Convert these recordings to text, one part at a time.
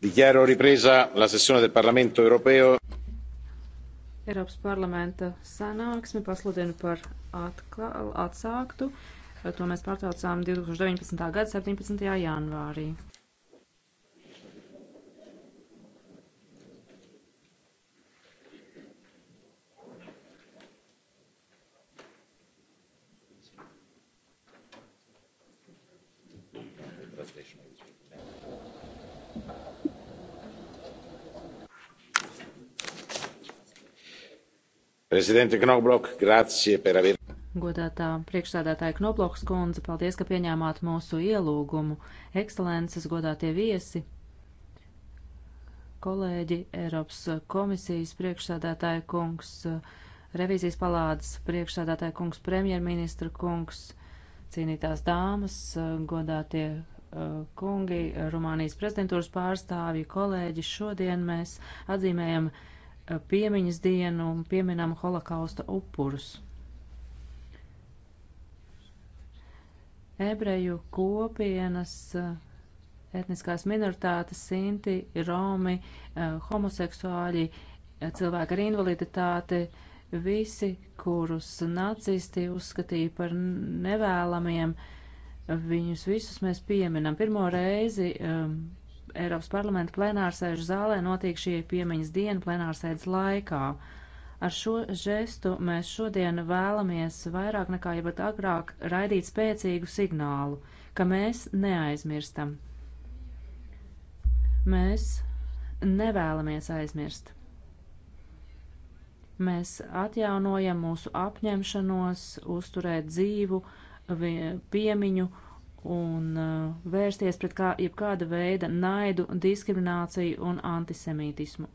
Dichiaro ripresa la sessione del Parlamento europeo. Eiropas parlamenta sanāksmi pasludinu par atkla, atsāktu. To mēs pārtraucām 2019. gada 17. janvārī. Prezidente Knoblok, grazie par avi. Godātā priekšstādātāja Knobloks kundze, paldies, ka pieņēmāt mūsu ielūgumu. Ekscelences, godātie viesi, kolēģi, Eiropas komisijas priekšsādātāja kungs, revīzijas palādes priekšsādātāja kungs, premjerministra kungs, cīnītās dāmas, godātie uh, kungi, Rumānijas prezidentūras pārstāvji, kolēģi. Šodien mēs atzīmējam piemiņas dienu un pieminam holokausta upurus. Ebreju kopienas eh, etniskās minoritātes, sinti, romi, eh, homoseksuāļi, eh, cilvēki ar invaliditāti, visi, kurus nacisti uzskatīja par nevēlamiem, viņus visus mēs pieminam. Pirmo reizi um, Eiropas parlamenta plenārsēžu zālē notiek šī piemiņas diena plenārsēdes laikā. Ar šo žestu mēs šodien vēlamies vairāk nekā jau pat agrāk raidīt spēcīgu signālu, ka mēs neaizmirstam. Mēs nevēlamies aizmirst. Mēs atjaunojam mūsu apņemšanos uzturēt dzīvu piemiņu un uh, vērsties pret kā, jebkāda veida naidu, diskrimināciju un antisemītismu.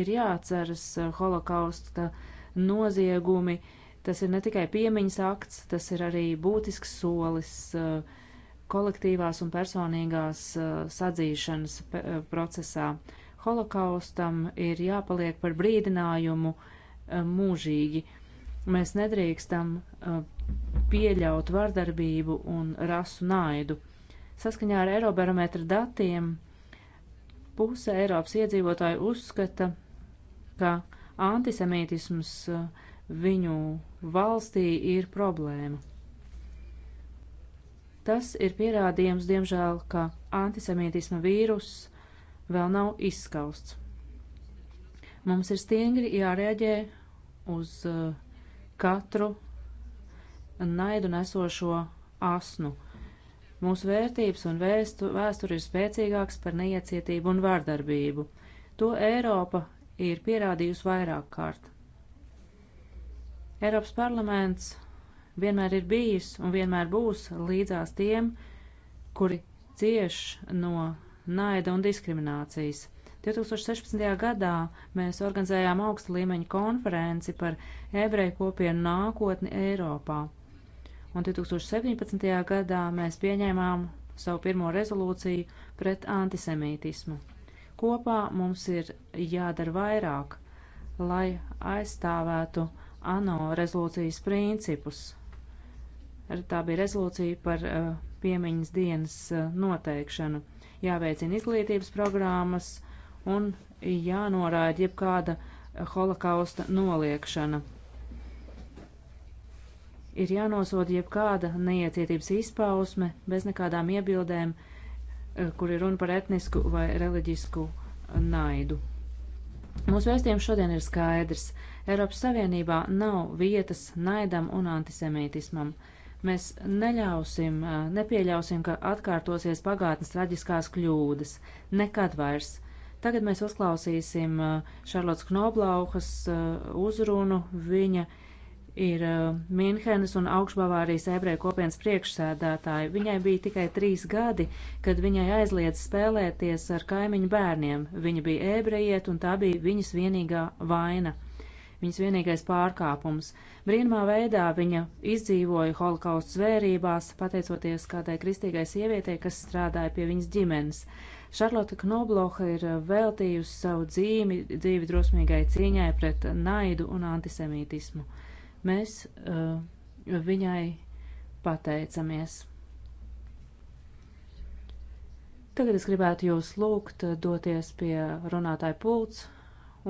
Ir jāatceras uh, holokausta noziegumi. Tas ir ne tikai piemiņas akts, tas ir arī būtisks solis uh, kolektīvās un personīgās uh, sadzīšanas uh, procesā. Holokaustam ir jāpaliek par brīdinājumu uh, mūžīgi. Uh, Mēs nedrīkstam uh, pieļaut vardarbību un rasu naidu. Saskaņā ar Eirobarometra datiem puse Eiropas iedzīvotāju uzskata, ka antisemītisms uh, viņu valstī ir problēma. Tas ir pierādījums, diemžēl, ka antisemītisma vīruss vēl nav izskausts. Mums ir stingri jārēģē uz uh, katru naidu nesošo asnu. Mūsu vērtības un vēstu, vēsture ir spēcīgāks par neiecietību un vārdarbību. To Eiropa ir pierādījusi vairāk kārt. Eiropas parlaments vienmēr ir bijis un vienmēr būs līdzās tiem, kuri cieš no naida un diskriminācijas. 2016. gadā mēs organizējām augsta līmeņa konferenci par ebreju kopienu nākotni Eiropā. Un 2017. gadā mēs pieņēmām savu pirmo rezolūciju pret antisemītismu. Kopā mums ir jādara vairāk, lai aizstāvētu ANO rezolūcijas principus. Tā bija rezolūcija par uh, piemiņas dienas uh, noteikšanu. Jāveicina izglītības programmas, un jānorāda jebkāda holokausta noliekšana. Ir jānosoda jebkāda neiecietības izpausme bez nekādām iebildēm, eh, kur ir runa par etnisku vai reliģisku naidu. Mūsu vēstījums šodien ir skaidrs. Eiropas Savienībā nav vietas naidam un antisemītismam. Mēs neļausim, eh, nepieļausim, ka atkārtosies pagātnes traģiskās kļūdas. Nekad vairs Tagad mēs uzklausīsim uh, Šarlots Knoblauhas uh, uzrunu. Viņa ir uh, Minhenes un Augšbavārijas ebreju kopienas priekšsēdētāja. Viņai bija tikai trīs gadi, kad viņai aizliedz spēlēties ar kaimiņu bērniem. Viņa bija ebrejiet un tā bija viņas vienīgā vaina viņas vienīgais pārkāpums. Brīnumā veidā viņa izdzīvoja holokausta zvērībās, pateicoties kādai kristīgai sievietei, kas strādāja pie viņas ģimenes. Šarlota Knobloha ir eh, veltījusi savu dzīvi, dzīvi drosmīgai cīņai pret naidu un antisemītismu. Mēs uh, viņai pateicamies. Tagad es gribētu jūs lūgt eh, doties pie runātāja pults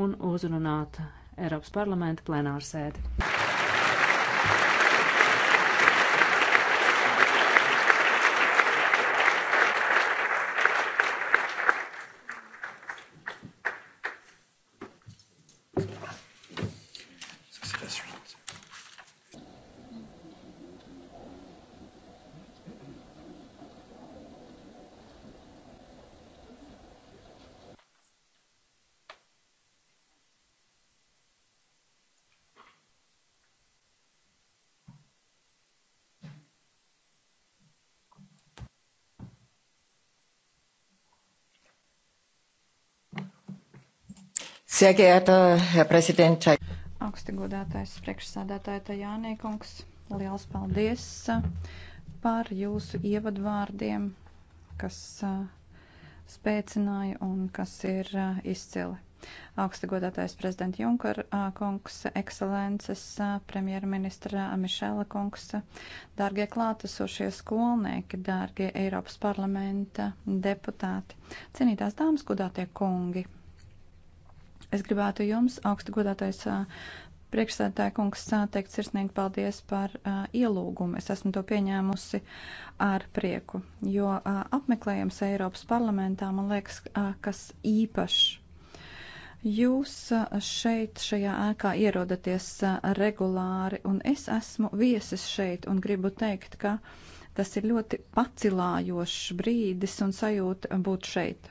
un uzrunāt Eiropas parlamenta plenārsēdi. Sehr geehrter Herr Präsident! Augsti godātais priekšsādātāja Tajānī kungs, liels paldies uh, par jūsu ievadvārdiem, kas uh, spēcināja un kas ir uh, izcili. Augsti godātais prezidenta Junker kungs, ekscelences premjerministra Mišela kungs, dārgie klātesošie skolnieki, dārgie Eiropas parlamenta deputāti, cienītās dāmas, godātie kungi, Es gribētu jums, augstu godātais priekšsēdētāja kungs, teikt sirsnīgi paldies par uh, ielūgumu. Es esmu to pieņēmusi ar prieku, jo uh, apmeklējums Eiropas parlamentā, man liekas, uh, kas īpašs. Jūs šeit, šajā ēkā ierodaties regulāri, un es esmu viesis šeit un gribu teikt, ka tas ir ļoti pacilājošs brīdis un sajūta būt šeit.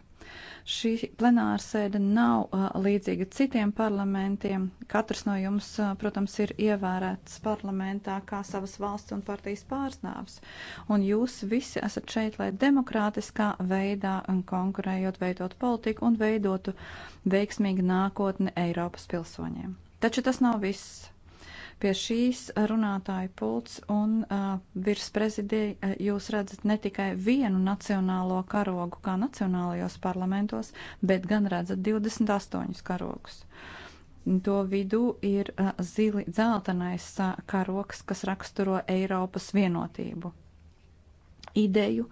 Šī plenārsēde nav uh, līdzīga citiem parlamentiem. Katrs no jums, uh, protams, ir ievērēts parlamentā kā savas valsts un partijas pārstāvs. Un jūs visi esat šeit, lai demokrātiskā veidā konkurējot, veidot politiku un veidotu veiksmīgu nākotni Eiropas pilsoņiem. Taču tas nav viss. Pie šīs runātāja pults un uh, virs prezidija jūs redzat ne tikai vienu nacionālo karogu kā nacionālajos parlamentos, bet gan redzat 28 karogus. To vidū ir uh, zili dzeltenais uh, karoks, kas raksturo Eiropas vienotību ideju,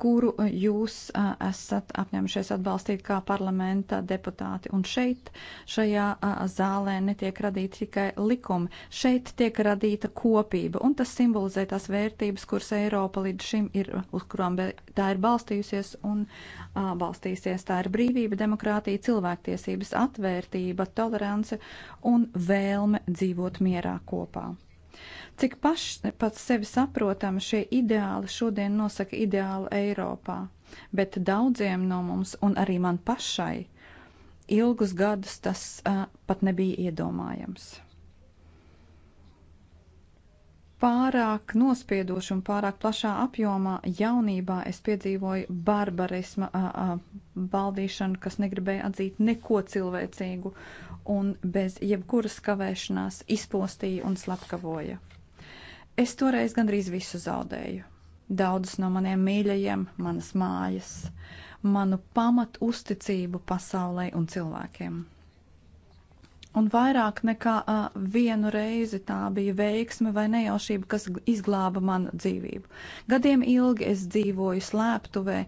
kuru uh, jūs uh, esat apņemšies atbalstīt kā parlamenta deputāti. Un šeit, šajā uh, zālē, netiek radīti tikai likumi. Šeit tiek radīta kopība, un tas simbolizē tās vērtības, kuras Eiropa līdz šim ir, uz kurām tā ir balstījusies un balstīsies. Tā ir brīvība, demokrātija, cilvēktiesības, atvērtība, tolerance un vēlme dzīvot mierā kopā. Cik paši pats sevi saprotami šie ideāli šodien nosaka ideālu Eiropā, bet daudziem no mums, un arī man pašai, ilgus gadus tas uh, pat nebija iedomājams. Pārāk nospiedoši un pārāk plašā apjomā jaunībā es piedzīvoju barbarisma uh, uh, baldīšanu, kas negribēja atzīt neko cilvēcīgu un bez jebkuras kavēšanās izpostīja un slepkavoja. Es toreiz gandrīz visu zaudēju. Daudzus no maniem mīļajiem, manas mājas, manu pamatu uzticību pasaulē un cilvēkiem. Un vairāk nekā uh, vienu reizi tā bija veiksme vai nejaušība, kas izglāba manu dzīvību. Gadiem ilgi es dzīvoju slēptuvē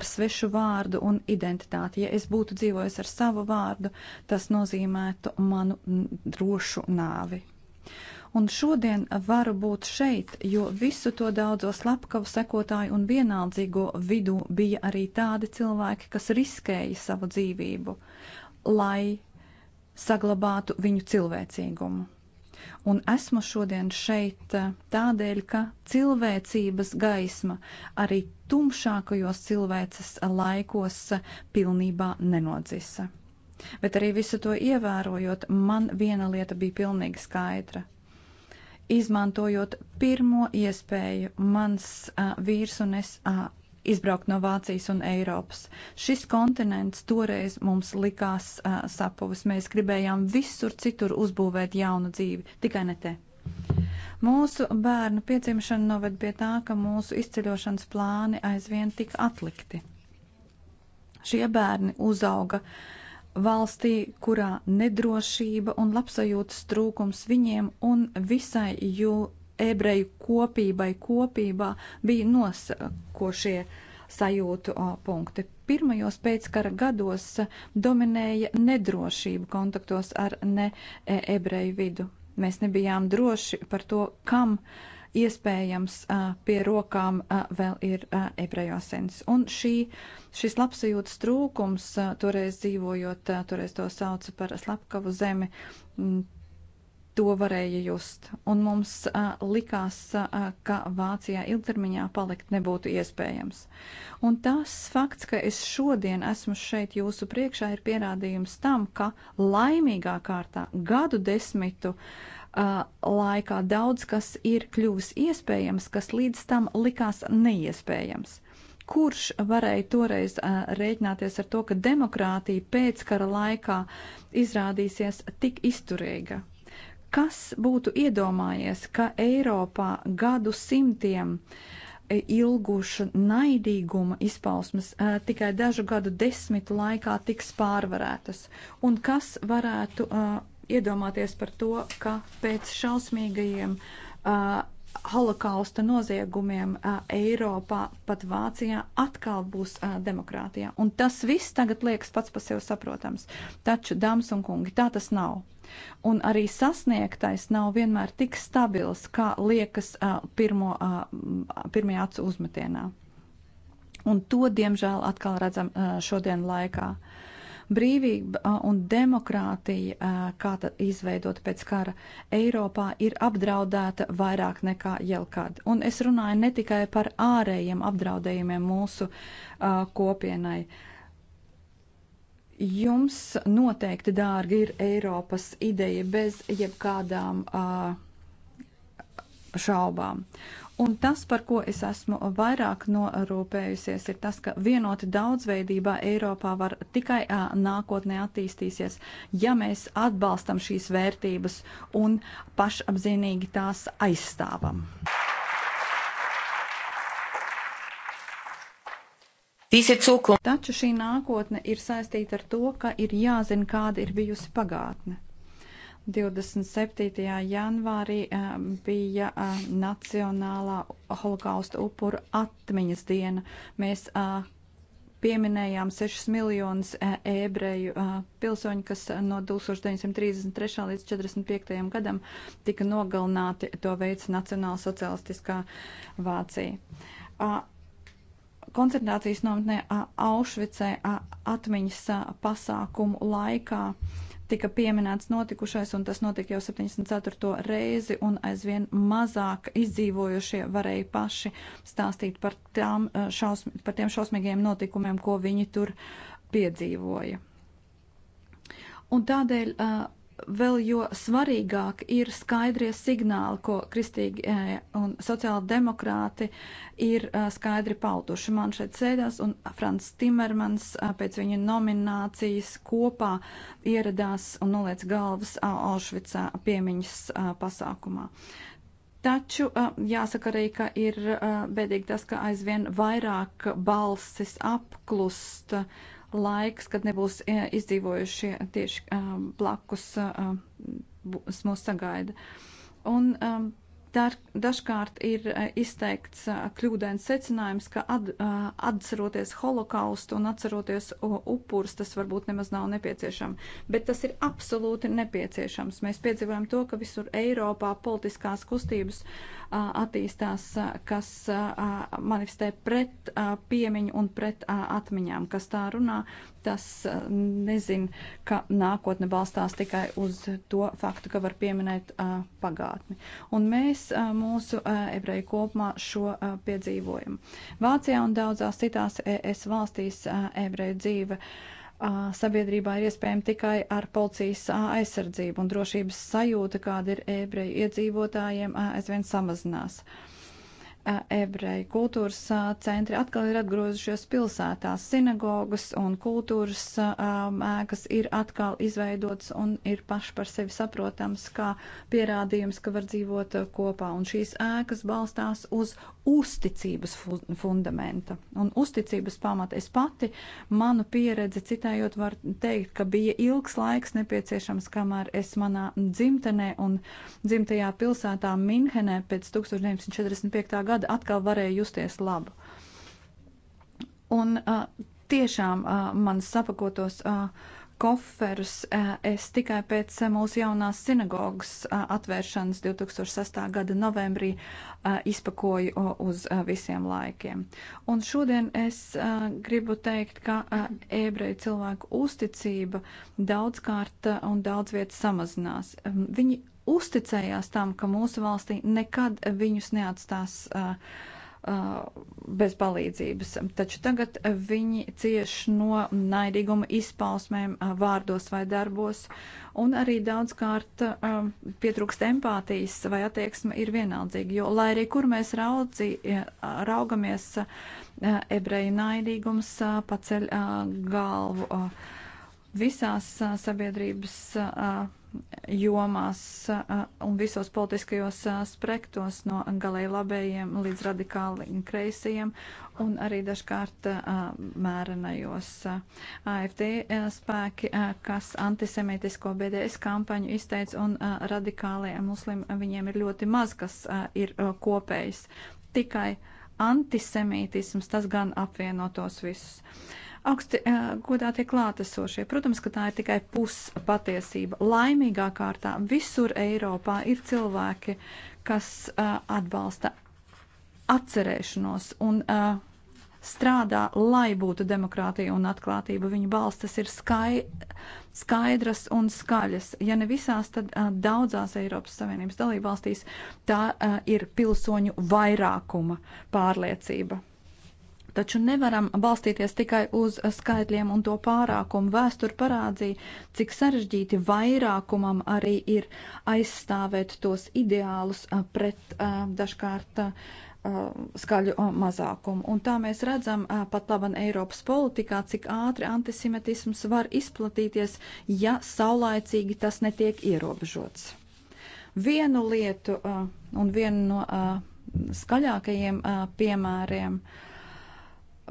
ar svešu vārdu un identitāti. Ja es būtu dzīvojis ar savu vārdu, tas nozīmētu manu drošu nāvi. Un šodien varu būt šeit, jo visu to daudzo slepkavu sekotāju un vienaldzīgo vidū bija arī tādi cilvēki, kas riskēja savu dzīvību, lai saglabātu viņu cilvēcīgumu. Un esmu šodien šeit eh, tādēļ, ka cilvēcības gaisma arī tumšākajos cilvēces laikos eh, pilnībā nenodzisa. Bet arī visu to ievērojot, man viena lieta bija pilnīgi skaidra izmantojot pirmo iespēju, mans uh, vīrs un es uh, izbraukt no Vācijas un Eiropas. Šis kontinents toreiz mums likās uh, sapuvis. Mēs gribējām visur citur uzbūvēt jaunu dzīvi, tikai ne te. Mūsu bērnu piedzimšana noved pie tā, ka mūsu izceļošanas plāni aizvien tika atlikti. Šie bērni uzauga uh, valstī, kurā nedrošība un labsajūtas trūkums viņiem un visai jū ebreju kopībai kopībā bija nosakošie sajūtu punkti. Pirmajos pēckara gados dominēja nedrošība kontaktos ar ne e, ebreju vidu. Mēs nebijām droši par to, kam uh, iespējams pie rokām vēl ir ebrejosens. Un šī, šis labsajūtas trūkums, toreiz dzīvojot, toreiz to sauca par slepkavu zemi, to varēja just. Un mums likās, ka Vācijā ilgtermiņā palikt nebūtu iespējams. Un tas fakts, ka es šodien esmu šeit jūsu priekšā, ir pierādījums tam, ka laimīgā kārtā gadu desmitu uh, laikā daudz kas ir kļuvis iespējams, kas līdz tam likās neiespējams. Kurš varēja toreiz uh, rēķināties ar to, ka demokrātija pēckara laikā izrādīsies tik izturīga? Kas būtu iedomājies, ka Eiropā gadu simtiem ilguša naidīguma izpausmes uh, tikai dažu gadu desmitu laikā tiks pārvarētas? Un kas varētu uh, iedomāties par to, ka pēc šausmīgajiem uh, holokausta noziegumiem uh, Eiropā, pat Vācijā, atkal būs uh, demokrātijā. Un tas viss tagad liekas pats par sevi saprotams. Taču, dāmas un kungi, tā tas nav. Un arī sasniegtais nav vienmēr tik stabils, kā liekas uh, pirmo, uh, pirmajā acu uzmetienā. Un to, diemžēl, atkal redzam uh, šodien laikā. Uh, Brīvība un demokrātija, kā izveidot pēc kara Eiropā, ir apdraudēta vairāk nekā jebkad. Un es runāju ne tikai par ārējiem apdraudējumiem mūsu kopienai. Jums noteikti dārgi ir Eiropas ideja bez jebkādām uh, šaubām. Un tas, par ko es esmu vairāk norūpējusies, ir tas, ka vienota daudzveidībā Eiropā var tikai nākotnē attīstīsies, ja mēs atbalstam šīs vērtības un pašapzinīgi tās aizstāvam. Taču šī nākotne ir saistīta ar to, ka ir jāzina, kāda ir bijusi pagātne. 27. janvārī um, bija uh, Nacionālā holokausta upuru atmiņas diena. Mēs uh, pieminējām 6 miljonus uh, ebreju pilsoņu, kas no 1933. līdz 1945. gadam tika nogalināti, to veica Nacionāla socialistiskā Vācija koncentrācijas nometnē Aušvicē atmiņas pasākumu laikā tika pieminēts notikušais, un tas notika jau 74. reizi, un aizvien mazāk izdzīvojušie varēja paši stāstīt par, tām, eh, šausm, par tiem šausmīgiem notikumiem, ko viņi tur piedzīvoja. Un tādēļ uh, vēl jo svarīgāk ir skaidrie signāli, ko kristīgi eh, un sociāli demokrāti ir eh, skaidri pauduši. Man šeit sēdās un Frans Timermans eh, pēc viņa nominācijas kopā ieradās un noliec galvas Aušvicā piemiņas pasākumā. Taču jāsaka arī, ka ir bēdīgi tas, ka aizvien vairāk balsis apklust laiks, kad nebūs e, izdzīvojušie tieši e, blakus e, mūs sagaida. Un dar, dažkārt ir izteikts kļūdains secinājums, ka at, atceroties holokaustu un atceroties upurus, tas varbūt nemaz nav nepieciešams. Bet tas ir absolūti nepieciešams. Mēs piedzīvojam to, ka visur Eiropā politiskās kustības uh, attīstās, kas manifestē pret piemiņu un pret atmiņām, kas tā runā, tas nezin, ka nākotne balstās tikai uz to faktu, ka var pieminēt pagātni. Un mēs mūsu ebreju kopumā šo piedzīvojam. Vācijā un daudzās citās ES valstīs ebreju dzīve. Uh, sabiedrībā ir iespējama tikai ar policijas aizsardzību, un drošības sajūta, kāda ir ebreju iedzīvotājiem, aizvien samazinās. Uh, ebreju kultūras centri atkal ir atgriezušies pilsētās. Sinagogas un kultūras ēkas ir atkal izveidotas un ir paši par sevi saprotams kā pierādījums, ka var dzīvot kopā. Un šīs ēkas balstās uz uzticības fundamenta un uzticības pamata. Es pati manu pieredzi citējot var teikt, ka bija ilgs laiks nepieciešams, kamēr es manā dzimtenē un dzimtajā pilsētā Minhenē pēc 1945. gada gada atkal varēju justies labu. Un uh, tiešām uh, man sapakotos uh, koferus uh, es tikai pēc uh, mūsu jaunās sinagogas uh, atvēršanas 2006. gada novembrī uh, izpakoju uh, uz uh, visiem laikiem. Un šodien es uh, gribu teikt, ka uh, ebreju cilvēku uzticība daudzkārt uh, un daudz viet samazinās. Um, viņi uzticējās tam, ka mūsu valstī nekad viņus neatstās uh, uh, bez palīdzības. Taču tagad viņi cieš no naidīguma izpausmēm uh, vārdos vai darbos, un arī daudzkārt uh, pietrūkst empātijas vai attieksme ir vienaldzīga, jo lai arī kur mēs raudzī, uh, raugamies, uh, ebreju naidīgums paceļ galvu visās sabiedrības jomās un visos politiskajos sprektos no galēji labējiem līdz radikāli kreisajiem un arī dažkārt mērenajos AFD spēki, kas antisemitisko BDS kampaņu izteic un radikālie muslimi, viņiem ir ļoti maz, kas ir kopējs. Tikai antisemītisms tas gan apvienotos visus. Augsti godātie klātesošie, protams, ka tā ir tikai puspatiesība. Laimīgā kārtā visur Eiropā ir cilvēki, kas atbalsta atcerēšanos un strādā, lai būtu demokrātija un atklātība. Viņa balstas ir skai, skaidras un skaļas. Ja ne visās, tad uh, daudzās Eiropas Savienības dalībvalstīs tā uh, ir pilsoņu vairākuma pārliecība. Taču nevaram balstīties tikai uz skaitļiem un to pārākumu. Vēsture parādīja, cik sarežģīti vairākumam arī ir aizstāvēt tos ideālus pret dažkārt skaļu mazākumu. Un tā mēs redzam pat laban Eiropas politikā, cik ātri antisemitisms var izplatīties, ja saulaicīgi tas netiek ierobežots. Vienu lietu un vienu no skaļākajiem piemēriem uh,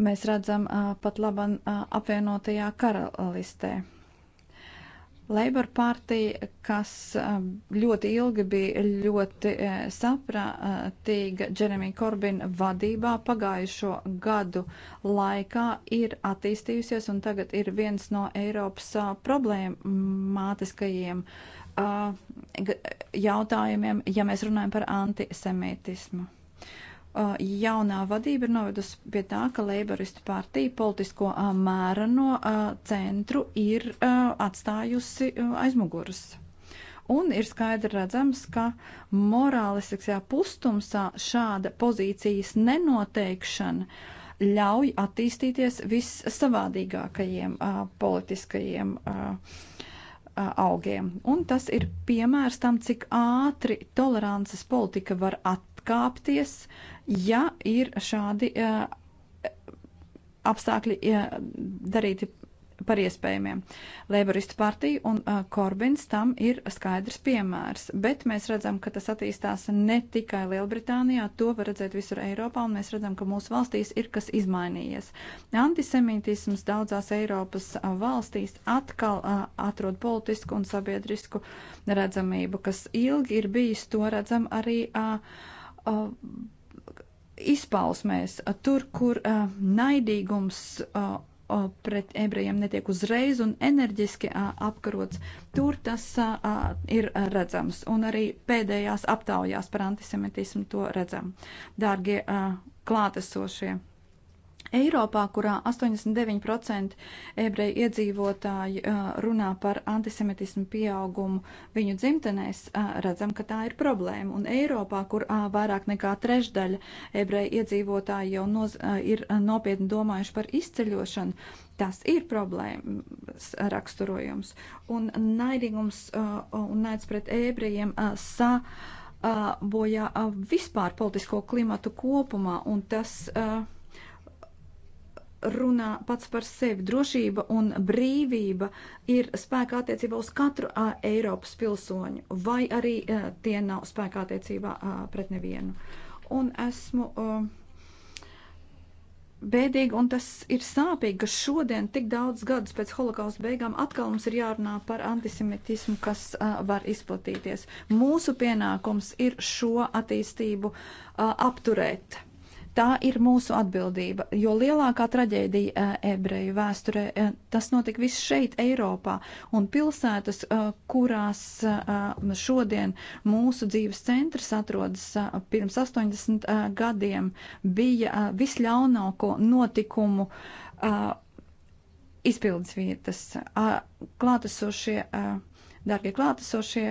mēs redzam pat laban apvienotajā karalistē. Labour partija, kas ļoti ilgi bija ļoti saprātīga Džeremija Korbina vadībā pagājušo gadu laikā, ir attīstījusies un tagad ir viens no Eiropas problēmātiskajiem jautājumiem, ja mēs runājam par antisemītismu. Uh, jaunā vadība ir novedusi pie tā, ka Leiboristu partija politisko uh, mēra no uh, centru ir atstājusi aizmugurus. Un ir skaidri redzams, ka morālistiskajā pustumsā šāda pozīcijas nenoteikšana ļauj attīstīties vissavādīgākajiem uh, politiskajiem uh, augiem. Un tas ir piemērs tam, cik ātri tolerances politika var atkāpties uh, ja ir šādi e, apstākļi e, darīti par iespējamiem. Leiboristu partija un uh, Korbins tam ir skaidrs piemērs, bet mēs redzam, ka tas attīstās ne tikai Lielbritānijā, to var redzēt visur Eiropā, un mēs redzam, ka mūsu valstīs ir kas izmainījies. Antisemītisms daudzās Eiropas uh, valstīs atkal uh, atrod politisku un sabiedrisku redzamību, kas ilgi ir bijis, to redzam arī. Uh, uh, izpausmēs, tur, kur uh, naidīgums uh, pret ebrejiem netiek uzreiz un enerģiski uh, apkarots, tur tas uh, ir redzams. Un arī pēdējās aptaujās par antisemitismu to redzam. Dārgie uh, klātesošie! Eiropā, kurā 89% ebreju iedzīvotāji runā par antisemitismu pieaugumu viņu dzimtenēs, redzam, ka tā ir problēma. Un Eiropā, kur vairāk nekā trešdaļa ebreju iedzīvotāji jau noz, ir nopietni domājuši par izceļošanu, tas ir problēmas raksturojums. Un naidīgums un naids pret ebrejiem sa bojā vispār politisko klimatu kopumā, un tas uh, runā pats par sevi. Drošība un brīvība ir spēkā attiecībā uz katru a, Eiropas pilsoņu, vai arī a, tie nav spēkā attiecībā a, pret nevienu. Un esmu a, bēdīgi, un tas ir sāpīgi, ka šodien, tik daudz gadus pēc holokausta beigām, atkal mums ir jārunā par antisemitismu, kas uh, var izplatīties. Mūsu pienākums ir šo attīstību uh, apturēt Tā ir mūsu atbildība, jo lielākā traģēdija eh, ebreju vēsturē eh, tas notika viss šeit, Eiropā, un pilsētas, eh, kurās šodien mūsu dzīves centrs atrodas pirms 80 gadiem, bija visļaunāko notikumu izpildes vietas. Klātesošie, darbie klātesošie,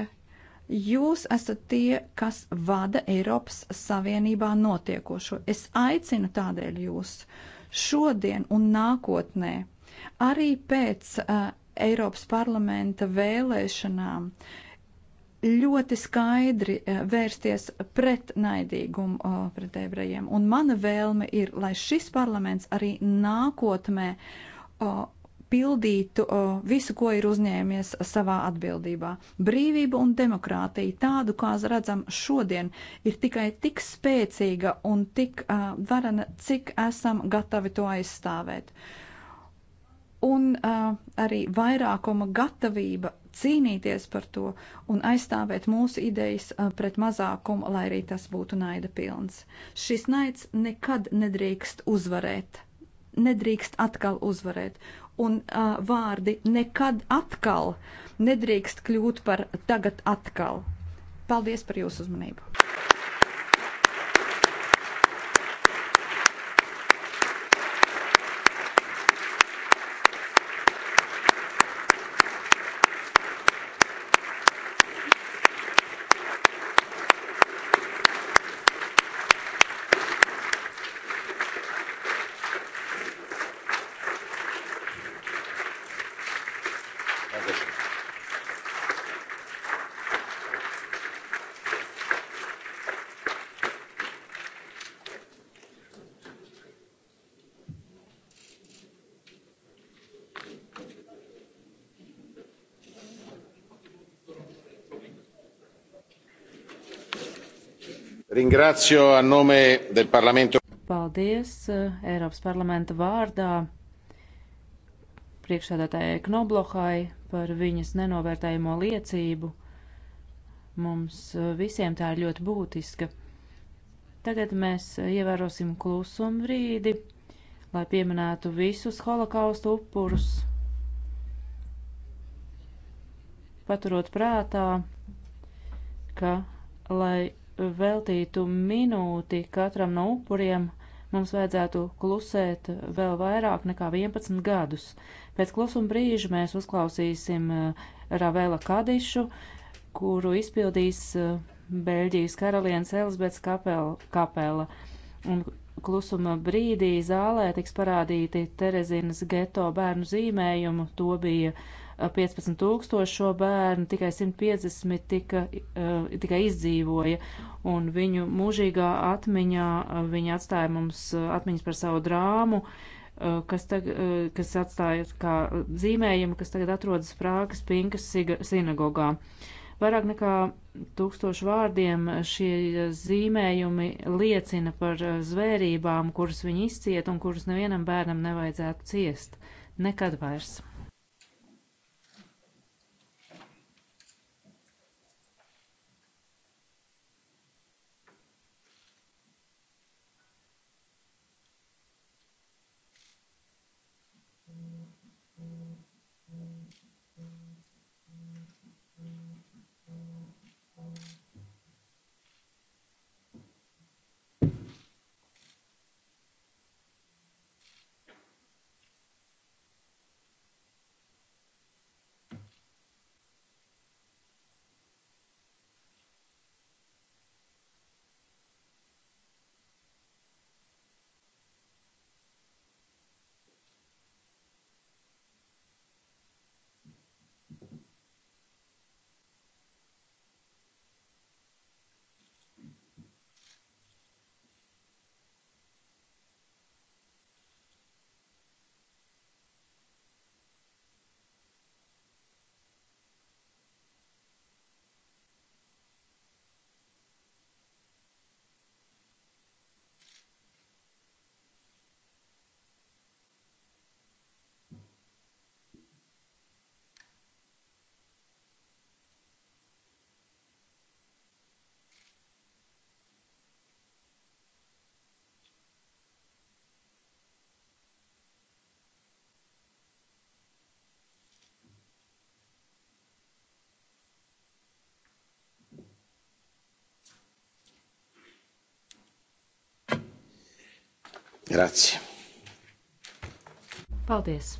Jūs esat tie, kas vada Eiropas Savienībā notiekošo. Es aicinu tādēļ jūs šodien un nākotnē, arī pēc uh, Eiropas parlamenta vēlēšanām, ļoti skaidri uh, vērsties pret naidīgumu uh, pret ebrejiem. Un mana vēlme ir, lai šis parlaments arī nākotnē uh, pildītu visu, ko ir uzņēmies savā atbildībā. Brīvība un demokrātija, tādu kā redzam šodien, ir tikai tik spēcīga un tik uh, varena, cik esam gatavi to aizstāvēt. Un uh, arī vairākuma gatavība cīnīties par to un aizstāvēt mūsu idejas pret mazākumu, lai arī tas būtu naida pilns. Šis naids nekad nedrīkst uzvarēt nedrīkst atkal uzvarēt. Un uh, vārdi nekad atkal nedrīkst kļūt par tagad atkal. Paldies par jūsu uzmanību! Ringrazio a nome del Parlamento. Paldies eh, Eiropas parlamenta vārdā priekšsēdētājai Knoblohai par viņas nenovērtējumo liecību. Mums eh, visiem tā ir ļoti būtiska. Tagad mēs ievērosim klusumu brīdi, lai pieminētu visus holokausta upurus. paturot prātā, ka, lai veltītu minūti katram no upuriem, mums vajadzētu klusēt vēl vairāk nekā 11 gadus. Pēc klusuma brīža mēs uzklausīsim eh, Ravela Kadišu, kuru izpildīs eh, Beļģijas karalienes Elizabetes kapela. Un klusuma brīdī zālē tiks parādīti Terezinas geto bērnu zīmējumu. To bija uh, 15 tūkstoši šo bērnu, tikai 150 tika, eh, tikai izdzīvoja, un viņu mūžīgā atmiņā eh, viņi atstāja mums eh, atmiņas par savu drāmu, kas, tag, kas atstāja kā zīmējumu, kas tagad atrodas Prākas Pinkas sinagogā. Vairāk nekā tūkstošu vārdiem šie zīmējumi liecina par zvērībām, kuras viņi izciet un kuras nevienam bērnam nevajadzētu ciest. Nekad vairs. Grazie. Paldies!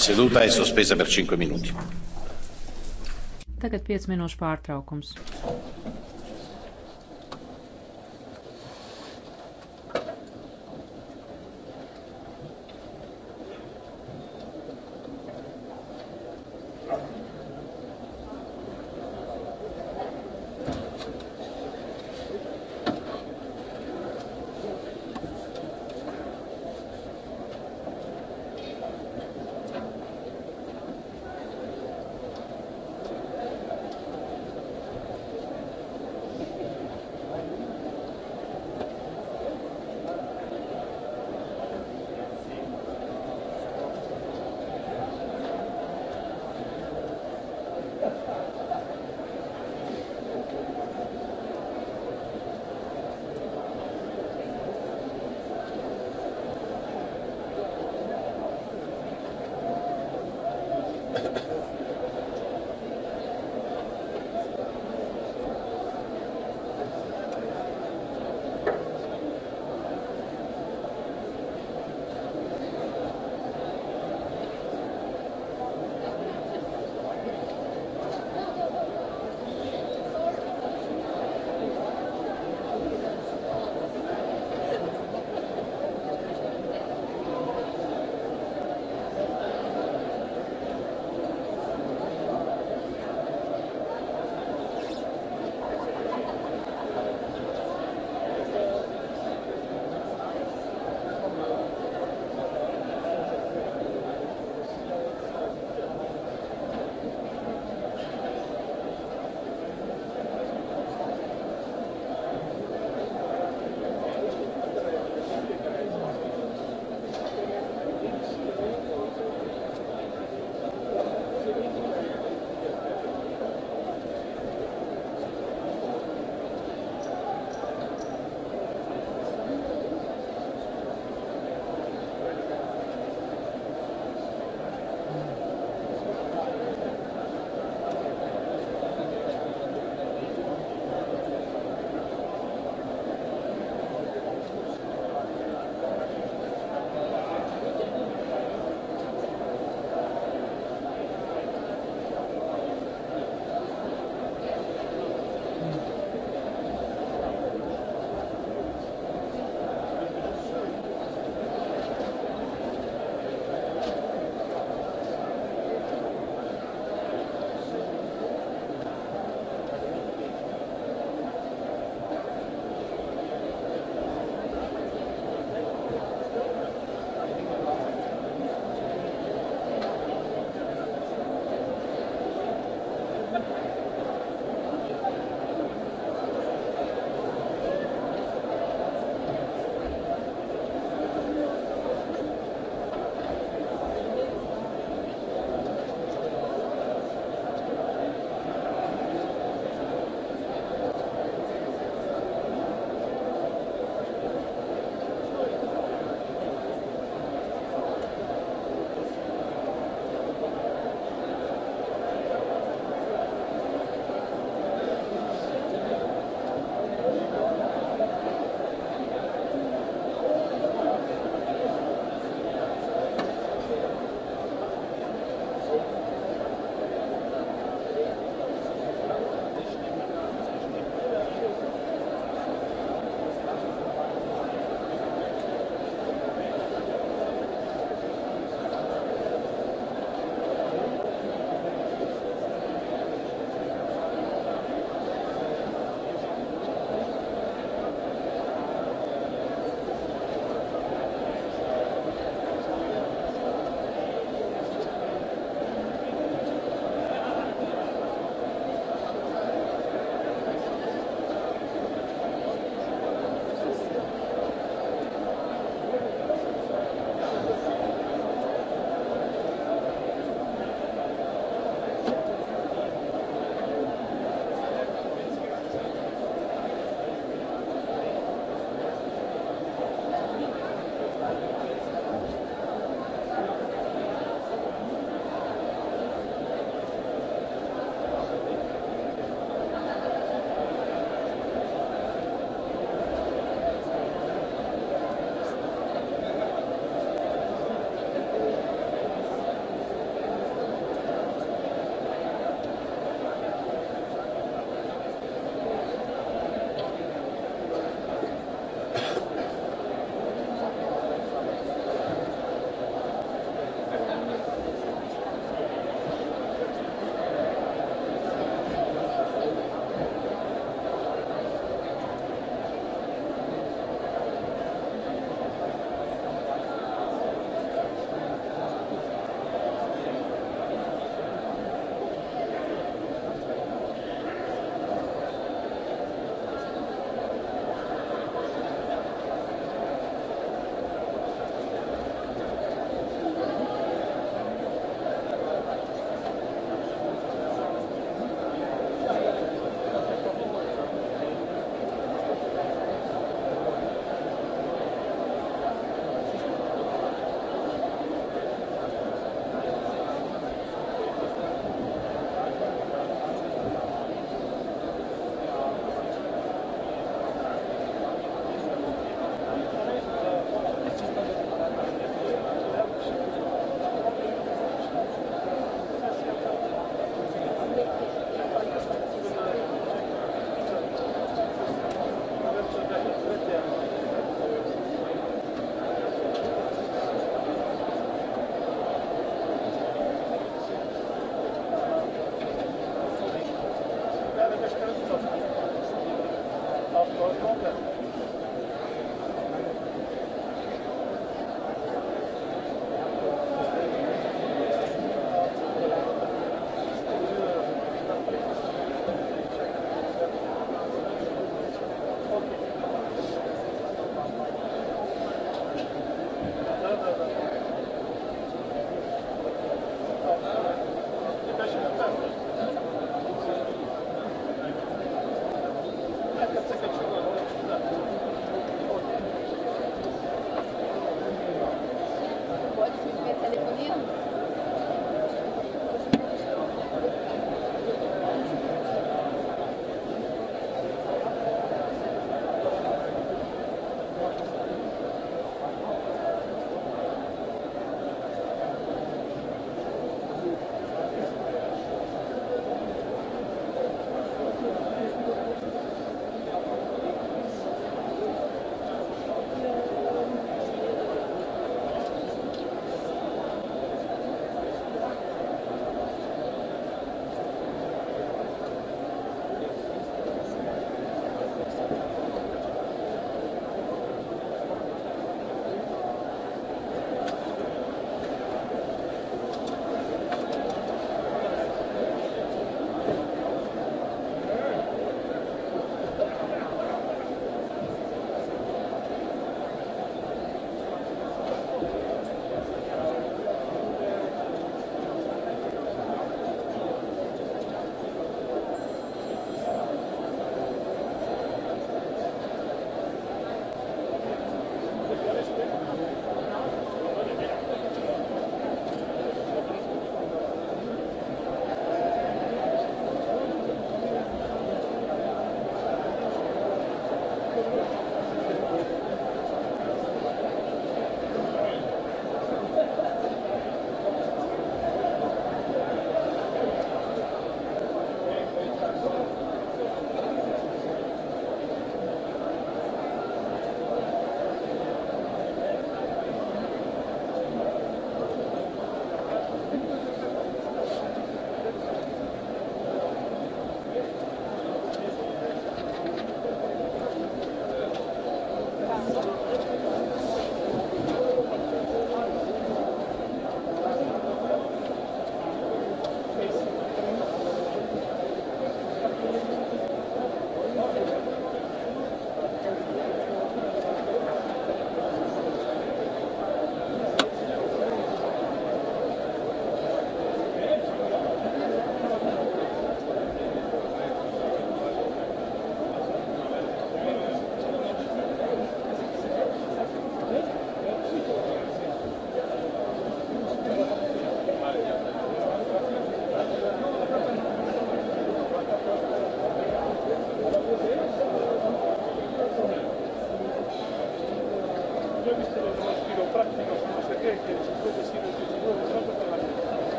seduta ir e sospesa par 5 minūti. Tagad 5 minūšu pārtraukums.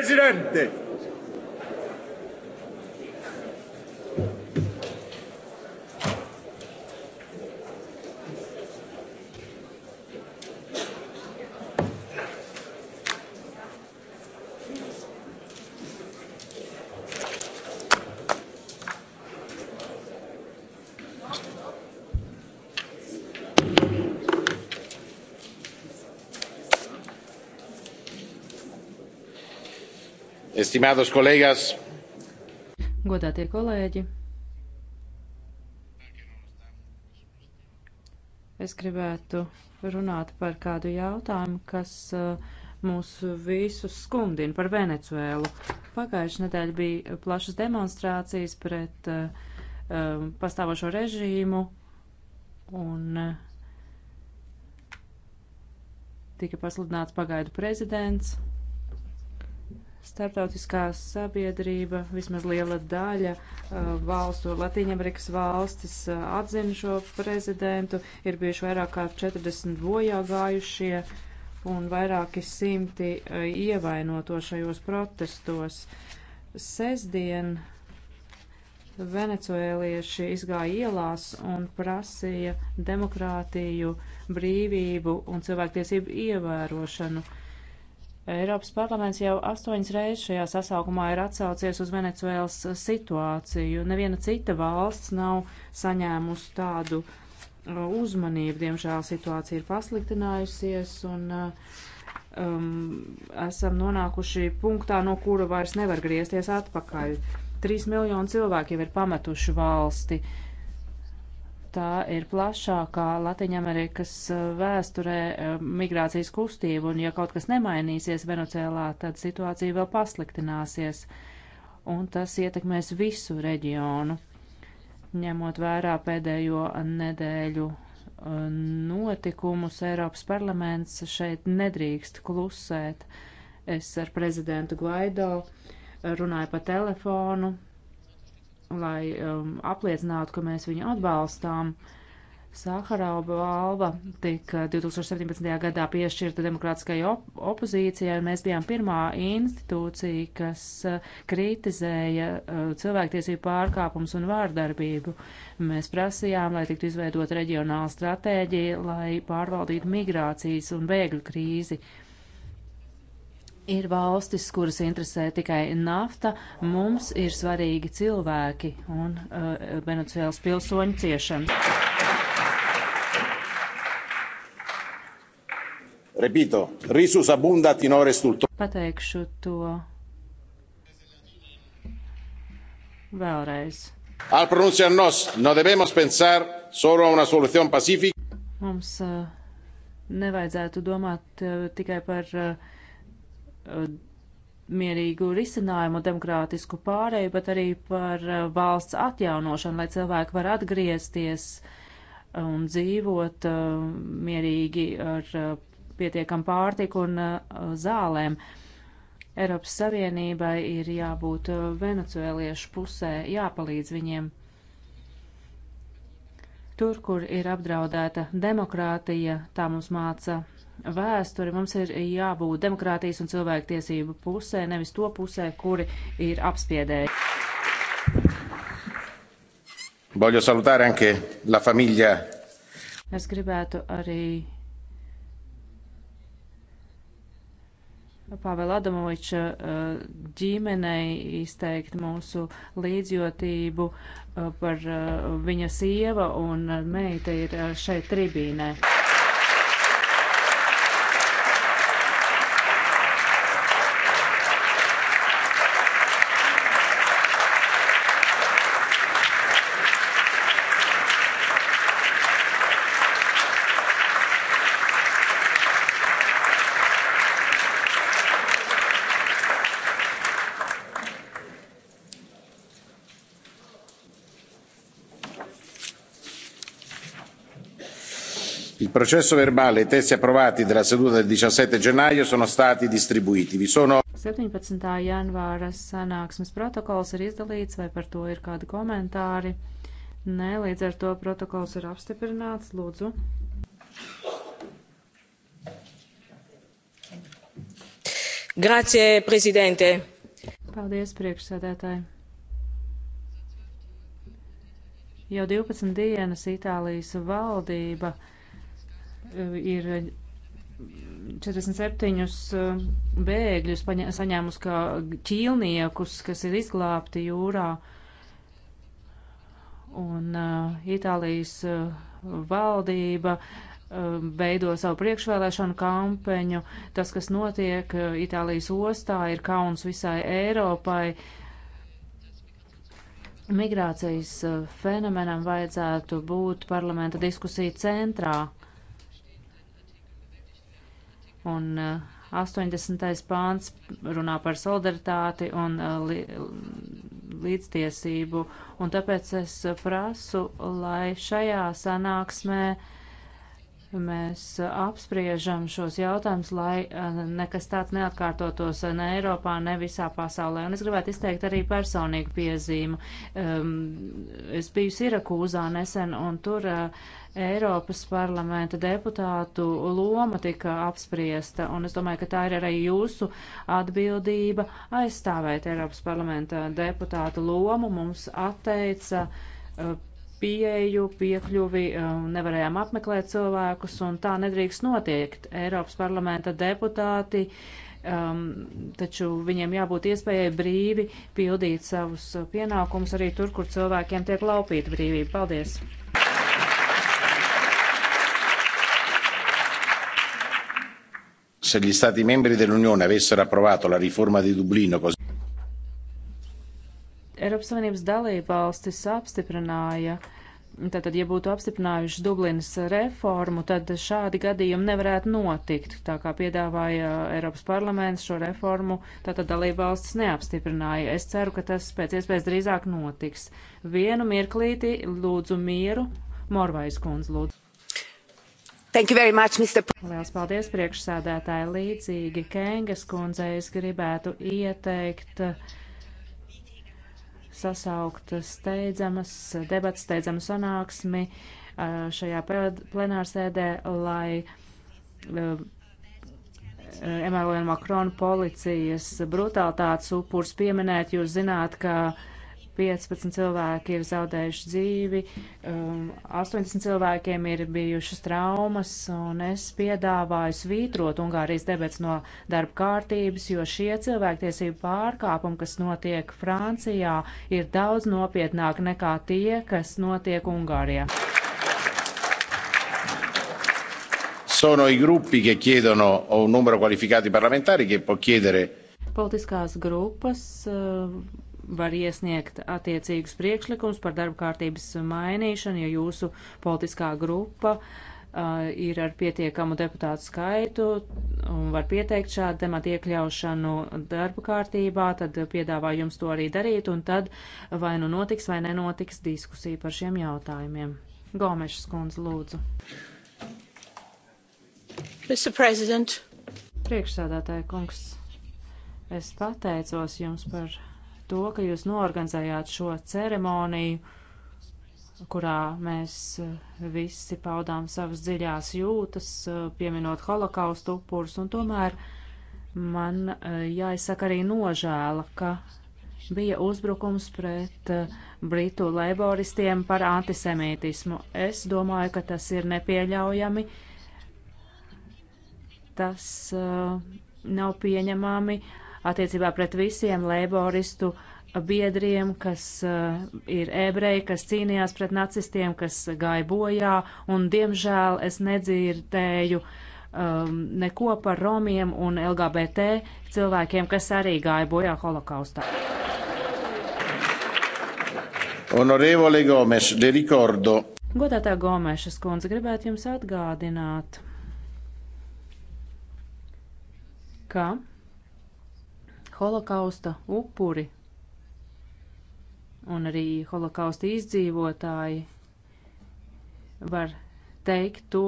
Presidente! estimados kolēģis. Godātie kolēģi, es gribētu runāt par kādu jautājumu, kas uh, mūs visus skumdina par Venecuēlu. Pagājušajā nedēļā bija plašas demonstrācijas pret uh, um, pastāvošo režīmu un uh, tika pasludināts pagaidu prezidents. Startautiskā sabiedrība, vismaz liela daļa uh, valstu, Latīņamerikas valstis uh, atzina šo prezidentu, ir bijuši vairāk kā 40 bojā gājušie un vairāki simti uh, ievainoto šajos protestos. Sesdien venecuēlieši izgāja ielās un prasīja demokrātiju, brīvību un cilvēktiesību ievērošanu. Eiropas parlaments jau astoņas reizes šajā sasaukumā ir atsaucies uz Venecuēlas situāciju. Neviena cita valsts nav saņēmusi tādu uh, uzmanību. Diemžēl situācija ir pasliktinājusies un uh, um, esam nonākuši punktā, no kura vairs nevar griezties atpakaļ. Trīs miljoni cilvēki jau ir pametuši valsti. Uh, tā ir plašākā Latviņamerikas eh, vēsturē eh, migrācijas kustība, un ja kaut kas nemainīsies Venecēlā, tad situācija vēl pasliktināsies, un tas ietekmēs visu reģionu. Ņemot vērā pēdējo nedēļu eh, notikumus, Eiropas parlaments šeit nedrīkst klusēt. Es ar prezidentu Guaido runāju pa telefonu, lai um, apliecinātu, ka mēs viņu atbalstām. Saharau balva tika 2017. Uh, gadā piešķirta demokrātiskai op opozīcijai, un mēs bijām pirmā institūcija, kas uh, kritizēja uh, cilvēktiesību pārkāpums un vārdarbību. Mēs prasījām, lai tiktu izveidot reģionāla stratēģija, lai pārvaldītu migrācijas un bēgļu krīzi. Uh, Ir valstis, kuras interesē tikai nafta, mums ir svarīgi cilvēki un uh, eh, Venecijāls pilsoņu ciešana. Repito, risus abundat in ores tulto. Pateikšu to vēlreiz. Al pronunciarnos no debemos pensar solo a una solución pacífica. Mums uh, nevajadzētu domāt uh, tikai par uh, Uh, mierīgu risinājumu, demokrātisku pārēju, bet arī par uh, valsts atjaunošanu, lai cilvēki var atgriezties un dzīvot uh, mierīgi ar pietiekam pārtiku un zālēm. Eiropas Savienībai ir jābūt venecuēliešu pusē, jāpalīdz viņiem. Tur, kur ir apdraudēta demokrātija, tā mums māca vēsturi, mums ir jābūt demokrātijas un cilvēktiesību pusē, nevis to pusē, kuri ir apspiedēji. Voglio salutare anche la famiglia. Es gribētu arī Pāvela Adamoviča uh, ģimenei izteikt mūsu līdzjotību uh, par uh, viņa sieva un meita ir šeit tribīnē. il processo verbale e i testi approvati della seduta del 17 gennaio sono stati distribuiti. Vi sono 17. janvāra sanāksmes protokols ir izdalīts, vai par to ir kādi komentāri? Nē, līdz ar to protokols ir apstiprināts. Lūdzu. Grazie, prezidente. Paldies, priekšsēdētāji. Jau 12 dienas Itālijas valdība ir 47 eh, eh, bēgļus saņēmus kā ķīlniekus, kas ir izglābti jūrā. Un uh, Itālijas uh, valdība uh, beido savu priekšvēlēšanu kampaņu. Tas, kas notiek uh, Itālijas ostā, ir kauns visai Eiropai. Migrācijas uh, fenomenam vajadzētu būt parlamenta diskusija centrā. Un 80. Eh, pāns runā par solidaritāti un eh, līdztiesību, un tāpēc es prasu, lai šajā sanāksmē mēs apspriežam šos jautājumus, lai eh, nekas tāds neatkārtotos ne Eiropā, ne visā pasaulē. Un es gribētu izteikt arī personīgu piezīmu. Es biju Sirakūzā nesen, un tur Eiropas parlamenta deputātu loma tika apspriesta, un es domāju, ka tā ir arī jūsu atbildība aizstāvēt Eiropas parlamenta deputātu lomu. Mums atteica uh, pieeju, piekļuvi, uh, nevarējām apmeklēt cilvēkus, un tā nedrīkst notiekt. Eiropas parlamenta deputāti um, taču viņiem jābūt iespējai brīvi pildīt savus uh, pienākumus arī tur, kur cilvēkiem tiek laupīta brīvība. Paldies! se gli stati membri dell'unione avessero approvato la riforma di dublino così Eiropas Savienības dalībvalstis apstiprināja, tātad, ja būtu apstiprinājuši Dublinas reformu, tad šādi gadījumi nevarētu notikt, tā kā piedāvāja Eiropas parlaments šo reformu, tātad dalībvalstis neapstiprināja. Es ceru, ka tas pēc iespējas drīzāk notiks. Vienu mirklīti lūdzu mieru, Morvais kundz lūdzu. Much, Lielas paldies priekšsādātāji. Līdzīgi Kengas kundzei es gribētu ieteikt sasaukt steidzamas debats, steidzamu sanāksmi šajā plenārsēdē, lai Emmanuela Makrona policijas brutalitātes upurs pieminēt. Jūs zināt, ka 15 cilvēki ir zaudējuši dzīvi, um, 80 cilvēkiem ir bijušas traumas, un es piedāvāju svītrot Ungārijas debets no darba kārtības, jo šie cilvēktiesību pārkāpumi, kas notiek Francijā, ir daudz nopietnāk nekā tie, kas notiek Ungārijā. Sono i gruppi che chiedono un numero qualificato di parlamentari che può chiedere. Politiskās grupas uh, var iesniegt attiecīgus priekšlikumus par darba kārtības mainīšanu, ja jūsu politiskā grupa uh, ir ar pietiekamu deputātu skaitu un var pieteikt šādu tematu iekļaušanu darba kārtībā, tad piedāvā jums to arī darīt, un tad vai nu notiks vai nenotiks diskusija par šiem jautājumiem. Gomešas kundze, lūdzu. Mr. President. Priekšsādātāja kungs, es pateicos jums par to, ka jūs norganizējāt šo ceremoniju, kurā mēs eh, visi paudām savas dziļās jūtas, eh, pieminot holokaustu upurus, un tomēr man eh, jāizsaka arī nožēla, ka bija uzbrukums pret britu leiboristiem par antisemītismu. Es domāju, ka tas ir nepieļaujami. Tas uh, nav pieņemami attiecībā pret visiem leiboristu biedriem, kas uh, ir ebreji, kas cīnījās pret nacistiem, kas gāja bojā, un diemžēl es nedzirdēju um, neko par romiem un LGBT cilvēkiem, kas arī gāja bojā holokaustā. Onorevole Gomes, le ricordo. Godātā Gomešas kundze, gribētu jums atgādināt, ka holokausta upuri un arī holokausta izdzīvotāji var teikt to,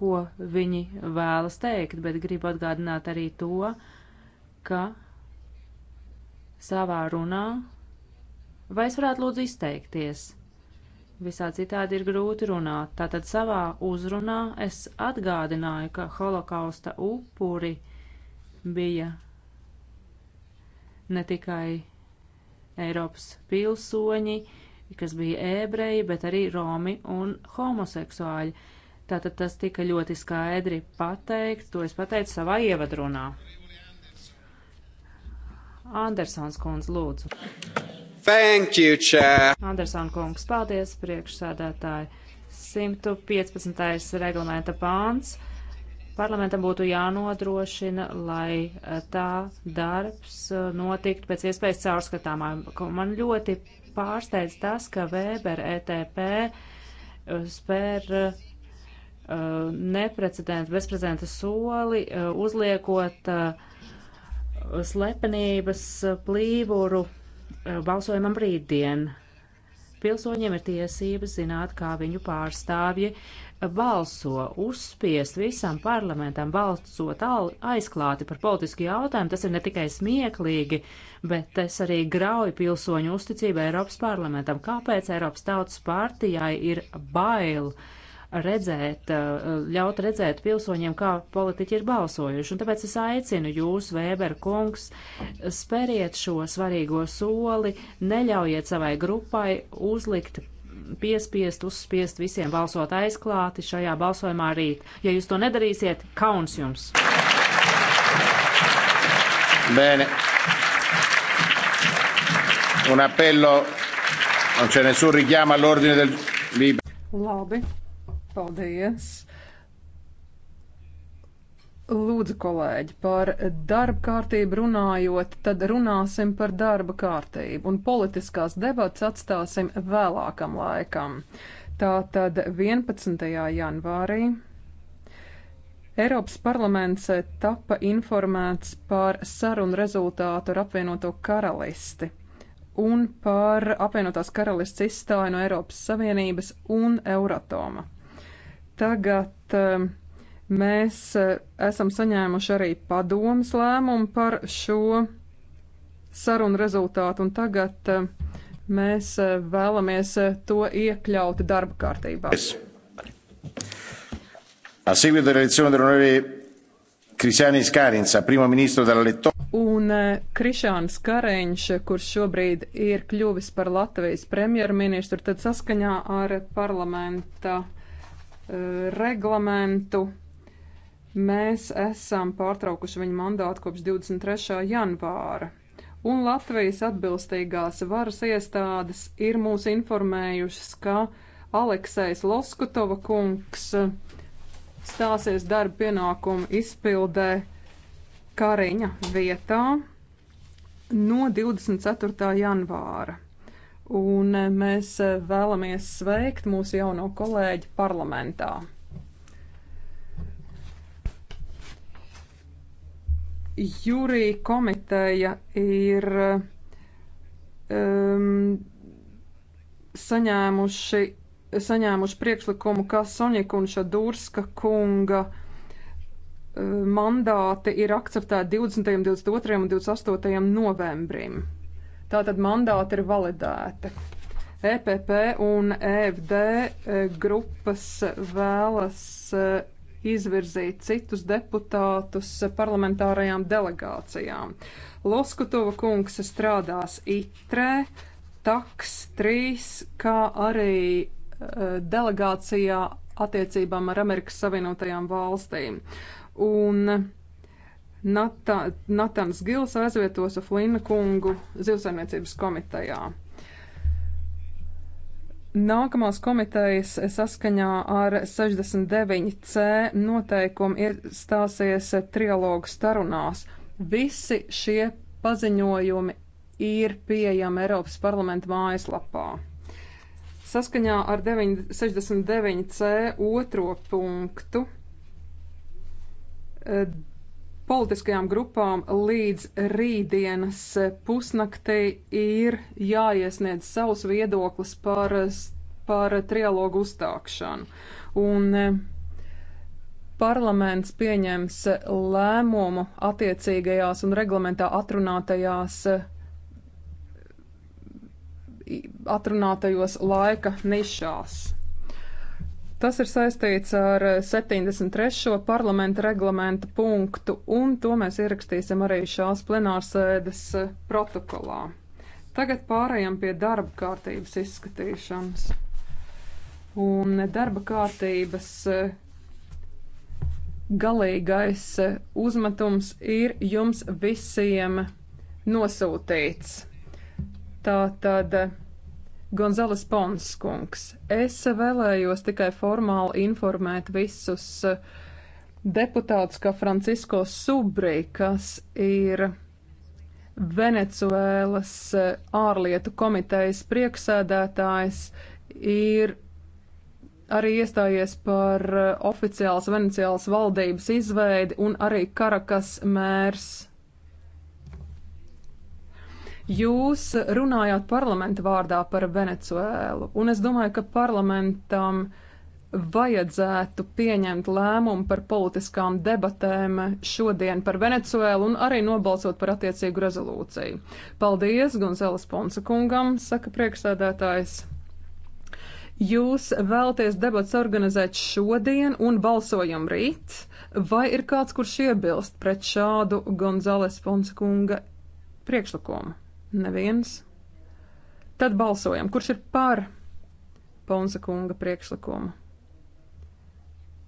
ko viņi vēlas teikt, bet gribu atgādināt arī to, ka savā runā vai es varētu lūdzu izteikties. Visā citādi ir grūti runāt. Tātad savā uzrunā es atgādināju, ka holokausta upuri bija ne tikai Eiropas pilsoņi, kas bija ebreji, bet arī romi un homoseksuāļi. Tātad tas tika ļoti skaidri pateikts, to es pateicu savā ievadrunā. Andersons kundz, lūdzu. Thank you, chair. Anderson kungs, paldies, priekšsēdētāji. 115. reglamenta pāns Parlamentam būtu jānodrošina, lai eh, tā darbs eh, notiktu pēc iespējas caurskatāmā. Man ļoti pārsteidz tas, ka Weber ETP eh, spēr uh, neprecedentu, bezprecedentu soli, uh, uzliekot uh, slepenības plīvuru balsojumam rītdien. Pilsoņiem ir tiesības zināt, kā viņu pārstāvji balso, uzspiest visam parlamentam balsot aizklāti par politisku jautājumu. Tas ir ne tikai smieklīgi, bet tas arī grauj pilsoņu uzticību Eiropas parlamentam. Kāpēc Eiropas tautas partijai ir bail? Uh, redzēt, eh, ļaut redzēt pilsoņiem, kā politiķi ir balsojuši. Un tāpēc es aicinu jūs, Vēber kungs, speriet šo svarīgo soli, neļaujiet savai grupai uzlikt piespiest, uzspiest visiem balsot aizklāti šajā balsojumā rīt. Ja jūs to nedarīsiet, kauns jums! Bene. Un appello, non c'è nessun richiamo all'ordine del libro. Labi paldies! Lūdzu, kolēģi, par darba kārtību runājot, tad runāsim par darba kārtību un politiskās debats atstāsim vēlākam laikam. Tā tad 11. janvārī Eiropas parlaments tapa informēts par sarunu rezultātu ar apvienoto karalisti un par apvienotās karalists izstāju no Eiropas Savienības un Euratoma. Tagad eh, mēs eh, esam saņēmuši arī padomas lēmumu par šo sarunu rezultātu, un tagad eh, mēs vēlamies to iekļaut darba kārtībā. Yes. A seguito dell'elezione dell'onorevole Krišānis Kārins, primo ministru della Lettonia. Un Krišāns Kariņš, kurš šobrīd ir kļuvis par Latvijas premjerministru, tad saskaņā ar parlamenta reglamentu. Mēs esam pārtraukuši viņa mandātu kopš 23. janvāra. Un Latvijas atbilstīgās varas iestādes ir mūs informējušas, ka Aleksējs Loskutova kungs stāsies darba pienākumu izpildē Kariņa vietā no 24. janvāra un mēs vēlamies sveikt mūsu jauno kolēģi parlamentā. Jurija komiteja ir um, saņēmuši, saņēmuši priekšlikumu, ka Soņika un Šadurska kunga uh, mandāti ir akceptēti 20., 22. un 28. novembrim. Tātad mandāti ir validēti. EPP un EFD e, grupas vēlas e, izvirzīt citus deputātus parlamentārajām delegācijām. Loskutova kungs strādās ITRE, TAKS 3, kā arī e, delegācijā attiecībām ar Amerikas Savienotajām valstīm. Un Nata, Natans Gils aizvietos Flina kungu zivsaimniecības komitejā. Nākamās komitejas saskaņā ar 69C noteikumu iestāsies trialogu starunās. Visi šie paziņojumi ir pieejami Eiropas parlamenta mājaslapā. Saskaņā ar 9, 69C otro punktu eh, Politiskajām grupām līdz rītdienas pusnaktī ir jāiesniedz savs viedoklis par, par trialogu uzstākšanu. Un, e, parlaments pieņems lēmumu attiecīgajās un reglamentā atrunātajās e, atrunātajos laika nišās. Tas ir saistīts ar 73. Eh, parlamenta reglamenta punktu, un to mēs ierakstīsim arī šās plenārsēdes eh, protokolā. Tagad pārējām pie darba kārtības izskatīšanas. Un darba kārtības eh, galīgais uzmetums ir jums visiem nosūtīts. Tā tad. Gonzales Ponskungs. Es vēlējos tikai formāli informēt visus eh, deputātus, ka Francisko Subri, kas ir Venecuēlas eh, ārlietu komitejas prieksēdētājs, ir arī iestājies par eh, oficiālas Venecijas valdības izveidi un arī Karakas mērs. Jūs runājāt parlamenta vārdā par Venecuēlu, un es domāju, ka parlamentam vajadzētu pieņemt lēmumu par politiskām debatēm šodien par Venecuēlu un arī nobalsot par attiecīgu rezolūciju. Paldies Gonzales Ponsa kungam, saka priekšsēdētājs. Jūs vēlaties debats organizēt šodien un balsojam rīt, vai ir kāds, kurš iebilst pret šādu Gonzales Fonsekunga priekšlikumu? Neviens. Tad balsojam, kurš ir par Ponza kunga priekšlikumu.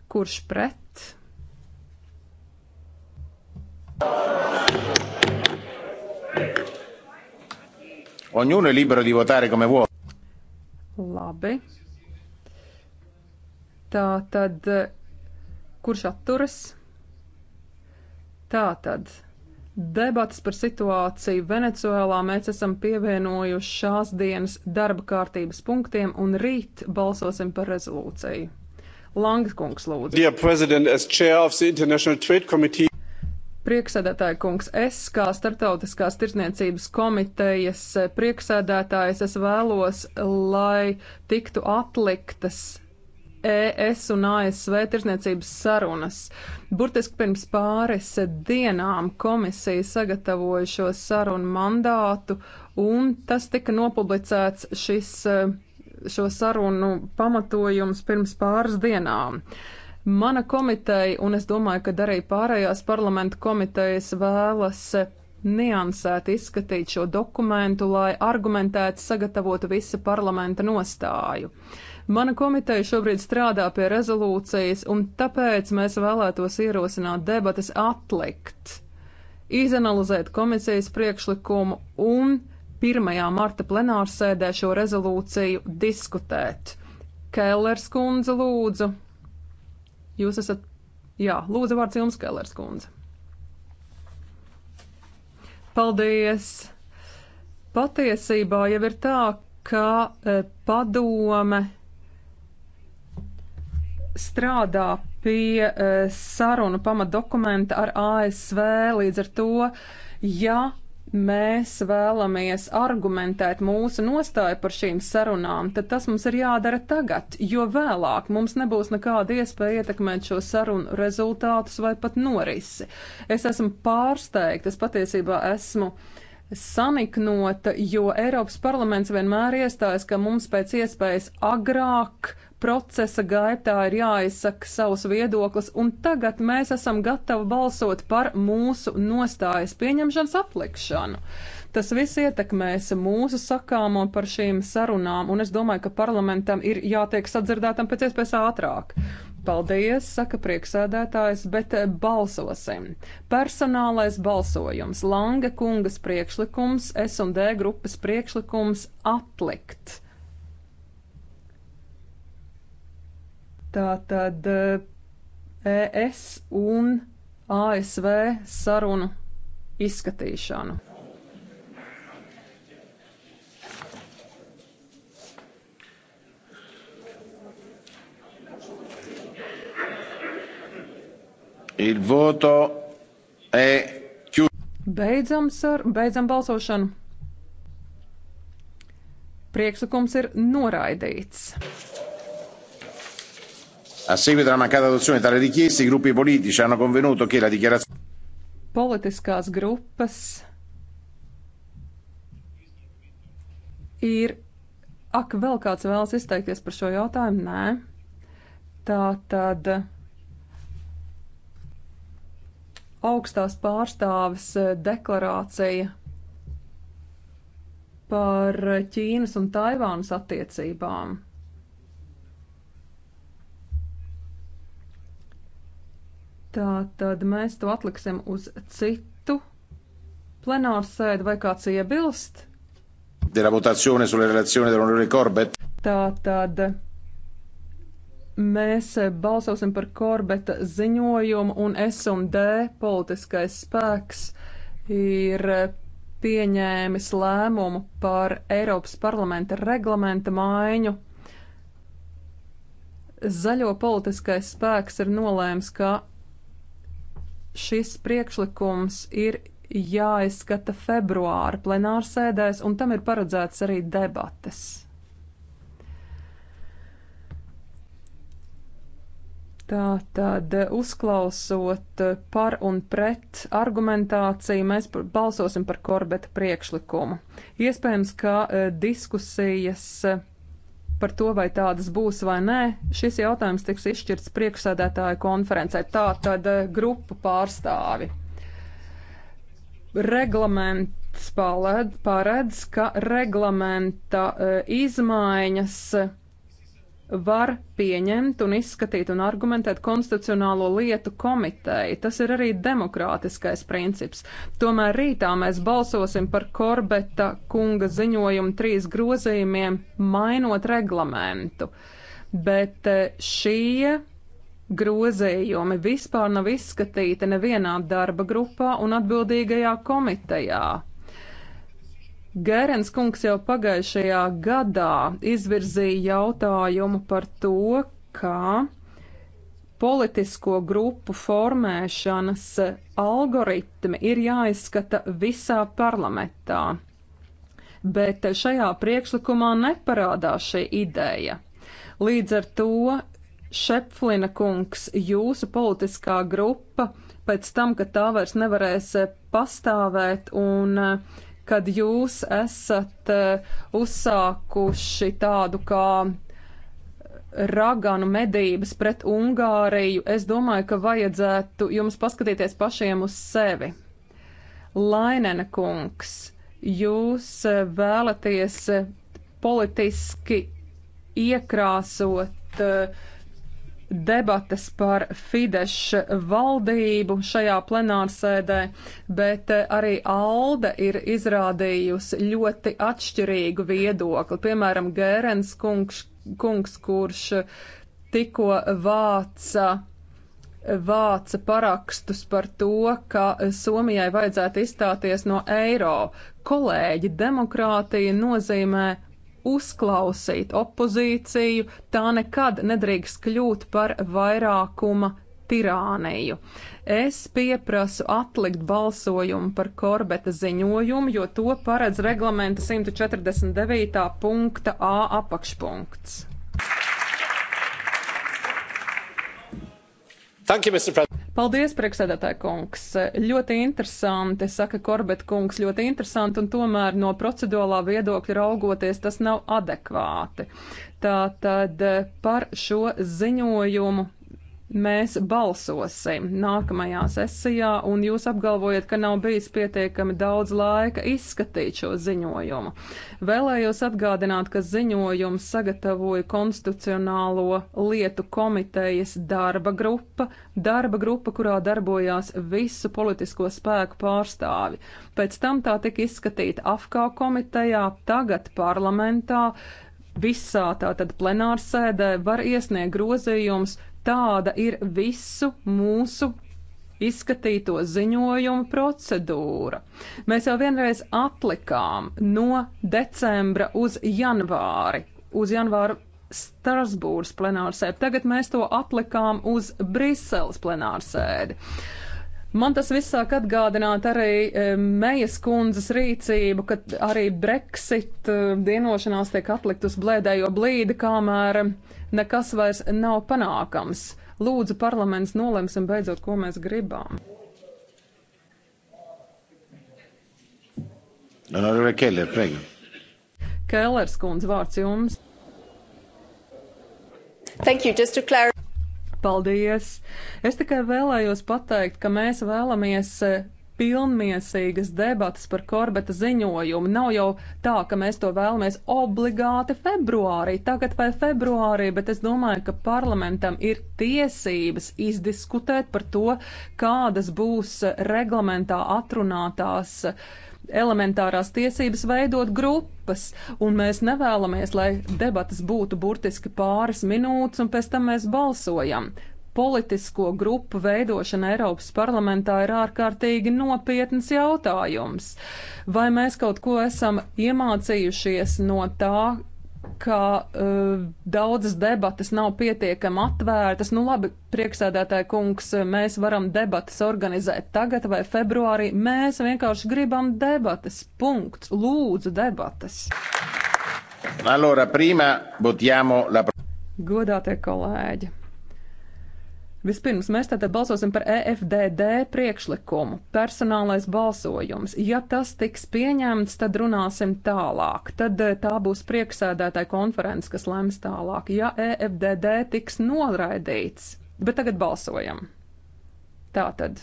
Kurš pret? Ognuno è libero di votare come vuole. Labi. Tā tad, kurš atturas? Tā tad. Debates par situāciju Venecuēlā mēs esam pievienojuši šās dienas darba kārtības punktiem un rīt balsosim par rezolūciju. Langs kungs lūdzu. Prieksēdētāja kungs, es kā Startautiskās tirsniecības komitejas eh, prieksēdētājs es vēlos, lai tiktu atliktas ES un ASV tirsniecības sarunas. Burtiski pirms pāris dienām komisija sagatavoja šo sarunu mandātu, un tas tika nopublicēts šis, e, šo sarunu pamatojums pirms pāris dienām. Mana komiteja, un es domāju, ka arī pārējās parlamenta komitejas vēlas niansēti izskatīt šo dokumentu, lai argumentēti sagatavotu visa parlamenta nostāju. Uh, Mana komiteja šobrīd strādā pie rezolūcijas, un tāpēc mēs vēlētos ierosināt debatas atlikt, izanalizēt komisijas priekšlikumu un 1. marta plenārsēdē šo rezolūciju diskutēt. Kellers kundze, lūdzu. Jūs esat, jā, lūdzu vārds jums, Kellers kundze. Paldies! Patiesībā jau ir tā, ka e, padome strādā pie e, sarunu pamatdokumenta ar ASV. Līdz ar to, ja mēs vēlamies argumentēt mūsu nostāju par šīm sarunām, tad tas mums ir jādara tagad, jo vēlāk mums nebūs nekāda iespēja ietekmēt šo sarunu rezultātus vai pat norisi. Es esmu pārsteigta, es patiesībā esmu saniknota, jo Eiropas parlaments vienmēr iestājas, ka mums pēc iespējas agrāk procesa gaitā ir jāizsaka savs viedoklis, un tagad mēs esam gatavi balsot par mūsu nostājas pieņemšanas aplikšanu. Tas viss ietekmēs mūsu sakāmo par šīm sarunām, un es domāju, ka parlamentam ir jātiek sadzirdētam pēc iespējas ātrāk. Paldies, saka prieksēdētājs, bet eh, balsosim. Personālais balsojums, Langa kungas priekšlikums, S&D grupas priekšlikums atlikt Tātad ES eh, e un ASV sarunu izskatīšanu. Il voto è chiuso. Beidzam, sar, beidzam balsošanu. Priekšlikums ir noraidīts. A seguito della mancata adozione di tale richiesta, i gruppi politici hanno convenuto che la dichiarazione. Politiskās grupas ir. Ak, vēl kāds vēlas izteikties par šo jautājumu? Nē. Tā tad augstās pārstāves eh, deklarācija par Ķīnas un Taivānas attiecībām. Tā tad mēs to atliksim uz citu plenāru sēdi vai kāds iebilst? Della votazione sulle relazioni dell'onorevole Corbett. Tā tad mēs balsosim par Korbeta ziņojumu un S&D politiskais spēks ir pieņēmis lēmumu par Eiropas parlamenta reglamenta maiņu. Zaļo politiskais spēks ir nolēms, ka šis priekšlikums ir jāizskata februāra plenārsēdēs, un tam ir paredzēts arī debates. Tā tad, uzklausot par un pret argumentāciju, mēs balsosim par korbeta priekšlikumu. Iespējams, ka eh, diskusijas par to, vai tādas būs vai nē, šis jautājums tiks izšķirts priekšsēdētāju konferencē. Tā tad eh, grupu pārstāvi. Reglaments paredz, ka reglamenta eh, izmaiņas var pieņemt un izskatīt un argumentēt konstitucionālo lietu komiteju. Tas ir arī demokrātiskais princips. Tomēr rītā mēs balsosim par Korbeta kunga ziņojumu trīs grozījumiem, mainot reglamentu. Bet eh, šie grozījumi vispār nav izskatīti nevienā darba grupā un atbildīgajā komitejā. Gērens kungs jau pagājušajā gadā izvirzīja jautājumu par to, kā politisko grupu formēšanas algoritmi ir jāizskata visā parlamentā. Bet šajā priekšlikumā neparādās šī ideja. Līdz ar to Šepflina kungs, jūsu politiskā grupa pēc tam, kad tā vairs nevarēs pastāvēt un uh, kad jūs esat eh, uzsākuši tādu kā raganu medības pret Ungāriju, es domāju, ka vajadzētu jums paskatīties pašiem uz sevi. Lainena kungs, jūs eh, vēlaties politiski iekrāsot uh, debates par Fidešu valdību šajā plenārsēdē, bet eh, arī Alde ir izrādījusi ļoti atšķirīgu viedokli. Piemēram, Gērens kungs, kungs kurš tikko vāca vāca parakstus par to, ka Somijai vajadzētu izstāties no eiro. Kolēģi, demokrātija nozīmē uzklausīt opozīciju, tā nekad nedrīkst kļūt par vairākuma tirāniju. Es pieprasu atlikt balsojumu par korbeta ziņojumu, jo to paredz reglamenta 149. punkta A apakšpunkts. Thank you, Mr. President. Paldies, priekšsēdētāja kungs. Ļoti interesanti, saka Korbet kungs, ļoti interesanti, un tomēr no procedūrālā viedokļa raugoties tas nav adekvāti. Tātad par šo ziņojumu mēs balsosim nākamajā sesijā, un jūs apgalvojat, ka nav bijis pietiekami daudz laika izskatīt šo ziņojumu. Vēlējos atgādināt, ka ziņojums sagatavoja Konstitucionālo lietu komitejas darba grupa, darba grupa, kurā darbojās visu politisko spēku pārstāvi. Pēc tam tā tika izskatīta AFKā komitejā, tagad parlamentā. Visā tātad plenārsēdē var iesniegt grozījumus, Tāda ir visu mūsu izskatīto ziņojumu procedūra. Mēs jau vienreiz atlikām no decembra uz janvāri, uz janvāru Strasbūras plenārsēdi. Tagad mēs to atlikām uz Briseles plenārsēdi. Uh, Man tas viss sāk atgādināt arī e, Mejas kundzes rīcību, kad arī Brexit e, vienošanās tiek atlikt uz blēdējo blīdi, kamēr nekas vairs nav panākams. Lūdzu, parlaments nolemsim beidzot, ko mēs gribam. Honorable Keller, prego. Kellers kundze, vārds jums. Thank you, just to clarify. Paldies! Es tikai vēlējos pateikt, ka mēs vēlamies eh, pilnmiesīgas debatas par korbeta ziņojumu. Nav jau tā, ka mēs to vēlamies obligāti februārī, tagad vai februārī, bet es domāju, ka parlamentam ir tiesības izdiskutēt par to, kādas būs eh, reglamentā atrunātās uh, elementārās tiesības veidot grupas, un mēs nevēlamies, lai debatas būtu burtiski pāris minūtes, un pēc tam mēs balsojam. Politisko grupu veidošana Eiropas parlamentā ir ārkārtīgi nopietns jautājums. Vai mēs kaut ko esam iemācījušies no tā, ka uh, daudzas debatas nav pietiekami atvērtas. Nu labi, prieksēdētāji kungs, mēs varam debatas organizēt tagad vai februārī. Mēs vienkārši gribam debatas. Punkts. Lūdzu, debatas. Allora, prima votiamo la... Godātie kolēģi! Vispirms mēs tātad balsosim par EFDD priekšlikumu, personālais balsojums. Ja tas tiks pieņemts, tad runāsim tālāk. Tad eh, tā būs priekšsēdētāja konference, kas lems tālāk. Ja EFDD tiks noraidīts, bet tagad balsojam. Tātad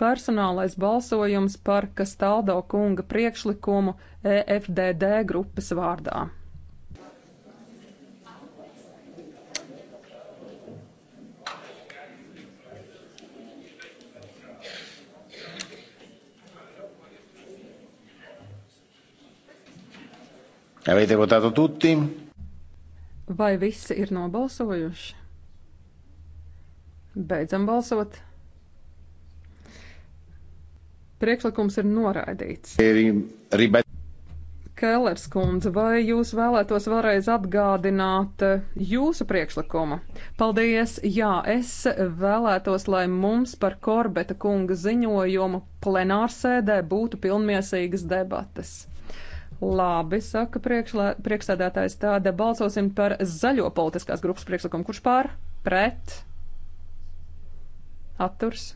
personālais balsojums par Kastaldo kunga priekšlikumu EFDD grupas vārdā. Avete votato tutti? Vai visi ir nobalsojuši? Beidzam balsot. Priekšlikums ir noraidīts. Kēlers kundze, vai jūs vēlētos vēlreiz atgādināt eh, jūsu priekšlikumu? Paldies, jā, es vēlētos, lai mums par Korbeta kunga ziņojumu plenārsēdē būtu pilnmiesīgas debatas. Labi, saka priekšsēdētājs, tāda balsosim par zaļo politiskās grupas priekšlikumu. Kurš pār? Pret? Atturs?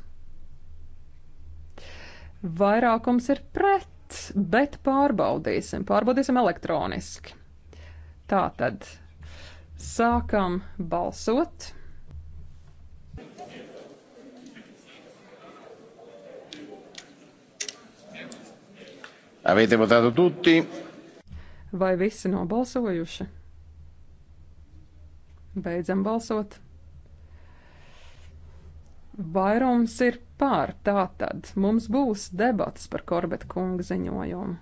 Vairākums ir pret, bet pārbaudīsim. Pārbaudīsim elektroniski. Tātad sākam balsot. Avete votato tutti? Vai visi nobalsojuši? Beidzam balsot. Vairums ir pār tā tad. Mums būs debats par Korbeta kunga ziņojumu.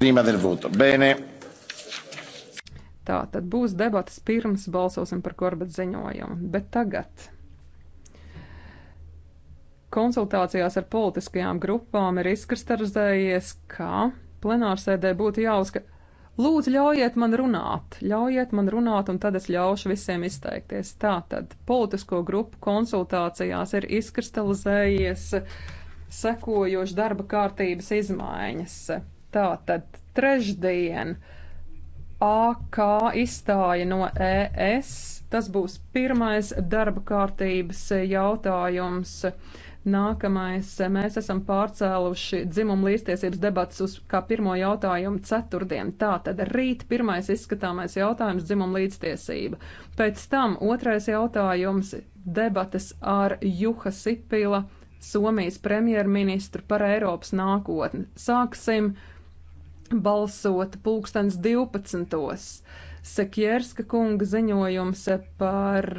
Prima del voto. Bene. Tā tad būs debatas pirms balsosim par Korbeta ziņojumu. Bet tagad konsultācijās ar politiskajām grupām ir izkristalizējies, ka plenārsēdē būtu jāuzskata. Lūdzu, ļaujiet man runāt, ļaujiet man runāt, un tad es ļaušu visiem izteikties. Tātad politisko grupu konsultācijās ir izkristalizējies sekojoši darba kārtības izmaiņas. Tātad trešdien AK izstāja no ES, tas būs pirmais darba kārtības jautājums. Nākamais, mēs esam pārcēluši dzimumu līdztiesības debats uz kā pirmo jautājumu ceturtdien. Tā tad rīt pirmais izskatāmais jautājums - dzimumu līdztiesība. Pēc tam otrais jautājums - debates ar Juha Sipila, Somijas premjerministru par Eiropas nākotni. Sāksim balsot pulkstens 12. Sekjerska kunga ziņojums par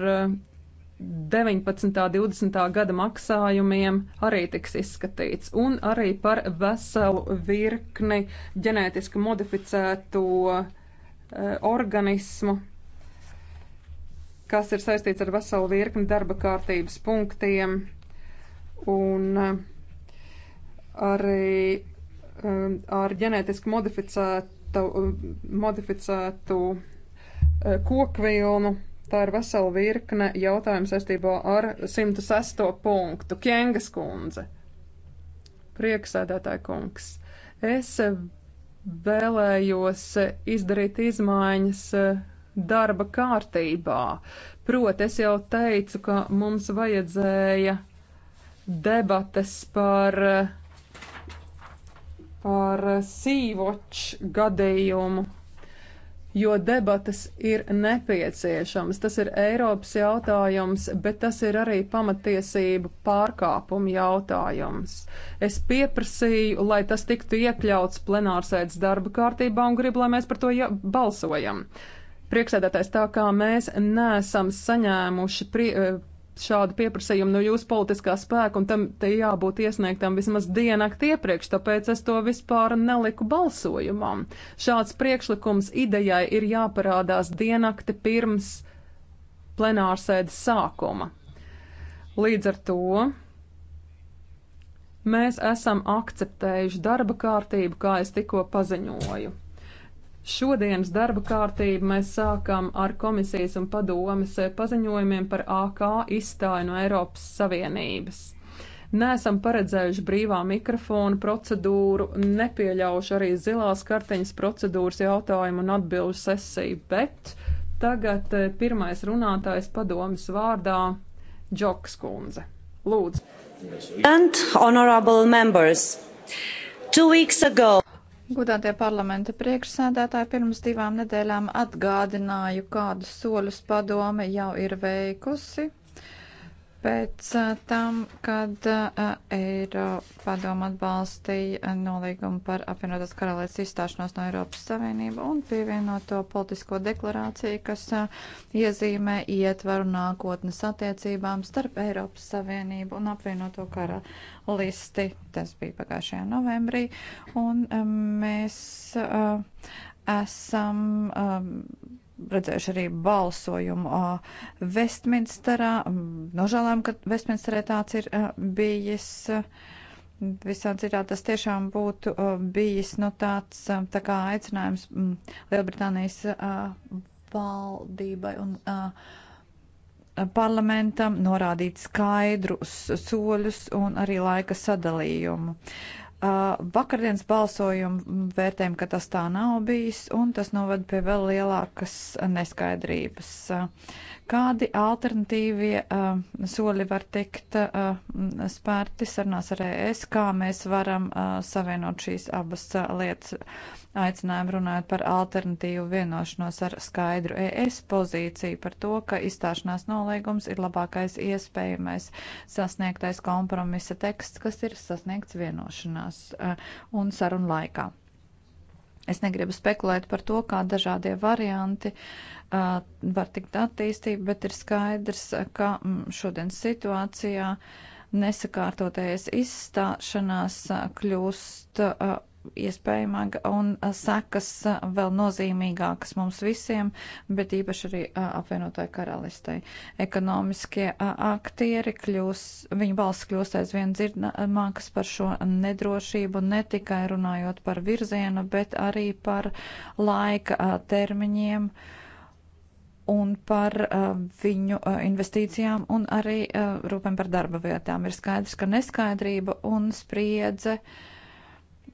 19. 20. gada maksājumiem arī tiks izskatīts, un arī par veselu virkni ģenētiski modificēto e, organismu, kas ir saistīts ar veselu virkni darba kārtības punktiem, un e, arī e, ar ģenētiski modificētu, modificētu e, kokvilnu Tā ir vesela virkne jautājumu saistībā ar 106. punktu. Kjengas kundze, prieksēdētāja kungs, es vēlējos izdarīt izmaiņas eh, darba kārtībā. Proti, es jau teicu, ka mums vajadzēja debates par, eh, par sīvoču gadījumu jo debatas ir nepieciešamas. Tas ir Eiropas jautājums, bet tas ir arī pamatiesību pārkāpumu jautājums. Es pieprasīju, lai tas tiktu iekļauts plenārsēdes darba kārtībā un gribu, lai mēs par to ja balsojam. Priekšsēdētājs tā kā mēs nesam saņēmuši prie eh, šādu pieprasījumu no jūsu politiskā spēka, un tam te jābūt iesniegtam vismaz diennakti iepriekš, tāpēc es to vispār neliku balsojumam. Šāds priekšlikums idejai ir jāparādās diennakti pirms plenārsēdes sākuma. Līdz ar to mēs esam akceptējuši darba kārtību, kā es tikko paziņoju. Šodienas darba kārtību mēs sākam ar komisijas un padomes paziņojumiem par AK izstāju no Eiropas Savienības. Nesam paredzējuši brīvā mikrofona procedūru, nepieļaušu arī zilās karteņas procedūras jautājumu un atbilžu sesiju, bet tagad eh, pirmais runātājs padomes vārdā - Džoks Kunze. Lūdzu. And honorable members, two weeks ago. Godātie parlamenta priekšsēdētāji pirms divām nedēļām atgādināju, kādus soļus padome jau ir veikusi Pēc tam, kad Eiropadoma atbalstīja nolīgumu par apvienotās karalietes izstāšanos no Eiropas Savienību un pievienoto politisko deklarāciju, kas iezīmē ietvaru nākotnes attiecībām starp Eiropas Savienību un apvienoto karalisti, tas bija pagājušajā novembrī, un mēs esam. Um, redzējuši arī balsojumu Vestminsterā. Mm, Nožēlējam, ka Vestminsterē tāds ir bijis. Visā citā tas tiešām būtu bijis nu, tāds tā kā aicinājums mm, Lielbritānijas valdībai un parlamentam norādīt skaidrus soļus un arī laika sadalījumu. Uh, Uh, vakardienas balsojumu vērtējumu, ka tas tā nav bijis, un tas noved pie vēl lielākas neskaidrības. Kādi alternatīvie uh, soļi var tikt uh, spērti sarunās ar ES, kā mēs varam savienot šīs abas lietas? aicinājumu runājot par alternatīvu vienošanos ar skaidru ES pozīciju par to, ka izstāšanās nolīgums ir labākais iespējamais sasniegtais kompromisa teksts, kas ir sasniegts vienošanās eh, un sarunu laikā. Es negribu spekulēt par to, kā dažādie varianti uh, var tikt attīstīti, bet ir skaidrs, ka mm, šodienas situācijā nesakārtotais izstāšanās eh, kļūst uh, iespējamā un sekas vēl nozīmīgākas mums visiem, bet īpaši arī apvienotāju karalistei. Ekonomiskie aktieri kļūs, viņa balss kļūst aizvien dzirdamākas par šo nedrošību, ne tikai runājot par virzienu, bet arī par laika termiņiem un par uh, viņu uh, investīcijām un arī uh, rūpēm par darba vietām. Ir skaidrs, ka neskaidrība un spriedze uh,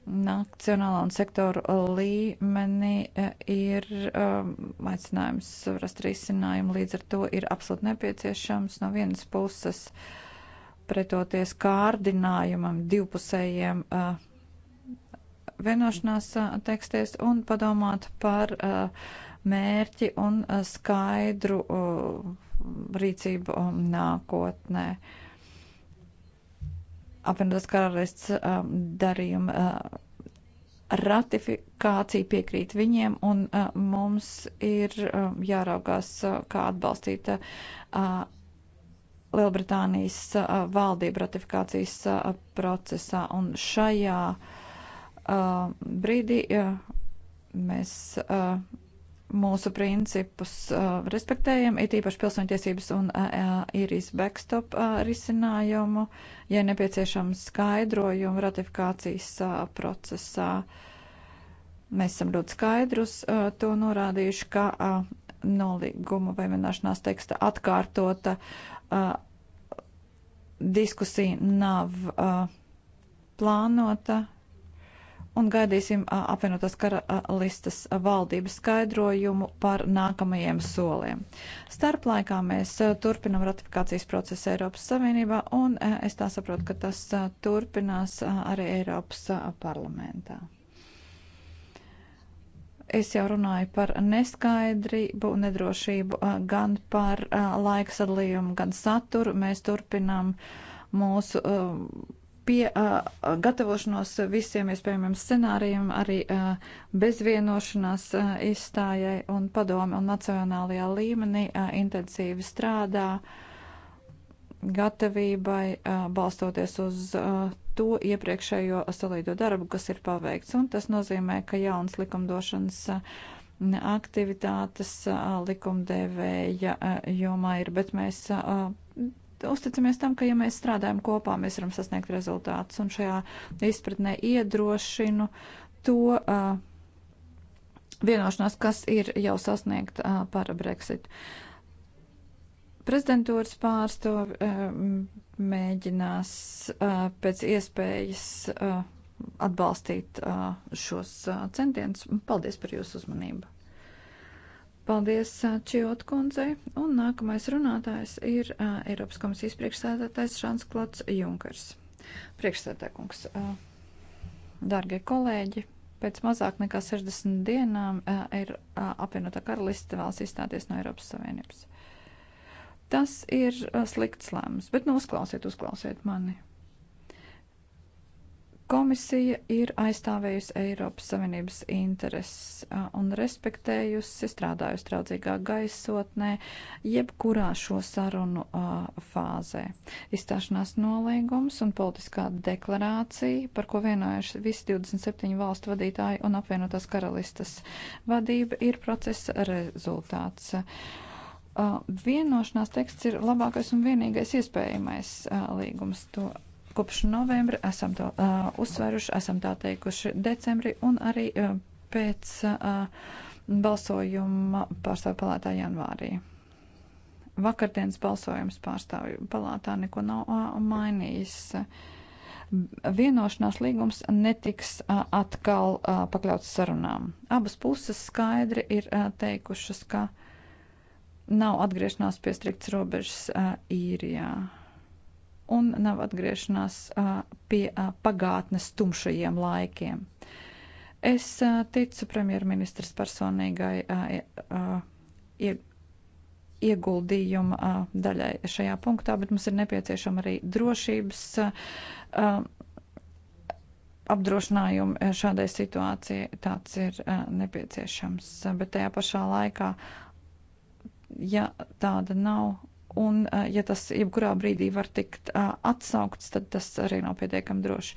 nacionālā un sektoru līmenī eh, ir um, aicinājums rast risinājumu, līdz ar to ir absolūti nepieciešams no vienas puses pretoties kārdinājumam divpusējiem uh, vienošanās uh, teksties un padomāt par uh, mērķi un uh, skaidru uh, rīcību um, nākotnē. Uh, apvienotās karalists um, darījuma uh, ratifikācija piekrīt viņiem, un uh, mums ir um, jāraugās, uh, kā atbalstīt Lielbritānijas valdību ratifikācijas procesā. Un šajā brīdī mēs mūsu principus uh, respektējam, it īpaši pilsoņtiesības un uh, īrijas uh, backstop uh, risinājumu, ja nepieciešams skaidrojumu ratifikācijas uh, procesā. Mēs esam ļoti skaidrus uh, to norādījuši, ka uh, nolīguma vai vienošanās teksta atkārtota uh, diskusija nav uh, plānota, un gaidīsim apvienotās karalistas valdības skaidrojumu par nākamajiem soliem. Starplaikā mēs turpinam ratifikācijas procesu Eiropas Savienībā, un es tā saprotu, ka tas turpinās arī Eiropas parlamentā. Es jau runāju par neskaidrību, nedrošību, gan par laika sadalījumu, gan saturu. Mēs turpinām mūsu uh, pie uh, gatavošanos visiem iespējamiem scenārijiem, arī uh, bezvienošanās uh, izstājai un padomi un nacionālajā līmenī uh, intensīvi strādā gatavībai, uh, balstoties uz uh, to iepriekšējo solīdo darbu, kas ir paveikts. Un tas nozīmē, ka jauns likumdošanas uh, aktivitātes likumdevēja jomā ir, bet mēs uzticamies tam, ka ja mēs strādājam kopā, mēs varam sasniegt rezultātus. Un šajā izpratnē iedrošinu to uh, vienošanās, kas ir jau sasniegta uh, par Brexit. Prezidentūras pārstāvi uh, mēģinās uh, pēc iespējas uh, atbalstīt uh, šos uh, centienus. Paldies par jūsu uzmanību! Paldies Čiot kundzei. Un nākamais runātājs ir uh, Eiropas komisijas priekšsēdētājs Žans Klots Junkers. Priekšsēdētājs, uh, dārgie kolēģi, pēc mazāk nekā 60 dienām uh, ir uh, apvienotā karaliste vēlas izstāties no Eiropas Savienības. Tas ir uh, slikts lēmums, bet nu uzklausiet, uzklausiet mani. Komisija ir aizstāvējusi Eiropas Savienības intereses un respektējusi, strādājusi traudzīgā gaisotnē, jebkurā šo sarunu fāzē. Izstāšanās nolīgums un politiskā deklarācija, par ko vienojuši visi 27 valstu vadītāji un apvienotās karalistas vadība, ir procesa rezultāts. Vienošanās teksts ir labākais un vienīgais iespējamais līgums. To Kopš novembra esam to uh, uzsveruši, esam tā teikuši decembrī un arī uh, pēc uh, balsojuma pārstāvju palātā janvārī. Vakardienas balsojums pārstāvju palātā neko nav uh, mainījis. Uh, vienošanās līgums netiks atkal pakļauts sarunām. Abas puses skaidri ir teikušas, ka nav atgriešanās pie strikts robežas īrijā un nav atgriešanās pie pagātnes tumšajiem laikiem. Es ticu premjerministras personīgai ieguldījuma daļai šajā punktā, bet mums ir nepieciešama arī drošības apdrošinājumi šādai situācijai. Tāds ir nepieciešams. Bet tajā pašā laikā, ja tāda nav Un, ja tas jebkurā brīdī var tikt atsaukts, tad tas arī nav pietiekami droši.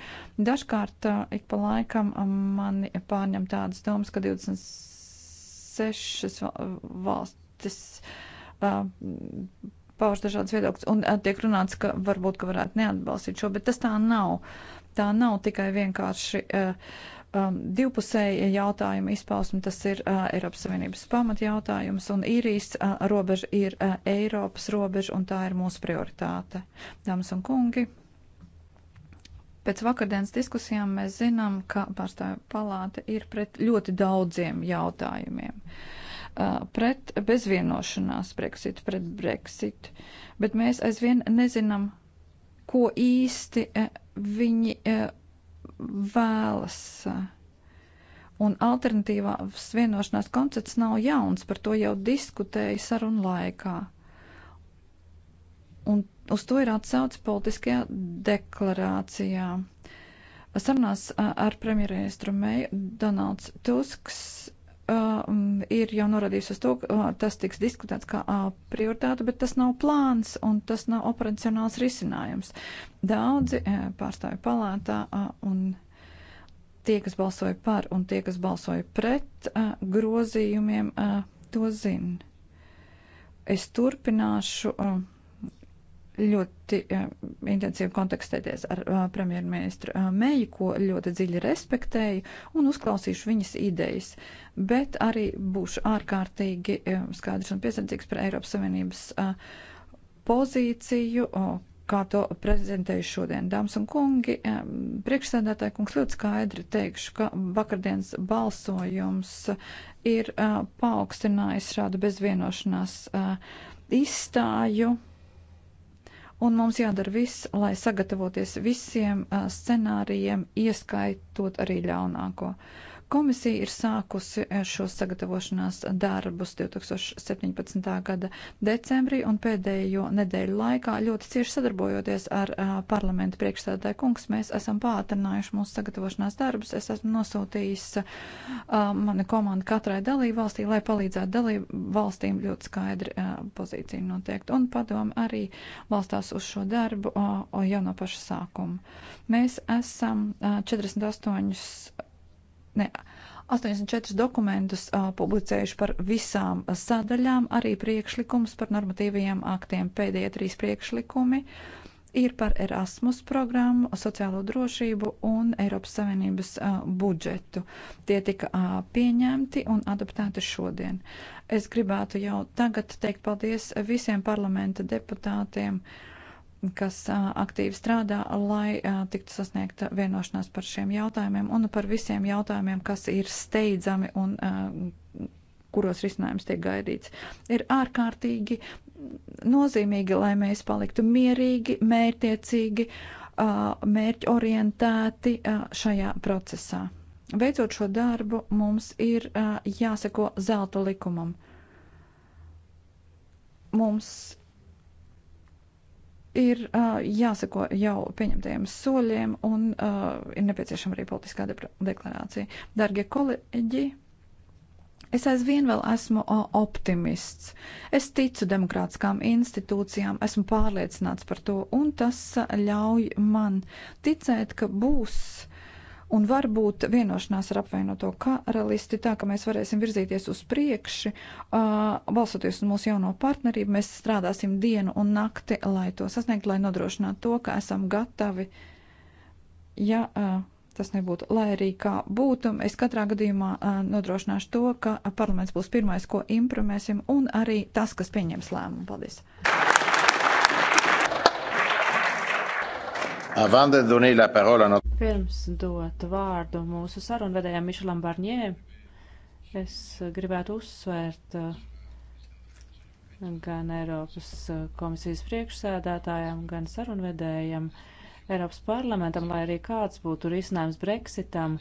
Dažkārt ik pa laikam mani pārņem tādas domas, ka 26 valstis pauž dažādas viedokļas un tiek runāts, ka varbūt, ka varētu neatbalstīt šo, bet tas tā nav. Tā nav tikai vienkārši uh, um, divpusēja jautājuma izpausme, tas ir uh, Eiropas Savienības pamatjautājums, un īrijas uh, robeža ir uh, Eiropas robeža, un tā ir mūsu prioritāte. Dāmas un kungi, pēc vakardienas diskusijām mēs zinām, ka pārstāvju palāta ir pret ļoti daudziem jautājumiem. Uh, pret bezvienošanās Brexit, pret Brexit, bet mēs aizvien nezinām, ko īsti uh, viņi. Uh, vēlas. Un alternatīvās vienošanās koncepts nav jauns, par to jau diskutēja sarunu laikā. Un uz to ir atsauce politiskajā deklarācijā. Sarunās ar premjerministru Meiju Donalds Tusks um, ir jau norādījis uz to, ka uh, tas tiks diskutēts kā uh, prioritāte, bet tas nav plāns un tas nav operacionāls risinājums. Daudzi uh, pārstāvju palātā uh, un tie, kas balsoja par un tie, kas balsoja pret uh, grozījumiem, uh, to zina. Es turpināšu. Uh, ļoti eh, intensīvi kontekstēties ar eh, premjerministru eh, Meiju, ko ļoti dziļi respektēju un uzklausīšu viņas idejas, bet arī būšu ārkārtīgi skaidrs un piesardzīgs par Eiropas Savienības pozīciju, kā to prezentēju šodien. Dāmas un kungi, priekšsēdētāji kungs ļoti skaidri teikšu, ka vakardienas balsojums ir paaugstinājis šādu bezvienošanās izstāju un mums jādara viss, lai sagatavoties visiem scenārijiem, ieskaitot arī ļaunāko. Komisija ir sākusi eh, šos sagatavošanās darbus 2017. gada decembrī un pēdējo nedēļu laikā ļoti cieši sadarbojoties ar eh, parlamentu priekšstādāju kungs, mēs esam pātrinājuši mūsu sagatavošanās darbus. Es esmu nosūtījis eh, mani komandu katrai dalību valstī, lai palīdzētu dalību valstīm ļoti skaidri pozīciju noteikt. Un padomu arī balstās uz šo darbu jau no paša sākuma. Mēs esam 48 ne, 84 dokumentus uh, publicējuši par visām sadaļām, arī priekšlikums par normatīvajiem aktiem. Pēdējie trīs priekšlikumi ir par Erasmus programmu, sociālo drošību un Eiropas Savienības uh, budžetu. Tie tika uh, pieņemti un adaptēti šodien. Es gribētu jau tagad teikt paldies visiem parlamenta deputātiem. Uh, kas aktīvi strādā, lai tiktu sasniegta vienošanās par šiem jautājumiem un par visiem jautājumiem, kas ir steidzami un kuros risinājums tiek gaidīts. Ir ārkārtīgi nozīmīgi, lai mēs paliktu mierīgi, mērtiecīgi, mērķorientēti šajā procesā. Veicot šo darbu, mums ir jāseko zelta likumam. Mums ir uh, jāsako jau pieņemtajiem soļiem un uh, ir nepieciešama arī politiskā de deklarācija. Dargie kolēģi, es aizvien vēl esmu uh, optimists. Es ticu demokrātiskām institūcijām, esmu pārliecināts par to, un tas uh, ļauj man ticēt, ka būs uh, un varbūt vienošanās ar apvienoto karalisti tā, ka mēs varēsim virzīties uz priekšu, uh, balsoties uz mūsu jauno partnerību, mēs strādāsim dienu un nakti, lai to sasniegtu, lai nodrošinātu to, ka esam gatavi, ja uh, tas nebūtu, lai arī kā būtu, es katrā gadījumā uh, nodrošināšu to, ka parlaments būs pirmais, ko imprimēsim, un arī tas, kas pieņems lēmumu. Paldies! Pirms dot vārdu mūsu sarunvedējām Mišelam Barņē, es gribētu uzsvērt eh, gan Eiropas eh, komisijas priekšsēdētājiem, gan sarunvedējiem Eiropas parlamentam, lai arī kāds būtu risinājums Brexitam,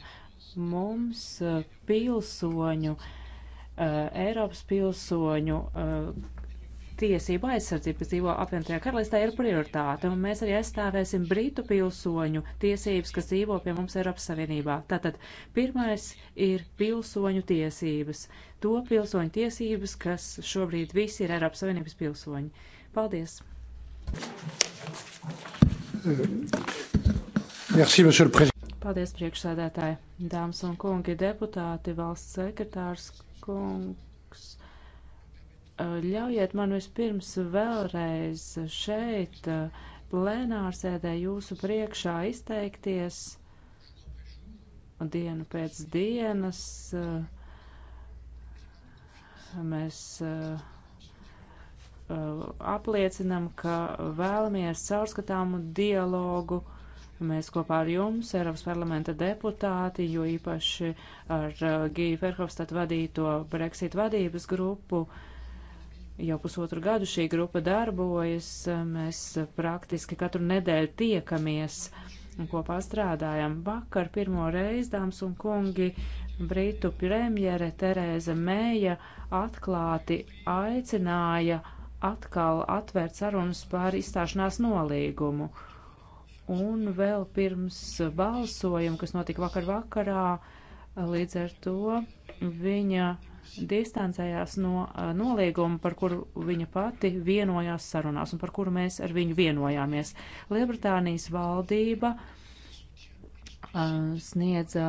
mums eh, pilsoņu, Eiropas pilsoņu tiesību aizsardzība, kas dzīvo apvienotajā karalistē, ir prioritāte, un mēs arī aizstāvēsim britu pilsoņu tiesības, kas dzīvo pie mums Eiropas Savienībā. Tātad pirmais ir pilsoņu tiesības, to pilsoņu tiesības, kas šobrīd visi ir Eiropas Savienības pilsoņi. Paldies! Merci, monsieur le président. Paldies, priekšsēdētāji, dāmas un kungi, deputāti, valsts sekretārs, kung, Eh, ļaujiet man vispirms vēlreiz šeit eh, plēnārsēdē jūsu priekšā izteikties dienu pēc dienas. Eh, mēs apliecinam, ka vēlamies caurskatāmu dialogu. Mēs kopā ar jums, Eiropas parlamenta deputāti, jo īpaši ar Gīju Ferhofstadt vadīto Brexit vadības grupu, uh, Jau pusotru gadu šī grupa darbojas, mēs praktiski katru nedēļu tiekamies un kopā strādājam. Vakar pirmo reizi, dāmas un kungi, Britu premjere Terēza Mēja atklāti aicināja atkal atvērt sarunas par izstāšanās nolīgumu. Un vēl pirms balsojuma, kas notika vakar vakarā, līdz ar to viņa distancējās no eh, nolīguma, par kuru viņa pati vienojās sarunās un par kuru mēs ar viņu vienojāmies. Lielbritānijas valdība eh, sniedza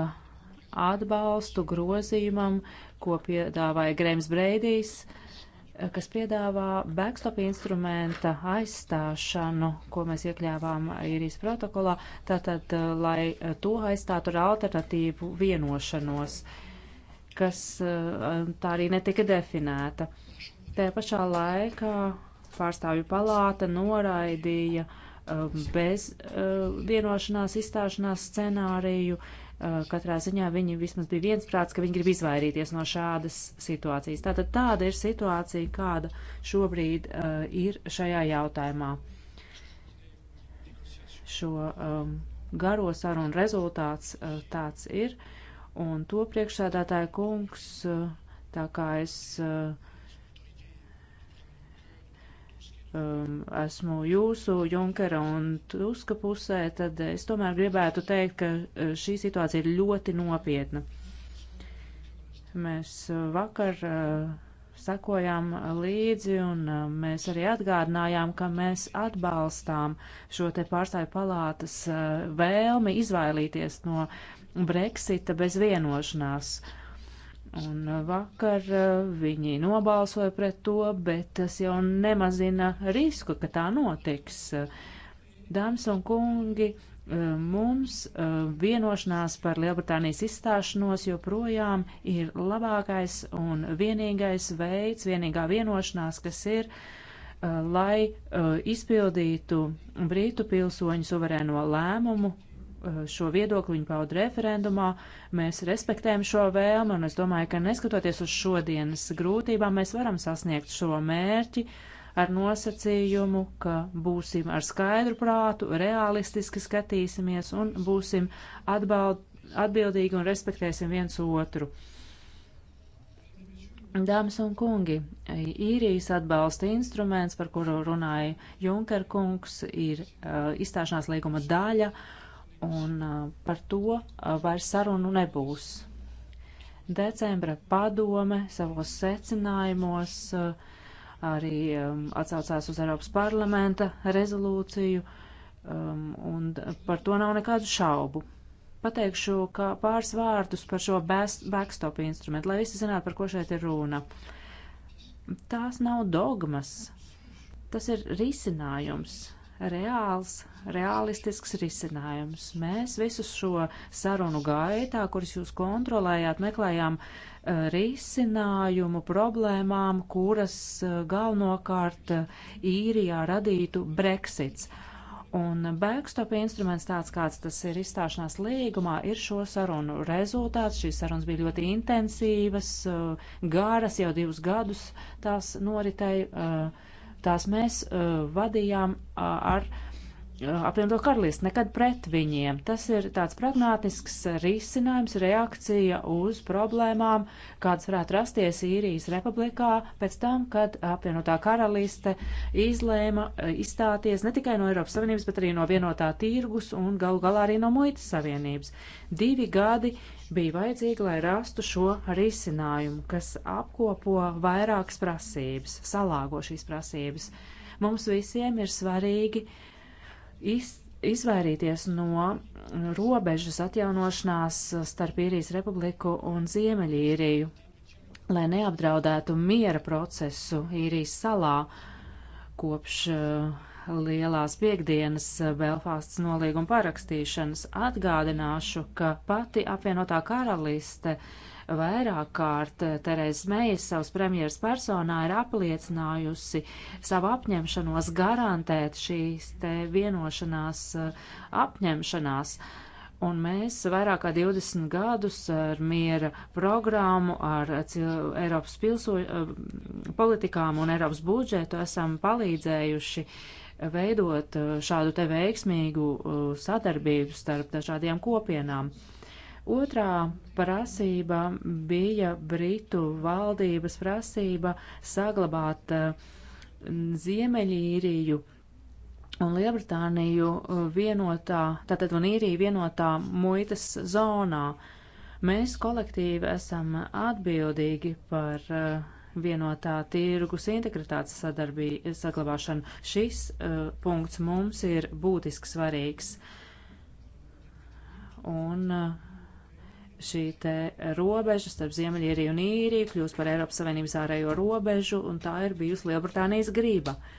atbalstu grozījumam, ko piedāvāja Grēms Breidijs, eh, kas piedāvā backstop instrumenta aizstāšanu, ko mēs iekļāvām īrijas protokolā, tātad, lai to aizstātu ar alternatīvu vienošanos. Uh, kas eh, tā arī netika definēta. Tajā pašā laikā pārstāvju palāta noraidīja eh, bez eh, vienošanās izstāšanās scenāriju. Katrā ziņā viņi vismaz bija viensprāts, ka viņi grib izvairīties no šādas situācijas. Tātad tāda ir situācija, kāda šobrīd ir šajā jautājumā. Šo um, garo sarunu rezultāts tāds ir. Uh, Un to priekšsēdētāja kungs, tā kā es um, esmu jūsu Junkera un Tuska pusē, tad es tomēr gribētu teikt, ka uh, šī situācija ir ļoti nopietna. Mēs uh, vakar uh, sekojām līdzi un uh, mēs arī atgādinājām, ka mēs atbalstām šo te pārstāju palātas vēlmi izvairīties no Brexita bez vienošanās. Un vakar eh, viņi nobalsoja pret to, bet tas jau nemazina risku, ka tā notiks. Dāmas un kungi, eh, mums eh, vienošanās par Lielbritānijas izstāšanos joprojām ir labākais un vienīgais veids, vienīgā vienošanās, kas ir, lai izpildītu Brītu pilsoņu suverēno lēmumu Eh, šo viedokli viņi pauda referendumā. Mēs respektējam šo vēlmu, un es domāju, ka neskatoties uz šodienas grūtībām, mēs varam sasniegt šo mērķi ar nosacījumu, ka būsim ar skaidru prātu, realistiski skatīsimies un būsim atbald, atbildīgi un respektēsim viens otru. Dāmas un kungi, īrijas atbalsta instruments, par kuru runāja Junker kungs, ir uh, izstāšanās līguma daļa. Uh, un par to vairs sarunu nebūs. Decembra padome savos secinājumos arī atsaucās uz Eiropas parlamenta rezolūciju, un par to nav nekādu šaubu. Pateikšu pāris vārdus par šo backstop instrumentu, lai visi zinātu, par ko šeit ir runa. Tās nav dogmas, tas ir risinājums reāls, realistisks risinājums. Mēs visu šo sarunu gaitā, kuras jūs kontrolējāt, meklējām eh, risinājumu problēmām, kuras eh, galvenokārt eh, īrijā radītu Brexits. Un backstop instruments tāds, kāds tas ir izstāšanās līgumā, ir šo sarunu rezultāts. Šīs sarunas bija ļoti intensīvas, garas, jau divus gadus tās noritēja Tās mēs uh, vadījām uh, ar uh, apvienoto karalistu, nekad pret viņiem. Tas ir tāds pragmātisks risinājums, reakcija uz problēmām, kādas varētu rasties īrijas republikā pēc tam, kad apvienotā karaliste izlēma izstāties ne tikai no Eiropas Savienības, bet arī no vienotā tirgus un galu galā arī no muitas savienības. Divi gadi bija vajadzīga, lai rastu šo risinājumu, kas apkopo vairākas prasības, salāgo šīs prasības. Mums visiem ir svarīgi iz, izvairīties no robežas atjaunošanās starp īrijas republiku un Ziemeļīriju, lai neapdraudētu miera procesu īrijas salā kopš uh, lielās piekdienas eh, Belfāsts nolīguma parakstīšanas. Atgādināšu, ka pati apvienotā karaliste vairāk kārt eh, Tereza Mejas savas premjeras personā ir apliecinājusi savu apņemšanos garantēt šīs te vienošanās eh, apņemšanās. Un mēs vairāk kā 20 gadus ar miera programmu, ar Eiropas pilso, politikām un Eiropas budžetu esam palīdzējuši veidot eh, šādu te veiksmīgu eh, sadarbību starp dažādiem kopienām. Otrā prasība bija Britu valdības prasība saglabāt eh, Ziemeļīriju un Lielbritāniju vienotā, tātad un īriju vienotā muitas zonā. Mēs kolektīvi esam atbildīgi par uh, vienotā tirgus integritātes sadarbību saglabāšanu. Šis uh, punkts mums ir būtiski svarīgs. Un uh, šī te robeža starp Ziemeļīriju un Īriju kļūst par Eiropas Savienības ārējo robežu, un tā ir bijusi Lielbritānijas grība. Uh,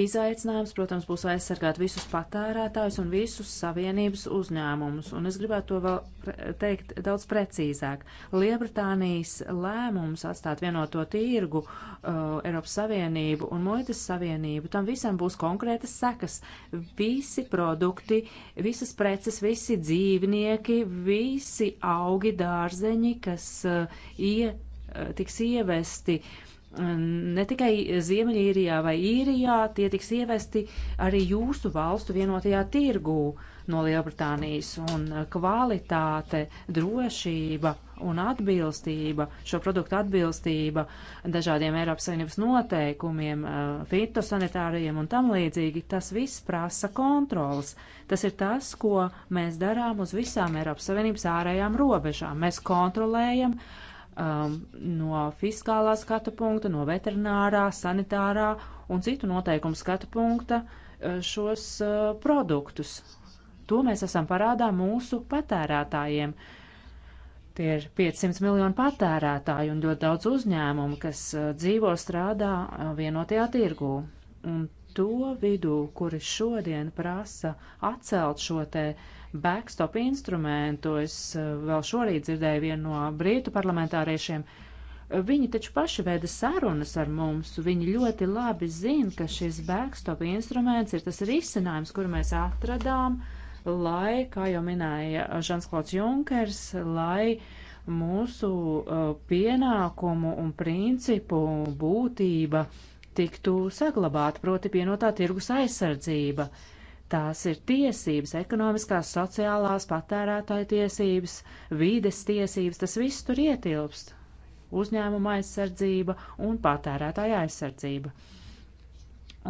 Izaicinājums, protams, būs aizsargāt visus patērētājus un visus savienības uzņēmumus, un es gribētu to vēl teikt daudz precīzāk. Liebritānijas lēmums atstāt vienoto tirgu, uh, Eiropas Savienību un Moitas Savienību, tam visam būs konkrētas sekas. Visi produkti, visas preces, visi dzīvnieki, visi augi, dārzeņi, kas uh, ie, uh, tiks ievesti. Uh, ne tikai Ziemeļīrijā vai Īrijā, tie tiks ievesti arī jūsu valstu vienotajā tirgū no Lielbritānijas, un kvalitāte, drošība un atbilstība, šo produktu atbilstība dažādiem Eiropas Savienības noteikumiem, eh, fitosanitāriem un tam līdzīgi, tas viss prasa kontrols. Tas ir tas, ko mēs darām uz visām Eiropas Savienības ārējām robežām. Mēs kontrolējam uh, um, no fiskālā skatu punkta, no veterinārā, sanitārā un citu noteikumu skatu punkta uh, šos uh, produktus. To mēs esam parādā mūsu patērētājiem. Tie ir 500 miljoni patērētāji un ļoti daudz uzņēmumu, kas uh, dzīvo strādā uh, vienotajā tirgū. Un to vidū, kuri šodien prasa atcelt šo te uh, backstop instrumentu. Es eh, vēl šorīt dzirdēju vienu no brītu parlamentāriešiem. Eh, viņi taču paši veida sarunas ar mums. Viņi ļoti labi zina, ka šis backstop instruments ir tas risinājums, kuru mēs atradām, lai, kā jau minēja Žansklots Junkers, lai mūsu eh, pienākumu un principu būtība tiktu saglabāta, proti pienotā tirgus aizsardzība. Uh, Tās ir tiesības, ekonomiskās, sociālās, patērētāja tiesības, vīdes tiesības, tas viss tur ietilpst. Uzņēmuma aizsardzība un patērētāja aizsardzība.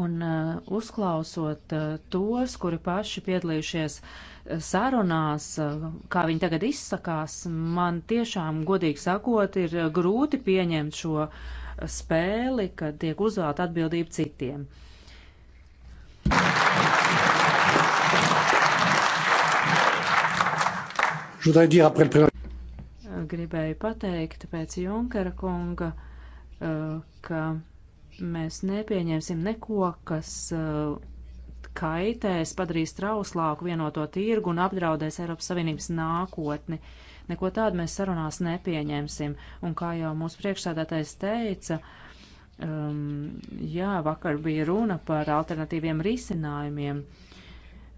Un uh, uzklausot uh, tos, kuri paši piedalījušies uh, sarunās, uh, kā viņi tagad izsakās, man tiešām, godīgi sakot, ir uh, grūti pieņemt šo uh, spēli, kad tiek uzvēlta atbildība citiem. Thank you. Gribēju pateikt pēc Junkera kunga, eh, ka mēs nepieņemsim neko, kas eh, kaitēs, padarīs trauslāku vienoto tirgu un apdraudēs Eiropas Savienības nākotni. Neko tādu mēs sarunās nepieņemsim. Un kā jau mūsu priekšsādātais teica, um, jā, vakar bija runa par alternatīviem risinājumiem. Uh,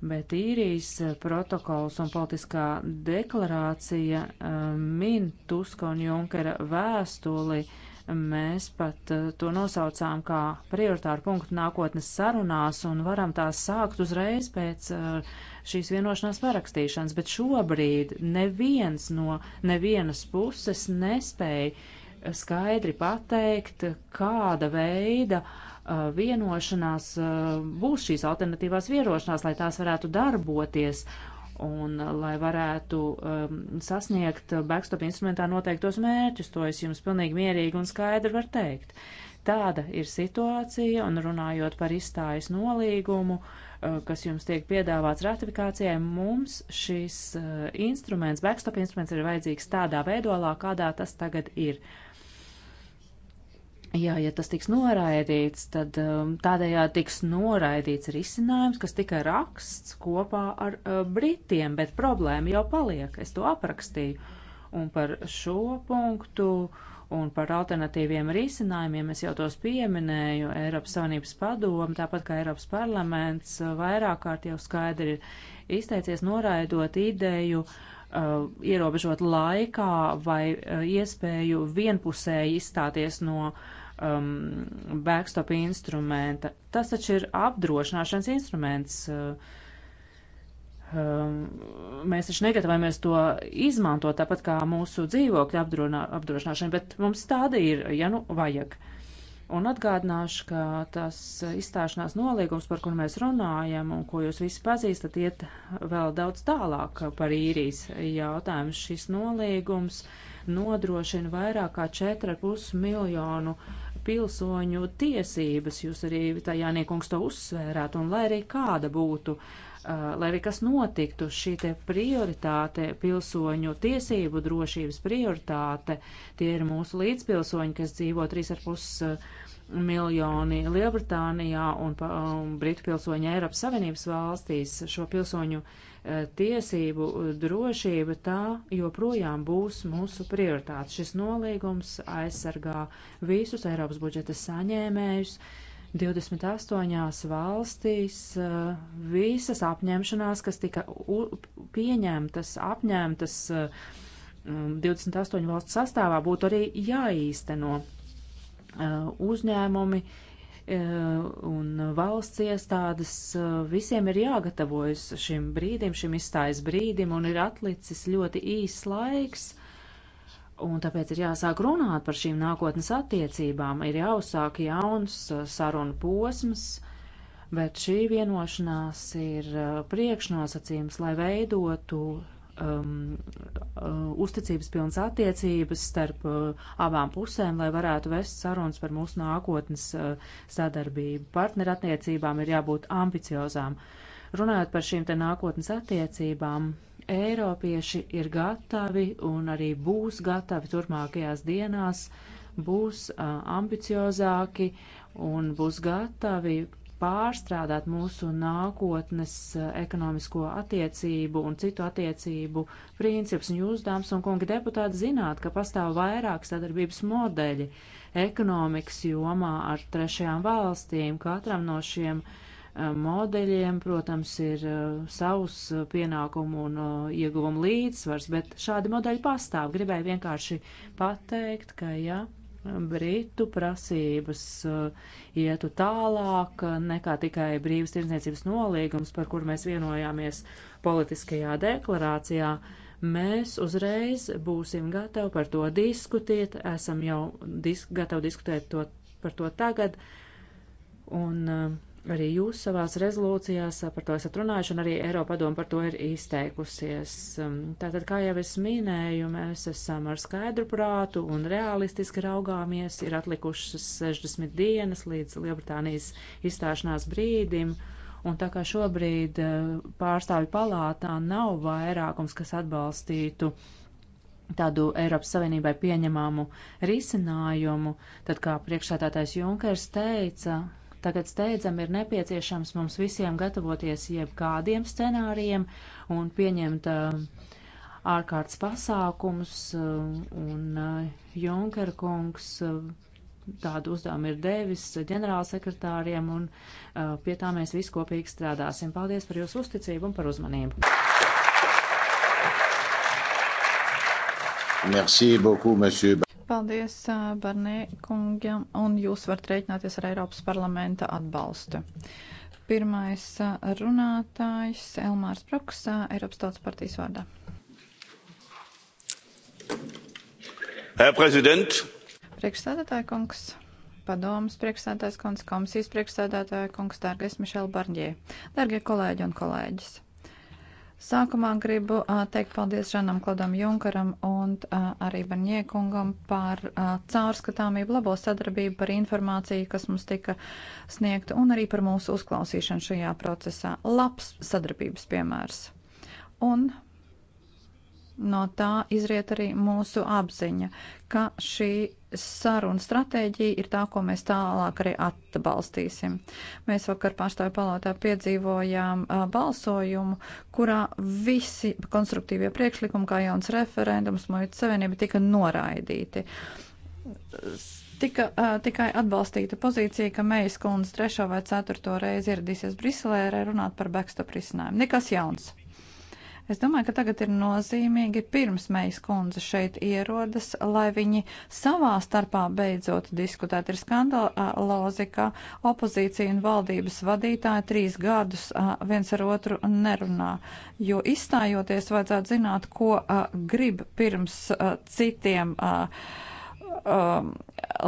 bet īrijas eh, protokols un politiskā deklarācija eh, min Tuska un Junkera vēstuli. Mēs pat eh, to nosaucām kā prioritāru punktu nākotnes sarunās un varam tās sākt uzreiz pēc šīs vienošanās parakstīšanas, bet šobrīd neviens no nevienas puses nespēja skaidri pateikt, kāda veida uh, Uh, vienošanās uh, būs šīs alternatīvās vierošanās, lai tās varētu darboties un lai varētu um, sasniegt backstop instrumentā noteiktos mērķus. To es jums pilnīgi mierīgi un skaidri varu teikt. Tāda ir situācija, un runājot par izstājas nolīgumu, uh, kas jums tiek piedāvāts ratifikācijai, mums šis uh, instruments, backstop instruments ir vajadzīgs tādā veidolā, kādā tas tagad ir. Uh, Jā, ja tas tiks noraidīts, tad um, tādējādi tiks noraidīts risinājums, kas tika raksts kopā ar uh, Britiem, bet problēma jau paliek. Es to aprakstīju. Un par šo punktu un par alternatīviem risinājumiem es jau tos pieminēju. Eiropas Savienības padoma, tāpat kā Eiropas parlaments, uh, vairāk kārt jau skaidri ir izteicies noraidot ideju uh, ierobežot laikā vai uh, iespēju vienpusēji izstāties no uh, um, backstop instrumenta. Tas taču ir apdrošināšanas instruments. Uh, um, mēs taču negatavojamies to izmantot tāpat kā mūsu dzīvokļu apdrošināšanu, bet mums tāda ir, ja nu vajag. Un atgādināšu, ka tas izstāšanās noliegums, par kur mēs runājam un ko jūs visi pazīstat, iet vēl daudz tālāk par īrijas jautājumu. Šis noliegums nodrošina vairāk kā 4,5 miljonu uh, pilsoņu tiesības. Jūs arī tajā niekungs to uzsvērāt, un lai arī kāda būtu, uh, lai arī kas notiktu, šī te prioritāte, pilsoņu tiesību drošības prioritāte, tie ir mūsu līdzpilsoņi, kas dzīvo 3,5 miljoni Lielbritānijā un, un um, Britu pilsoņu Eiropas Savienības valstīs. Šo pilsoņu eh, tiesību drošība tā joprojām būs mūsu prioritāte. Šis nolīgums aizsargā visus Eiropas budžeta saņēmējus. 28 valstīs eh, visas apņemšanās, kas tika pieņemtas, apņemtas 28 eh, um, valstu sastāvā, būtu arī jāīsteno. Uh, uzņēmumi uh, un valsts iestādes uh, visiem ir jāgatavojas šim brīdim, šim izstājas brīdim, un ir atlicis ļoti īs laiks, un tāpēc ir jāsāk runāt par šīm nākotnes attiecībām, ir jāuzsāk jauns sarunu posms, bet šī vienošanās ir priekšnosacījums, lai veidotu um, uh, uzticības pilnas attiecības starp uh, abām pusēm, lai varētu vest sarunas par mūsu nākotnes uh, sadarbību. Partnerattiecībām ir jābūt ambiciozām. Runājot par šīm te nākotnes attiecībām, Eiropieši ir gatavi un arī būs gatavi turpmākajās dienās, būs uh, ambiciozāki un būs gatavi pārstrādāt mūsu nākotnes eh, ekonomisko attiecību un citu attiecību principus. Un jūs, dāmas un kungi deputāti, zināt, ka pastāv vairāk sadarbības modeļi ekonomikas jomā ar trešajām valstīm. Katram no šiem eh, modeļiem, protams, ir eh, savs pienākumu un ieguvumu līdzsvars, bet šādi modeļi pastāv. Gribēju vienkārši pateikt, ka, ja Britu prasības uh, ietu tālāk uh, nekā tikai brīvas tirdzniecības nolīgums, par kur mēs vienojāmies politiskajā deklarācijā. Mēs uzreiz būsim gatavi par to diskutēt, esam jau disk gatavi diskutēt to, par to tagad. Un uh, Arī jūs savās rezolūcijās par to esat runājuši, un arī Eiropadoma par to ir izteikusies. Um, tātad, kā jau es minēju, mēs esam ar skaidru prātu un realistiski raugāmies. Ir atlikušas 60 dienas līdz Lielbritānijas izstāšanās brīdim, un tā kā šobrīd uh, pārstāvju palātā nav vairākums, kas atbalstītu tādu Eiropas Savienībai pieņemamu risinājumu, tad, kā priekšsētātais Junkers teica, Tagad steidzam ir nepieciešams mums visiem gatavoties jebkādiem scenārijiem un pieņemt uh, ārkārtas pasākums, uh, un uh, Junkera kungs uh, tādu uzdevumu ir devis ģenerālsekretāriem, un pie tā mēs visi kopīgi strādāsim. Paldies par jūsu uzticību un par uzmanību. Merci beaucoup, monsieur. Paldies, Barnē kungam, un jūs varat rēķināties ar Eiropas parlamenta atbalstu. Pirmais runātājs Elmārs Broks, Eiropas Tautas partijas vārdā. Herr Präsident! Priekšsēdētāja kungs! padomas priekšsēdētājs, komisijas priekšsēdētāja, kungs, dārgais Mišel Barņē, dārgie kolēģi un kolēģis. Sākumā gribu uh, teikt paldies Žanam Klodam Junkaram un uh, arī Barņiekungam par uh, caurskatāmību, labo sadarbību, par informāciju, kas mums tika sniegta un arī par mūsu uzklausīšanu šajā procesā. Labs sadarbības piemērs. Un no tā izriet arī mūsu apziņa, ka šī saruna stratēģija ir tā, ko mēs tālāk arī atbalstīsim. Mēs vakar pārstāvju palātā piedzīvojām uh, balsojumu, kurā visi konstruktīvie priekšlikumi, kā jauns referendums, Mojuta Savienība tika noraidīti. Tika, uh, tikai atbalstīta pozīcija, ka Mejas kundze trešo vai ceturto reizi ieradīsies Briselē, lai runātu par backstop risinājumu. Nekas jauns. Es domāju, ka tagad ir nozīmīgi pirms mēs kundze šeit ierodas, lai viņi savā starpā beidzot diskutētu. Ir skandalozi, ka opozīcija un valdības vadītāji trīs gadus viens ar otru nerunā, jo izstājoties vajadzētu zināt, ko grib pirms citiem. Uh, um,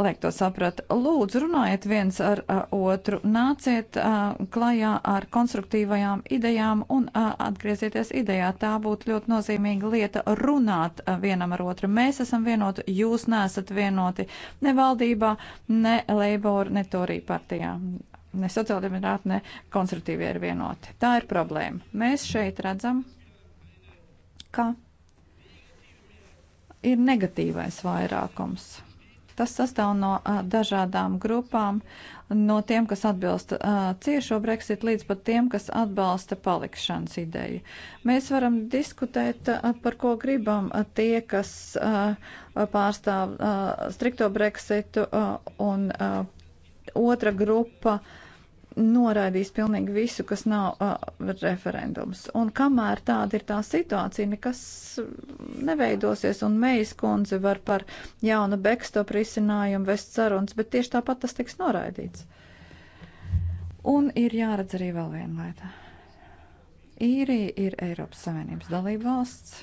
liek to saprat. Lūdzu, runājiet viens ar uh, otru, nāciet uh, klajā ar konstruktīvajām idejām un uh, atgriezieties idejā. Tā būtu ļoti nozīmīga lieta runāt uh, vienam ar otru. Mēs esam vienoti, jūs nesat vienoti ne valdībā, ne Leibor, ne Torī partijā. Ne sociāldemokrāti, ne konservatīvie ir vienoti. Tā ir problēma. Mēs šeit redzam, ka ir negatīvais vairākums. Tas sastāv no a, dažādām grupām, no tiem, kas atbilsta a, ciešo Brexit, līdz pat tiem, kas atbalsta palikšanas ideju. Mēs varam diskutēt, a, par ko gribam a, tie, kas a, pārstāv a, strikto Brexitu a, un a, otra grupa. A, noraidīs pilnīgi visu, kas nav uh, referendums. Un kamēr tāda ir tā situācija, nekas neveidosies, un Meijas kundze var par jaunu backstop risinājumu vest sarunas, bet tieši tāpat tas tiks noraidīts. Un ir jāredz arī vēl viena lieta. Īrija ir Eiropas Savienības dalība valsts.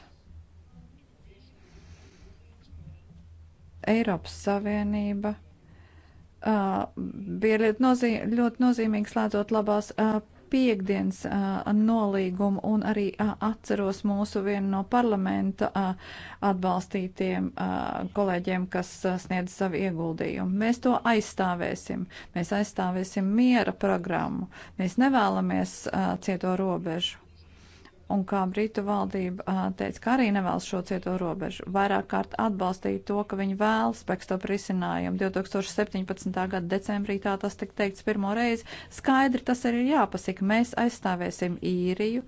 Eiropas Savienība Uh, bija ļoti, nozī ļoti nozīmīgi slēdzot labās uh, piekdienas uh, nolīgumu un arī atceros mūsu vienu no parlamenta atbalstītiem kolēģiem, kas sniedz savu ieguldījumu. Mēs to aizstāvēsim. Mēs aizstāvēsim miera programmu. Mēs nevēlamies cieto robežu un kā Britu valdība teica, ka arī nevēlas šo cieto robežu. Vairāk kārt atbalstīja to, ka viņi vēlas backstop risinājumu. 2017. gada decembrī tā tas tika teikts pirmo reizi. Skaidri tas arī ir jāpasaka. Mēs aizstāvēsim īriju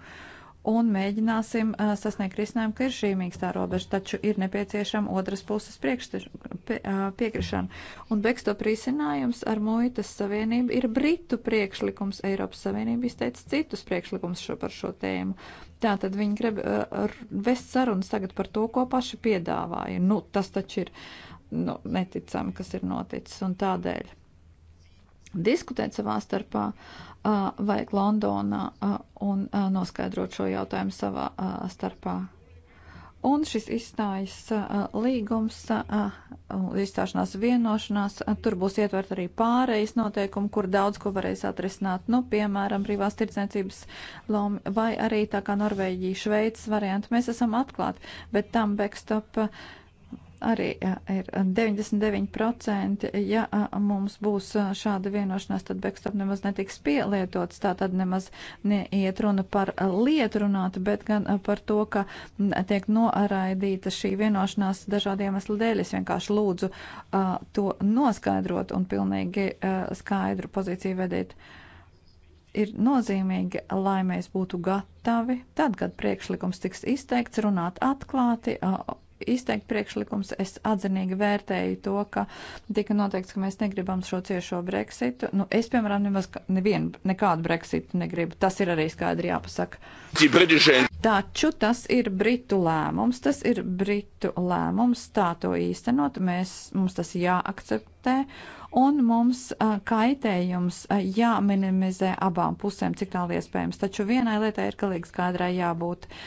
un mēģināsim uh, sasniegt risinājumu, ka ir šī mīkstā robeža, taču ir nepieciešama otras puses priekštir, pie, uh, piekrišana. Un backstop risinājums ar muitas savienību ir Britu priekšlikums, Eiropas Savienība izteica citus priekšlikumus šo, par šo tēmu. Tā tad viņi grib uh, vest sarunas tagad par to, ko paši piedāvāja. Nu, tas taču ir nu, neticami, kas ir noticis un tādēļ. Diskutēt savā starpā uh, vajag Londonā uh, un uh, noskaidrot šo jautājumu savā uh, starpā. Un šis izstājas līgums, izstāšanās vienošanās, tur būs ietvert arī pārejas noteikumi, kur daudz ko varēs atrisināt, nu, piemēram, privās tirdzniecības lomi vai arī tā kā Norvēģija, Šveicas varianti. Mēs esam atklāti, bet tam backstop. Uh, arī ir 99%. Ja mums būs šāda vienošanās, tad backstop nemaz netiks pielietots. Tā tad nemaz neiet runa par lietu runāt, bet gan par to, ka tiek noraidīta šī vienošanās dažādiem eslu dēļ. Es vienkārši lūdzu to noskaidrot un pilnīgi skaidru pozīciju vedīt ir nozīmīgi, lai mēs būtu gatavi, tad, kad priekšlikums tiks izteikts, runāt atklāti, izteikt priekšlikums. Es atzinīgi vērtēju to, ka tika noteikts, ka mēs negribam šo ciešo Brexitu. Nu, es, piemēram, nemaz nevienu, nekādu Brexitu negribu. Tas ir arī skaidri jāpasaka. Taču tas ir Britu lēmums, tas ir Britu lēmums, tā to īstenot, mēs, mums tas jāakceptē un mums kaitējums jāminimizē abām pusēm, cik tālu iespējams. Taču vienai lietai ir galīgi skaidrai jābūt. Uh,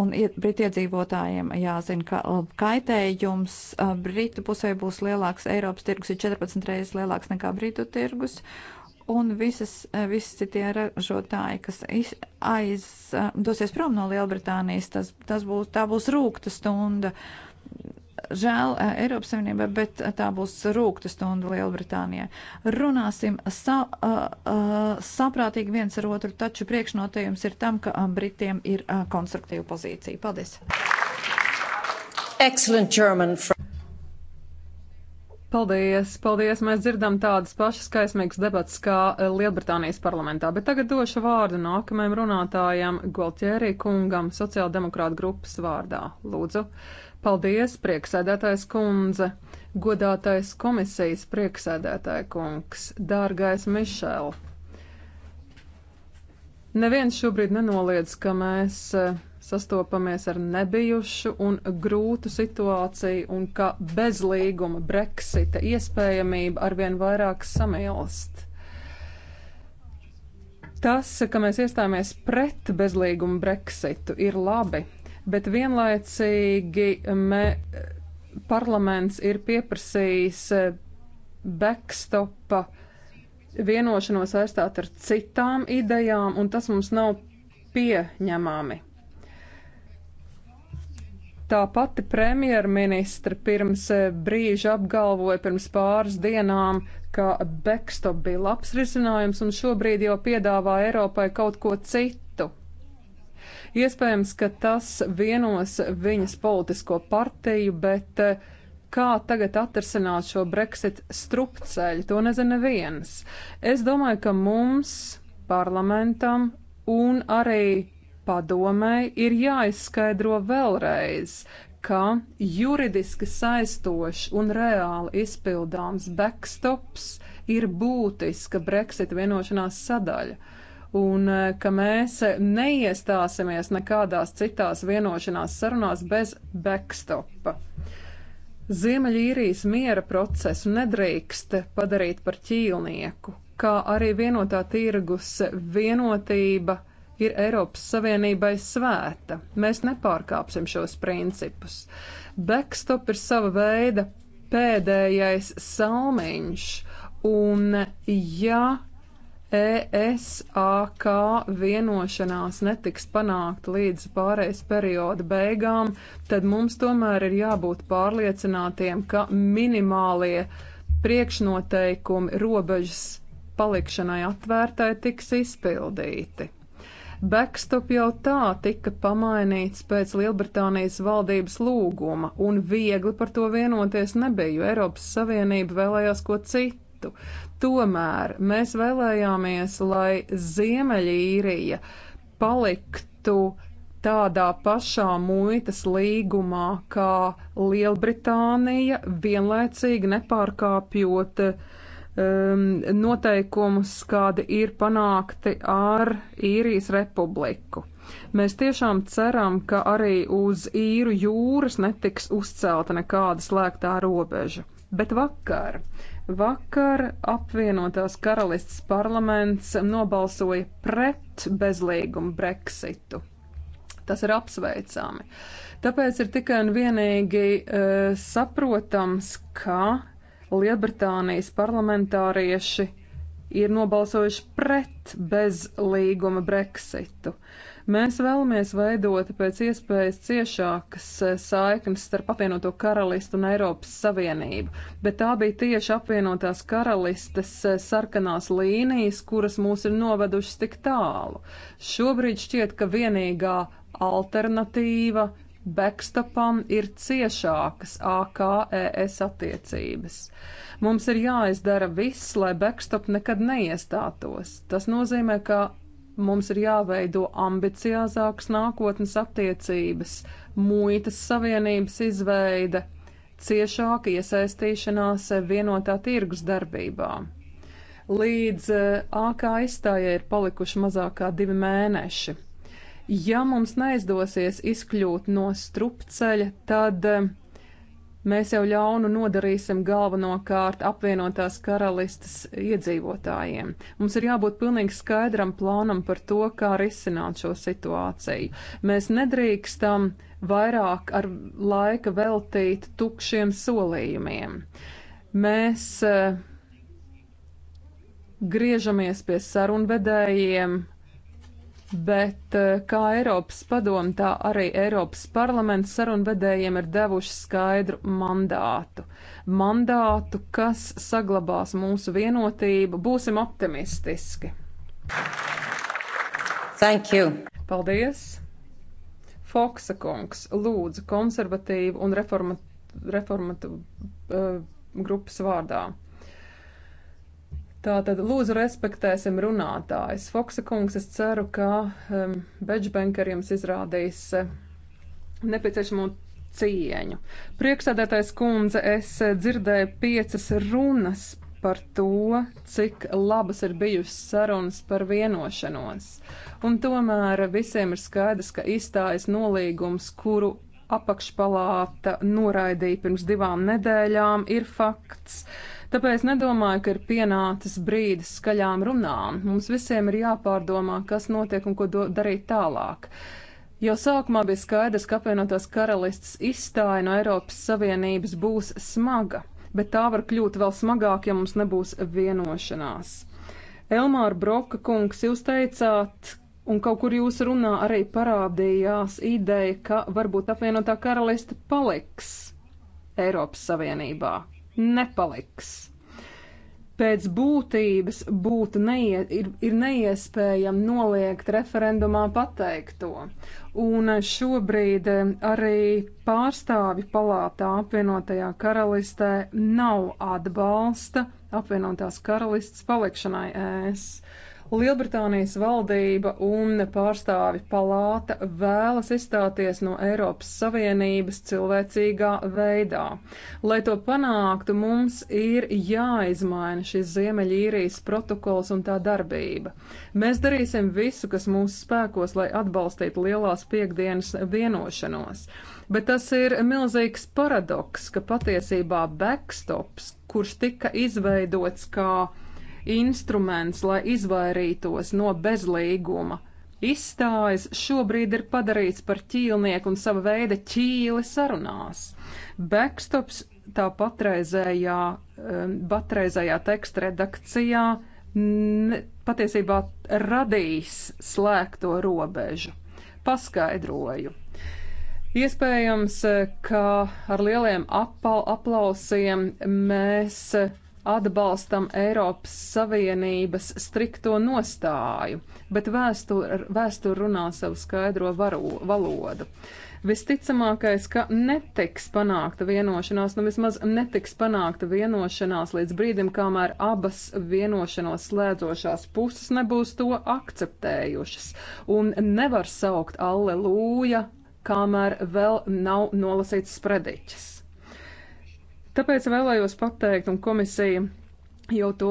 Un Britu iedzīvotājiem jāzina, ka uh, kaitējums uh, Britu pusē būs lielāks, Eiropas tirgus ir 14 reizes lielāks nekā Britu tirgus. Un visas, uh, visi tie ražotāji, kas aiz, dosies prom no Lielbritānijas, tas, tas būs, tā būs rūkta stunda. Uh, žēl eh, Eiropas Savienībai, bet eh, tā būs rūkta stunda Lielbritānijai. Runāsim sa, uh, uh, saprātīgi viens ar otru, taču priekšnotējums ir tam, ka Britiem ir uh, konstruktīva pozīcija. Paldies! Excellent German. Paldies, paldies. Mēs dzirdam tādas pašas skaismīgas debatas kā Lielbritānijas parlamentā, bet tagad došu vārdu nākamajam runātājam Gualtjērī kungam sociāldemokrāta grupas vārdā. Lūdzu. Uh, Paldies, prieksēdētājs kundze, godātais komisijas prieksēdētāja kungs, dārgais Mišel. Neviens šobrīd nenoliedz, ka mēs eh, sastopamies ar nebijušu un grūtu situāciju un ka bez līguma Brexita iespējamība arvien vairāk samilst. Tas, ka mēs iestājāmies pret bezlīgumu Brexitu, ir labi, bet vienlaicīgi me, parlaments ir pieprasījis e, backstopa vienošanos aizstāt ar citām idejām, un tas mums nav pieņemami. Tā pati premjerministra pirms e, brīža apgalvoja pirms pāris dienām, ka backstop bija labs risinājums un šobrīd jau piedāvā Eiropai kaut ko citu. Iespējams, ka tas vienos viņas politisko partiju, bet eh, kā tagad atrasināt šo Brexit strupceļu, to nezina neviens. Es domāju, ka mums, parlamentam un arī padomēji, ir jāizskaidro vēlreiz, ka juridiski saistošs un reāli izpildāms backstops ir būtiska Brexit vienošanās sadaļa un e, ka mēs neiestāsimies nekādās citās vienošanās sarunās bez backstopa. Ziemeļīrijas miera procesu nedrīkst padarīt par ķīlnieku, kā arī vienotā tirgus vienotība ir Eiropas Savienībai svēta. Mēs nepārkāpsim šos principus. Backstop ir sava veida pēdējais salmiņš, un ja ESAK vienošanās netiks panākta līdz pārejas perioda beigām, tad mums tomēr ir jābūt pārliecinātiem, ka minimālie priekšnoteikumi robežas palikšanai atvērtai tiks izpildīti. Backstop jau tā tika pamainīts pēc Lielbritānijas valdības lūguma, un viegli par to vienoties nebija, jo Eiropas Savienība vēlējās ko citu citu. Tomēr mēs vēlējāmies, lai Ziemeļīrija paliktu tādā pašā muitas līgumā kā Lielbritānija, vienlaicīgi nepārkāpjot um, noteikumus, kādi ir panākti ar īrijas republiku. Mēs tiešām ceram, ka arī uz īru jūras netiks uzcelta nekāda slēgtā robeža. Bet vakar Vakar apvienotās karalists parlaments nobalsoja pret bezlīgumu Brexitu. Tas ir apsveicami. Tāpēc ir tikai un vienīgi uh, saprotams, ka Lielbritānijas parlamentārieši ir nobalsojuši pret bezlīguma Brexitu. Uh, Mēs vēlamies veidot pēc iespējas ciešākas eh, saiknes starp apvienoto karalistu un Eiropas Savienību, bet tā bija tieši apvienotās karalistes eh, sarkanās līnijas, kuras mūs ir novedušas tik tālu. Šobrīd šķiet, ka vienīgā alternatīva backstopam ir ciešākas AKES attiecības. Mums ir jāizdara viss, lai backstop nekad neiestātos. Tas nozīmē, ka Mums ir jāveido ambiciozākas nākotnes attiecības, muitas savienības izveide, ciešāka iesaistīšanās vienotā tirgus darbībā. Līdz eh, ākā izstājai ir palikuši mazākā divi mēneši. Ja mums neizdosies izkļūt no strupceļa, tad eh, mēs jau ļaunu nodarīsim galvenokārt apvienotās karalistes iedzīvotājiem. Mums ir jābūt pilnīgi skaidram plānam par to, kā risināt šo situāciju. Mēs nedrīkstam vairāk ar laika veltīt tukšiem solījumiem. Mēs eh, griežamies pie sarunvedējiem, bet eh, kā Eiropas padoma, tā arī Eiropas parlaments sarunvedējiem ir devuši skaidru mandātu. Mandātu, kas saglabās mūsu vienotību. Būsim optimistiski. Thank you. Paldies. Foksa kungs lūdzu konservatīvu un reformatu, reformatu uh, grupas vārdā. Tātad lūdzu respektēsim runātājs. Foksa kungs, es ceru, ka um, beidžbenker jums izrādīs uh, nepieciešamo cieņu. Priekšsēdētājs kundze, es uh, dzirdēju piecas runas par to, cik labas ir bijušas sarunas par vienošanos. Un tomēr visiem ir skaidrs, ka izstājas nolīgums, kuru apakšpalāta noraidīja pirms divām nedēļām, ir fakts. Uh, Tāpēc nedomāju, ka ir pienācis brīdis skaļām runām. Mums visiem ir jāpārdomā, kas notiek un ko do, darīt tālāk. Jau sākumā bija skaidrs, ka apvienotās karalists izstāja no Eiropas Savienības būs smaga, bet tā var kļūt vēl smagāk, ja mums nebūs vienošanās. Elmāra Broka kungs, jūs teicāt, Un kaut kur jūsu runā arī parādījās ideja, ka varbūt apvienotā karaliste paliks Eiropas Savienībā nepaliks. Pēc būtības būtu neie, ir, ir neiespējami noliegt referendumā pateikto. Un šobrīd eh, arī pārstāvi palātā apvienotajā karalistē nav atbalsta apvienotās karalistas palikšanai ēs. Lielbritānijas valdība un pārstāvi palāta vēlas izstāties no Eiropas Savienības cilvēcīgā veidā. Lai to panāktu, mums ir jāizmaina šis Ziemeļīrijas protokols un tā darbība. Mēs darīsim visu, kas mūsu spēkos, lai atbalstītu lielās piekdienas vienošanos. Bet tas ir milzīgs paradoks, ka patiesībā backstops, kurš tika izveidots kā instruments, lai izvairītos no bezlīguma. Izstājas šobrīd ir padarīts par ķīlnieku un sava veida ķīli sarunās. Backstops tā patreizējā, um, patreizējā teksta redakcijā patiesībā radīs slēgto robežu. Paskaidroju. Iespējams, ka ar lieliem aplausiem mēs atbalstam Eiropas Savienības strikto nostāju, bet vēsture vēstur runā savu skaidro varo, valodu. Visticamākais, ka netiks panākta vienošanās, nu vismaz netiks panākta vienošanās līdz brīdim, kamēr abas vienošanos slēdzošās puses nebūs to akceptējušas. Un nevar saukt allelūja, kamēr vēl nav nolasīts sprediķis. Tāpēc vēlējos pateikt, un komisija jau to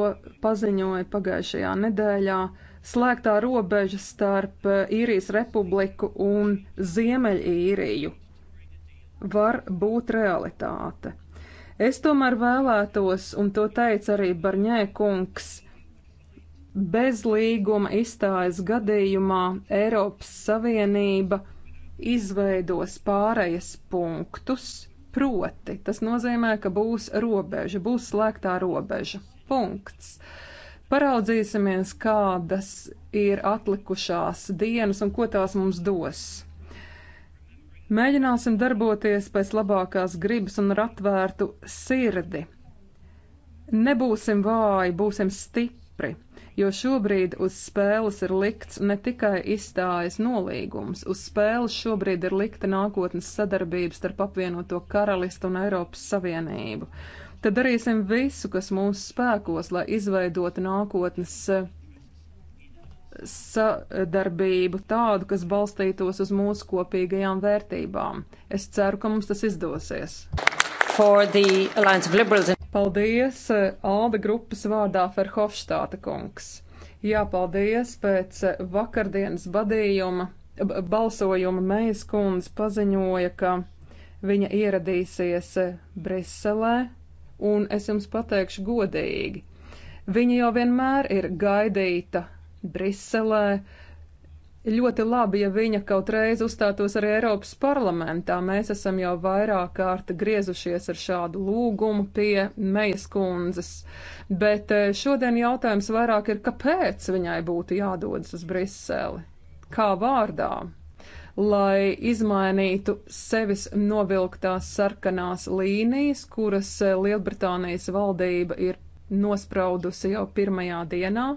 paziņoja pagājušajā nedēļā, slēgtā robeža starp eh, īrijas republiku un ziemeļīriju var būt realitāte. Es tomēr vēlētos, un to teica arī Barņē kungs, bez līguma izstājas gadījumā Eiropas Savienība izveidos pārējas punktus, Proti, tas nozīmē, ka būs robeža, būs slēgtā robeža. Punkts. Paraudzīsimies, kādas ir atlikušās dienas un ko tās mums dos. Mēģināsim darboties pēc labākās gribas un ar atvērtu sirdi. Nebūsim vāji, būsim stipri jo šobrīd uz spēles ir likts ne tikai izstājas nolīgums, uz spēles šobrīd ir likta nākotnes sadarbības starp apvienoto karalistu un Eiropas Savienību. Tad darīsim visu, kas mūsu spēkos, lai izveidotu nākotnes eh, sadarbību tādu, kas balstītos uz mūsu kopīgajām vērtībām. Es ceru, ka mums tas izdosies. The... Paldies eh, Alda grupas vārdā Ferhofštāta kungs. Jā, paldies pēc eh, vakardienas badījuma, balsojuma Mejas kundze paziņoja, ka viņa ieradīsies eh, Briselē, un es jums pateikšu godīgi. Viņa jau vienmēr ir gaidīta Briselē, Ļoti labi, ja viņa kaut reiz uzstātos arī Eiropas parlamentā. Mēs esam jau vairāk kārt griezušies ar šādu lūgumu pie Mejas kundzes, bet eh, šodien jautājums vairāk ir, kāpēc viņai būtu jādodas uz Briseli? Kā vārdā? Lai izmainītu sevis novilktās sarkanās līnijas, kuras eh, Lielbritānijas valdība ir nospraudusi jau pirmajā dienā,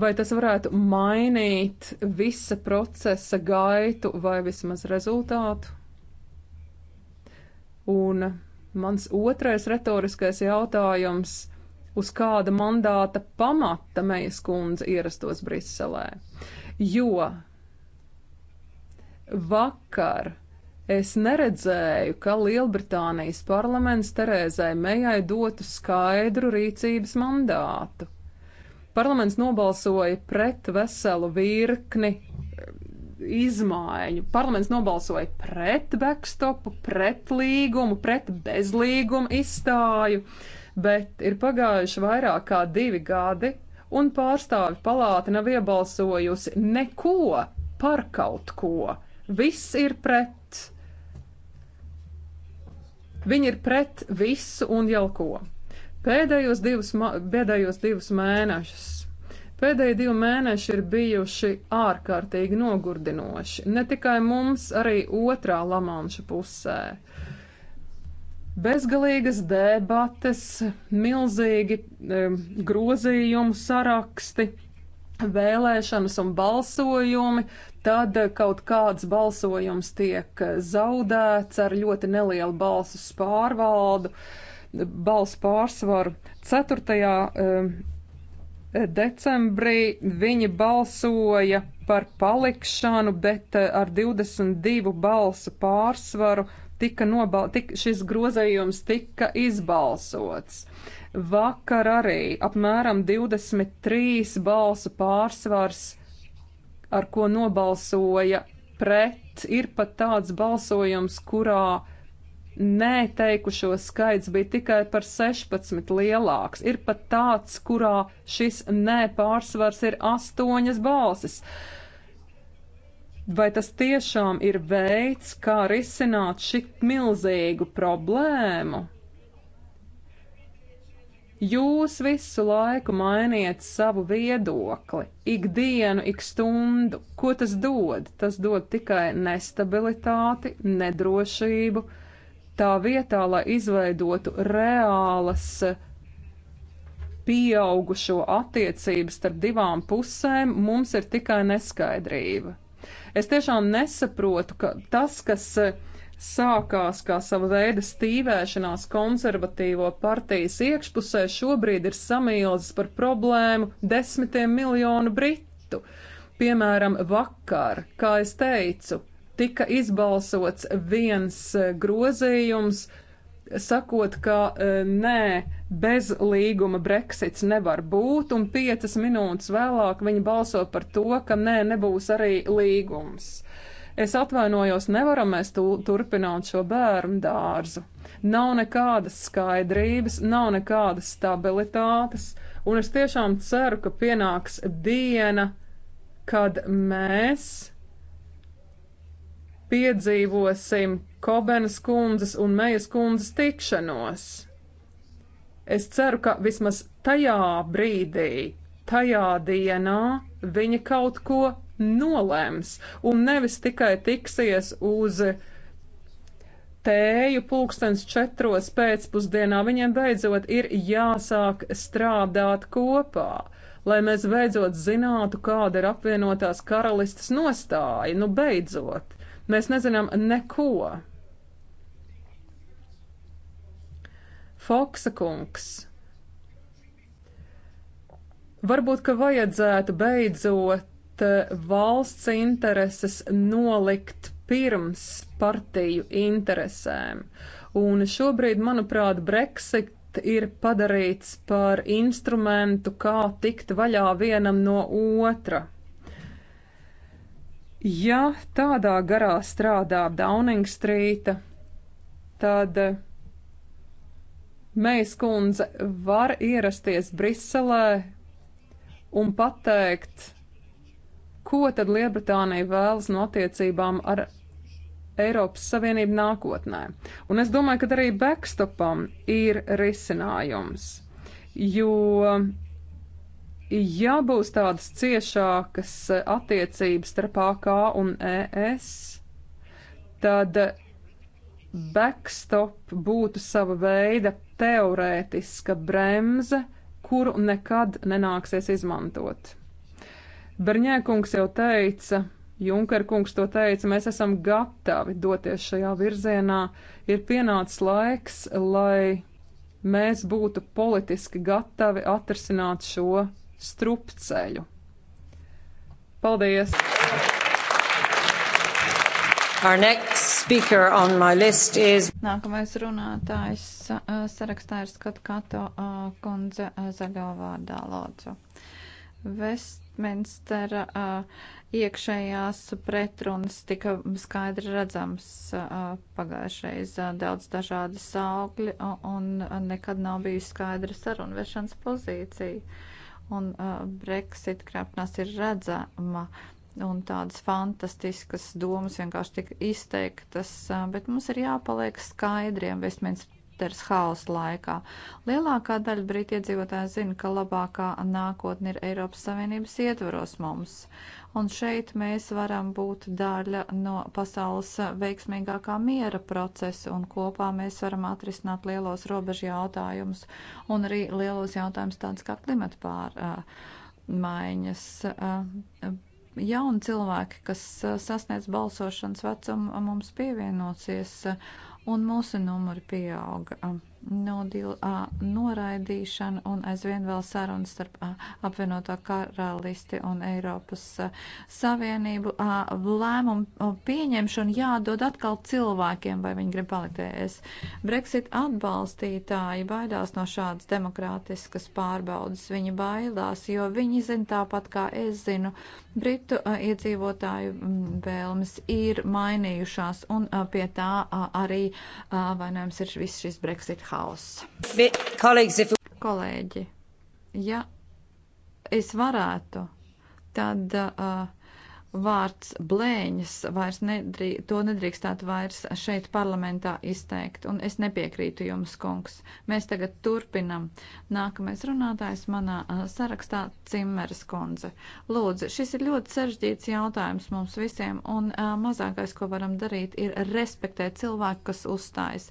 Vai tas varētu mainīt visa procesa gaitu vai vismaz rezultātu? Un mans otrais retoriskais jautājums - uz kāda mandāta pamata mejas kundze ierastos Briselē? Jo vakar es neredzēju, ka Lielbritānijas parlaments Terēzai Mejai dotu skaidru rīcības mandātu. Parlaments nobalsoja pret veselu virkni eh, izmaiņu. Parlaments nobalsoja pret backstopu, pret līgumu, pret bezlīgumu izstāju, bet ir pagājuši vairāk kā divi gadi, un pārstāvi palāta nav iebalsojusi neko par kaut ko. Viss ir pret. Viņi ir pret visu un jau ko. Pēdējos divus, pēdējos divus mēnešus. Pēdējie divi mēneši ir bijuši ārkārtīgi nogurdinoši, ne tikai mums, arī otrā Lamanša pusē. Bezgalīgas debates, milzīgi e, grozījumu saraksti, vēlēšanas un balsojumi, tad kaut kāds balsojums tiek zaudēts ar ļoti nelielu balsu pārvaldu. Uh, balsu pārsvaru. 4. Um, decembrī viņi balsoja par palikšanu, bet uh, ar 22 balsu pārsvaru tika nobal, tik, šis grozējums tika izbalsots. Vakar arī apmēram 23 balsu pārsvars, ar ko nobalsoja pret, ir pat tāds balsojums, kurā uh, nē teikušo skaits bija tikai par 16 lielāks. Ir pat tāds, kurā šis nē pārsvars ir astoņas balsis. Vai tas tiešām ir veids, kā risināt šit milzīgu problēmu? Jūs visu laiku mainiet savu viedokli, ikdienu, ik stundu. Ko tas dod? Tas dod tikai nestabilitāti, nedrošību, uh, tā vietā, lai izveidotu reālas eh, pieaugušo attiecības starp divām pusēm, mums ir tikai neskaidrība. Es tiešām nesaprotu, ka tas, kas eh, sākās kā sava veida stīvēšanās konservatīvo partijas iekšpusē, šobrīd ir samīlis par problēmu desmitiem miljonu britu. Piemēram, vakar, kā es teicu, tika izbalsots viens eh, grozījums, sakot, ka eh, nē, bez līguma Brexits nevar būt, un piecas minūtes vēlāk viņi balso par to, ka nē, nebūs arī līgums. Es atvainojos, nevaram mēs tu, turpināt šo bērnu dārzu. Nav nekādas skaidrības, nav nekādas stabilitātes, un es tiešām ceru, ka pienāks diena, kad mēs piedzīvosim Kobenas kundzes un Mejas kundzes tikšanos. Es ceru, ka vismaz tajā brīdī, tajā dienā viņa kaut ko nolems un nevis tikai tiksies uz tēju pulkstens četros pēcpusdienā. Viņiem beidzot ir jāsāk strādāt kopā lai mēs beidzot zinātu, kāda ir apvienotās karalistes nostāja. Nu, beidzot! Mēs nezinām neko. Foksa kungs. Varbūt, ka vajadzētu beidzot eh, valsts intereses nolikt pirms partiju interesēm. Un šobrīd, manuprāt, Brexit ir padarīts par instrumentu, kā tikt vaļā vienam no otra. Ja tādā garā strādā Downing Street, tad Meijas kundze var ierasties Briselē un pateikt, ko tad Lielbritānija vēlas no attiecībām ar Eiropas Savienību nākotnē. Un es domāju, ka arī backstopam ir risinājums, jo Ja būs tādas ciešākas eh, attiecības starp AK un ES, tad backstop būtu sava veida teorētiska bremze, kuru nekad nenāksies izmantot. Berņēkungs jau teica, Junkerkungs to teica, mēs esam gatavi doties šajā virzienā, ir pienācis laiks, lai mēs būtu politiski gatavi atrisināt šo strupceļu. Paldies! Is... Nākamais runātājs uh, sarakstā ir skatu Kato uh, kundze uh, zaļo vārdā lodzu. Westminstera iekšējās pretrunas tika skaidri redzams pagājušreiz daudz dažādas augļi un nekad nav bijusi skaidra sarunvešanas pozīcija un uh, Brexit krāpšanās ir redzama. Un tādas fantastiskas domas vienkārši tika izteiktas, uh, bet mums ir jāpaliek skaidriem Vestminsters hausa laikā. Lielākā daļa brīt iedzīvotāja zina, ka labākā nākotne ir Eiropas Savienības ietvaros mums. Uh, Un šeit mēs varam būt daļa no pasaules veiksmīgākā miera procesa, un kopā mēs varam atrisināt lielos robežu jautājumus un arī lielos jautājumus tādus kā klimata pārmaiņas. Jauni cilvēki, kas sasniedz balsošanas vecumu, mums pievienosies, un mūsu numuri pieauga nodil, a, noraidīšanu un aizvien vēl sarunas starp a, apvienoto karalisti un Eiropas a, Savienību. A, lēmumu pieņemšanu jādod atkal cilvēkiem, vai viņi grib palikt ES. Brexit atbalstītāji baidās no šādas demokrātiskas pārbaudas. Viņi baidās, jo viņi zina tāpat kā es zinu, Britu a, iedzīvotāju vēlmes ir mainījušās un a, pie tā a, arī a, vainojums ir viss šis Brexit Whitehouse. Kolēģi, ja es varētu, tad uh, vārds blēņas vairs nedrī, to nedrīkstētu vairs šeit parlamentā izteikt, un es nepiekrītu jums, kungs. Mēs tagad turpinam. Nākamais runātājs manā uh, sarakstā Cimmeres kundze. Lūdzu, šis ir ļoti sarežģīts jautājums mums visiem, un uh, mazākais, ko varam darīt, ir respektēt cilvēku, kas uzstājas.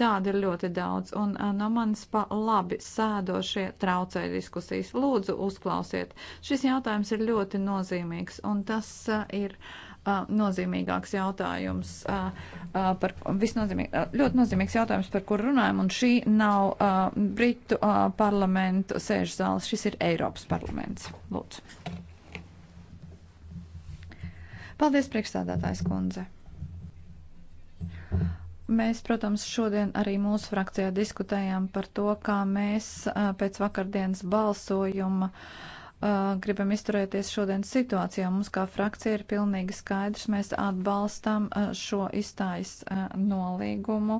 Tāda ir ļoti daudz, un no manis pa labi sēdošie traucē diskusijas. Lūdzu, uzklausiet. Šis jautājums ir ļoti nozīmīgs, un tas ir nozīmīgāks jautājums par visnozīmīg, ļoti nozīmīgs jautājums, par kur runājam, un šī nav Britu parlamentu sēžu zāles, šis ir Eiropas parlaments. Lūdzu. Paldies, priekšstādātājs kundze. Mēs, protams, šodien arī mūsu frakcijā diskutējām par to, kā mēs eh, pēc vakardienas balsojuma uh, gribam izturēties šodienas situācijā. Mums kā frakcija ir pilnīgi skaidrs, mēs atbalstam šo izstājas nolīgumu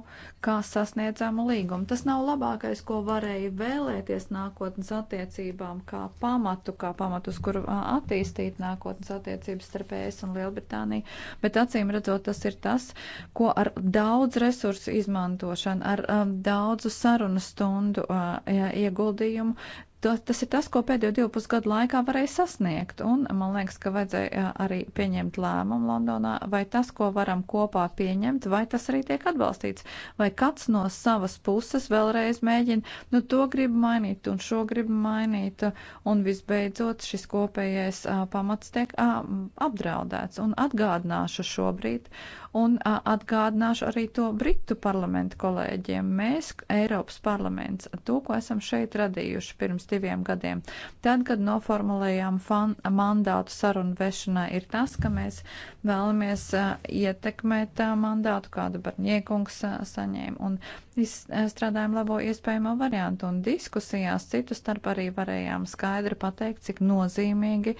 kā sasniedzamu līgumu. Tas nav labākais, ko varēja vēlēties nākotnes attiecībām kā pamatu, kā pamatu, uz kuru attīstīt nākotnes attiecības starp ES un Lielbritāniju, bet acīm redzot, tas ir tas, ko ar daudz resursu izmantošanu, ar um, daudzu sarunu stundu uh, ieguldījumu to, tas ir tas, ko pēdējo divu pusgadu laikā varēja sasniegt. Un man liekas, ka vajadzēja arī pieņemt lēmumu Londonā, vai tas, ko varam kopā pieņemt, vai tas arī tiek atbalstīts. Vai kāds no savas puses vēlreiz mēģina, nu to grib mainīt un šo grib mainīt. Un visbeidzot, šis kopējais a, pamats tiek a, apdraudēts. Un atgādināšu šobrīd Un atgādināšu arī to Britu parlamentu kolēģiem. Mēs, Eiropas parlaments, to, ko esam šeit radījuši pirms diviem gadiem, tad, kad noformulējām fan, mandātu sarunu vešanai, ir tas, ka mēs vēlamies ietekmēt mandātu, kādu Barņiekungs saņēma, un izstrādājam labo iespējamo variantu. Un diskusijās citu starp arī varējām skaidri pateikt, cik nozīmīgi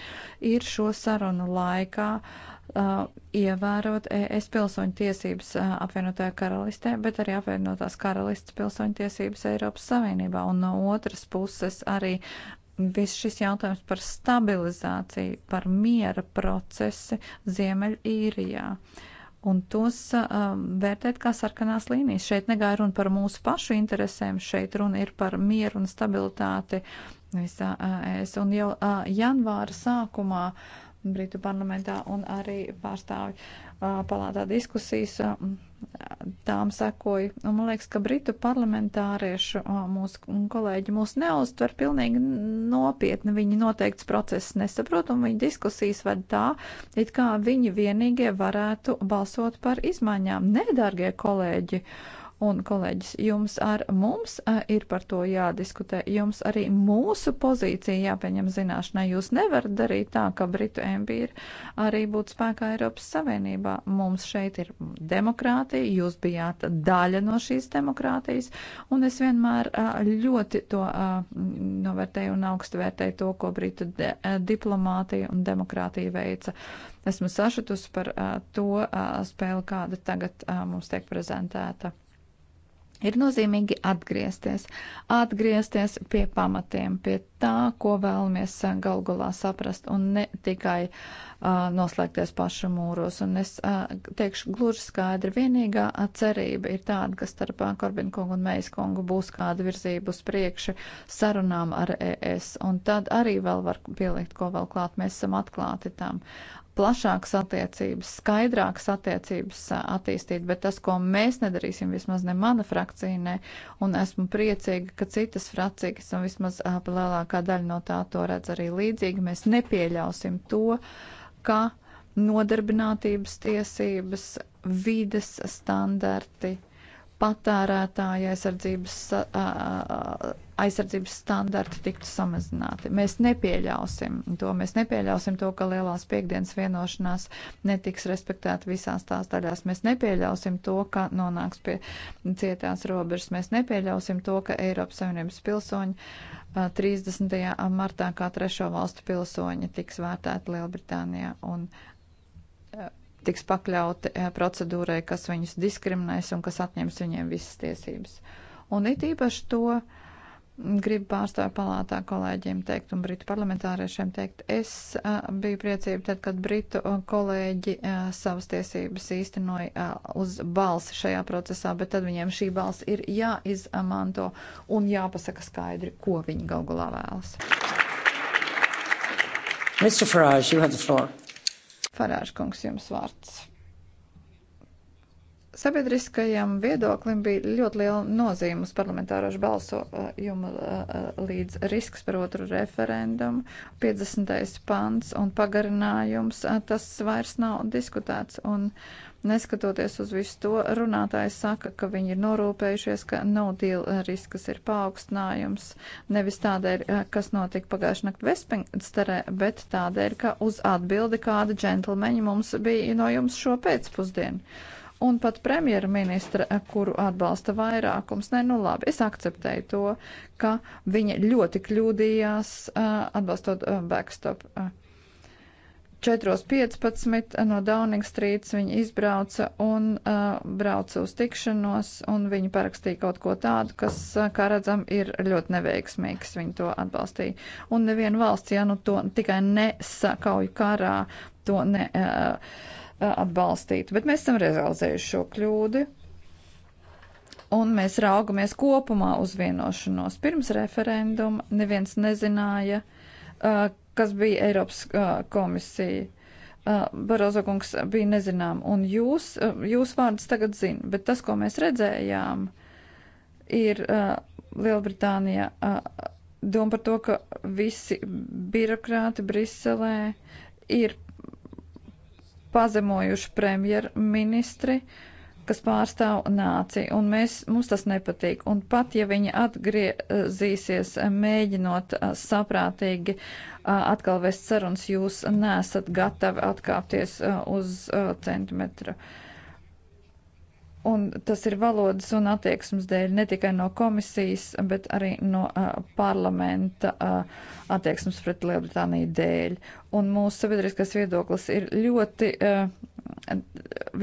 ir šo sarunu laikā uh, uh, ievērot ES pilsoņu tiesības uh, apvienotajā karalistē, bet arī apvienotās karalistes pilsoņu tiesības Eiropas Savienībā. Un no otras puses arī viss šis jautājums par stabilizāciju, par miera procesi Ziemeļīrijā. Un tos um, vērtēt kā sarkanās līnijas. Šeit negāja runa par mūsu pašu interesēm, šeit runa ir par mieru un stabilitāti visā uh, ES. Un jau uh, janvāra sākumā uh, Britu parlamentā un arī pārstāvju uh, palātā diskusijas. Uh, tām sekoju. Un man liekas, ka Britu parlamentāriešu uh, mūsu kolēģi mūs neuztver pilnīgi nopietni. Viņi noteikts process nesaprot un viņi diskusijas ved tā, it kā viņi vienīgie varētu balsot par izmaiņām. Nē, dārgie kolēģi! Uh, un kolēģis, jums ar mums ir par to jādiskutē. Jums arī mūsu pozīcija jāpieņem zināšanai. Jūs nevarat darīt tā, ka Britu empīri arī būtu spēkā Eiropas Savienībā. Mums šeit ir demokrātija, jūs bijāt daļa no šīs demokrātijas, un es vienmēr ļoti to novērtēju un augstu vērtēju to, ko Britu diplomātija un demokrātija veica. Esmu sašutusi par to spēli, kāda tagad mums tiek prezentēta. Ir nozīmīgi atgriezties, atgriezties pie pamatiem, pie tā, ko vēlamies galu galā saprast, un ne tikai uh, noslēgties pašu mūros. Un es uh, teikšu gluži skaidri, vienīgā cerība ir tāda, ka starp Korbinu kungu un Mejas kungu būs kāda virzība uz priekšu sarunām ar ES, un tad arī vēl var pielikt, ko vēl klāt. Mēs esam atklāti tam plašākas attiecības, skaidrākas attiecības attīstīt, bet tas, ko mēs nedarīsim, vismaz ne mana frakcija, ne, un esmu priecīga, ka citas frakcijas un vismaz lielākā daļa no tā to redz arī līdzīgi, mēs nepieļausim to, ka nodarbinātības tiesības, vides standarti, patērētāja aizsardzības. Uh, aizsardzības standarti tiktu samazināti. Mēs nepieļausim to, mēs nepieļausim to, ka lielās piekdienas vienošanās netiks respektēt visās tās daļās. Mēs nepieļausim to, ka nonāks pie cietās robežas. Mēs nepieļausim to, ka Eiropas Savienības pilsoņi 30. martā kā trešo valstu pilsoņi tiks vērtēti Lielbritānijā un tiks pakļauti procedūrai, kas viņus diskriminēs un kas atņems viņiem visas tiesības. Un it īpaši to, uh, Gribu pārstāvju palātā kolēģiem teikt un britu parlamentāriešiem teikt, es a, biju priecība tad, kad britu kolēģi a, savas tiesības īstenoja a, uz balsi šajā procesā, bet tad viņiem šī balss ir jāizmanto un jāpasaka skaidri, ko viņi gal galā vēlas. Mr. Farage, you have the floor. Farage kungs, jums vārds. Sabiedriskajam viedoklim bija ļoti liela nozīme uz parlamentārošu balsojumu eh, eh, līdz risks par otru referendumu, 50. pants un pagarinājums, eh, tas vairs nav diskutēts. Un neskatoties uz visu to, runātāji saka, ka viņi ir norūpējušies, ka no deal risks ir paaugstinājums, nevis tādēļ, kas notika pagājušajā nakt Vestminsterē, bet tādēļ, ka uz atbildi kāda džentlmeņa mums bija no jums šo pēcpusdienu un pat premjerministra, kuru atbalsta vairākums. Nē, nu labi, es akceptēju to, ka viņa ļoti kļūdījās atbalstot backstop. 4.15 no Downing Streets viņa izbrauca un uh, brauca uz tikšanos, un viņa parakstīja kaut ko tādu, kas, kā redzam, ir ļoti neveiksmīgs. Viņa to atbalstīja. Un neviena valsts, ja nu to tikai nesakauju karā, to ne. Uh, atbalstītu. Bet mēs esam realizējuši šo kļūdi un mēs raugamies kopumā uz vienošanos. Pirms referenduma neviens nezināja, kas bija Eiropas komisija. Barozo kungs bija nezinām, un jūs, jūs vārdus tagad zina, bet tas, ko mēs redzējām, ir Lielbritānija doma par to, ka visi birokrāti Briselē ir pazemojuši premjerministri, kas pārstāv nāciju, un mēs, mums tas nepatīk. Un pat ja viņi atgriezīsies, mēģinot saprātīgi atkal vēst sarunas, jūs nesat gatavi atkāpties uz centimetru. Uh, Un tas ir valodas un attieksmes dēļ ne tikai no komisijas, bet arī no uh, parlamenta uh, attieksmes pret Lielbritāniju dēļ. Un mūsu sabiedriskais viedoklis ir ļoti uh,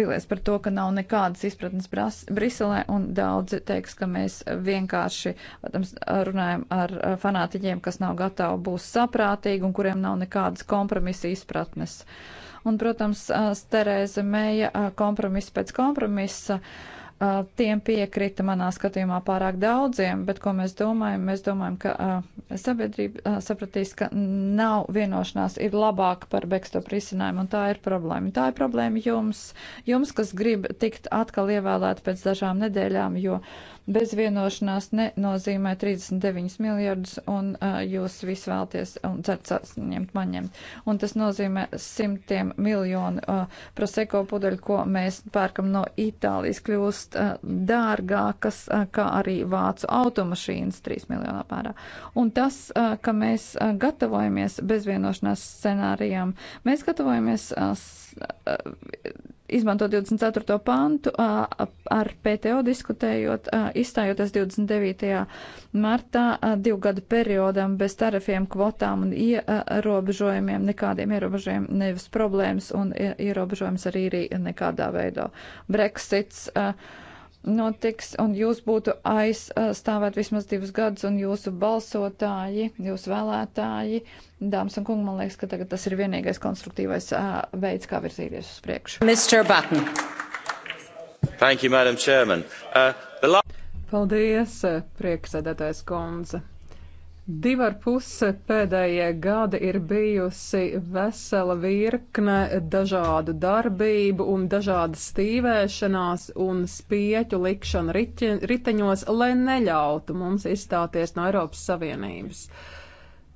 vilies par to, ka nav nekādas izpratnes Bras Briselē, un daudzi teiks, ka mēs vienkārši atams, runājam ar uh, fanātiķiem, kas nav gatavi būs saprātīgi un kuriem nav nekādas kompromisa izpratnes. Uh, Un, protams, Terēza Mēja kompromiss pēc kompromisa tiem piekrita manā skatījumā pārāk daudziem, bet ko mēs domājam? Mēs domājam, ka uh, sabiedrība uh, sapratīs, ka nav vienošanās, ir labāk par backstop risinājumu, un tā ir problēma. Tā ir problēma jums, jums, kas grib tikt atkal ievēlēt pēc dažām nedēļām, jo bez vienošanās nenozīmē 39 miljardus, un uh, jūs visi vēlties un cerat sasniegt maņemt. Un tas nozīmē simtiem miljonu uh, proseko pudeļu, ko mēs pērkam no Itālijas, kļūst uh, dārgākas, uh, kā arī vācu automašīnas 3 miljonu apmērā. Un tas, uh, ka mēs uh, gatavojamies bez vienošanās scenārijām, mēs gatavojamies. Uh, uh, izmanto 24. pantu ar PTO diskutējot, izstājoties 29. martā divu gadu periodam bez tarifiem, kvotām un ierobežojumiem, nekādiem ierobežojumiem, nevis problēmas un ierobežojums arī ir nekādā veidā. Brexits. Uh, notiks, un jūs būtu aizstāvēt vismaz divus gadus, un jūsu balsotāji, jūsu vēlētāji, dāmas un kungi, man liekas, ka tagad tas ir vienīgais konstruktīvais veids, kā virzīties uz priekšu. Mr. Button. Thank you, Madam Chairman. Uh, the... Paldies, priekšsēdētājs Konze. Divi ar pusi pēdējie gadi ir bijusi vesela virkne dažādu darbību un dažādas stīvēšanās un spieķu likšana riķi, riteņos, lai neļautu mums izstāties no Eiropas Savienības.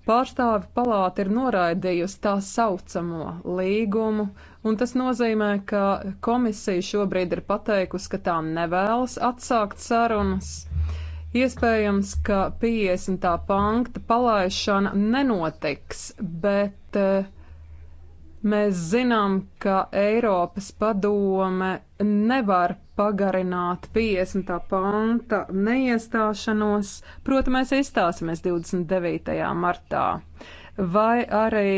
Pārstāvi palāta ir noraidījusi tā saucamo līgumu, un tas nozīmē, ka komisija šobrīd ir pateikusi, ka tā nevēlas atsākt sarunas. Iespējams, ka 50. pankta palaišana nenotiks, bet eh, mēs zinām, ka Eiropas padome nevar pagarināt 50. panta neiestāšanos, proti mēs izstāsimies 29. martā. Vai arī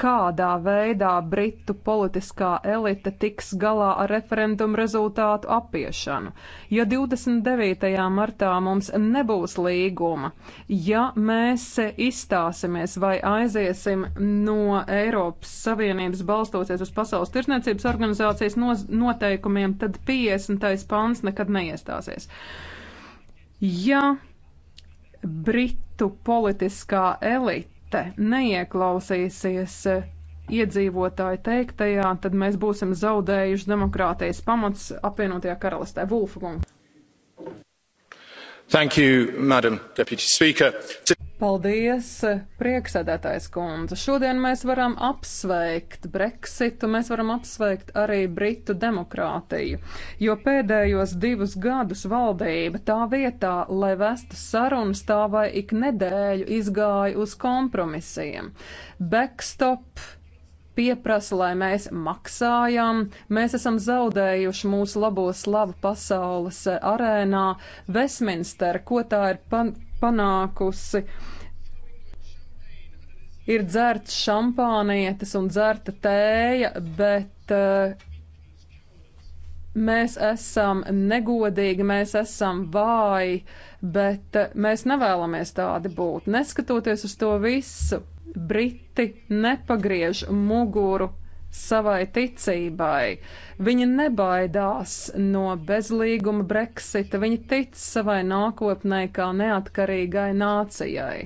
kādā veidā Britu politiskā elite tiks galā ar referendumu rezultātu apiešanu. Ja 29. martā mums nebūs līguma, ja mēs izstāsimies vai aiziesim no Eiropas Savienības balstoties uz Pasaules tirsniecības organizācijas noteikumiem, tad 50. pāns nekad neiestāsies. Ja Britu politiskā elite te neieklausīsies eh, iedzīvotāju teiktajā, tad mēs būsim zaudējuši demokrātijas pamats apvienotajā karalistē. Vulfgungs. Thank you, Madam Deputy Speaker. Paldies, prieksēdētājs kundze. Šodien mēs varam apsveikt Brexitu, mēs varam apsveikt arī Britu demokrātiju, jo pēdējos divus gadus valdība tā vietā, lai vestu sarunas, tā vai ik nedēļu izgāja uz kompromisiem. Backstop pieprasa, lai mēs maksājam, mēs esam zaudējuši mūsu labo slavu pasaules arēnā. Westminster, ko tā ir pan panākusi, ir dzērts šampānietes un dzērta tēja, bet uh, mēs esam negodīgi, mēs esam vāji, bet uh, mēs nevēlamies tādi būt. Neskatoties uz to visu, Briti nepagriež muguru savai ticībai. Viņi nebaidās no bezlīguma Brexita, viņi tic savai nākotnē kā neatkarīgai nācijai.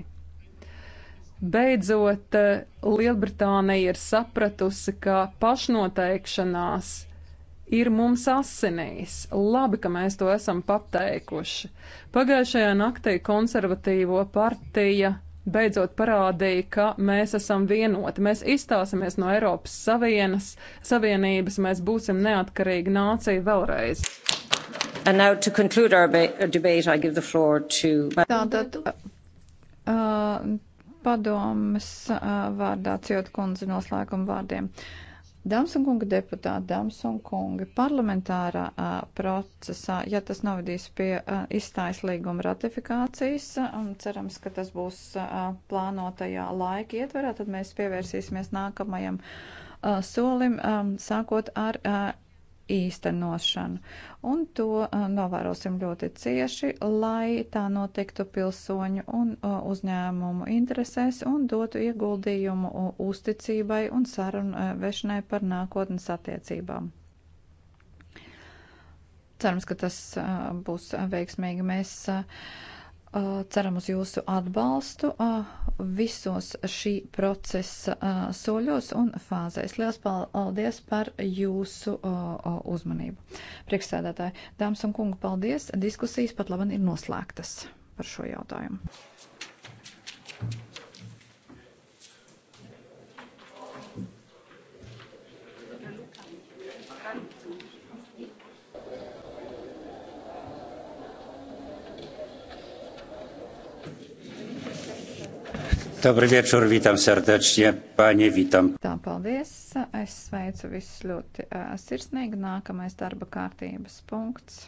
Beidzot, Lielbritānija ir sapratusi, ka pašnoteikšanās ir mums asinīs. Labi, ka mēs to esam pateikuši. Pagājušajā naktī konservatīvo partija beidzot parādīja, ka mēs esam vienoti. Mēs izstāsimies no Eiropas Savienas, Savienības, mēs būsim neatkarīga nācija vēlreiz. Debate, to... Tātad uh, padomas uh, vārdā ciot kundze noslēguma vārdiem. Uh, Dāmas un kungi deputāti, dāmas un kungi, parlamentārā a, procesā, ja tas novadīs pie a, izstājas līguma ratifikācijas, a, un cerams, ka tas būs a, plānotajā laika ietverā, tad mēs pievērsīsimies nākamajam a, solim, a, sākot ar a, īstenošanu. Un to uh, novērosim ļoti cieši, lai tā notiktu pilsoņu un uh, uzņēmumu interesēs un dotu ieguldījumu uzticībai un sarunu uh, vešanai par nākotnes attiecībām. Cerams, ka tas būs veiksmīgi. Mēs uh, Uh, ceram uz jūsu atbalstu uh, visos šī procesa uh, soļos un fāzēs. Lielas paldies par jūsu uzmanību. Priekšsēdētāji, dāmas un kungi, paldies. Diskusijas pat labam ir noslēgtas par šo jautājumu. Dobri viečur, vītam sardečnie, paņi, vītam. Tā, paldies. Es sveicu visus ļoti uh, sirsnīgi. Nākamais darba kārtības punkts.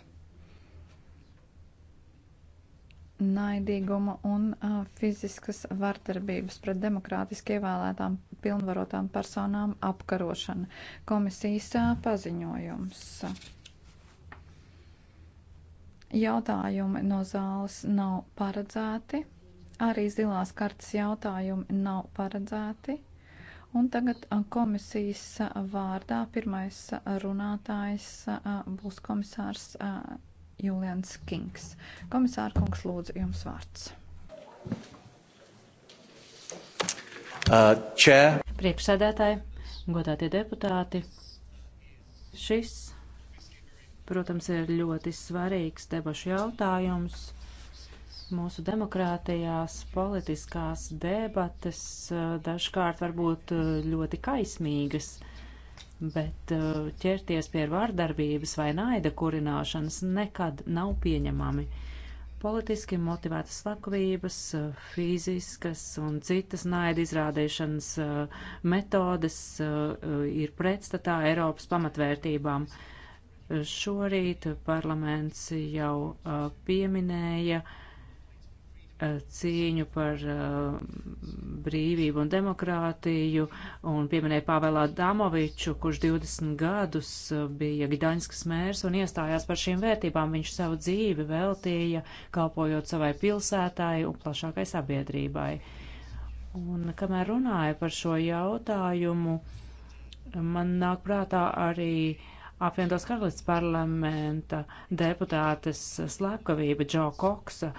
Naidīguma un uh, fiziskas vardarbības pret demokrātiski ievēlētām pilnvarotām personām apkarošana. Komisijas uh, paziņojums. Jautājumi no zāles nav paredzēti. Arī zilās kartas jautājumi nav paredzēti. Un tagad komisijas vārdā pirmais runātājs būs komisārs Julians Kings. Komisāra kungs, lūdzu, jums vārds. Uh, Čē. Priekšsēdētāji, godātie deputāti, šis, protams, ir ļoti svarīgs debašu jautājums Mūsu demokrātijās politiskās debates eh, dažkārt var būt eh, ļoti kaismīgas, bet eh, ķerties pie vārdarbības vai naida kurināšanas nekad nav pieņemami. Politiski motivētas slepkavības, fiziskas un citas naida izrādīšanas metodes ir pretstatā Eiropas pamatvērtībām. Šorīt parlaments jau pieminēja uh, cīņu par eh, brīvību un demokrātiju un pieminēja Pāvēlā Damoviču, kurš 20 gadus eh, bija Gdaņskas mērs un iestājās par šīm vērtībām. Viņš savu dzīvi veltīja, kalpojot savai pilsētāji un plašākai sabiedrībai. Un kamēr runāju par šo jautājumu, man nāk prātā arī uh, apvienotās karalists parlamenta deputātes slepkavība Džo Koksa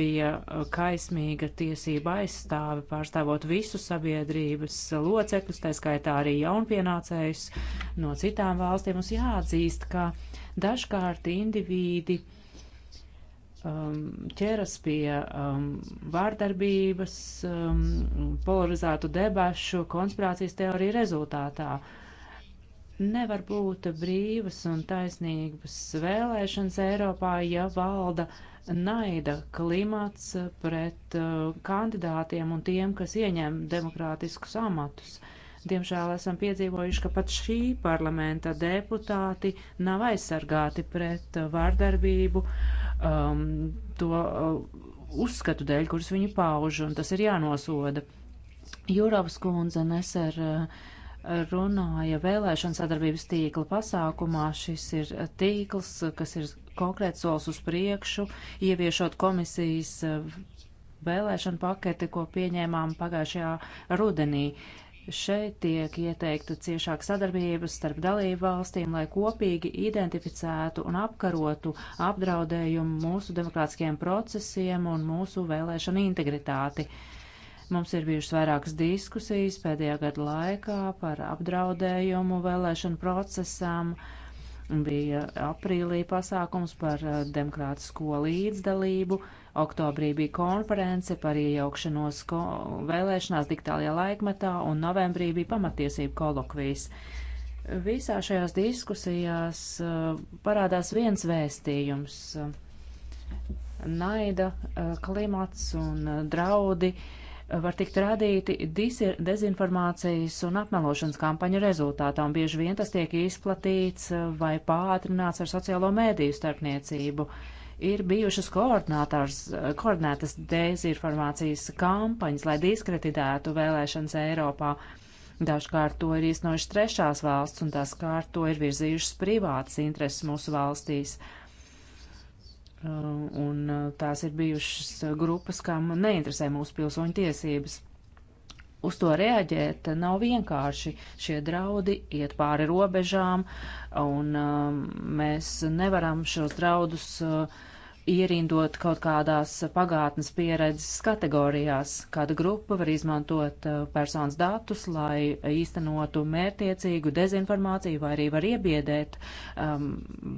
bija uh, kaismīga tiesība aizstāve, pārstāvot visu sabiedrības locekļus, tā skaitā arī jaunpienācējus no citām valstīm. Mums jāatzīst, ka dažkārt indivīdi um, ķeras pie um, vārdarbības, um, polarizētu debašu, konspirācijas teoriju rezultātā. Nevar būt brīvas un taisnīgas vēlēšanas Eiropā, ja valda naida klimats pret uh, kandidātiem un tiem, kas ieņem demokrātiskus amatus. Diemžēl esam piedzīvojuši, ka pat šī parlamenta deputāti nav aizsargāti pret vārdarbību um, to uh, uzskatu dēļ, kurus viņi pauž, un tas ir jānosoda. Jūravas kundze nes ar uh, runāja vēlēšana sadarbības tīkla pasākumā. Šis ir tīkls, kas ir konkrēts solis uz priekšu, ieviešot komisijas eh, vēlēšanu paketi, ko pieņēmām pagājušajā rudenī. Šeit tiek ieteikta ciešāka sadarbība starp dalību valstīm, lai kopīgi identificētu un apkarotu apdraudējumu mūsu demokrātiskajiem procesiem un mūsu vēlēšanu integritāti. Uh, Mums ir bijušas vairākas diskusijas pēdējā gada laikā par apdraudējumu vēlēšanu procesam. Bija aprīlī pasākums par eh, demokrātisko līdzdalību, oktobrī bija konference par iejaukšanos ko vēlēšanās digitālajā laikmetā un novembrī bija pamatiesību kolokvijas. Visā šajās diskusijās eh, parādās viens vēstījums - naida eh, klimats un draudi var tikt radīti dezinformācijas un apmelošanas kampaņu rezultātā, un bieži vien tas tiek izplatīts eh, vai pātrināts ar sociālo mēdīju starpniecību. Ir bijušas eh, koordinētas dezinformācijas kampaņas, lai diskreditētu vēlēšanas Eiropā. Dažkārt to ir īstenojuši trešās valsts, un tās kārt to ir virzījušas privātas intereses mūsu valstīs. Uh, Uh, un uh, tās ir bijušas grupas, kam neinteresē mūsu pilsoņu tiesības. Uz to reaģēt nav vienkārši. Šie draudi iet pāri robežām, un uh, mēs nevaram šos draudus uh, ierindot kaut kādās pagātnes pieredzes kategorijās. Kāda grupa var izmantot uh, personas datus, lai īstenotu mērtiecīgu dezinformāciju vai arī var iebiedēt um,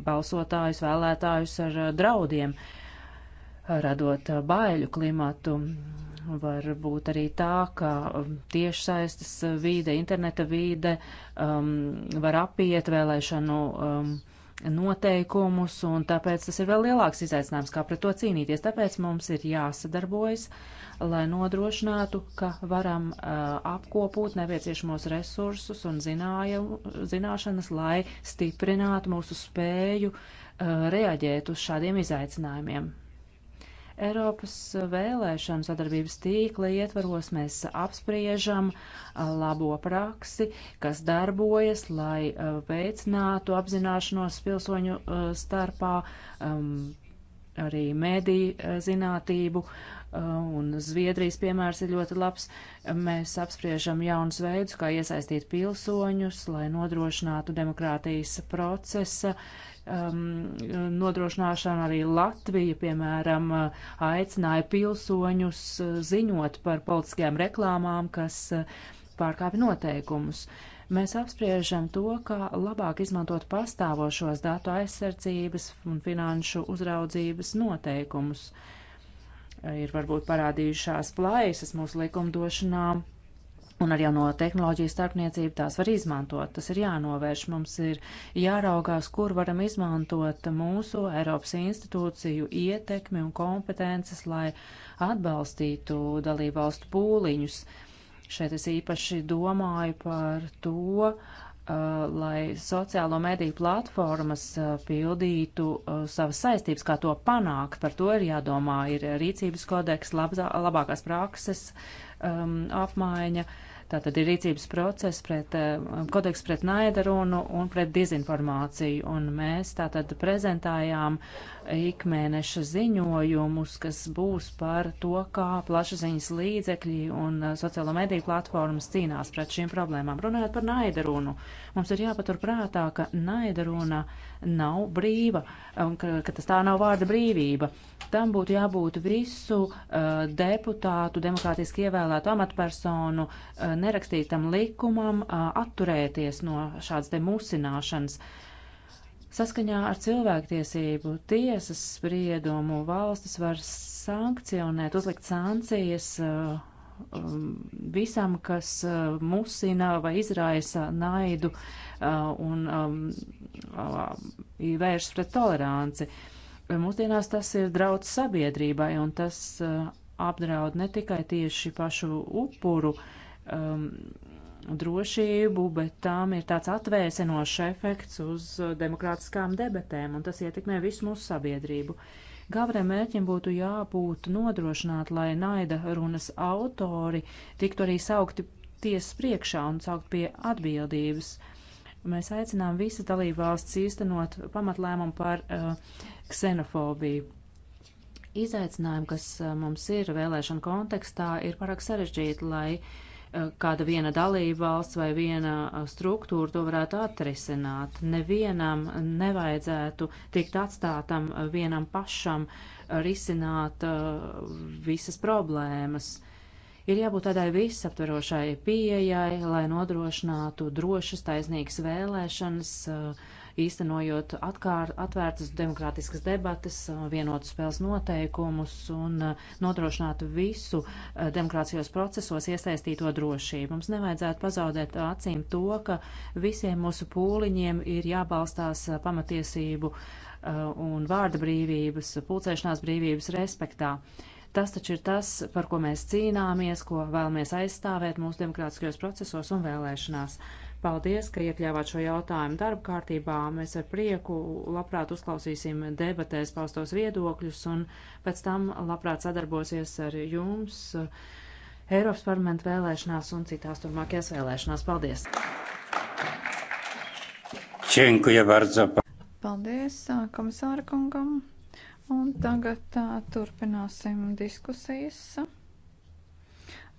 balsotājus, vēlētājus ar uh, draudiem, radot uh, baiļu klimatu. Var būt arī tā, ka um, tiešsaistes vīde, interneta vīde um, var apiet vēlēšanu. Um, noteikumus, un tāpēc tas ir vēl lielāks izaicinājums, kā pret to cīnīties. Tāpēc mums ir jāsadarbojas, lai nodrošinātu, ka varam uh, apkopot nepieciešamos resursus un zināja, zināšanas, lai stiprinātu mūsu spēju uh, reaģēt uz šādiem izaicinājumiem. Eiropas vēlēšanu sadarbības tīkla ietvaros mēs apspriežam labo praksi, kas darbojas, lai veicinātu apzināšanos pilsoņu starpā, arī mediju zinātību, un Zviedrijas piemērs ir ļoti labs. Mēs apspriežam jaunus veidus, kā iesaistīt pilsoņus, lai nodrošinātu demokrātijas procesa um, nodrošināšanu. Arī Latvija, piemēram, aicināja pilsoņus uh, ziņot par politiskajām reklāmām, kas uh, pārkāpja noteikumus. Mēs apspriežam to, kā labāk izmantot pastāvošos datu aizsardzības un finanšu uzraudzības noteikumus. Ir varbūt parādījušās plaisas mūsu likumdošanām Un ar jauno tehnoloģiju starpniecību tās var izmantot. Tas ir jānovērš. Mums ir jāraugās, kur varam izmantot mūsu Eiropas institūciju ietekmi un kompetences, lai atbalstītu dalību valstu pūliņus. Šeit es īpaši domāju par to, uh, lai sociālo mediju platformas uh, pildītu uh, savas saistības, kā to panākt. Par to ir jādomā. Ir rīcības kodeks, labzā, labākās prakses um, apmaiņa. Uh, Tātad ir rīcības process pret eh, kodeks pret naidarunu un pret dezinformāciju. Un mēs tātad prezentējām ikmēneša ziņojumus, kas būs par to, kā plašaziņas līdzekļi un eh, sociālo mediju platformas cīnās pret šīm problēmām. Runājot par naidarunu, mums ir jāpatur prātā, ka naidaruna. Uh, nav brīva un ka, ka tas tā nav vārda brīvība. Tam būtu jābūt visu uh, deputātu, demokrātiski ievēlētu amatpersonu uh, nerakstītam likumam uh, atturēties no šādas te musināšanas. Saskaņā ar cilvēktiesību tiesas spriedumu valstis var sankcionēt, uzlikt sankcijas uh, Um, visam, kas uh, musina vai izraisa naidu uh, un um, uh, vērš pret toleranci. Mūsdienās tas ir draudz sabiedrībai, un tas apdraud ne tikai tieši pašu upuru um, drošību, bet tām ir tāds atvēsinošs efekts uz demokrātiskām debatēm, un tas ietekmē visu mūsu sabiedrību. Uh, Galvenajam mērķim būtu jābūt nodrošināt, lai naida runas autori tiktu arī saukti tiesas priekšā un saukt pie atbildības. Mēs aicinām visas dalībvalstis īstenot pamatlēmumu par uh, ksenofobiju. Izaicinājumi, kas uh, mums ir vēlēšana kontekstā, ir pārāk sarežģīti, lai uh, kāda viena dalība valsts vai viena struktūra to varētu atrisināt. Nevienam nevajadzētu tikt atstātam vienam pašam risināt visas problēmas. Ir jābūt tādai visaptverošai pieejai, lai nodrošinātu drošas, taisnīgas vēlēšanas, uh, īstenojot atkār, atvērtas demokrātiskas debates, vienotu spēles noteikumus un uh, nodrošināt visu uh, demokrātijos procesos iesaistīto drošību. Mums nevajadzētu pazaudēt acīm to, ka visiem mūsu pūliņiem ir jābalstās uh, pamatiesību un vārda brīvības, pulcēšanās brīvības respektā. Tas taču ir tas, par ko mēs cīnāmies, ko vēlamies aizstāvēt mūsu demokrātiskajos procesos un vēlēšanās. Paldies, ka iekļāvāt šo jautājumu darba kārtībā. Mēs ar prieku labprāt uzklausīsim debatēs paustos viedokļus un pēc tam labprāt sadarbosies ar jums Eiropas parlamenta vēlēšanās un citās turmākajās vēlēšanās. Paldies! Čenkuja vārdza. Paldies komisāra kungam. Un tagad tā, turpināsim diskusijas.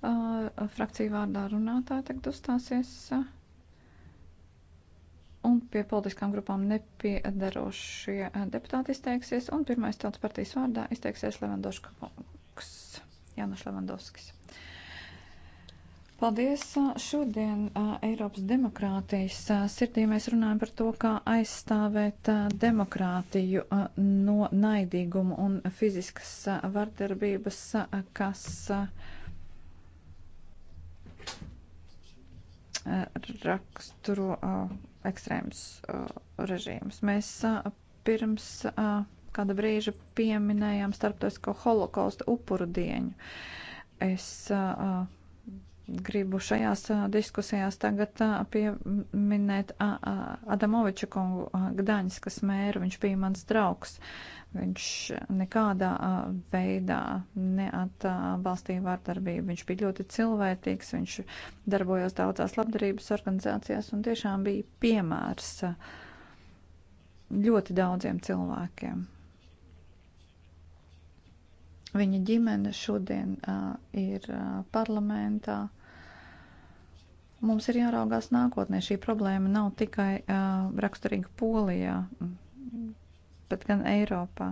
Uh, frakcija vārdā runātāja tagad uzstāsies. Uh, un pie politiskām grupām nepiedarošie eh, deputāti izteiksies, un pirmais tautas partijas vārdā izteiksies Levandoškungs, Jānis Levandovskis. Paldies! Šodien eh, Eiropas demokrātijas eh, sirdī mēs runājam par to, kā aizstāvēt demokrātiju no naidīguma un fiziskas vardarbības, kas Eh, raksturo eh, ekstrēms eh, režīms. Mēs pirms kāda brīža pieminējām starptautisko holokausta upuru dienu. Es uh, Gribu šajās diskusijās tagad pieminēt Adamoviča kungu Gdaņskas mēru. Viņš bija mans draugs. Viņš nekādā veidā neatbalstīja vārdarbību. Viņš bija ļoti cilvēcīgs, viņš darbojās daudzās labdarības organizācijās un tiešām bija piemērs ļoti daudziem cilvēkiem. Viņa ģimene šodien uh, ir uh, parlamentā. Mums ir jāraugās nākotnē. Šī problēma nav tikai uh, raksturīga Polijā, bet gan Eiropā.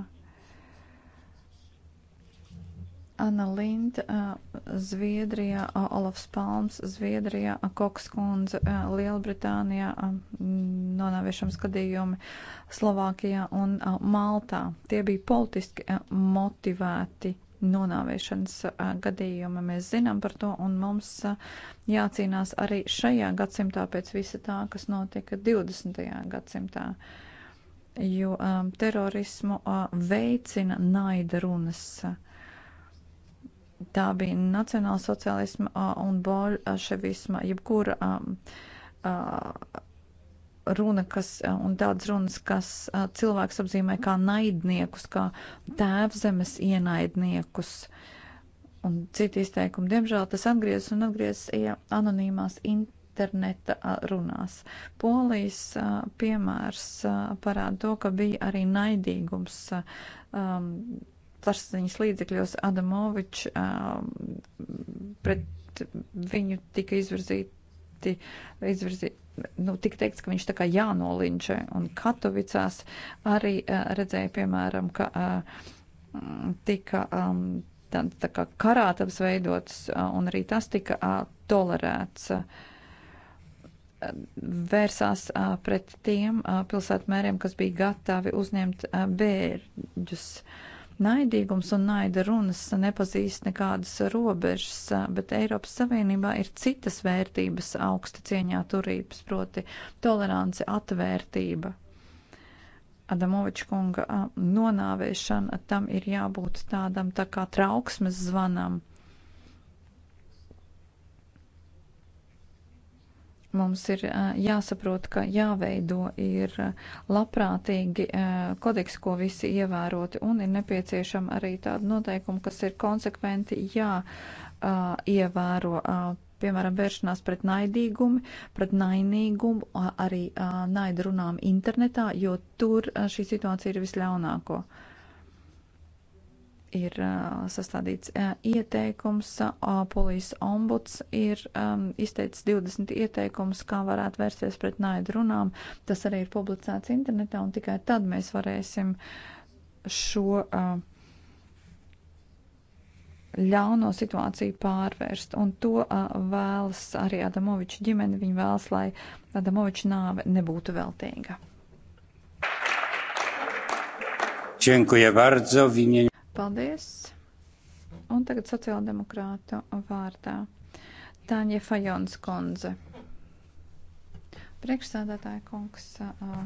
Anna Linda Zviedrijā, Olafs Palms Zviedrijā, Koks kundze Lielbritānijā, nonāviešams gadījumi Slovākijā un Maltā. Tie bija politiski motivēti nonāviešanas gadījumi. Mēs zinām par to un mums jācīnās arī šajā gadsimtā pēc visa tā, kas notika 20. gadsimtā jo um, terorismu uh, veicina naida runas. Uh, tā bija nacionāla sociālisma un bolševisma, jebkura runa, kas, un daudz runas, kas cilvēks apzīmē kā naidniekus, kā tēvzemes ienaidniekus. Un citi izteikumi, diemžēl, tas atgriezas un atgriezas ja anonīmās interneta runās. Polijas piemērs parāda to, ka bija arī naidīgums um, plašsaziņas līdzekļos Adamovičs um, pret viņu tika izvirzīti, izvirzīti nu, tika teikts, ka viņš tā kā jānolinčē. Un Katovicās arī uh, redzēja, piemēram, ka uh, tika um, tā, tā kā karātabs veidots, uh, un arī tas tika uh, tolerēts. Uh, vērsās uh, pret tiem uh, pilsētmēriem, kas bija gatavi uzņemt uh, bērģus. Uh, Naidīgums un naida runas nepazīst nekādas robežas, bet Eiropas Savienībā ir citas vērtības augsta cieņā turības, proti tolerance, atvērtība. Adamoviča kunga nonāvēšana tam ir jābūt tādam tā kā trauksmes zvanam Mums ir jāsaprot, ka jāveido ir labprātīgi kodeks, ko visi ievēroti, un ir nepieciešama arī tāda noteikuma, kas ir konsekventi jāievēro piemēram, vēršanās pret naidīgumu, pret nainīgumu, arī naidu runām internetā, jo tur šī situācija ir visļaunāko. Uh, ir uh, sastādīts uh, ieteikums, uh, polijas ombuds ir um, izteicis 20 ieteikumus, kā varētu vērsties pret naidu runām. Tas arī ir publicēts internetā, un tikai tad mēs varēsim šo uh, ļauno situāciju pārvērst. Un to uh, vēlas arī Adamoviča ģimene. Viņa vēlas, lai Adamoviča nāve nebūtu veltīga. Dziękuję bardzo w imieniu Paldies! Un tagad sociāldemokrātu vārdā Tāņa Fajons Konze. Priekšsādātāja kungs. Uh,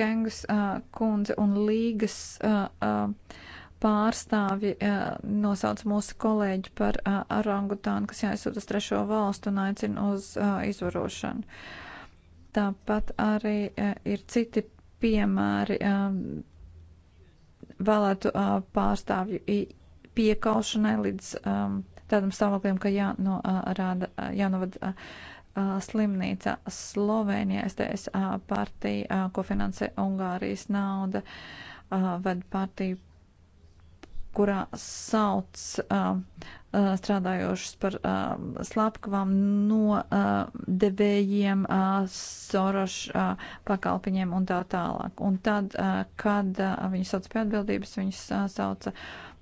Kengas uh, kundze un līgas uh, uh, pārstāvi uh, nosauc mūsu kolēģi par uh, orangutānu, kas jāizsūta uz trešo valstu un aicina uz uh, izvarošanu. Uh, Tāpat arī eh, ir citi piemēri ehm, vēlētu eh, pārstāvju piekaušanai līdz ehm, tādam stāvoklim, ka jānorāda, eh, jānovada slimnīca Slovenijā, STS partija, ko finansē Ungārijas nauda, ved partiju kurā sauc uh, uh, strādājošus par uh, slepkavām no uh, devējiem, uh, sorošu uh, pakalpiņiem un tā tālāk. Un tad, uh, kad uh, viņi sauc pie atbildības, viņus uh, sauca,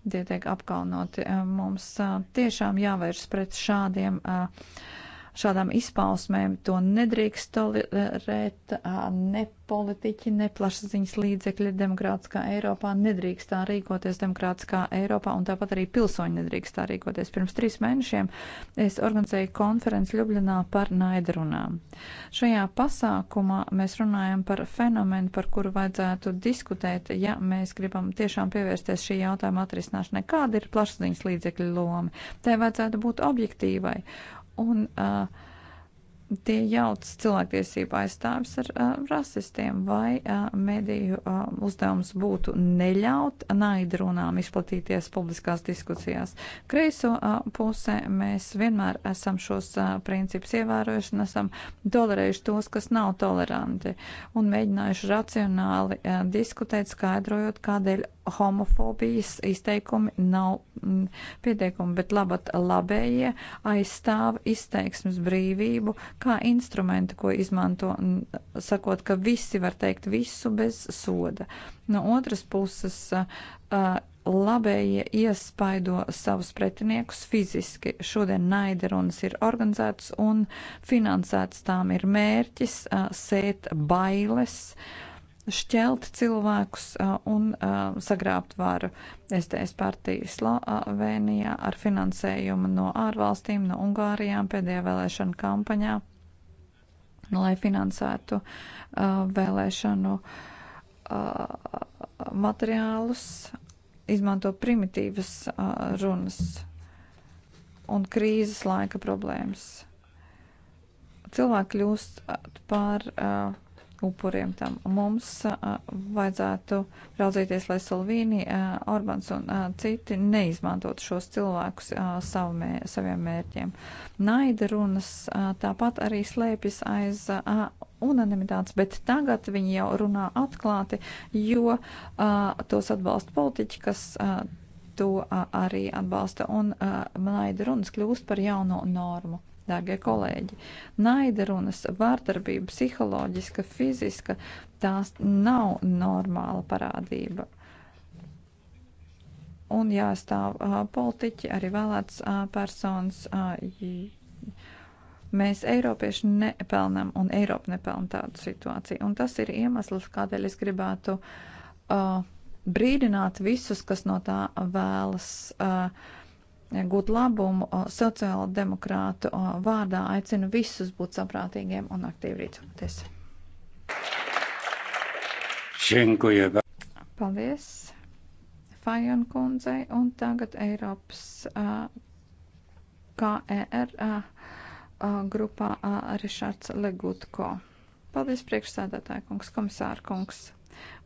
tie tiek apkalnoti. Uh, mums uh, tiešām jāvērš pret šādiem. Uh, šādām izpausmēm. To nedrīkst tolerēt ne politiķi, ne plašsaziņas līdzekļi demokrātiskā Eiropā. Nedrīkst tā rīkoties demokrātiskā Eiropā, un tāpat arī pilsoņi nedrīkst tā rīkoties. Pirms trīs mēnešiem es organizēju konferenci Ljubļanā par naidrunām. Šajā pasākumā mēs runājam par fenomenu, par kuru vajadzētu diskutēt, ja mēs gribam tiešām pievērsties šī jautājuma atrisināšanai. Kāda ir plašsaziņas līdzekļu loma? Tai vajadzētu būt objektīvai un uh, tie jauc cilvēktiesību aizstāvis ar uh, rasistiem, vai uh, mediju uh, uzdevums būtu neļaut naidrunām izplatīties publiskās diskusijās. Kreiso uh, pusē mēs vienmēr esam šos uh, principus ievērojuši un esam tolerējuši tos, kas nav toleranti, un mēģinājuši racionāli uh, diskutēt, skaidrojot, kādēļ homofobijas izteikumi nav mm, pieteikumi, bet labat labējie aizstāv izteiksmes brīvību kā instrumenti, ko izmanto, mm, sakot, ka visi var teikt visu bez soda. No otras puses, uh, labējie iespaido savus pretiniekus fiziski. Šodien naida runas ir organizētas un finansētas, tām ir mērķis uh, sēt bailes. Uh, šķelt cilvēkus un sagrābt varu. SDS partija Slovenijā ar finansējumu no ārvalstīm, no Ungārijām pēdējā vēlēšana kampaņā, lai finansētu vēlēšanu materiālus, izmanto primitīvas runas un krīzes laika problēmas. Cilvēki kļūst par uh, upuriem tam. Mums vajadzētu raudzīties, lai Salvīni, Orbāns un citi neizmantot šos cilvēkus savmē, saviem mērķiem. Naida runas tāpat arī slēpjas aiz unanimitātes, bet tagad viņi jau runā atklāti, jo tos atbalsta politiķi, kas to arī atbalsta un naida runas kļūst par jauno normu. Dārgie kolēģi, naida runas, vārdarbība, psiholoģiska, fiziska, tās nav normāla parādība. Un jāstāv politiķi, arī vēlēts personas. Mēs, Eiropieši, nepelnām un Eiropa nepelna tādu situāciju. Un tas ir iemesls, kādēļ es gribētu uh, brīdināt visus, kas no tā vēlas. Uh, gūt labumu sociāla demokrātu vārdā aicinu visus būt saprātīgiem un aktīvi rīcoties. Paldies Fajon kundzei un tagad Eiropas uh, KER uh, grupā uh, Rišards Legutko. Paldies priekšsēdētāji kungs, komisāra kungs.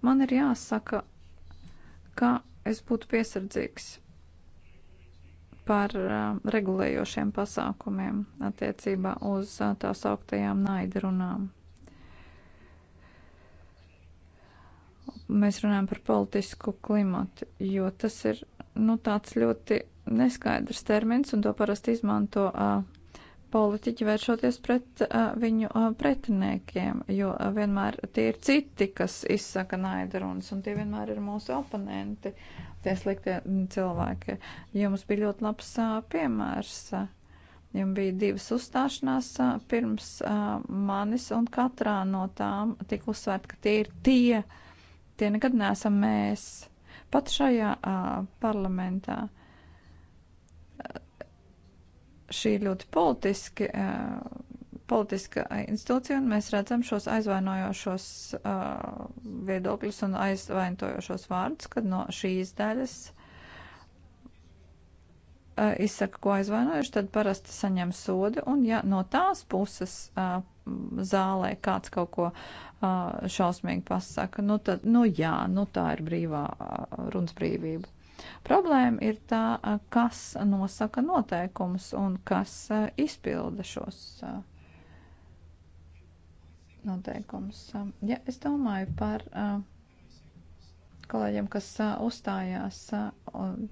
Man ir jāsaka, ka es būtu piesardzīgs par regulējošiem pasākumiem attiecībā uz tās augtajām naidrunām. Mēs runājam par politisku klimatu, jo tas ir nu, tāds ļoti neskaidrs termins, un to parasti izmanto uh, politiķi vēršoties pret viņu pretiniekiem, jo vienmēr tie ir citi, kas izsaka naida runas, un tie vienmēr ir mūsu oponenti, tie sliktie cilvēki. Jums bija ļoti labs piemērs. Jums bija divas uzstāšanās pirms manis, un katrā no tām tika uzsvērt, ka tie ir tie, tie nekad neesam mēs. Pat šajā parlamentā šī ir ļoti politiski, eh, politiska institūcija, un mēs redzam šos aizvainojošos eh, viedokļus un aizvainojošos vārdus, kad no šīs daļas eh, izsaka, ko aizvainojuši, tad parasti saņem sodu, un ja no tās puses zālē kāds kaut ko šausmīgi pasaka, nu tad, nu jā, nu tā ir brīvā runas brīvība. Problēma ir tā, kas nosaka noteikumus un kas izpilda šos noteikumus. Ja es domāju par kolēģiem, kas uzstājās, un,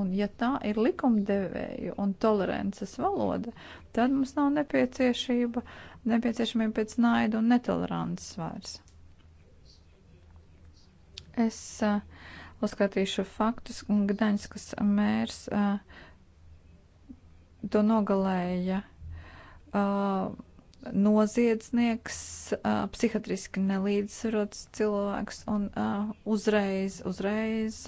un ja tā ir likumdevēju un tolerances valoda, tad mums nav nepieciešība, nepieciešamība pēc naida un netolerances vairs. Es uh, Uzskatīšu faktus. Gdaņskas mērs uh, to nogalēja uh, noziedznieks, uh, eh, psihatriski nelīdzsvarots cilvēks un uh, uzreiz, uzreiz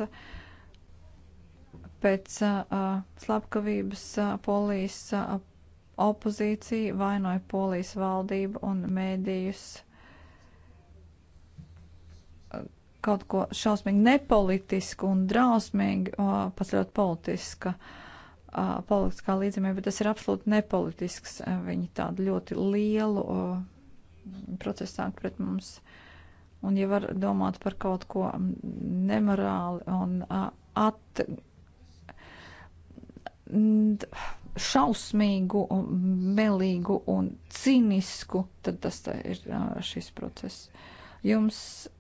pēc uh, slepkavības uh, polijas uh, opozīcija vainoja polijas valdību un mēdījus kaut ko šausmīgi nepolitisku un drausmīgi, pat ļoti politiska, politiskā līdzīmē, bet tas ir absolūti nepolitisks. Viņi tādu ļoti lielu procesu sāk pret mums. Un ja var domāt par kaut ko nemorāli un at, šausmīgu, melīgu un cinisku, tad tas ir šis process. Jums,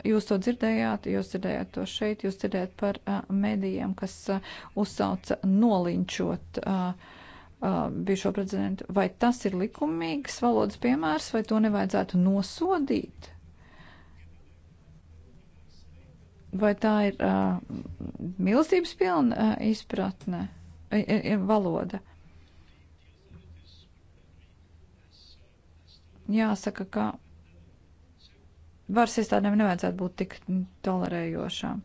jūs to dzirdējāt, jūs dzirdējāt to šeit, jūs dzirdējāt par uh, medijiem, kas uh, uzsauca nolinčot uh, uh, bijušo prezidentu. Vai tas ir likumīgs valodas piemērs, vai to nevajadzētu nosodīt? Vai tā ir uh, milzības pilna uh, izpratne, uh, valoda? Jāsaka, ka varas iestādēm nevajadzētu būt tik tolerējošām.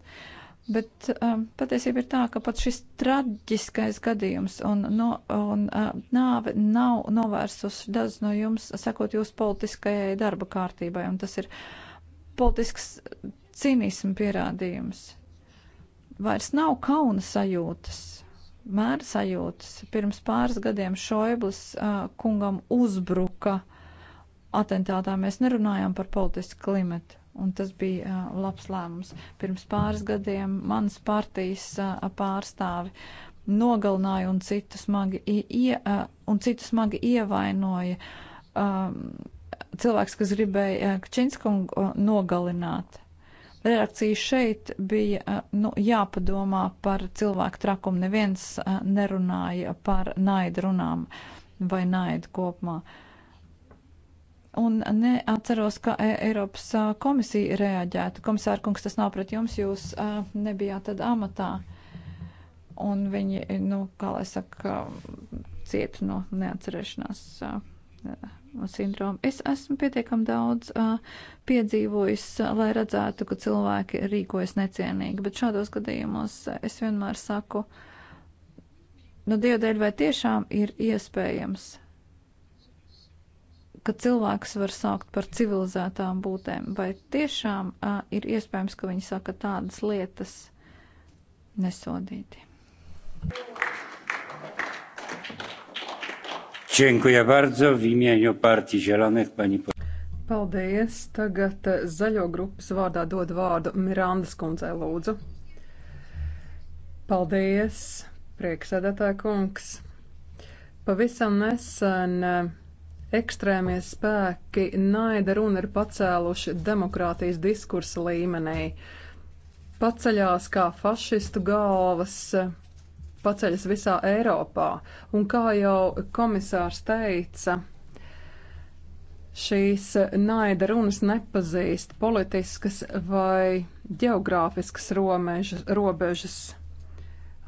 Bet um, patiesība ir tā, ka pat šis traģiskais gadījums un, no, un uh, nāve nav novērsusi daudz no jums, sekot jūsu politiskajai darba kārtībai, un tas ir politisks cinismu pierādījums. Vairs nav kauna sajūtas, mēra sajūtas. Pirms pāris gadiem Šoiblis uh, kungam uzbruka atentātā mēs nerunājām par politisku klimatu. Un tas bija uh, labs lēmums. Pirms pāris gadiem manas partijas uh, pārstāvi nogalināja un citu smagi, ie, uh, un citu smagi ievainoja um, cilvēks, kas gribēja uh, Kčinskungu uh, nogalināt. Reakcija šeit bija uh, nu, jāpadomā par cilvēku trakumu. Neviens uh, nerunāja par naidu runām vai naidu kopumā. Uh, Un neatceros, ka e- Eiropas komisija reaģētu. Komisārkungs, tas nav pret jums, jūs nebijāt tad amatā. Un viņi, nu, kā lai saka, cieta no neatcerēšanās sindroma. Es esmu pietiekami daudz uh, piedzīvojis, uh, lai redzētu, ka cilvēki rīkojas necienīgi, bet šādos gadījumos es vienmēr saku, nu, Dieva dēļ vai tiešām ir iespējams ka cilvēks var saukt par civilizētām būtēm. Vai tiešām uh, ir iespējams, ka viņi saka tādas lietas nesodīti? Dziękuję bardzo. W imieniu Partii Zielonych pani Paldies. Tagad e, zaļo grupas vārdā dod vārdu Mirandas kundzei lūdzu. Paldies, prieksēdētāja kungs. Pavisam nesen e, Ekstrēmie spēki naida runa ir pacēluši demokrātijas diskursa līmenī. Paceļās kā fašistu galvas, paceļas visā Eiropā. Un kā jau komisārs teica, šīs naida runas nepazīst politiskas vai geogrāfiskas robežas. robežas.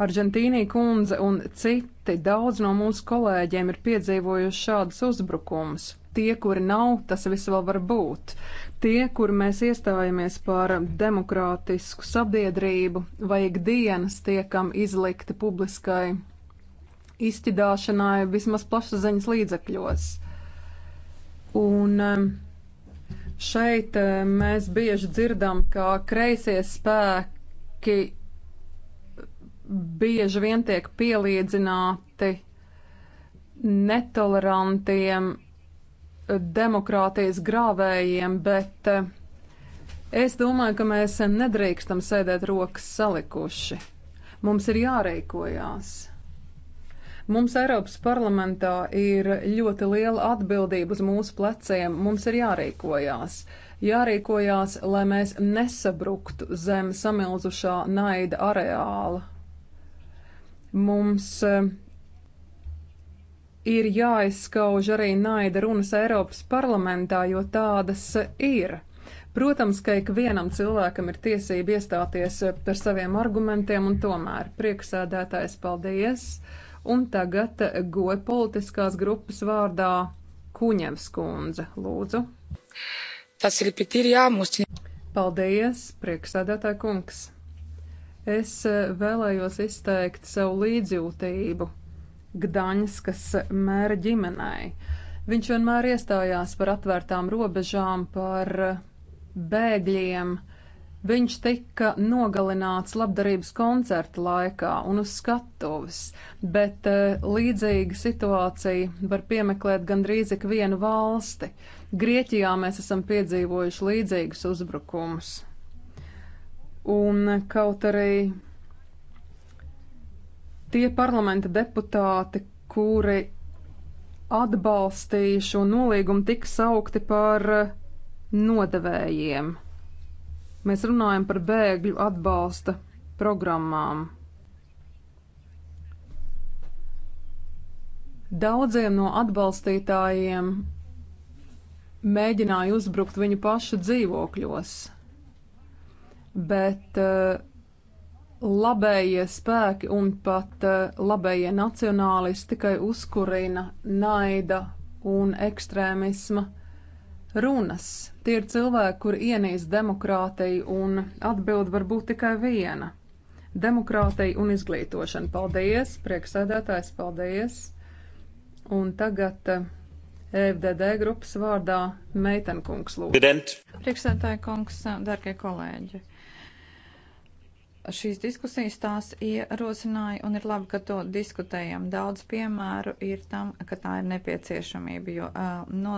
Argentīnī kundze un citi daudz no mūsu kolēģiem ir piedzīvojuši šādus uzbrukumus. Tie, kuri nav, tas viss vēl var būt. Tie, kur mēs iestājamies par demokrātisku sabiedrību, vai ikdienas tiekam izlikti publiskai izķidāšanai vismaz plašsaziņas līdzekļos. Un um, šeit um, mēs bieži dzirdam, ka kreisie spēki bieži vien tiek pielīdzināti netolerantiem demokrātijas grāvējiem, bet eh, es domāju, ka mēs nedrīkstam sēdēt rokas salikuši. Mums ir jārīkojās. Mums Eiropas parlamentā ir ļoti liela atbildība uz mūsu pleciem. Mums ir jārīkojās. Jārīkojās, lai mēs nesabruktu zem samilzušā naida areāla. Mums eh, ir jāizskauž arī naida runas Eiropas parlamentā, jo tādas eh, ir. Protams, ka ikvienam cilvēkam ir tiesība iestāties eh, par saviem argumentiem, un tomēr prieksēdētājs paldies. Un tagad goja politiskās grupas vārdā Kuņevs kundze, lūdzu. Tas ir pitīri jāmus. Paldies, prieksēdētāja kungs. Es eh, vēlējos izteikt savu līdzjūtību Gdaņskas mēra ģimenei. Viņš vienmēr iestājās par atvērtām robežām, par eh, bēgļiem. Viņš tika nogalināts labdarības koncerta laikā un uz skatuves, bet eh, līdzīga situācija var piemeklēt gandrīz ikvienu valsti. Grieķijā mēs esam piedzīvojuši līdzīgus uzbrukumus un kaut arī tie parlamenta deputāti, kuri atbalstīja šo nolīgumu, tika saukti par eh, nodevējiem. Mēs runājam par bēgļu atbalsta programmām. Daudziem no atbalstītājiem mēģināja uzbrukt viņu pašu dzīvokļos bet eh, labējie spēki un pat eh, labējie nacionālisti tikai uzkurina naida un ekstrēmisma runas. Tie ir cilvēki, kur ienīst demokrātiju un atbild var būt tikai viena - demokrātija un izglītošana. Paldies, prieksēdētājs, paldies! Un tagad EFDD eh, e grupas vārdā Meitenkungs lūdzu. Priekšsēdētāja kungs, darbie kolēģi! šīs diskusijas tās ierosināja un ir labi, ka to diskutējam. Daudz piemēru ir tam, ka tā ir nepieciešamība, jo no,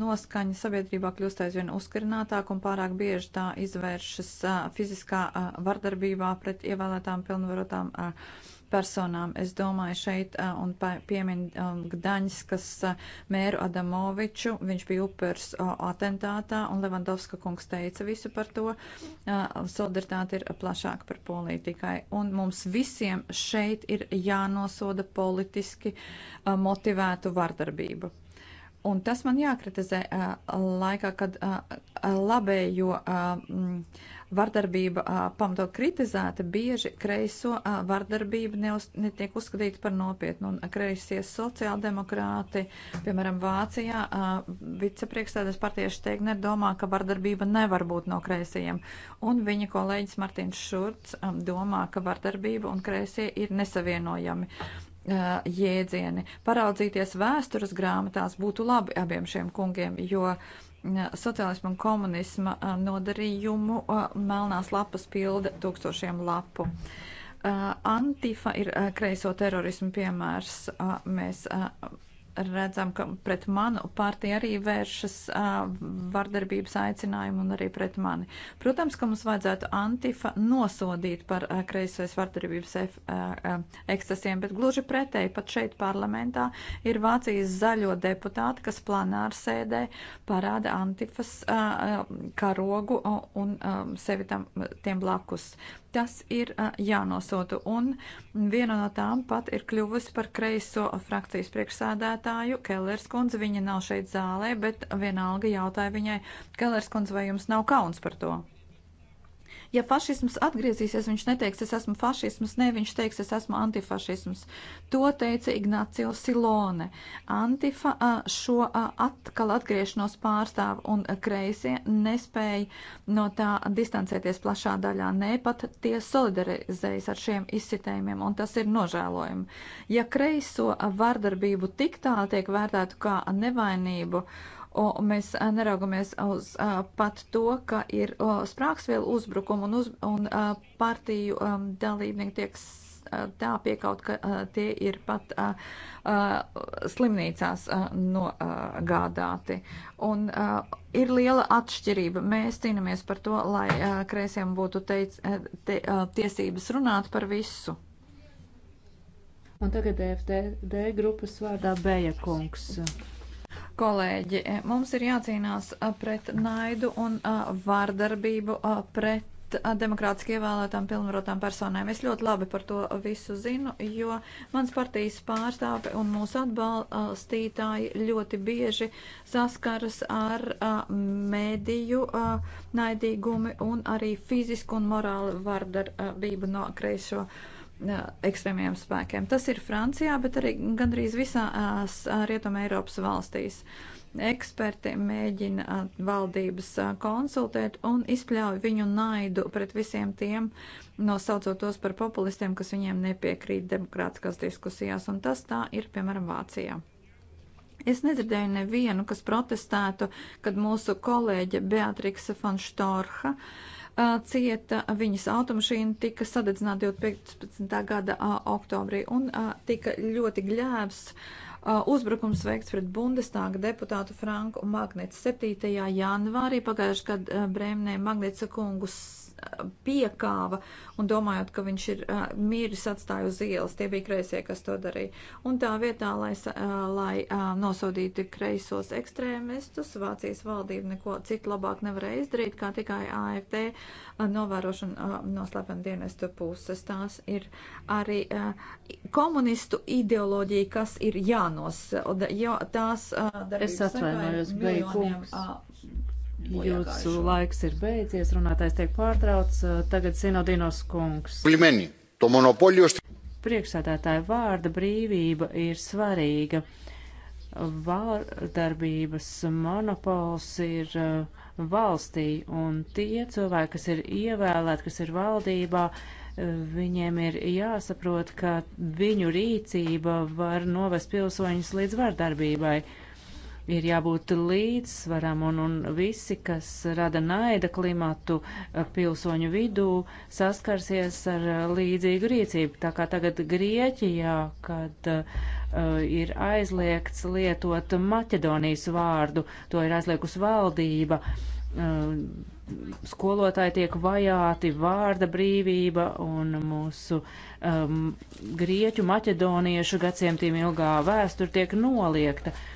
noskaņa sabiedrībā kļūst aizvien uzkarinātāk un pārāk bieži tā izvēršas fiziskā vardarbībā pret ievēlētām pilnvarotām. Uh, personām. Es domāju šeit un piemin Gdaņskas mēru Adamoviču, viņš bija upurs atentātā un Levandovska kungs teica visu par to. Solidaritāte ir plašāka par poliju tikai. Un mums visiem šeit ir jānosoda politiski motivēta motivētu vardarbību. Un tas man jākritizē laikā, kad labējo vardarbība pamatot kritizēta, bieži kreiso vardarbība neuz, netiek uzskatīta par nopietnu. Un kreisies sociāldemokrāti, piemēram, Vācijā, vicepriekšstādājs partieši Steigner domā, ka vardarbība nevar būt no kreisajiem. Un viņa kolēģis Martins Šurts domā, ka vardarbība un kreisie ir nesavienojami jēdzieni. Paraudzīties vēstures grāmatās būtu labi abiem šiem kungiem, jo sociālisma un komunisma nodarījumu melnās lapas pilda tūkstošiem lapu. Antifa ir kreiso terorismu piemērs. Mēs redzam, ka pret manu partiju arī vēršas uh, vardarbības aicinājumu un arī pret mani. Protams, ka mums vajadzētu Antifa nosodīt par uh, kreisais vardarbības ef, uh, uh, ekscesiem, bet gluži pretēji pat šeit parlamentā ir Vācijas zaļo deputāti, kas planāra sēdē parāda Antifas uh, karogu un um, sevi tam, tiem blakus. Tas ir jānosūta, un viena no tām pat ir kļuvusi par kreiso frakcijas priekšsēdētāju. Kellers kundze, viņa nav šeit zālē, bet vienalga jautāja viņai, Kellers kundze, vai jums nav kauns par to? ja fašisms atgriezīsies, viņš neteiks, es esmu fašisms, ne, viņš teiks, es esmu antifašisms. To teica Ignācio Silone. Antifa šo atkal atgriešanos pārstāv un kreisie nespēja no tā distancēties plašā daļā, ne pat tie solidarizējas ar šiem izsitējumiem, un tas ir nožēlojami. Ja kreiso vardarbību tik tā tiek vērtētu kā nevainību, un mēs neraugamies uz pat to, ka ir sprāksvielu uzbrukumu un, uz, un partiju dalībnieki tiek tā piekaut, ka tie ir pat slimnīcās nogādāti. Un ir liela atšķirība. Mēs cīnāmies par to, lai kreisiem būtu teic, te, tiesības runāt par visu. Un tagad FDD grupas vārdā Bēja kungs. Kolēģi, eh, mums ir jācīnās eh, pret naidu un eh, vārdarbību pret demokrātiski ievēlētām pilnvarotām personēm. Es ļoti labi par to visu zinu, jo mans partijas pārstāvi un mūsu atbalstītāji ļoti bieži saskaras ar a, mediju a, naidīgumi un arī fizisku un morālu vardarbību no kreiso. A, ekstrēmiem spēkiem. Tas ir Francijā, bet arī gandrīz visās Rietuma Eiropas valstīs. Eksperti mēģina valdības konsultēt un izpļauj viņu naidu pret visiem tiem, nosaucot tos par populistiem, kas viņiem nepiekrīt demokrātiskās diskusijās, un tas tā ir, piemēram, Vācijā. Es nedzirdēju nevienu, kas protestētu, kad mūsu kolēģe Beatrikse von Štorha uh, Uh, cieta, viņas automašīna tika sadedzināta 2015. gada uh, oktobrī un uh, tika ļoti gļēvs uzbrukums veikts pret Bundestāga deputātu Franku Magnets 7. janvārī pagājušajā gadā Bremnē Magnetsa kungus piekāva un domājot, ka viņš ir uh, miris atstāja uz ielas. Tie bija kreisie, kas to darīja. Un tā vietā, lai, uh, lai uh, nosodītu kreisos ekstrēmistus, Vācijas valdība neko citu labāk nevarēja izdarīt, kā tikai AFD uh, novērošana uh, no slepenu dienestu puses. Tās ir arī uh, komunistu ideoloģija, kas ir jānos. Uh, jo, tās, uh, es atvainojos, beigums. Uh, Jūsu uh, laiks ir beidzies, runātājs tiek pārtrauc. Uh, tagad Sinodinos kungs. Priekšsēdētāja vārda brīvība ir svarīga. Vārdarbības monopols ir uh, valstī, un tie cilvēki, kas ir ievēlēti, kas ir valdībā, viņiem ir jāsaprot, ka viņu rīcība var novest pilsoņus līdz vārdarbībai ir jābūt līdzsvaram un, un visi, kas rada naida klimatu eh, pilsoņu vidū, saskarsies ar eh, līdzīgu rīcību. Tā kā tagad Grieķijā, kad uh, ir aizliegts lietot Maķedonijas vārdu, to ir aizliegus valdība. Uh, skolotāji tiek vajāti, vārda brīvība un mūsu um, grieķu, maķedoniešu gadsimtīm ilgā vēsture tiek noliekta. Uh,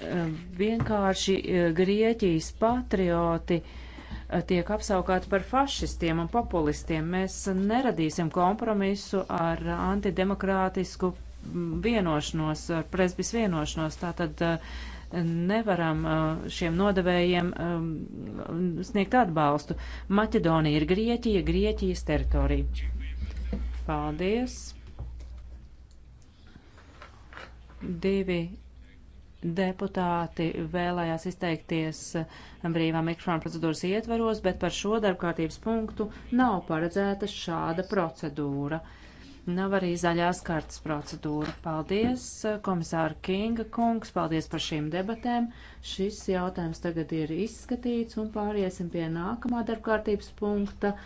vienkārši eh, Grieķijas patrioti eh, tiek apsaukāti par fašistiem un populistiem. Mēs neradīsim kompromisu ar antidemokrātisku vienošanos, ar presbis vienošanos. Tātad eh, nevaram šiem nodevējiem sniegt atbalstu. Maķedonija ir Grieķija, Grieķijas teritorija. Paldies! Divi deputāti vēlējās izteikties brīvā mikrofona procedūras ietvaros, bet par šo darbkārtības punktu nav paredzēta šāda procedūra. Nav arī zaļās kartas procedūra. Paldies, komisāra Kinga kungs, paldies par šīm debatēm. Šis jautājums tagad ir izskatīts un pāriesim pie nākamā darbkārtības punkta,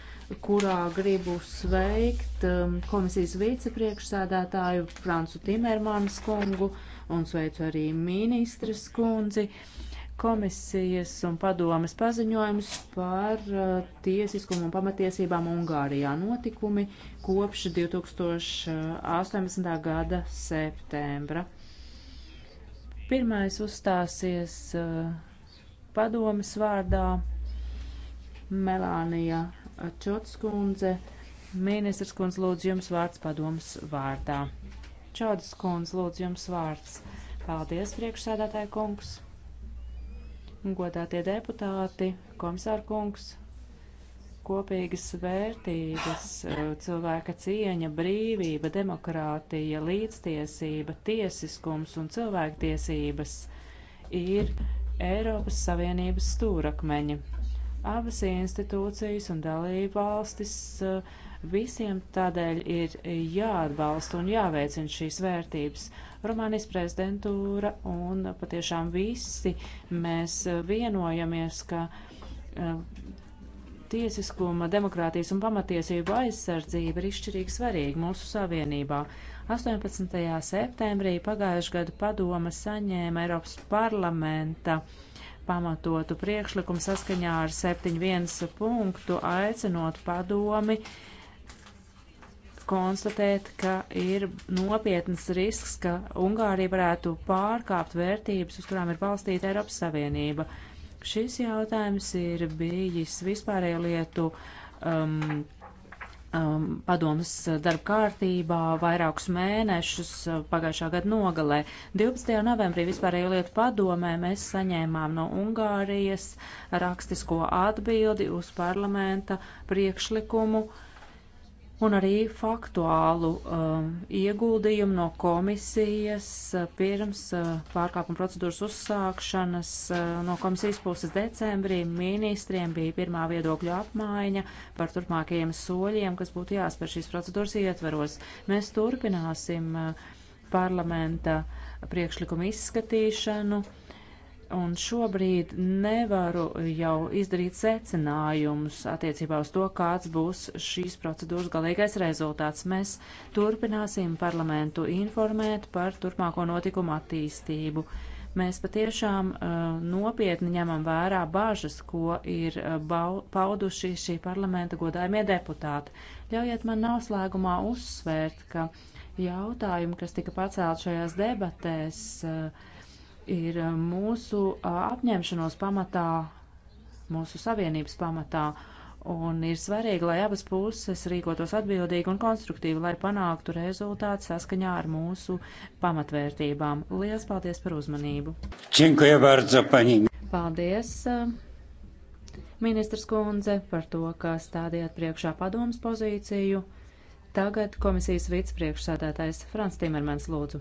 kurā gribu sveikt um, komisijas vicepriekšsēdētāju Francu Timermans kungu un sveicu arī ministras kundzi komisijas un padomas paziņojums par uh, tiesiskumu un pamatiesībām Ungārijā notikumi kopš 2018. gada septembra. Pirmais uzstāsies uh, padomas vārdā Melānija Čotskundze. Ministrs kundze, lūdzu jums vārds padomas vārdā. Čodas kundze, lūdzu jums vārds. Paldies, priekšsēdētāja kungs, godātie deputāti, komisāra kungs, kopīgas vērtības, cilvēka cieņa, brīvība, demokrātija, līdztiesība, tiesiskums un cilvēktiesības ir Eiropas Savienības stūrakmeņi. Abas institūcijas un dalība valstis uh, Visiem tādēļ ir jāatbalsta un jāveicina šīs vērtības. Rumānijas prezidentūra un patiešām visi mēs eh, vienojamies, ka eh, tiesiskuma, demokrātijas un pamatiesību aizsardzība ir izšķirīgi svarīga mūsu savienībā. 18. septembrī pagājušā gada padoma saņēma Eiropas parlamenta pamatotu priekšlikumu saskaņā ar 7.1 punktu aicinot padomi uh, konstatēt, ka ir nopietnas risks, ka Ungārija varētu pārkāpt vērtības, uz kurām ir balstīta Eiropas Savienība. Šis jautājums ir bijis vispārēju lietu um, um, padomas darba kārtībā vairākus mēnešus uh, pagājušā gada nogalē. 12. novembrī vispārējo lietu padomē mēs saņēmām no Ungārijas rakstisko atbildi uz parlamenta priekšlikumu uh, un arī faktuālu um, ieguldījumu no komisijas uh, pirms uh, pārkāpuma procedūras uzsākšanas. Uh, no komisijas puses decembrī ministriem bija pirmā viedokļa apmaiņa par turpmākajiem soļiem, kas būtu jāspēr šīs procedūras ietveros. Mēs turpināsim uh, parlamenta priekšlikumu izskatīšanu. Uh, un šobrīd nevaru jau izdarīt secinājumus attiecībā uz to, kāds būs šīs procedūras galīgais rezultāts. Mēs turpināsim parlamentu informēt par turpmāko notikumu attīstību. Mēs patiešām uh, nopietni ņemam vērā bāžas, ko ir uh, bau, pauduši šī parlamenta godājumie deputāti. Ļaujiet man noslēgumā uzsvērt, ka jautājumi, kas tika pacēlt šajās debatēs, uh, ir eh, mūsu eh, apņemšanos pamatā, mūsu savienības pamatā. Un ir svarīgi, lai abas puses rīkotos atbildīgi un konstruktīvi, lai panāktu rezultātu saskaņā ar mūsu pamatvērtībām. Lielas paldies par uzmanību! Paldies, eh, ministrs kundze, par to, ka stādījāt priekšā padomas pozīciju. Tagad komisijas vicepriekšsādātājs Frans Timermans lūdzu.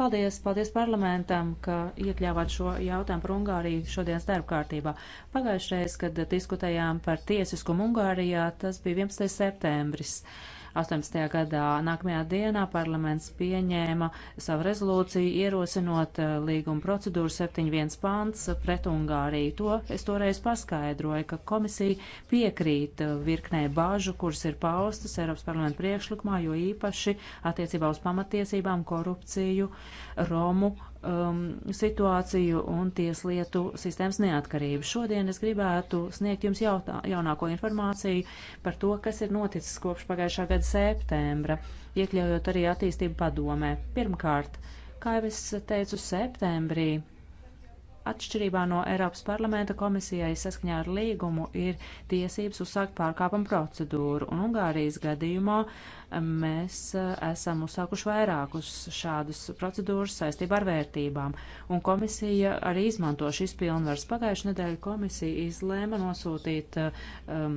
Paldies, paldies parlamentam, ka iekļāvāt šo jautājumu par Ungāriju šodienas darba kārtībā. Pagājušreiz, kad diskutējām par tiesiskumu Ungārijā, tas bija 11. septembris. Uh, 18. gadā. Nākamajā dienā parlaments pieņēma savu rezolūciju ierosinot eh, līguma procedūru 7.1 pants pret Ungāriju. To es toreiz paskaidroju, ka komisija piekrīt eh, virknē bāžu, kuras ir paustas Eiropas parlamenta priekšlikumā, jo īpaši attiecībā uz pamatiesībām, korupciju, Romu um, situāciju un tieslietu sistēmas neatkarību. Šodien es gribētu sniegt jums jautā, jaunāko informāciju par to, kas ir noticis kopš pagājušā gada septembra, iekļaujot arī attīstību padomē. Pirmkārt, kā jau es teicu, septembrī Atšķirībā no Eiropas parlamenta komisijai saskaņā ar līgumu ir tiesības uzsākt pārkāpumu procedūru, un Ungārijas gadījumā Mēs e, esam uzsākuši vairākus šādus procedūras saistībā ar vērtībām, un komisija arī izmanto šīs pilnvaras. Pagājušajā nedēļā komisija izlēma nosūtīt um,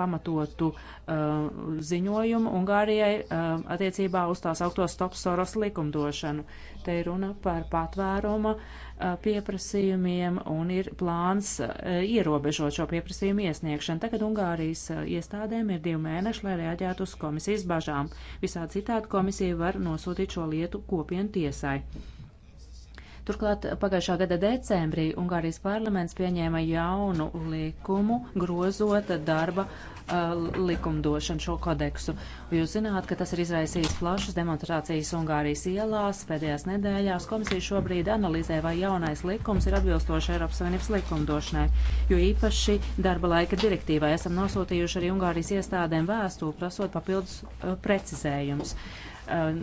pamatotu um, ziņojumu Ungārijai um, attiecībā uz tās augto stop soros likumdošanu. Te ir runa par patvēruma uh, pieprasījumiem un ir plāns uh, ierobežot šo pieprasījumu iesniegšanu. Tagad Ungārijas uh, iestādēm ir divi mēneši, lai reaģētu uz komisijas bažām. Visā citādi komisija var nosūtīt šo lietu kopienu tiesai. Turklāt pagājušā gada decembrī Ungārijas parlaments pieņēma jaunu likumu, grozot darba uh, likumdošanu šo kodeksu. Jūs zināt, ka tas ir izraisījis plašas demonstrācijas Ungārijas ielās pēdējās nedēļās. Komisija šobrīd analizē, vai jaunais likums ir atbilstoši Eiropas Savienības likumdošanai, jo īpaši darba laika direktīvai esam nosūtījuši arī Ungārijas iestādēm vēstuli prasot papildus uh, precizējumus. Uh, Ehm,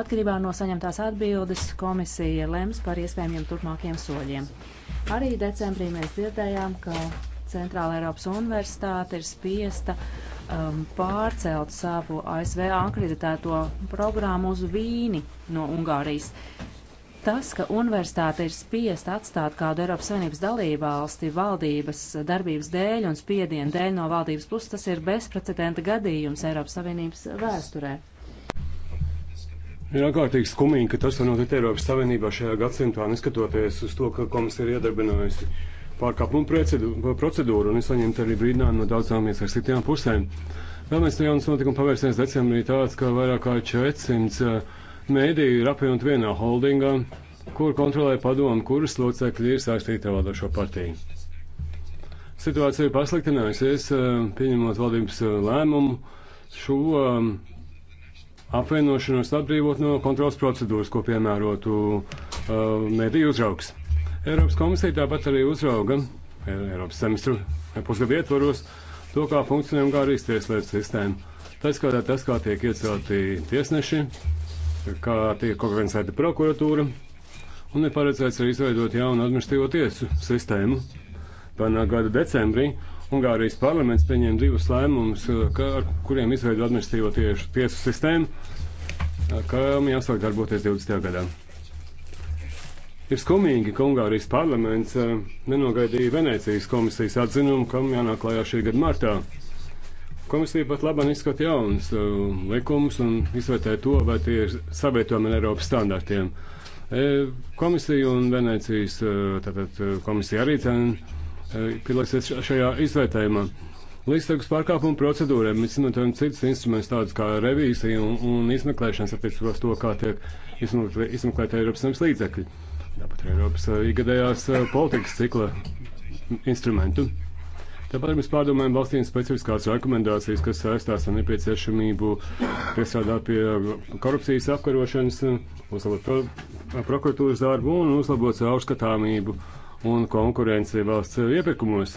atkarībā no saņemtās atbildes komisija lems par iespējamiem turpmākiem soļiem. Arī decembrī mēs dzirdējām, ka Centrāla Eiropas Universitāte ir spiesta um, pārcelt savu ASV akreditēto programmu uz Vīni no Ungārijas. Tas, ka universitāte ir spiest atstāt kādu Eiropas Savienības dalībvalsti valdības darbības dēļ un spiedienu dēļ no valdības puses, tas ir bezprecedenta gadījums Eiropas Savienības vēsturē. Ir ārkārtīgi skumīgi, ka tas var notikt Eiropas Savienībā šajā gadsimtā, neskatoties uz to, ka komisija ir iedarbinājusi pārkāpumu procedūru un ir saņemta arī brīdinājumi no daudzām iesaistītajām pusēm. Vēl viens jauns notikums pavērsies decembrī tāds, ka vairāk kā 400 eh, mēdīju ir apvienot vienā holdingā, kur kontrolē padomu, kuras locekļi ir saistīti ar valdošo partiju. Situācija ir pasliktinājusies, eh, pieņemot valdības eh, lēmumu. Šo apvienošanos atbrīvot no kontrolas procedūras, ko piemērotu uh, mediju uzraugs. Eiropas komisija tāpat arī uzrauga Eiropas semestru pusgadu ietvaros to, kā funkcionē Ungārijas tieslietu sistēma. Tas, kā, tas, kā tiek iecelti tiesneši, kā tiek organizēta prokuratūra, un ir paredzēts arī izveidot jaunu administratīvo tiesu sistēmu. Panā gada decembrī Ungārijas parlaments pieņēma divus lēmumus, eh, ar kuriem izveido administratīvo tiešu tiesu sistēmu, eh, kam jāsāk darboties 20. gadā. Ir skumīgi, ka Ungārijas parlaments eh, nenogaidīja Venecijas komisijas atzinumu, kam jānāk klajā šī gada martā. Komisija pat labāk izskata jaunas likumus un izvērtē to, vai tie ir savietojami ar Eiropas standartiem. Komisija un Venecijas tātad, komisija arī cenšas piedalīsies eh, šajā izvērtējumā. Līdztekus pārkāpumu procedūriem mēs izmantojam citas instrumentus, tādus kā revīzija un, un izmeklēšanas attiecībā uz to, kā tiek izmeklēta Eiropas Savienības līdzekļi. Tāpat arī Eiropas eh, ikgadējās eh, politikas cikla instrumentu. Tāpēc mēs pārdomājam valstīm specifiskās rekomendācijas, kas saistās ar nepieciešamību piestrādāt pie korupcijas apkarošanas, uzlabot pro prokuratūras darbu un uzlabot savu uzskatāmību. Uh, un konkurenci valsts iepirkumos,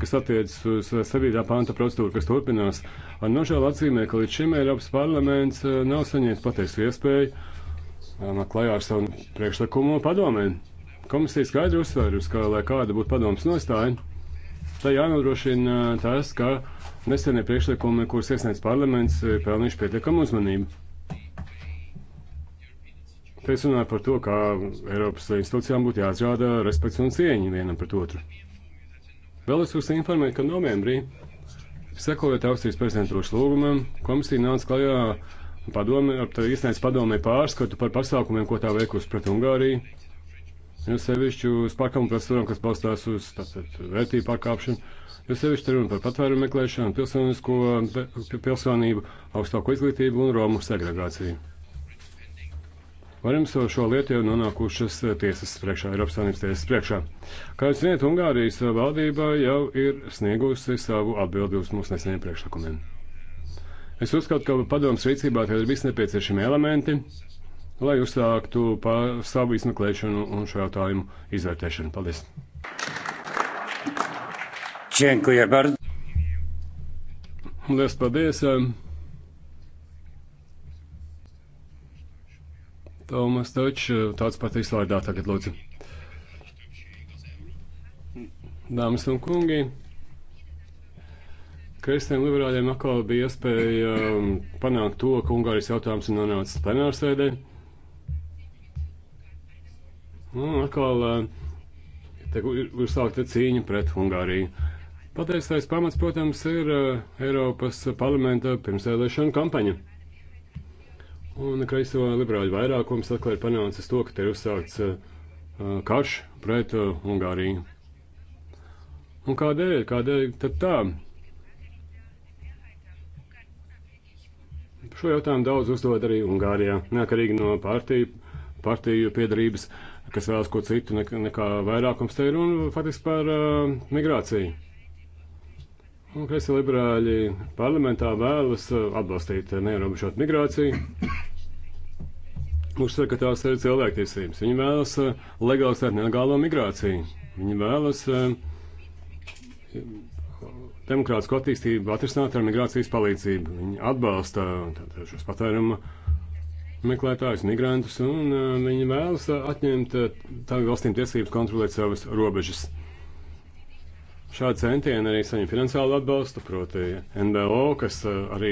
kas attiecas uz 7. panta procedūru, kas turpinās. Ar nožēlu atzīmē, ka līdz šim Eiropas parlaments eh, nav saņēmis patiesu iespēju eh, klajā ar savu priekšlikumu padomē. Komisija skaidri uzsvērusi, ka, lai kāda būtu padomas nostāja, tā jānodrošina eh, tas, ka nesenie priekšlikumi, kurus iesniedz parlaments, ir pelnījuši pietiekamu uzmanību. Te es runāju par to, kā Eiropas institūcijām būtu jāizrāda respekts un cieņa vienam pret otru. Vēl es jūs informēju, ka novembrī, sekojot Austrijas prezidentūras lūgumam, komisija nāca klajā padome, iesniedz padomē pārskatu par pasākumiem, ko tā veikusi pret Ungāriju. Jo sevišķi uz pārkāpumu procedūrām, kas balstās uz tātad, vērtību pārkāpšanu, jo sevišķi runa par patvērumu meklēšanu, pilsonisko pilsonību, augstāko izglītību un Romu segregāciju varamsošo lietu jau nonākušas eh, tiesas priekšā, Eiropas Savienības tiesas priekšā. Kā jūs zināt, Ungārijas eh, valdība jau ir sniegusi savu atbildi uz mūsu neseniem priekšlikumiem. Es uzskatu, ka padomus rīcībā ir visi nepieciešamie elementi, lai uzsāktu savu izmeklēšanu un šo jautājumu izvērtēšanu. Paldies! Čenkuja, Lielas paldies! Um, Tomas Deutsch, tāds patīs vārdā tagad lūdzu. Dāmas un kungi, kristiem liberāļiem atkal bija iespēja um, panākt to, ka Ungārijas jautājums ir nonācis plenārsēdē. Nu, un atkal um, te ir sākta cīņa pret Ungāriju. Patiesais pamats, protams, ir uh, Eiropas parlamenta pirmsēlēšana kampaņa. Un kreiso liberāļu vairākums atkal ir panācis to, ka te ir uzsākts uh, karš pret uh, Ungāriju. Un kādēļ? Kādēļ tad tā? Šo jautājumu daudz uzdod arī Ungārijā, neatkarīgi no partiju, partiju piedarības, kas vēlas ko citu nekā, nekā vairākums te ir, un faktiski par uh, migrāciju. Un kreisie liberāļi parlamentā vēlas uh, atbalstīt uh, neierobežot migrāciju. Uzsver, ka tās ir cilvēktiesības. Viņi vēlas uh, legalizēt nelegālo migrāciju. Viņi vēlas demokrātisku attīstību atrisināt ar migrācijas palīdzību. Viņi atbalsta šos patērumu meklētājus, migrantus, un viņi vēlas atņemt tā valstīm tiesības kontrolēt savas robežas. Šādi centieni arī saņem finansiālu atbalstu, proti NBO, kas eh, arī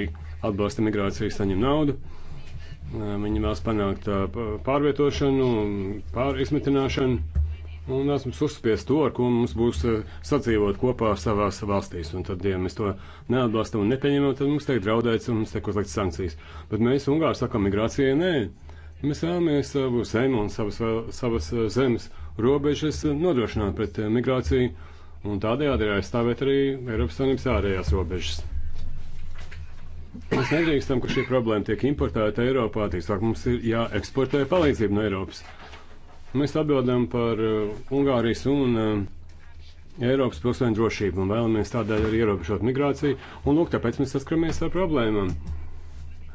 atbalsta migrāciju, saņem naudu. Eh, viņi vēlas panākt eh, pārvietošanu, pārizmitināšanu un esmu uzspiest to, ar ko mums būs sadzīvot kopā savās valstīs. Un tad, ja mēs to neatbalstam un nepieņemam, tad mums tiek draudēts un mums tiek uzlikts sankcijas. Bet mēs Ungāri sakam migrācijai nē. Mēs vēlamies savu zemi un savas, savas zemes robežas nodrošināt pret migrāciju un tādējādi ir aizstāvēt arī Eiropas Savienības ārējās robežas. Mēs nedrīkstam, ka šī problēma tiek importēta Eiropā, tīsāk mums ir jāeksportē palīdzību no Eiropas. Mēs atbildam par uh, Ungārijas un uh, Eiropas pilsoņu drošību un vēlamies tādēļ arī ierobežot migrāciju, un lūk, tāpēc mēs saskaramies ar problēmām.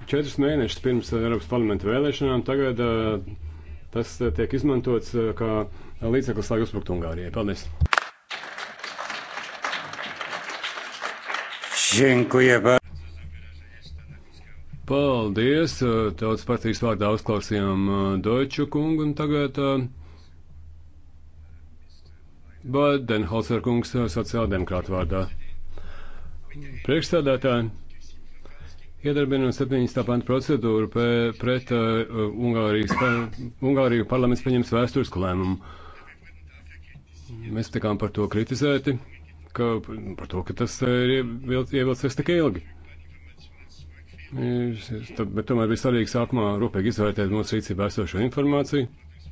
Četrus mēnešus pirms Eiropas parlamenta vēlēšanām tagad uh, tas uh, tiek izmantots uh, kā līdzeklis, lai uzbruktu Ungārijai. Paldies! Paldies! Tautas partijas vārdā uzklausījām Deutsche kungu un tagad Badenholzer kungs sociāldemokrāta vārdā. Priekšstādātāji, iedarbinot 17. pantu procedūru pē, pret uh, Ungārijas, pa, Ungāriju parlaments pieņems vēsturisku lēmumu. Mēs tikām par to kritizēti ka par to, ka tas eh, ir ievilcies tik ilgi. Tad, bet tomēr bija svarīgi sākumā rūpīgi izvērtēt mūsu rīcībā esošo informāciju. Eh,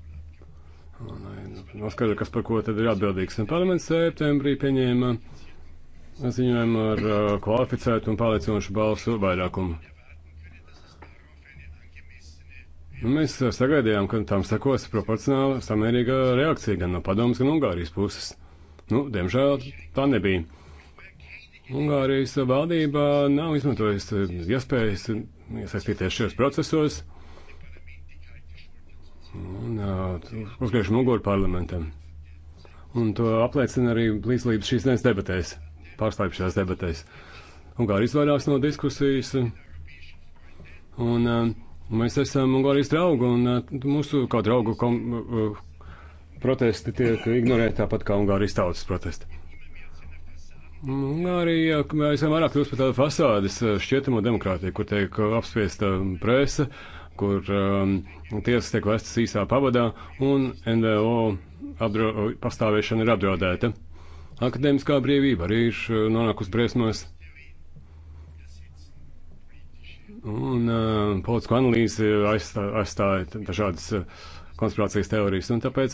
nu, Noskaidro, kas par ko tad ir atbildīgs. Un parlaments septembrī pieņēma ziņojumu ar uh, kvalificētu un pārliecinošu balsu vairākumu. Nu, mēs sagaidījām, ka tam sekos proporcionāla samērīga reakcija gan no padomas, gan Ungārijas puses. Nu, diemžēl tā nebija. Ungārijas valdība nav izmantojusi iespējas iesaistīties šajos procesos. Un, uh, uzgriež muguru parlamentam. Un to apliecina arī līdzlīdz šīs dienas debatēs, pārslēpšās debatēs. Ungārija izvairās no diskusijas, un uh, mēs esam Ungārijas draugi, un uh, mūsu kā draugu kom, uh, protesti tiek ignorēti tāpat kā Ungārijas tautas protesti. Arī aizvien vairāk kļūst par tādu fasādes eh, šķietamo demokrātiju, kur tiek eh, apspiesta um, presa, kur um, tiesas tiek vestas īsā pavadā un NVO apdro, pastāvēšana ir apdraudēta. Akadēmiskā brīvība arī ir eh, nonākusi briesmās. Un uh, politisko analīzi aizstāja dažādas uh, konspirācijas teorijas. Un tāpēc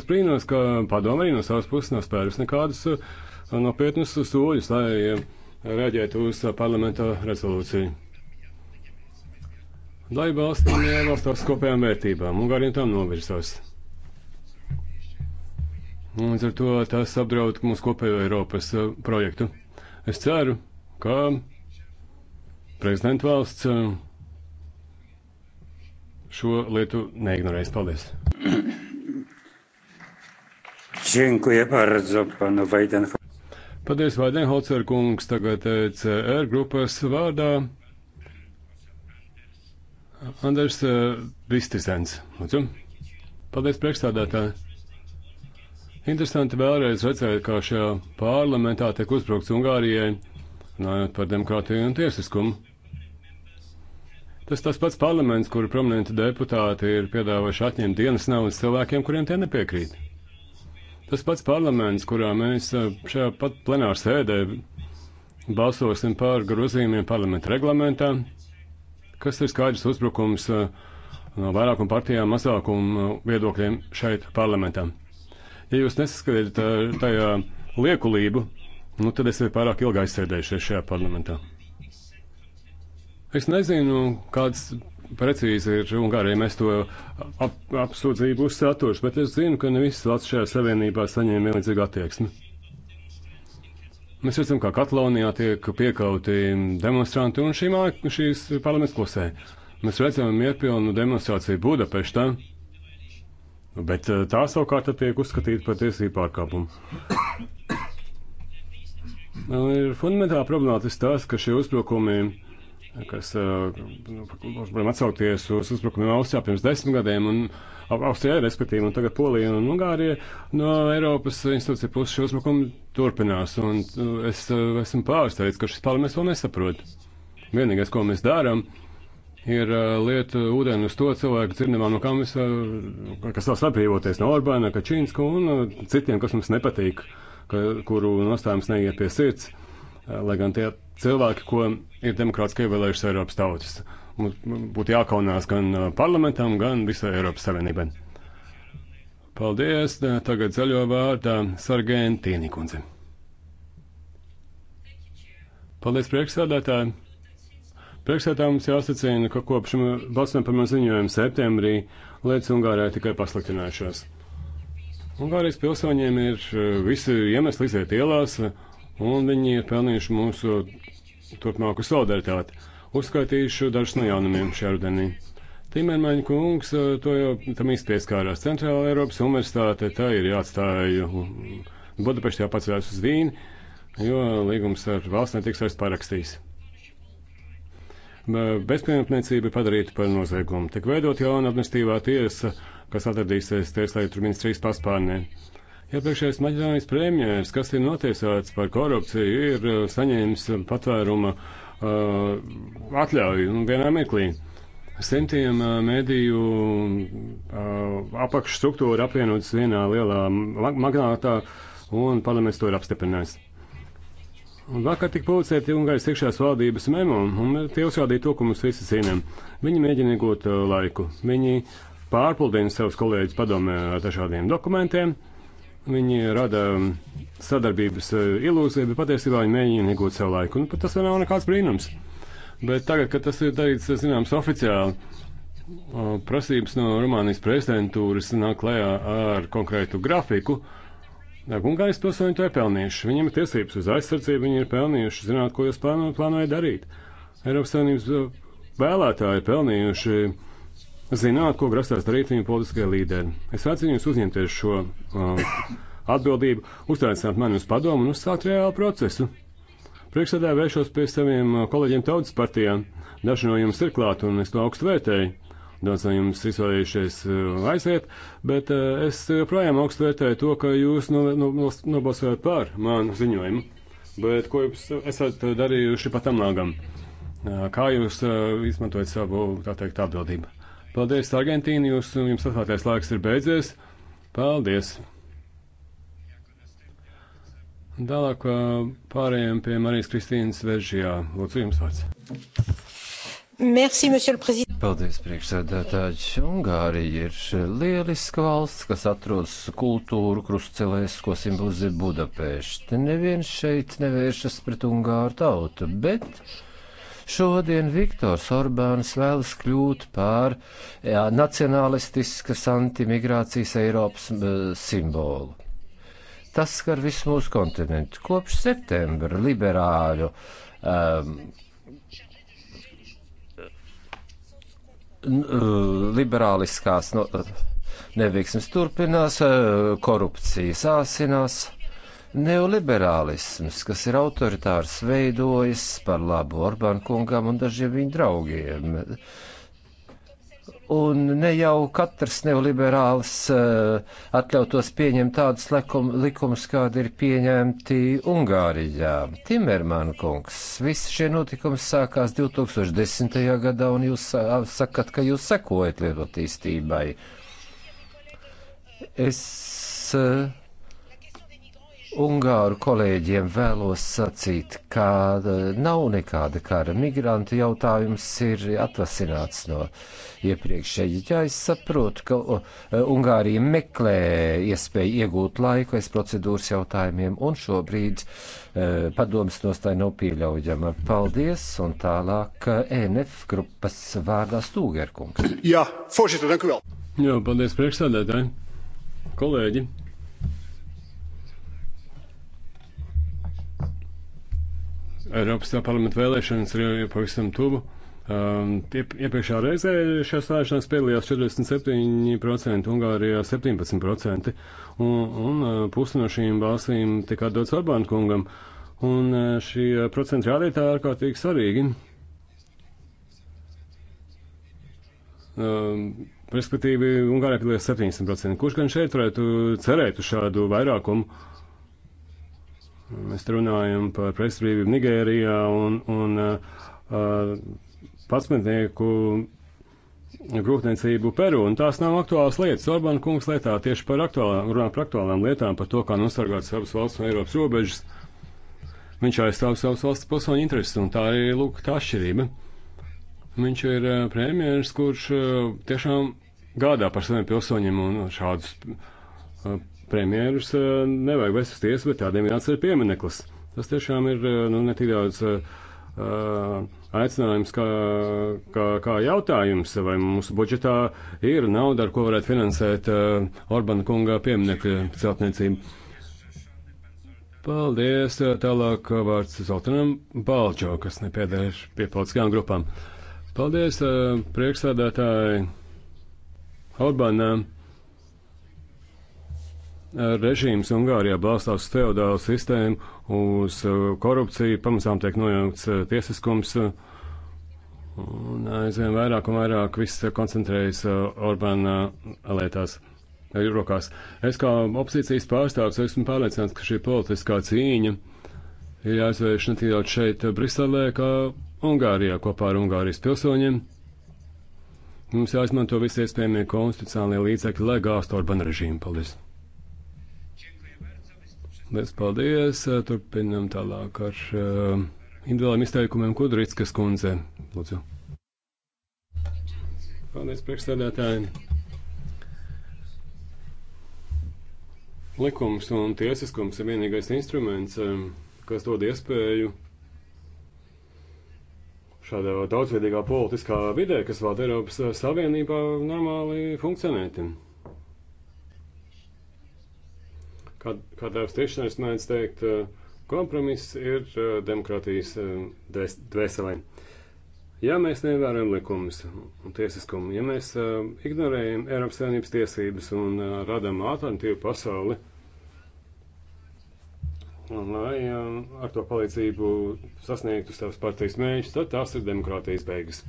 es brīnos, ka padomē no savas puses nav spērus nekādus uh, nopietnus soļus, lai uh, reaģētu uz uh, parlamenta rezolūciju. Lai balstīm jābalstās kopējām vērtībām, Ungāriem tam novirzās. Un ar to tas apdraud mūsu kopējo Eiropas projektu. Es ceru, ka prezidenta valsts šo lietu neignorēs. Paldies! Dziękuję bardzo panu Weidenholzer. Paldies, Vaidenholzer kungs, tagad e CR grupas vārdā. Anders eh, Vistisens, lūdzu. Paldies, priekšstādātāji. Interesanti vēlreiz redzēt, kā šajā parlamentā tiek uzbrukts Ungārijai, runājot par demokrātiju un tiesiskumu. Tas tas pats parlaments, kur prominenti deputāti ir piedāvājuši atņemt dienas naudas cilvēkiem, kuriem tie nepiekrīt. Tas pats parlaments, kurā mēs šajā pat plenāru sēdē balsosim par grozījumiem parlamenta reglamentā, kas ir skaidrs uzbrukums no vairākuma partijām mazākuma viedokļiem šeit parlamentā. Ja jūs nesaskatiet tajā liekulību, nu tad esat pārāk ilgi aizsēdējušies šajā parlamentā. Es nezinu, kāds precīzi ir Ungārija, mēs to ap, apsūdzību uzsātoši, bet es zinu, ka ne visas valsts šajā savienībā saņēma vienlīdzīgu attieksmi. Mēs redzam, kā Katalonijā tiek piekauti demonstranti un šī mā, šīs parlaments klusē. Mēs redzam iepilnu demonstrāciju Budapeštā, bet eh, tā savukārt tiek uzskatīta par tiesību pārkāpumu. ir fundamentāli problemātiski tas, ka šie uzbrukumi kas nu, varam atsaukties uz uzbrukumiem Austrijā pirms desmit gadiem, un Austrijai, respektīvi, un tagad Polija un Ungārija no Eiropas institūcija puses šie uzbrukumi turpinās, un es esmu pārsteigts, ka šis parlaments to nesaprot. Vienīgais, ko mēs darām, ir lieta ūdeni uz to cilvēku dzirdamā, no kā mēs, kas tās atbrīvoties no Orbāna, Kačīnska un citiem, kas mums nepatīk, ka, kuru nostājums neiet pie sirds, lai gan tie cilvēki, ko ir demokrātiski ievēlējušas Eiropas tautas. Būtu jākaunās gan uh, parlamentam, gan visai Eiropas Savienībai. Paldies! Uh, tagad zaļo vārdā Sargēntīnī kundze. Paldies, priekšsēdētāji! Priekšsēdētājiem mums jāsacīna, ka kopš balsojuma par manu ziņojumu septembrī lietas Ungārijā tikai pasliktinājušās. Ungārijas pilsoņiem ir uh, visi iemesli iziet ielās, un viņi ir pelnījuši mūsu turpmāku solidaritāti. Uzskaitīšu dažus no jaunumiem šajā rudenī. Timermaņa kungs eh, to jau tam īsti pieskārās. Centrāla Eiropas universitāte tā ir jāatstāja Budapeštā pacelās uz Vīni, jo līgums ar valsts netiks vairs parakstīs. Bezpajumtniecība ir padarīta par noziegumu. Tik veidot jauna administratīvā tiesa, kas atradīsies Tieslietu ministrijas paspārnē. Iepriekšējais ja Maģinājums premjērs, kas ir notiesāts par korupciju, ir uh, saņēmis patvēruma uh, atļauju nu, vienā mirklī. Simtiem uh, mediju uh, apakšstruktūra apvienotas vienā lielā magnātā, un parlaments to ir apstiprinājis. Un vakar tika publicēta Ungārijas iekšējās valdības memo, un tie uzrādīja to, ko mums visi zinām. Viņi mēģina iegūt uh, laiku. Viņi pārpildina savus kolēģus padomē ar dažādiem dokumentiem. Uh, Viņi rada um, sadarbības uh, ilūziju, bet patiesībā viņi mēģina iegūt savu laiku. Un nu, pat tas vēl nav nekāds brīnums. Bet tagad, kad tas ir darīts, uh, zināms, oficiāli, uh, prasības no Rumānijas prezidentūras nāk klajā ar konkrētu grafiku. Ungārijas pilsoņi to ir pelnījuši. Viņiem ir tiesības uz aizsardzību, viņi ir pelnījuši zināt, ko jūs plāno, plānojat darīt. Eiropas Savienības vēlētāji ir pelnījuši uh, zināt, ko grasās darīt viņu politiskie līderi. Es aicinu jūs uzņemties šo uh, atbildību, uztaicināt mani uz padomu un uzsākt reālu procesu. Priekšsēdē vēršos pie saviem uh, kolēģiem tautas partijām. Daži no jums ir klāt, un es to augstu vērtēju. Daudz no jums izvēlējušies uh, aiziet, bet uh, es joprojām augstu vērtēju to, ka jūs no, no, nobalsojat pār manu ziņojumu. Bet ko jūs esat darījuši pat tam nākam? Kā jūs izmantojat savu, tā teikt, atbildību? Paldies, Argentīna, jūs, jums atvēlētais laiks ir beidzies. Paldies! Tālāk uh, pārējiem pie Marijas Kristīnas Veržijā. Lūdzu, jums vārds. Merci, monsieur le président. Paldies, priekšsēdētāji. Ungārija ir lieliska valsts, kas atrodas kultūru krustcelēs, ko simbolizē Budapešti. Neviens šeit nevēršas pret Ungāru tautu, bet Šodien Viktors Orbāns vēlas kļūt par jā, nacionalistiskas antimigrācijas Eiropas simbolu. Tas skar visu mūsu kontinentu. Kopš septembra liberāļu um, uh, liberāliskās no, uh, neveiksmes turpinās, uh, korupcijas āsinās. Neoliberālisms, kas ir autoritārs, veidojas par labu Orbán kungam un dažiem viņa draugiem. Un ne jau katrs neoliberāls uh, eh, atļautos pieņemt tādus likumus, kādi ir pieņemti Ungārijā. Timermāna kungs, visi šie notikumi sākās 2010. gadā, un jūs uh, sakat, ka jūs sekojat lietu attīstībai. Es uh, Ungāru kolēģiem vēlos sacīt, ka e, nav nekāda kara. Migrantu jautājums ir atvasināts no iepriekšēji. Ja es saprotu, ka e, Ungārija meklē iespēju iegūt laiku aiz procedūras jautājumiem, un šobrīd e, padomas nostāja nav pieļaujama. Paldies, un tālāk ENF grupas vārdā Stūgerkungs. Jā, forši, tad vēl. Jā, paldies priekšsēdētāji, kolēģi. Eiropas parlamenta vēlēšanas ir pavisam tuvu. Um, iepriekšā reizē šajās vēlēšanās piedalījās 47%, Ungārijā 17%, un, un uh, pusi no šīm balsīm tika dots Orbāna kungam, un uh, šie procentu rādītāji ārkārtīgi svarīgi. Um, respektīvi, Ungārijā piedalījās 17%. Kurš gan šeit varētu cerēt uz šādu vairākumu? Mēs runājam par presbrīvību Nigērijā un, un uh, uh patsmetnieku grūtniecību Peru, un tās nav aktuālas lietas. Orbán kungs lietā tieši par aktuālām, runā par aktuālām lietām, par to, kā nosargāt savas valsts un Eiropas robežas. Viņš aizstāv savas valsts pilsoņu intereses, un tā ir lūk tā atšķirība. Viņš ir uh, premjeras, kurš uh, tiešām gādā par saviem pilsoņiem un šādus uh, premjerus eh, nevajag vest uz tiesu, bet tādiem jāatcer piemineklis. Tas tiešām ir eh, nu, ne tik daudz uh, aicinājums kā, kā, kā jautājums, vai mūsu budžetā ir nauda, ar ko varētu finansēt uh, Orbana kunga pieminekļa celtniecību. Paldies! Tālāk vārds Zoltanam Balčo, kas nepiedēļ pie politiskajām grupām. Paldies, priekšsādātāji Orbanam! režīms Ungārijā balstās uz feodālu sistēmu, uz uh, korupciju, pamazām tiek nojaukts uh, tiesiskums. Uh, un aizvien vairāk un vairāk viss koncentrējas Orbāna lietās, rokās. Es kā opozīcijas pārstāvis esmu pārliecināts, ka šī politiskā cīņa ir jāizvērš ne tikai šeit, Briselē, kā Ungārijā kopā ar Ungārijas pilsoņiem. Mums jāizmanto visi iespējamie konstitucionālie līdzekļi, lai gāstu Orbāna režīmu. Paldies! Liels paldies! Turpinam tālāk ar uh, individuāliem izteikumiem Kudrītskas kundze. Lūdzu. Paldies, priekšstādātāji! Likums un tiesiskums ir vienīgais instruments, eh, kas dod iespēju šādā daudzveidīgā politiskā vidē, kas valda Eiropas Savienībā, normāli funkcionēt. kādās tikšanās mēdz teikt, eh, kompromiss ir eh, demokrātijas eh, dvēselē. Ja mēs nevērojam likumus un tiesiskumu, ja mēs uh, ignorējam Eiropas Savienības tiesības un uh, radām alternatīvu pasauli, un, lai uh, ar to palīdzību sasniegtu savas partijas mēģinājumus, tad tās ir demokrātijas beigas.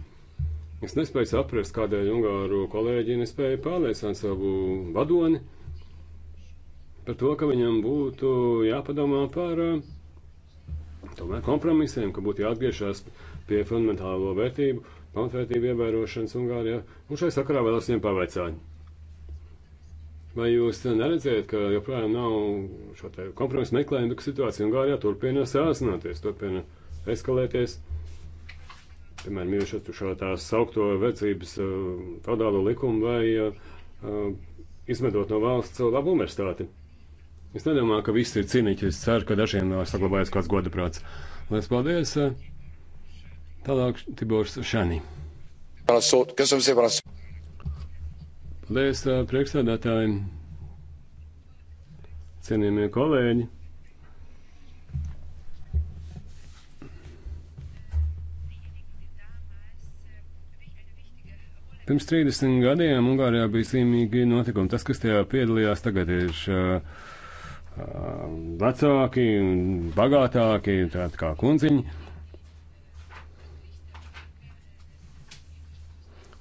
Es nespēju saprast, kādēļ Ungāru kolēģi nespēja pārliecināt savu vadoni. Uh, par to, ka viņam būtu jāpadomā par eh, tomēr kompromisiem, ka būtu jāatgriežas pie fundamentālo vērtību, pamatvērtību ievērošanas Ungārijā. Un šai sakarā vēlos viņiem pavaicāt. Vai jūs neredzējat, ka joprojām nav šo te kompromisu meklējumu, ka situācija Ungārijā turpina sāsināties, turpina eskalēties? Piemēram, jūs esat šo tās saukto vecības eh, feudālo likumu vai uh, izmedot no valsts labu universitāti. Es nedomāju, ka visi ir cīniķi. Es ceru, ka dažiem saglabājas kāds godaprāts. Lielas paldies! Tālāk Tibors Šani. Kas jums ir prasījis? Paldies eh, priekšsēdētājiem, cienījamie kolēģi. Pirms 30 gadiem Ungārijā bija zīmīgi notikumi. Tas, kas tajā piedalījās, tagad ir. Uh, vecāki, bagātāki, tādi kā kundziņi.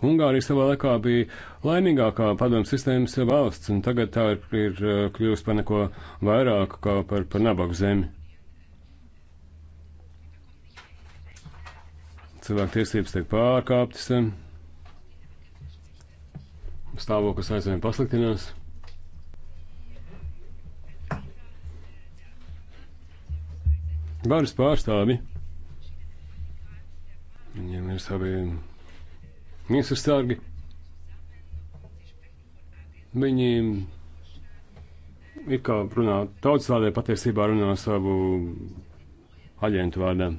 Ungārija savā laikā bija laimīgākā padomu sistēmas valsts, un tagad tā ir, ir kļuvusi par neko vairāk kā par, par nabagu zemi. Cilvēku tiesības tiek pārkāptas, stāvoklis aizvien pasliktinās. Varas pārstāvi, viņiem ir savi miesas sargi. Viņi ir kā runā tautas vārdē, patiesībā runā savu aģentu vārdā.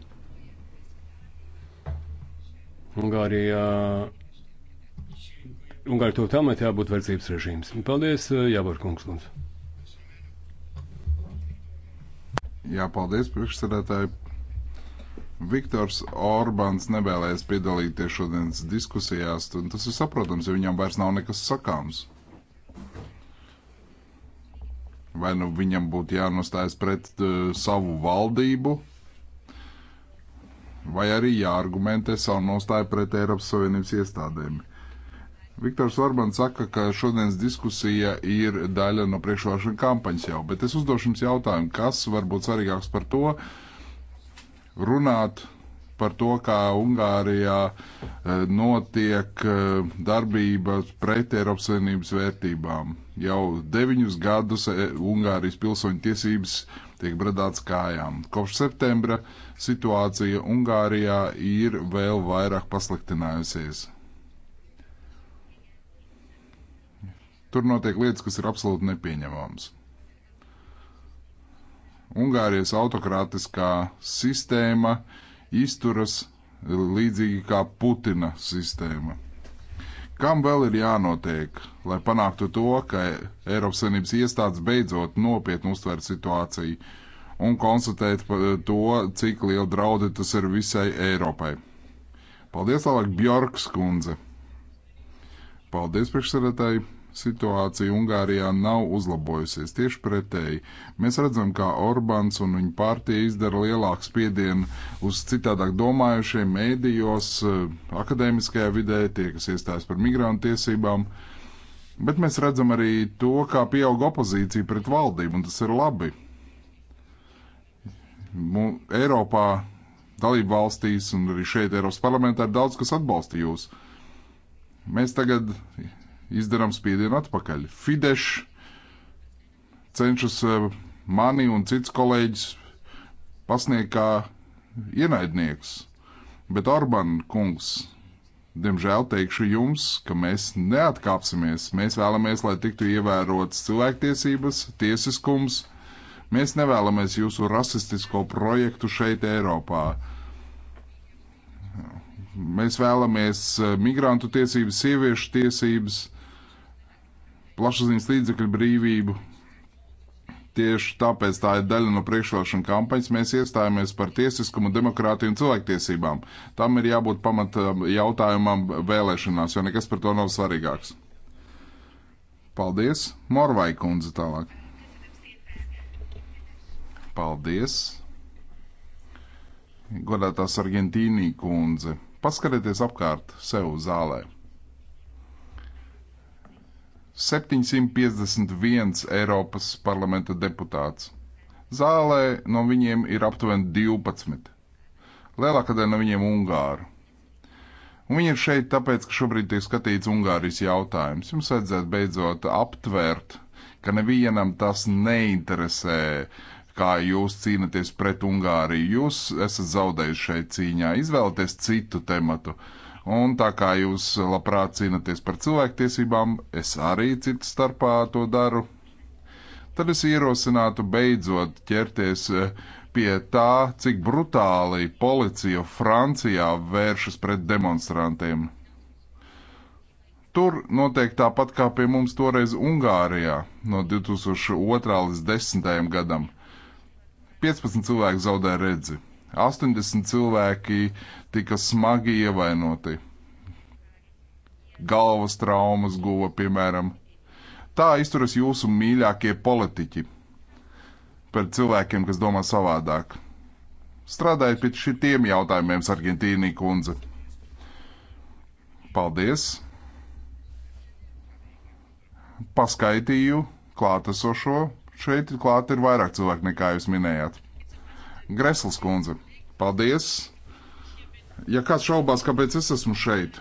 Ungārijā. Ungārijā to tam, lai tā būtu verdzības režīms. Paldies, Jāborkungs, lūdzu. Jā, paldies priekšsēdētāji. Viktors Orbāns nevēlēs piedalīties šodienas diskusijās, un tas ir saprotams, jo viņam vairs nav nekas sakāms. Vai nu viņam būtu jānostājas pret uh, savu valdību, vai arī jāargumentē savu nostāju pret Eiropas Savienības iestādēm. Viktors Orbán saka, ka šodienas diskusija ir daļa no priekšvēlēšana kampaņas jau, bet es uzdošu jums jautājumu, kas var būt svarīgāks par to runāt par to, kā Ungārijā eh, notiek eh, darbība pret Eiropas Savienības vērtībām. Jau deviņus gadus eh, Ungārijas pilsoņu tiesības tiek bradāts kājām. Kopš septembra situācija Ungārijā ir vēl vairāk pasliktinājusies. Tur notiek lietas, kas ir absolūti nepieņemamas. Ungārijas autokrātiskā sistēma izturas līdzīgi kā Putina sistēma. Kam vēl ir jānotiek, lai panāktu to, ka Eiropas Savienības iestādes beidzot nopietni uztver situāciju un konstatēt to, cik liela draudi tas ir visai Eiropai? Paldies, Lāk, Bjorks kundze! Paldies, priekšsēdētāji! situācija Ungārijā nav uzlabojusies. Tieši pretēji, mēs redzam, kā Orbāns un viņa partija izdara lielāku spiedienu uz citādāk domājušiem mēdījos, eh, akadēmiskajā vidē, tie, kas iestājas par migrantu tiesībām. Bet mēs redzam arī to, kā pieaug opozīcija pret valdību, un tas ir labi. Eiropā, dalību valstīs un arī šeit Eiropas parlamentā ir daudz, kas atbalsta jūs. Mēs tagad izdarām spiedienu atpakaļ. Fidesz cenšas eh, mani un cits kolēģis pasniegt kā ienaidnieks, bet Orbán kungs Diemžēl teikšu jums, ka mēs neatkāpsimies. Mēs vēlamies, lai tiktu ievērotas cilvēktiesības, tiesiskums. Mēs nevēlamies jūsu rasistisko projektu šeit, Eiropā. Mēs vēlamies eh, migrantu tiesības, sieviešu tiesības, plašsaziņas līdzekļu brīvību. Tieši tāpēc tā ir daļa no priekšvēlēšana kampaņas. Mēs iestājāmies par tiesiskumu, demokrātiju un cilvēktiesībām. Tam ir jābūt pamata um, jautājumam vēlēšanās, jo nekas par to nav svarīgāks. Paldies, Morvai kundze tālāk. Paldies, godātās Argentīnī kundze. Paskatieties apkārt sev zālē. 751 Eiropas parlamenta deputāts. Zālē no viņiem ir aptuveni 12. Lielākā daļa no viņiem Ungāru. Un viņi ir šeit tāpēc, ka šobrīd tiek skatīts Ungārijas jautājums. Jums vajadzētu beidzot aptvērt, ka nevienam tas neinteresē, kā jūs cīnaties pret Ungāriju. Jūs esat zaudējuši šai cīņā. Izvēlieties citu tematu. Uh, Un tā kā jūs labprāt cīnāties par cilvēktiesībām, es arī citu starpā to daru, tad es ierosinātu beidzot ķerties eh, pie tā, cik brutāli policija Francijā vēršas pret demonstrantiem. Tur notiek tāpat kā pie mums toreiz Ungārijā no 2002. līdz 2010. gadam. 15 cilvēki zaudē redzi. 80 cilvēki tika smagi ievainoti. Galvas traumas guva, piemēram. Tā izturas jūsu mīļākie politiķi par cilvēkiem, kas domā savādāk. Strādājiet pie šitiem jautājumiem, Argentīnī kundze. Paldies! Paskaitīju klātesošo. Šeit klāt ir vairāk cilvēku nekā jūs minējāt. Gresls kundze, paldies! Ja kāds šaubās, kāpēc es esmu šeit,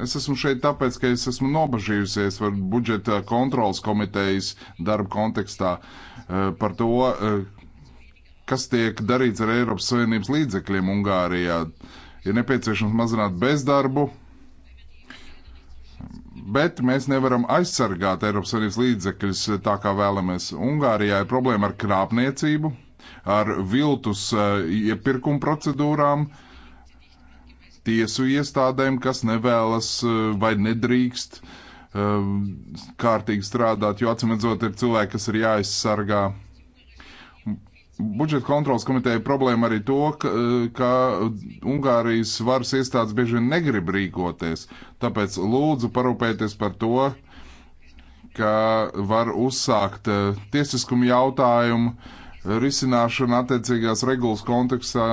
es esmu šeit tāpēc, ka es esmu nobažījusies par budžeta kontrolas komitejas darbu kontekstā eh, par to, eh, kas tiek darīts ar Eiropas Savienības līdzekļiem Ungārijā. Ir nepieciešams mazināt bezdarbu, bet mēs nevaram aizsargāt Eiropas Savienības līdzekļus tā, kā vēlamies. Ungārijā ir problēma ar krāpniecību ar viltus eh, iepirkuma procedūrām, tiesu iestādēm, kas nevēlas eh, vai nedrīkst eh, kārtīgi strādāt, jo atsimedzot ir cilvēki, kas ir jāaizsargā. Budžeta kontrolas komiteja problēma arī to, ka, ka Ungārijas varas iestādes bieži vien negrib rīkoties. Tāpēc lūdzu parūpēties par to, ka var uzsākt tiesiskumu jautājumu risināšana attiecīgās regulas kontekstā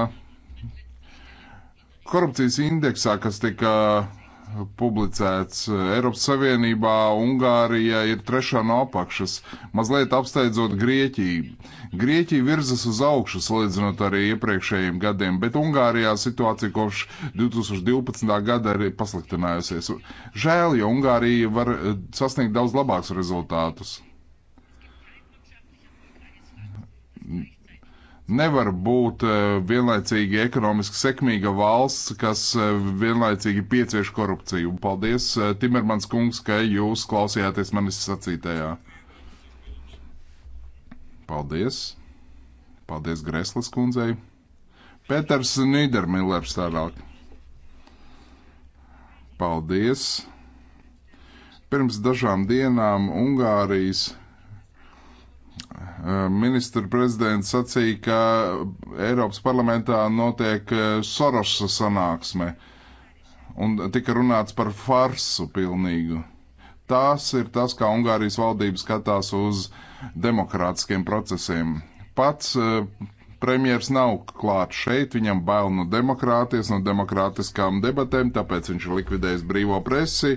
korupcijas indeksā, kas tika publicēts Eiropas Savienībā, Ungārija ir trešā no apakšas, mazliet apsteidzot Grieķiju. Grieķija virzas uz augšu, salīdzinot arī iepriekšējiem gadiem, bet Ungārijā situācija kopš 2012. gada ir pasliktinājusies. Žēl, jo Ungārija var sasniegt daudz labākus rezultātus. Nevar būt eh, vienlaicīgi ekonomiski sekmīga valsts, kas eh, vienlaicīgi piecieš korupciju. Paldies, eh, Timermans kungs, ka jūs klausījāties manis sacītajā. Paldies. Paldies Greslas kundzei. Peters Nīdermillers tālāk. Paldies. Pirms dažām dienām Ungārijas Ministra prezidents sacīja, ka Eiropas parlamentā notiek eh, Soroša sanāksme un tika runāts par farsu pilnīgu. Tas ir tas, kā Ungārijas valdība skatās uz demokrātiskiem procesiem. Pats eh, premjers nav klāts šeit, viņam bail no demokrātijas, no demokrātiskām debatēm, tāpēc viņš ir likvidējis brīvo presi,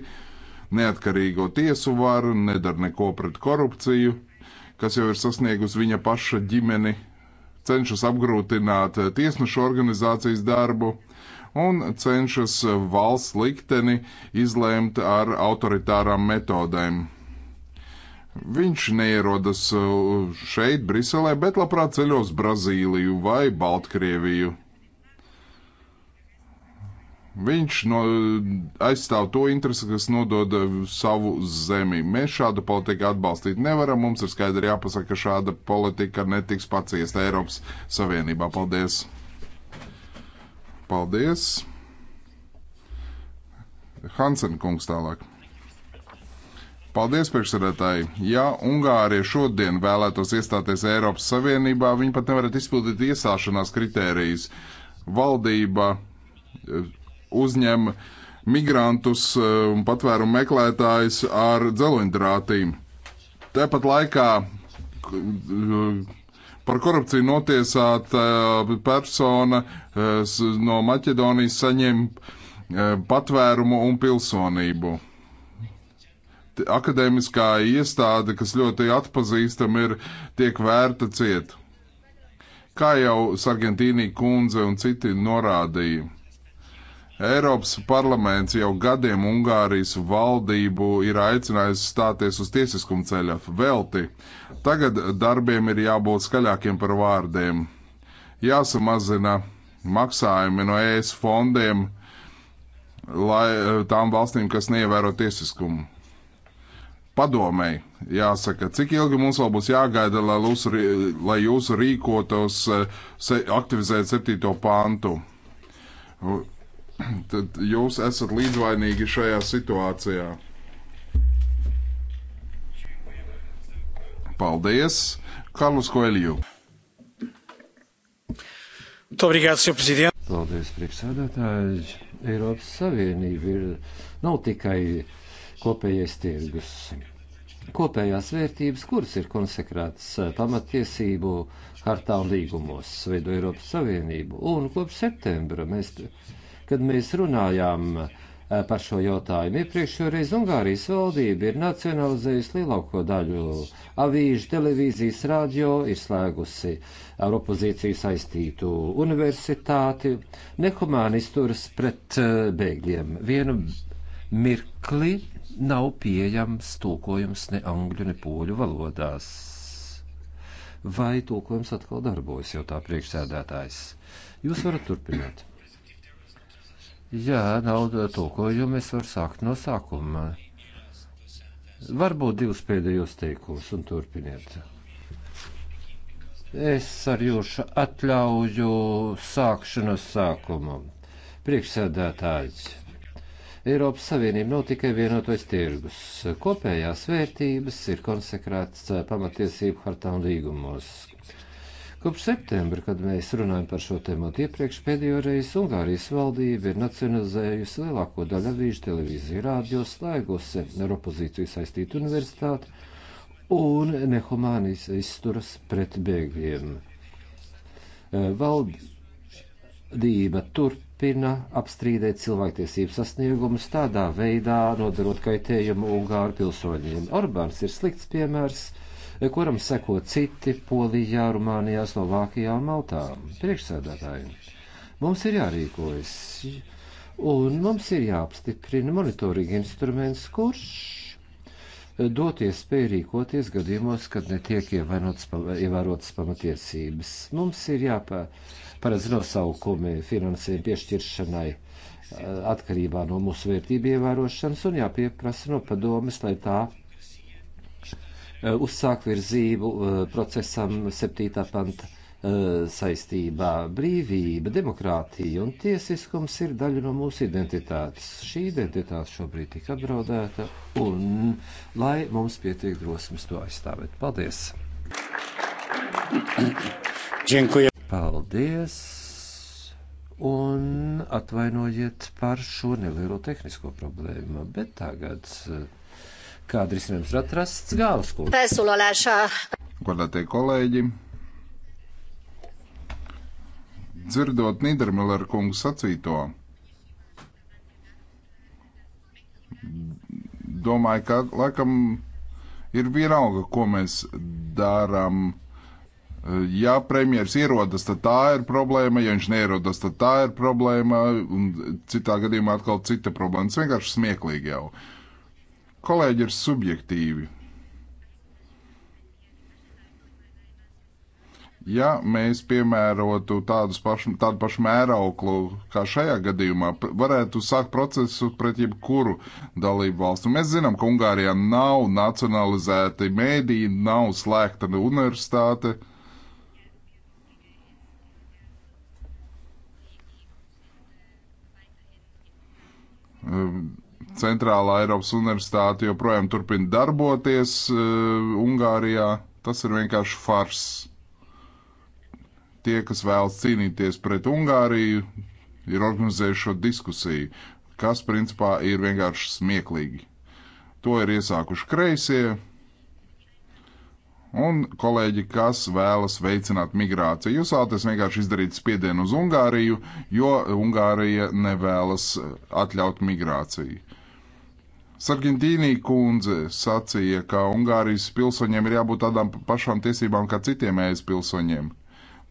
neatkarīgo tiesu varu, nedara neko pret korupciju kas jau ir sasniegusi viņa paša ģimeni, cenšas apgrūtināt eh, tiesnešu organizācijas darbu un cenšas valsts likteni izlēmt ar autoritārām metodēm. Viņš neierodas eh, šeit, Briselē, bet labprāt ceļos Brazīliju vai Baltkrieviju. Viņš no, aizstāv to interesi, kas nodod eh, savu zemi. Mēs šādu politiku atbalstīt nevaram. Mums ir skaidri jāpasaka, ka šāda politika netiks paciesta Eiropas Savienībā. Paldies! Paldies! Hansen kungs tālāk. Paldies, priekšsēdētāji! Ja Ungārija šodien vēlētos iestāties Eiropas Savienībā, viņi pat nevarētu izpildīt iestāšanās kritērijas. Valdība eh, uzņem migrantus eh, un patvērumu meklētājus ar dzeloņdrātīm. Tāpat laikā eh, par korupciju notiesāta eh, persona no Maķedonijas saņem patvērumu un pilsonību. Akadēmiskā iestāde, kas ļoti atpazīstam, ir tiek vērta ciet. Kā jau Sargentīnī kundze un citi norādīja, Eiropas parlaments jau gadiem Ungārijas valdību ir aicinājis stāties uz tiesiskuma ceļa velti. Tagad darbiem ir jābūt skaļākiem par vārdiem. Jāsamazina maksājumi no ES fondiem lai, eh, tām valstīm, kas neievēro tiesiskumu. Padomēji, jāsaka, cik ilgi mums vēl būs jāgaida, lai, lūsu, lai jūs rīkotos, eh, aktivizēt septīto pantu tad jūs esat līdzvainīgi šajā situācijā. Paldies, Karlus Koeliju. Obrigado, Sr. Presidente. Paldies, priekšsēdētāji. Eiropas Savienība ir nav tikai kopējais tirgus. Kopējās vērtības, kuras ir konsekrētas eh, pamatiesību hartā un līgumos, veido Eiropas Savienību. Un kopš septembra mēs kad mēs runājām eh, par šo jautājumu. Iepriekšējo reizi Ungārijas valdība ir nacionalizējusi lielāko daļu avīžu, televīzijas, radio, ir slēgusi ar opozīciju saistītu universitāti, nehumāni izturas pret eh, bēgļiem. Vienu mirkli nav pieejams tulkojums ne angļu, ne poļu valodās. Vai tulkojums atkal darbojas, jau tā priekšsēdētājs? Jūs varat turpināt. Jā, nav tulkojumu, es varu sākt no sākuma. Varbūt divus pēdējos teikumus un turpiniet. Es ar jūsu atļauju sākšu no sākuma. Priekšsēdētājs. Eiropas Savienība nav tikai vienotais tirgus. Kopējās vērtības ir konsekrētas pamatiesību hartā un līgumos. Kopš septembra, kad mēs runājam par šo tēmatu iepriekš pēdējo reizi, Ungārijas valdība ir nacionalizējusi lielāko daļu avīžu televīziju rādio slēgusi ar opozīciju saistītu universitāti un nehumānijas izturas pret bēgļiem. Eh, valdība turpina apstrīdēt cilvēktiesību sasniegumus tādā veidā, nodarot kaitējumu Ungāru pilsoņiem. Orbāns ir slikts piemērs kuram seko citi Polijā, Rumānijā, Slovākijā un Maltā. Priekšsēdētāji, mums ir jārīkojas un mums ir jāapstiprina monitoringa instruments, kurš dot iespēju rīkoties gadījumos, kad netiek ievērotas pamatiesības. Mums ir jāparedz nosaukumi finansējuma piešķiršanai atkarībā no mūsu vērtību ievērošanas un jāpieprasa no padomes, lai tā Eh, uzsākt virzību eh, procesam 7. panta eh, saistībā. Brīvība, demokrātija un tiesiskums ir daļa no mūsu identitātes. Šī identitāte šobrīd tika apdraudēta, un lai mums pietiek drosmes to aizstāvēt. Paldies! Dziękuję. Paldies! Un atvainojiet par šo nelielo tehnisko problēmu, bet tagad. Kāda risinājums ir atrasts gāvas kūrē? Godātie kolēģi, dzirdot Nīdermilleru kungu sacīto, domāju, ka laikam ir vienalga, ko mēs darām. Ja premjeras ierodas, tad tā ir problēma, ja viņš neierodas, tad tā ir problēma, un citā gadījumā atkal cita problēma. Tas vienkārši smieklīgi jau ir Kolēģi ir subjektīvi. ja mēs piemērotu tādus pašu, tādu pašu mērauklu kā šajā gadījumā, varētu sākt procesu pret jebkuru dalību valstu. Mēs zinām, ka Ungārijā nav nacionalizēti mēdīji, nav slēgta universitāte. Um, Centrālā Eiropas Universitāte joprojām turpina darboties eh, Ungārijā. Tas ir vienkārši fars. Tie, kas vēlas cīnīties pret Ungāriju, ir organizējuši šo diskusiju, kas principā ir vienkārši smieklīgi. To ir iesākuši kreisie un kolēģi, kas vēlas veicināt migrāciju. Jūs vēlaties vienkārši izdarīt spiedienu uz Ungāriju, jo Ungārija nevēlas atļaut migrāciju. Sargentīnī kundze sacīja, ka Ungārijas pilsoņiem ir jābūt tādām pašām tiesībām kā citiem ES pilsoņiem.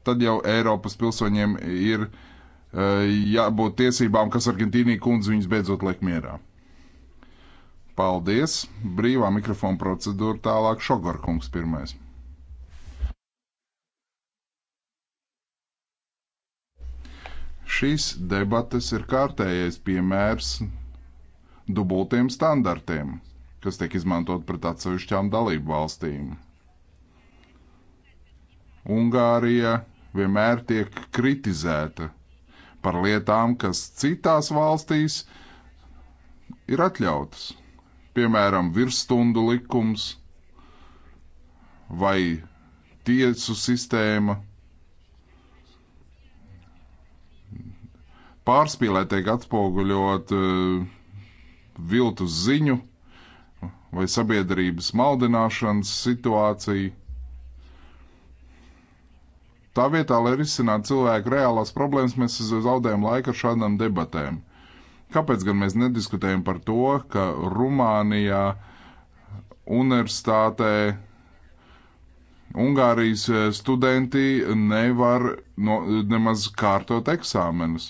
Tad jau Eiropas pilsoņiem ir e, jābūt tiesībām, kas Argentīnī kundze viņus beidzot liek mierā. Paldies! Brīvā mikrofona procedūra tālāk Šogarkungs pirmais. Šīs debates ir kārtējais piemērs dubultiem standartiem, kas tiek izmantot pret atsevišķām dalību valstīm. Ungārija vienmēr tiek kritizēta par lietām, kas citās valstīs ir atļautas. Piemēram, virsstundu likums vai tiesu sistēma. Pārspīlē tiek atspoguļot uh, viltus ziņu vai sabiedrības maldināšanas situāciju. Tā vietā, lai risinātu cilvēku reālās problēmas, mēs zaudējam laiku ar šādām debatēm. Kāpēc gan mēs nediskutējam par to, ka Rumānijā, universitātē, Ungārijas studenti nevar no, nemaz kārtot eksāmenus?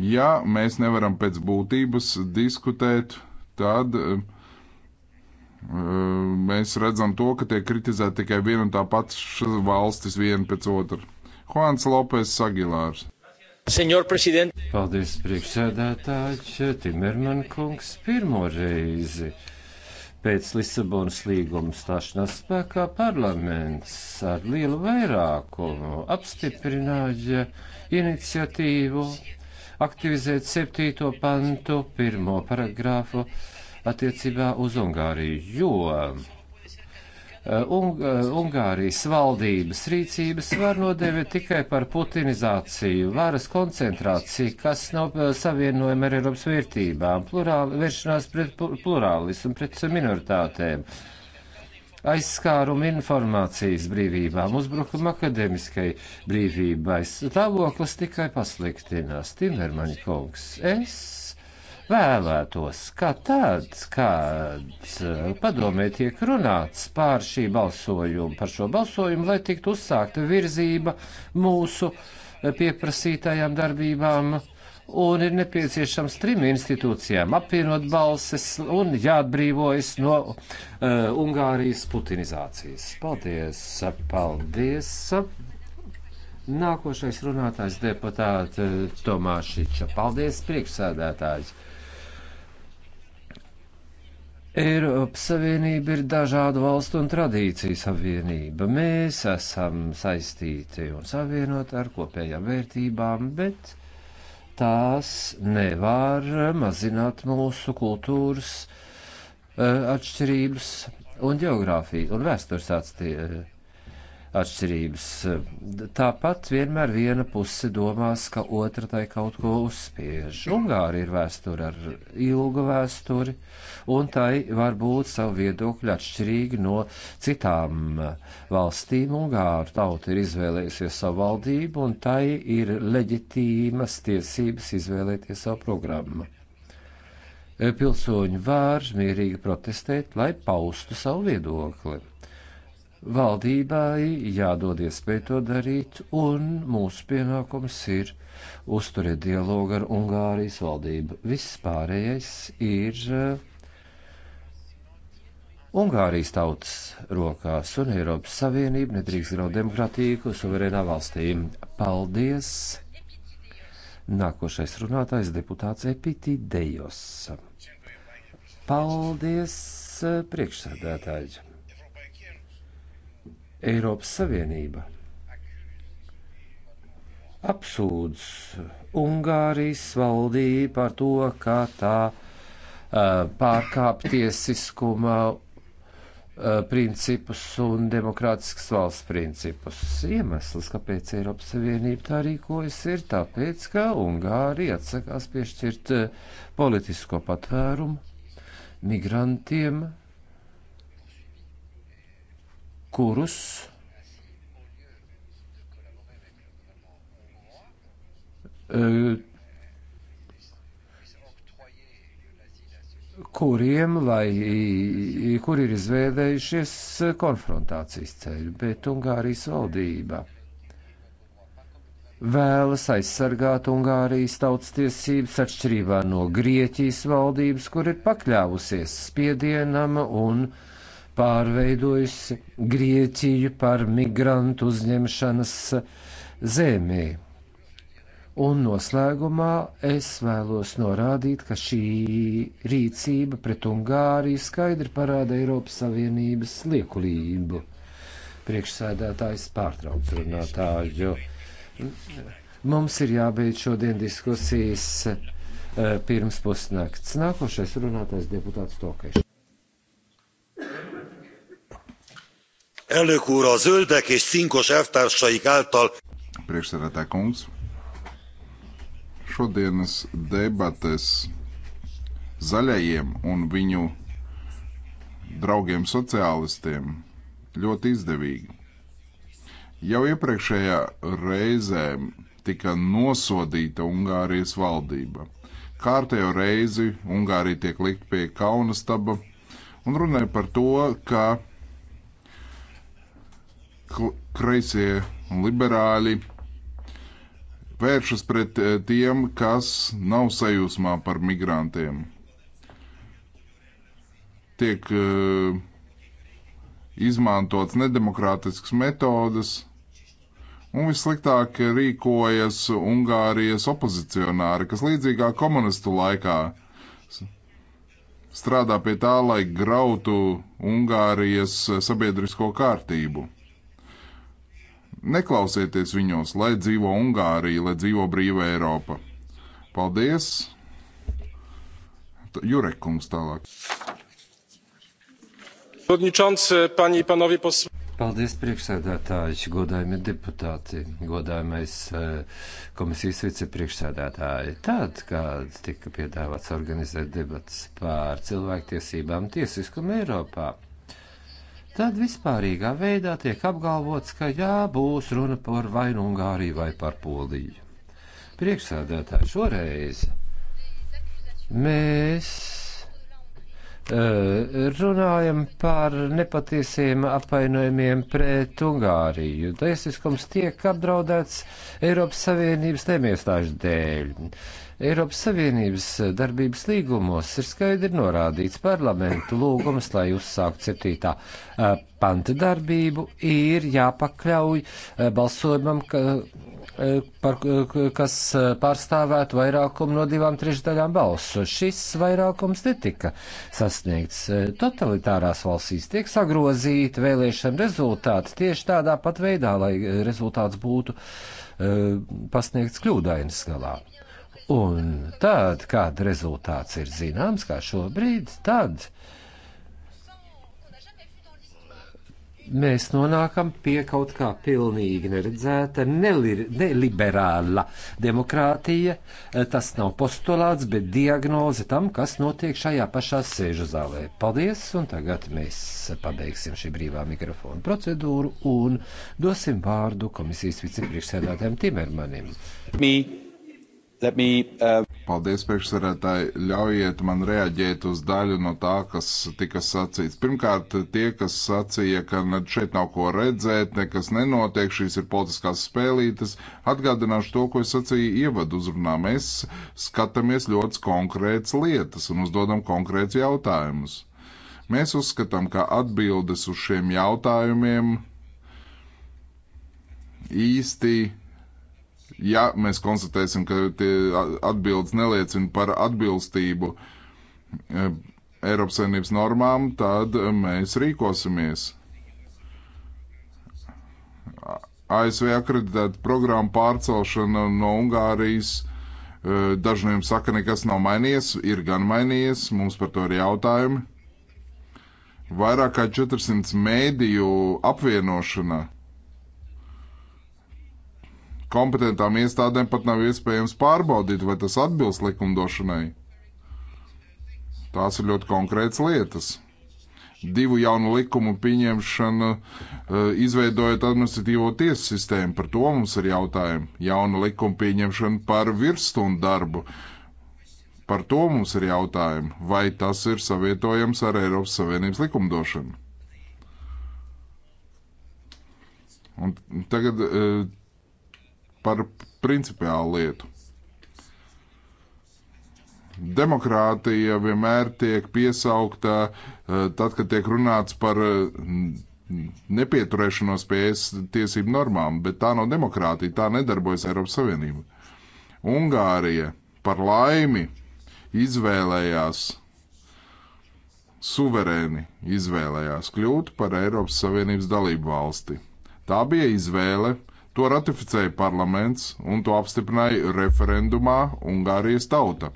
Ja mēs nevaram pēc būtības diskutēt, tad eh, eh, mēs redzam to, ka tiek kritizēta tikai viena un tā pati valstis viena pēc otras. Juans Lopes Agilārs. Senjor prezident. Paldies, priekšsēdētāji, Timerman kungs, pirmo reizi. Pēc Lisabonas līguma stāšanās spēkā parlaments ar lielu vairākumu apstiprināja iniciatīvu aktivizēt septīto pantu pirmo paragrāfu attiecībā uz Ungāriju, jo uh, Ung uh, Ungārijas valdības rīcības var nodēvēt tikai par putinizāciju, varas koncentrāciju, kas nav uh, savienojama ar Eiropas vērtībām, plurāli, vēršanās pret plurālismu, pret minoritātēm. Uh, aizskārumu informācijas brīvībām, uzbrukumu akademiskai brīvībai. Stāvoklis tikai pasliktinās. Timermaņa kungs, es vēlētos, ka tāds, kāds eh, padomē tiek runāts pār šī balsojuma, par šo balsojumu, lai tiktu uzsākta virzība mūsu eh, pieprasītajām darbībām un ir nepieciešams trim institūcijām apvienot balses un jāatbrīvojas no uh, Ungārijas putinizācijas. Paldies! Paldies! Nākošais runātājs deputāta Tomāšiča. Paldies, priekšsēdētājs! Eiropas Savienība ir dažādu valstu un tradīciju savienība. Mēs esam saistīti un savienoti ar kopējām vērtībām, bet tās nevar mazināt mūsu kultūras eh, atšķirības un geogrāfiju un vēstures atšķirības atšķirības. Tāpat vienmēr viena puse domās, ka otra tai kaut ko uzspiež. Ungāri ir vēsture ar ilgu vēsturi, un tai var būt savu viedokļu atšķirīgi no citām valstīm. Ungāru tauta ir izvēlējusies savu valdību, un tai ir leģitīmas tiesības izvēlēties savu programmu. Pilsoņi var mierīgi protestēt, lai paustu savu viedokli Valdībai jādod iespēju to darīt, un mūsu pienākums ir uzturēt dialogu ar Ungārijas valdību. Viss pārējais ir eh, Ungārijas tautas rokās, un Eiropas Savienība nedrīkst graud demokrātīku suverēnā valstīm. Paldies! Nākošais runātājs deputāts Epitidejos. Paldies, priekšsēdētāji! Eiropas Savienība apsūdz Ungārijas valdību par to, ka tā uh, pārkāp tiesiskuma principus un demokrātiskas valsts principus. Iemesls, kāpēc Eiropas Savienība tā rīkojas, ir tāpēc, ka Ungārija atsakās piešķirt politisko patvērumu migrantiem kurus e, kuriem, lai, kur ir izvēlējušies konfrontācijas ceļu, bet Ungārijas valdība vēlas aizsargāt Ungārijas tautas tiesības atšķirībā no Grieķijas valdības, kur ir pakļāvusies spiedienam un uh, pārveidojusi Grieķiju par migrantu uzņemšanas zemi. Un noslēgumā es vēlos norādīt, ka šī rīcība pret Ungāriju skaidri parāda Eiropas Savienības liekulību. Priekšsēdētājs pārtrauc runātāju. Mums ir jābeidz šodien diskusijas eh, pirms pusnakts. Nākošais runātais deputāts Tokešs. Elnök úr, a zöldek és cinkos elvtársaik által. Priekšsēdētāj kungs, šodienas debates zaļajiem un viņu draugiem sociālistiem ļoti izdevīgi. Jau iepriekšējā reizē tika nosodīta Ungārijas valdība. Kārtējo reizi Ungārija tiek likt pie kauna staba un runāja par to, ka kreisie un liberāļi vēršas pret eh, tiem, kas nav sajūsmā par migrantiem. Tiek uh, izmantots nedemokrātisks metodas, un vissliktāk rīkojas Ungārijas opozicionāri, kas līdzīgā komunistu laikā strādā pie tā, lai grautu Ungārijas sabiedrisko kārtību. Neklausieties viņos, lai dzīvo Ungārija, lai dzīvo brīva Eiropa. Paldies! Jurek kungs tālāk. Paldies, priekšsēdētāji, godājumie deputāti, godājumais eh, komisijas vicepriekšsēdētāji. Tad, kad tika piedāvāts organizēt debats pār cilvēktiesībām tiesiskumu Eiropā, tad vispārīgā veidā tiek apgalvots, ka jā, būs runa par vainu Ungāriju vai par Poliju. Priekšsēdētāji šoreiz mēs eh, runājam par nepatiesiem apvainojumiem pret Ungāriju. Tiesiskums tiek apdraudēts Eiropas Savienības nemiestāžu dēļ. Eiropas Savienības darbības līgumos ir skaidri norādīts parlamentu lūgums, lai uzsākt 7. panta darbību, ir jāpakļauj balsojumam, ka, par, kas pārstāvētu vairākumu no divām trešdaļām balsu. Šis vairākums netika sasniegts. Totalitārās valstīs tiek sagrozīti vēlēšana rezultāti tieši tādā pat veidā, lai rezultāts būtu pasniegts kļūdainas galā. Un tad, kad rezultāts ir zināms, kā šobrīd, tad mēs nonākam pie kaut kā pilnīgi neredzēta, nelir, neliberāla demokrātija. Tas nav postulāts, bet diagnoze tam, kas notiek šajā pašā sēžu zālē. Paldies, un tagad mēs pabeigsim šī brīvā mikrofona procedūru un dosim vārdu komisijas vicepriekšsēdētājiem Timermanim. Mī. Me, uh... Paldies, priekšsarētāji. Ļaujiet man reaģēt uz daļu no tā, kas tika sacīts. Pirmkārt, tie, kas sacīja, ka šeit nav ko redzēt, nekas nenotiek, šīs ir politiskās spēlītes, atgādināšu to, ko es sacīju ievadu uzrunā. Mēs skatāmies ļoti konkrētas lietas un uzdodam konkrēts jautājumus. Mēs uzskatām, ka atbildes uz šiem jautājumiem īsti ja mēs konstatēsim, ka atbildes neliecina par atbilstību eh, Eiropas Savienības normām, tad eh, mēs rīkosimies. ASV akreditēta programma pārcelšana no Ungārijas. Eh, Dažiem saka, nekas nav mainījies, ir gan mainījies, mums par to ir jautājumi. Vairāk kā 400 mēdīju apvienošana kompetentām iestādēm pat nav iespējams pārbaudīt, vai tas atbilst likumdošanai. Tās ir ļoti konkrētas lietas. Divu jaunu likumu pieņemšana eh, izveidojot administratīvo tiesu sistēmu. Par to mums ir jautājumi. Jauna likuma pieņemšana par virsstundu darbu. Par to mums ir jautājumi, vai tas ir savietojams ar Eiropas Savienības likumdošanu. Un tagad eh, par principiālu lietu. Demokrātija vienmēr tiek piesaukta eh, tad, kad tiek runāts par eh, nepieturēšanos pie es tiesību normām, bet tā nav no demokrātija, tā nedarbojas Eiropas Savienība. Ungārija par laimi izvēlējās, suverēni izvēlējās kļūt par Eiropas Savienības dalību valsti. Tā bija izvēle, To ratificēja parlaments un to apstiprināja referendumā Ungārijas tauta.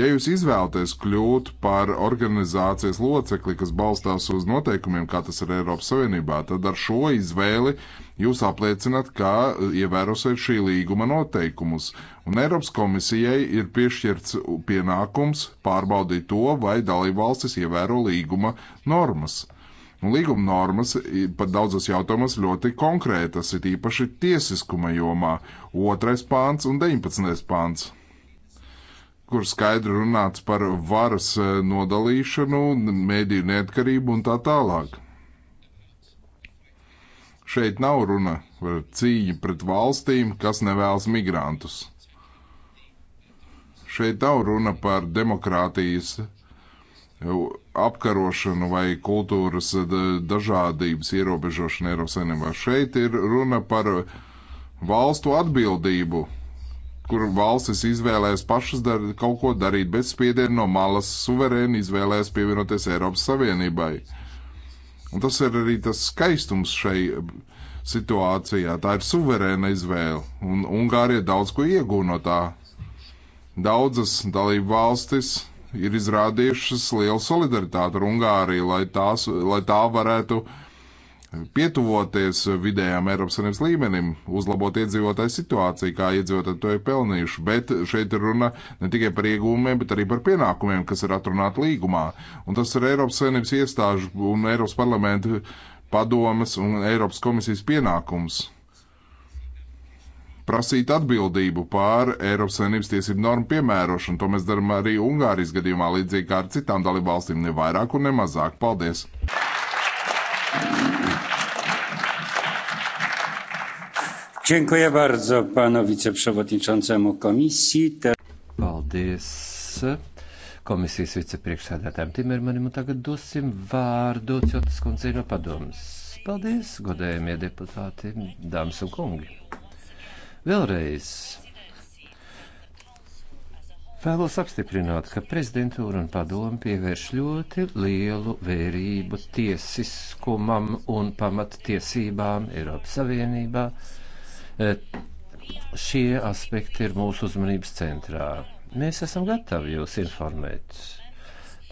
Ja jūs izvēlaties kļūt par organizācijas locekli, kas balstās uz noteikumiem, kā tas ir Eiropas Savienībā, tad ar šo izvēli jūs apliecinat, ka ievērosiet šī līguma noteikumus. Un Eiropas komisijai ir piešķirts pienākums pārbaudīt to, vai dalībvalstis ievēro līguma normas. Līguma normas pat daudzos jautājumos ļoti konkrētas, ir īpaši tiesiskuma jomā - 2. pāns un 19. pāns, kur skaidri runāts par varas e, nodalīšanu, mēdīju neatkarību un tā tālāk. Šeit nav runa par cīņu pret valstīm, kas nevēlas migrantus. Šeit nav runa par demokrātijas apkarošanu vai kultūras eh, dažādības ierobežošanu Eiropas Savienībā. Šeit ir runa par valstu atbildību, kur valstis izvēlēs pašas dar, kaut ko darīt bez spiediena no malas, suverēni izvēlēs pievienoties Eiropas Savienībai. Un tas ir arī tas skaistums šai eh, situācijā. Tā ir suverēna izvēle, un Ungārija daudz ko iegūno tā. Daudzas dalību valstis ir izrādījušas lielu solidaritāti ar Ungāriju, lai, tās, lai tā varētu pietuvoties vidējām Eiropas Savienības līmenim, uzlabot iedzīvotāju situāciju, kā iedzīvotāji to ir pelnījuši. Bet šeit ir runa ne tikai par iegūmiem, bet arī par pienākumiem, kas ir atrunāti līgumā. Un tas ir Eiropas Savienības iestāžu un Eiropas parlamenta padomas un Eiropas komisijas pienākums prasīt atbildību pār Eiropas Savienības tiesību normu piemērošanu. To mēs darām arī Ungārijas gadījumā, līdzīgi kā ar citām dalībvalstīm, ne vairāk un ne mazāk. Paldies! Dziękuję bardzo panu wiceprzewodniczącemu komisji. Te... Paldies komisijas vicepriekšsēdētājiem Timermanim un tagad dosim vārdu Ciotas kundzei no padomas. Paldies, godējumie deputāti, dāmas un kungi! Vēlreiz vēlos apstiprināt, ka prezidentūra un padomu pievērš ļoti lielu vērību tiesiskumam un pamattiesībām Eiropas Savienībā. Eh, šie aspekti ir mūsu uzmanības centrā. Mēs esam gatavi jūs informēt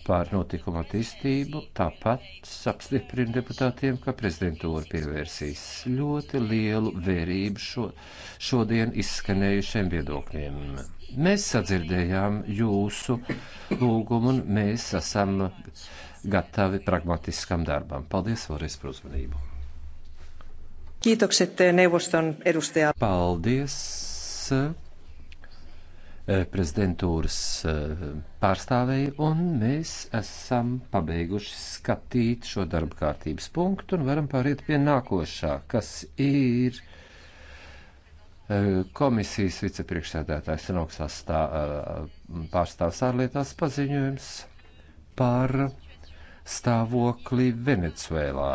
pār notikumu attīstību, tāpat apstiprina deputātiem, ka prezidentūra pievērsīs ļoti lielu vērību šo, šodien izskanējušiem viedokļiem. Mēs sadzirdējām jūsu lūgumu un mēs esam gatavi pragmatiskam darbam. Paldies vēlreiz par uzmanību. Kiitokset eh, neuvoston edustaja. Paldies Eh, prezidentūras eh, pārstāvēju, un mēs esam pabeiguši skatīt šo darba kārtības punktu un varam pāriet pie nākošā, kas ir eh, komisijas vicepriekšsēdētājs un augstās stā, pārstāvs ārlietās paziņojums par stāvokli Venecuēlā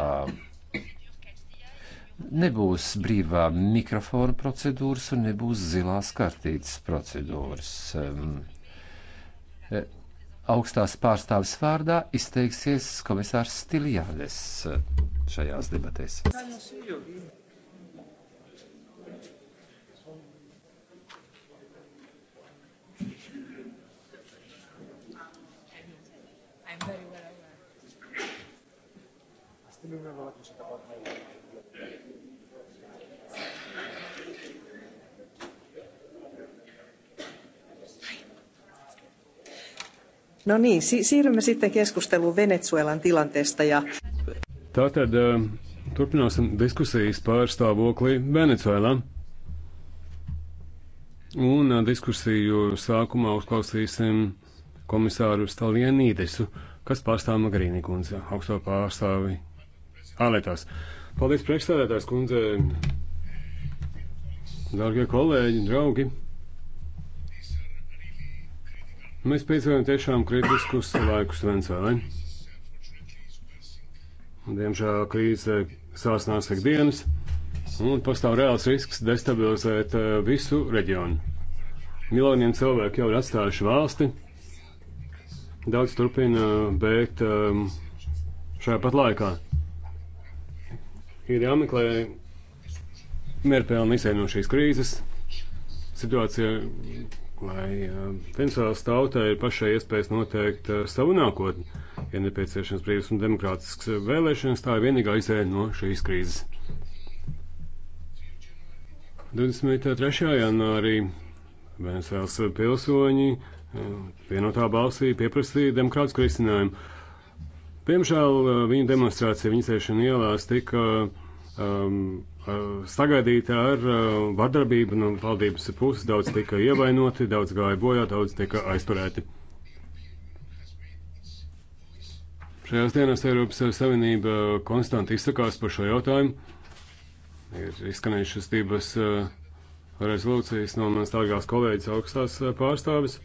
nebūs brīvā mikrofona procedūras un nebūs zilās kartītes procedūras. Um, augstās pārstāvis vārdā izteiksies komisārs Stiljādes šajās debatēs. Stiljādes. No niin, si- siirrymme sitten keskusteluun Venezuelan tilanteesta. Ja... Tātad eh, turpināsim diskusijas par stāvokli Venezuelā. Un eh, diskusiju sākumā uzklausīsim komisāru Stalienīdesu, kas pārstāv Magrīni kundze, augsto pārstāvi ārlietās. Paldies priekšstādētājs kundze, dārgie kolēģi, draugi! Mēs piedzīvojam tiešām kritiskus laikus Vencēlē. Diemžēl krīze sāsnās ikdienas un pastāv reāls risks destabilizēt eh, visu reģionu. Miljoniem cilvēku jau ir atstājuši valsti. Daudz turpina bēgt ehm, šajā pat laikā. Ir jāmeklē mierpilni izēj no šīs krīzes. Situācija lai eh, Venecijālas tautai ir pašai iespējas noteikt eh, savu nākotni. Ja nepieciešams brīvs un demokrātisks vēlēšanas, tā ir vienīgā izēja no šīs krīzes. 23. janvārī Venecijālas pilsoņi eh, vienotā balsī pieprasīja demokrātisku risinājumu. Diemžēl viņa demonstrācija, viņa ciešana ielās tika um, Eh, sagaidīta ar eh, vardarbību no valdības puses. Daudz tika ievainoti, daudz gāja bojā, daudz tika aizturēti. Šajās dienās Eiropas Savienība konstanti izsakās par šo jautājumu. Ir izskanējušas divas eh, rezolūcijas no manas tālākās kolēģis augstās pārstāvis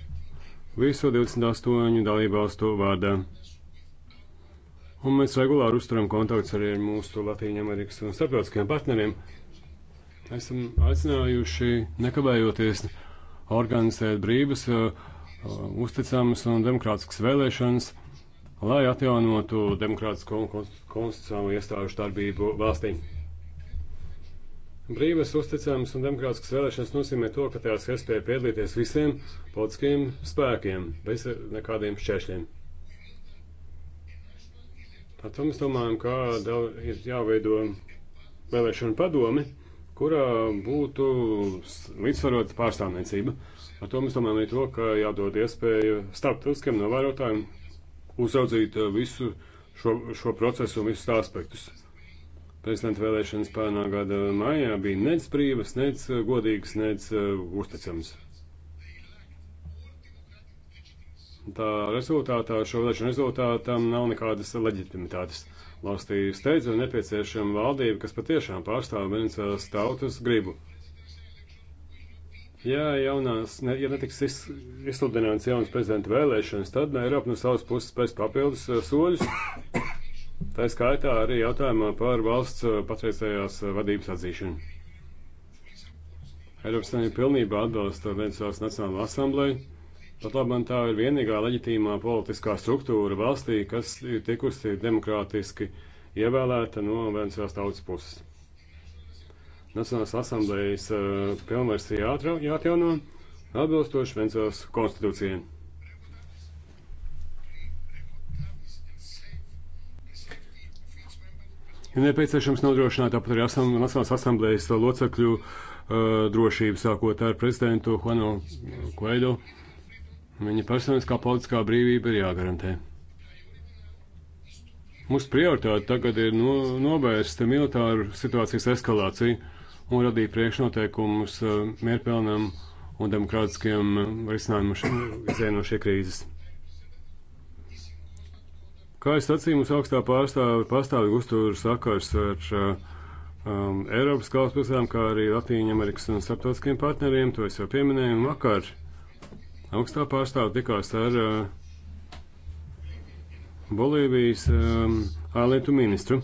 visu 28 dalībvalstu vārdā. Un mēs regulāri uzturam kontaktus arī ar mūsu Latviju Amerikas un starptautiskajiem partneriem. Esam aicinājuši nekavējoties organizēt brīvas, uh, uh, uzticamas un demokrātiskas vēlēšanas, lai atjaunotu demokrātisko un konstitucionālo iestāžu darbību valstī. Brīvas, uzticamas un demokrātiskas vēlēšanas nozīmē to, ka tajās iespēja piedalīties visiem politiskiem spēkiem bez nekādiem šķēršļiem. Par to mēs domājam, ka ir jāveido vēlēšana padome, kurā būtu līdzsvarota pārstāvniecība. Ar to mēs domājam arī to, ka jādod iespēju starptautiskiem novērotājiem uzraudzīt eh, visu šo, šo procesu un visus aspektus. Prezidenta vēlēšanas pērnā gada maijā bija nec brīvas, nec eh, godīgas, nec eh, uzticams. Uh, Tā rezultātā šo vēlēšanu rezultātam nav nekādas leģitimitātes. Valstī steidzami nepieciešama valdība, kas patiešām pārstāv Venecijas tautas gribu. Ja jaunās, ne, ja netiks iz, izsludināts jauns prezidenta vēlēšanas, tad Eiropa no savas puses pēc papildus uh, soļus. Tā skaitā arī jautājumā par valsts uh, patreizējās uh, vadības atzīšanu. Eiropas Savienība pilnībā atbalsta Venecijas Nacionālo asambleju Pat labi, man tā ir vienīgā leģitīmā politiskā struktūra valstī, kas ir tikusi demokrātiski ievēlēta no Venecijas tautas puses. Nacionālās asamblējas uh, eh, pilnversija jāatjauno atbilstoši Venecijas konstitūcijai. Ir ja nepieciešams nodrošināt tāpat arī asam, Nacionālās asamblējas locekļu uh, drošību, sākot ar prezidentu Juanu Kveidu. Uh, Viņa personiskā politiskā brīvība ir jāgarantē. Mūsu prioritāte tagad ir no, novērst militāru situācijas eskalāciju un radīt priekšnoteikumus uh, mierpilnam un demokrātiskiem uh, risinājumam no šīs krīzes. Kā es sacīju, mums augstā pārstāve pastāvīgi uztur sakars ar uh, um, Eiropas galvaspilsēm, kā arī Latīņa Amerikas un starptautiskiem partneriem, to es jau pieminēju vakar. Uh, Augstā pārstāve tikās ar uh, Bolīvijas um, ārlietu ministru.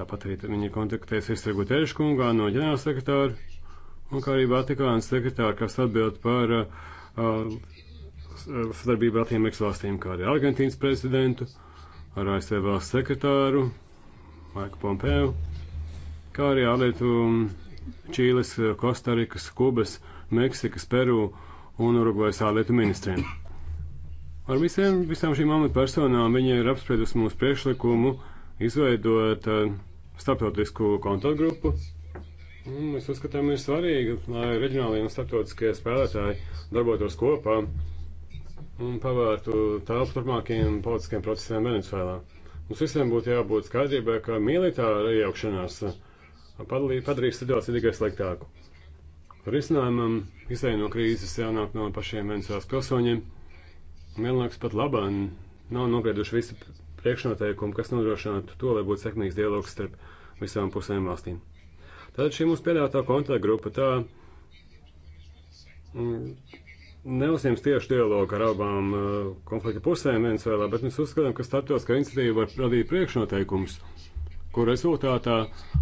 Tāpat arī viņi kontaktēsies ar Gutēšu kungā no ģenerālsekretāra un kā arī Vatikāna sekretāra, kas atbild par uh, sadarbību ar tiem eksvalstīm, kā arī Argentīnas prezidentu, ar ASV valsts sekretāru Maiku Pompēju, kā arī ārlietu mm, Čīles, Kostarikas, Kubas Meksikas, Peru un Urugvajas ārlietu ministriem. Ar visiem, visām šīm amatpersonām viņa ir apspriedusi mūsu priekšlikumu izveidot uh, starptautisku kontaktgrupu. Mēs uzskatām, ir svarīgi, lai reģionālajie un starptautiskie spēlētāji darbotos kopā un pavērtu telpu turpmākajiem politiskiem procesiem Venecijā. Mums visiem būtu jābūt skaidrībai, ka militāra iejaukšanās padarīs situāciju tikai sliktāku risinājumam, izēju no krīzes jānāk no pašiem Venecijas pilsoņiem. Vienlaikus pat labā nav nobrieduši visi priekšnoteikumi, kas nodrošinātu to, lai būtu sekmīgs dialogs starp visām pusēm valstīm. Tātad šī mūsu piedāvātā kontaktgrupa tā mm, neuzņems tieši dialogu ar abām uh, konflikta pusēm Venecijā, bet mēs uzskatām, ka starptautiskā iniciatīva var radīt priekšnoteikumus kur rezultātā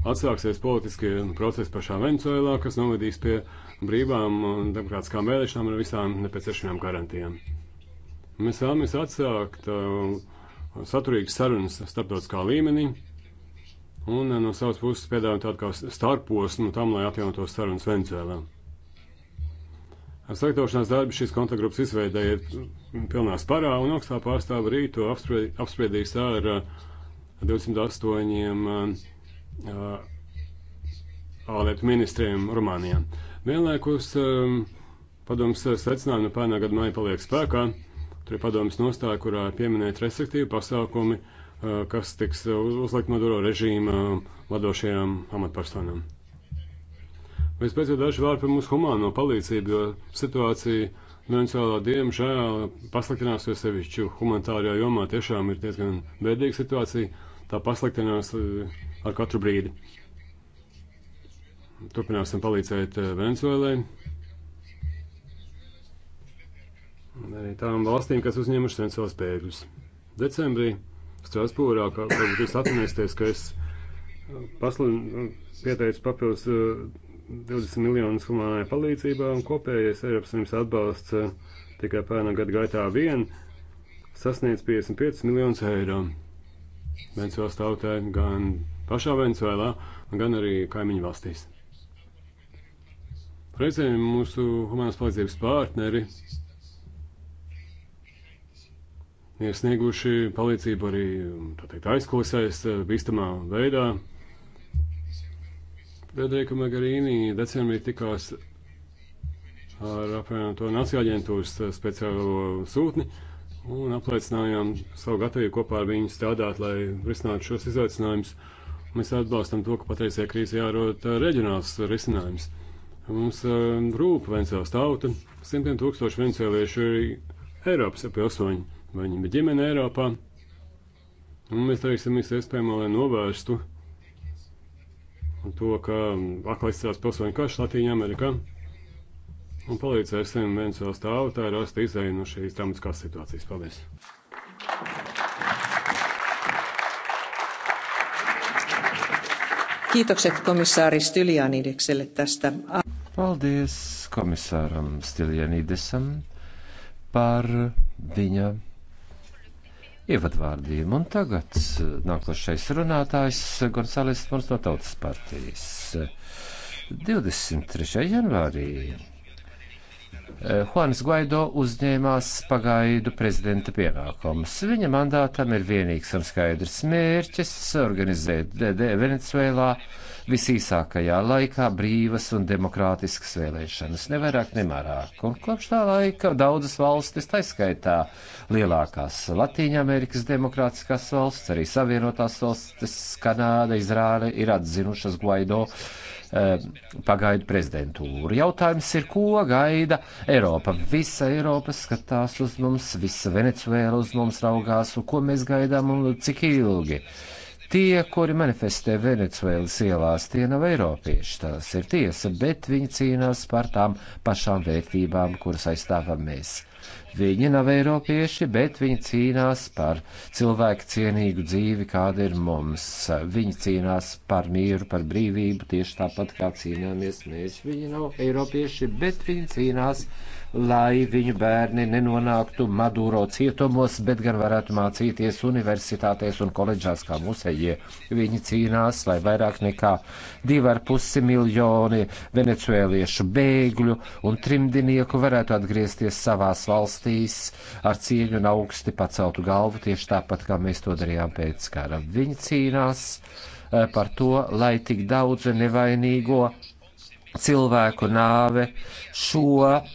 atsāksies politiskie procesi pašā Venecuēlā, kas novedīs pie brīvām un demokrātiskām vēlēšanām ar visām nepieciešamajām garantijām. Mēs vēlamies atsākt uh, saturīgas sarunas starptautiskā līmenī. Un uh, no savas puses piedāvājam tādu kā starposmu tam, lai atjaunotos sarunas Venecijā. Sagatavošanās darbi šīs kontaktgrupas izveidēja pilnā sparā, un augstā pārstāva rītu apspriedīs ar uh, 28 uh, ārlietu ministriem Rumānijā. Vienlaikus um, padomus secinājumi no pērnā gada māja paliek spēkā. Tur ir padomus nostāja, kurā pieminēt restriktīvi pasākumi, uh, kas tiks uzlikt Maduro režīma uh, vadošajām amatpersonām. Vispēc jau daži vārdi par mūsu humāno palīdzību, jo situācija Venecijālā diemžēl pasliktinās, jo sevišķi humanitārajā jomā tiešām ir diezgan bēdīga situācija tā pasliktinās eh, ar katru brīdi. Turpināsim palīdzēt eh, Venezuelai. Arī tām valstīm, kas uzņēmuši Venezuelas bēgļus. Decembrī Strasbūrā, kā varbūt jūs atminēsieties, ka es eh, paslin, pieteicu papildus 20 miljonus humanai palīdzībā un kopējais Eiropas Savienības atbalsts tikai pērnā gada gaitā vien sasniedz 55 miljonus eiro. Venecuēlas tautai, gan pašā Venecuēlā, gan arī kaimiņu valstīs. Reizēm mūsu humanās palīdzības partneri ir snieguši palīdzību arī teikt, aizklausēs, eh, bīstamā veidā. Federica Magarīni decembrī tikās ar apvienoto nāciju aģentūras eh, speciālo sūtni un apliecinājām savu gatavību kopā ar viņu strādāt, lai risinātu šos izaicinājumus. Mēs atbalstam to, ka patreizajā krīzē jārod reģionāls risinājums. Mums rūp Venecijas tauta, simtiem tūkstoši venecijaliešu ir Eiropas pilsoņi, vai viņi ir ģimene Eiropā. Un mēs darīsim visu iespējamo, lai novērstu to, ka aklais cēlās pilsoņu karš Latvijā, Amerikā un palīdzēsim viens vēl stāvu tā rast izēju no šīs dramatiskās situācijas. Paldies! Kiitokset komissaari Stylianidekselle tästä. Paldies komisāram Stylianidesam par viņa ievadvārdiem. Un tagad nākošais runātājs Gonzales Mons no Tautas partijas. 23. janvārī Eh, Juans Guaido uzņēmās pagaidu prezidenta pienākumus. Viņa mandātam ir vienīgs un skaidrs mērķis - organizēt Venecuēlā visīsākajā laikā brīvas un demokrātiskas vēlēšanas, nevairāk nemārāk. Un kopš tā laika daudzas valstis, taiskaitā lielākās Latīņamerikas demokrātiskās valsts, arī Savienotās valstis, Kanāda, Izrāle ir atzinušas Guaido Eh, pagaidu prezidentūru. Jautājums ir, ko gaida Eiropa? Visa Eiropa skatās uz mums, visa Venecuēla uz mums raugās, un ko mēs gaidām un cik ilgi. Tie, kuri manifestē Venecuēlas ielās, tie nav eiropieši, tās ir tiesa, bet viņi cīnās par tām pašām vērtībām, kuras aizstāvam mēs. Viņi nav eiropieši, bet viņi cīnās par cilvēku cienīgu dzīvi, kāda ir mums. Viņi cīnās par mieru, par brīvību, tieši tāpat kā cīnāmies mēs. Viņi nav eiropieši, bet viņi cīnās par lai viņu bērni nenonāktu Maduro cietumos, bet gan varētu mācīties universitātēs un koledžās kā musejie. Viņi cīnās, lai vairāk nekā 2,5 miljoni venecuēliešu bēgļu un trimdinieku varētu atgriezties savās valstīs ar cieņu un augsti paceltu galvu, tieši tāpat kā mēs to darījām pēc kara. Viņi cīnās eh, par to, lai tik daudz nevainīgo cilvēku nāve šo uh,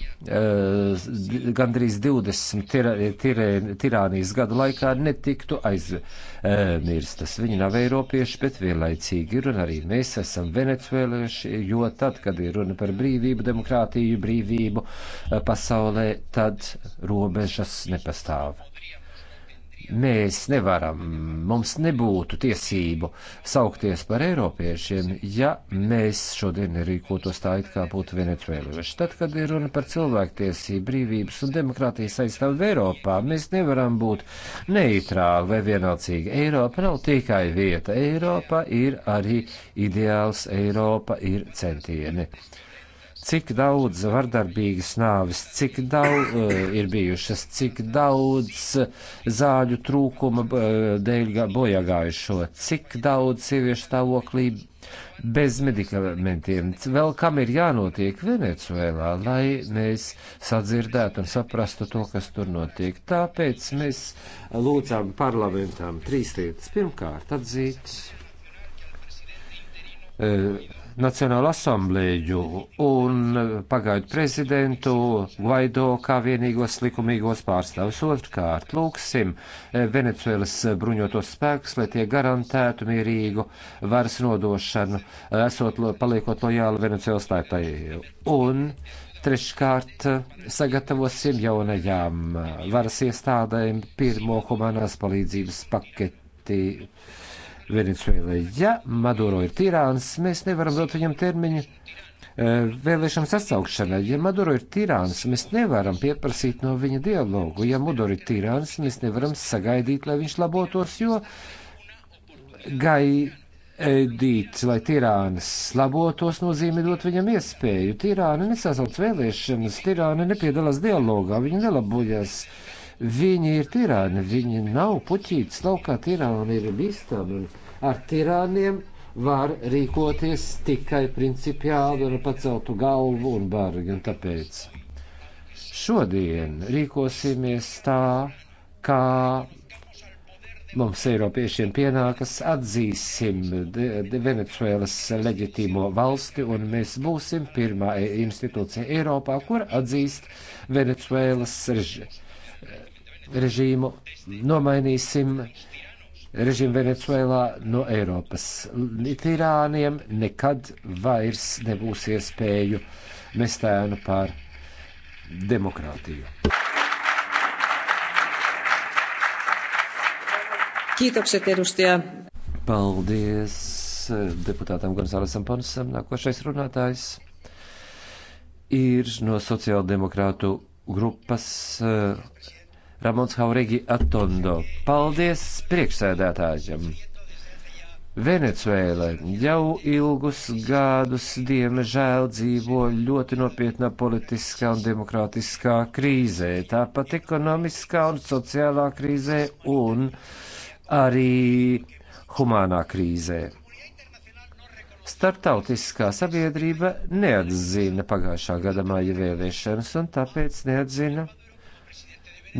gandrīz 20 tirā, tirā, tirānijas gadu laikā netiktu aizmirstas. Uh, Viņi nav eiropieši, bet vienlaicīgi ir un arī mēs esam venecuēlieši, jo tad, kad ir runa par brīvību, demokrātiju, brīvību uh, pasaulē, tad robežas nepastāv. Mēs nevaram, mums nebūtu tiesību saukties par eiropiešiem, ja mēs šodien rīkotos tā, it kā būtu venecuēlieši. Tad, kad ir runa par cilvēktiesību, brīvības un demokrātijas aizstāvu Eiropā, mēs nevaram būt neitrāli vai vienalcīgi. Eiropa nav tikai vieta. Eiropa ir arī ideāls, Eiropa ir centieni cik daudz vardarbīgas nāvis, cik daudz uh, eh, ir bijušas, cik daudz zāļu trūkuma uh, dēļ bojāgājušo, cik daudz sieviešu stāvoklī bez medikamentiem. Vēl kam ir jānotiek Venecuēlā, lai mēs sadzirdētu un saprastu to, kas tur notiek. Tāpēc mēs lūdzām parlamentām trīs lietas. Pirmkārt, atzīt. Uh, Nacionālo asamblēju un pagaidu prezidentu Guaido kā vienīgos likumīgos pārstāvis. Otrkārt, lūksim eh, Venecuēlas bruņotos spēkus, lai tie garantētu mierīgu varas nodošanu, eh, esot paliekot lojāli Venecuēlas taitai. Un Treškārt, sagatavosim jaunajām eh, varas iestādēm pirmo humanās palīdzības paketi Venecuēlē. Ja Maduro ir tirāns, mēs nevaram dot viņam termiņu eh, vēlēšanu sasaukšanai. Ja Maduro ir tirāns, mēs nevaram pieprasīt no viņa dialogu. Ja Maduro ir tirāns, mēs nevaram sagaidīt, lai viņš labotos, jo gaidīt, lai tirāns labotos, nozīmē dot viņam iespēju. Tirāni nesasauc vēlēšanas, tirāni nepiedalās dialogā, viņi nelabojas. Viņi ir tirāni, viņi nav puķītas laukā, tirāni ir bīstami. Un ar tirāniem var rīkoties tikai principiāli un paceltu galvu un bargi. Un tāpēc šodien rīkosimies tā, kā mums Eiropiešiem pienākas atzīsim Venecuēlas leģitīmo valsti, un mēs būsim pirmā institūcija Eiropā, kur atzīst Venecuēlas reži režīmu. Nomainīsim uh, režīmu Venecuēlā no Eiropas. Tirāniem nekad vairs nebūs iespēju mest ēnu pār demokrātiju. Kiitokset edustaja. Paldies eh, deputātam Gonzālesam Pansam. Nākošais runātājs ir no sociāldemokrātu grupas. Uh, Ramons Haurigi Atondo. Paldies priekšsēdētājiem! Venecuēla jau ilgus gadus, diemžēl, dzīvo ļoti nopietnā politiskā un demokrātiskā krīzē, tāpat ekonomiskā un sociālā krīzē un arī humānā krīzē. Startautiskā sabiedrība neatzina pagājušā gada māja vēlēšanas un tāpēc neatzina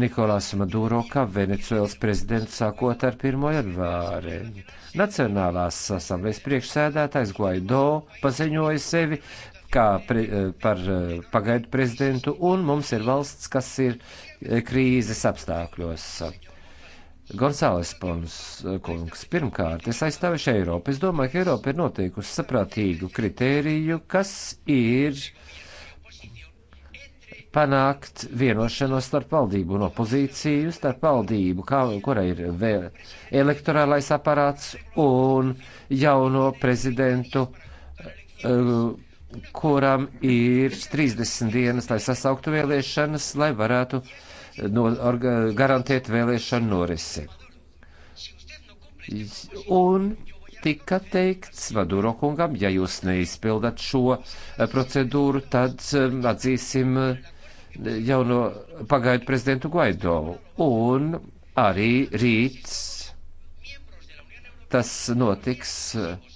Nikolās Maduro kā Venecuēlas prezidents sākot ar 1. janvāri. Nacionālās asamblejas priekšsēdētājs Guaido paziņoja sevi kā pre, par eh, pagaidu prezidentu, un mums ir valsts, kas ir eh, krīzes apstākļos. Gonzāles Pons, eh, kungs, pirmkārt, es aizstāvēšu Eiropu. Es domāju, ka Eiropa ir noteikusi saprātīgu kritēriju, kas ir uh, panākt vienošanos starp valdību un opozīciju, starp valdību, kā, kura ir vēl elektorālais aparāts un jauno prezidentu, eh, kuram ir 30 dienas, lai sasauktu vēlēšanas, lai varētu eh, no, orga, garantēt vēlēšanu norisi. Un tika teikts Maduro kungam, ja jūs neizpildat šo eh, procedūru, tad atzīsim uh, jauno pagaidu prezidentu Guaidovu. Un arī rīts tas notiks eh,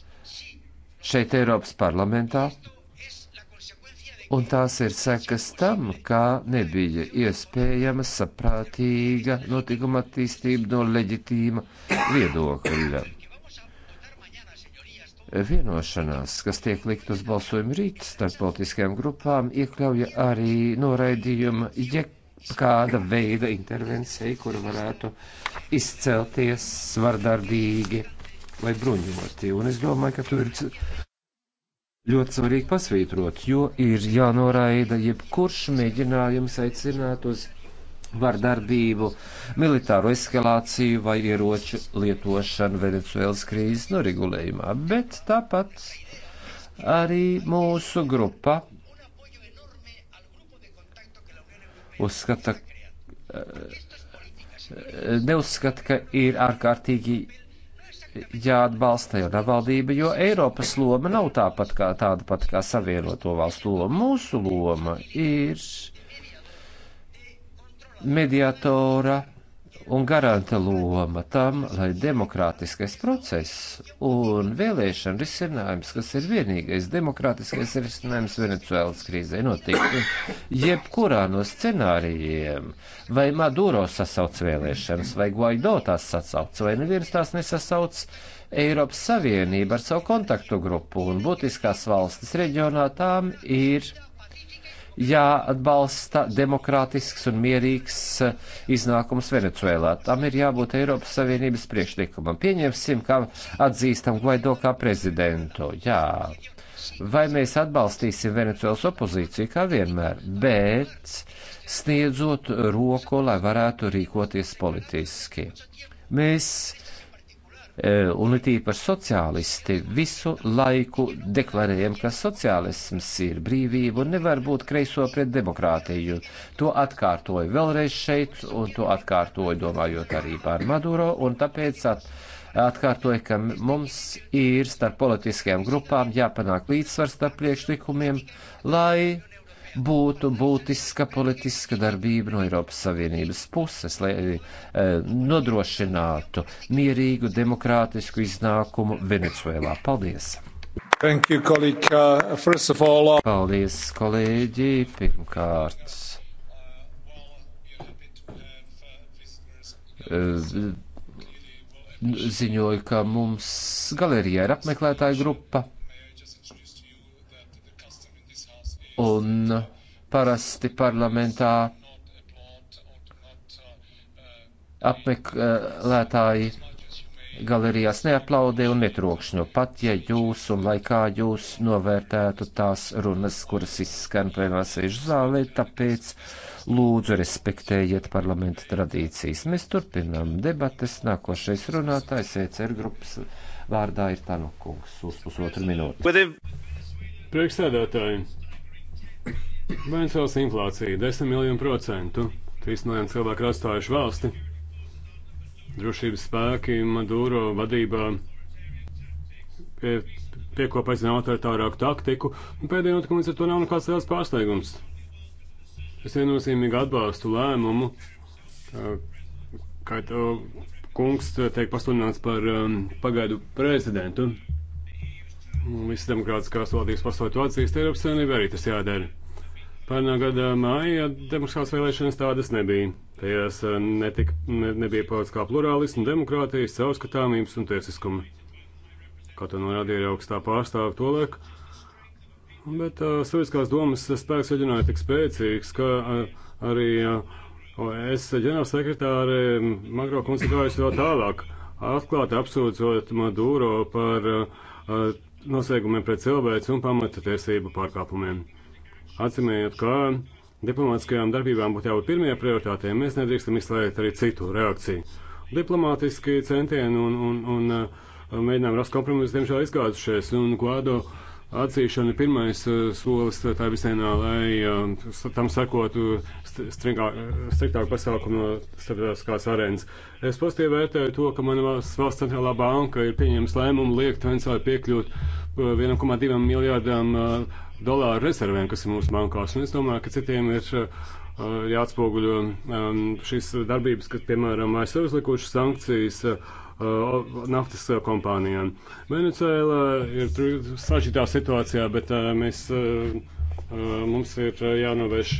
šeit Eiropas parlamentā. Un tās ir sekas tam, kā nebija iespējama saprātīga notikuma attīstība no leģitīma viedokļa vienošanās, kas tiek likt uz balsojumu rīt starp politiskajām grupām, iekļauja arī noraidījumu jebkāda veida intervencija, kura varētu izcelties svardarbīgi vai bruņoti. Un es domāju, ka tur ir ļoti svarīgi pasvītrot, jo ir jānoraida jebkurš mēģinājums aicināt uz vardarbību, militāro eskalāciju vai ieroču lietošanu Venecuēlas krīzes noregulējumā, bet tāpat arī mūsu grupa uzskata, eh, neuzskata, ka ir ārkārtīgi jāatbalsta jaunā valdība, jo Eiropas loma nav tāpat kā tāda pat kā savienoto valstu loma. Mūsu loma ir mediatora un garanta loma tam, lai demokrātiskais process un vēlēšana risinājums, kas ir vienīgais demokrātiskais risinājums Venecuēlas krīzē, notiktu jebkurā no scenārijiem, vai Maduro sasauc vēlēšanas, vai Guaido tās sasauc, vai neviens tās nesasauc. Eiropas Savienība ar savu kontaktu grupu un būtiskās valstis reģionā tām ir jāatbalsta demokrātisks un mierīgs eh, iznākums Venecuēlā. Tam ir jābūt Eiropas Savienības priekšlikumam. Pieņemsim, ka atzīstam Guaido kā prezidentu. Jā. Vai mēs atbalstīsim Venecuēlas opozīciju kā vienmēr, bet sniedzot roku, lai varētu rīkoties politiski. Mēs E, un it īpaši sociālisti visu laiku deklarējam, ka sociālisms ir brīvība un nevar būt kreiso pret demokrātiju. To atkārtoju vēlreiz šeit, un to atkārtoju domājot arī par Maduro, un tāpēc at, atkārtoju, ka mums ir starp politiskajām grupām jāpanāk līdzsvars starp priekšlikumiem, lai būtu būtiska politiska darbība no Eiropas Savienības puses, lai e, nodrošinātu mierīgu demokrātisku iznākumu Venecuēlā. Paldies! Thank you, colleague. Uh, first of all, uh... Paldies, kolēģi, pirmkārt. Uh, ziņoju, ka mums galerijā ir apmeklētāju grupa. un parasti parlamentā apmeklētāji galerijās neaplaudē un netrokšņo, pat ja jūs un laikā jūs novērtētu tās runas, kuras izskan plenā sēžu zālē, tāpēc lūdzu respektējiet parlamenta tradīcijas. Mēs turpinām debates, nākošais runātājs ECR grupas vārdā ir Tanukungs uz pusotru minūtu. Priekšsēdētāji! Vencels inflācija - 10 miljonu procentu. 3 miljoni cilvēku ir atstājuši valsti. Drošības spēki Maduro vadībā pie, piekopa aizvien autoritārāku taktiku, un pēdējā notikuma ar to nav nekāds liels pārsteigums. Es viennozīmīgi atbalstu lēmumu, ka kungs tiek pasludināts par um, pagaidu prezidentu. Visas demokrātiskās valdības pasaulē to atzīst, Eiropas Savienība arī tas jādara. Pērnā gada māja demokrātas vēlēšanas tādas nebija. Tajās eh, netika, ne, nebija politiskā plurālisma, demokrātijas, caurskatāmības un tiesiskuma. Kā to norādīja augstā pārstāve to laiku. Bet uh, eh, saviskās domas spēks reģionāja tik spēcīgs, ka uh, arī uh, es ģenerālsekretāri Magro kungs ir gājusi vēl tālāk, atklāti apsūdzot Maduro par uh, noslēgumiem pret cilvēku un pamata tiesību pārkāpumiem. Uh, atzīmējot, ka diplomātiskajām darbībām būtu jābūt pirmajā prioritātē, mēs nedrīkstam izslēgt arī citu reakciju. Diplomātiski centieni un, un, un, un uh, mēģinām rast kompromisus, diemžēl izgāzušies, un Guado atzīšana ir pirmais uh, solis tā visienā, lai uh, tam sekotu striktāku pasākumu no starptautiskās arēnas. Es pozitīvi vērtēju to, ka mana valsts centrālā banka ir pieņēmusi lēmumu liekt Venecijai piekļūt 1,2 miljārdām uh, dolāru rezervēm, kas ir mūsu bankās. Un es domāju, ka citiem ir uh, jāatspoguļo um, šīs darbības, kas, piemēram, ASV uzlikušas sankcijas uh, naftas uh, kompānijām. Venecuēlā ir sažģītā situācijā, bet mēs, mums ir jānovērš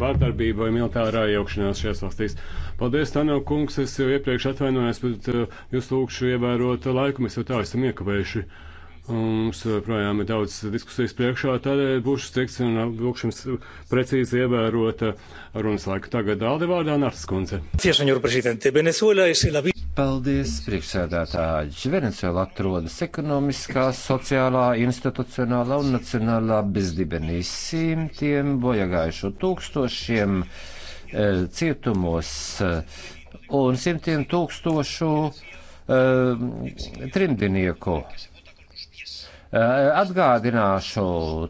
vārdarbība vai militārā iejaukšanās šajās valstīs. Paldies, Tanau kungs, es jau iepriekš atvainojos, bet jūs lūkšu ievērot laiku, mēs jau tā esam iekavējuši. Mums joprojām ir daudz diskusijas priekšā, tādēļ būšu strikts un lūkšams precīzi ievērot runas laiku. Tagad Aldi vārdā Nārtas kundze. Paldies, priekšsēdētāji. Venecijāla atrodas ekonomiskā, sociālā, institucionālā un nacionālā bezdibenī simtiem bojagājušo tūkstošiem e, cietumos eh, un simtiem tūkstošu e, trimdinieku Eh, atgādināšu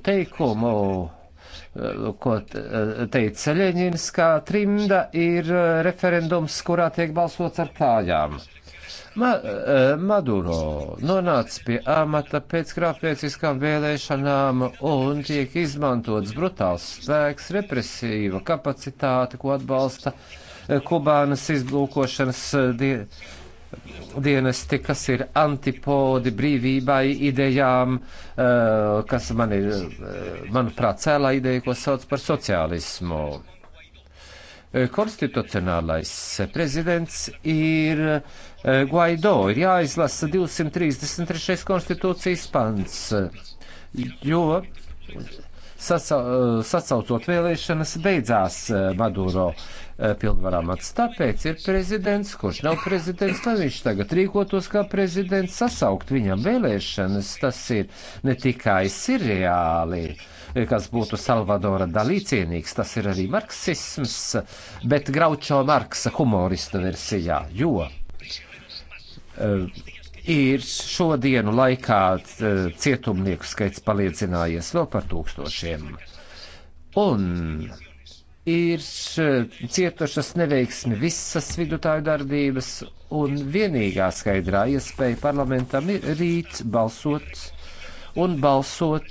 teikumu, eh, ko eh, teica Ļeņins, ka trimda ir referendums, kurā tiek balsots ar kājām. Ma, Maduro nonāca pie amata pēc krāpnieciskām vēlēšanām un tiek izmantots brutāls spēks, represīva kapacitāte, ko atbalsta Kubānas izblūkošanas dienas dienesti, kas ir antipodi brīvībai, idejām, eh, kas man ir, eh, manuprāt, cēlā ideja, ko sauc par sociālismu. Eh, konstitucionālais prezidents ir Guaido, ir jāizlasa 233. konstitūcijas pants, jo sasa, eh, sasaucot vēlēšanas, beidzās eh, Maduro eh, pilnvarām atstāpēc ir prezidents, kurš nav prezidents, lai viņš tagad rīkotos kā prezidents, sasaukt viņam vēlēšanas, tas ir ne tikai sirreāli, kas būtu Salvadora Dalī cienīgs, tas ir arī marksisms, bet Graučo Marksa humorista versijā, jo. Uh, ir šodienu laikā cietumnieku skaits palielinājies vēl par tūkstošiem. Un ir cietušas neveiksmi visas vidutāju darbības, un vienīgā skaidrā iespēja parlamentam ir rīt balsot un balsot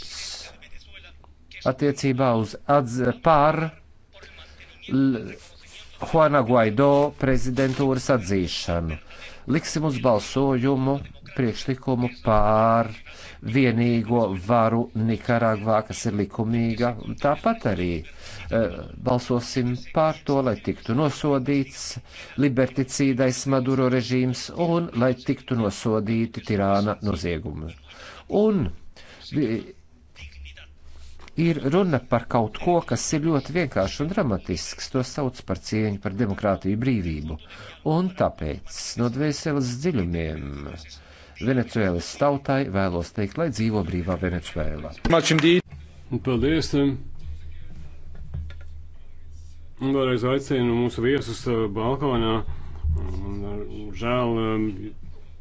attiecībā uz atz pār Juana Guaido prezidentūras atzīšanu. Liksim uz balsojumu priekšlikumu pār vienīgo varu Nikaragvā, kas ir likumīga. Tāpat arī uh, balsosim pār to, lai tiktu nosodīts liberticīdais Maduro režīms un lai tiktu nosodīti tirāna noziegumi. Un ir runa par kaut ko, kas ir ļoti vienkārši un dramatisks. To sauc par cieņu, par demokrātiju, brīvību. Un tāpēc no dvēseles dziļumiem Venecuēlas tautai vēlos teikt, lai dzīvo brīvā Venecuēlā. Paldies! Un vēlreiz aicinu mūsu viesus uh, balkonā. Un, uh, žēl, um,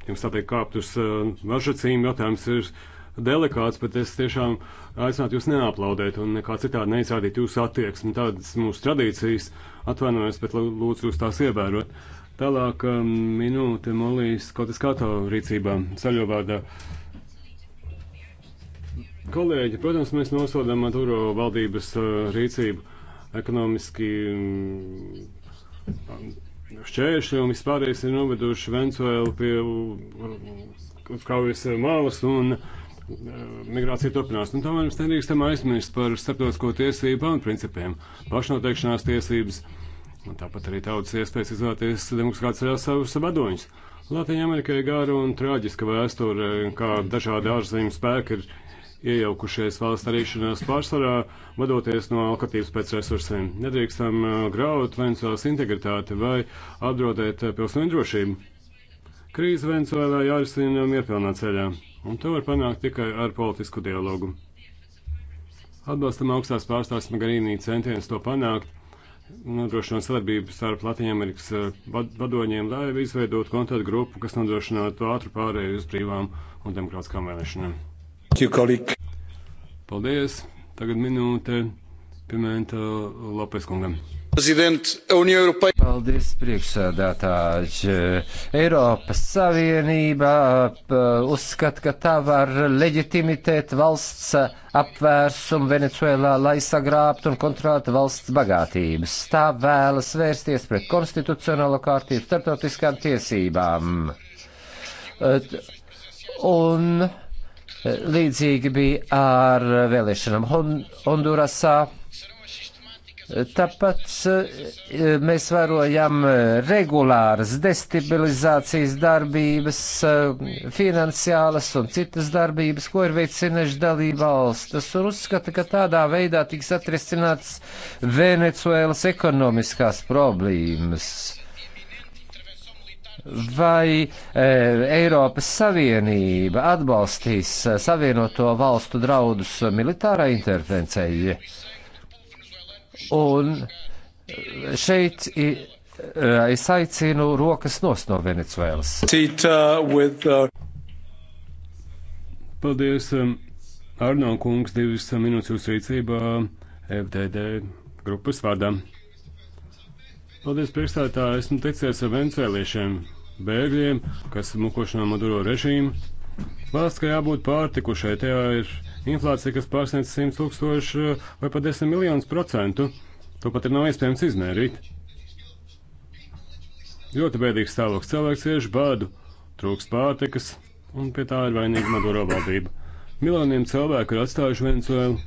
jums tā teikt kāpt uz važacīm, uh, jautājums ir delikāts, bet es tiešām aicinātu jūs neaplaudēt un nekā citādi neizrādīt jūsu attieksmi. Tādas mūsu tradīcijas atvainojos, bet lūdzu jūs tās ievērot. Tālāk um, minūte Molijas Kotiskato rīcībā, zaļo vārdā. Kolēģi, protams, mēs nosodām Maduro valdības uh, rīcību ekonomiski um, šķēršļi un vispārējais ir noveduši Venecuēlu pie uh, kaujas uh, malas un uh, migrācija turpinās. Un nu, tomēr mums nedrīkstam aizmirst par starptautisko tiesību un principiem - pašnoteikšanās tiesības, un tāpat arī tautas iespējas izvēlēties demokrātas ceļā savus vadoņus. Latvijā Amerikai gara un traģiska vēsture, kā dažādi ārzemju spēki ir iejaukušies valsts darīšanās pārsvarā, vadoties no alkatības pēc resursiem. Nedrīkstam uh, graut Venecuēlas integritāti vai apdraudēt uh, pilsoņu drošību. Krīze Venecuēlā jārisina mierpilnā ceļā. Un to var panākt tikai ar politisku dialogu. Atbalstam augstās pārstāvs Magarīnī centienus to panākt, nodrošinot sadarbību starp Latvijas-Amerikas eh, vadoņiem, lai izveidotu kontaktu grupu, kas nodrošinātu ātru pārēju uz brīvām un demokrātiskām vēlēšanām. Paldies! Tagad minūte Pimenta Lopes kungam. Paldies, priekšsēdētāji. Eiropas Savienība uzskata, ka tā var leģitimitēt valsts apvērsumu Venecuēlā, lai sagrābtu un kontrolētu valsts bagātības. Tā vēlas vērsties pret konstitucionālo kārtību starptautiskām tiesībām. Un līdzīgi bija ar vēlēšanām Hondurasā. Tāpat eh, mēs vērojam eh, regulāras destabilizācijas darbības, eh, finansiālas un citas darbības, ko ir veicinājuši dalība valstis, un uzskata, ka tādā veidā tiks atrisināts Venecuēlas ekonomiskās problēmas. Vai e, Eiropas Savienība atbalstīs Savienoto valstu draudus militārai intervencēji? Un šeit e, es aicinu rokas nos no Venecuēlas. Uh, Paldies, um, Arno kungs, divas minūtes jūsu rīcībā FDD grupas vārdā. Paldies, priekšstādā, esmu ticies ar venecuēliešiem, bēgļiem, kas mukoši no Maduro režīmu. Valsts, ka jābūt pārtikušai, tajā ir inflācija, kas pārsniedz 100 tūkstoši eh, vai pat 10 miljonus procentu. To pat ir nav iespējams izmērīt. Ļoti bēdīgs stāvoklis. Cilvēks cieši bādu, trūks pārtikas, un pie tā ir vainīga Maduro valdība. Miljoniem cilvēku ir atstājuši Venecuēlu,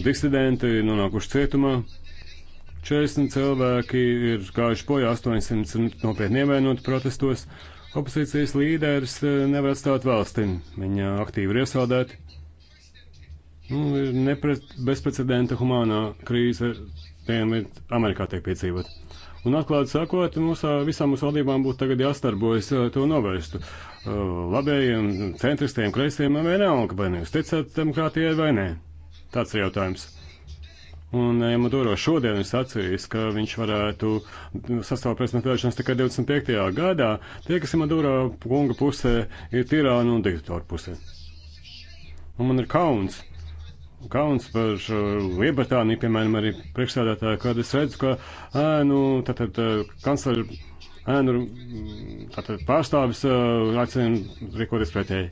disidenti ir nonākuši cietumā, 40 cilvēki ir gājuši bojā, 800 nopietni ievainoti protestos. Opozīcijas līderis eh, nevar atstāt valsti, viņa aktīvi ir iesaldēti. Nu, ir nepre, bezprecedenta humānā krīze Dienvidu Amerikā tiek piedzīvot. Un atklāti sakot, mums visām mūsu valdībām būtu tagad jāstarbojas eh, to novērstu. Eh, labējiem, centristiem, kreisiem vienalga, vai ne nu jūs ticat demokrātijai vai nē. Tāds ir jautājums. Un, ja eh, Maduro šodien ir sacījis, ka viņš varētu nu, sastāvēt prezidenta vēlēšanas tikai 25. gadā, tie, kas ir Maduro kunga pusē, ir tirāni un diktatori pusē. Un man ir kauns, kauns par Liebertāniju, piemēram, arī priekšstādātāju, kad es redzu, ka ēnu, tātad kancleru ēnu, tātad pārstāvis aicina rīkoties pretēji.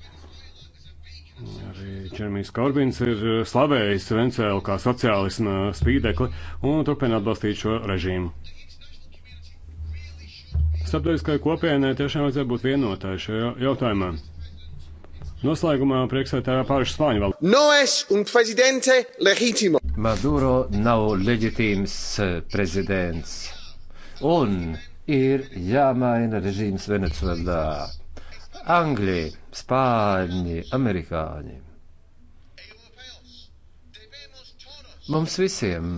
Arī Čermijs Korbins ir slavējis Vencēlu kā sociālisma spīdekli un turpina atbalstīt šo režīmu. Starptautiskai kopienai tiešām vajadzētu būt vienotāji šajā jautājumā. Noslēgumā priekšsētājā pāris spāņu valodā. No es un prezidente legitimo. Maduro nav leģitīms eh, prezidents. Un ir jāmaina režīms Venecuēlā. Angļi, spāņi, amerikāņi. Mums visiem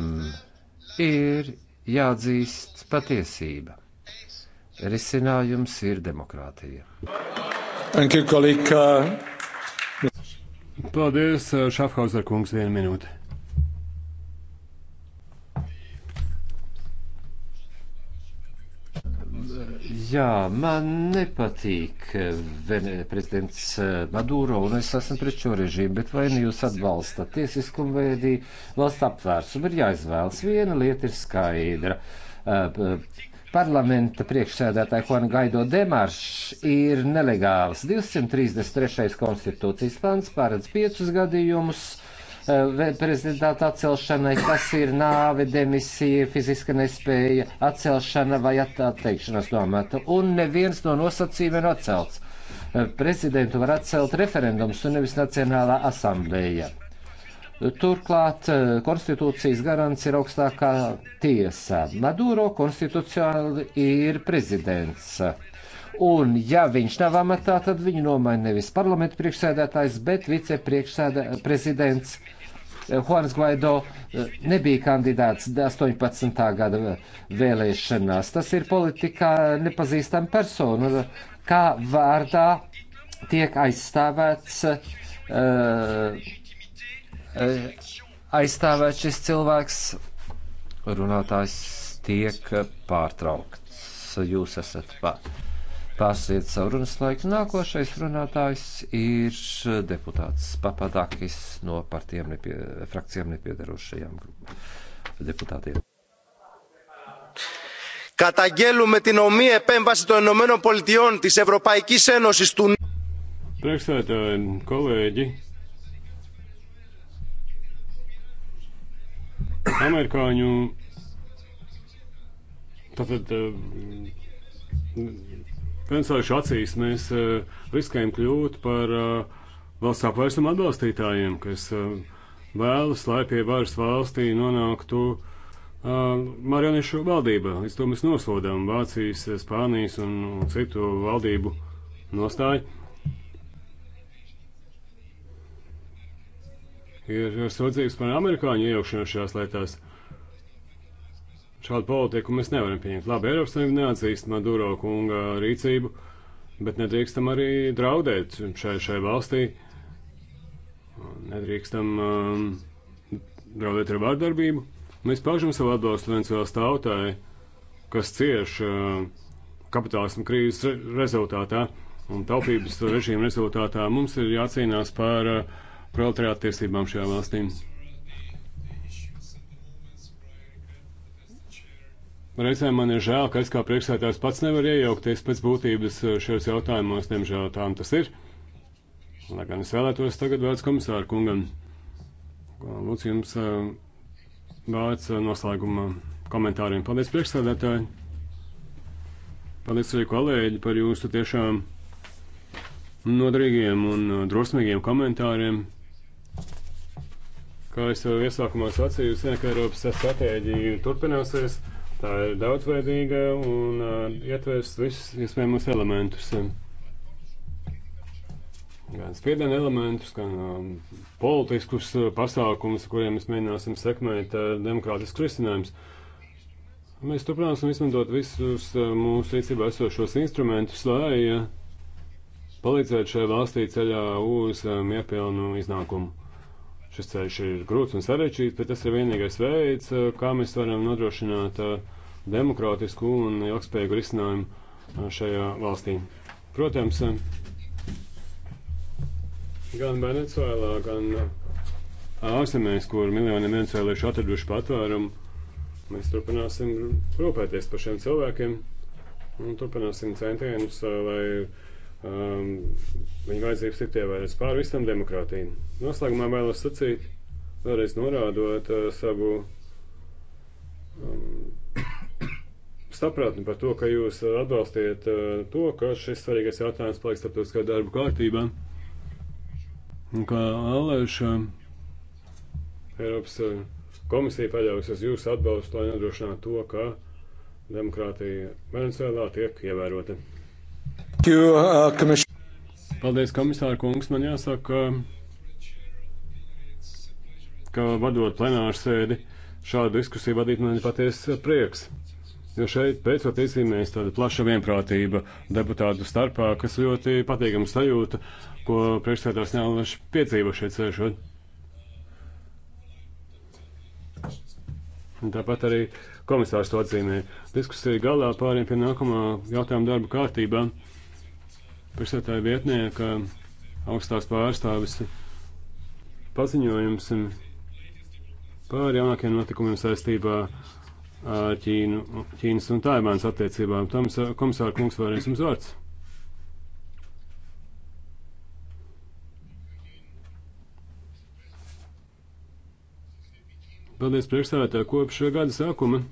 ir jāatzīst patiesība. Risinājums ir demokrātija. Thank you, colleague. Uh, Paldies, Šafhauser eh, kungs, vienu minūti. Jā, man nepatīk eh, prezidents eh, Maduro, un es esmu pret šo režīmu, bet vai nu jūs atbalstat tiesiskumu vai arī valsts apvērsumu, ir jāizvēlas. Viena lieta ir skaidra parlamenta priekšsēdētāja Juana Gaido demaršs ir nelegāls. 233. konstitūcijas pants pārēc piecus gadījumus eh, prezidenta atcelšanai, kas ir nāve, demisija, fiziska nespēja, atcelšana vai atteikšanās no amata, un neviens no nosacījumiem atcelts. Eh, prezidentu var atcelt referendums un nevis Nacionālā asambleja. Turklāt eh, konstitūcijas garants ir augstākā tiesa. Maduro konstitucionāli ir prezidents. Un, ja viņš nav amatā, tad viņu nomaina nevis parlamenta priekšsēdētājs, bet viceprezidents eh, Juans Guaido eh, nebija kandidāts 18. gada vēlēšanās. Tas ir politikā nepazīstama persona, kā vārdā tiek aizstāvēts. Uh, Eh, aizstāvēt šis cilvēks. Runātājs tiek pārtraukts. Jūs esat pa, pārsniedz savu runas laiku. Nākošais runātājs ir deputāts Papadakis no partijām nepie, frakcijām nepiedarošajām deputātiem. Καταγγέλουμε την ομοία επέμβαση των Ηνωμένων Πολιτειών της Ευρωπαϊκής Ένωσης του... Priekšsēdētāji, kolēģi, amerikāņu tātad eh, pensāšu acīs mēs eh, riskējam kļūt par eh, valsts apvērsuma atbalstītājiem, kas vēlas, lai pie varas valstī nonāktu marionešu valdība. Līdz to mēs nosodām Vācijas, Spānijas un citu valdību nostāju. ir sodzības par amerikāņu iejaukšanos šajās lietās. Šādu politiku mēs nevaram pieņemt. Labi, Eiropas Savienība neatzīst Maduro kunga rīcību, bet nedrīkstam arī draudēt šai, šai valstī. Nedrīkstam um, draudēt ar vārdarbību. Mēs paužam savu atbalstu Venecijas tautai, kas cieš uh, kapitālismu krīzes re rezultātā un taupības režīmu rezultātā. Mums ir jācīnās par uh, proletariāta tiesībām šajā valstī. Reizēm man ir žēl, ka es kā priekšsētājs pats nevaru iejaukties pēc būtības eh, šajos jautājumos, diemžēl tām tas ir. Lai gan es vēlētos tagad vērts komisāru kungam. Lūdzu, jums eh, vārds eh, noslēguma komentāriem. Paldies priekšsēdētāji! Paldies arī kolēģi par jūsu tiešām noderīgiem un drosmīgiem komentāriem. Kā es jau iesākumā sacīju, Sēneka Eiropas stratēģija turpināsies. Tā ir daudzveidīga un uh, ietvers visus iespējamos elementus. Gan spiedienu elementus, gan um, politiskus uh, pasākumus, kuriem mēs mēģināsim sekmēt uh, demokrātiskus risinājumus. Mēs turpināsim izmantot visus uh, mūsu rīcībā esošos instrumentus, lai uh, palīdzētu šai valstī ceļā uz um, iepilnu iznākumu. Šis ceļš ir grūts un sarežģīts, bet tas ir vienīgais veids, eh, kā mēs varam nodrošināt eh, demokrātisku un ilgspējīgu risinājumu eh, šajā valstī. Protams, gan Venecuēlā, gan ārzemēs, kur miljoniem venecuēliešu atraduši patvērumu, mēs turpināsim rūpēties par šiem cilvēkiem un turpināsim centienus, lai um, viņa vajadzības ir pievērst pāri visam demokrātijam. Noslēgumā vēlos sacīt, vēlreiz norādot uh, savu um, sapratni par to, ka jūs atbalstiet uh, to, ka šis svarīgais jautājums paliks starptautiskā darba kārtībā. Un kā Alēš, uh, Eiropas uh, komisija paļaujas uz jūsu atbalstu, lai nodrošinātu to, ka demokrātija Venecijā tiek ievērota. Uh, Paldies, komisāra kungs. Man jāsaka, ka vadot plenāru sēdi, šādu diskusiju vadīt man ir patiesa prieks. Jo šeit beidzot izcīnījās tāda plaša vienprātība deputātu starpā, kas ļoti patīkama sajūta, ko priekšsēdās nevēlaši piedzīvo šeit sēžot. Tāpat arī komisārs to atzīmē. Diskusija galā pāriem pie nākamā jautājuma darba kārtībā priekšstādātāja vietnē, ka augstās pārstāvis paziņojums par jaunākiem notikumiem saistībā ar Ķīnu, Ķīnas un Taivānas attiecībām. Toms, komisāra kungs, vēlreiz jums vārds. Paldies priekšstādātāji kopš gada sākuma.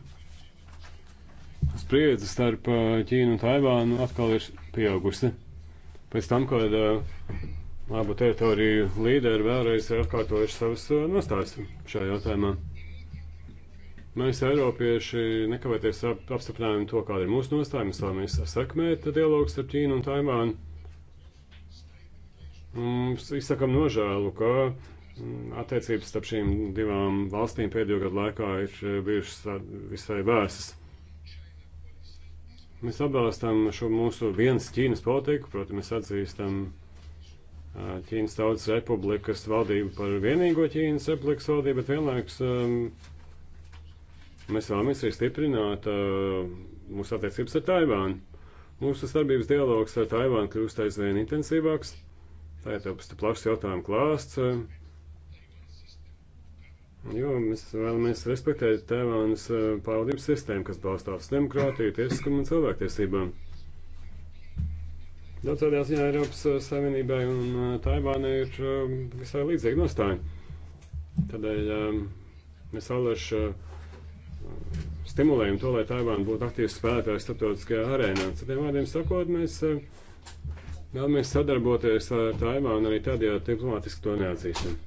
Spriedze starp Ķīnu un Taivānu atkal ir pieaugusi. Pēc tam, kad abu teritoriju līderi vēlreiz ir atkārtojuši savus nostājus šajā jautājumā. Mēs, Eiropieši, nekavēties ap, apstiprinājām to, kāda ir mūsu nostāja. Mēs vēlamies sekmēt dialogu starp Ķīnu un Taivānu. Mums izsakam nožēlu, ka attiecības starp šīm divām valstīm pēdējo gadu laikā ir bijušas visai vēsas. Mēs atbalstam šo mūsu vienas Ķīnas politiku, protams, mēs atzīstam Ķīnas Tautas Republikas valdību par vienīgo Ķīnas Republikas valdību, bet vienlaikus mēs vēlamies arī stiprināt mūsu attiecības ar Taivānu. Mūsu starpības dialogs ar Taivānu kļūst aizvien intensīvāks, tā ir tāpēc plašs jautājumu klāsts. Jo mēs vēlamies respektēt Taivānas eh, pārvaldības sistēmu, kas balstās demokrātiju, tiesiskumu un cilvēktiesībām. Daudzādā ziņā Eiropas eh, Savienībai un eh, Taivānai ir visai līdzīga nostāja. Tādēļ mēs alaši stimulējam to, lai Taivāna būtu aktīvs spēlētājs starptautiskajā arēnā. Citiem vārdiem sakot, mēs vēlamies sadarboties ar Taivānu arī tad, ja diplomātiski to neatzīsim.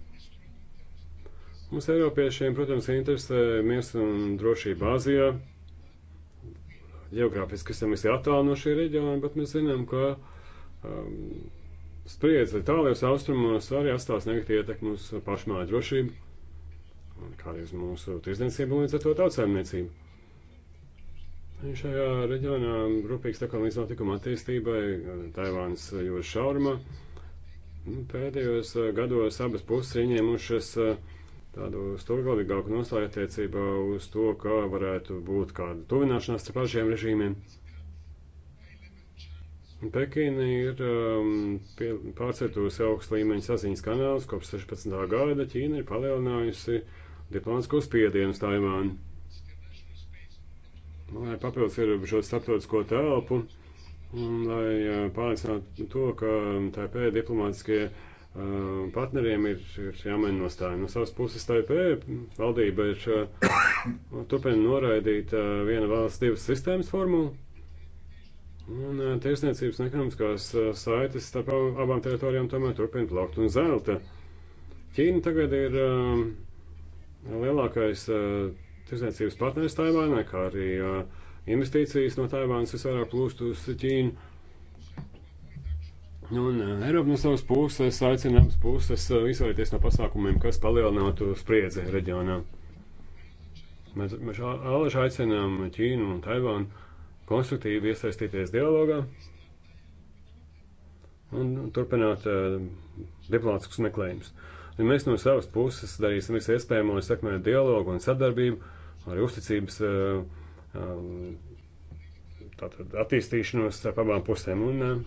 Mums Eiropiešiem, protams, interesē miers un drošība Āzijā. Geogrāfiski esam visi attāli no šī reģiona, bet mēs zinām, ka um, spriedze tālajos austrumos arī atstās negatīvu ietekmi uz pašmāju drošību, kā arī uz mūsu tirdzniecību un līdz ar to tautsēmniecību. Šajā reģionā rūpīgs tā kā līdz notikuma attīstībai uh, Taivānas uh, jūras šaurumā. Nu, pēdējos uh, gados abas puses ir ieņēmušas uh, tādu stūrgalvīgāku nostāju attiecībā uz to, kā varētu būt kāda tuvināšanās starp pašiem režīmiem. Pekīna ir um, pārcietusi augstu līmeņu saziņas kanālus kopš 16. gada. Ķīna ir palielinājusi diplomātsko spiedienu uz Taivānu. Lai papildus ierobežot starptautisko telpu, un lai uh, pārliecinātu to, ka um, Taipē diplomātiskie uh, partneriem ir, ir jāmaina nostāja. No savas puses Taipē valdība ir turpina noraidīt viena valsts divas sistēmas formulu. Un tirsniecības un ekonomiskās saites starp abām teritorijām tomēr turpina plaukt un zelta. Ķīna tagad ir lielākais tirsniecības partneris Taivānai, kā arī investīcijas no Taivānas visvairāk plūst uz Ķīnu. Un eh, Eiropa no savas puses aicinājums puses eh, izvairīties no pasākumiem, kas palielinātu spriedzi reģionā. Mēs, mēs alaži aicinām Ķīnu un Taivānu konstruktīvi iesaistīties dialogā un turpināt uh, diplomātiskus meklējumus. Ja mēs no savas puses darīsim visu iespējamo, lai sekmētu dialogu un sadarbību, arī uzticības uh, uh, attīstīšanos starp abām pusēm. Un, uh,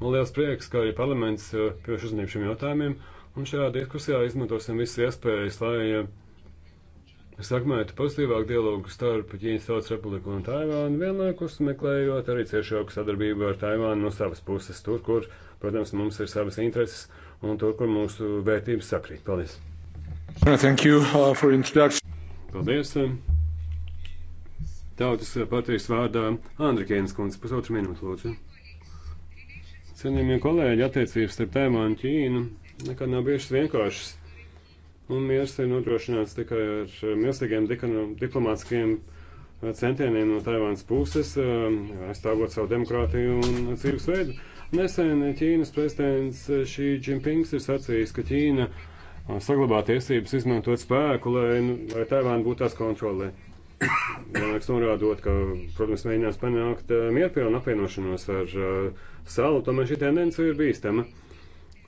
Man liels prieks, ka arī parlaments eh, pievērš uzmanību šiem jautājumiem, un šajā diskusijā izmantosim visas iespējas, lai eh, sakmētu pozitīvāku dialogu starp Ķīnas Tautas Republiku un Taivānu, vienlaikus meklējot arī ciešāku sadarbību ar Taivānu no savas puses, tur, kur, protams, mums ir savas intereses un tur, kur mūsu vērtības sakrīt. Paldies! Uh, thank you uh, for introduction. Paldies! Tautas partijas vārdā Andrikēnas kundze, pusotru minūtu lūdzu. Cienījamie kolēģi, attiecības starp Taivānu un Ķīnu nekad nav bijušas vienkāršas. Un miers ir nodrošināts tikai ar eh, milzīgiem diplomātiskiem eh, centieniem no Taivānas puses, eh, aizstāvot savu demokrātiju un dzīvesveidu. Nesen Ķīnas prezidents Šī Džimpings ir sacījis, ka Ķīna saglabā tiesības izmantot spēku, lai, nu, lai Taivāna būtu tās kontrolē. Vienlaiks norādot, ka, protams, mēģinās panākt eh, mierpilnu apvienošanos ar eh, salu, tomēr šī tendence ir bīstama.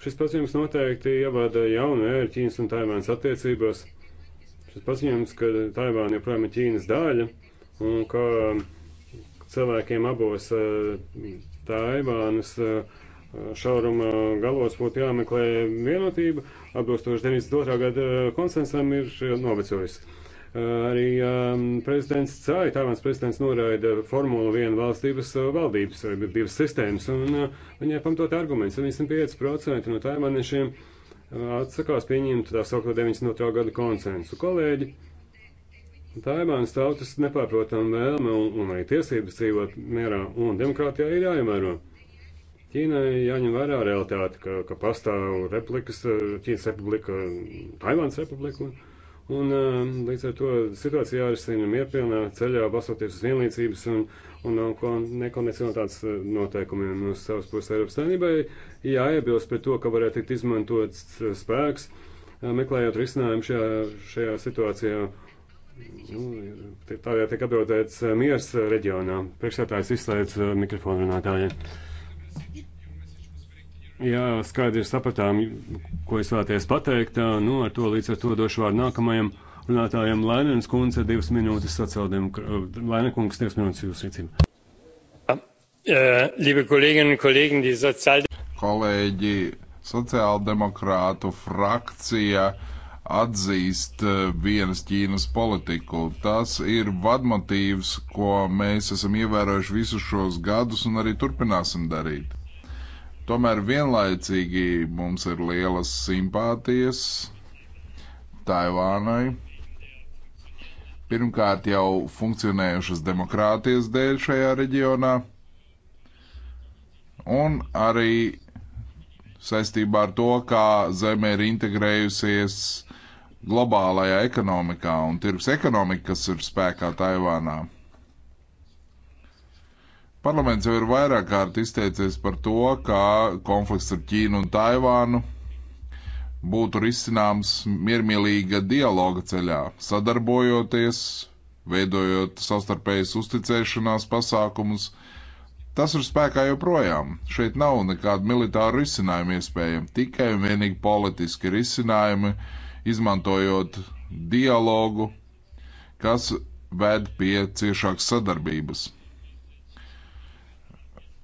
Šis paziņojums noteikti ievada jaunu ēru Ķīnas un Taivānas attiecībās. Šis paziņojums, ka Taivāna joprojām ir Ķīnas daļa un ka cilvēkiem abos eh, Taivānas šauruma galos būtu jāmeklē vienotība, atbilstoši 92. gada konsensam ir novecojis. Arī um, prezidents Cai, Tāvāns prezidents noraida formulu vienu valstības valdības, divas sistēmas, un uh, viņai pamatot arguments 75% no taivāniešiem atsakās pieņemt tā saucamo 92. gada konsensu. Kolēģi, Taivānas tautas nepārprotama vēlme un, un arī tiesības dzīvot mierā un demokrātijā ir jāievēro. Ķīnai jāņem vērā realitāte, ka, ka pastāv republikas, Ķīnas republika, Taivānas republika. Un, Un um, līdz ar to situācija jārisina mierpilnā ceļā, balstoties uz vienlīdzības un, un nekonvencionalitātes uh, noteikumiem no savas puses Eiropas saimnībai. Jāiebilst pret to, ka varētu tikt izmantots uh, spēks, uh, meklējot risinājumu šajā, šajā situācijā. Nu, Tādēļ tiek apdraudēts miers reģionā. Priekšsētājs izslēdz mikrofonu runātājiem. Jā, skaidri sapratām, ko es vēlēties pateikt. Nu, ar to līdz ar to došu vārdu nākamajam runātājam Lainēns kundze, divas minūtes sacēldiem. Lainē kungs, divas minūtes jūsu rīcība. Liebe Kolleginnen und Kollegen, die Sozial... Kolēģi, sociāldemokrātu frakcija atzīst vienas Ķīnas politiku. Tas ir vadmotīvs, ko mēs esam ievērojuši visus šos gadus un arī turpināsim darīt. Tomēr vienlaicīgi mums ir lielas simpātijas Taivānai. Pirmkārt jau funkcionējušas demokrātijas dēļ šajā reģionā un arī saistībā ar to, kā zeme ir integrējusies globālajā ekonomikā un tirgus ekonomika, kas ir spēkā Taivānā. Parlaments jau ir vairāk kārt izteicies par to, kā konflikts ar Ķīnu un Taivānu būtu risināms miermīlīga dialoga ceļā, sadarbojoties, veidojot savstarpējas uzticēšanās pasākumus. Tas ir spēkā joprojām. Šeit nav nekāda militāra risinājuma iespējama, tikai un vienīgi politiski risinājumi, izmantojot dialogu, kas ved pie ciešākas sadarbības.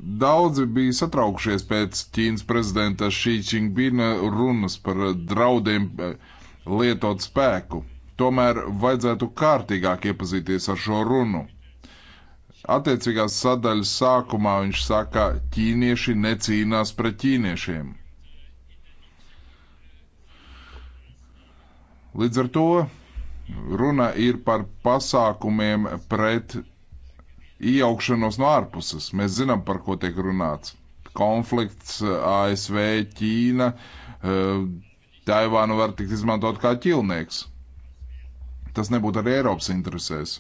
Daudzi bija satraukšies pēc Ķīnas prezidenta Šī Čingpina runas par draudiem eh, lietot spēku. Tomēr vajadzētu kārtīgāk iepazīties ar šo runu. Attiecīgās sadaļas sākumā viņš saka, ķīnieši necīnās pret ķīniešiem. Līdz ar to runa ir par pasākumiem pret iejaukšanos no ārpuses. Mēs zinām, par ko tiek runāts. Konflikts eh, ASV, Ķīna, eh, Taivāna var tikt izmantot kā ķilnieks. Tas nebūtu arī Eiropas interesēs.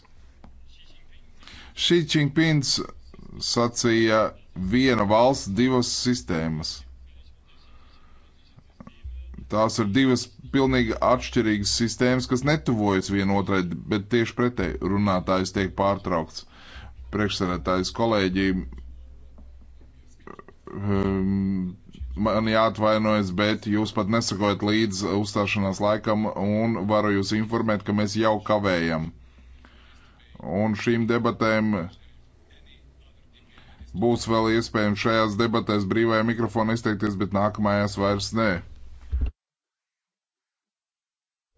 Šī Čingpins sacīja viena valsts, divas sistēmas. Tās ir divas pilnīgi atšķirīgas sistēmas, kas netuvojas vienotrai, bet tieši pretēji runātājs tiek pārtraukts priekšsēdētājs kolēģi. Um, man jāatvainojas, bet jūs pat nesakojat līdz uzstāšanās laikam un varu jūs informēt, ka mēs jau kavējam. Un šīm debatēm būs vēl iespējams šajās debatēs brīvajā mikrofonā izteikties, bet nākamajās vairs nē.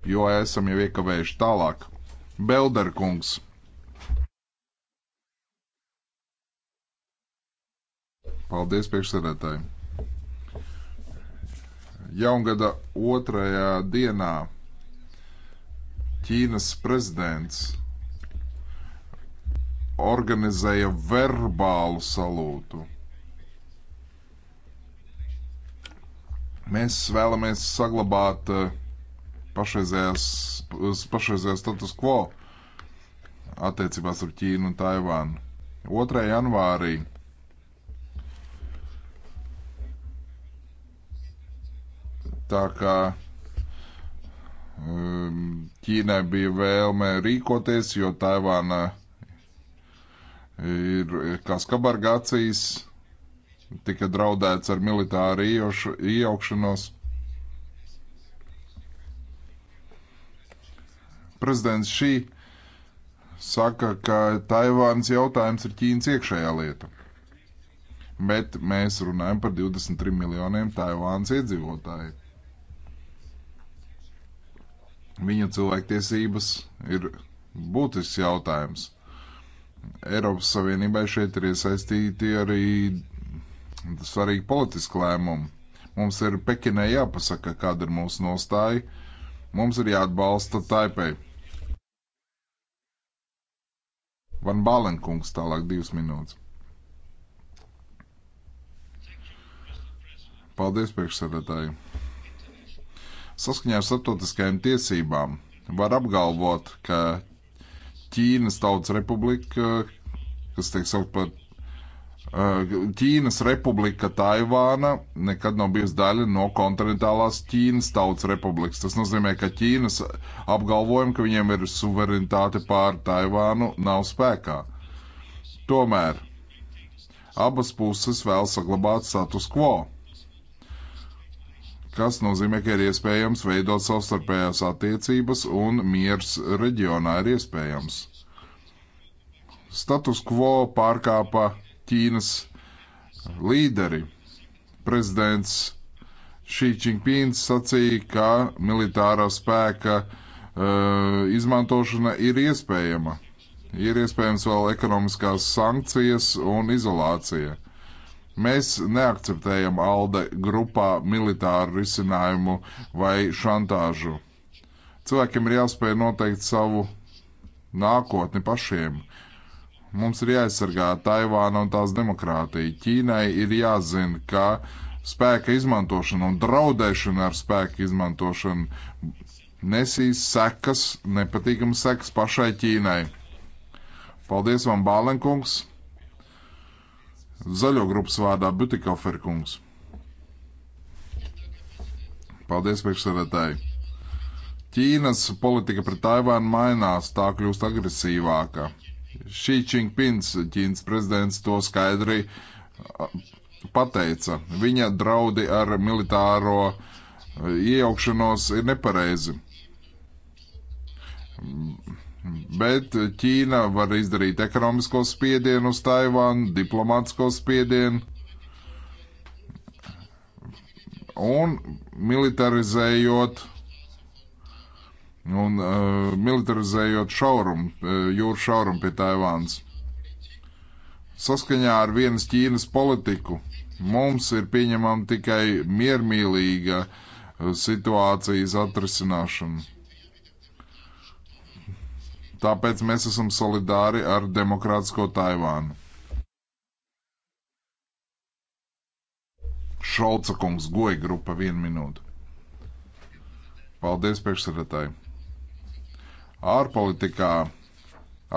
Jo esam jau iekavējuši tālāk. Belderkungs. Paldies, priekšsēdētāji. Jaungada otrajā dienā Ķīnas prezidents organizēja verbālu salūtu. Mēs vēlamies saglabāt eh, pašreizējās, pašreizējās status quo attiecībās ar Ķīnu un Taivānu. 2. janvārī Tā kā um, Ķīnai bija vēlme rīkoties, jo Taivāna ir kā skabargācijas, tika draudēts ar militāru iejaukšanos. Prezidents šī saka, ka Taivānas jautājums ir Ķīnas iekšējā lieta. Bet mēs runājam par 23 miljoniem Taivānas iedzīvotāju Viņu cilvēktiesības ir būtisks jautājums. Eiropas Savienībai šeit ir iesaistīti arī svarīgi politiski lēmumi. Mums ir Pekinai jāpasaka, kāda ir mūsu nostāja. Mums ir jāatbalsta Taipei. Van Balenkungs tālāk divas minūtes. Paldies, priekšsēdētāji! Saskaņā ar starptautiskajām tiesībām var apgalvot, ka Ķīnas Tautas Republika, kas tiek saukt par eh, Ķīnas republika Taivāna nekad nav bijusi daļa no kontinentālās Ķīnas tautas republikas. Tas nozīmē, ka Ķīnas apgalvojumi, ka viņiem ir suverenitāte pār Taivānu, nav spēkā. Tomēr abas puses vēl saglabāt status quo kas nozīmē, ka ir iespējams veidot savstarpējās attiecības un miers reģionā ir iespējams. Status quo pārkāpa Ķīnas līderi. Prezidents Šī Čingpīns sacīja, ka militārā spēka uh, izmantošana ir iespējama. Ir iespējams vēl ekonomiskās sankcijas un izolācija. Mēs neakceptējam ALDE grupā militāru risinājumu vai šantāžu. Cilvēkiem ir jāspēj noteikt savu nākotni pašiem. Mums ir jāaizsargā Taivāna un tās demokrātija. Ķīnai ir jāzina, ka spēka izmantošana un draudēšana ar spēka izmantošanu nesīs sekas, nepatīkamas sekas pašai Ķīnai. Paldies, Van Bālenkungs! Zaļo grupas vārdā Butikofer kungs. Paldies, priekšsēdētāji. Ķīnas politika pret Taivānu mainās, tā kļūst agresīvāka. Šī Čingpins, Ķīnas prezidents, to skaidri pateica. Viņa draudi ar militāro iejaukšanos ir nepareizi Bet Ķīna var izdarīt ekonomisko spiedienu uz Taivānu, diplomātsko spiedienu un militarizējot, un, uh, militarizējot šaurumu, uh, jūras šaurumu pie Taivānas. Saskaņā ar vienas Ķīnas politiku mums ir pieņemama tikai miermīlīga uh, situācijas atrisināšana Tāpēc mēs esam solidāri ar demokrātisko Taivānu. Šolca kungs, goja grupa, viena minūte. Paldies priekšsēdētāji. Ārpolitikā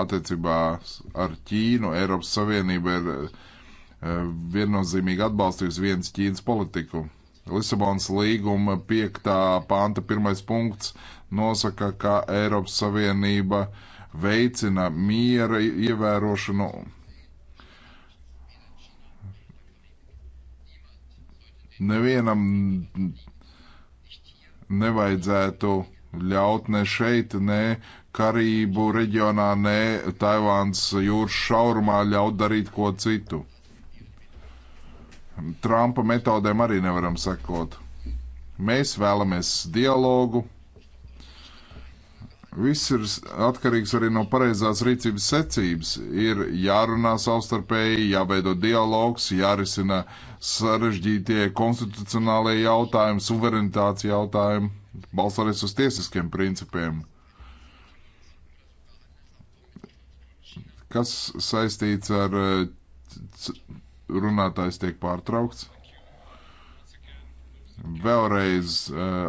attiecībā ar Ķīnu Eiropas Savienība ir eh, viennozīmīgi atbalstījusi viens Ķīnas politiku. Lisabonas līguma 5. panta 1. punkts nosaka, ka Eiropas Savienība uh, veicina miera ievērošanu. Nevienam nevajadzētu ļaut ne šeit, ne Karību reģionā, ne Taivāns jūras šaurumā ļaut darīt ko citu. Trumpa metodēm arī nevaram sekot. Mēs vēlamies dialogu, Viss ir atkarīgs arī no pareizās rīcības secības. Ir jārunā savstarpēji, jāveido dialogs, jārisina sarežģītie konstitucionālie jautājumi, suverenitātes jautājumi, balsoties uz tiesiskiem principiem. Kas saistīts ar eh, runātājs tiek pārtraukts? Vēlreiz, eh,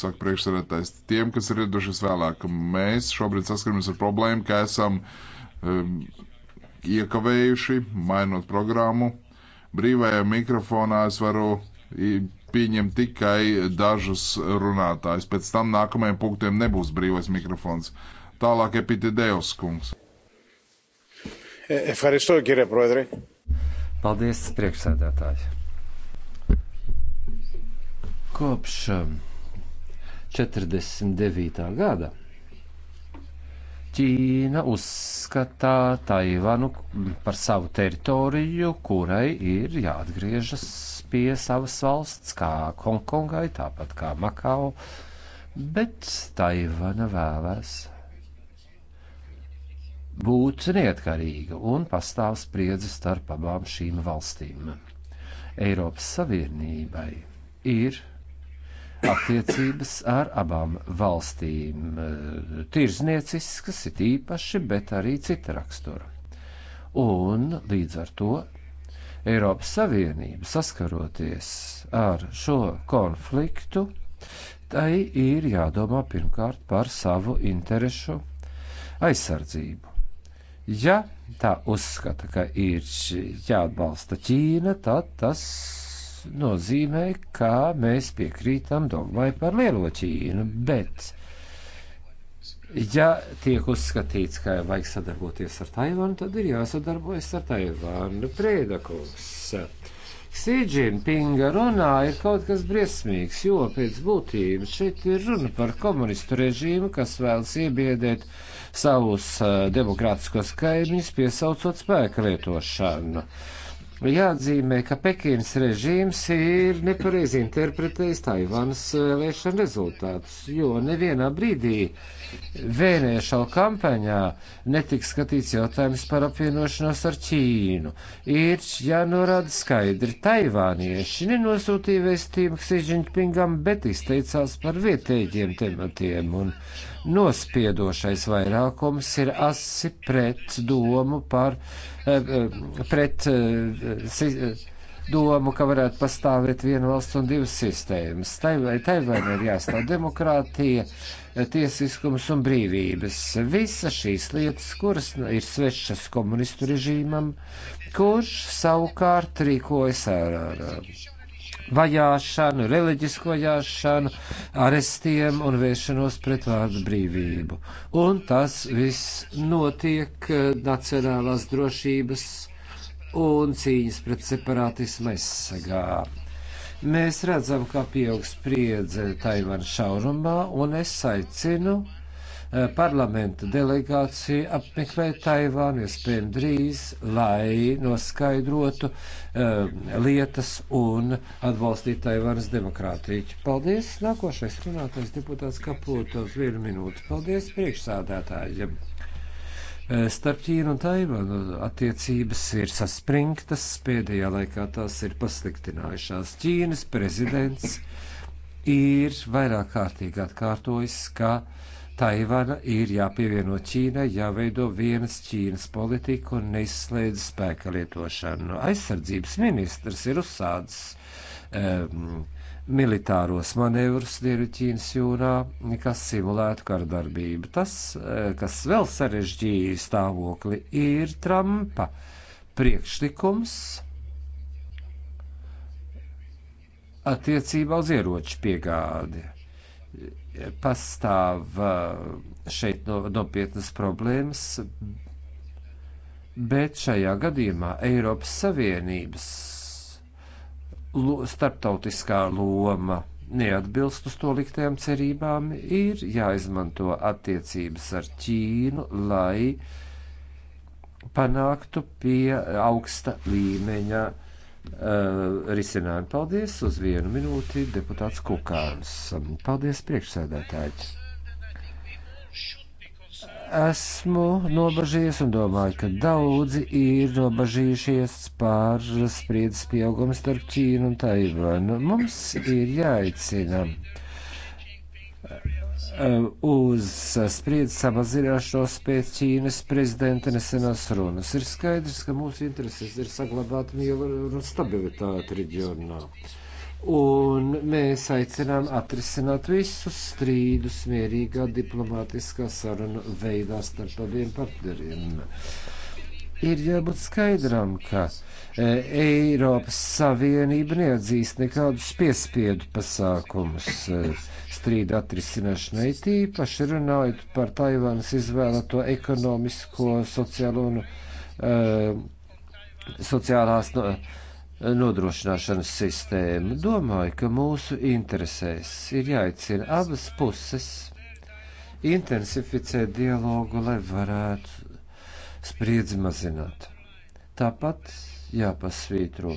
saka priekšsēdētājs, tiem, kas ir ieradušies vēlāk, mēs šobrīd saskaramies ar problēmu, ka esam eh, iekavējuši, mainot programmu. Brīvajā mikrofonā es varu pieņemt tikai dažus runātājus. Pēc tam nākamajiem punktiem nebūs brīvais mikrofons. Tālāk epitēdējos kungs. Efaristo, eh, ģire, prodre. Paldies, priekšsēdētāji. Kopš 49. Um, gada Ķīna uzskatā Taivanu par savu teritoriju, kurai ir jāatgriežas pie savas valsts, kā Hongkongai, tāpat kā Makau, bet Taivana vēlēs būt neatkarīga un pastāv spriedzi starp abām šīm valstīm. Eiropas Savienībai ir attiecības ar abām valstīm e, - tirznieciskas, it īpaši, bet arī cita rakstura. Un līdz ar to Eiropas Savienība saskaroties ar šo konfliktu, tai ir jādomā pirmkārt par savu interešu aizsardzību. Ja tā uzskata, ka ir jāatbalsta Ķīna, tad tas nozīmē, ka mēs piekrītam dogmai par lielo Ķīnu, bet, ja tiek uzskatīts, ka vajag sadarboties ar Taivānu, tad ir jāsadarbojas ar Taivānu. Prēdakungs. Sīdžinpinga runā ir kaut kas briesmīgs, jo pēc būtības šeit ir runa par komunistu režīmu, kas vēlas iebiedēt savus uh, demokrātiskos kaimiņus, piesaucot spēka lietošanu. Uh, Jāatzīmē, ka Pekinas režīms ir nepareizi interpretējis Taivānas eh, vēlēšana rezultātus, jo nevienā brīdī uh, vēlēšanu kampaņā netiks skatīts jautājums par apvienošanos ar Ķīnu. Ir jānorāda skaidri, taivānieši nenosūtīja vēstījumu Ksiģiņpingam, bet izteicās par vietējiem tematiem, un nospiedošais vairākums ir asi pret domu par, eh, eh, pret, eh, domu, ka varētu pastāvēt viena valsts un divas sistēmas. Tai vai tai vai ir jāstāv demokrātija, tiesiskums un brīvības. Visas šīs lietas, kuras ir svešas komunistu režīmam, kurš savukārt rīkojas ar, ar vajāšanu, reliģisko jāšanu, arestiem un vēršanos pret vārdu brīvību. Un tas viss notiek eh, nacionālās drošības un cīņas pret separātismu aizsargā. Mēs redzam, kā pieaug spriedze Taivānas šaurumā, un es aicinu eh, parlamenta delegāciju apmeklēt Taivānu iespējami drīz, lai noskaidrotu um, lietas un atbalstītu Taivānas demokrātiju. Paldies! Nākošais runātais deputāts Kapūta uz vienu minūti. Paldies priekšsādātājiem! Eh, starp Ķīnu un Taivānu attiecības ir saspringtas, pēdējā laikā tās ir pasliktinājušās. Ķīnas prezidents ir vairāk kārtīgi atkārtojis, ka Taivāna ir jāpievieno Ķīnai, jāveido vienas Ķīnas politika un neizslēdz spēka lietošanu. Aizsardzības ministrs ir uzsācis um, militāros manevrus Dienvidķīnas jūrā, kas simulētu kardarbību. Tas, eh, kas vēl sarežģīja stāvokli, ir Trumpa priekšlikums attiecībā uz ieroču piegādi. Pastāv eh, šeit nopietnas problēmas, bet šajā gadījumā Eiropas Savienības starptautiskā loma neatbilst uz to liktajām cerībām, ir jāizmanto attiecības ar Ķīnu, lai panāktu pie augsta līmeņa uh, risinājumu. Paldies uz vienu minūti, deputāts Kukāns. Paldies, priekšsēdētāji! esmu nobažījies un domāju, ka daudzi ir nobažījušies pār spriedzes pieaugumu starp Ķīnu un Taivānu. Mums ir jāicina uh, uz spriedzes samazināšanos pēc Ķīnas prezidenta nesenās runas. Ir skaidrs, ka mūsu intereses ir saglabāt mieru un stabilitāti reģionā. Uh, Un mēs aicinām atrisināt visus strīdus mierīgā diplomātiskā saruna veidā starp abiem partneriem. Ir jābūt skaidram, ka e, Eiropas Savienība neatzīst nekādus piespiedu pasākumus e, strīda atrisināšanai, tīpaši runājot par Taivānas izvēlēto ekonomisko, sociālo un e, sociālās. No, e, nodrošināšanas sistēmu. Domāju, ka mūsu interesēs ir jāicina abas puses intensificēt dialogu, lai varētu spriedzi mazināt. Tāpat jāpasvītro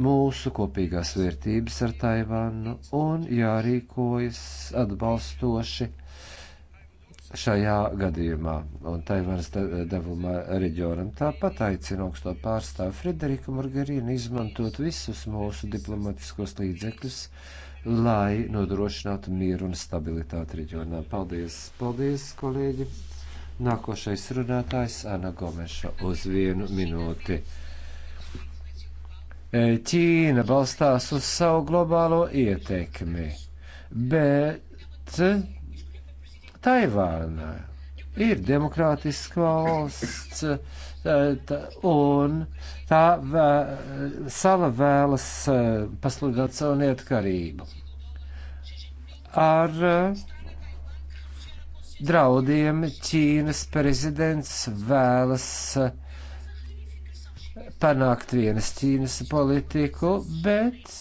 mūsu kopīgās vērtības ar Taivānu un jārīkojas atbalstoši šajā gadījumā un Taivānas devumā reģionam. Tāpat aicinu augsto pārstāvu Frederiku Morgarīnu izmantot visus mūsu diplomatiskos līdzekļus, lai nodrošinātu mieru un stabilitāti reģionā. Paldies, paldies, kolēģi! Nākošais runātājs Ana Gomeša uz vienu minūti. Ķīna balstās uz savu globālo ietekmi, bet Taivāna ir demokrātiska valsts, un tā vē, sala vēlas pasludināt savu neatkarību. Ar draudiem Ķīnas prezidents vēlas panākt vienas Ķīnas politiku, bet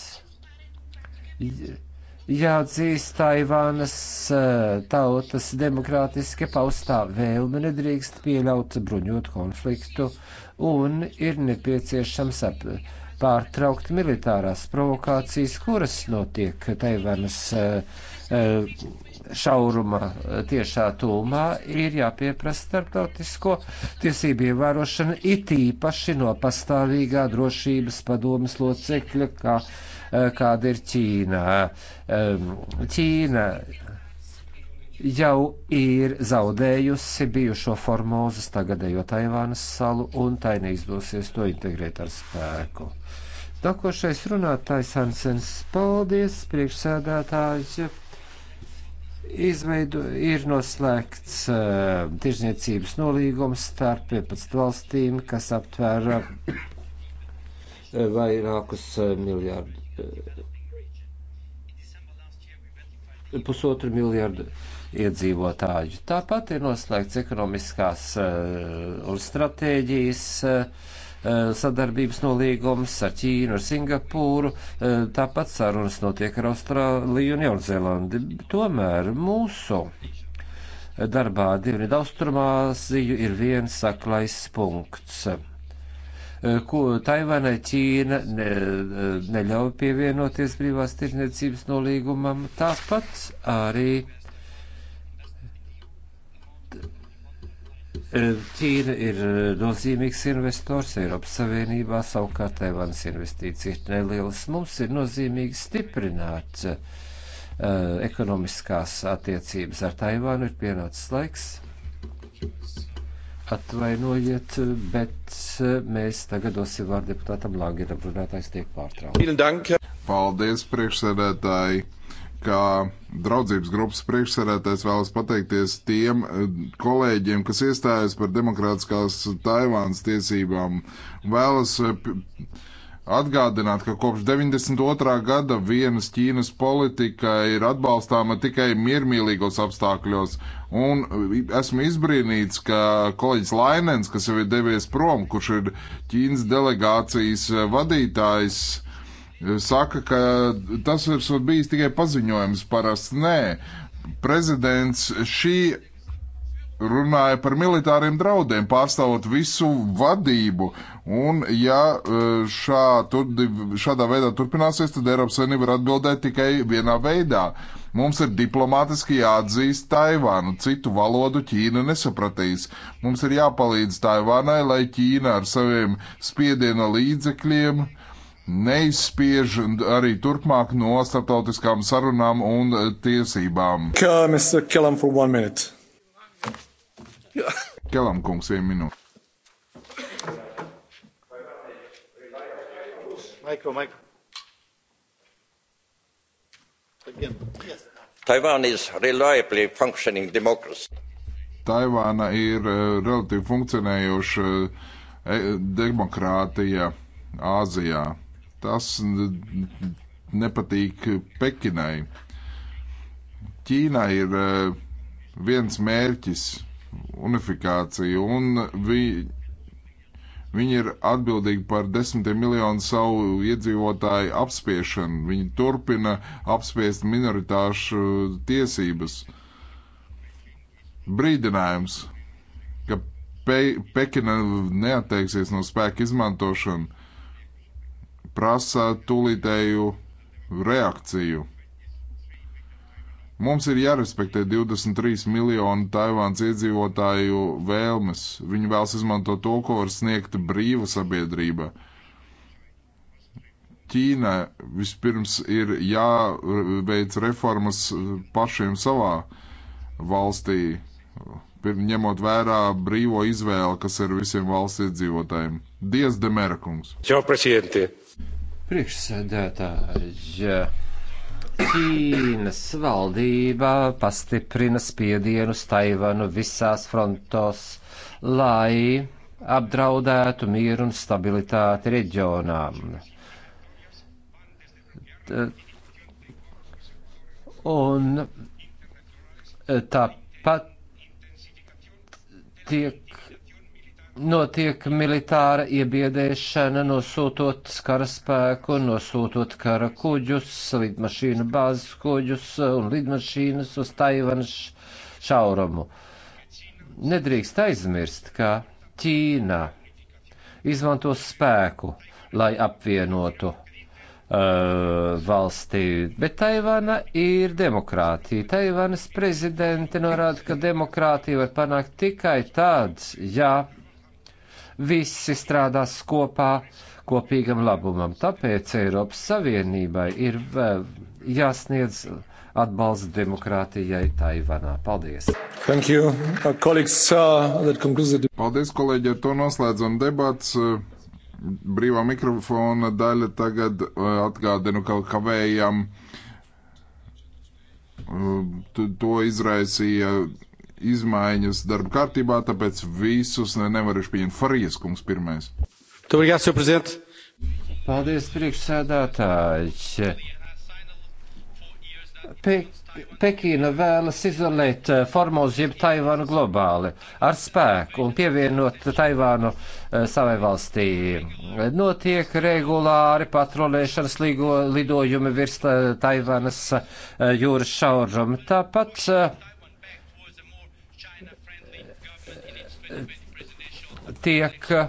jāatzīst Taivānas eh, tautas demokrātiski paustā vēlme nedrīkst pieļaut bruņot konfliktu un ir nepieciešams ap, pārtraukt militārās provokācijas, kuras notiek Taivānas eh, šauruma eh, tiešā tūmā, ir jāpieprasa starptautisko tiesību ievērošana it īpaši no pastāvīgā drošības padomas locekļa, kā Eh, kāda ir Ķīnā. Ķīna jau ir zaudējusi bijušo formozas tagadējo Taivānas salu un tai neizdosies to integrēt ar spēku. Nākošais runātājs Hansens, paldies, priekšsēdētājs. Izveidu ir noslēgts uh, tirzniecības nolīgums starp 15 valstīm, kas aptvēra uh, vairākus uh, miljārdus Uh, pusotru miljardu iedzīvotāju. Tāpat ir noslēgts ekonomiskās uh, un stratēģijas uh, sadarbības nolīgums ar Ķīnu, ar Singapūru, tāpat sarunas notiek ar Austrāliju un Jaunzēlandi. Tomēr mūsu darbā Dienvidu Austrumāziju ir viens saklais punkts Eh, ko Taivānai Ķīna ne, eh, neļauj pievienoties brīvās tirniecības nolīgumam. Tāpat arī eh, Ķīna ir nozīmīgs investors Eiropas Savienībā, savukārt Taivānas investīcijas ir nelielas. Mums ir nozīmīgi stiprināt uh, ekonomiskās attiecības ar Taivānu, ir pienācis laiks. Thank you. Atvainojiet, bet eh, mēs tagad dosim vārdu deputātam Langeram, runātājs tiek pārtraukts. Paldies, priekšsēdētāji! Kā draudzības grupas priekšsēdētājs vēlas pateikties tiem eh, kolēģiem, kas iestājas par demokrātiskās Taivānas tiesībām. Vēlas eh, Atgādināt, ka kopš 92. gada vienas Ķīnas politika ir atbalstāma tikai miermīlīgos apstākļos, Un esmu izbrīnīts, ka kolēģis Lainens, kas jau ir devies prom, kurš ir Ķīnas delegācijas vadītājs, saka, ka tas ir bijis tikai paziņojums, parasti nē. Prezidents šī runāja par militāriem draudiem, pārstāvot visu vadību. Un, ja e, šā, tur, šādā veidā turpināsies, tad Eiropas Savienība var atbildēt tikai vienā veidā. Mums ir diplomātiski jāatzīst Taivānu, citu valodu Ķīna nesapratīs. Mums ir jāpalīdz Taivānai, lai Ķīna ar saviem spiediena līdzekļiem neizspiež arī turpmāk no starptautiskām sarunām un tiesībām. Kā mēs kelam for one minute. Jā. Kelam kungs, vienu minūti. Mikro, mikro. Yes. Taiwan is reliably functioning democracy. Taivāna ir eh, relatīvi funkcionējoša eh, demokrātija Āzijā. Tas nepatīk Pekinai. Ķīnai ir eh, viens mērķis unifikāciju, un vi, viņi ir atbildīgi par desmitiem miljonu savu iedzīvotāju apspiešanu. Viņi turpina apspiest minoritāšu tiesības. Brīdinājums, ka Pe Pekina neatteiksies no spēka izmantošanu, prasa tūlītēju reakciju. Mums ir jārespektē 23 miljonu Taivāns iedzīvotāju vēlmes. Viņi vēlas izmantot to, ko var sniegt brīva sabiedrība. Ķīna vispirms ir jāveic reformas pašiem savā valstī, ņemot vērā brīvo izvēli, kas ir visiem valsts iedzīvotājiem. Dievs, Demēra kungs! Čau, prezidenti! Priekšsēdētāji! Yeah. Ķīnas valdība pastiprina spiedienu uz Taivanu visās frontos, lai apdraudētu mieru un stabilitāti reģionām. Un tāpat tiek notiek militāra iebiedēšana, nosūtot karaspēku, nosūtot kara kuģus, lidmašīnu bāzes kuģus un lidmašīnas uz Taivanas šaurumu. Nedrīkst aizmirst, ka Ķīna izmanto spēku, lai apvienotu Uh, valstī, bet Taivāna ir demokrātija. Taivānas prezidenti norāda, ka demokrātija var panākt tikai tāds, ja visi strādās kopā kopīgam labumam. Tāpēc Eiropas Savienībai ir jāsniedz atbalsts demokrātijai Taivanā. Paldies! Thank you, uh, colleagues. Uh, that concludes the... Paldies, kolēģi, ar to noslēdzam debats. Uh, brīvā mikrofona daļa tagad uh, atgādinu, ka kavējam uh, to izraisīja izmaiņas darba kārtībā, tāpēc visus nevarēšu pieņemt. Farijas kungs pirmais. Tu vari jāsaka, prezident. Paldies, priekšsēdētāji. Pe Pekīna vēlas izolēt eh, Formozu jeb Taivānu globāli ar spēku un pievienot Taivānu eh, savai valstī. Notiek regulāri patrolēšanas lidojumi virs eh, Taivānas jūras šaurumu. Tāpat tiek uh,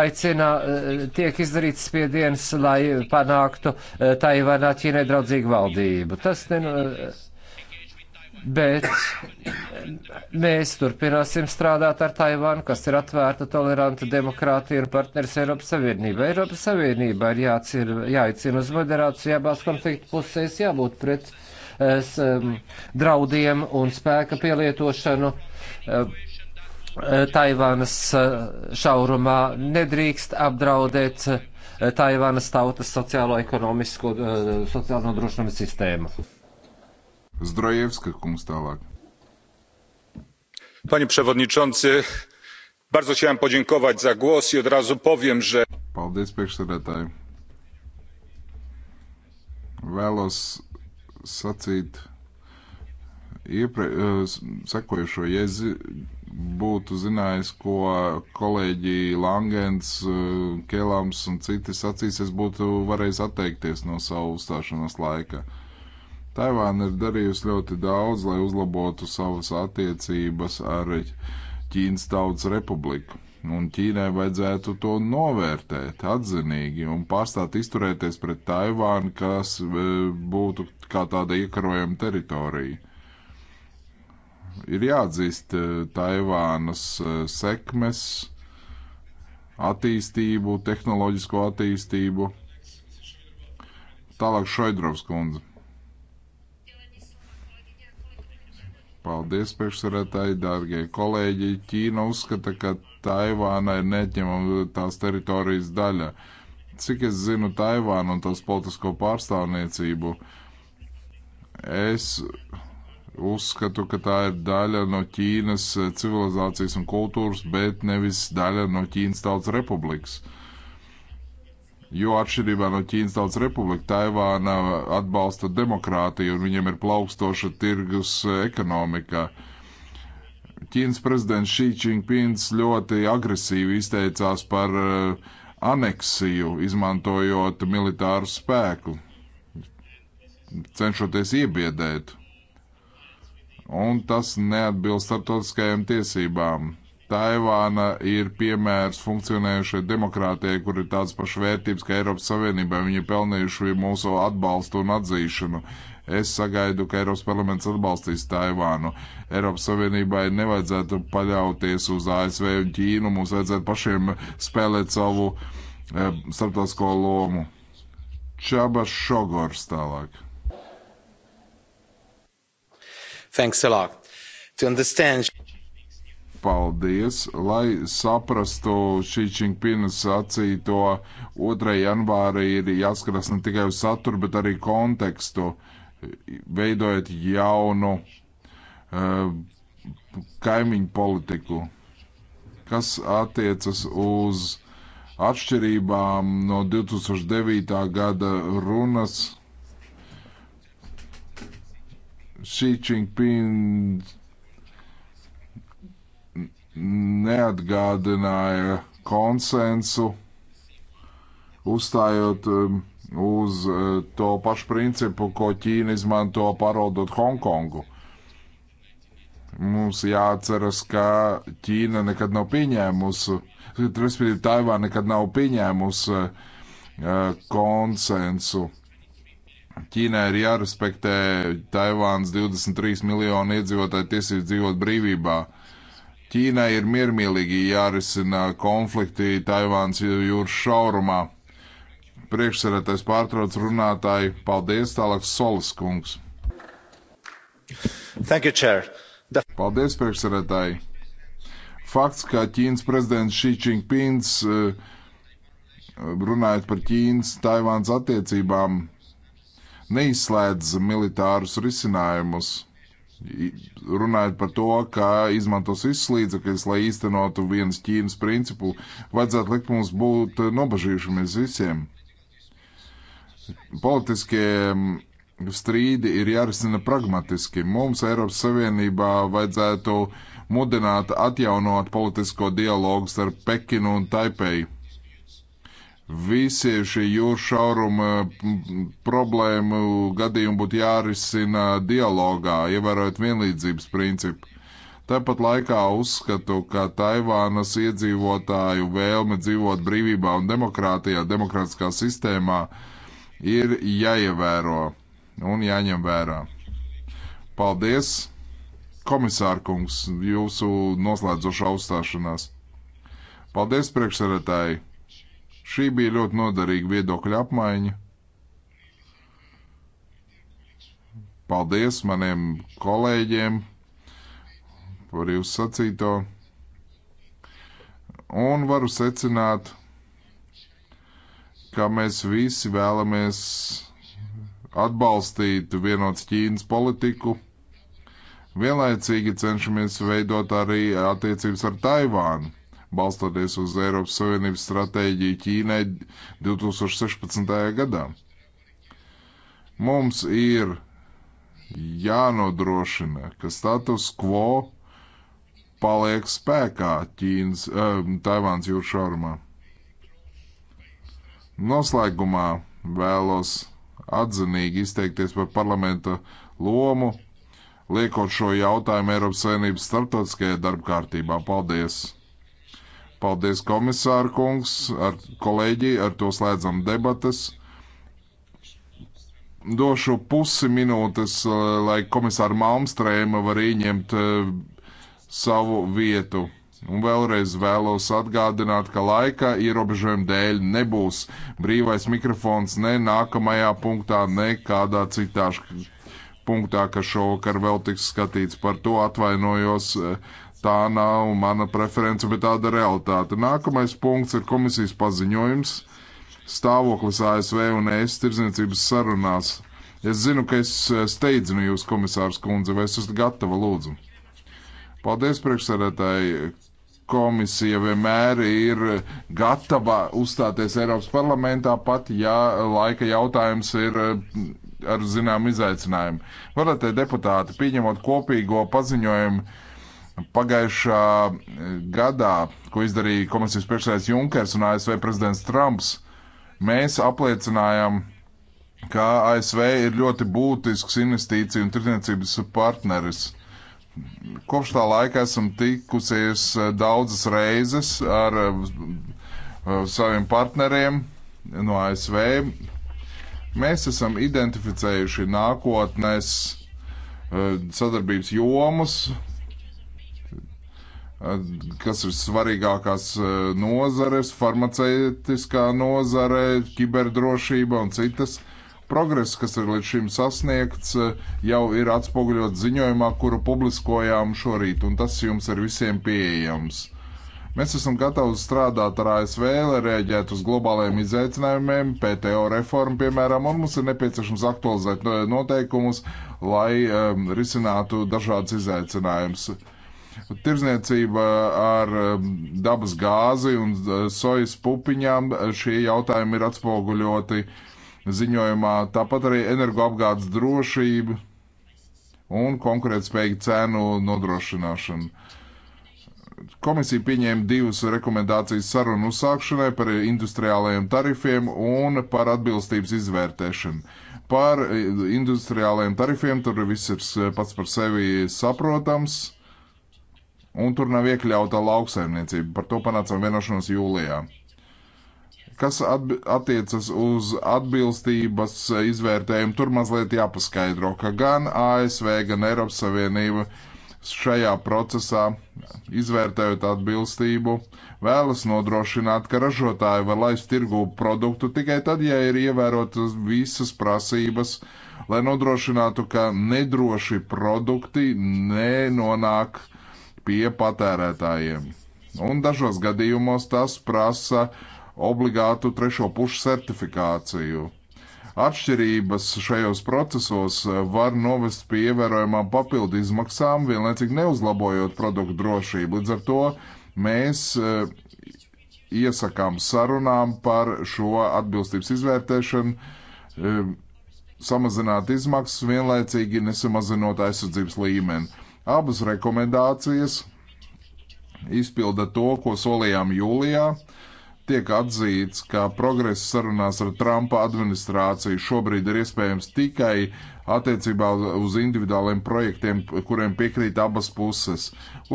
aicinā, uh, tiek izdarīts spiediens, lai panāktu uh, Taivānā Ķīnai draudzīgu valdību. Tas nenu, bet mēs turpināsim strādāt ar Taivānu, kas ir atvērta, toleranta demokrātija un partners Eiropas Savienībā. Eiropas Savienībā ir jācir, jāicina uz moderāciju abās konfliktu pusēs, jābūt pret es, um, draudiem un spēka pielietošanu. Um, Eh, Taivānas eh, šaurumā nedrīkst apdraudēt eh, Taivānas tautas sociālo-ekonomisko sociālo nodrošinājumu sistēmu. Zdrojevska kungs tālāk. Panie przewodniczący, bardzo chciałem podziękować za głos i od razu powiem, że. Paldies, priekšsēdētāji. Vēlos sacīt iepre... sekojušo, ja būtu zinājis, ko kolēģi Langens, Kelams un citi sacīs, es būtu varējis atteikties no savu uzstāšanās laika. Taivāna ir darījusi ļoti daudz, lai uzlabotu savas attiecības ar Ķīnas Tautas Republiku. Un Ķīnai vajadzētu to novērtēt atzinīgi un pārstāt izturēties pret Taivānu, kas e, būtu kā tāda iekarojama teritorija ir jāatzīst eh, Taivānas eh, sekmes, attīstību, tehnoloģisko attīstību. Tālāk Šaidrovs kundze. Paldies, priekšsarētāji, dārgie kolēģi. Ķīna uzskata, ka Taivāna ir neatņemama tās teritorijas daļa. Cik es zinu Taivānu un tās politisko pārstāvniecību, es Uzskatu, ka tā ir daļa no Ķīnas civilizācijas un kultūras, bet nevis daļa no Ķīnas tautas republikas. Jo atšķirībā no Ķīnas tautas republika, Taivāna atbalsta demokrātiju un viņiem ir plaukstoša tirgus ekonomika. Ķīnas prezidents Xi Jinpings ļoti agresīvi izteicās par eh, aneksiju, izmantojot militāru spēku, cenšoties iebiedēt un tas neatbilst starptautiskajām tiesībām. Taivāna ir piemērs funkcionējušai demokrātijai, kur ir tādas pašas vērtības kā Eiropas Savienībā. Viņi ir pelnījuši mūsu atbalstu un atzīšanu. Es sagaidu, ka Eiropas parlaments atbalstīs Taivānu. Eiropas Savienībai nevajadzētu paļauties uz ASV un Ķīnu. Mums vajadzētu pašiem spēlēt savu e, starptautisko lomu. Čabas Šogors tālāk. Thanks a lot. To understand. Paldies, lai saprastu šī Činkpinas sacīto 2. janvārī ir jāskatās ne tikai uz saturu, bet arī kontekstu, veidojot jaunu uh, kaimiņu politiku, kas attiecas uz atšķirībām no 2009. gada runas Xi Jinping neatgādināja konsensu, uzstājot um, uz uh, to pašu principu, ko Ķīna izmanto parodot Hongkongu. Mums jāatceras, ka Ķīna nekad nav pieņēmusi, respektīvi Taivāna nekad nav pieņēmusi uh, konsensu Ķīnai ir jārespektē Taivānas 23 miljonu iedzīvotāju tiesības dzīvot brīvībā. Ķīnai ir miermīlīgi jārisina konflikti Taivānas jūras šaurumā. Priekšsarētais pārtrauc runātāji. Paldies, tālāk Solis kungs. Thank you, Chair. The... Paldies, priekšsarētāji. Fakts, ka Ķīnas prezidents Xi Jinpings eh, runājot par Ķīnas, Taivānas attiecībām, neizslēdz militārus risinājumus, runājot par to, ka izmantos visus līdzekļus, lai īstenotu vienas Ķīnas principu, vajadzētu likt mums būt nobažījušamies visiem. Politiskie strīdi ir jārisina pragmatiski. Mums Eiropas Savienībā vajadzētu mudināt atjaunot politisko dialogu starp Pekinu un Taipēju. Visi šie jūras šauruma problēmu gadījumi būtu jārisina dialogā, ievērojot vienlīdzības principu. Tāpat laikā uzskatu, ka Taivānas iedzīvotāju vēlme dzīvot brīvībā un demokrātijā, demokrātiskā sistēmā ir jāievēro un jāņem vērā. Paldies, komisārkungs, jūsu noslēdzošā uzstāšanās. Paldies, priekšsarētāji! Šī bija ļoti noderīga viedokļa apmaiņa. Paldies maniem kolēģiem par jūsu sacīto. Un varu secināt, ka mēs visi vēlamies atbalstīt vienots Ķīnas politiku. Vienlaicīgi cenšamies veidot arī attiecības ar Taivānu balstoties uz Eiropas Savienības stratēģiju Ķīnai 2016. gadā. Mums ir jānodrošina, ka status quo paliek spēkā Ķīnas, eh, Taivāns jūras šaurumā. Noslēgumā vēlos atzinīgi izteikties par parlamenta lomu, liekot šo jautājumu Eiropas Savienības starptautiskajā darbkārtībā. Paldies! Paldies, komisāra kungs, ar kolēģi, ar to slēdzam debatas. Došu pusi minūtes, eh, lai komisāra Malmstrēma var ieņemt eh, savu vietu. Un vēlreiz vēlos atgādināt, ka laika ierobežojuma dēļ nebūs brīvais mikrofons ne nākamajā punktā, ne kādā citā punktā, kas šovakar vēl tiks skatīts. Par to atvainojos eh, Tā nav mana preference, bet tāda realitāte. Nākamais punkts ir komisijas paziņojums stāvoklis ASV un ES tirdzniecības sarunās. Es zinu, ka es eh, steidzinu jūs, komisārs kundze, vai es esat gatava lūdzu? Paldies, priekšsēdētāji. Komisija vienmēr ir gatava uzstāties Eiropas parlamentā, pat ja laika jautājums ir eh, ar zinām izaicinājumu. Varat te eh, deputāti, pieņemot kopīgo paziņojumu Pagājušā eh, gadā, ko izdarīja komisijas priekšsēdētājs Junkers un ASV prezidents Trumps, mēs apliecinājām, ka ASV ir ļoti būtisks investīciju un tirdzniecības partneris. Kopš tā laika esam tikusies eh, daudzas reizes ar eh, saviem partneriem no ASV. Mēs esam identificējuši nākotnes sadarbības jomas, kas ir svarīgākās eh, nozares, farmaceitiskā nozare, kiberdrošība un citas. Progress, kas ir līdz šim sasniegts, eh, jau ir atspoguļot ziņojumā, kuru publiskojām šorīt, un tas jums ir visiem pieejams. Mēs esam gatavi strādāt ar ASV, lai rēģētu uz globālajiem izaicinājumiem, PTO reformu, piemēram, un mums ir nepieciešams aktualizēt eh, noteikumus, lai um, risinātu dažādas izaicinājumus. Tirzniecība ar um, dabas gāzi un uh, sojas pupiņām uh, šie jautājumi ir atspoguļoti ziņojumā. Tāpat arī energoapgādes drošība un konkurētspējīga cēnu nodrošināšana. Komisija pieņēma divas rekomendācijas sarunu uzsākšanai par industriālajiem tarifiem un par atbilstības izvērtēšanu. Par uh, industriālajiem tarifiem tur viss ir pats par sevi saprotams un tur nav iekļauta lauksaimniecība. Par to panācām vienošanos jūlijā. Kas attiecas uz atbilstības izvērtējumu, tur mazliet jāpaskaidro, ka gan ASV, gan Eiropas Savienība šajā procesā, izvērtējot atbilstību, vēlas nodrošināt, ka ražotāji var laist tirgū produktu tikai tad, ja ir ievērotas visas prasības, lai nodrošinātu, ka nedroši produkti nenonāk uh, pie patērētājiem. Un dažos gadījumos tas prasa obligātu trešo pušu certifikāciju. Atšķirības šajos procesos var novest pie ievērojamām papildu izmaksām, vienlaicīgi neuzlabojot produktu drošību. Līdz ar to mēs eh, iesakām sarunām par šo atbilstības izvērtēšanu eh, samazināt izmaksas, vienlaicīgi nesamazinot aizsardzības līmeni. Abas rekomendācijas izpilda to, ko solījām jūlijā. Tiek atzīts, ka progress sarunās ar Trumpa administrāciju šobrīd ir iespējams tikai attiecībā uz individuāliem projektiem, kuriem piekrīt abas puses.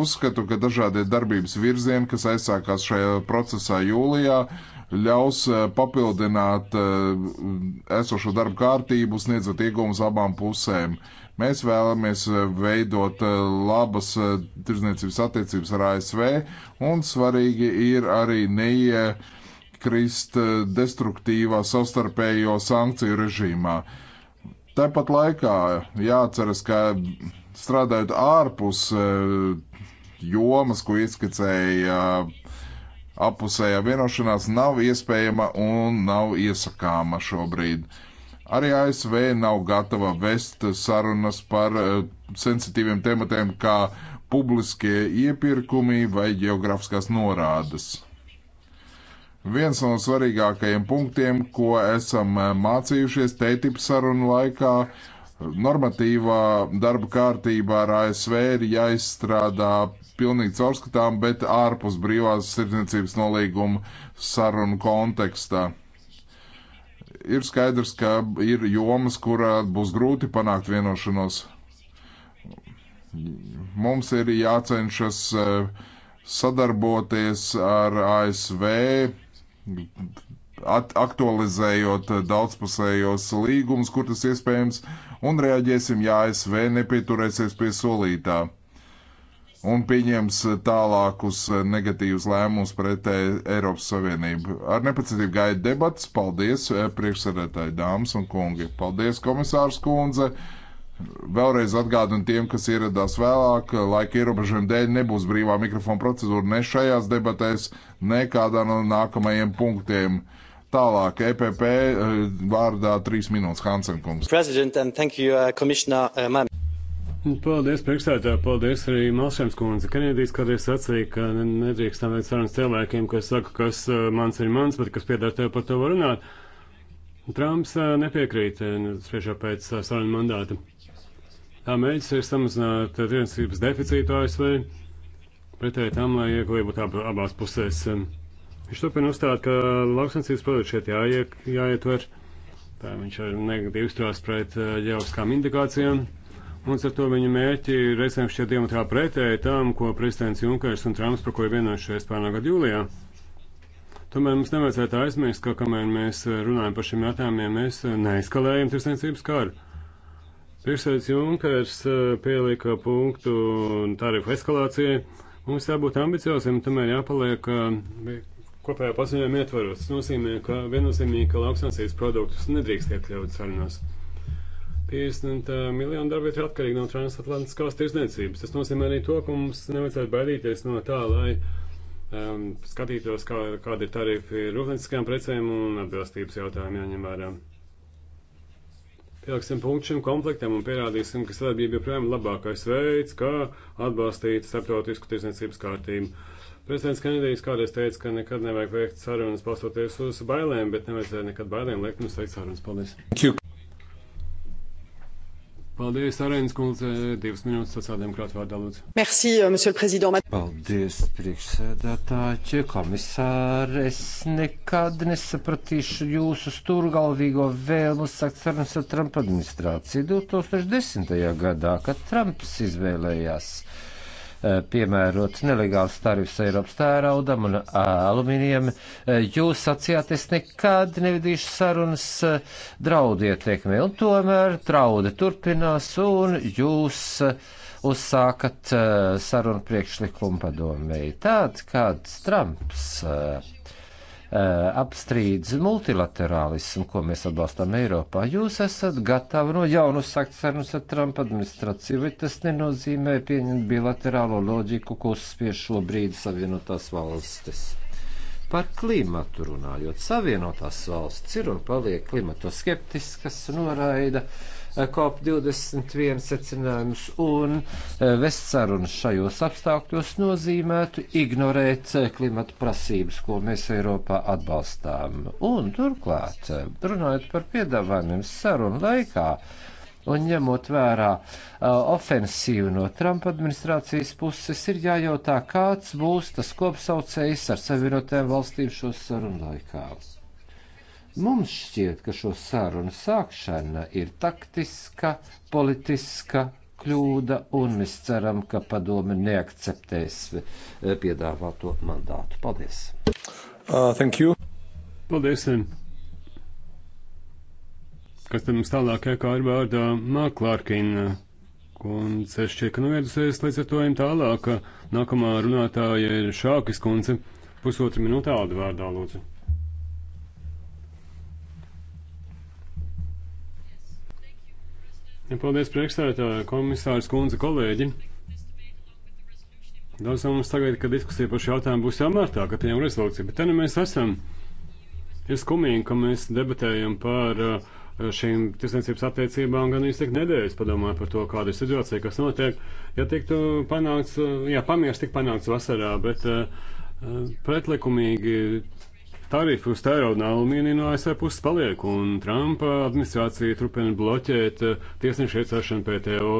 Uzskatu, ka dažādie darbības virzieni, kas aizsākās šajā procesā jūlijā, ļaus eh, papildināt eh, esošo darbu kārtību, sniedzot iegūmus abām pusēm. Uh, Mēs vēlamies eh, veidot eh, labas eh, tirzniecības attiecības ar ASV, un svarīgi ir arī neiekrist destruktīvā savstarpējo sankciju režīmā. Tāpat laikā jāatceras, ka strādājot ārpus jomas, ko ieskicēja apusējā vienošanās, nav iespējama un nav iesakāma šobrīd. Uh, Arī ASV nav gatava vest sarunas par eh, sensitīviem tematiem kā publiskie iepirkumi vai geogrāfiskās norādes. Viens no svarīgākajiem punktiem, ko esam eh, mācījušies TTIP sarunu laikā, normatīvā darba kārtībā ar ASV ir jāizstrādā pilnīgi caurskatām, bet ārpus brīvās sirdzniecības nolīguma sarunu kontekstā ir skaidrs, ka ir jomas, kurā būs grūti panākt vienošanos. Mums ir jācenšas eh, sadarboties ar ASV, at, aktualizējot daudzpusējos līgumus, kur tas iespējams, un reaģēsim, ja ASV nepieturēsies pie solītā un pieņems tālākus eh, negatīvus lēmumus pret eh, Eiropas Savienību. Ar nepacietību gaida debats. Paldies, eh, priekšsēdētāji, dāmas un kungi. Paldies, komisārs Kundze. Vēlreiz atgādinu tiem, kas ieradās vēlāk, laika ierobežojuma dēļ nebūs brīvā mikrofona procedūra ne šajās debatēs, ne kādā no nākamajiem punktiem. Tālāk, EPP vārdā trīs minūtes Hansenkungs. Nu, paldies, priekšstādā, paldies arī Malšēms kundze. Kanēdijas kādreiz sacīja, ka nedrīkstam veikt sarunas cilvēkiem, kas saka, kas mans ir mans, bet kas piedara tev par to var runāt. Trumps nepiekrīt, nu, spriešot pēc sarunu mandāta. Tā mēģis ir samazināt tirdzniecības deficītu ASV, pretēji tam, lai iegūtu ab, abās pusēs. Viņš turpina uzstāt, ka lauksensības produkti šeit jāiek, jāietver. Tā viņš ir negatīvi strāst pret ģeoskām indikācijām. Mm. Un ar to viņa mērķi reizēm šķiet diametrā pretēji tam, ko prezidents Junkers un Trumps par ko ir vienojušies pērnā gada jūlijā. Tomēr mums nevajadzētu aizmirst, ka kamēr mēs runājam par šiem jautājumiem, mēs neizskalējam tirsniecības karu. Priekšsēdētājs Junkers eh, pielika punktu tarifu eskalācijai. Mums jābūt ambicioziem, tomēr jāpaliek eh, kopējā paziņojuma ietvaros. Tas nozīmē, ka viennozīmīgi, ka lauksācijas produktus nedrīkst iekļaut sarunās. 50 miljonu darba vietu ir atkarīgi no transatlantiskās tirsniecības. Tas nozīmē arī to, ka mums nevajadzētu baidīties no tā, lai um, skatītos, kā, kāda ir tarifi rūpnieciskajām precēm un atbilstības jautājumiem jāņem vērā. Pieliksim punktu šim komplektam un pierādīsim, ka sadarbība joprojām ir labākais veids, kā atbalstīt starptautisku tirsniecības kārtību. Prezidents Kenedijs kādreiz teica, ka nekad nevajag veikt sarunas balstoties uz bailēm, bet nevajadzēja nekad bailēm liekt mums veikt sarunas. Paldies! Paldies, Arēnas kundze, divas minūtes sociāldemokrāta vārdā lūdzu. Merci, euh, monsieur le président. Paldies, priekšsēdētāji, komisāri. Es nekad nesapratīšu jūsu stūrgalvīgo vēlmu sakt sarunas ar Trumpa administrāciju 2010. gadā, kad Trumps izvēlējās Eh, piemērot nelegāls tarifs Eiropas tēraudam un eh, alumīnijam. Eh, jūs sacījāt, es nekad nevedīšu sarunas draudu ietekmē, un tomēr draudi turpinās, un jūs uzsākat sarunu priekšlikumu padomēji. Tad, kad Trumps Eh, apstrīd multilaterālismu, ko mēs atbalstām Eiropā. Jūs esat gatavi no jaunu sakt sarunas ar Trumpa administrāciju, vai tas nenozīmē pieņemt bilaterālo loģiku, ko uzspiež šobrīd Savienotās valstis? Par klimatu runājot, Savienotās valsts ir un paliek klimato skeptiskas, noraida. Uh, COP21 secinājumus un e, vest sarunas šajos apstākļos nozīmētu ignorēt e, klimata prasības, ko mēs Eiropā atbalstām. Un turklāt, e, runājot par piedāvājumiem sarunu laikā, Un ņemot vērā uh, ofensīvu no Trumpa administrācijas puses, ir jājautā, kāds būs tas kopsaucējs ar savienotajām valstīm šo sarunu laikā. Mums šķiet, ka šo sarunu sākšana ir taktiska, politiska kļūda, un mēs ceram, ka padome neakceptēs eh, piedāvāto mandātu. Paldies! Uh, thank you! Paldies! Kas tad mums tālāk ir vārdā Māklārkina eh, kundze? Šķiet, ka novedusies līdz ar to jām tālāk. Nākamā runātāja ir Šākis kundze. Pusotru minūtu ādu vārdā, lūdzu. Ja, paldies, priekšstādātāja, komisārs kundze, kolēģi. Daudz no mums tagad, ka diskusija par šo jautājumu būs jau martā, kad pieņem rezolūciju, bet te nu mēs esam. Ir skumīgi, ka mēs debatējam par uh, šīm tirsniecības attiecībām gan īstenībā nedēļas padomāja par to, kāda ir situācija, kas notiek. Ja tiktu panākts, eh, jā, pamieris tik panākts vasarā, bet uh, pretlikumīgi Tarifi uz tēru un alumīniju no ASV puses paliek, un Trumpa administrācija turpina bloķēt eh, tiesnešu iecelšanu PTO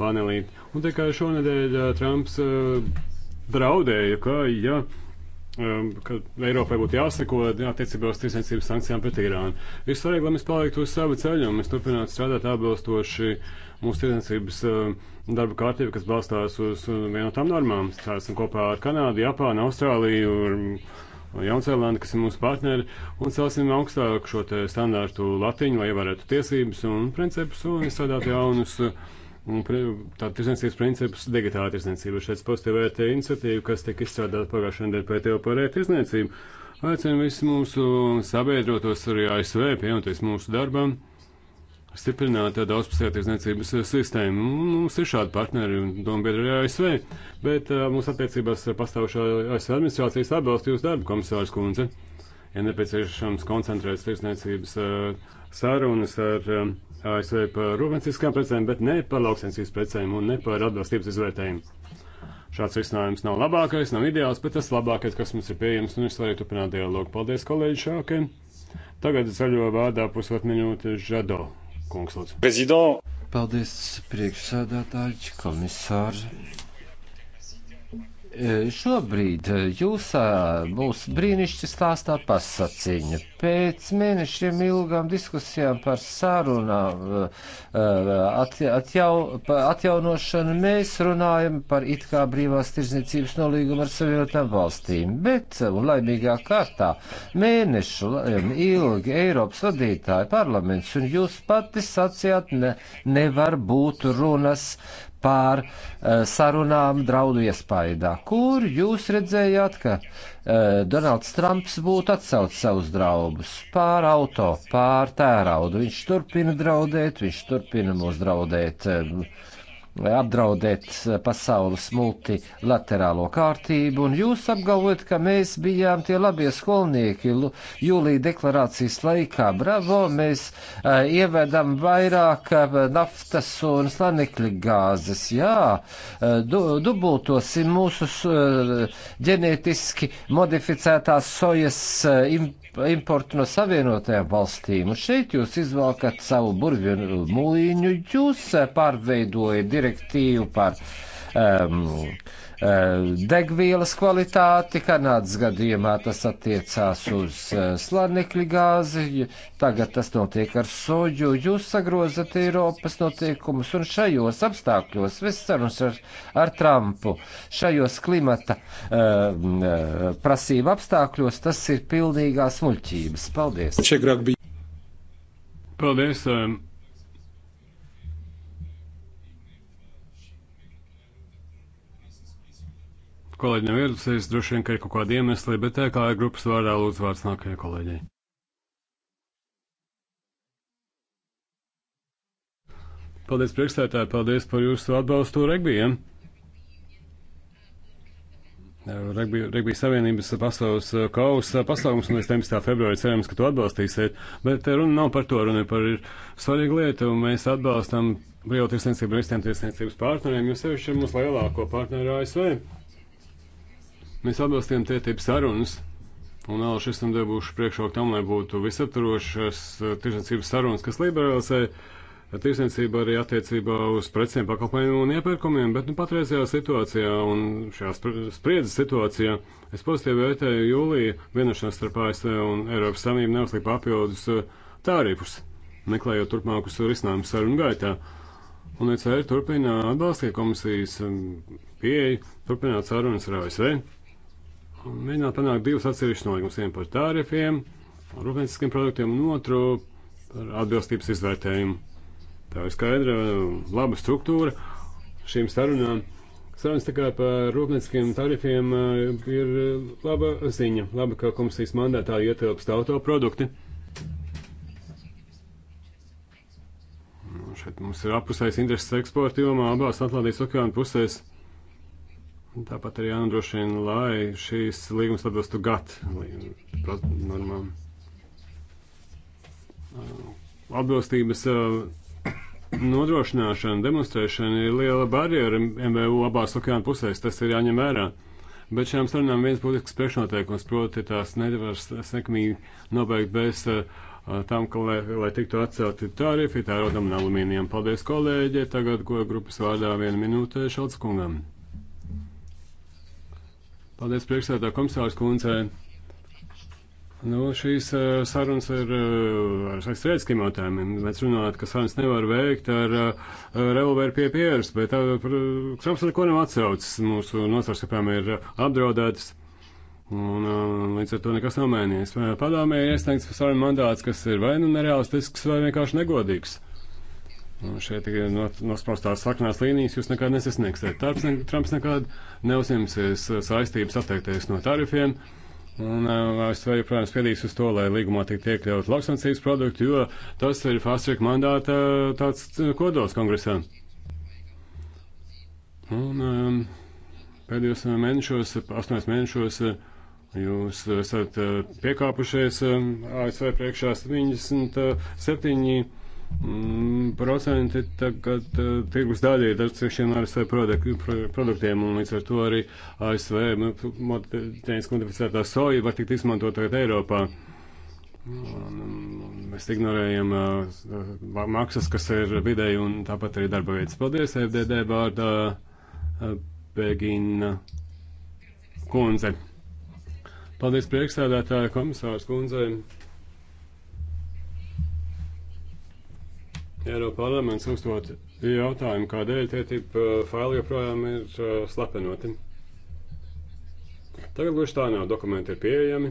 panelī. Un tikai šonadēļ eh, Trumps eh, draudēja, ka, ja ka Eiropai būtu jāseko attiecībā uz tirsniecības sankcijām pret Irānu. Ir svarīgi, lai mēs paliktu uz sava ceļa un mēs turpinātu strādāt atbilstoši mūsu tirsniecības darba kārtību, kas balstās uz vienotām normām. Strādāsim kopā ar Kanādu, Japānu, Austrāliju. Un, Jaunzēlanda, kas ir mūsu partneri, un celsim augstāk šo te standārtu latiņu, lai varētu tiesības un principus un izstrādāt jaunus tādu tirsniecības principus digitāla tirsniecība. Šeit pozitīvi vērtē iniciatīvu, kas tika izstrādāta pagājušajā nedēļā pētījā par e-tirsniecību. Aicinu visus mūsu sabiedrotos arī ASV pievienoties mūsu darbam stiprināt daudzpusētiesniecības sistēmu. Mums ir šādi partneri un dombiedri arī ASV, bet mūsu attiecībās ar pastāvošo ASV administrācijas atbalstu jūs darbu, komisārs Kunze. Ja nepieciešams koncentrēt tirsniecības sarunas ar ASV par rūpnieciskām precēm, bet ne par lauksensības precēm un ne par atbilstības izvērtējumu. Šāds risinājums nav labākais, nav ideāls, bet tas labākais, kas mums ir pieejams, un es varu turpināt dialogu. Paldies, kolēģi Šākai! Tagad zaļo vārdā pusotru minūti Žado kungs, lūdzu. Prezident. Paldies, priekšsēdētāji, komisāri. Šobrīd eh, jūs būs eh, brīnišķīgi stāstā pasaciņa. Pēc mēnešiem ilgām diskusijām par sārunām eh, atjau, atjaunošanu mēs runājam par it kā brīvās tirzniecības nolīgumu ar savienotām valstīm, bet un laimīgā kārtā mēnešu ilgi Eiropas vadītāji parlaments un jūs pati sacījāt ne, nevar būt runas pār eh, sarunām draudu iespaidā, kur jūs redzējāt, ka eh, Donalds Trumps būtu atsaucis savus draudus pār auto, pār tēraudu. Viņš turpina draudēt, viņš turpina mūs draudēt eh, apdraudēt eh, pasaules multilaterālo kārtību, un jūs apgalvojat, ka mēs bijām tie labie skolnieki jūlija deklarācijas laikā. Bravo, mēs uh, ievedam vairāk uh, naftas un slanekļa gāzes, jā, uh, du, dubultosim mūsu ģenētiski modificētās sojas importu importu no savienotajām valstīm. Un šeit jūs izvelkat savu burvju mulīņu, jūs eh, pārveidojat direktīvu par um, Eh, degvielas kvalitāti. Kanādas gadījumā tas attiecās uz eh, slanekļa gāzi, tagad tas notiek ar soģu. Jūs sagrozat Eiropas notiekumus un šajos apstākļos, viss sarunas ar, ar Trumpu, šajos klimata uh, prasību apstākļos, tas ir pilnīgās muļķības. Paldies! Paldies! Um... kolēģi nav ieradusies, droši vien, ka ir kaut kāda iemesla, bet tā kā ir grupas vārdā lūdzu vārds nākajai kolēģei. Paldies, priekšstādātāji, paldies par jūsu atbalstu regbijiem. Regbija, regbija Savienības pasaules uh, kausa uh, pasākums un līdz 11. februāri cerams, ka to atbalstīsiet, bet uh, runa nav par to, runa par ir svarīga lieta, un mēs atbalstam brīvotiesniecību un visiem tiesniecības partneriem, jo sevišķi ir mūsu lielāko partneru ASV. Mēs atbalstījām tētību sarunas, un vēl šis tam debūšu priekšroku tam, lai būtu visaptarošas eh, tirsniecības sarunas, kas liberalizē eh, tirsniecība arī attiecībā uz precēm, pakalpojumiem un iepirkumiem, bet nu, patreizajā situācijā un šajā spriedzes situācijā es pozitīvi vērtēju jūlija vienošanos starp ASV un Eiropas Savienību neuzlikt papildus eh, tārīpus, meklējot turpmākus risinājumus sarunu gaitā. Un ECR turpina atbalstīt komisijas pieeju, turpināt sarunas ar ASV mēģināt panākt divus atsevišķus nolīgumus, vienu par tārifiem, rūpnieciskiem produktiem un otru par atbilstības izvērtējumu. Tā ir skaidra, laba struktūra šīm sarunām. Sarunas tikai par rūpnieciskiem tarifiem eh, ir laba ziņa. Labi, ka komisijas mandātā ietilpst autoprodukti. Šeit mums ir apusējs intereses eksporta jomā abās Atlantijas okeāna pusēs. Tāpat arī jānodrošina, lai šīs līgumas atbilstu GATT normām. Uh, atbilstības uh, nodrošināšana, demonstrēšana ir liela barjera MVU abās okeāna pusēs, tas ir jāņem vērā. Bet šajām sarunām viens būtisks priekšnoteikums, proti tās nevar sekmīgi nobeigt bez uh, tam, ka, lai, lai tiktu atcelti tarifi tērodam un alumīnijam. Paldies kolēģi, tagad ko grupas vārdā vienu minūte Šalts kungam. Paldies priekšsēdā komisārs kundzei. Nu, šīs uh, sarunas ir eh, ar uh, strētiskiem jautājumiem. Mēs runājam, ka sarunas nevar veikt ar uh, revolveru pie pieras, bet uh, Trumps neko nav atsaucis. Mūsu nosvars, kāpēc ir apdraudētas, un uh, līdz ar to nekas nav mainījies. Padomē ir iesniegts sarunu mandāts, kas ir vai nu nereālistisks, vai vienkārši negodīgs. Uh, Un nu, šeit ir nosprostās sarkanās līnijas, jūs nekad nesasniegsiet. Tāpēc ne, Trumps nekad neuzņemsies saistības atteikties no tarifiem. Un ASV joprojām spiedīs uz to, lai līgumā tiktu iekļaut lauksansības produktu, jo tas ir fast track mandāta tāds kodols kongresā. Un um, pēdējos mēnešos, astoņos mēnešos, jūs esat piekāpušies ASV priekšā 77. Mm, procenti tagad uh, tirgus daļa ir atsevišķiem ASV produktu, pro, produktiem, un līdz ar to arī ASV nu, modificētā modificētā soja var tikt izmantot arī Eiropā. Un, un mēs ignorējam uh, maksas, kas ir vidēji, un tāpat arī darba vietas. Paldies, FDD vārdā uh, Pēgina kundze. Paldies priekšstādātāja komisārs kundzei. Eiropa parlaments uzdot jautājumu, kādēļ TTIP uh, faili joprojām ir uh, slepenoti. Tagad gluži tā nav. Dokumenti ir pieejami,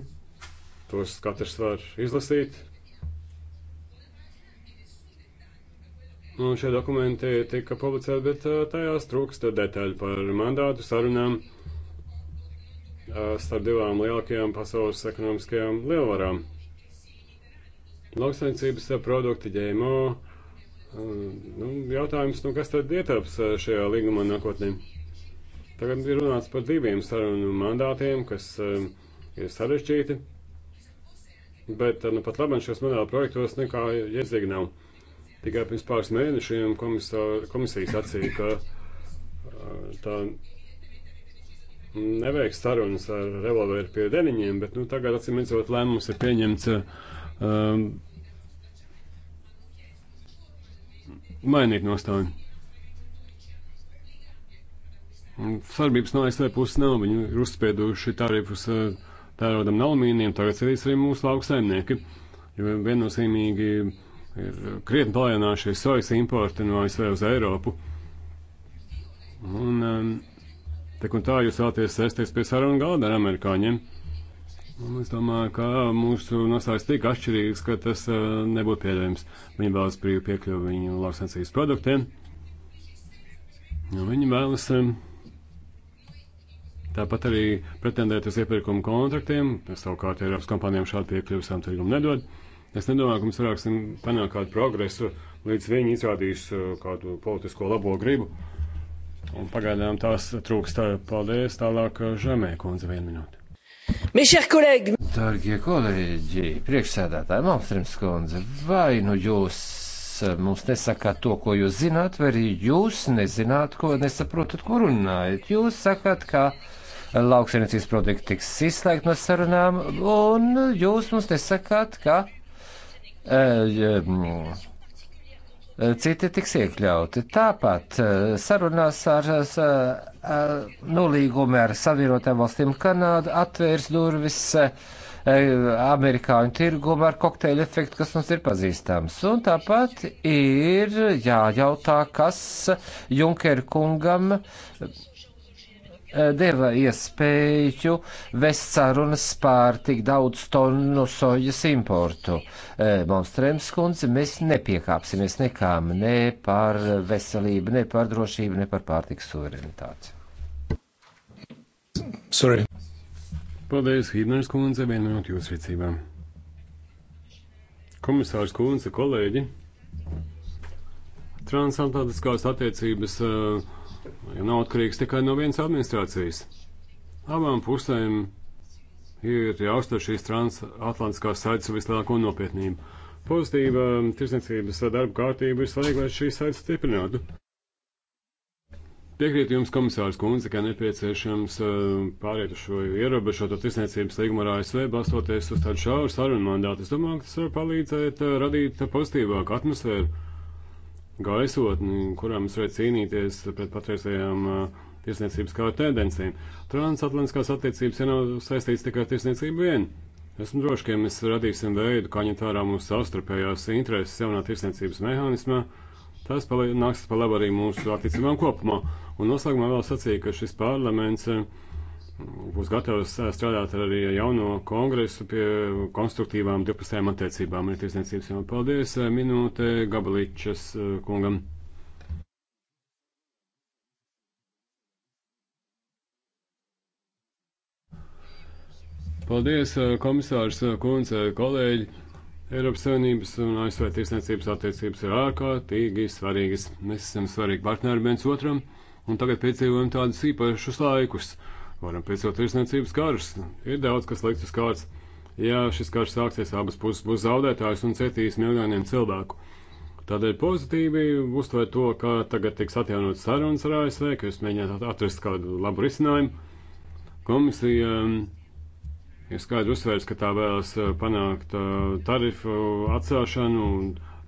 tos katrs var izlasīt. Un šie dokumenti tika publicēti, bet uh, tajās trūkst detaļu par mandātu sarunām starp divām lielākajām pasaules ekonomiskajām lielvarām. Lauksaimniecības produkti ģēmo Ehm, nu, jautājums, nu, kas tad ietaps eh, šajā līgumā nākotnē? Tagad ir runāts par diviem sarunu mandātiem, kas um, ir sarežģīti, bet eh, nu, pat labam šos mandātu projektos nekā jēdzīgi nav. Tikai pirms pāris mēnešiem komisija sacīja, ka eh, tā neveiks sarunas ar revolveru pie deniņiem, bet nu, tagad, acīm redzot, lēmums ir pieņemts. Um, mainīt nostāju. Sarbības no ASV puses nav, viņi ir uzspieduši tarifus eh, tērodam un alumīniem, tagad cietīs arī mūsu lauksaimnieki, jo viennozīmīgi ir krietni palielinājušies sojas importi no ASV uz Eiropu. Un, um, ehm, Tik un tā jūs vēlaties sēsties pie sarunu galda ar amerikāņiem. Un es domāju, ka mūsu nostājas tik atšķirīgas, ka tas uh, nebūtu pieļaujams. Viņi vēlas brīvu piekļuvi viņu lauksensības produktiem. Un viņi vēlas um, tāpat arī pretendēt uz iepirkumu kontraktiem. Savukārt Eiropas kompānijām šādu piekļuvi savam tirgumam nedod. Es nedomāju, ka mēs varēsim panākt kādu progresu, līdz viņi izrādīs uh, kādu politisko labo gribu. Un pagaidām tās trūkst. Tā, paldies. Tālāk Žemē kundze vienu minūti. Dārgie kolēģi, priekšsēdētāji, Malmstrīms kundze, vai nu jūs eh, mums nesakāt to, ko jūs zināt, vai arī jūs nezināt, ko nesaprotat, kur runājat. Jūs sakāt, ka lauksainicības produkti tiks izslēgt no sarunām, un jūs mums nesakāt, ka. Uh, um, Eh, citi tiks iekļauti. Tāpat eh, sarunās ar, ar eh, nolīgumi ar Savienotām valstīm Kanādu atvērs durvis amerikāņu tirgumu ar kokteļu efektu, kas mums ir pazīstams. Un tāpat ir jājautā, kas Junker kungam Eh, deva iespēju vest sarunas pār tik daudz tonu sojas importu. Eh, Monstrēms kundze, mēs nepiekāpsimies nekām ne par veselību, ne par drošību, ne par pārtiks suverenitāti. Sorry. Paldies, Hībners kundze, vienu minūtu jūsu rīcībā. Komisārs kundze, kolēģi, transatlantiskās attiecības uh, ja nav atkarīgs tikai no vienas administrācijas. Abām pusēm ir jāuztver šīs transatlantiskās saites vislielāko nopietnību. Pozitīva tirsniecības darba kārtība ir svarīga, lai šīs saites stiprinātu. Piekrītu jums, komisārs Kunze, ka nepieciešams eh, pāriet uz šo ierobežoto tirsniecības līgumu ar ASV, balstoties uz tādu šauru sarunu mandātu. Es domāju, ka tas var palīdzēt eh, radīt pozitīvāku atmosfēru gaisotni, kurā mums vajag cīnīties pret patreizējām tirsniecības kā tendencēm. Transatlantiskās attiecības ja nav saistīts tikai ar tirsniecību vien. Esmu droši, ka ja mēs radīsim veidu, kā ņemt vērā mūsu savstarpējās intereses jaunā tirsniecības mehānismā. Tas nāks par labu arī mūsu attiecībām kopumā. Un noslēgumā vēl sacīja, ka šis parlaments uh, būs gatavs strādāt arī jauno kongresu pie konstruktīvām divpusējām attiecībām ar tirsniecības jomā. Paldies, minūte Gabalīčas kungam. Paldies, komisārs kundze, kolēģi. Eiropas Savienības un ASV tirsniecības attiecības ir ārkārtīgi svarīgas. Mēs esam svarīgi partneri viens otram, un tagad piedzīvojam tādus īpašus laikus. Uh, Varam piesaukt tirsniecības karus. Ir daudz, kas likt uz kārtas. Ja šis karš sāksies, abas puses būs zaudētājs un cietīs miljoniem cilvēku. Tādēļ pozitīvi uztver to, ka tagad tiks atjaunot sarunas ar ASV, ka jūs mēģināt atrast kādu labu risinājumu. Komisija mm, ir skaidri uzsvērts, ka tā vēlas eh, panākt eh, tarifu atcelšanu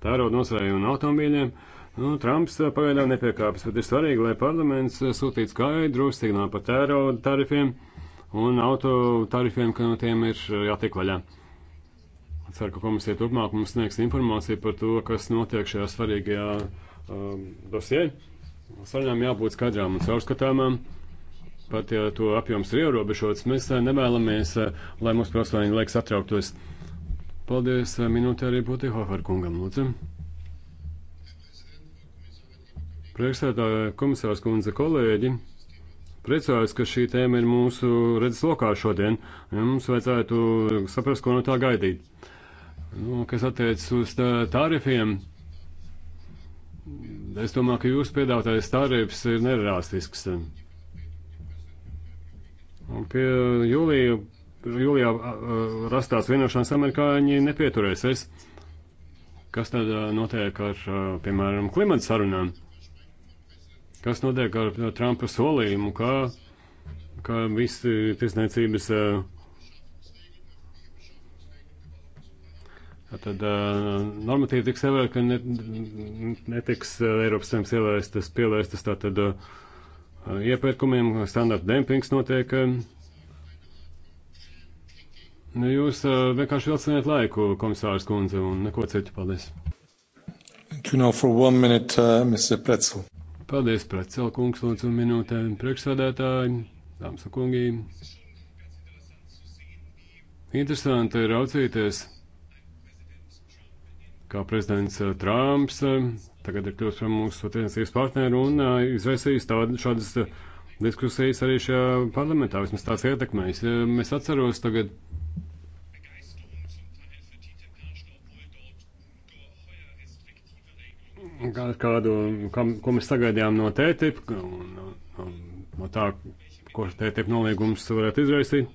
tērauda nozarei un automobīļiem. Uh, Nu, Trumps eh, pagaidām nepiekāpjas, bet ir svarīgi, lai parlaments eh, sūtītu skaidru signālu par tērauda tarifiem un auto tarifiem, ka no tiem ir eh, jātiek vaļā. Ceru, ka komisija turpmāk mums sniegs informāciju par to, kas notiek šajā svarīgajā um, dosē. Sarunām jābūt skaidrām un caurskatāmām. Pat ja to apjoms ir ierobežots, mēs nevēlamies, lai mūsu pilsoņi liek satrauktos. Paldies, minūte arī būtu Hofer kungam, lūdzu. Priekšsēdētāja komisārs kundze kolēģi. Priecājos, ka šī tēma ir mūsu redzes lokā šodien. Ja mums vajadzētu saprast, ko no tā gaidīt. Nu, kas attiecas uz tarifiem, es domāju, ka jūsu piedāvātais tarifs ir nereālistisks. Pie jūlija, jūlijā rastās vienošanās amerikāņi nepieturēsies. Kas tad notiek ar, piemēram, klimata sarunām? kas notiek ar no Trumpa solījumu, ka, ka visi tirsniecības. Eh, Tad eh, normatīvi tiks ievērta, ka net, netiks eh, Eiropas Savienības ievērstas, pielērstas tātad iepērkumiem, standarta dempings notiek. Nu, jūs vienkārši vilciniet laiku, komisārs kundze, un neko citu. Paldies. Thank you now for one minute, uh, Mr. Pretzel. Paldies, Precel kungs, lūdzu minūtēm priekšsādētāji, dāmas un kungi. Interesanti ir raucīties, kā prezidents eh, Trumps eh, tagad ir kļūst par mūsu tiesības partneru un eh, izraisījis tādu, šādas diskusijas arī šajā parlamentā, vismaz tāds ietekmējis. Mēs atceros tagad kā, kādu, kam, ko mēs sagaidījām no TTIP un no, no, no tā, ko TTIP noliegums varētu izraisīt.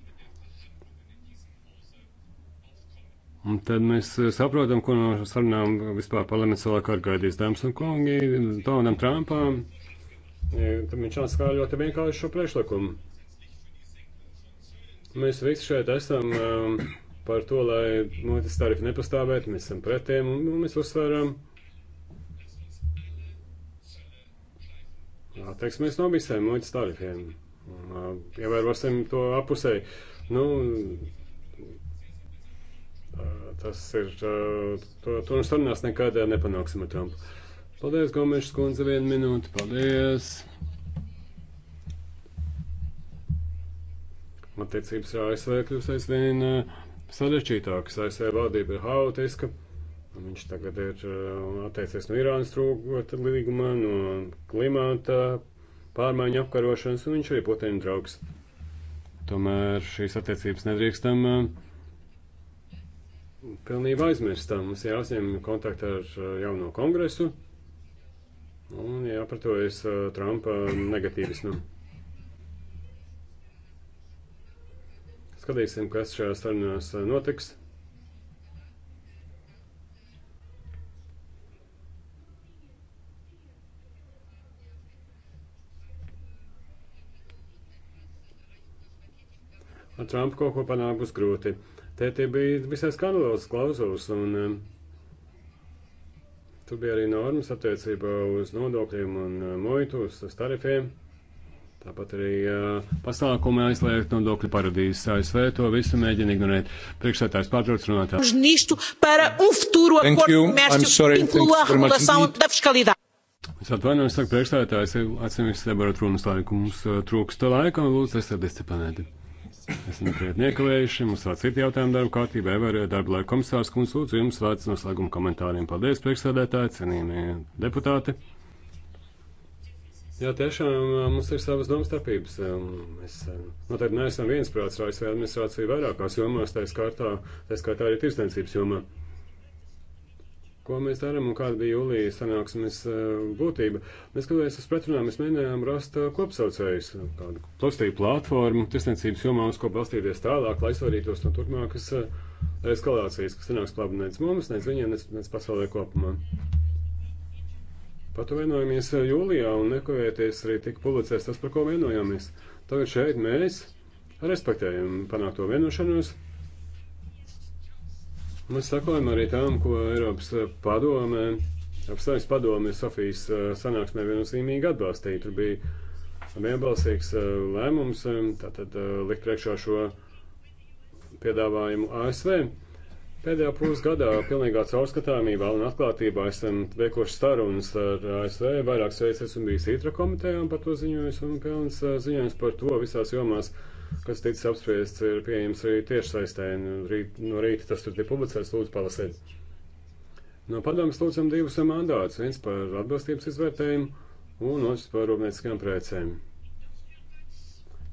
Un tad mēs saprotam, ko no sarunām vispār parlaments vēlāk atgaidīs dāmas un kungi, Donam Trumpam. E, tad viņš atskāja ļoti vienkārši šo priekšlikumu. Mēs visi šeit esam um, par to, lai muitas tarifi nepastāvētu, mēs esam pret tiem un, un mēs uzsveram. Um, attieksimies no visiem muitas tarifiem. Ievērosim to apusēji. Nu, tas ir, to, to mums nu sarunās nekad nepanāksim ar Trumpu. Paldies, Gomešs kundze, vienu minūti. Paldies! Attiecības ar ASV kļūs aizvien sarežģītākas. ASV valdība ir haotiska. Viņš tagad ir uh, atteicies no Irānas trūkota līguma, no klimata pārmaiņu apkarošanas, un viņš arī Putina draugs. Tomēr šīs attiecības nedrīkstam uh, pilnībā aizmirst. Mums jāuzņem kontakti ar uh, jauno kongresu un jāpratojas Trumpa negatīvismu. Skatīsim, kas šajās sarunās notiks. ar Trumpu kaut ko panākt būs grūti. Te tie bija visai skandalozes klauzulas, un um, tur bija arī normas attiecībā uz nodokļiem un uh, muitu, uz, uz tarifiem. Tāpat arī uh, pasākumi aizliegt nodokļu paradīzes ASV to visu mēģina ignorēt. Priekšsētājs pārtrauc runātājs. Es atvainojos, saka priekšstādātājs, atsevišķi sabarot runas laiku. Mums uh, trūksta laika, un lūdzu, esiet disciplinēti. Esam krietni iekavējuši. Mums vēl citi jautājumi darba kārtībā. Ever darba laika komisārs Kunz lūdzu jums vārds noslēguma komentāriem. Paldies, priekšsēdētāji, cienījamie deputāti. Jā, tiešām mums ir savas domstarpības. Mēs noteikti neesam viensprāts ar ASV administrāciju vairākās jomās, tā skaitā arī tirdzniecības jomā ko mēs darām un kāda bija jūlijas sanāksmes eh, būtība. Mēs skatoties uz pretrunām, mēs mēģinājām rast eh, kopsaucējus, kādu plastīgu platformu, tiesniecības jomā, uz ko balstīties tālāk, lai izvairītos no turpmākas eh, eskalācijas, kas nāks klāt nec mums, nec viņiem, nec, nec pasaulē kopumā. Pat vienojamies jūlijā un nekavēties arī tika publicēts tas, par ko vienojāmies. Tagad šeit mēs respektējam panākto vienošanos. Mēs sakojam arī tam, ko Eiropas eh, padomē, Eiropas Savienības padomē Sofijas eh, sanāksmē viennozīmīgi atbalstīja. Tur bija vienbalsīgs eh, lēmums, tātad likt priekšā šo piedāvājumu ASV. Pēdējā pusgadā pilnīgā caurskatāmībā un atklātībā esam veikuši sarunas ar ASV. Vairākas reizes esmu bijis ITRA komitejā un par to ziņojis un pelns ziņojums par to visās jomās, kas ticis apspriests, ir pieejams arī tiešsaistē. Nu, rīt, no rīta tas tur tiek publicēts, lūdzu, palasiet. No padomas lūdzam divus mandātus, viens par atbilstības izvērtējumu un otrs par rūpnieciskām precēm.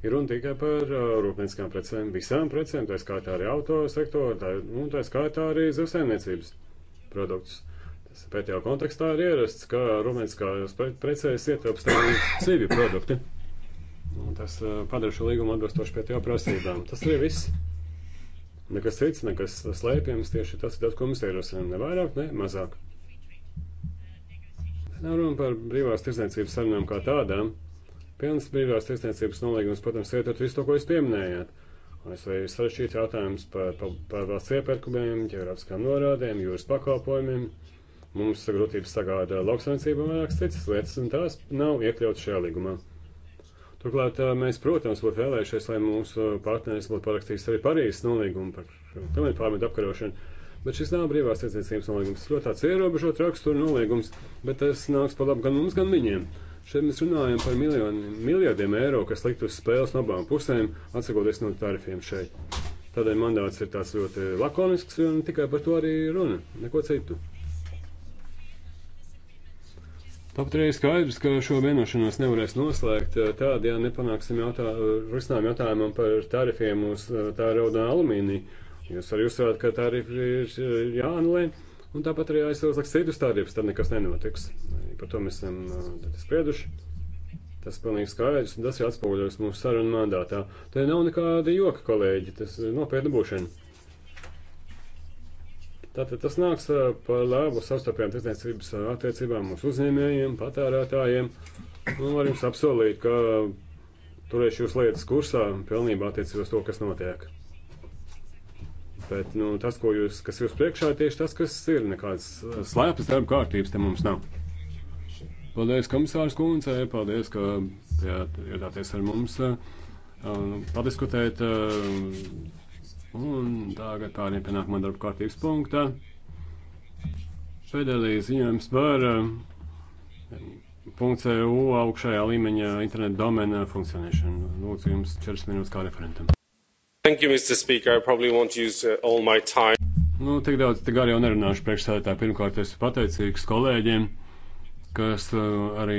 Ir runa tikai par uh, rūpnieciskām precēm, visām precēm, tā skaitā arī autosektoru, tā, nu, tā skaitā arī zivsaimniecības produktus. Tas pēdējā kontekstā ir ierasts, ka rūpnieciskās precēs ietilpst arī cīvi produkti. Un tas eh, padara šo līgumu atbilstoši pēc jau prasībām. Tas ir viss. Nekas cits, nekas slēpjams, tieši tas ir tas, ko mums ierosinām. Ne vairāk, ne mazāk. Nav runa par brīvās tirsniecības sarunām kā tādām. Pilnas brīvās tirsniecības nolīgums, protams, ietver visu to, ko jūs pieminējāt. Es varu sarešķīt jautājumus par, par, par valsts iepirkumiem, ģeogrāfiskām norādēm, jūras pakalpojumiem. Mums grūtības sagādā lauksaimniecība un vairākas citas lietas, un tās nav iekļautas šajā līgumā. Turklāt mēs, protams, būtu vēlējušies, lai mūsu partneris būtu parakstījis arī Parīzes nolīgumu par klimatu pārmaiņu apkarošanu. Bet šis nav brīvās tirdzniecības nolīgums. Tas ļoti tāds ierobežots rakstura nolīgums, bet tas nāks par labu gan mums, gan viņiem. Šeit mēs runājam par miljoniem, miljardiem eiro, kas likt uz spēles no abām pusēm, atsakoties no tarifiem šeit. Tādēļ mandāts ir tāds ļoti lakonisks, un tikai par to arī runa, neko citu. Tāpat arī skaidrs, ka šo vienošanos nevarēs noslēgt tādā, ja nepanāksim jautā, risinājumu jautājumam par tarifiem uz tā raudā alumīniju. Jūs arī uzsvērāt, ka tarifi ir jāanulē, un tāpat arī aizsūtīs citus tarifus, tad nekas nenotiks. Par to mēs esam sprieduši. Tas ir pilnīgi skaidrs, un tas ir atspoguļojums mūsu sarunu mandātā. Te nav nekāda joka, kolēģi, tas ir nopietna būšana. Tātad tas nāks par labu savstarpējām tirdzniecības attiecībām mūsu uzņēmējiem, patērētājiem. Un nu, var jums apsolīt, ka turēšu jūs lietas kursā pilnībā attiecībā uz to, kas notiek. Bet nu, tas, jūs, kas jūs priekšā ir tieši tas, kas ir. Nekādas slēptas darba kārtības te mums nav. Paldies, komisārs Kunce, paldies, ka ieradāties ar mums uh, padiskutēt. Uh, Un tagad pāriem pie nākamā darba kārtības punktā. Pēdējais ziņojums par .eu eh, e augšējā līmeņa interneta domēna funkcionēšanu. Lūdzu, jums 40 minūtes kā referentam. Thank you, Mr. Speaker. I probably won't use uh, all my time. Nu, tik daudz, tik gari jau nerunāšu priekšsēdētā. Pirmkārt, esmu pateicīgs kolēģiem kas uh, arī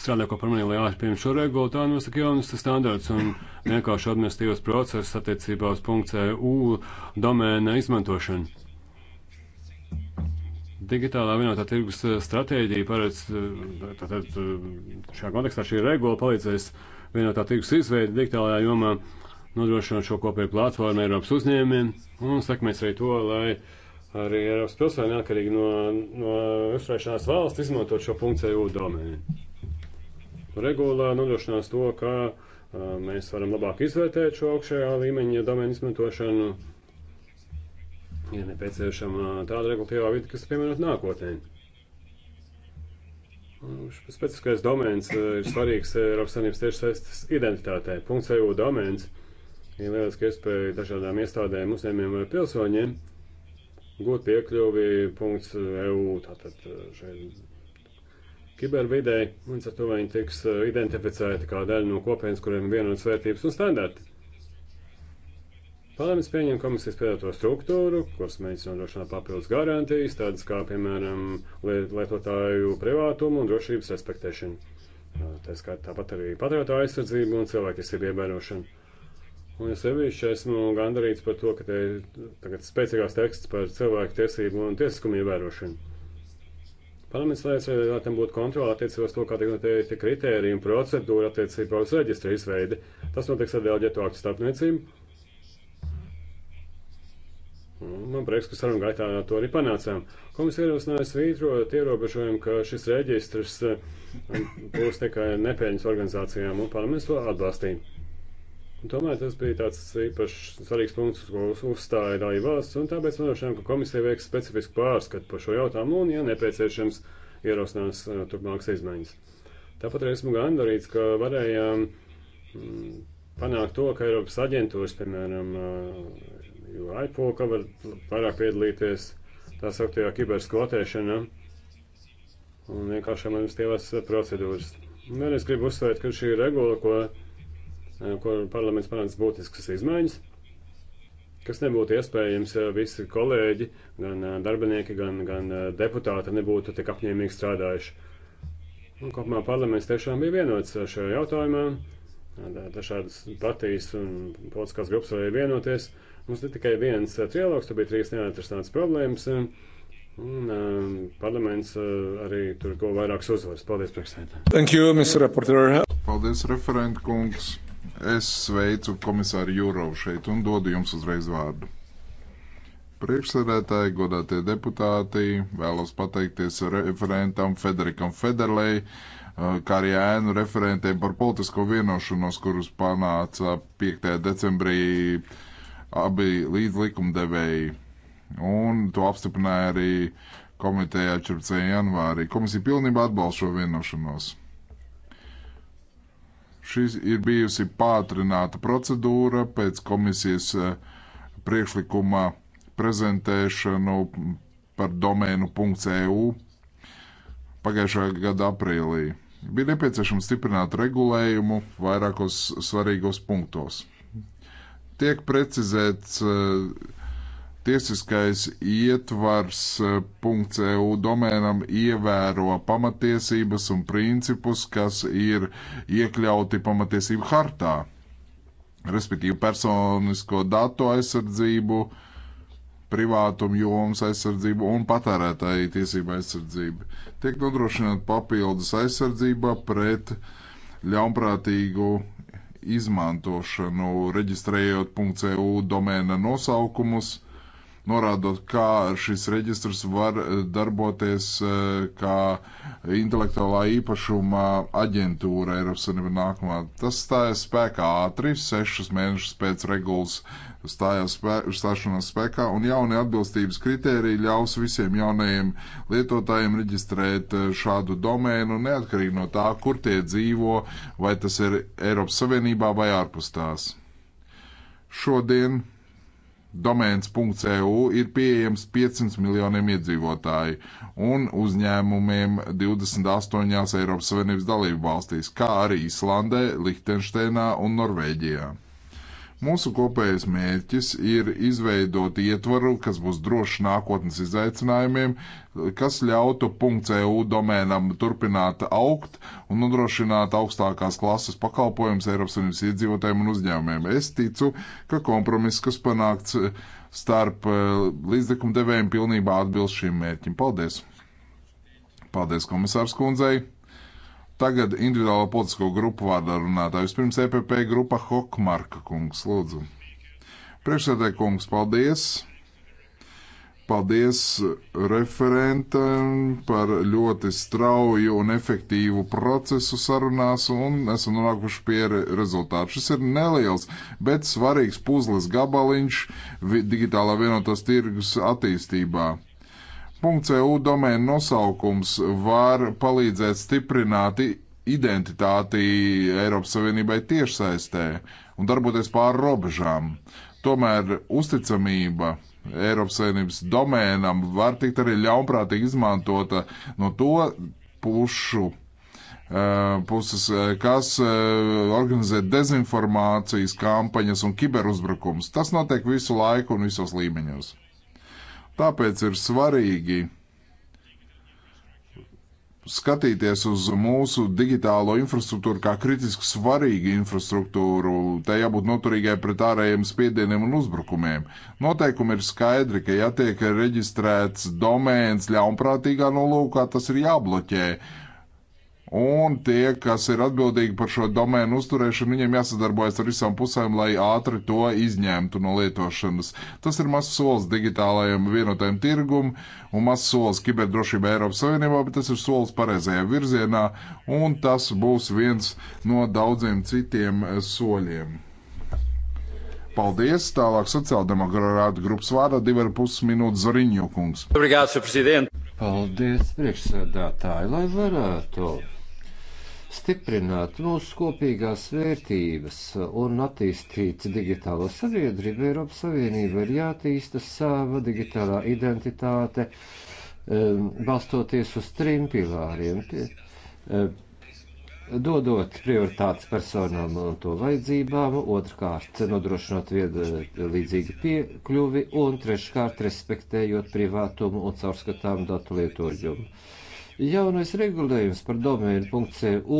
strādā kopā ar mani, lai ātrpieņem šo regulu, tā nosaka jaunas standārts un vienkārši administratīvas procesas attiecībā uz .eu domēna izmantošanu. Digitālā vienotā tirgus uh, stratēģija paredz, uh, tātad šajā kontekstā šī regula palīdzēs vienotā tirgus izveidi digitālajā jomā, nodrošinot šo kopēju platformu Eiropas uzņēmumiem un sekmēs arī to, lai uh, arī Eiropas pilsēņi neatkarīgi no, no uzturēšanās valsts izmantot šo funkciju e domēni. Regulā nodrošinās to, ka uh, mēs varam labāk izvērtēt šo augšējā līmeņa domēnu izmantošanu, ja nepieciešama tāda regulatīvā vide, kas piemērot nākotnē. Specifiskais domēns uh, ir svarīgs Eiropas Savienības tiešsaistes identitātē. Punkts EU domēns ir lieliski iespēja dažādām iestādēm, uzņēmiem vai pilsoņiem gūt piekļuvi punkts EU, tātad eh, šeit kibervidei, un ar to viņi tiks eh, identificēti kā daļa no kopienas, kuriem ir vienotas vērtības un standarti. Parlaments pieņem komisijas piedāto struktūru, kuras mēģina nodrošināt papildus garantijas, tādas kā, piemēram, lietotāju privātumu un drošības respektēšanu. Tā skaitā tāpat arī patērētāju aizsardzību un cilvēktiesību ievērošanu. Un es sevišķi esmu gandarīts par to, ka te ir tagad spēcīgās teksts par cilvēku tiesību un tiesiskumu ievērošanu. Parlaments lēca, lai tam būtu kontrola attiecībā uz to, kā tiek noteikti kritēriji un procedūra attiecībā uz reģistra izveidi. Tas notiks ar dēļģetu aktu starpniecību. Man prieks, ka sarunu gaitā to arī panācām. Komisija ierosināja svītrot ierobežojumu, ka šis reģistrs um, būs tikai nepēļņas organizācijām, un parlaments to atbalstīja. Un tomēr tas bija tāds īpaši svarīgs punkts, uz ko uzstāja daļa valsts, un tāpēc man šķiet, ka komisija veiks specifisku pārskatu par šo jautājumu un, ja nepieciešams, ierosinās uh, turpmākas izmaiņas. Tāpat arī esmu gandarīts, ka varējām mm, panākt to, ka Eiropas aģentūras, piemēram, uh, UIPO, ka var vairāk piedalīties tā sauktajā kiberskotēšanā un vienkāršām administratīvās procedūras. Un vēl es gribu uzsvērt, ka šī regula, ko kur parlaments panāca būtiskas izmaiņas, kas nebūtu iespējams, ja visi kolēģi, gan darbinieki, gan, gan deputāti nebūtu tik apņēmīgi strādājuši. Un kopumā parlaments tiešām bija vienots šajā jautājumā. Dažādas partijas un politiskās grupas varēja vienoties. Mums bija tikai viens trialogs, tur bija trīs neatrastātas problēmas. Un um, parlaments uh, arī tur ko vairākas uzvaras. Paldies, priekšsēdētāji. Thank you, Mr. Reporter. Paldies, referent kungs. Es sveicu komisāru Jurovu šeit un dodu jums uzreiz vārdu. Priekšsēdētāji, godātie deputāti, vēlos pateikties referentam Federikam Federlei, eh, kā arī ēnu referentiem par politisko vienošanos, kurus panāca 5. decembrī abi līdzlikumdevēji. Un to apstiprināja arī komitejā 14. janvārī. Komisija pilnībā atbalsta šo vienošanos. Šis ir bijusi pātrināta procedūra pēc komisijas eh, priekšlikuma prezentēšanu par domēnu .eu pagājušā gada aprīlī. Bija nepieciešams stiprināt regulējumu vairākos svarīgos punktos. Tiek precizēts uh, tiesiskais ietvars eh, punkts EU domēnam ievēro pamatiesības un principus, kas ir iekļauti pamatiesību hartā, respektīvi personisko datu aizsardzību, privātumu jomas aizsardzību un patērētāju tiesību aizsardzību. Tiek nodrošināta papildus aizsardzība pret ļaunprātīgu izmantošanu, reģistrējot .eu domēna nosaukumus norādot, kā šis reģistrs var eh, darboties eh, kā intelektuālā īpašuma aģentūra Eiropas Savienībā nākamā. Tas stājas spēkā ātri, sešus mēnešus pēc regulas spē, stāšanās spēkā, un jaunie atbilstības kritēriji ļaus visiem jaunajiem lietotājiem reģistrēt eh, šādu domēnu neatkarīgi no tā, kur tie dzīvo, vai tas ir Eiropas Savienībā vai ārpus tās. Šodien domēns.eu ir pieejams 500 miljoniem iedzīvotāju un uzņēmumiem 28 Eiropas Savienības dalību valstīs, kā arī Islandē, Lihtenšteinā un Norvēģijā. Mūsu kopējais mērķis ir izveidot ietvaru, kas būs drošs nākotnes izaicinājumiem, kas ļautu .eu domēnam turpināt augt un nodrošināt augstākās klases pakalpojumus Eiropas Savienības iedzīvotājiem un uzņēmumiem. Es ticu, ka kompromiss, kas panākts starp e, līdzdekumdevējiem, pilnībā atbilst šim mērķim. Paldies! Paldies komisārs kundzei! Tagad individuālo politisko grupu vārdā runātājs. Pirms EPP grupa Hokmarka kungs, lūdzu. Priekšsēdē kungs, paldies! Paldies referentam par ļoti strauju un efektīvu procesu sarunās, un esam nonākuši pie rezultātu. Šis ir neliels, bet svarīgs puzles gabaliņš digitālā vienotās tirgus attīstībā .eu domēna nosaukums var palīdzēt stiprināt identitāti Eiropas Savienībai tiešsaistē un darboties pāri robežām. Tomēr uzticamība Eiropas Savienības domēnam var tikt arī ļaunprātīgi izmantota no to pušu e, puses, e, kas e, organizē dezinformācijas kampaņas un kiberuzbrukums. Tas notiek visu laiku un visos līmeņos. Tāpēc ir svarīgi skatīties uz mūsu digitālo infrastruktūru kā kritiski svarīgu infrastruktūru. Tā jābūt noturīgai pret ārējiem spiedieniem un uzbrukumiem. Noteikumi ir skaidri, ka ja tiek reģistrēts domēns ļaunprātīgā nolūkā, tas ir jābloķē. Un tie, kas ir atbildīgi par šo domēnu uzturēšanu, viņiem jāsadarbojas ar visām pusēm, lai ātri to izņemtu no lietošanas. Tas ir mazs solis digitālajiem vienotajiem tirgum un mazs solis kiberdrošībai Eiropas Savienībā, bet tas ir solis pareizajā virzienā, un tas būs viens no daudziem citiem eh, soļiem. Paldies! Tālāk sociāldemokrāta grupas vārdā divi ar pus minūtes Zariņo kungs. Paldies, priekšsēdētāji, lai varētu stiprināt mūsu kopīgās vērtības un attīstīt digitālo sabiedrību, Eiropas Savienība ir jātīsta sava digitālā identitāte, um, balstoties uz trim pilāriem, um, dodot prioritātes personām un to vajadzībām, otrkārt nodrošinot viedlīdzīgu piekļuvi un treškārt respektējot privātumu un caurskatām datu lietojumu. Jaunais regulējums par domēnu.cu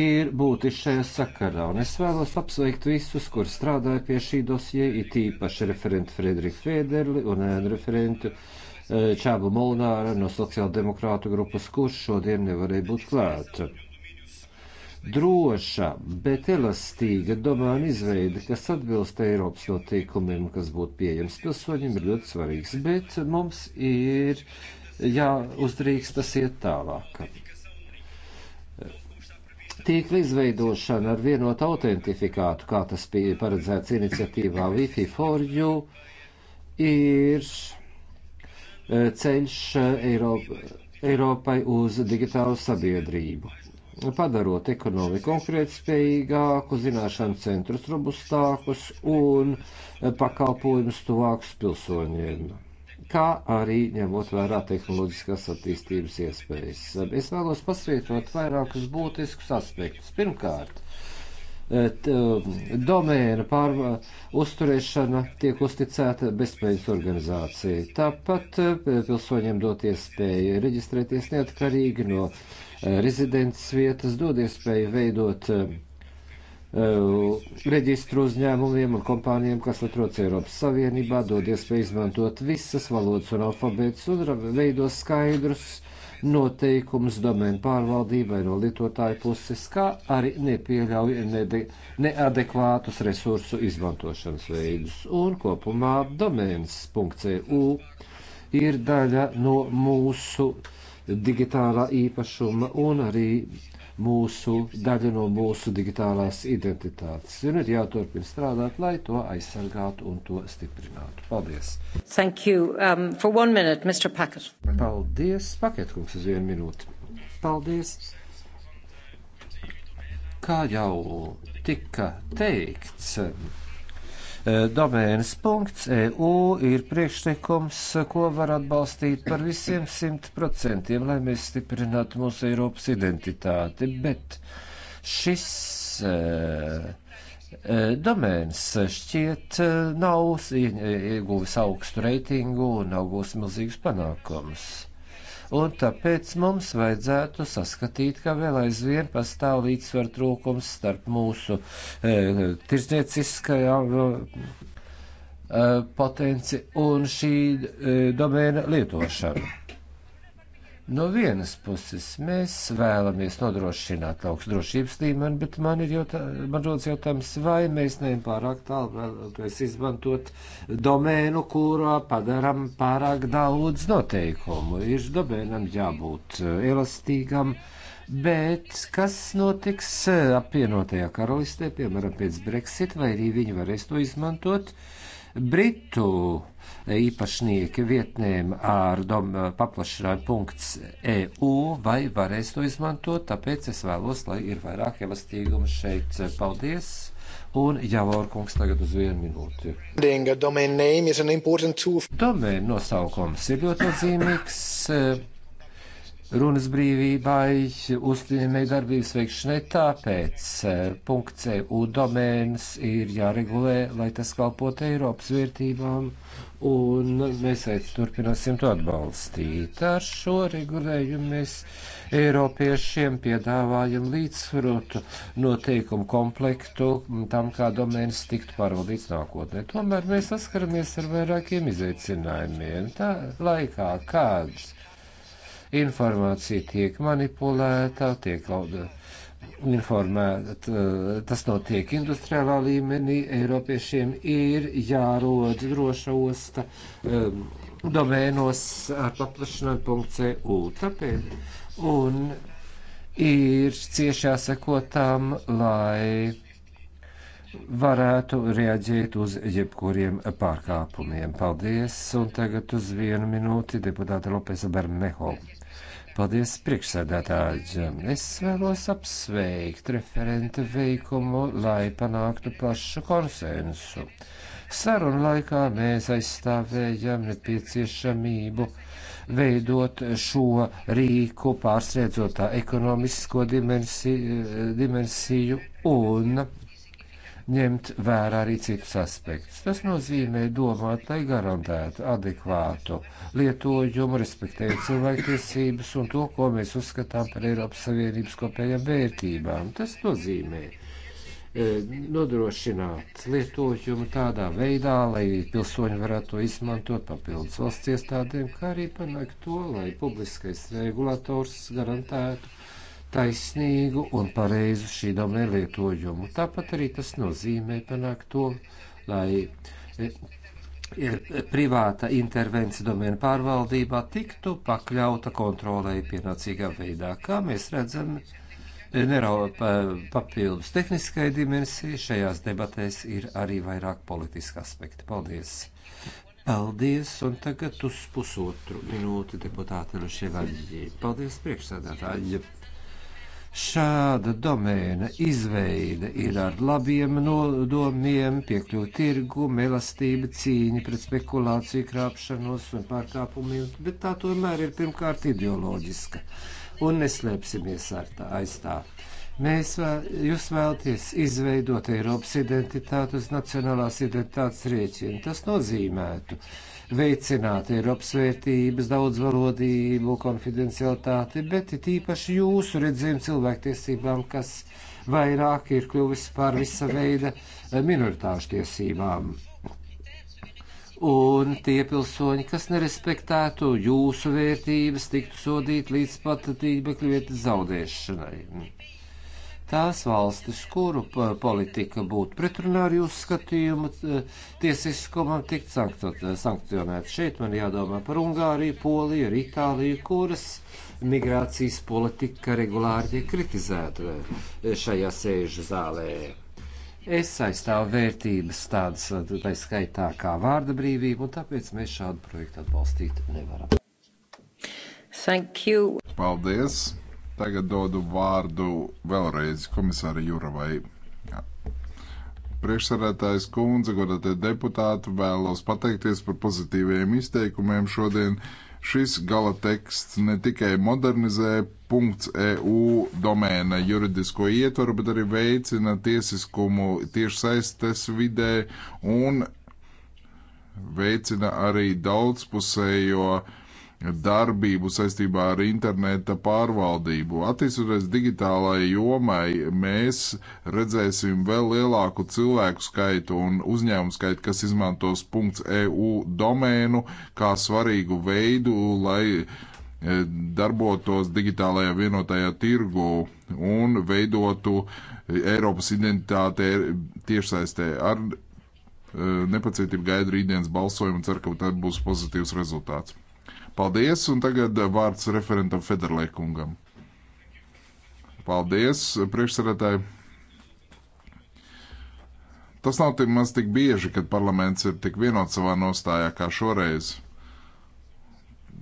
ir būtiski šajā sakarā, un es vēlos apsveikt visus, kur strādāja pie šī dosija, it īpaši referentu Frederiku Federli un referentu eh, Čābu Molnāra no sociāldemokrātu grupas, kurš šodien nevarēja būt klāt. Droša, bet elastīga domāna izveide, kas atbilst Eiropas noteikumiem, kas būtu pieejams pilsoņiem, ir ļoti svarīgs, bet mums ir uh, jāuzdrīkstas iet tālāk. Tīkla izveidošana ar vienotu autentifikātu, kā tas bija paredzēts iniciatīvā Wi-Fi for You, ir e, ceļš e, Eiropa, Eiropai uz digitālu sabiedrību, padarot ekonomiku konkurētspējīgāku, zināšanu centrus robustākus un e, pakalpojumus tuvākus pilsoņiem kā arī ņemot vērā tehnoloģiskās attīstības iespējas. Es vēlos pasvietot vairākus būtiskus aspektus. Pirmkārt, eh, um, domēna pār uzturēšana tiek uzticēta bezpējas organizācija. Tāpat eh, pilsoņiem dot iespēju reģistrēties neatkarīgi no eh, rezidents vietas, dod iespēju veidot E, reģistru uzņēmumiem un kompānijiem, kas atrodas Eiropas Savienībā, dod iespēju izmantot visas valodas un alfabētus un veido skaidrus noteikumus domēnu pārvaldībai no lietotāju puses, kā arī nepieļauj nede, neadekvātus resursu izmantošanas veidus. Un kopumā domēns.eu ir daļa no mūsu digitālā īpašuma un arī mūsu daļa no mūsu digitālās identitātes. Un ir jāturpina strādāt, lai to aizsargātu un to stiprinātu. Paldies! Thank you um, for one minute, Mr. Packet. Paldies, Paketkungs, uz vienu minūti. Paldies! Kā jau tika teikts, Eh, domēnas punkts EU ir priekšlikums, ko var atbalstīt par visiem simt procentiem, lai mēs stiprinātu mūsu Eiropas identitāti, bet šis eh, eh, domēns šķiet nav ieguvis augstu reitingu un nav gūs milzīgus panākumus un tāpēc mums vajadzētu saskatīt, ka vēl aizvien pastāv līdzsver trūkums starp mūsu e, tirznieciskajām e, potenci un šī e, domēna lietošanu. No vienas puses mēs vēlamies nodrošināt augstu drošības līmeni, bet man ir jautā, man rodas jautājums, vai mēs neim pārāk tālu vēlamies izmantot domēnu, kurā padaram pārāk daudz noteikumu. Ir domēnam jābūt eh, elastīgam, bet kas notiks eh, apvienotajā karalistē, piemēram, pēc Brexit, vai arī viņi varēs to izmantot Britu īpašnieki vietnēm ar dom, eh, paplašinājumu .eu vai varēs to izmantot, tāpēc es vēlos, lai ir vairāk elastīguma šeit. Paldies! Un Javor kungs tagad uz vienu minūti. Domēna nosaukums ir ļoti nozīmīgs eh, runas brīvībai, uzņēmēju darbības veikšanai, tāpēc eh, punkts EU domēns ir jāregulē, lai tas kalpot Eiropas vērtībām un mēs aicinām turpināsim to atbalstīt. Ar šo regulējumu mēs Eiropiešiem piedāvājam līdzsvarotu noteikumu komplektu tam, kā domēns tikt pārvaldīts nākotnē. Tomēr mēs saskaramies ar vairākiem izaicinājumiem. Tā laikā kāds informācija tiek manipulēta, tiek laudēta informēt. Eh, tas notiek industriālā līmenī. Eiropiešiem ir jārod droša osta um, domēnos ar paplašinājumu .cu. Tāpēc un ir ciešā sekotām, lai varētu reaģēt uz jebkuriem pārkāpumiem. Paldies, un tagad uz vienu minūti deputāta Lopesa Bermeho. Paldies. Paldies, priekšsēdētāji. Es vēlos apsveikt referenta veikumu, lai panāktu plašu konsensu. Sarunu laikā mēs aizstāvējam nepieciešamību veidot šo rīku pārsniedzotā ekonomisko dimensiju, dimensiju un ņemt vērā arī citus aspektus. Tas nozīmē domāt, lai garantētu adekvātu lietojumu, respektējot cilvēktiesības un to, ko mēs uzskatām par Eiropas Savienības kopējām vērtībām. Tas nozīmē e, nodrošināt lietojumu tādā veidā, lai pilsoņi varētu to izmantot papildus valsts iestādēm, kā arī panākt to, lai publiskais regulators garantētu taisnīgu un pareizu šī domēna lietojumu. Tāpat arī tas nozīmē panākt to, lai ir e, e, privāta intervence domēna pārvaldībā tiktu pakļauta kontrolei pienācīgā veidā. Kā mēs redzam, neraupa papildus tehniskai dimensijai, šajās debatēs ir arī vairāk politiska aspekta. Paldies! Paldies, un tagad uz pusotru minūti deputāte Rušievaļģi. Paldies, priekšsēdētāji! Šāda domēna izveide ir ar labiem nodomiem, piekļūt tirgumu, elastība, cīņa pret spekulāciju, krāpšanos un pārkāpumiem, bet tā tomēr ir pirmkārt ideoloģiska un neslēpsimies ar tā aizstā. Mēs vēl, jūs vēlaties izveidot Eiropas identitāti uz nacionālās identitātes rieķina. Tas nozīmētu, uh, veicināt Eiropas vērtības, daudzvalodību, konfidencialitāti, bet it īpaši jūsu redzējumu cilvēktiesībām, kas vairāk ir kļuvis par visa veida minoritāšu tiesībām. Un tie pilsoņi, kas nerespektētu jūsu vērtības, tiktu sodīti līdz pat tīmekļa vietas zaudēšanai tās valstis, kuru politika būtu pretrunā ar jūsu skatījumu, tiesiskumam tikt sankcionēt. Šeit man jādomā par Ungāriju, Poliju, ar Itāliju, kuras migrācijas politika regulāri tiek kritizēta e, šajā sēžu zālē. Es aizstāvu vērtības tādas, tā skaitā, kā vārda brīvība, un tāpēc mēs šādu projektu atbalstīt nevaram. Thank you. Paldies! Tagad dodu vārdu vēlreiz komisāra Juravai. Priekšsarētājs kundze, godātie deputāti, vēlos pateikties par pozitīviem izteikumiem šodien. Šis gala teksts ne tikai modernizē .eu domēna juridisko ietvaru, bet arī veicina tiesiskumu tiešsaistes vidē un veicina arī daudzpusējo uh, darbību saistībā ar interneta pārvaldību. Attīstoties digitālajai jomai, mēs redzēsim vēl lielāku cilvēku skaitu un uzņēmumu skaitu, kas izmantos .eu domēnu kā svarīgu veidu, lai e, darbotos digitālajā vienotajā tirgu un veidotu Eiropas identitāti tiešsaistē ar e, nepacietību gaidu rītdienas balsojumu un ceru, ka tad būs pozitīvs rezultāts. Paldies, un tagad eh, vārds referentam Federlai kungam. Paldies, eh, priekšsarētāji. Tas nav tik maz tik bieži, kad parlaments ir tik vienots savā nostājā kā šoreiz.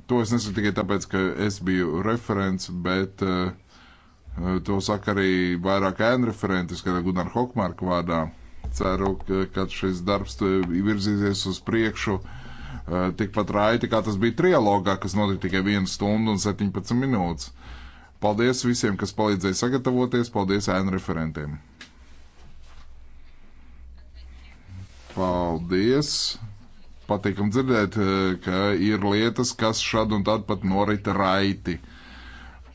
To es nesaku tikai tāpēc, ka es biju referents, bet uh, to saka arī vairāk ēnu referenti, skatā Gunār Hokmārka vārdā. Ceru, ka šis darbs virzīsies uz priekšu. Uh, Eh, tikpat raiti, kā tas bija trijologā, kas notika tikai 1 stundu un 17 minūtes. Paldies visiem, kas palīdzēja sagatavoties, paldies ēnu referentiem. Paldies! Patīkam dzirdēt, eh, ka ir lietas, kas šad un tad pat norita raiti.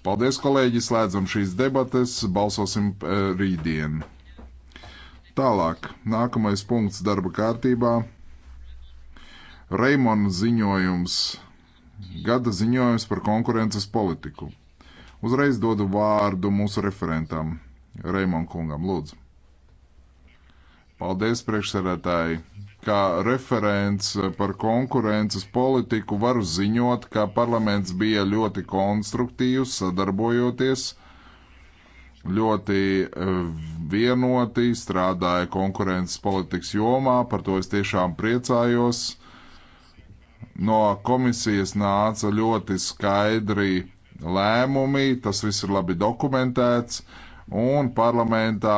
Paldies, kolēģi, slēdzam šīs debates, balsosim eh, rītdien. Tālāk, nākamais punkts darba kārtībā. Reimona ziņojums, gada ziņojums par konkurences politiku. Uzreiz dodu vārdu mūsu referentam, Reimonam Kungam, lūdzu. Paldies, priekšsēdētāji! Kā referents par konkurences politiku varu ziņot, ka parlaments bija ļoti konstruktīvs, sadarbojoties, ļoti e, vienoti, strādāja konkurences politikas jomā, par to es tiešām priecājos no komisijas nāca ļoti skaidri lēmumi, tas viss ir labi dokumentēts, un parlamentā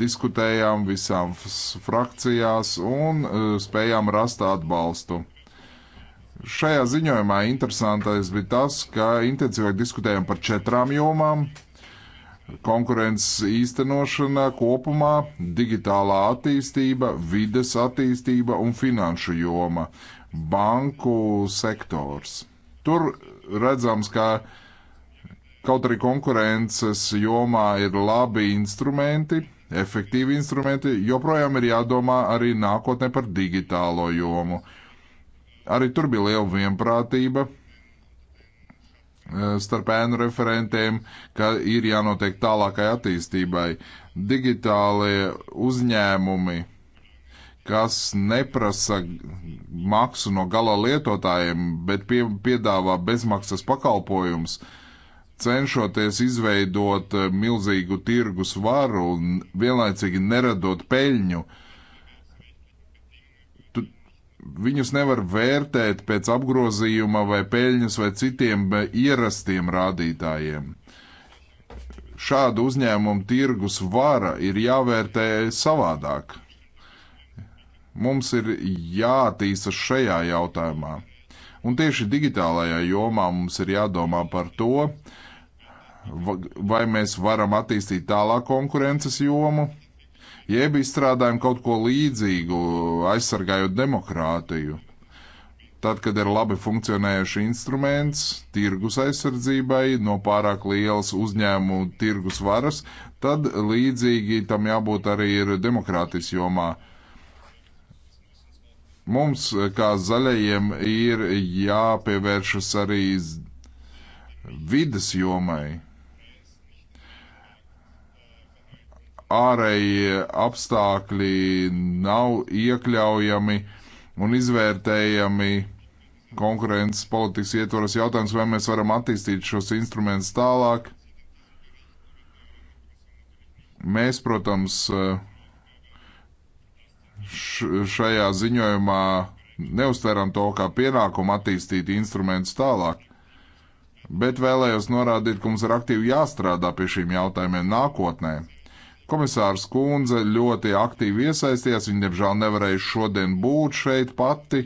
diskutējām visām frakcijās un eh, spējām rast atbalstu. Šajā ziņojumā interesantais bija tas, ka intensīvāk diskutējām par četrām jomām konkurences īstenošana kopumā, digitālā attīstība, vides attīstība un finanšu joma banku sektors. Tur redzams, ka kaut arī konkurences jomā ir labi instrumenti, efektīvi instrumenti, joprojām ir jādomā arī nākotnē par digitālo jomu. Arī tur bija liela vienprātība eh, starp ēnu referentiem, ka ir jānotiek tālākai attīstībai. Digitālie uzņēmumi kas neprasa maksu no gala lietotājiem, bet pie, piedāvā bezmaksas pakalpojumus, cenšoties izveidot eh, milzīgu tirgus varu un vienlaicīgi neradot peļņu. Tu, viņus nevar vērtēt pēc apgrozījuma vai peļņas vai citiem ierastiem rādītājiem šādu uzņēmumu tirgus vara ir jāvērtē savādāk. Mums ir jātīsta šajā jautājumā. Un tieši digitālajā jomā mums ir jādomā par to, vai mēs varam attīstīt tālāk konkurences jomu, jeb izstrādājam kaut ko līdzīgu, aizsargājot demokrātiju. Tad, kad ir labi funkcionējuši instruments tirgus aizsardzībai no pārāk lielas uzņēmumu tirgus varas, tad līdzīgi tam jābūt arī ir demokrātijas jomā. Uh, Mums, eh, kā zaļajiem, ir jāpievēršas arī vidas jomai. Ārējie apstākļi nav iekļaujami un izvērtējami konkurences politikas ietvaros jautājums, vai mēs varam attīstīt šos instrumentus tālāk. Mēs, protams, eh, šajā ziņojumā neuztveram to kā pienākumu attīstīt instrumentus tālāk, bet vēlējos norādīt, ka mums ir aktīvi jāstrādā pie šīm jautājumiem nākotnē. Komisārs Kūnze ļoti aktīvi iesaistījās, viņa diemžēl nevarēja šodien būt šeit pati,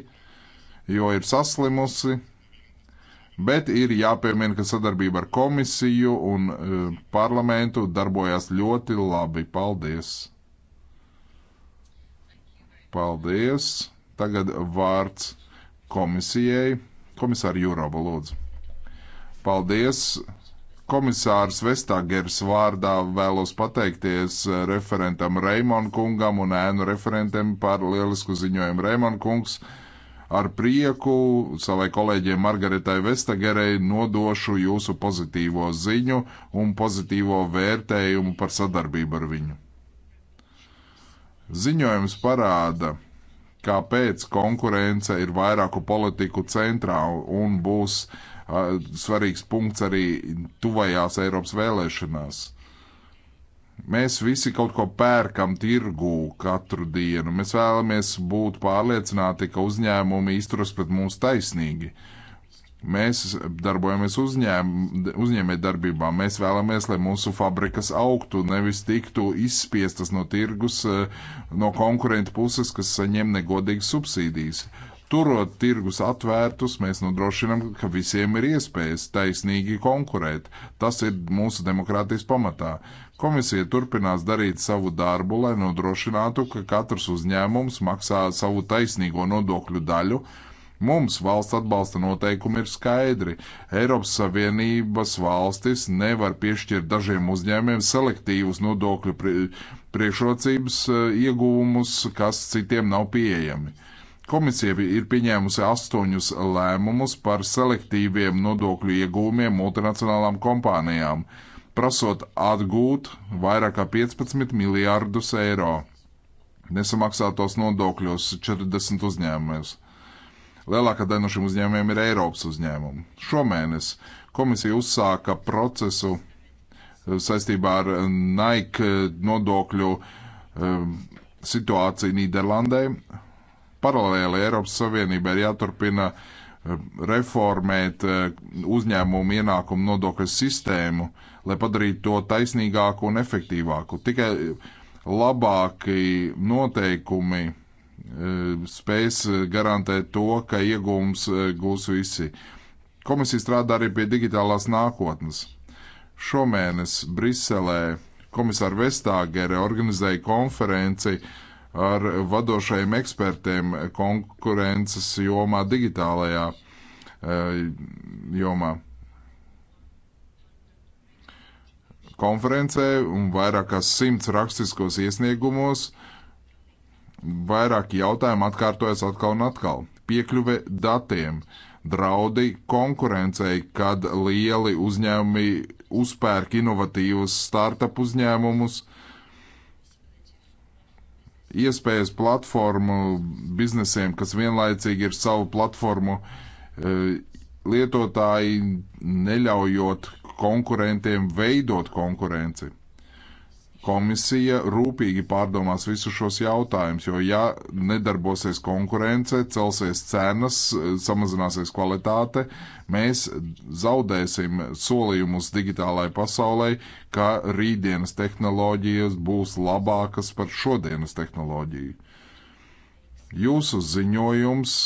jo ir saslimusi, bet ir jāpiemina, ka sadarbība ar komisiju un eh, parlamentu darbojās ļoti labi. Paldies! Paldies! Tagad vārds komisijai. Komisāra Jurova, lūdzu. Paldies! Komisārs Vestagers vārdā vēlos pateikties eh, referentam Raimon kungam un ēnu referentiem par lielisku ziņojumu. Raimon kungs ar prieku savai kolēģiem Margaritai Vestagerei nodošu jūsu pozitīvo ziņu un pozitīvo vērtējumu par sadarbību ar viņu. Ziņojums parāda, kāpēc konkurence ir vairāku politiku centrā un būs uh, svarīgs punkts arī tuvajās Eiropas vēlēšanās. Mēs visi kaut ko pērkam tirgū katru dienu. Mēs vēlamies būt pārliecināti, ka uzņēmumi izturas pret mums taisnīgi. Uh, Mēs darbojamies uzņēmē darbībā. Mēs vēlamies, lai mūsu fabrikas augtu, nevis tiktu izspiestas no tirgus eh, no konkurenta puses, kas saņem negodīgas subsīdijas. Turot tirgus atvērtus, mēs nodrošinam, ka visiem ir iespējas taisnīgi konkurēt. Tas ir mūsu demokrātijas pamatā. Komisija turpinās darīt savu darbu, lai nodrošinātu, ka katrs uzņēmums maksā savu taisnīgo nodokļu daļu Mums valsts atbalsta noteikumi ir skaidri. Eiropas Savienības valstis nevar piešķirt dažiem uzņēmiem selektīvus nodokļu priekšrocības eh, ieguvumus, kas citiem nav pieejami. Komisija ir pieņēmusi astoņus lēmumus par selektīviem nodokļu ieguvumiem multinacionālām kompānijām, prasot atgūt vairāk kā 15 miljārdus eiro nesamaksātos nodokļos 40 uzņēmumos. Lielākā daļa no šiem uzņēmumiem ir Eiropas uzņēmumi. Šomēnes komisija uzsāka procesu eh, saistībā ar eh, Nike eh, nodokļu um, situāciju Nīderlandē. Paralēli Eiropas Savienībai ir jāturpina reformēt uzņēmumu ienākumu nodokļu sistēmu, lai padarītu to taisnīgāku un efektīvāku. Tikai labāki noteikumi Eh, spēs eh, garantēt to, ka iegūms eh, gūs visi. Komisija strādā arī pie digitālās nākotnes. Šomēnes Briselē komisāra Vestāgere organizēja konferenci ar vadošajiem ekspertiem konkurences jomā digitālajā jomā. Konferencē un vairākās simts rakstiskos iesniegumos uh, Vairāki jautājumi atkārtojas atkal un atkal. Piekļuve datiem, draudi konkurencei, kad lieli uzņēmumi uzpērk inovatīvus startup uzņēmumus, iespējas platformu biznesiem, kas vienlaicīgi ir savu platformu e, lietotāji, neļaujot konkurentiem veidot konkurenci. Komisija rūpīgi pārdomās visus šos jautājumus, jo ja nedarbosies konkurence, celsies cenas, samazināsies kvalitāte, mēs zaudēsim solījumus digitālajai pasaulē, ka rītdienas tehnoloģijas būs labākas par šodienas tehnoloģiju. Jūsu ziņojums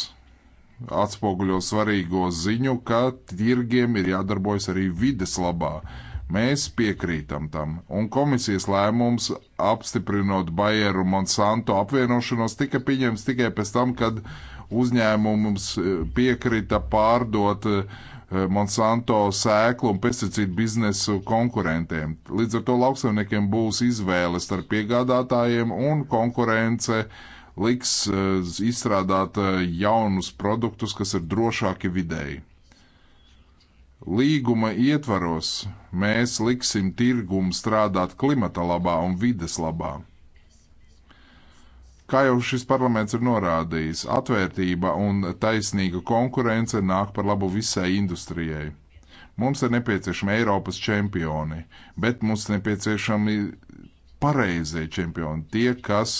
atspoguļo svarīgo ziņu, ka tirgiem ir jādarbojas arī vides labā. Mēs piekrītam tam, un komisijas lēmums apstiprinot Bayeru Monsanto apvienošanos tika pieņemts tikai pēc tam, kad uzņēmums e, piekrita pārdot e, Monsanto sēklu un pesticīdu biznesu konkurentiem. Līdz ar to lauksaimniekiem būs izvēle starp piegādātājiem un konkurence liks e, izstrādāt jaunus produktus, kas ir drošāki vidēji. Līguma ietvaros mēs liksim tirgumu strādāt klimata labā un vides labā. Kā jau šis parlaments ir norādījis, atvērtība un taisnīga konkurence nāk par labu visai industrijai. Mums ir nepieciešami Eiropas čempioni, bet mums ir nepieciešami pareizie čempioni, tie, kas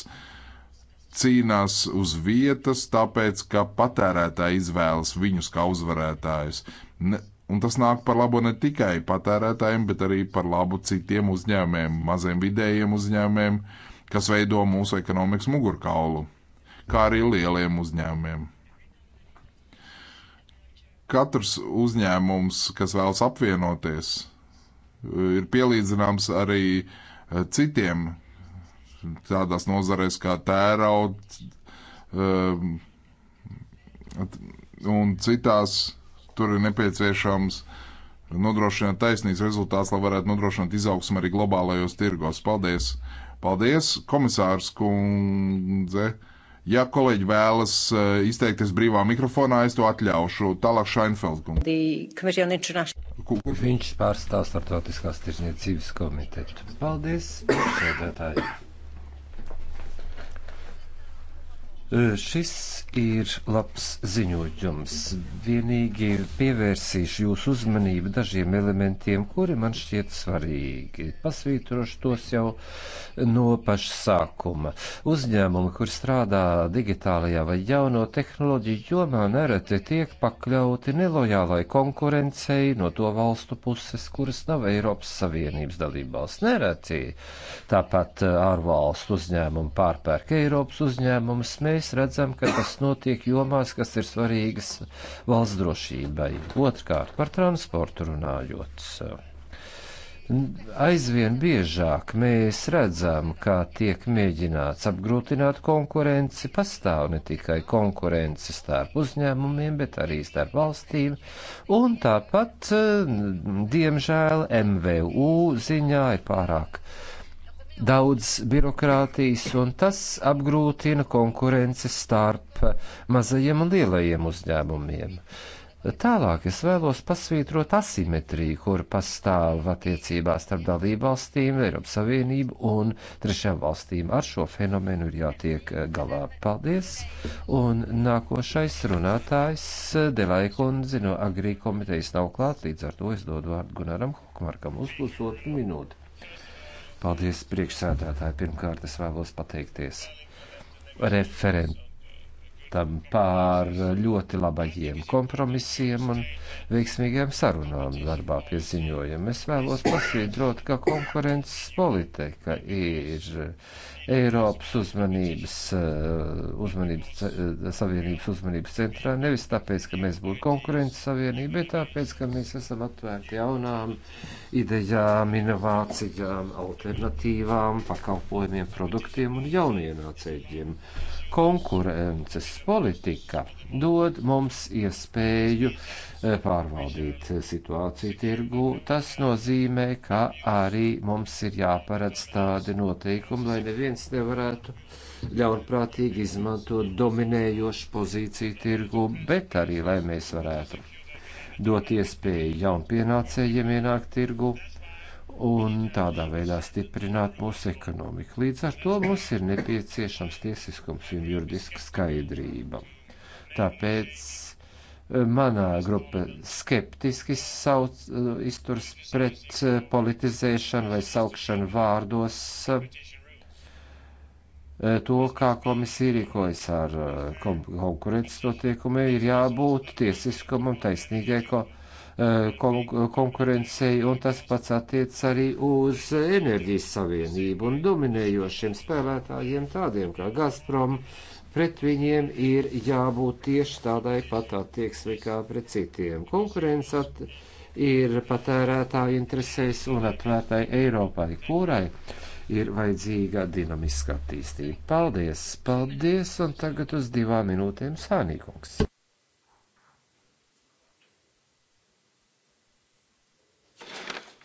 cīnās uz vietas, tāpēc, ka patērētāji izvēlas viņus kā uzvarētājus. Ne, Un tas nāk par labu ne tikai patērētājiem, bet arī par labu citiem uzņēmiem, maziem vidējiem uzņēmiem, kas veido mūsu ekonomikas mugurkaulu, kā arī lieliem uzņēmiem. Katrs uzņēmums, kas vēlas apvienoties, ir pielīdzināms arī eh, citiem tādās nozarēs kā tērauds um, eh, un citās Tur ir nepieciešams nodrošināt taisnīgs rezultāts, lai varētu nodrošināt izaugsmu arī globālajos tirgos. Paldies! Paldies, komisārs kundze! Ja kolēģi vēlas eh, izteikties brīvā mikrofonā, es to atļaušu. Tālāk Šainfeldkungs. Viņš pārstāv starptautiskās tirzniecības komitetu. Paldies, priekšsēdētāji! Šis ir labs ziņojums. Vienīgi pievērsīšu jūsu uzmanību dažiem elementiem, kuri man šķiet svarīgi. Pasvītrošu tos jau no paša sākuma. Uzņēmumi, kur strādā digitālajā vai jauno tehnoloģiju jomā, nereti tiek pakļauti nelojālai konkurencei no to valstu puses, kuras nav Eiropas Savienības dalībvalsts. Nereti tāpat ārvalstu uzņēmumu pārpērk Eiropas uzņēmumus. Mēs mēs redzam, ka tas notiek jomās, kas ir svarīgas valsts drošībai. Otrkārt, par transportu runājot. Aizvien biežāk mēs redzam, kā tiek mēģināts apgrūtināt konkurenci. Pastāv ne tikai konkurence starp uzņēmumiem, bet arī starp valstīm. Un tāpat, diemžēl, MVU ziņā ir pārāk uh, daudz birokrātijas, un tas apgrūtina konkurences starp mazajiem un lielajiem uzņēmumiem. Tālāk es vēlos pasvītrot asimetriju, kur pastāv attiecībās starp dalību valstīm, Eiropas Savienību un trešām valstīm. Ar šo fenomenu ir jātiek eh, galā. Paldies! Un nākošais runātājs eh, Delaikundzi no Agrī komitejas nav klāt, līdz ar to es dodu vārdu Gunaram Hukmarkam uz pusotru minūti. Paldies, priekšsēdētāji. Pirmkārt, es vēlos pateikties referent parlamentam par ļoti labajiem kompromisiem un veiksmīgiem sarunām darbā pie ziņojuma. Es vēlos pasvītrot, ka konkurences politika ir Eiropas uzmanības, eh, uzmanības, eh, savienības uzmanības centrā nevis tāpēc, ka mēs būtu konkurences savienība, bet tāpēc, ka mēs esam atvērti jaunām idejām, inovācijām, alternatīvām, pakalpojumiem, produktiem un jaunienācējiem konkurences politika dod mums iespēju eh, pārvaldīt eh, situāciju tirgu. Tas nozīmē, ka arī mums ir jāparedz tādi noteikumi, lai neviens nevarētu ļaunprātīgi izmantot dominējošu pozīciju tirgu, bet arī, lai mēs varētu dot iespēju jaunpienācējiem ienākt tirgu un tādā veidā stiprināt mūsu ekonomiku. Līdz ar to mums ir nepieciešams tiesiskums un juridiska skaidrība. Tāpēc eh, manā grupa skeptiski sauc, eh, izturs pret eh, politizēšanu vai saukšanu vārdos to, kā komisija rīkojas ar konkurences notiekumiem, ir jābūt tiesiskumam, taisnīgai ko, Eh, konkurencei, un tas pats attiec arī uz enerģijas savienību un dominējošiem spēlētājiem tādiem kā Gazprom. Pret viņiem ir jābūt tieši tādai pat attieksmei kā pret citiem. Konkurence at, ir patērētāju interesēs un atvērtai Eiropai, kurai ir vajadzīga dinamiska attīstība. Paldies, paldies, un tagad uz divām minūtēm Sānīkungs.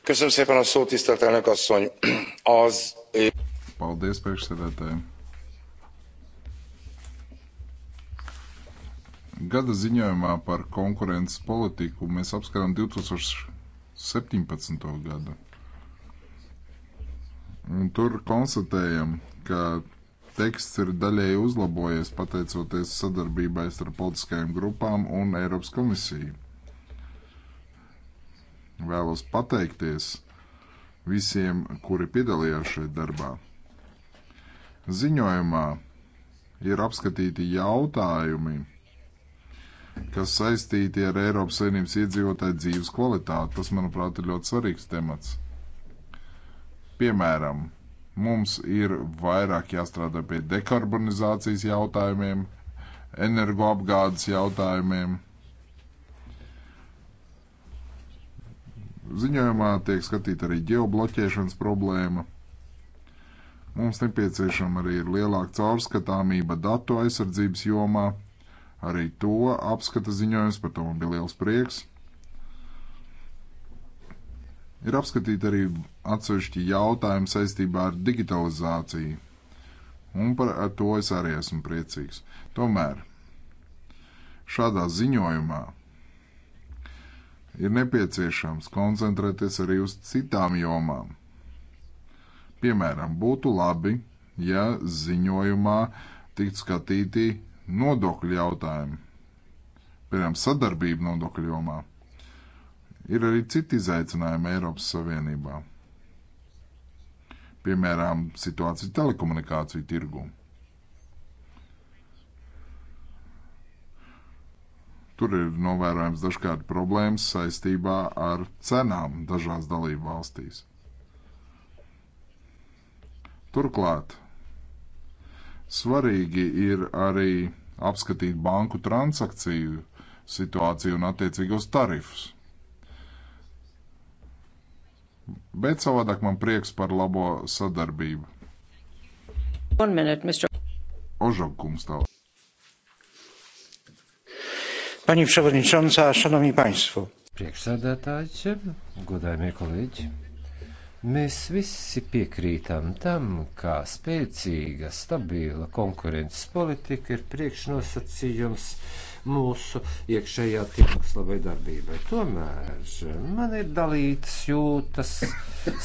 Köszönöm szépen a szót, tisztelt elnök asszony. Az... Paldies, priekšsēdētāji. Gada ziņojumā par konkurences politiku mēs apskatām 2017. gadu. Un tur konstatējam, ka teksts ir daļēji uzlabojies pateicoties sadarbībai starp politiskajām grupām un Eiropas komisiju. Vēlos pateikties visiem, kuri piedalījās šeit darbā. Ziņojumā ir apskatīti jautājumi, kas saistīti ar Eiropas Savienības iedzīvotāju dzīves kvalitāti. Tas, manuprāt, ir ļoti svarīgs temats. Piemēram, mums ir vairāk jāstrādā pie dekarbonizācijas jautājumiem, energoapgādes jautājumiem Ziņojumā tiek skatīta arī ģeobloķēšanas problēma. Mums nepieciešama arī ir lielāka caurskatāmība datu aizsardzības jomā. Arī to apskata ziņojums, par to man bija liels prieks. Ir apskatīti arī atsevišķi jautājumi saistībā ar digitalizāciju. Un par to es arī esmu priecīgs. Tomēr šādā ziņojumā ir nepieciešams koncentrēties arī uz citām jomām. Piemēram, būtu labi, ja ziņojumā tiktu skatīti nodokļu jautājumi, piemēram, sadarbība nodokļu jomā. Ir arī citi izaicinājumi Eiropas Savienībā, piemēram, situācija telekomunikāciju tirgumu. Tur ir novērojams dažkārt problēmas saistībā ar cenām dažās dalību valstīs. Turklāt svarīgi ir arī apskatīt banku transakciju situāciju un attiecīgos tarifus. Bet savādāk man prieks par labo sadarbību. One minute, Mr. Ožogkums tālāk. Pani Przewodnicząca, Szanowni Państwo! Priekšsēdētājs, godājumie kolēģi, mēs visi piekrītam tam, ka spēcīga, stabila konkurences politika ir priekšnosacījums mūsu iekšējā tirgus labai darbībai. Tomēr man ir dalītas jūtas,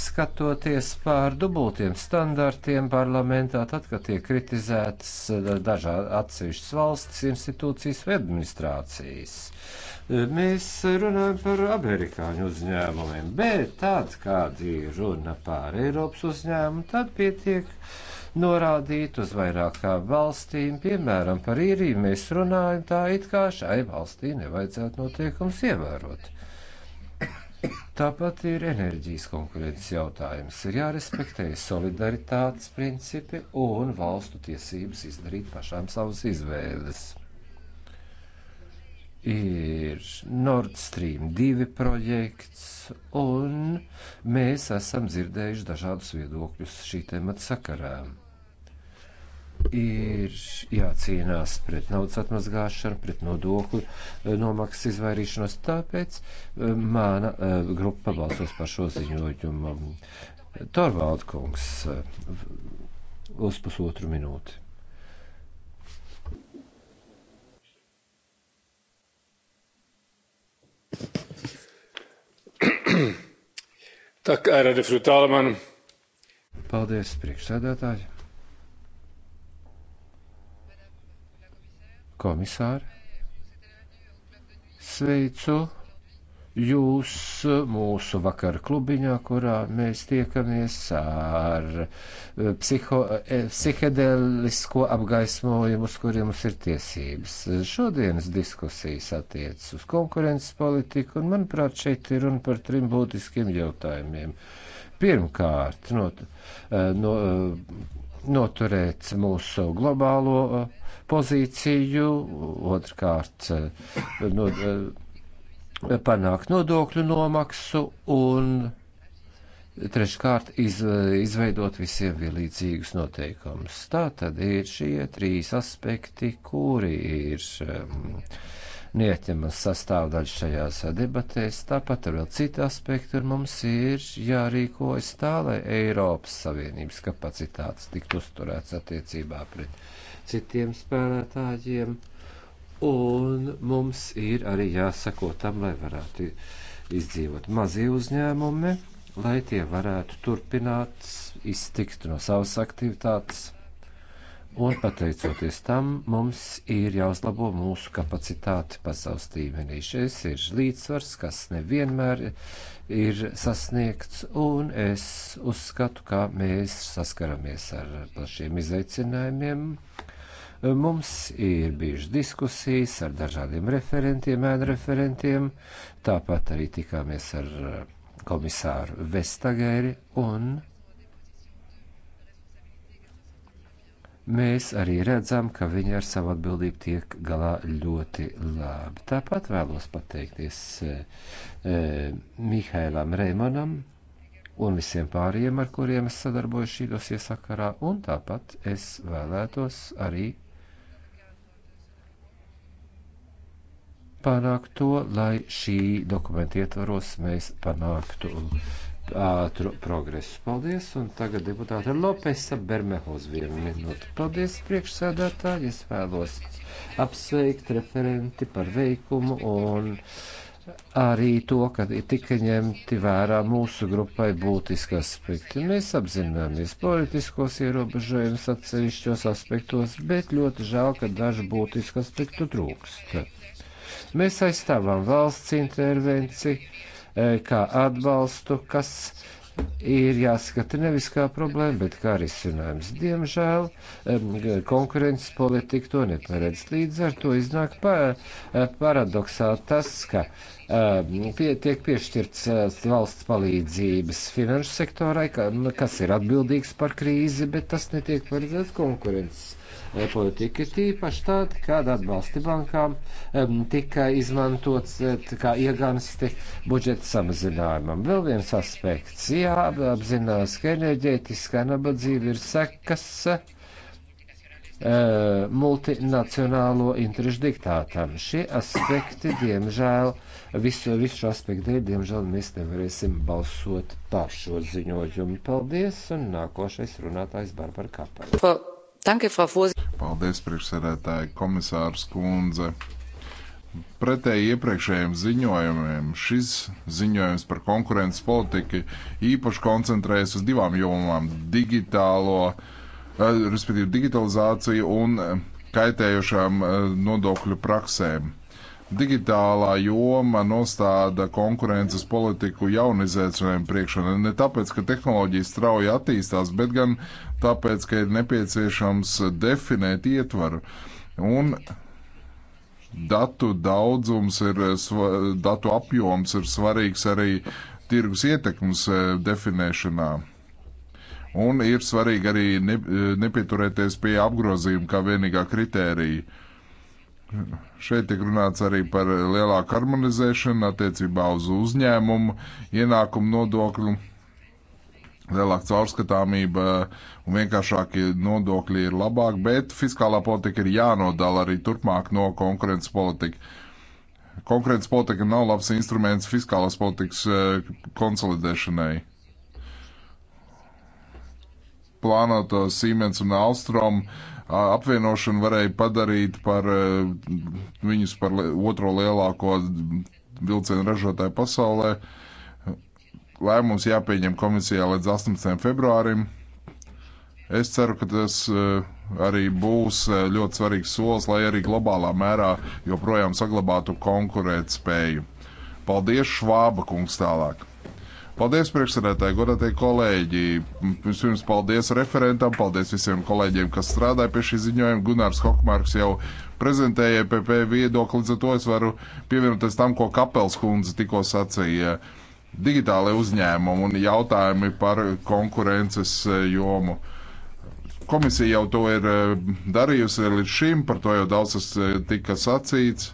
skatoties pār dubultiem standartiem parlamentā, tad, kad tiek kritizētas eh, dažādi atsevišķas valsts institūcijas vai administrācijas. Mēs runājam par amerikāņu uzņēmumiem, bet tad, kad ir runa pār Eiropas uzņēmumu, tad pietiek norādīt uz vairākām valstīm, piemēram, par īriju mēs runājam tā, it kā šai valstī nevajadzētu notiekums ievērot. Tāpat ir enerģijas konkurences jautājums. Ir jārespektē solidaritātes principi un valstu tiesības izdarīt pašām savas izvēles. Ir Nord Stream 2 projekts, un mēs esam dzirdējuši dažādus viedokļus šī temata sakarām ir jācīnās pret naudas atmazgāšanu, pret nodokļu eh, nomaksas izvairīšanos. Tāpēc eh, mana eh, grupa balsos par šo ziņojumu. Torvalda kungs uz pusotru minūti. Tā kā ir arī frutāla man. Paldies, priekšsēdētāji. komisāri, sveicu jūs mūsu vakara klubiņā, kurā mēs tiekamies ar eh, psiho, eh, psihedelisko apgaismojumu, uz kuriem mums ir tiesības. Šodienas diskusijas attiec uz konkurences politiku, un manuprāt, šeit ir runa par trim būtiskiem jautājumiem. Pirmkārt, eh, no, no noturēt mūsu globālo eh, pozīciju, otrkārt eh, no, eh, panākt nodokļu nomaksu un treškārt iz, izveidot visiem vienlīdzīgus noteikumus. Tā tad ir šie trīs aspekti, kuri ir ehm, neatņemama sastāvdaļa šajās debatēs. Tāpat ir vēl citi aspekti, un mums ir jārīkojas tā, lai Eiropas Savienības kapacitātes tiktu uzturēts attiecībā pret citiem spēlētājiem, un mums ir arī jāsako tam, lai varētu izdzīvot mazie uzņēmumi, lai tie varētu turpināt iztikt no savas aktivitātes Un pateicoties tam, mums ir jāuzlabo mūsu kapacitāti pasaules līmenī. Šis ir līdzsvars, kas nevienmēr ir sasniegts, un es uzskatu, ka mēs saskaramies ar plašiem izaicinājumiem. Mums ir bijušas diskusijas ar dažādiem referentiem, ēnu referentiem, tāpat arī tikāmies ar komisāru Vestagēri un mēs arī redzam, ka viņi ar savu atbildību tiek galā ļoti labi. Tāpat vēlos pateikties eh, eh Mihailam Reimanam un visiem pārējiem, ar kuriem es sadarbojos šī dosie sakarā, un tāpat es vēlētos arī panākt to, lai šī dokumenta ietvaros mēs panāktu ātru progresu. Paldies, un tagad deputāte Lopesa Bermehos vienu minūtu. Paldies, priekšsēdētāji, es vēlos apsveikt referenti par veikumu un arī to, ka tika ņemti vērā mūsu grupai būtiski aspekti. Mēs apzināmies politiskos ierobežojumus atsevišķos aspektos, bet ļoti žēl, ka dažu būtisku aspektu trūkst. Mēs aizstāvām valsts intervenciju E, kā atbalstu, kas ir jāskata nevis kā problēma, bet kā risinājums. Diemžēl e, konkurences politika to neparedz. Līdz ar to iznāk e, paradoksāli tas, ka pie, tiek piešķirts valsts palīdzības finanšu sektorai, kas ir atbildīgs par krīzi, bet tas netiek paredzēts konkurences Eh, politika, tīpaši tad, kad atbalsti bankām tika izmantots eh, kā iegansti budžeta samazinājumam. Vēl viens aspekts - jāapzinās, ka enerģētiskā nabadzība ir sekas eh, multinacionālo interešu diktātam. Šie aspekti, diemžēl, visu, visu šo aspektu dēļ, diemžēl, mēs nevarēsim balsot par šo ziņojumu. Paldies, un nākošais runātājs Barbara Kapela. Paldies, priekšsēdētāji, komisārs Kundze. Pretēji iepriekšējiem ziņojumiem, šis ziņojums par konkurences politiku īpaši koncentrējas uz divām jomām - digitālo, eh, respektīvi digitalizāciju un kaitējošām eh, nodokļu praksēm. Digitālā joma nostāda konkurences politiku jaunu izaicinājumu priekšā. Ne tāpēc, ka tehnoloģijas strauji attīstās, bet gan tāpēc, ka ir nepieciešams definēt ietvaru. Un datu daudzums ir, datu apjoms ir svarīgs arī tirgus ietekmes e, definēšanā. Un ir svarīgi arī e, nepieturēties pie apgrozījuma kā vienīgā kritērija Šeit tiek runāts arī par lielāku harmonizēšanu attiecībā uz uzņēmumu, ienākumu nodokļu, lielāka caurskatāmība un vienkāršākie nodokļi ir labāk, bet fiskālā politika ir jānodala arī turpmāk no konkurences politika. Konkurences politika nav labs instruments fiskālās politikas eh, konsolidēšanai. Plānoto Siemens un Alstrom uh, apvienošanu varēja padarīt par e, viņus par otro lielāko vilcienu ražotāju pasaulē. Lēmums jāpieņem komisijā līdz 18. februārim. Es ceru, ka tas e, arī būs e, ļoti svarīgs solis, lai arī globālā mērā joprojām saglabātu konkurētspēju. Paldies, Švāba kungs, tālāk! Paldies, priekšsēdētāji, godātie kolēģi. Pirms paldies referentam, paldies visiem kolēģiem, kas strādāja pie šī ziņojuma. Gunārs Hokmārks jau prezentēja PP viedokli, līdz ar to es varu pievienoties tam, ko Kapels kundze tikko sacīja. Digitālai uzņēmumi un jautājumi par konkurences eh, jomu komisija jau to ir eh, darījusi līdz šim, par to jau daudz kas eh, tika sacīts.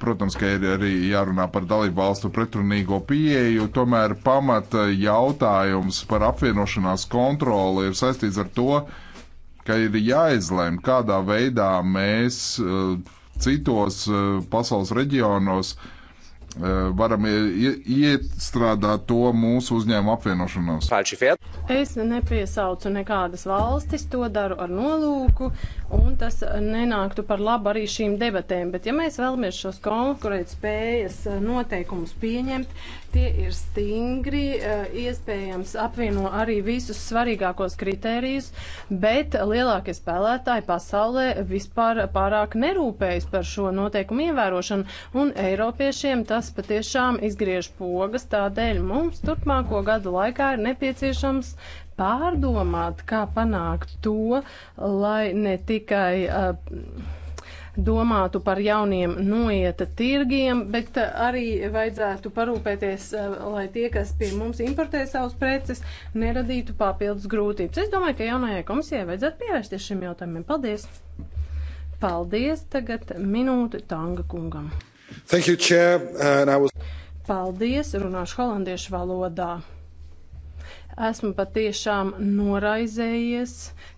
Protams, ka ir arī jārunā par dalību valstu pretrunīgo pieeju, tomēr pamata jautājums par apvienošanās kontroli ir saistīts ar to, ka ir jāizlēm, kādā veidā mēs eh, citos eh, pasaules reģionos eh, varam iestrādāt to mūsu uzņēmumu apvienošanos. Es nepiesaucu nekādas valstis, to daru ar nolūku, un tas eh, nenāktu par labu arī šīm debatēm. Bet ja mēs vēlamies šos konkurētspējas eh, noteikumus pieņemt, tie ir stingri, eh, iespējams apvieno arī visus svarīgākos kritērijus, bet lielākie spēlētāji pasaulē vispār pārāk nerūpējas par šo noteikumu ievērošanu, un Eiropiešiem tas patiešām izgriež pogas, tādēļ mums turpmāko gadu laikā ir nepieciešams pārdomāt, kā panākt to, lai ne tikai uh, domātu par jauniem noieta tirgiem, bet eh, arī vajadzētu parūpēties, eh, lai tie, kas pie mums importē savus preces, neradītu papildus grūtības. Es domāju, ka jaunajai komisijai vajadzētu pievērsties šim jautājumam. Paldies! Paldies! Tagad minūte Tanga kungam. Thank you, Chair, uh, and I was... Paldies! Runāšu holandiešu valodā. Esmu patiešām noraizējies,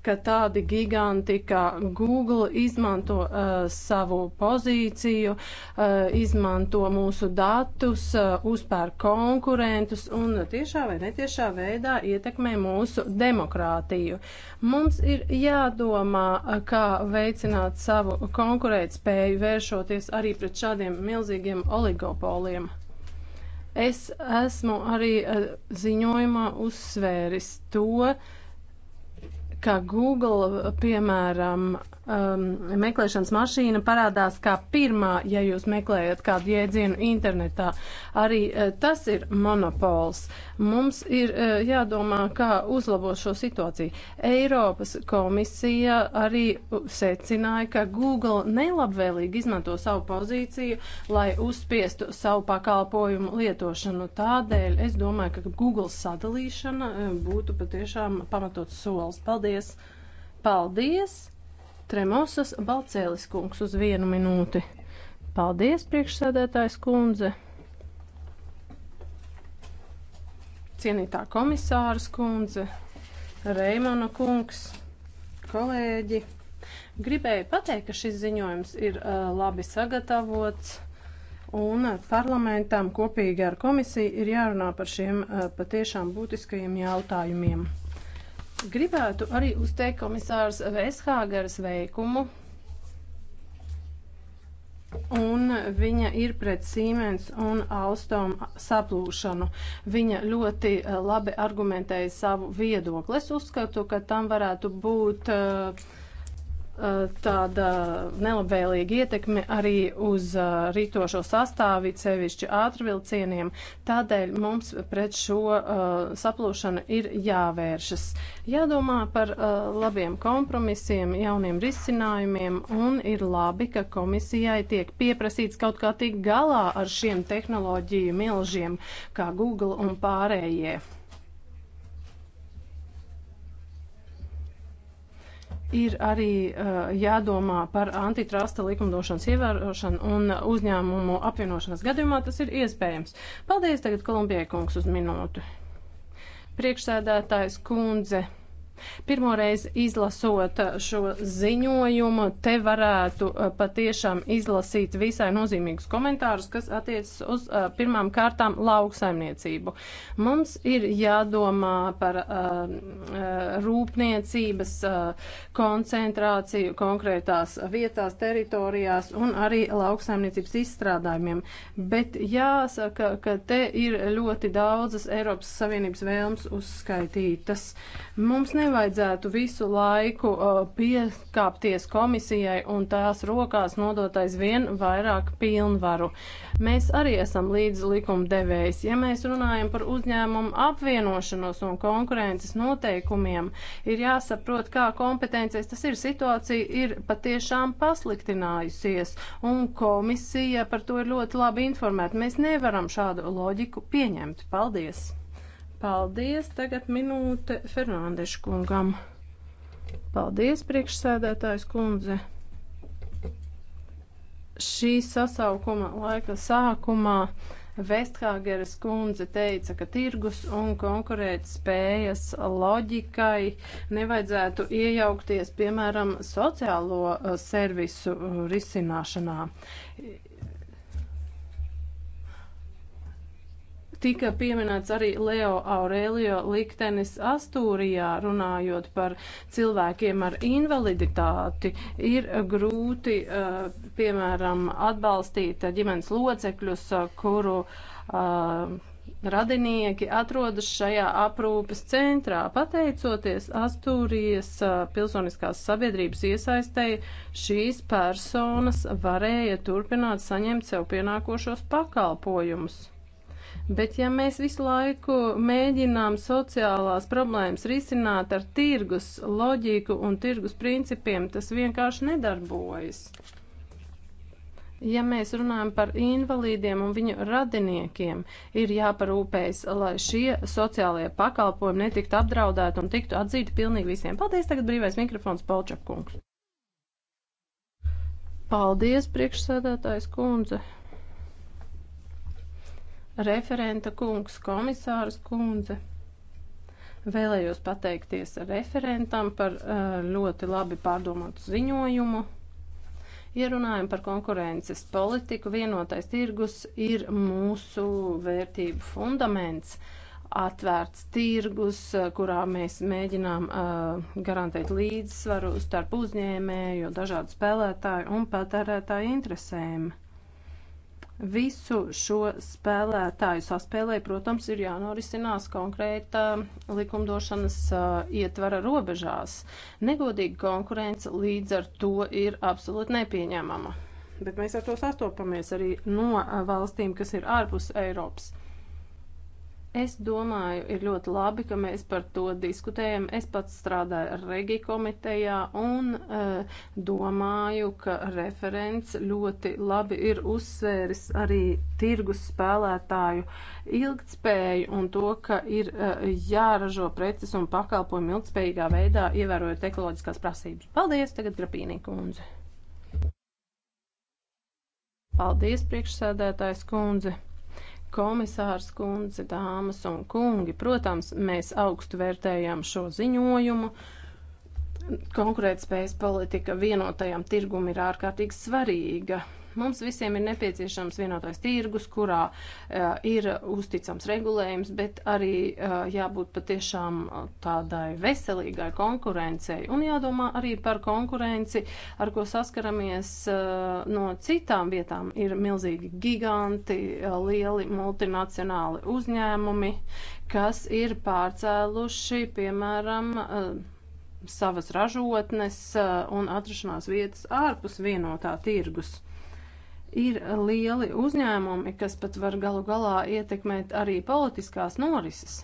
ka tādi giganti kā Google izmanto uh, savu pozīciju, uh, izmanto mūsu datus, uh, eh, uzpēr konkurentus un tiešā vai netiešā veidā ietekmē mūsu demokrātiju. Mums ir jādomā, kā veicināt savu konkurētspēju, vēršoties arī pret šādiem milzīgiem oligopoliem. Es esmu arī eh, ziņojumā uzsvēris to, ka Google, piemēram, um, meklēšanas mašīna parādās kā pirmā, ja jūs meklējat kādu jēdzienu internetā. Arī uh, tas ir monopols. Mums ir uh, jādomā, kā uzlabot šo situāciju. Eiropas komisija arī secināja, ka Google nelabvēlīgi izmanto savu pozīciju, lai uzspiestu savu pakalpojumu lietošanu. Tādēļ es domāju, ka Google sadalīšana uh, būtu patiešām pamatots solis. Paldies! Paldies! Tremosas Balcēlis kungs uz vienu minūti. Paldies, priekšsēdētājs kundze. Cienītā komisāras kundze, Reimana kungs, kolēģi. Gribēju pateikt, ka šis ziņojums ir uh, labi sagatavots. Un parlamentam kopīgi ar komisiju ir jārunā par šiem uh, patiešām būtiskajiem jautājumiem. Gribētu arī uzteikt komisārs Veshāgaras veikumu. Un viņa ir pret Siemens un Alstom saplūšanu. Viņa ļoti eh, labi argumentēja savu viedokli. Es uzskatu, ka tam varētu būt uh, tāda nelabvēlīga ietekme arī uz rītošo sastāvi, sevišķi ātrvilcieniem. Tādēļ mums pret šo uh, saplūšanu ir jāvēršas. Jādomā par uh, labiem kompromisiem, jauniem risinājumiem, un ir labi, ka komisijai tiek pieprasīts kaut kā tik galā ar šiem tehnoloģiju milžiem, kā Google un pārējie. Ir arī uh, jādomā par antitrusta likumdošanas ievērošanu un uzņēmumu apvienošanas gadījumā tas ir iespējams. Paldies tagad Kolumbijai kungs uz minūtu. Priekšsēdētājs kundze. Pirmoreiz izlasot uh, šo ziņojumu, te varētu uh, patiešām izlasīt visai nozīmīgus komentārus, kas attiecas uz uh, pirmām kārtām lauksaimniecību. Mums ir jādomā par rūpniecības koncentrāciju konkrētās vietās, teritorijās un arī lauksaimniecības izstrādājumiem. Bet jāsaka, ka te ir ļoti daudzas Eiropas Savienības vēlmes uzskaitītas. Mums ne nevajadzētu visu laiku uh, pieskāpties komisijai un tās rokās nodot aizvien vairāk pilnvaru. Mēs arī esam līdz likumdevējs. Ja mēs runājam par uzņēmumu apvienošanos un konkurences noteikumiem, ir jāsaprot, kā kompetencijas tas ir. Situācija ir patiešām pasliktinājusies, un komisija par to ir ļoti labi informēta. Mēs nevaram šādu loģiku pieņemt. Paldies! Paldies. Tagad minūte Fernandeša kungam. Paldies, priekšsēdētājs kundze. Šī sasaukuma laika sākumā Vesthāgeres kundze teica, ka tirgus un konkurēt spējas loģikai nevajadzētu iejaukties, piemēram, sociālo eh, servisu eh, risināšanā. Tika pieminēts arī Leo Aurelio liktenis Astūrijā, runājot par cilvēkiem ar invaliditāti. Ir grūti, eh, piemēram, atbalstīt ģimenes locekļus, eh, kuru eh, radinieki atrodas šajā aprūpes centrā. Pateicoties Astūrijas pilsoniskās sabiedrības iesaistēji, šīs personas varēja turpināt saņemt sev pienākošos pakalpojumus. Bet ja mēs visu laiku mēģinām sociālās problēmas risināt ar tirgus loģiku un tirgus principiem, tas vienkārši nedarbojas. Ja mēs runājam par invalīdiem un viņu radiniekiem, ir jāparūpējas, lai šie sociālie pakalpojumi netiktu apdraudēti un tiktu atzīti pilnīgi visiem. Paldies, tagad brīvais mikrofons Polčakungs. Paldies, priekšsēdētājs kundze referenta kungs, komisārs kundze. Vēlējos pateikties referentam par eh, ļoti labi pārdomātu ziņojumu. Ja runājam par konkurences politiku, vienotais tirgus ir mūsu vērtību fundaments atvērts tirgus, eh, kurā mēs mēģinām uh, garantēt līdzsvaru starp uzņēmēju, dažādu spēlētāju un patērētāju interesēm. Visu šo spēlētāju saspēlē, protams, ir jānorisinās konkrēta likumdošanas ietvara robežās. Negodīga konkurence līdz ar to ir absolūti nepieņemama bet mēs ar to sastopamies arī no valstīm, kas ir ārpus Eiropas. Es domāju, ir ļoti labi, ka mēs par to diskutējam. Es pats strādāju Regi komitejā un uh, domāju, ka referents ļoti labi ir uzsvēris arī tirgus spēlētāju ilgtspēju un to, ka ir uh, jāražo preces un pakalpojumi ilgtspējīgā veidā, ievērojot ekoloģiskās prasības. Paldies, tagad Grapīnī kundze. Paldies, priekšsēdētājs kundze komisārs kundze, dāmas un kungi. Protams, mēs augstu vērtējam šo ziņojumu. Konkurētspējas politika vienotajam tirgum ir ārkārtīgi svarīga. Mums visiem ir nepieciešams vienotais tirgus, kurā uh, ir uzticams regulējums, bet arī uh, jābūt patiešām e, tādai veselīgai konkurencei un jādomā arī par konkurenci, ar ko saskaramies uh, no citām vietām. Ir milzīgi giganti, uh, lieli multinacionāli uzņēmumi, kas ir pārcēluši, piemēram, savas ražotnes un atrašanās vietas ārpus vienotā tirgus ir lieli uzņēmumi, kas pat var galu galā ietekmēt arī politiskās norises.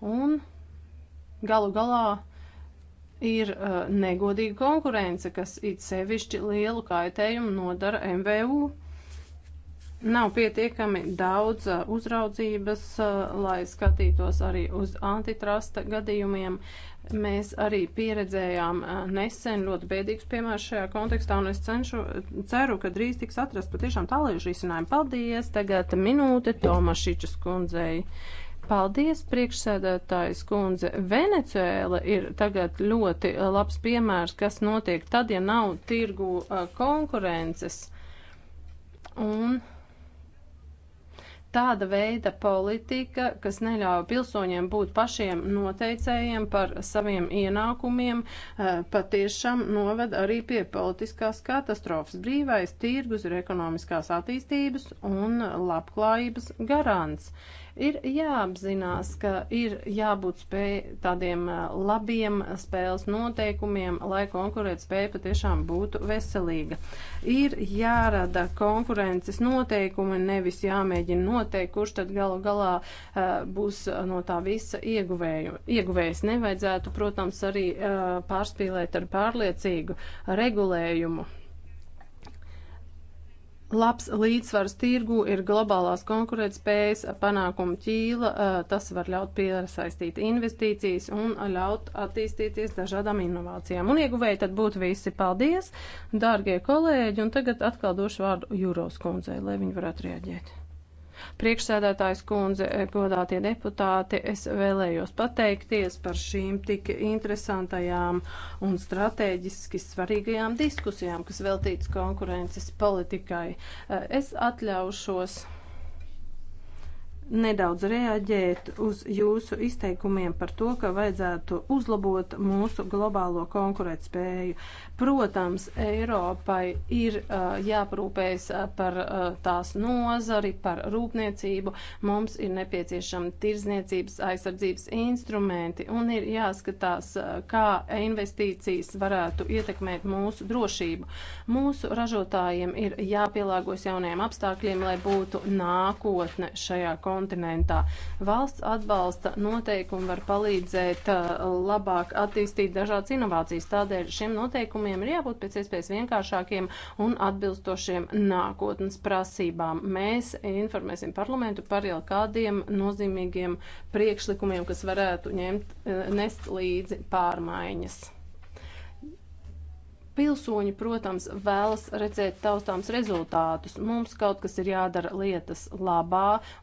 Un galu galā ir uh, negodīga konkurence, kas it sevišķi lielu kaitējumu nodara MVU. Nav pietiekami daudz uh, uzraudzības, uh, lai skatītos arī uz antitrusta gadījumiem. Uh, Mēs arī pieredzējām eh, nesen ļoti bēdīgus piemērus šajā kontekstā, un es cenšu, ceru, ka drīz tiks atrast patiešām tālējuši risinājumi. Paldies! Tagad minūte Tomašičas kundzei. Paldies, priekšsēdētājs kundze. Venecuēla ir tagad ļoti eh, labs piemērs, kas notiek tad, ja nav tirgu eh, konkurences. Un tāda veida politika, kas neļauj pilsoņiem būt pašiem noteicējiem par saviem ienākumiem, eh, patiešām noved arī pie politiskās katastrofas. Brīvais tirgus ir ekonomiskās attīstības un labklājības garants. Ir jāapzinās, ka ir jābūt spēj tādiem labiem spēles noteikumiem, lai konkurēt spēja patiešām būtu veselīga. Ir jārada konkurences noteikumi, nevis jāmēģina noteikt, kurš tad galu galā būs no tā visa ieguvēju. ieguvējs. Nevajadzētu, protams, arī pārspīlēt ar pārliecīgu regulējumu. Labs līdzsvars tirgu ir globālās konkurētspējas panākuma ķīla, tas var ļaut piesaistīt investīcijas un ļaut attīstīties dažādām inovācijām. Un ieguvēji tad būtu visi paldies, dārgie kolēģi, un tagad atkal došu vārdu Jūros kundzei, lai viņi varētu rieģēt. Priekšsēdētājs kundze, eh, godātie deputāti, es vēlējos pateikties par šīm tik interesantajām un strateģiski svarīgajām diskusijām, kas veltīts konkurences politikai. Eh, es atļaušos nedaudz reaģēt uz jūsu izteikumiem par to, ka vajadzētu uzlabot mūsu globālo konkurētspēju. Protams, Eiropai ir uh, jāprūpējas uh, par uh, tās nozari, par rūpniecību. Mums ir nepieciešami tirzniecības aizsardzības instrumenti un ir jāskatās, uh, kā investīcijas varētu ietekmēt mūsu drošību. Mūsu ražotājiem ir jāpielāgos jaunajiem apstākļiem, lai būtu nākotne šajā konkurētspējā kontinentā. Valsts atbalsta noteikumi var palīdzēt uh, labāk attīstīt dažādas inovācijas, tādēļ šiem noteikumiem ir jābūt pēc iespējas vienkāršākiem un atbilstošiem nākotnes prasībām. Mēs informēsim parlamentu par jau kādiem nozīmīgiem priekšlikumiem, kas varētu ņemt, uh, nest līdzi pārmaiņas. Pilsoņi, protams, vēlas redzēt taustāms rezultātus. Mums kaut kas ir jādara lietas labā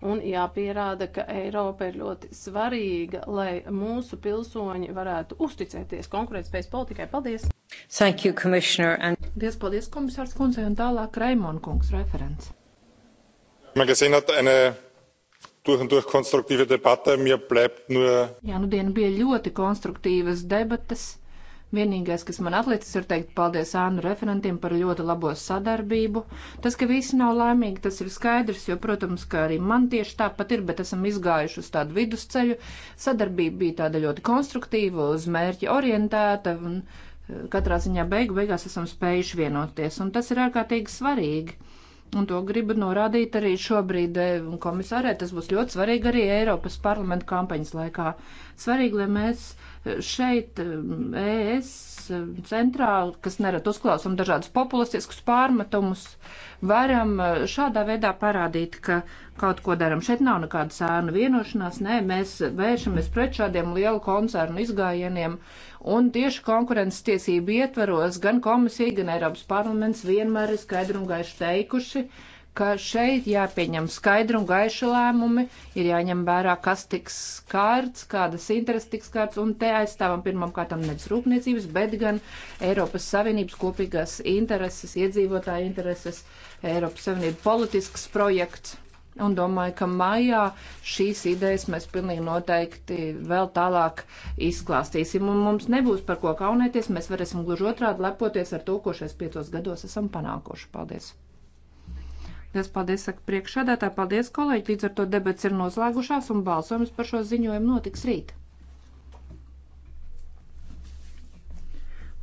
un jāpierāda, ka Eiropa ir ļoti svarīga, lai mūsu pilsoņi varētu uzticēties konkurētspējas politikai. Paldies! Thank you, Commissioner. And... Diez paldies, komisārs kundze, un tālāk Raimon kungs referents. Man gesehen hat eine durch un durch konstruktive Debatte. Mir bleibt nur. Jā, nu diena bija ļoti konstruktīvas debatas Vienīgais, kas man atlicis, ir teikt paldies ānu referentiem par ļoti labo sadarbību. Tas, ka visi nav laimīgi, tas ir skaidrs, jo, protams, ka arī man tieši tāpat ir, bet esam izgājuši uz tādu vidusceļu. Sadarbība bija tāda ļoti konstruktīva, uz mērķi orientēta, un e, katrā ziņā beigu beigās esam spējuši vienoties, un tas ir ārkārtīgi svarīgi. Un to gribu norādīt arī šobrīd e, komisārē. Tas būs ļoti svarīgi arī Eiropas parlamentu kampaņas laikā. Svarīgi, lai mēs uh, Šeit ES centrāli, kas nerad uzklausam dažādus populistiskus pārmetumus, varam eh, šādā veidā parādīt, ka kaut ko daram. Šeit nav nekāda sēnu vienošanās, nē, mēs vēršamies pret šādiem lielu koncernu izgājieniem, un tieši konkurences tiesību ietveros gan komisija, gan Eiropas parlaments vienmēr ir skaidri un gaiši teikuši, uh, ka šeit jāpieņem skaidru un gaišu lēmumi, ir jāņem vērā, kas tiks skārts, kādas intereses tiks skārts, un te aizstāvam pirmam kārtam nevis rūpniecības, bet gan Eiropas Savienības kopīgās intereses, iedzīvotāja intereses, Eiropas Savienība politisks projekts. Un domāju, ka maijā šīs idejas mēs pilnīgi noteikti vēl tālāk izklāstīsim, un mums nebūs par ko kaunēties, mēs varēsim gluži otrādi lepoties ar to, ko šais piecos gados esam panākoši. Paldies! Liels paldies, saka priekšsēdētāji, paldies kolēģi, līdz ar to debats ir noslēgušās un balsojums par šo ziņojumu notiks rīt.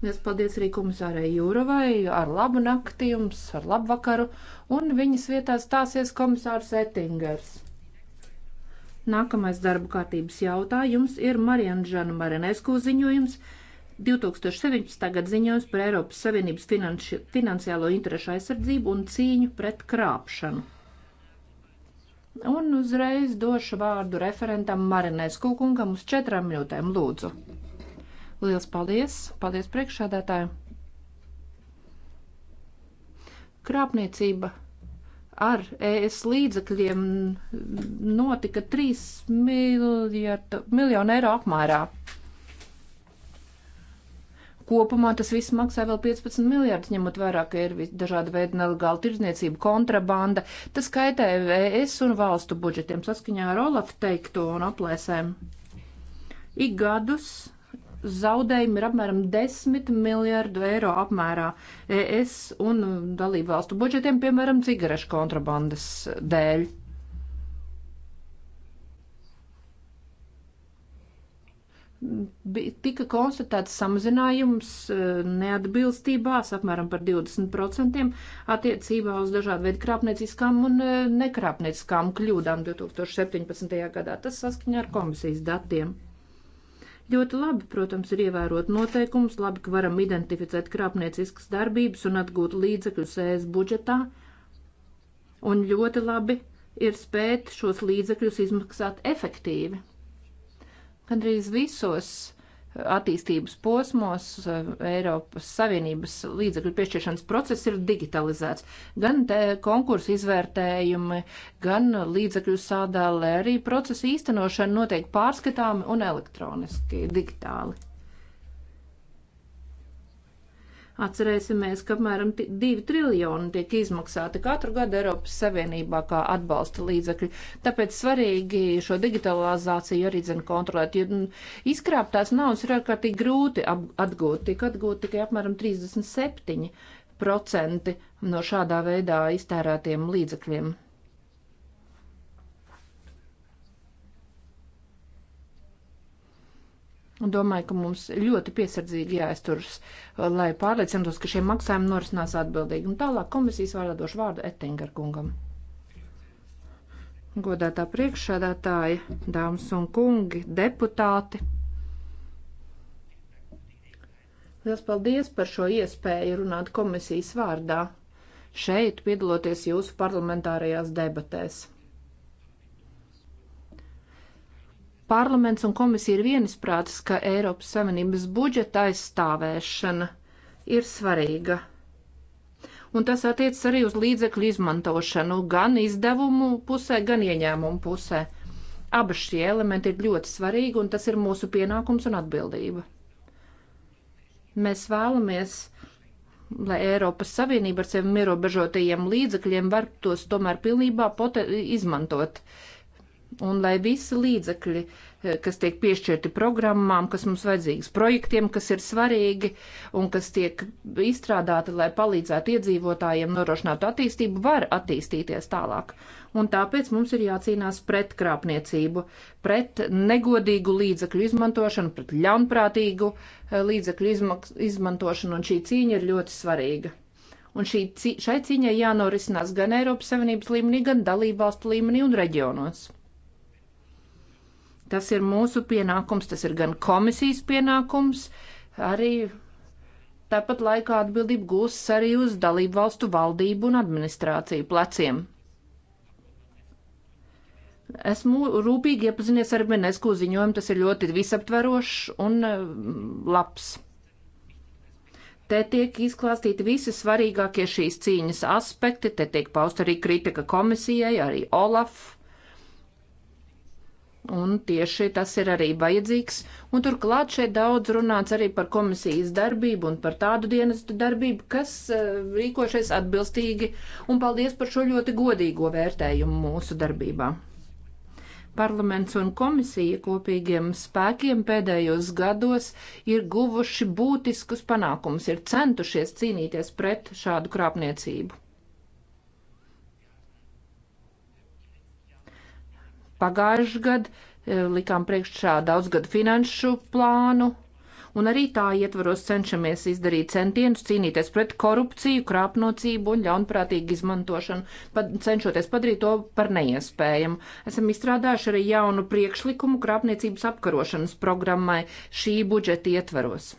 Liels paldies arī komisārai Jūravai, ar labu nakti jums, ar labu vakaru, un viņas vietā stāsies komisārs Ettingers. Nākamais darba kārtības jautājums ir Marianžana Marinesku ziņojums. 2017. gada ziņojums par Eiropas Savienības finanši, finansiālo interešu aizsardzību un cīņu pret krāpšanu. Un uzreiz došu vārdu referentam Marinēs Kūkungam uz četrām minūtēm lūdzu. Liels paldies! Paldies priekšādātāju! Krāpniecība ar ES līdzekļiem notika 3 miljardu, miljonu eiro apmērā kopumā tas viss maksā vēl 15 miljārdus, ņemot vērā, ka ir dažāda veida nelegāla tirdzniecība, kontrabanda. Tas kaitē ES un valstu budžetiem saskaņā ar Olaf teikto un aplēsēm. Ik gadus zaudējumi ir apmēram 10 miljārdu eiro apmērā ES un dalību valstu budžetiem, piemēram, cigarešu kontrabandas dēļ. tika konstatēts samazinājums e, neatbilstībās apmēram par 20% attiecībā uz dažādu veidu krāpnieciskām un e, nekrāpnieciskām kļūdām 2017. gadā. Tas saskaņā ar komisijas datiem. Ļoti labi, protams, ir ievērot noteikumus, labi, ka varam identificēt krāpnieciskas darbības un atgūt līdzekļus ES budžetā, un ļoti labi ir spēt šos līdzekļus izmaksāt efektīvi. Gandrīz visos attīstības posmos eh, Eiropas Savienības līdzekļu piešķiršanas process ir digitalizēts. Gan konkursu izvērtējumi, gan līdzekļu sādālē, arī procesa īstenošana notiek pārskatāmi un elektroniski, digitāli. Atcerēsimies, ka apmēram 2 triljoni tiek izmaksāti katru gadu Eiropas Savienībā kā atbalsta līdzekļi. Tāpēc svarīgi šo digitalizāciju arī dzen kontrolēt, jo mm, izkrāptās naudas ir ārkārtīgi grūti atgūt. Tik atgūt tikai apmēram 37% no šādā veidā iztērētiem līdzekļiem. Un domāju, ka mums ļoti piesardzīgi jāizturas, eh, lai pārliecinātos, ka šie maksājumi norisinās atbildīgi. Un tālāk komisijas vārdā došu vārdu Ettinger kungam. Godētā priekšsēdētāja, dāmas un kungi, deputāti. Liels paldies par šo iespēju runāt komisijas vārdā, šeit piedaloties jūsu parlamentārajās debatēs. Parlaments un komisija ir vienisprātis, ka Eiropas Savienības budžeta aizstāvēšana ir svarīga. Un tas attiecas arī uz līdzekļu izmantošanu gan izdevumu pusē, gan ieņēmumu pusē. Abi šie elementi ir ļoti svarīgi, un tas ir mūsu pienākums un atbildība. Mēs vēlamies lai Eiropas Savienība ar saviem ierobežotajiem līdzekļiem var tos tomēr pilnībā izmantot un lai visi līdzekļi, eh, kas tiek piešķirti programmām, kas mums vajadzīgs, projektiem, kas ir svarīgi un kas tiek izstrādāti, lai palīdzētu iedzīvotājiem norošinātu attīstību, var attīstīties tālāk. Un tāpēc mums ir jācīnās pret krāpniecību, pret negodīgu līdzekļu izmantošanu, pret ļaunprātīgu eh, līdzekļu izmantošanu, un šī cīņa ir ļoti svarīga. Un šī, šai cīņai jānorisinās gan Eiropas Savienības līmenī, gan dalībvalstu līmenī un reģionos. Tas ir mūsu pienākums, tas ir gan komisijas pienākums, arī tāpat laikā atbildība gūstas arī uz dalību valstu valdību un administrāciju pleciem. Esmu rūpīgi iepazinies ar Benesku ziņojumu, tas ir ļoti visaptverošs un eh, labs. Te tiek izklāstīti visi svarīgākie šīs cīņas aspekti, te tiek paust arī kritika komisijai, arī Olaf Un tieši tas ir arī vajadzīgs. Un turklāt šeit daudz runāts arī par komisijas darbību un par tādu dienestu darbību, kas eh, rīkošies atbilstīgi. Un paldies par šo ļoti godīgo vērtējumu mūsu darbībā. Parlaments un komisija kopīgiem spēkiem pēdējos gados ir guvuši būtiskus panākumus, ir centušies cīnīties pret šādu krāpniecību. Pagājuši gadu e, likām priekšā daudzgadu finanšu plānu, un arī tā ietvaros cenšamies izdarīt centienus cīnīties pret korupciju, krāpniecību un ļaunprātīgu izmantošanu, pat cenšoties padarīt to par neiespējamu. Esam izstrādājuši arī jaunu priekšlikumu krāpniecības apkarošanas programmai šī budžeta ietvaros.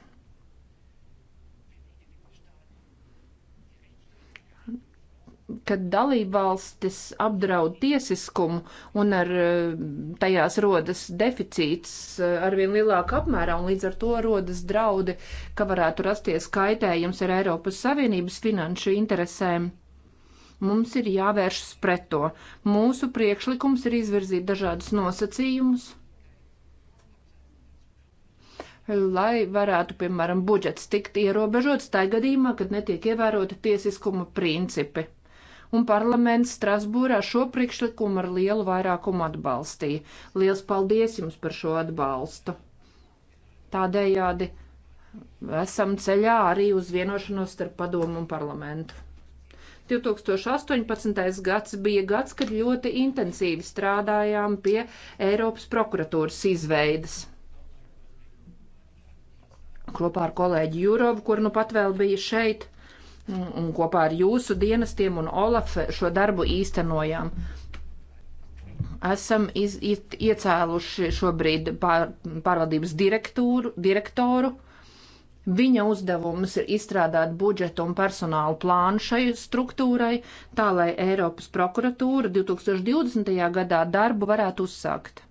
kad dalībvalstis apdraud tiesiskumu un ar eh, tajās rodas deficīts eh, arvien lielāka apmērā un līdz ar to rodas draudi, ka varētu rasties kaitējums ar Eiropas Savienības finanšu interesēm. Mums ir jāvēršas pret to. Mūsu priekšlikums ir izvirzīt dažādus nosacījumus, lai varētu, piemēram, budžets tikt ierobežots tajā gadījumā, kad netiek ievēroti tiesiskuma principi un parlaments Strasbūrā šo priekšlikumu ar lielu vairākumu atbalstīja. Liels paldies jums par šo atbalstu! Tādējādi esam ceļā arī uz vienošanos starp padomu un parlamentu. 2018. gads bija gads, kad ļoti intensīvi strādājām pie Eiropas prokuratūras izveidas. Kopā ar kolēģi Jurovu, kur nu pat vēl bija šeit, un kopā ar jūsu dienestiem un Olaf šo darbu īstenojām. Esam iz, iet, iecēluši šobrīd pār, pārvaldības direktoru, direktoru. Viņa uzdevums ir izstrādāt budžetu un personālu plānu šai struktūrai, tā lai Eiropas prokuratūra 2020. gadā darbu varētu uzsākt.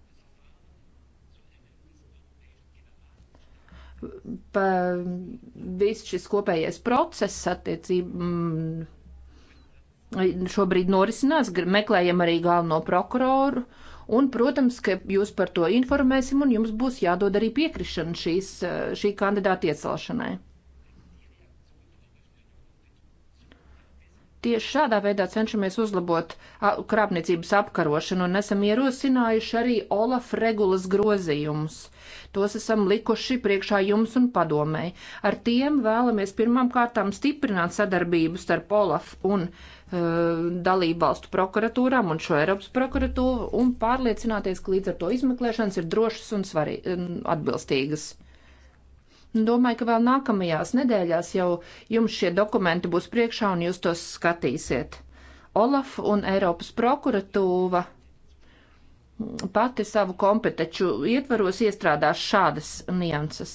viss šis kopējais process attiecība mm, šobrīd norisinās, meklējam arī galveno prokuroru, un, protams, ka jūs par to informēsim, un jums būs jādod arī piekrišana šīs, šī kandidāta iecelšanai. Tieši šādā veidā cenšamies uzlabot krāpniecības apkarošanu un esam ierosinājuši arī Olaf regulas grozījumus. Tos esam likuši priekšā jums un padomēji. Ar tiem vēlamies pirmām kārtām stiprināt sadarbību starp Olaf un uh, dalību valstu prokuratūrām un šo Eiropas prokuratūru un pārliecināties, ka līdz ar to izmeklēšanas ir drošas un svarī, e, atbilstīgas. Domāju, ka vēl nākamajās nedēļās jau jums šie dokumenti būs priekšā un jūs tos skatīsiet. Olaf un Eiropas prokuratūva pati savu kompetenču ietvaros iestrādās šādas nianses.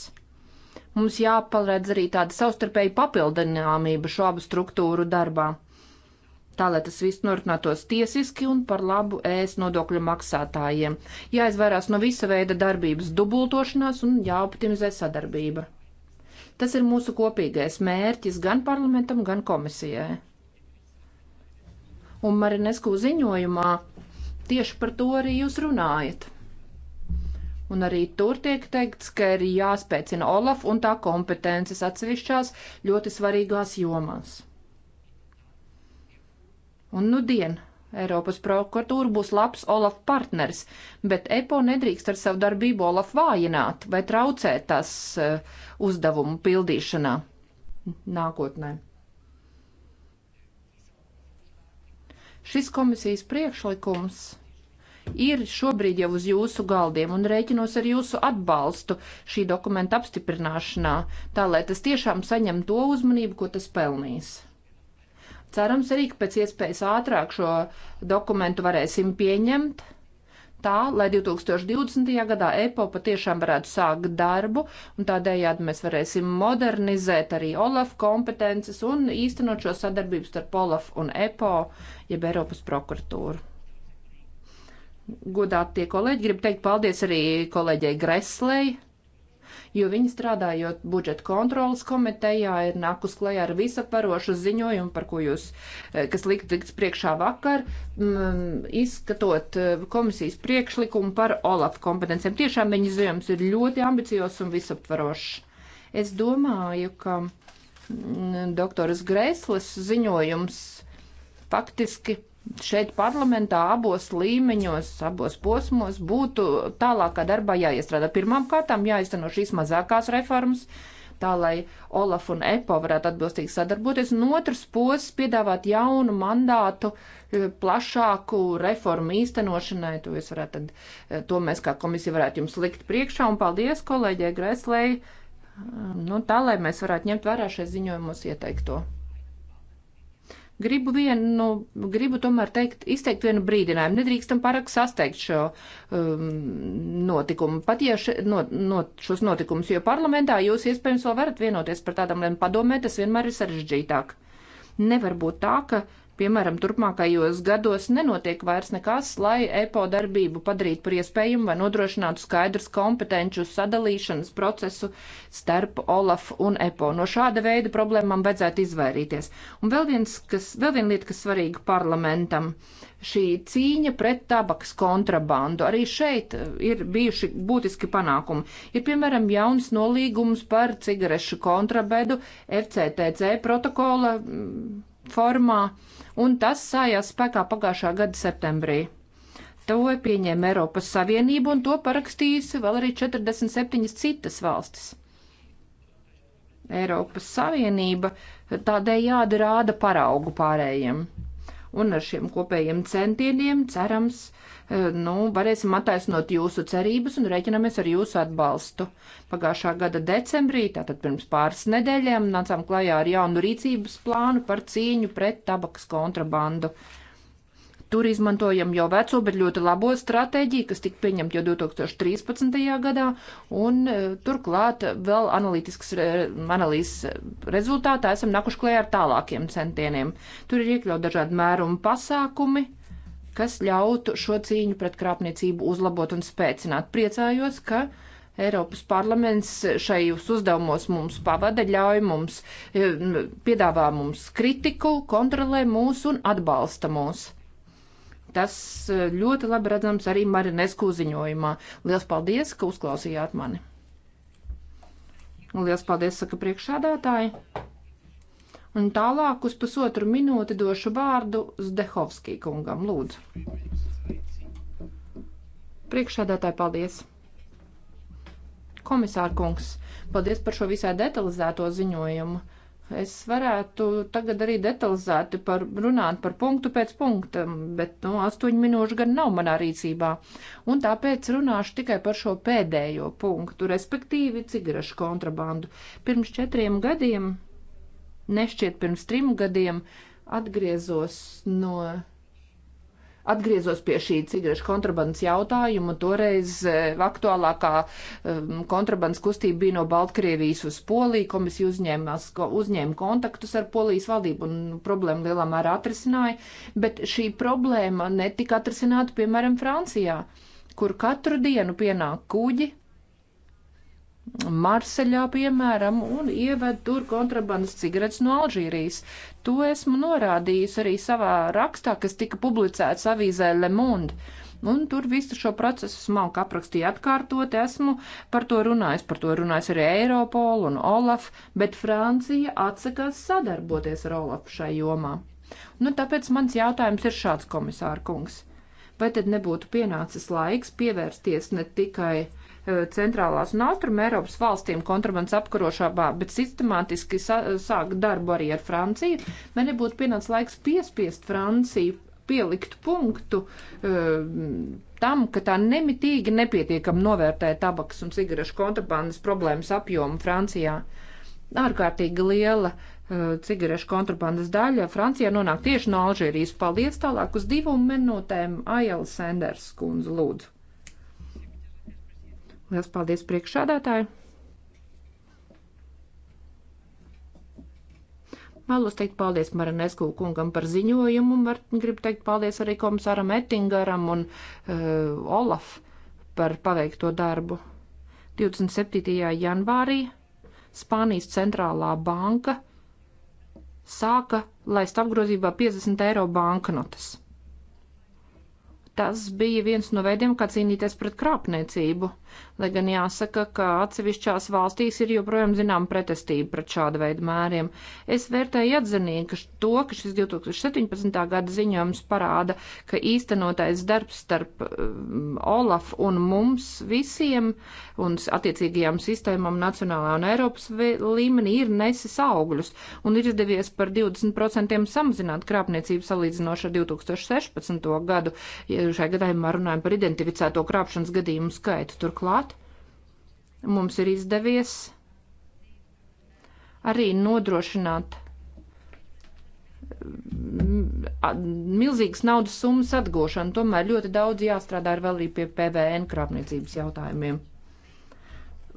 Mums jāparedz arī tāda savstarpēja papildināmība šo abu struktūru darbā tā lai tas viss norunātos tiesiski un par labu ēst nodokļu maksātājiem. Jāizvairās no visa veida darbības dubultošanās un jāoptimizē sadarbība. Tas ir mūsu kopīgais mērķis gan parlamentam, gan komisijai. Un Marinesku ziņojumā tieši par to arī jūs runājat. Un arī tur tiek teikts, ka ir jāspēcina Olaf un tā kompetences atsevišķās ļoti svarīgās jomās. Un nu dien, Eiropas prokuratūra būs labs Olaf partners, bet EPO nedrīkst ar savu darbību Olaf vājināt vai traucēt tās eh, uzdevumu pildīšanā nākotnē. Šis komisijas priekšlikums ir šobrīd jau uz jūsu galdiem un rēķinos ar jūsu atbalstu šī dokumenta apstiprināšanā, tā lai tas tiešām saņem to uzmanību, ko tas pelnīs. Cerams arī, ka pēc iespējas ātrāk šo dokumentu varēsim pieņemt. Tā, lai 2020. gadā EPO patiešām varētu sākt darbu, un tādējādi mēs varēsim modernizēt arī OLAF kompetences un īstenot šo sadarbību starp OLAF un EPO, jeb Eiropas prokuratūru. Godātie kolēģi, gribu teikt paldies arī kolēģei Greslei jo viņi strādājot budžeta kontrolas komitejā ir nākus klajā ar visaparošu ziņojumu, par ko jūs, eh, kas likt, likts priekšā vakar, m, izskatot eh, komisijas priekšlikumu par OLAF kompetencijām. Tiešām viņa ziņojums ir ļoti ambiciozs un visaparošs. Es domāju, ka doktoras Grēslas ziņojums faktiski šeit parlamentā abos līmeņos, abos posmos būtu tālākā darbā jāiestrādā. Pirmām kārtām jāizteno šīs mazākās reformas, tā lai Olaf un EPO varētu atbilstīgi sadarboties, un otrs posms piedāvāt jaunu mandātu eh, plašāku reformu īstenošanai. To, varētu, tad, eh, to mēs kā komisija varētu jums likt priekšā, un paldies kolēģei Greslēji, nu, tā lai mēs varētu ņemt vērā šajos ziņojumos ieteikto. Gribu vienu, nu, gribu tomēr teikt, izteikt vienu brīdinājumu. Nedrīkstam pārāk sasteigt šo um, notikumu, pat ja še, no, no, šos notikumus, jo parlamentā jūs iespējams vēl varat vienoties par tādām, lai padomē tas vienmēr ir sarežģītāk. Nevar būt tā, ka Piemēram, turpmākajos gados nenotiek vairs nekas, lai EPO darbību padarītu par iespējumu vai nodrošinātu skaidrs kompetenču sadalīšanas procesu starp OLAF un EPO. No šāda veida problēmām vajadzētu izvairīties. Un vēl, viens, kas, vēl viena lieta, kas svarīga parlamentam - šī cīņa pret tabaks kontrabandu. Arī šeit ir bijuši būtiski panākumi. Ir, piemēram, jauns nolīgums par cigarešu kontrabedu FCTC protokola. Mm, formā, un tas sājās spēkā pagājušā gada septembrī. To pieņēma Eiropas Savienība, un to parakstījis vēl arī 47 citas valstis. Eiropas Savienība tādējādi rāda paraugu pārējiem. Un ar šiem kopējiem centieniem cerams, uh, Eh, nu, varēsim attaisnot jūsu cerības un reiķinamies ar jūsu atbalstu. Pagājušā gada decembrī, tātad pirms pāris nedēļām, nācām klajā ar jaunu rīcības plānu par cīņu pret tabakas kontrabandu. Tur izmantojam jau veco, bet ļoti labo stratēģiju, kas tika pieņemta jau 2013. gadā, un eh, turklāt vēl analītiskas re, analīzes rezultātā esam nakuši klajā ar tālākiem centieniem. Tur ir iekļaut dažādi mērumi pasākumi, uh, kas ļautu šo cīņu pret krāpniecību uzlabot un spēcināt. Priecājos, ka Eiropas parlaments šajos uzdevumos mums pavada, ļauj mums, e, piedāvā mums kritiku, kontrolē mūs un atbalsta mūs. Tas e, ļoti labi redzams arī Marinesku ziņojumā. Lielas paldies, ka uzklausījāt mani. Lielas paldies, saka priekšādātāji. Un tālāk uz pusotru minūti došu vārdu Zdehovskī kungam. Lūdzu. Priekšādātāji, paldies! Komisāra kungs, paldies par šo visai detalizēto ziņojumu. Es varētu tagad arī detalizēti par, runāt par punktu pēc punkta, bet nu, astoņu minūšu gan nav manā rīcībā. Un tāpēc runāšu tikai par šo pēdējo punktu, respektīvi cigarešu kontrabandu. Pirms četriem gadiem nešķiet pirms trim gadiem atgriezos no. Atgriezos pie šī cigarešu kontrabandas jautājuma. Toreiz e, aktuālākā um, kontrabandas kustība bija no Baltkrievijas uz Poliju. Komisija uzņēmās, uzņēma kontaktus ar Polijas valdību un problēmu lielā mērā atrisināja, bet šī problēma netika atrisināta, piemēram, Francijā, kur katru dienu pienāk kuģi Marseļā, piemēram, un ieved tur kontrabandas cigaretes no Alžīrijas. To esmu norādījis arī savā rakstā, kas tika publicēts avīzē Le Monde. Un tur visu šo procesu smalki aprakstīju atkārtot, esmu par to runājis, par to runājis arī Eiropol un Olaf, bet Francija atsakās sadarboties ar Olafu šai jomā. Nu, tāpēc mans jautājums ir šāds, komisāra kungs. Vai tad nebūtu pienācis laiks pievērsties ne tikai E, centrālās un austruma Eiropas valstīm kontrabandas apkarošābā, bet sistemātiski sāk darbu arī ar Franciju. Man nebūtu pienācis laiks piespiest Franciju pielikt punktu e, tam, ka tā nemitīgi nepietiekam novērtē tabaks un cigarešu kontrabandas problēmas apjomu Francijā. Ārkārtīgi liela e, cigarešu kontrabandas daļa Francijā nonāk tieši no Alžērijas. Paldies tālāk uz divām minūtēm Aijala Sanders kundze lūdzu. Lielas paldies priekšādātāju! Vēlos teikt paldies Marinesku kungam par ziņojumu, un var, gribu teikt paldies arī komisāram Ettingaram un uh, Olaf par paveikto darbu. 27. janvārī Spānijas centrālā banka sāka laist apgrozībā 50 eiro banknotes. Tas bija viens no veidiem, kā cīnīties pret krāpniecību, lai gan jāsaka, ka atsevišķās valstīs ir joprojām zinām pretestība pret šādu veidu mēriem. Es vērtēju atzinīgi ka to, ka šis 2017. gada ziņojums parāda, ka īstenotais darbs starp um, Olaf un mums visiem un attiecīgajām sistēmām nacionālā un Eiropas līmenī ir nesis augļus un ir izdevies par 20% samazināt krāpniecību salīdzinoši ar 2016. gadu. Ja šai gadījumā runājam par identificēto krāpšanas gadījumu skaitu. Turklāt mums ir izdevies arī nodrošināt mm, milzīgas naudas summas atgūšanu. Tomēr ļoti daudz jāstrādā ar vēl arī pie PVN krāpniecības jautājumiem.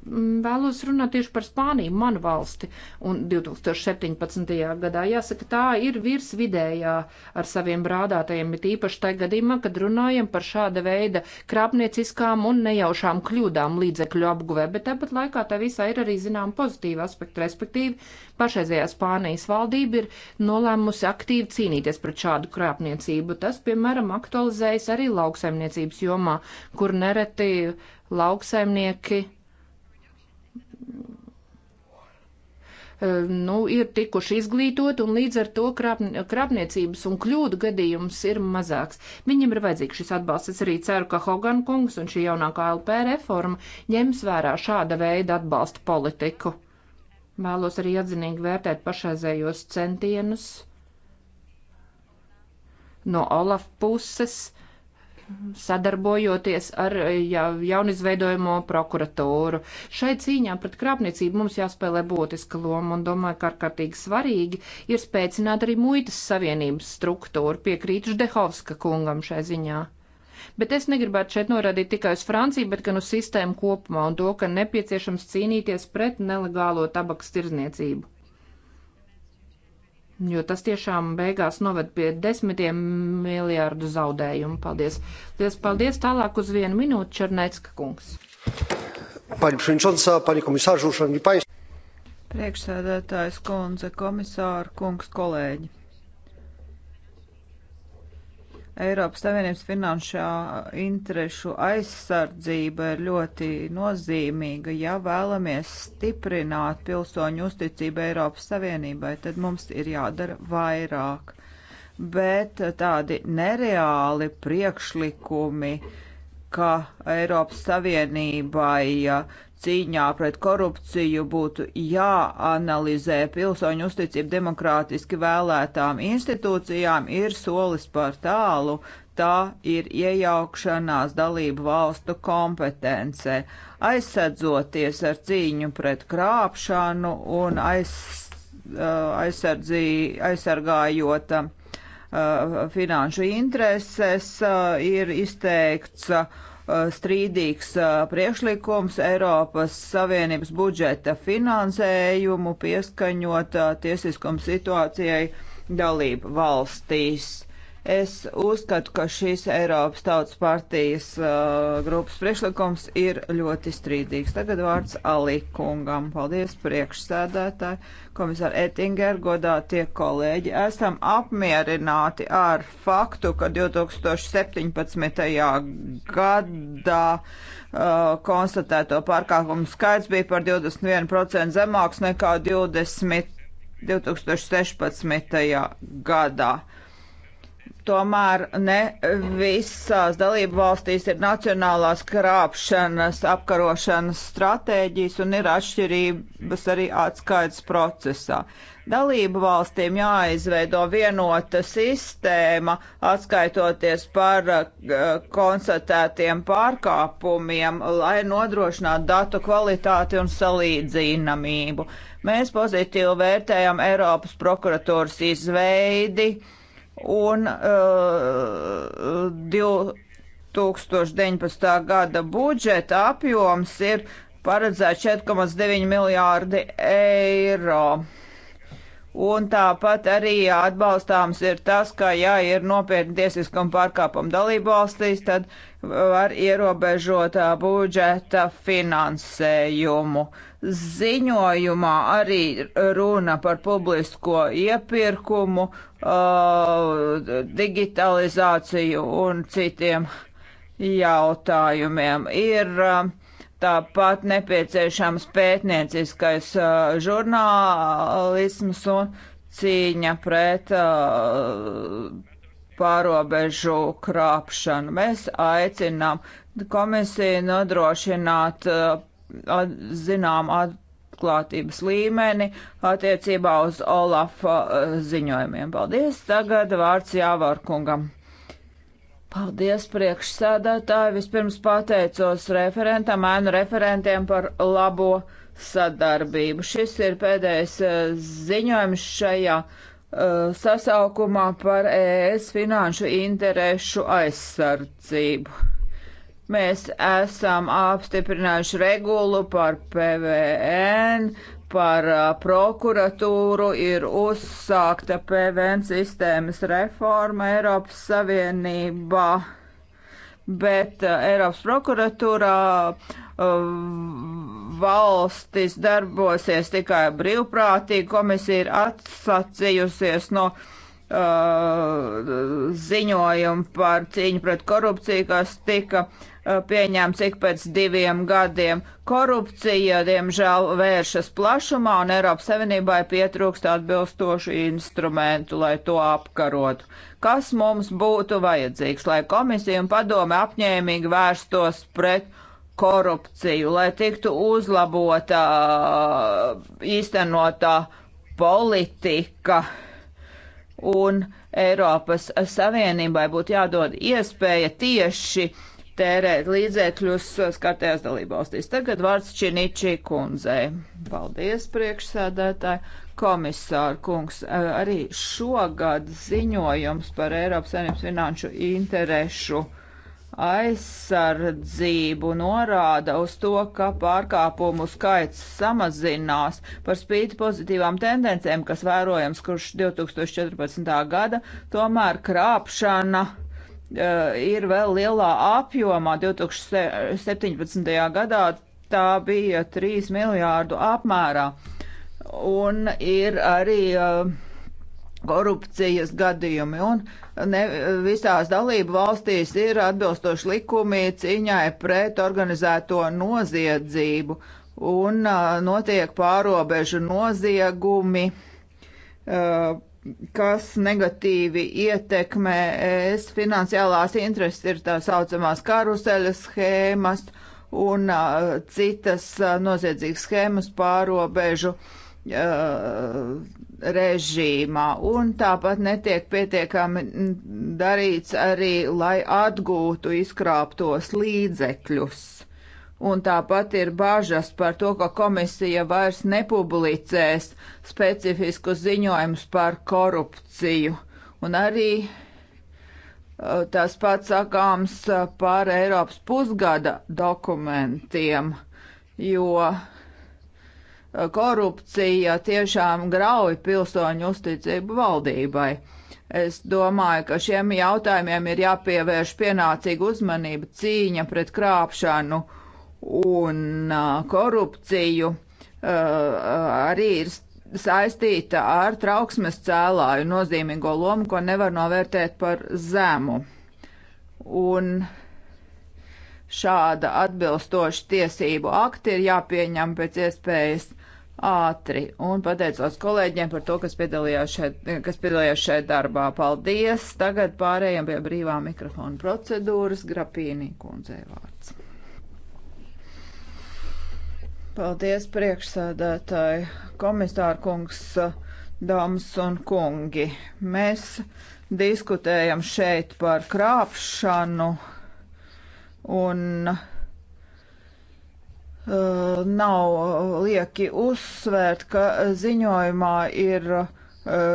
Mm, vēlos runāt tieši par Spāniju, manu valsti, un 2017. gadā, jāsaka, tā ir virs vidējā ar saviem brādātajiem, bet īpaši tajā gadījumā, kad runājam par šāda veida krāpnieciskām un nejaušām kļūdām līdzekļu apguvē, bet tāpat laikā tā visā ir arī zinām pozitīva aspekta, respektīvi pašreizējā Spānijas valdība ir nolēmusi aktīvi cīnīties pret šādu krāpniecību. Tas, piemēram, aktualizējas arī lauksaimniecības jomā, kur nereti lauksaimnieki nu, ir tikuši izglītoti, un līdz ar to krāp, krāpniecības un kļūdu gadījums ir mazāks. Viņam ir vajadzīgs šis atbalsts. Es arī ceru, ka Hogan kungs un šī jaunākā LP reforma ņems vērā šāda veida atbalsta politiku. Vēlos arī atzinīgi vērtēt pašreizējos centienus no Olaf puses sadarbojoties ar ja, jaunizveidojamo prokuratūru. Šai cīņā pret krāpniecību mums jāspēlē būtiska loma un domāju, ka ārkārtīgi svarīgi ir spēcināt arī muitas savienības struktūru. Piekrītu Ždehovska kungam šai ziņā. Bet es negribētu šeit norādīt tikai uz Franciju, bet gan uz sistēmu kopumā un to, ka nepieciešams cīnīties pret nelegālo tabaks tirzniecību jo tas tiešām beigās noved pie desmitiem miljārdu zaudējumu. Paldies! Lies, paldies! Tālāk uz vienu minūti Černecka kungs. Priekšsēdētājs kundze, komisāra kungs, kolēģi. Eiropas Savienības finanšā interešu aizsardzība ir ļoti nozīmīga. Ja vēlamies stiprināt pilsoņu uzticību Eiropas Savienībai, tad mums ir jādara vairāk. Bet tādi nereāli priekšlikumi, ka Eiropas Savienībai cīņā pret korupciju būtu jāanalizē pilsoņu uzticību demokrātiski vēlētām institūcijām, ir solis par tālu. Tā ir iejaukšanās dalību valstu kompetencē, aizsardzoties ar cīņu pret krāpšanu un aiz, uh, aizsardzī, aizsargājot uh, finanšu intereses, uh, ir izteikts Uh, strīdīgs uh, priekšlikums Eiropas Savienības budžeta finansējumu pieskaņot uh, tiesiskuma situācijai dalību valstīs. Es uzskatu, ka šīs Eiropas Tautas partijas uh, grupas priekšlikums ir ļoti strīdīgs. Tagad vārds Alikungam. Paldies, priekšsēdētāji, komisāri Ettinger, godā tie kolēģi. Esam apmierināti ar faktu, ka 2017. gadā uh, konstatēto pārkāpumu skaits bija par 21% zemāks nekā 20, 2016. gadā Tomēr ne visās dalību valstīs ir nacionālās krāpšanas, apkarošanas stratēģijas un ir atšķirības arī atskaits procesā. Dalību valstīm jāizveido vienota sistēma, atskaitoties par eh, konstatētiem pārkāpumiem, lai nodrošinātu datu kvalitāti un salīdzinamību. Mēs pozitīvi vērtējam Eiropas prokuratūras izveidi un uh, eh, 2019. gada budžeta apjoms ir paredzēts 4,9 miljārdi eiro. Un tāpat arī atbalstāms ir tas, ka, ja ir nopietni tiesiskam pārkāpumu dalību valstīs, tad var ierobežot eh, budžeta finansējumu. Uh, ziņojumā arī runa par publisko iepirkumu, uh, digitalizāciju un citiem jautājumiem. Ir uh, tāpat nepieciešams pētnieciskais uh, žurnālisms un cīņa pret uh, pārobežu krāpšanu. Mēs aicinām komisiju nodrošināt uh, zinām atklātības līmeni attiecībā uz Olafa uh, ziņojumiem. Paldies! Tagad vārds Jāvar kungam. Paldies priekšsēdētāji. Vispirms pateicos referentam, ēnu referentiem par labo sadarbību. Šis ir pēdējais uh, ziņojums šajā uh, sasaukumā par ES finanšu interešu aizsardzību. Mēs esam apstiprinājuši regulu par PVN, par prokuratūru, ir uzsākta PVN sistēmas reforma Eiropas Savienībā, bet Eiropas prokuratūrā valstis darbosies tikai brīvprātīgi, komisija ir atsacījusies no ziņojumu par cīņu pret korupciju, kas tika uh, Uh, pieņēmts ik pēc diviem gadiem. Korupcija, diemžēl, vēršas plašumā, un Eiropas Savienībai pietrūkst atbilstošu instrumentu, lai to apkarotu. Kas mums būtu vajadzīgs, lai komisija un padome apņēmīgi vērstos pret korupciju, lai tiktu uzlabota uh, īstenotā politika un Eiropas Savienībai būtu jādod iespēja tieši uh, tērēt līdzekļus skartajās dalībvalstīs. Tagad vārds Činičī kundzei. Paldies, priekšsēdētāji. Komisāra kungs, e, arī šogad ziņojums par Eiropas saimnības finanšu interešu aizsardzību norāda uz to, ka pārkāpumu skaits samazinās par spīti pozitīvām tendencēm, kas vērojams kurš 2014. gada, tomēr krāpšana Eh, ir vēl lielā apjomā. 2017. gadā tā bija 3 miljārdu apmērā. Un ir arī uh, korupcijas gadījumi, un ne, visās dalību valstīs ir atbilstoši likumi cīņai pret organizēto noziedzību, un uh, notiek pārobežu noziegumi. Uh, kas negatīvi ietekmē es finansiālās intereses, ir tā saucamās karuseļas schēmas un uh, citas uh, noziedzīgas schēmas pārobežu uh, režīmā. Un tāpat netiek pietiekami darīts arī, lai atgūtu izkrāptos līdzekļus. Un tāpat ir bažas par to, ka komisija vairs nepublicēs specifiskus ziņojumus par korupciju. Un arī uh, tas pats sakāms uh, par Eiropas pusgada dokumentiem, jo uh, korupcija tiešām grauj pilsoņu uzticību valdībai. Es domāju, ka šiem jautājumiem ir jāpievērš pienācīga uzmanība cīņa pret krāpšanu un korupciju arī ir saistīta ar trauksmes cēlāju nozīmīgo lomu, ko nevar novērtēt par zemu. Un šāda atbilstoša tiesību akti ir jāpieņem pēc iespējas ātri. Un pateicos kolēģiem par to, kas piedalījās šeit, kas piedalījās šeit darbā. Paldies! Tagad pārējām pie brīvā mikrofona procedūras. Grapīnī kundzei vārds. Paldies, priekšsēdētāji, komisārkungs, dāmas un kungi. Mēs diskutējam šeit par krāpšanu un uh, nav lieki uzsvērt, ka ziņojumā ir uh,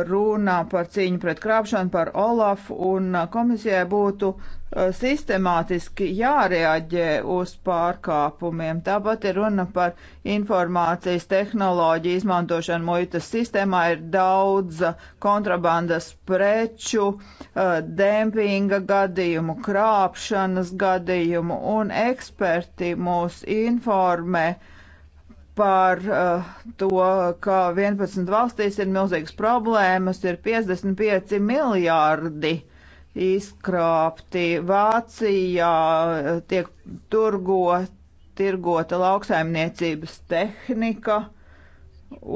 runā par cīņu pret krāpšanu, par Olafu, un komisijai būtu e, sistemātiski jārēģē uz pārkāpumiem. Tāpat ir runa par informācijas tehnoloģiju izmantošanu muitas sistēmā, ir daudz kontrabandas preču, e, dempinga gadījumu, krāpšanas gadījumu, un eksperti mūs informē, par uh, to, ka 11 valstīs ir milzīgas problēmas, ir 55 miljārdi izkrāpti. Vācijā eh, tiek turgo, tirgota lauksaimniecības tehnika,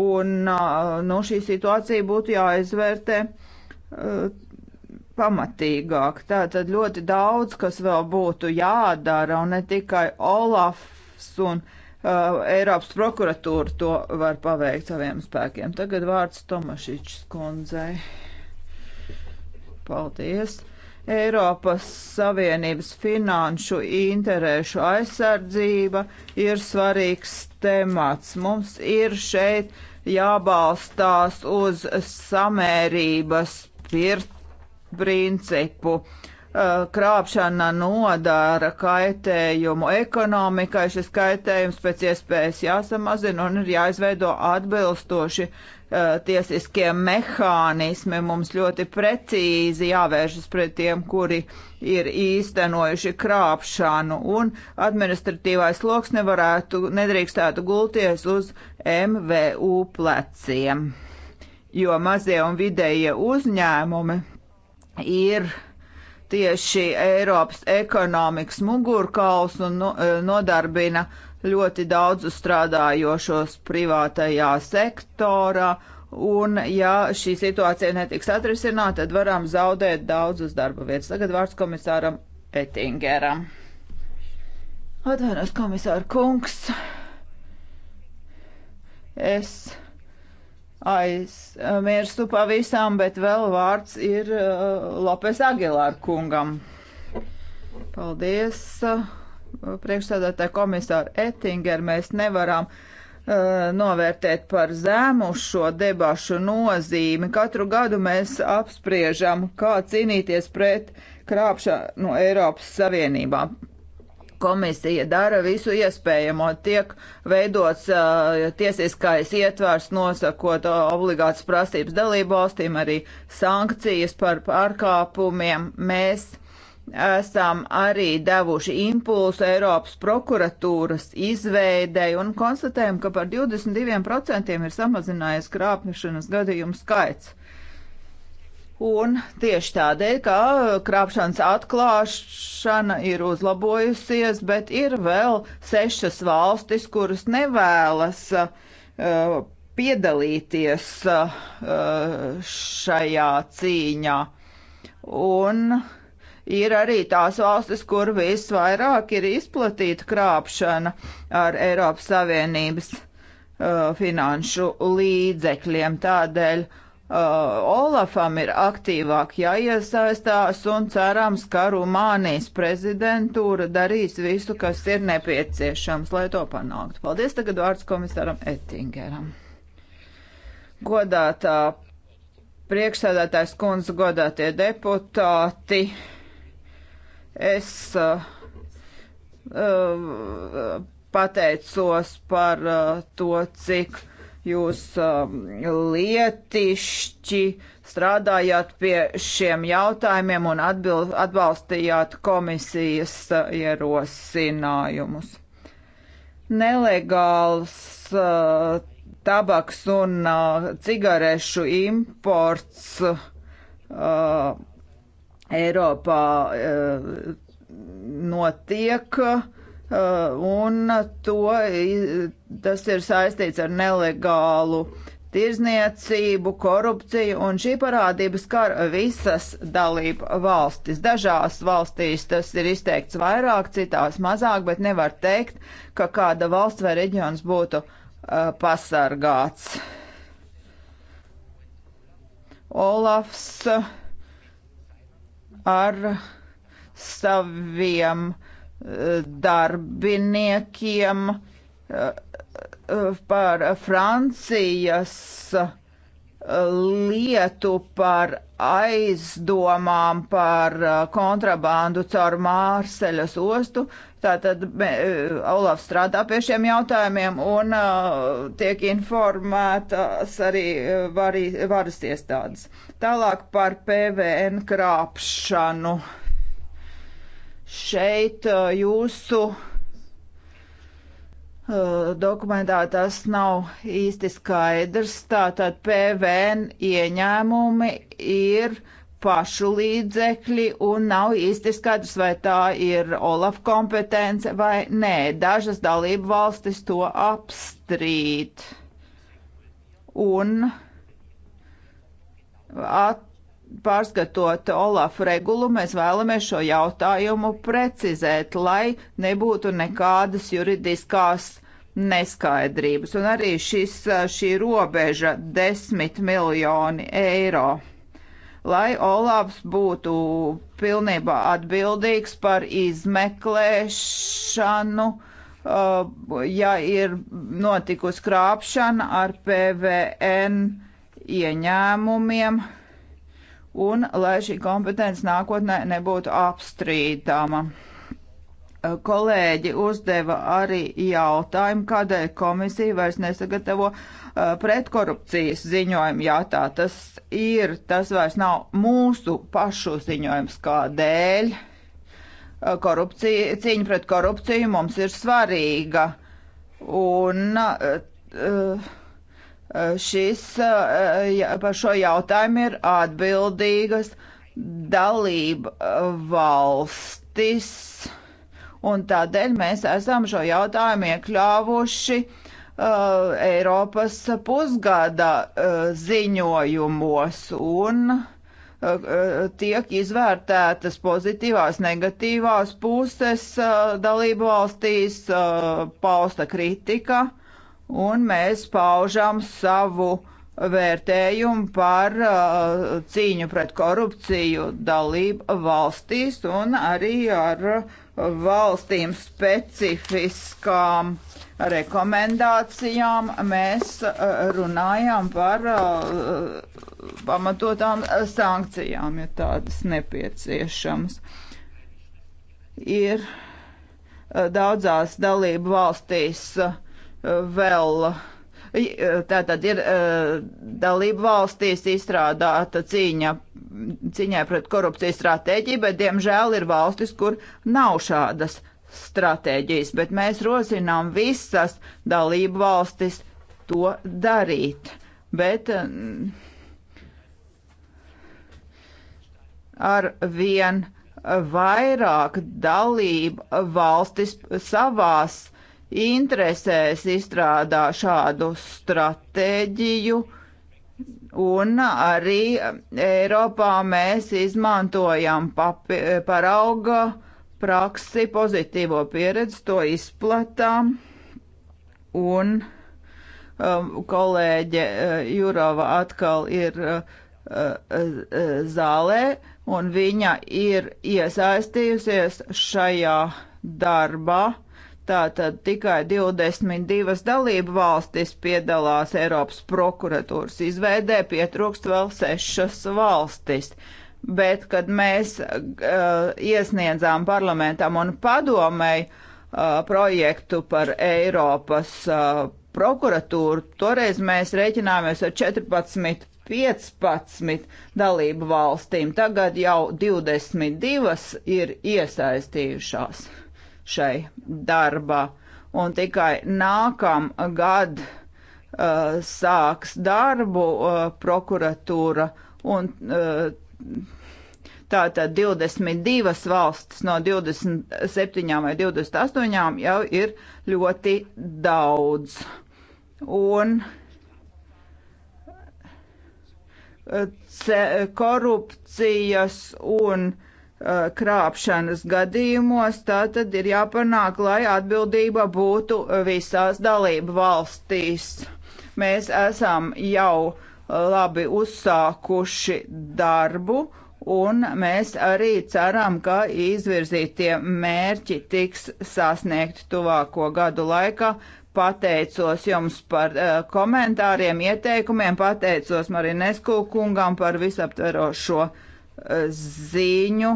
un uh, nu, šī situācija būtu jāizvērtē. Uh, pamatīgāk. Tātad ļoti daudz, kas vēl būtu jādara, un ne tikai Olafs un uh, Uh, Eiropas prokuratūra to var paveikt saviem spēkiem. Tagad vārds Tomašičs kundzei. Paldies! Eiropas Savienības finanšu interešu aizsardzība ir svarīgs temats. Mums ir šeit jābalstās uz samērības principu. Eh, krāpšana nodara kaitējumu ekonomikai. Šis kaitējums pēc iespējas jāsamazina un ir jāizveido atbilstoši uh, tiesiskie mehānismi. Mums ļoti precīzi jāvēršas pret tiem, kuri ir īstenojuši krāpšanu, un administratīvais sloks nevarētu, nedrīkstētu gulties uz MVU pleciem, jo mazie un vidējie uzņēmumi ir tieši Eiropas ekonomikas mugurkauls un nu, e, nodarbina ļoti daudzu strādājošos privātajā sektorā. Un, ja šī situācija netiks atrisināta, tad varam zaudēt daudzus darba vietas. Tagad vārds komisāram Ettingeram. Atvainojos, komisāra kungs. Es aizmirstu pavisam, bet vēl vārds ir uh, Lopes Agilāra kungam. Paldies, uh, priekšsēdētāja komisāra Ettinger, mēs nevaram uh, novērtēt par zemu šo debašu nozīmi. Katru gadu mēs apspriežam, kā cīnīties pret krāpšanu no Eiropas Savienībā. Komisija dara visu iespējamo, tiek veidots uh, tiesiskais ietvars, nosakot uh, obligātas prasības dalību valstīm, arī sankcijas par pārkāpumiem. Mēs esam arī devuši impulsu Eiropas prokuratūras izveidei un konstatējam, ka par 22% ir samazinājies krāpniešanas gadījumu skaits. Un tieši tādēļ, ka uh, krāpšanas atklāšana ir uzlabojusies, bet ir vēl sešas valstis, kuras nevēlas uh, piedalīties uh, šajā cīņā. Un ir arī tās valstis, kur visvairāk ir izplatīta krāpšana ar Eiropas Savienības uh, finanšu līdzekļiem. Tādēļ uh, Uh, Olafam ir aktīvāk jāiesaistās un cerams, ka Rumānijas prezidentūra darīs visu, kas ir nepieciešams, lai to panāktu. Paldies tagad vārds komisāram Ettingeram. Godātā priekšsēdētājs kundze, godātie deputāti, es uh, uh, pateicos par uh, to, cik jūs um, lietišķi strādājāt pie šiem jautājumiem un atbild, atbalstījāt komisijas uh, ierosinājumus. Nelegāls uh, tabaks un uh, cigarešu imports Eiropā notiek Uh, un to, tas ir saistīts ar nelegālu tirzniecību, korupciju, un šī parādība skar visas dalību valstis. Dažās valstīs tas ir izteikts vairāk, citās mazāk, bet nevar teikt, ka kāda valsts vai reģions būtu uh, pasargāts. Olafs ar saviem uh, darbiniekiem par Francijas lietu par aizdomām par kontrabandu caur Mārseļas ostu. Tātad Olafs strādā pie šiem jautājumiem un uh, tiek informētas arī uh, varī, varas iestādes. Tālāk par PVN krāpšanu. Uh, šeit uh, jūsu uh, dokumentā tas nav īsti skaidrs. Tātad PVN ieņēmumi ir pašu līdzekļi un nav īsti skaidrs, vai tā ir Olaf kompetence vai nē. Dažas dalību valstis to apstrīd. Un at pārskatot Olafu regulu, mēs vēlamies šo jautājumu precizēt, lai nebūtu nekādas juridiskās neskaidrības. Un arī šis, šī robeža - 10 miljoni eiro. Lai Olafs būtu pilnībā atbildīgs par izmeklēšanu, uh, ja ir notikusi krāpšana ar PVN ieņēmumiem, un lai šī kompetence nākotnē nebūtu apstrīdama. Kolēģi uzdeva arī jautājumu, kādēļ komisija vairs nesagatavo pretkorupcijas ziņojumu. Jā, tā tas ir, tas vairs nav mūsu pašu ziņojums, kādēļ korupcija, cīņa pret korupciju mums ir svarīga. Un, uh, uh, Eh, šis eh, par šo jautājumu ir atbildīgas dalība eh, valstis, un tādēļ mēs esam šo jautājumu iekļāvuši uh, Eiropas pusgada uh, ziņojumos un tiek izvērtētas pozitīvās, negatīvās puses dalību valstīs, pausta kritika un mēs paužam savu vērtējumu par uh, cīņu pret korupciju dalību valstīs un arī ar valstīm specifiskām rekomendācijām mēs uh, runājam par uh, pamatotām sankcijām, ja tādas nepieciešamas. Ir uh, daudzās dalību valstīs uh, vēl. Tātad ir e, dalību valstīs izstrādāta cīņa, cīņai pret korupciju stratēģija, bet diemžēl ir valstis, kur nav šādas stratēģijas, bet mēs rosinām visas dalību valstis to darīt. Bet mm, ar vien vairāk dalību valstis savās uh, interesēs izstrādā šādu stratēģiju. Un arī Eiropā mēs izmantojam papi, parauga praksi, pozitīvo pieredzi, to izplatām. Un um, kolēģe uh, Jurova atkal ir uh, uh, zālē, un viņa ir iesaistījusies šajā darbā. Uh, Tātad tikai 22 dalību valstis piedalās Eiropas prokuratūras izveidē, pietrūkst vēl sešas valstis. Bet, kad mēs uh, iesniedzām parlamentam un padomēji uh, projektu par Eiropas uh, prokuratūru, toreiz mēs rēķinājāmies ar 14 15 dalību valstīm, tagad jau 22 ir iesaistījušās šai darbā. Un tikai nākamgad uh, sāks darbu uh, prokuratūra un uh, tātad 22 valstis no 27 vai 28 jau ir ļoti daudz. Un uh, korupcijas un uh, Eh, krāpšanas gadījumos, tātad ir jāpanāk, lai atbildība būtu visās dalību valstīs. Mēs esam jau eh, labi uzsākuši darbu, un mēs arī ceram, ka izvirzītie mērķi tiks sasniegti tuvāko gadu laikā. Pateicos jums par uh, komentāriem, ieteikumiem, pateicos Marinesku kungam par visaptverošo ziņu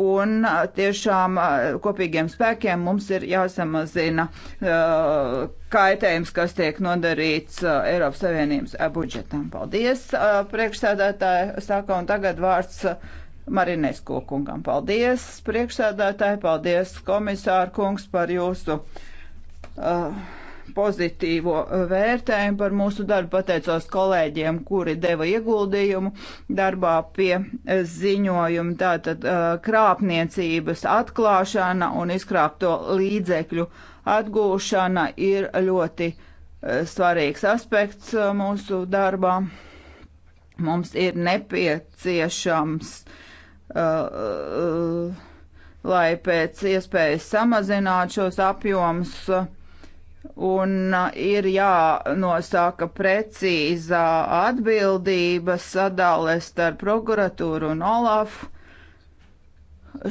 Un tiešām kopīgiem spēkiem mums ir jāsamazina uh, kaitējums, kas tiek nodarīts uh, Eiropas Savienības budžetam. Paldies, uh, priekšsēdētāji, saka, un tagad vārds Marinesko kungam. Paldies, priekšsēdētāji, paldies, komisāra kungs, par jūsu. Uh, pozitīvo uh, vērtējumu par mūsu darbu. Pateicos kolēģiem, kuri deva ieguldījumu darbā pie uh, ziņojuma. Tātad uh, krāpniecības atklāšana un izkrāpto līdzekļu atgūšana ir ļoti svarīgs aspekts mūsu darbā. Mums ir nepieciešams, uh, uh, lai pēc iespējas samazinātu šos apjomus. Uh, un ir jānosaka precīzā atbildības sadale starp prokuratūru un Olafu.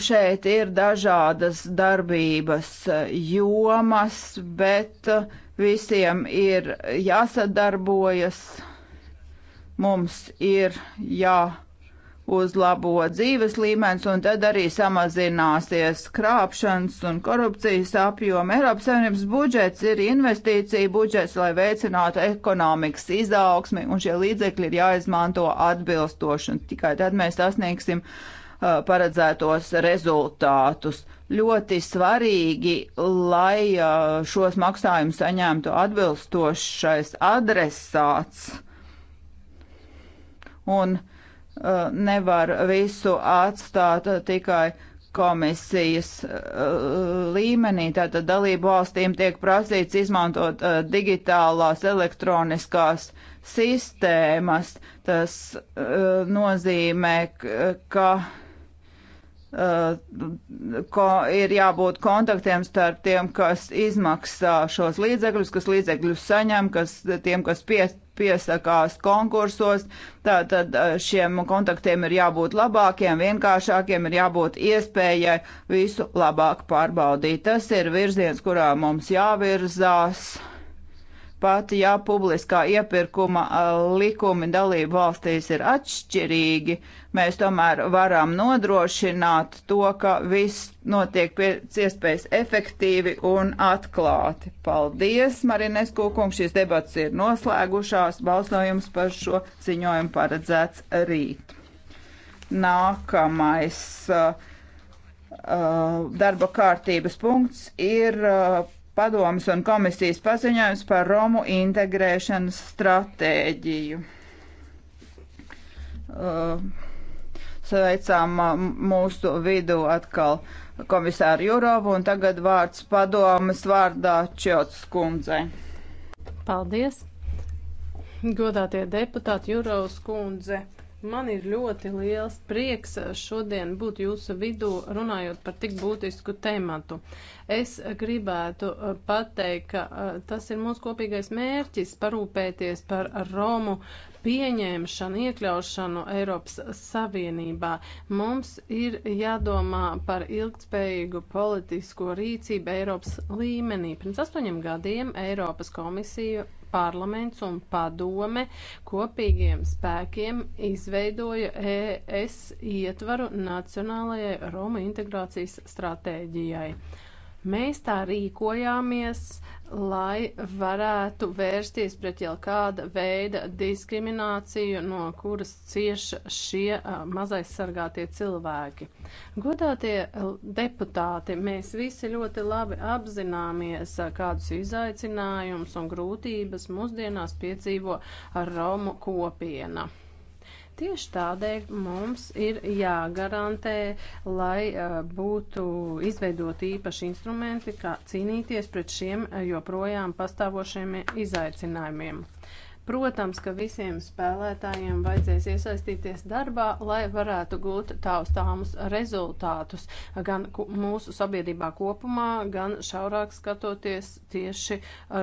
Šeit ir dažādas darbības jomas, bet visiem ir jāsadarbojas. Mums ir jā. Ja uzlabo dzīves līmenis, un tad arī samazināsies krāpšanas un korupcijas apjoma. Eiropas Savienības budžets ir investīcija budžets, lai veicinātu ekonomikas izaugsmi, un šie līdzekļi ir jāizmanto atbilstoši, un tikai tad mēs sasniegsim uh, paredzētos rezultātus. Ļoti svarīgi, lai uh, šos maksājumus saņemtu atbilstošais adresāts. Un uh, Eh, nevar visu atstāt eh, tikai komisijas eh, līmenī. Tātad dalību valstīm tiek prasīts izmantot digitālās elektroniskās sistēmas. Tas nozīmē, ka ko, ir jābūt kontaktiem starp tiem, kas izmaksā šos līdzekļus, kas līdzekļus saņem, kas tiem, kas pie, piesakās konkursos, tātad šiem kontaktiem ir jābūt labākiem, vienkāršākiem, ir jābūt iespējai visu labāk pārbaudīt. Tas ir virziens, kurā mums jāvirzās. Tāpat, ja publiskā iepirkuma likumi dalību valstīs ir atšķirīgi, mēs tomēr varam nodrošināt to, ka viss notiek pēc iespējas efektīvi un atklāti. Paldies, Marines Kūkungs, šīs debats ir noslēgušās, balsojums par šo ziņojumu paredzēts rīt. Nākamais uh, darba kārtības punkts ir uh, padomas un komisijas paziņojums par Romu integrēšanas stratēģiju. Uh, sveicām uh, mūsu vidū atkal komisāru Jurovu un tagad vārds padomas vārdā Čiots kundzei. Paldies! Godātie deputāti Jurovs kundze! Man ir ļoti liels prieks eh, šodien būt jūsu vidū, runājot par tik būtisku tematu. Es gribētu eh, pateikt, ka eh, tas ir mūsu kopīgais mērķis parūpēties par Romu pieņemšanu, iekļaušanu Eiropas Savienībā. Mums ir jādomā par ilgtspējīgu politisko rīcību Eiropas līmenī. Pirms astoņiem gadiem Eiropas komisija parlaments un padome kopīgiem spēkiem izveidoja ES ietvaru nacionālajai Roma integrācijas stratēģijai. Mēs tā rīkojāmies, lai varētu vērsties pret jau kāda veida diskrimināciju, no kuras cieši šie mazais sargātie cilvēki. Godātie deputāti, mēs visi ļoti labi apzināmies, kādus izaicinājumus un grūtības mūsdienās piedzīvo Romu kopiena. Tieši tādēļ mums ir jāgarantē, lai eh, būtu izveidot īpaši instrumenti, kā cīnīties pret šiem eh, joprojām pastāvošiem izaicinājumiem. Protams, ka visiem spēlētājiem vajadzēs iesaistīties darbā, lai varētu gūt taustāmus rezultātus gan mūsu sabiedrībā kopumā, gan šaurāk skatoties tieši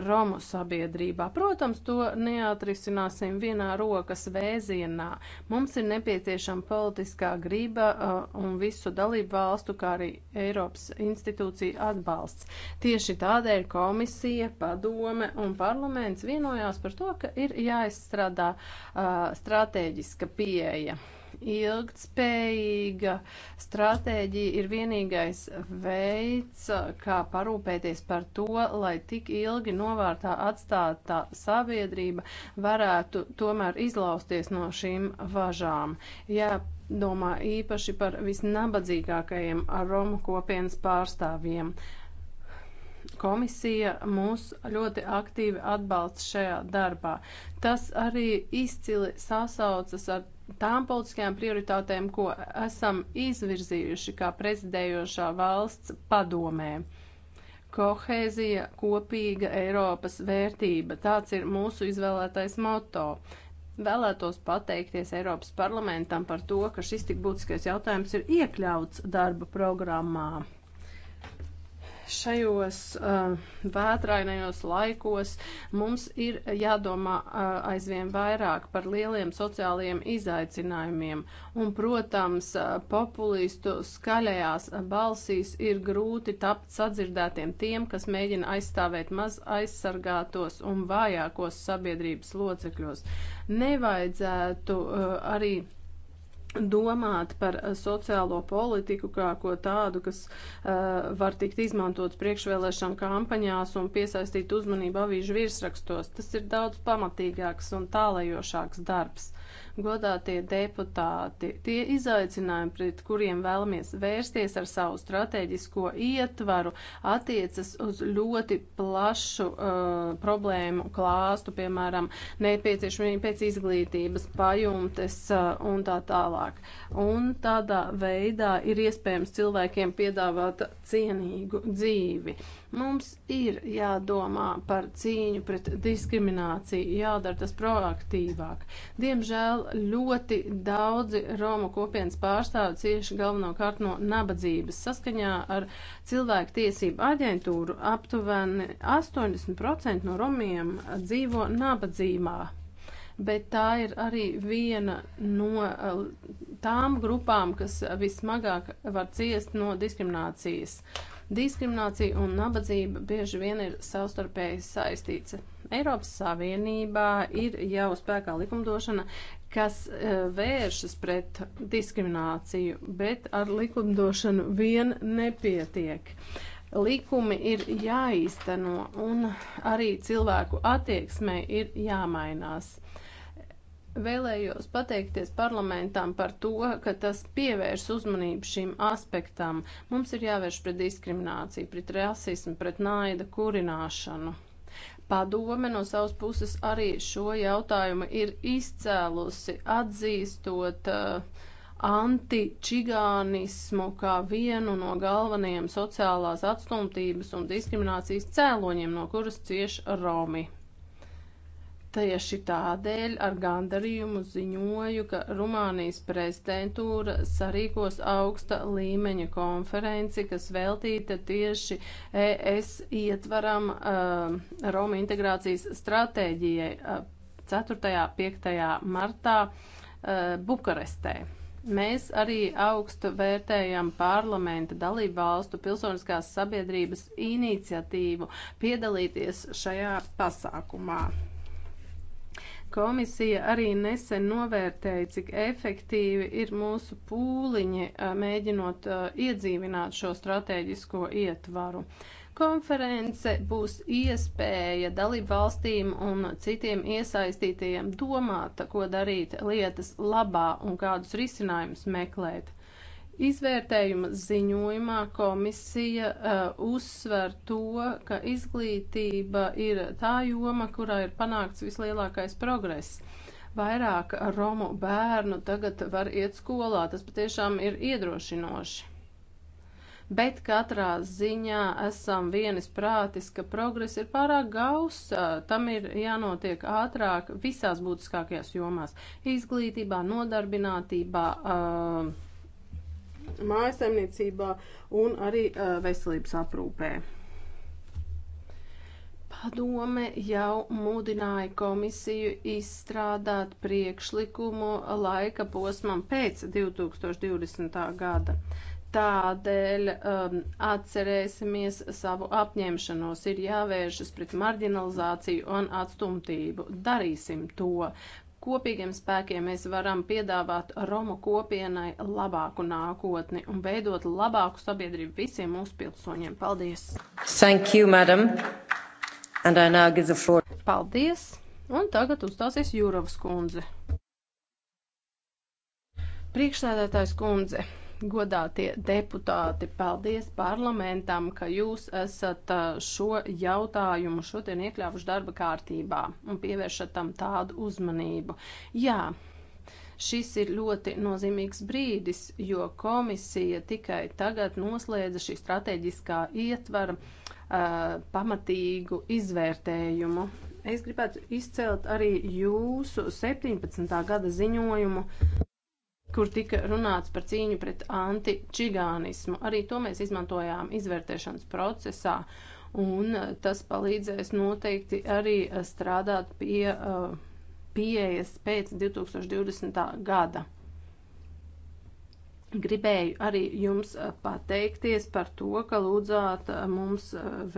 Romu sabiedrībā. Protams, to neatrisināsim vienā rokas vēzienā. Mums ir nepieciešama politiskā grība uh, un visu dalību valstu, kā arī Eiropas institūciju atbalsts. Tieši tādēļ komisija, padome un parlaments vienojās par to, ka ir ir jāizstrādā uh, stratēģiska pieeja. Ilgtspējīga stratēģija ir vienīgais veids, kā parūpēties par to, lai tik ilgi novārtā atstātā sabiedrība varētu tomēr izlausties no šīm važām. Jā, domā īpaši par visnabadzīgākajiem Romu kopienas pārstāvjiem. Uh, komisija mūs ļoti aktīvi atbalsta šajā darbā. Tas arī izcili sasaucas ar tām politiskajām prioritātēm, ko esam izvirzījuši kā prezidējošā valsts padomē. Kohēzija, kopīga Eiropas vērtība - tāds ir mūsu izvēlētais moto. Vēlētos pateikties Eiropas parlamentam par to, ka šis tik būtiskais jautājums ir iekļauts darba programmā šajos uh, vētrainajos laikos mums ir jādomā uh, aizvien vairāk par lieliem sociālajiem izaicinājumiem. Un, protams, uh, populistu skaļajās balsīs ir grūti tapt sadzirdētiem tiem, kas mēģina aizstāvēt maz aizsargātos un vājākos sabiedrības locekļos. Nevajadzētu uh, arī domāt par eh, sociālo politiku kā ko tādu, kas uh, var tikt izmantots priekšvēlēšana kampaņās un piesaistīt uzmanību avīžu virsrakstos. Tas ir daudz pamatīgāks un tālajošāks darbs godātie deputāti, tie izaicinājumi, pret kuriem vēlamies vērsties ar savu strateģisko ietvaru, attiecas uz ļoti plašu uh, problēmu klāstu, piemēram, nepieciešamību pēc izglītības, pajumtes uh, un tā tālāk. Un tādā veidā ir iespējams cilvēkiem piedāvāt cienīgu dzīvi. Uh, Mums ir jādomā par cīņu pret diskrimināciju, jādara tas proaktīvāk. Diemžēl ļoti daudzi Romu kopienas pārstāvi cieši galvenokārt no nabadzības. Saskaņā ar cilvēku tiesību aģentūru aptuveni 80% no Romiem dzīvo nabadzībā bet tā ir arī viena no eh, tām grupām, kas vismagāk var ciest no diskriminācijas. Uh, Diskriminācija un nabadzība bieži vien ir savstarpēji saistīts. Eiropas Savienībā ir jau spēkā likumdošana, kas eh, vēršas pret diskrimināciju, bet ar likumdošanu vien nepietiek. Likumi ir jāīsteno un arī cilvēku attieksmei ir jāmainās. Uh, Vēlējos pateikties parlamentam par to, ka tas pievērs uzmanību šim aspektam. Mums ir jāvērš pret diskrimināciju, pret rasismu, pret naida kurināšanu. Padome no savas puses arī šo jautājumu ir izcēlusi, atzīstot uh, antičigānismu kā vienu no galvenajiem sociālās atstumtības un diskriminācijas cēloņiem, no kuras cieš Romi. Tieši tādēļ ar gandarījumu ziņoju, ka Rumānijas prezidentūra sarīkos augsta līmeņa konferenci, kas veltīta tieši ES ietvaram uh, Roma integrācijas stratēģijai uh, 4. 5. martā uh, Bukarestē. Mēs arī augstu vērtējam parlamenta dalību valstu pilsoniskās sabiedrības iniciatīvu piedalīties šajā pasākumā. Komisija arī nesen novērtēja, cik efektīvi ir mūsu pūliņi, mēģinot iedzīvināt šo strateģisko ietvaru. Konference būs iespēja dalību valstīm un citiem iesaistītajiem domāt, ko darīt lietas labā un kādus risinājumus meklēt. Izvērtējuma ziņojumā komisija uh, uzsver to, ka izglītība ir tā joma, kurā ir panākts vislielākais progress. Vairāk romu bērnu tagad var iet skolā, tas patiešām ir iedrošinoši. Bet katrā ziņā esam vienis prātis, ka progress ir pārāk gaus, uh, tam ir jānotiek ātrāk visās būtiskākajās jomās - izglītībā, nodarbinātībā. Uh, mājasemniecībā un arī veselības aprūpē. Padome jau mudināja komisiju izstrādāt priekšlikumu laika posmam pēc 2020. gada. Tādēļ um, atcerēsimies savu apņemšanos, ir jāvēršas pret marginalizāciju un atstumtību. Darīsim to. Kopīgiem spēkiem mēs varam piedāvāt Romu kopienai labāku nākotni un veidot labāku sabiedrību visiem mūsu pilsoņiem. Paldies! Thank you, madam. And I now give the floor. Paldies! Un tagad uzstāsies Jūrovas kundze. Priekšsēdētājs kundze. Godātie deputāti, paldies parlamentam, ka jūs esat uh, šo jautājumu šodien iekļāvuši darba kārtībā un pievēršat tam tādu uzmanību. Jā, šis ir ļoti nozīmīgs brīdis, jo komisija tikai tagad noslēdza šī strateģiskā ietvara uh, pamatīgu izvērtējumu. Es gribētu izcelt arī jūsu 17. gada ziņojumu kur tika runāts par cīņu pret antičigānismu. Arī to mēs izmantojām izvērtēšanas procesā, un uh, tas palīdzēs noteikti arī uh, strādāt pie uh, pieejas pēc 2020. gada. Gribēju arī jums pateikties par to, ka lūdzāt mums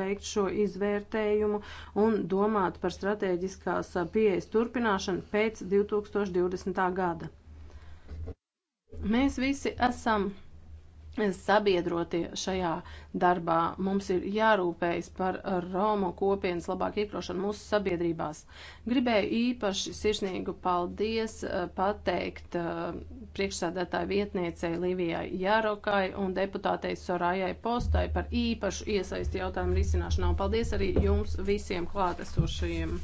veikt šo izvērtējumu un domāt par strateģiskās pieejas turpināšanu pēc 2020. gada. Mēs visi esam sabiedrotie šajā darbā. Mums ir jārūpējas par Romu kopienas labāku iekļaušanu mūsu sabiedrībās. Gribēju īpaši sirsnīgu paldies eh, pateikt eh, priekšsādātāju vietniecei Livijai Jārokai un deputātei Sorājai Postai par īpašu iesaisti jautājumu risināšanā. Un paldies arī jums visiem klātesošajiem.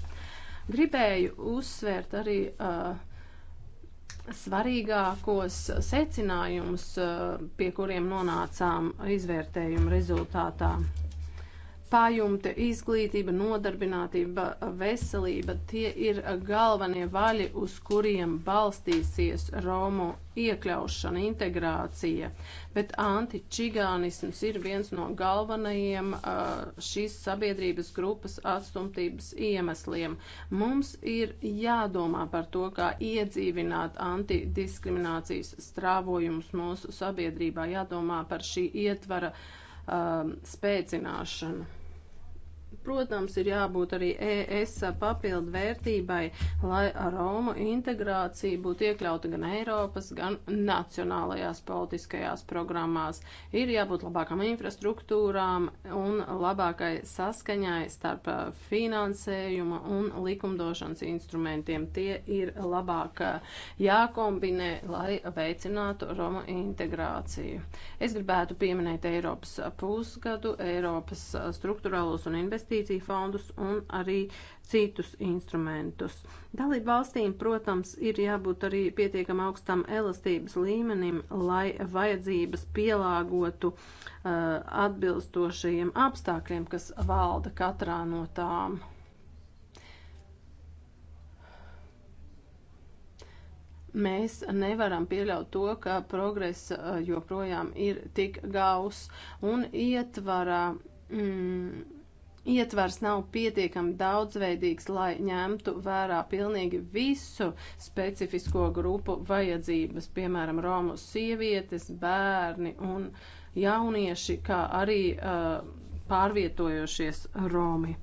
Gribēju uzsvērt arī uh, svarīgākos secinājumus, pie kuriem nonācām izvērtējuma rezultātā pajumte, izglītība, nodarbinātība, veselība - tie ir galvenie vaļi, uz kuriem balstīsies Romu iekļaušana, integrācija. Bet antičigānisms ir viens no galvenajiem uh, šīs sabiedrības grupas atstumtības iemesliem. Mums ir jādomā par to, kā iedzīvināt antidiskriminācijas strāvojumus mūsu sabiedrībā, jādomā par šī ietvara um, spēcināšanu. Protams, ir jābūt arī ES papildu vērtībai, lai Romu integrācija būtu iekļauta gan Eiropas, gan nacionālajās politiskajās programmās. Ir jābūt labākām infrastruktūrām un labākai saskaņai starp uh, finansējuma un likumdošanas instrumentiem. Tie ir labāk uh, jākombinē, lai veicinātu Romu integrāciju. Es gribētu pieminēt Eiropas pusgadu, Eiropas uh, struktūrālos un investīciju investīciju fondus un arī citus instrumentus. Dalību valstīm, protams, ir jābūt arī pietiekam augstam elastības līmenim, lai vajadzības pielāgotu uh, atbilstošajiem apstākļiem, kas valda katrā no tām. Mēs nevaram pieļaut to, ka progress uh, joprojām ir tik gaus un ietvarā. Mm, ietvars nav pietiekami daudzveidīgs, lai ņemtu vērā pilnīgi visu specifisko grupu vajadzības, piemēram, Romu sievietes, bērni un jaunieši, kā arī uh, pārvietojošies Romi.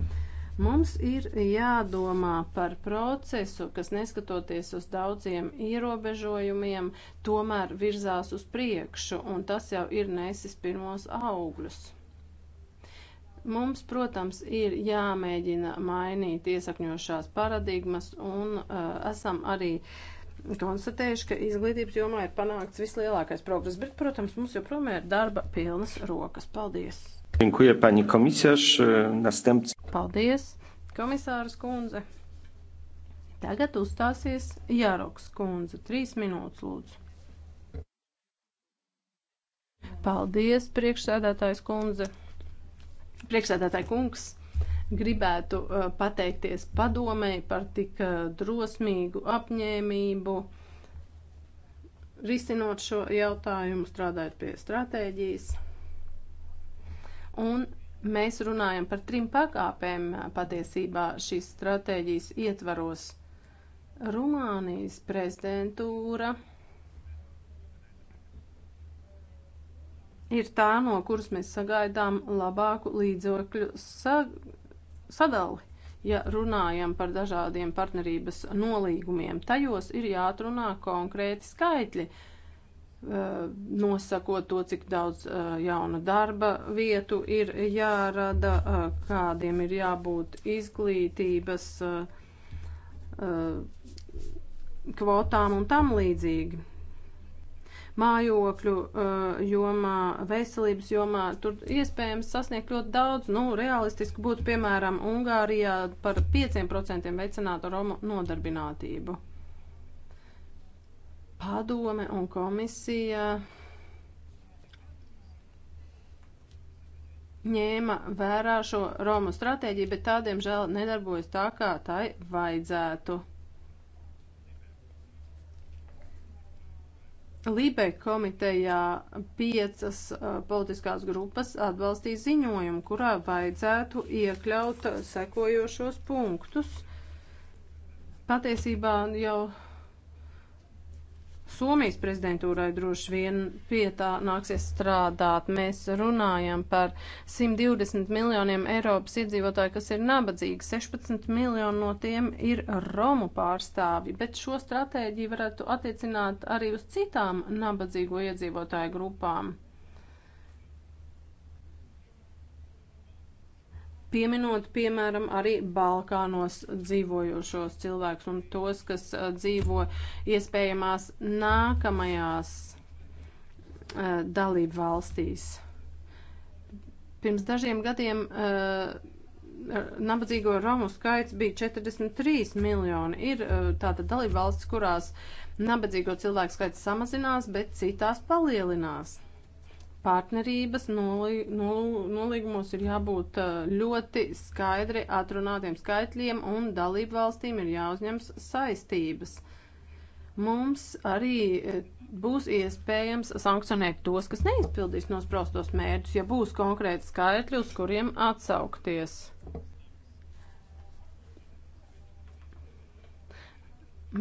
Mums ir jādomā par procesu, kas neskatoties uz daudziem ierobežojumiem, tomēr virzās uz priekšu, un tas jau ir nesis pirmos augļus. Mums, protams, ir jāmēģina mainīt iesakņošās paradigmas un uh, esam arī konstatējuši, ka izglītības jomā ir panākts vislielākais progress, bet, protams, mums joprojām ir darba pilnas rokas. Paldies! Dziękuję pani komisarz. E, następcy. Paldies, komisārs kundze. Tagad uzstāsies Jāroks kundze. Trīs minūtes lūdzu. Paldies, priekšsēdētājs kundze. Priekšsēdētāji kungs, gribētu uh, pateikties padomēji par tik uh, drosmīgu apņēmību, risinot šo jautājumu, strādājot pie stratēģijas. Un mēs runājam par trim pakāpēm uh, patiesībā šīs stratēģijas ietvaros. Rumānijas prezidentūra ir tā, no kuras mēs sagaidām labāku līdzokļu sa sadali. Ja runājam par dažādiem partnerības nolīgumiem, tajos ir jāatrunā konkrēti skaitļi, eh, nosakot to, cik daudz eh, jauna darba vietu ir jārada, eh, kādiem ir jābūt izglītības kvotām un tam līdzīgi mājokļu uh, jomā, veselības jomā. Tur iespējams sasniegt ļoti daudz. Nu, realistiski būtu, piemēram, Ungārijā par 5% veicinātu Romu nodarbinātību. Padome un komisija ņēma vērā šo Romu stratēģiju, bet tādiem žēl nedarbojas tā, kā tai vajadzētu. Libē komitejā piecas uh, politiskās grupas atbalstīja ziņojumu, kurā vajadzētu iekļaut sekojošos punktus. Patiesībā jau Somijas prezidentūrai droši vien pie tā nāksies strādāt. Mēs runājam par 120 miljoniem Eiropas iedzīvotāju, kas ir nabadzīgi. 16 miljoni no tiem ir Romu pārstāvi, bet šo stratēģiju varētu attiecināt arī uz citām nabadzīgo iedzīvotāju grupām. pieminot, piemēram, arī Balkānos dzīvojošos cilvēkus un tos, kas dzīvo iespējamās nākamajās dalību valstīs. Pirms dažiem gadiem nabadzīgo romu skaits bija 43 miljoni. Ir tātad dalību valsts, kurās nabadzīgo cilvēku skaits samazinās, bet citās palielinās partnerības nolīgumos ir jābūt uh, ļoti skaidri atrunātiem skaitļiem un dalību valstīm ir jāuzņems saistības. Mums arī uh, būs iespējams sankcionēt tos, kas neizpildīs nospraustos mērķus, ja būs konkrēti skaitļi, uz kuriem atsaukties.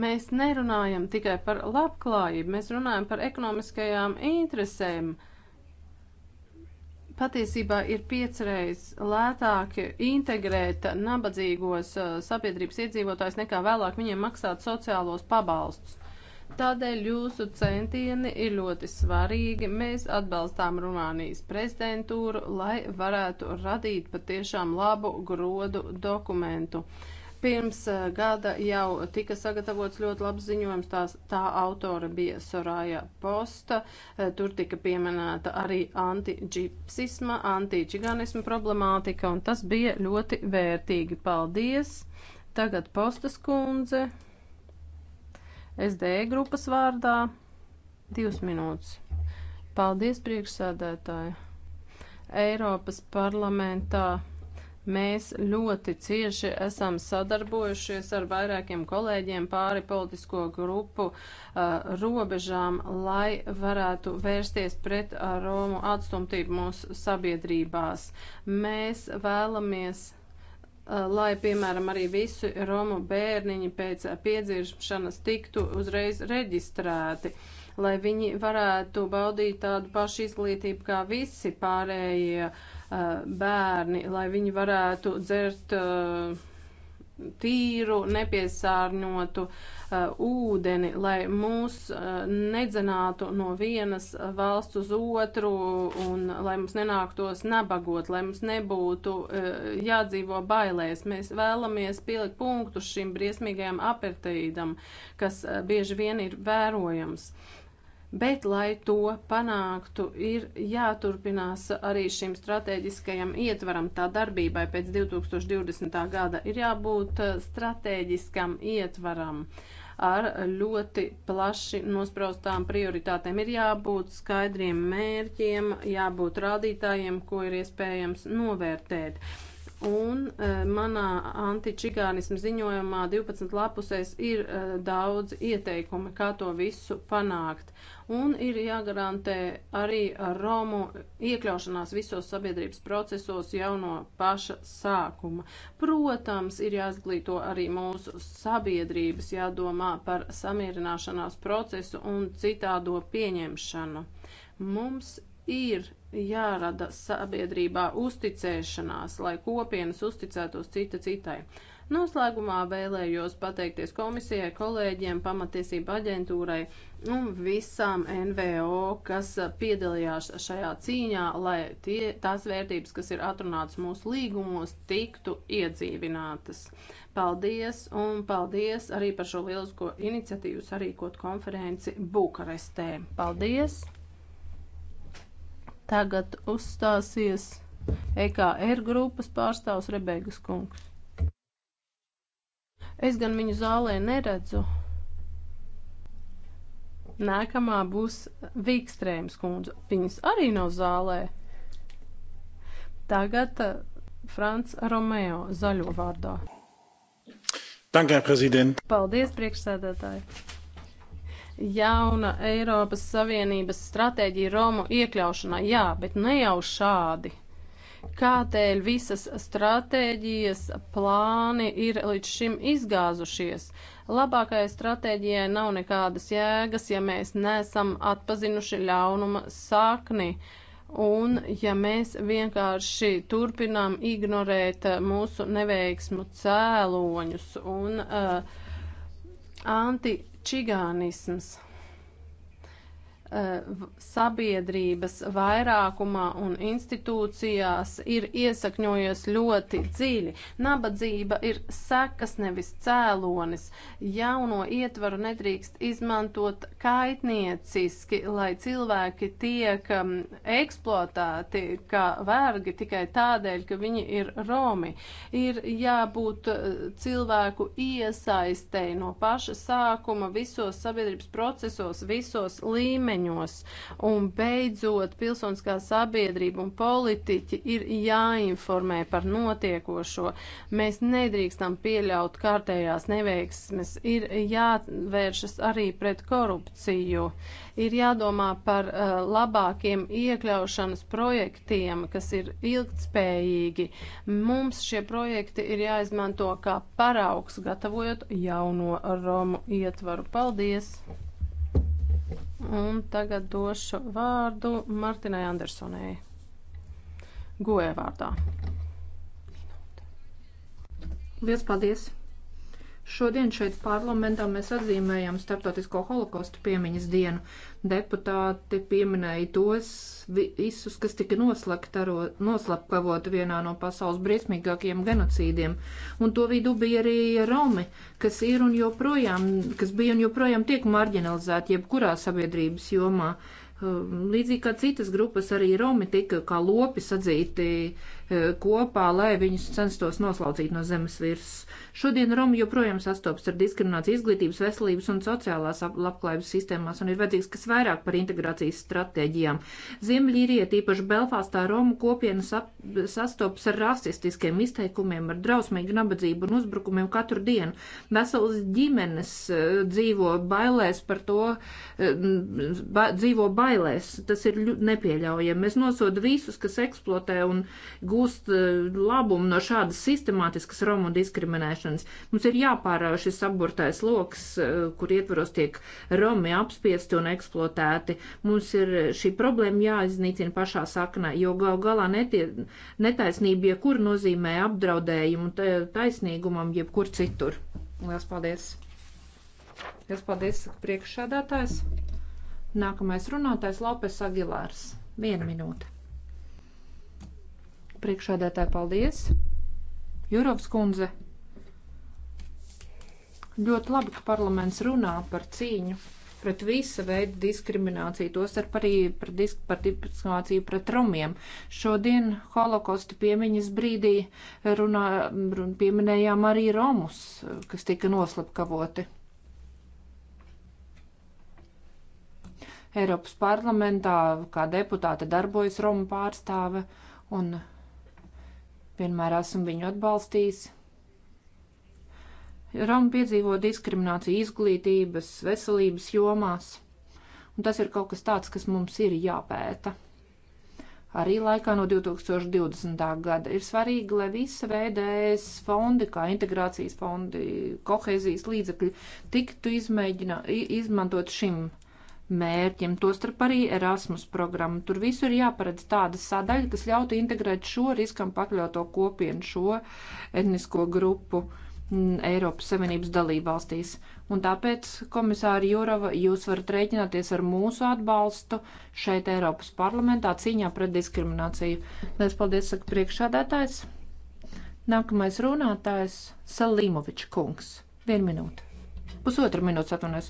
Mēs nerunājam tikai par labklājību, mēs runājam par ekonomiskajām interesēm. Uh, patiesībā ir piecreiz lētāk integrēt nabadzīgos uh, sabiedrības iedzīvotājus nekā vēlāk viņiem maksāt sociālos pabalstus. Tādēļ jūsu centieni ir ļoti svarīgi. Mēs atbalstām Rumānijas prezidentūru, lai varētu radīt patiešām labu grodu dokumentu. Uh, Pirms gada jau tika sagatavots ļoti labs ziņojums, tās, tā autora bija Sorāja Posta, tur tika pieminēta arī antiģipsisma, antičiganisma problemātika, un tas bija ļoti vērtīgi. Paldies! Tagad Postas kundze, SD grupas vārdā, divas minūtes. Paldies, priekšsēdētāji! Eiropas parlamentā Mēs ļoti cieši esam sadarbojušies ar vairākiem kolēģiem pāri politisko grupu uh, robežām, lai varētu vērsties pret uh, Romu atstumtību mūsu sabiedrībās. Mēs vēlamies uh, lai, piemēram, arī visi Romu bērniņi pēc piedzimšanas tiktu uzreiz reģistrēti, lai viņi varētu baudīt tādu pašu izglītību kā visi pārējie uh, Uh, bērni, lai viņi varētu dzert uh, tīru, nepiesārņotu uh, ūdeni, lai mūs nedzinātu no vienas valsts uz otru un lai mums nenāktos nabagot, lai mums nebūtu jādzīvo bailēs. Mēs vēlamies pielikt punktu šim briesmīgajam aperteidam, kas bieži vien ir vērojams. Bet, lai to panāktu, ir jāturpinās arī šim strateģiskajam ietvaram, tā darbībai pēc 2020. gada ir jābūt eh, strateģiskam ietvaram ar ļoti plaši nospraustām prioritātēm. Ir jābūt skaidriem mērķiem, jābūt rādītājiem, ko ir iespējams novērtēt. Uh, un e, manā antičigānismu ziņojumā 12 lapusēs ir e, daudz ieteikumi, kā to visu panākt. Un ir jāgarantē arī Romu iekļaušanās visos sabiedrības procesos jau no paša sākuma. Protams, ir jāizglīto arī mūsu sabiedrības, jādomā par samierināšanās procesu un citādo pieņemšanu. Mums ir jārada sabiedrībā uzticēšanās, lai kopienas uzticētos cita citai. Noslēgumā vēlējos pateikties komisijai, kolēģiem, pamatiesību aģentūrai un visām NVO, kas piedalījās šajā cīņā, lai tie, tās vērtības, kas ir atrunātas mūsu līgumos, tiktu iedzīvinātas. Paldies un paldies arī par šo lielisko iniciatīvu sarīkot konferenci Bukarestē. Paldies! Tagad uzstāsies EKR grupas pārstāvs Rebegas kungs. Es gan viņu zālē neredzu. Nākamā būs Vīkstrēms kundze. Viņas arī nav zālē. Tagad eh, Frants Romeo zaļo vārdā. Danke, prezident. Paldies, priekšsēdētāji jauna Eiropas Savienības stratēģija Romu iekļaušanai, jā, bet ne jau šādi. Kādēļ visas stratēģijas plāni ir līdz šim izgāzušies? Labākajai stratēģijai nav nekādas jēgas, ja mēs nesam atpazinuši ļaunuma sakni. Un ja mēs vienkārši turpinām ignorēt mūsu neveiksmu cēloņus un uh, anti čigānisms. Eh, sabiedrības vairākumā un institūcijās ir iesakņojies ļoti dziļi. Nabadzība ir sekas, nevis cēlonis. Jauno ietvaru nedrīkst izmantot kaitnieciski, lai cilvēki tiek mm, eksploatēti kā vergi tikai tādēļ, ka viņi ir romi. Ir jābūt eh, cilvēku iesaistei no paša sākuma visos sabiedrības procesos, visos līmeņos termiņos. Un beidzot, pilsoniskā sabiedrība un politiķi ir jāinformē par notiekošo. Mēs nedrīkstam pieļaut kārtējās neveiksmes, ir jāvēršas arī pret korupciju, ir jādomā par uh, labākiem iekļaušanas projektiem, kas ir ilgtspējīgi. Mums šie projekti ir jāizmanto kā paraugs, gatavojot jauno Romu ietvaru. Paldies! Un tagad došu vārdu Martinai Andersonai. Goē vārdā. Liels paldies! Šodien šeit parlamentā mēs atzīmējam Startautisko holokaustu piemiņas dienu. Deputāti pieminēja tos visus, kas tika noslapkavoti vienā no pasaules briesmīgākajiem genocīdiem. Un to vidū bija arī Romi, kas ir un joprojām, kas bija un joprojām tiek marginalizēti jebkurā sabiedrības jomā. Hm, līdzīgi kā citas grupas, arī Romi tika kā lopi sadzīti E, kopā, lai viņus censtos noslaucīt no zemes virsmas. Šodien Roma joprojām sastopas ar diskrimināciju izglītības, veselības un sociālās labklājības sistēmās un ir vajadzīgs kas vairāk par integrācijas stratēģijām. Ziemļīrie, tīpaši Belfāstā, Roma kopiena sastopas ar rasistiskiem izteikumiem, ar drausmīgu nabadzību un uzbrukumiem katru dienu. Veselas ģimenes e, dzīvo bailēs par to, e, ba dzīvo bailēs. Tas ir nepieļaujami. Es nosodu visus, kas eksploatē un gūst e, labumu no šādas sistemātiskas Romu diskriminēšanas. Mums ir jāpārāva šis aburtais loks, e, kur ietvaros tiek Romi apspiesti un eksploatēti. Mums ir šī problēma jāiznīcina pašā saknē, jo gal galā netie, netaisnība jebkur nozīmē apdraudējumu taisnīgumam jebkur citur. Lielas paldies! Lielas paldies, priekšsādātājs! Nākamais runātājs Lopes Agilārs. Viena minūte. Priekšādētāji, paldies! Jurovs kundze! Ļoti labi, ka parlaments runā par cīņu pret visa veida diskrimināciju, tostarp arī par, disk, par diskrimināciju pret romiem. Šodien holokosta piemiņas brīdī runā, run, pieminējām arī romus, kas tika noslapkavoti. Eiropas parlamentā kā deputāte darbojas Romu pārstāve un vienmēr esmu viņu atbalstījis. Roma piedzīvo diskrimināciju izglītības, veselības jomās, un tas ir kaut kas tāds, kas mums ir jāpēta. Arī laikā no 2020. gada ir svarīgi, lai visa veidējas e fondi, kā integrācijas fondi, kohēzijas līdzekļi, tiktu izmantot šim mērķiem, tostarp arī Erasmus programmu. Tur visur ir jāparedz tāda sadaļa, kas ļautu integrēt šo riskam pakļauto kopienu, šo etnisko grupu m, mm, Eiropas Savienības dalībvalstīs. Un tāpēc, komisāri Jurava, jūs varat rēķināties ar mūsu atbalstu šeit Eiropas parlamentā cīņā pret diskrimināciju. Lies paldies, saka priekšādātājs. Nākamais runātājs Salimovičs kungs. Vienu minūti. Pusotru minūtes atvainojos.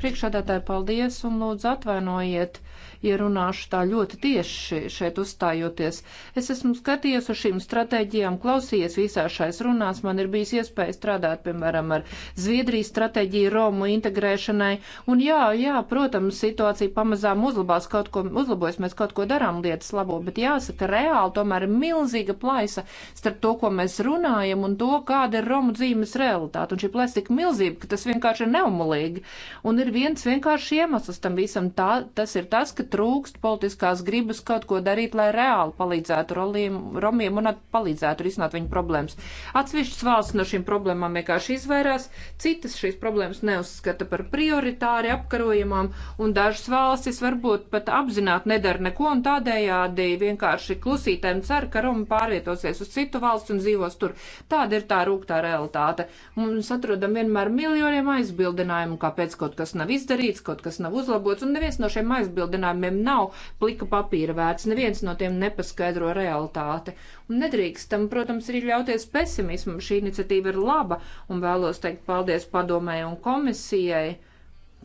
Priekšādātāji, paldies un lūdzu atvainojiet, ja runāšu tā ļoti tieši šeit uzstājoties. Es esmu skatījies uz šīm stratēģijām, klausījies visā šais runās. Man ir bijis iespēja strādāt, piemēram, ar Zviedrijas stratēģiju Romu integrēšanai. Un jā, jā, protams, situācija pamazām uzlabās kaut ko, uzlabojas, mēs kaut ko darām lietas labo, bet jāsaka, reāli tomēr ir milzīga plaisa starp to, ko mēs runājam un to, kāda ir Romu dzīves realitāte. Un šī plaisa tik milzīga, ka tas vienkārši vienkārši ir neumulīgi. Un ir viens vienkārši iemesls tam visam. Tā, tas ir tas, ka trūkst politiskās gribas kaut ko darīt, lai reāli palīdzētu roliem, romiem un palīdzētu risināt viņu problēmas. Atsevišķas valsts no šīm problēmām vienkārši izvairās, citas šīs problēmas neuzskata par prioritāri apkarojamām, un dažas valstis varbūt pat apzināti nedara neko un tādējādi vienkārši klusītēm cer, ka Roma pārvietosies uz citu valstu un dzīvos tur. Tāda ir tā rūgtā realitāte. Mums atrodam vienmēr miljoniem aiz aizbildinājumu, kāpēc kaut kas nav izdarīts, kaut kas nav uzlabots, un neviens no šiem aizbildinājumiem nav plika papīra vērts, neviens no tiem nepaskaidro realitāti. Un nedrīkstam, protams, arī ļauties pesimismam. Šī iniciatīva ir laba, un vēlos teikt paldies padomēju un komisijai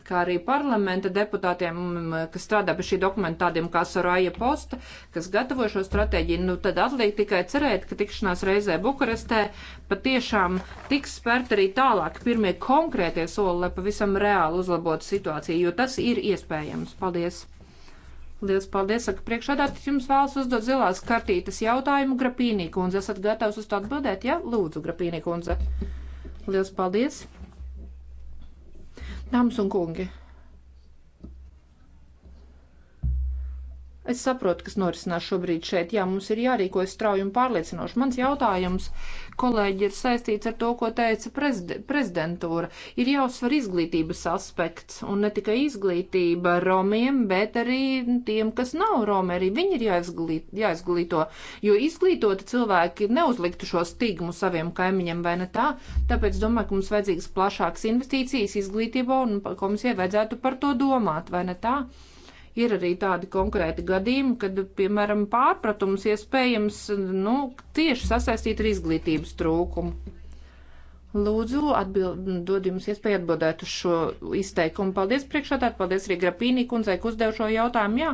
kā arī parlamenta deputātiem, mm, kas strādā pie šī dokumenta, tādiem kā Sorāja Posta, kas gatavo šo stratēģiju. Nu, tad atliek tikai cerēt, ka tikšanās reizē Bukarestē patiešām tiks spērt arī tālāk pirmie konkrētie soli, lai pavisam reāli uzlabotu situāciju, jo tas ir iespējams. Paldies! Lielas paldies, saka priekšādātis jums vēlas uzdot zilās kartītes jautājumu Grapīnī kundze. Esat gatavs uz to atbildēt, ja? Lūdzu, Grapīnī kundze. Lielas paldies! Dāmas un kungi, es saprotu, kas norisinās šobrīd šeit. Jā, mums ir jārīkojas strauji un pārliecinoši. Mans jautājums kolēģi, ir saistīts ar to, ko teica prezid prezidentūra. Ir jāuzsver izglītības aspekts, un ne tikai izglītība romiem, bet arī tiem, kas nav romi, arī viņi ir jāizglīt, jāizglīto, jo izglītoti cilvēki neuzliktu šo stigmu saviem kaimiņiem, vai ne tā? Tāpēc domāju, ka mums vajadzīgas plašākas investīcijas izglītībā, un komisijai vajadzētu par to domāt, vai ne tā? Ir arī tādi konkrēti gadījumi, kad, piemēram, pārpratums iespējams nu, tieši sasaistīt ar izglītības trūkumu. Lūdzu, atbild, dod jums iespēju atbildēt uz šo izteikumu. Paldies priekšādāt, paldies arī Grapīnī kundzei, ka uzdev šo jautājumu. Jā,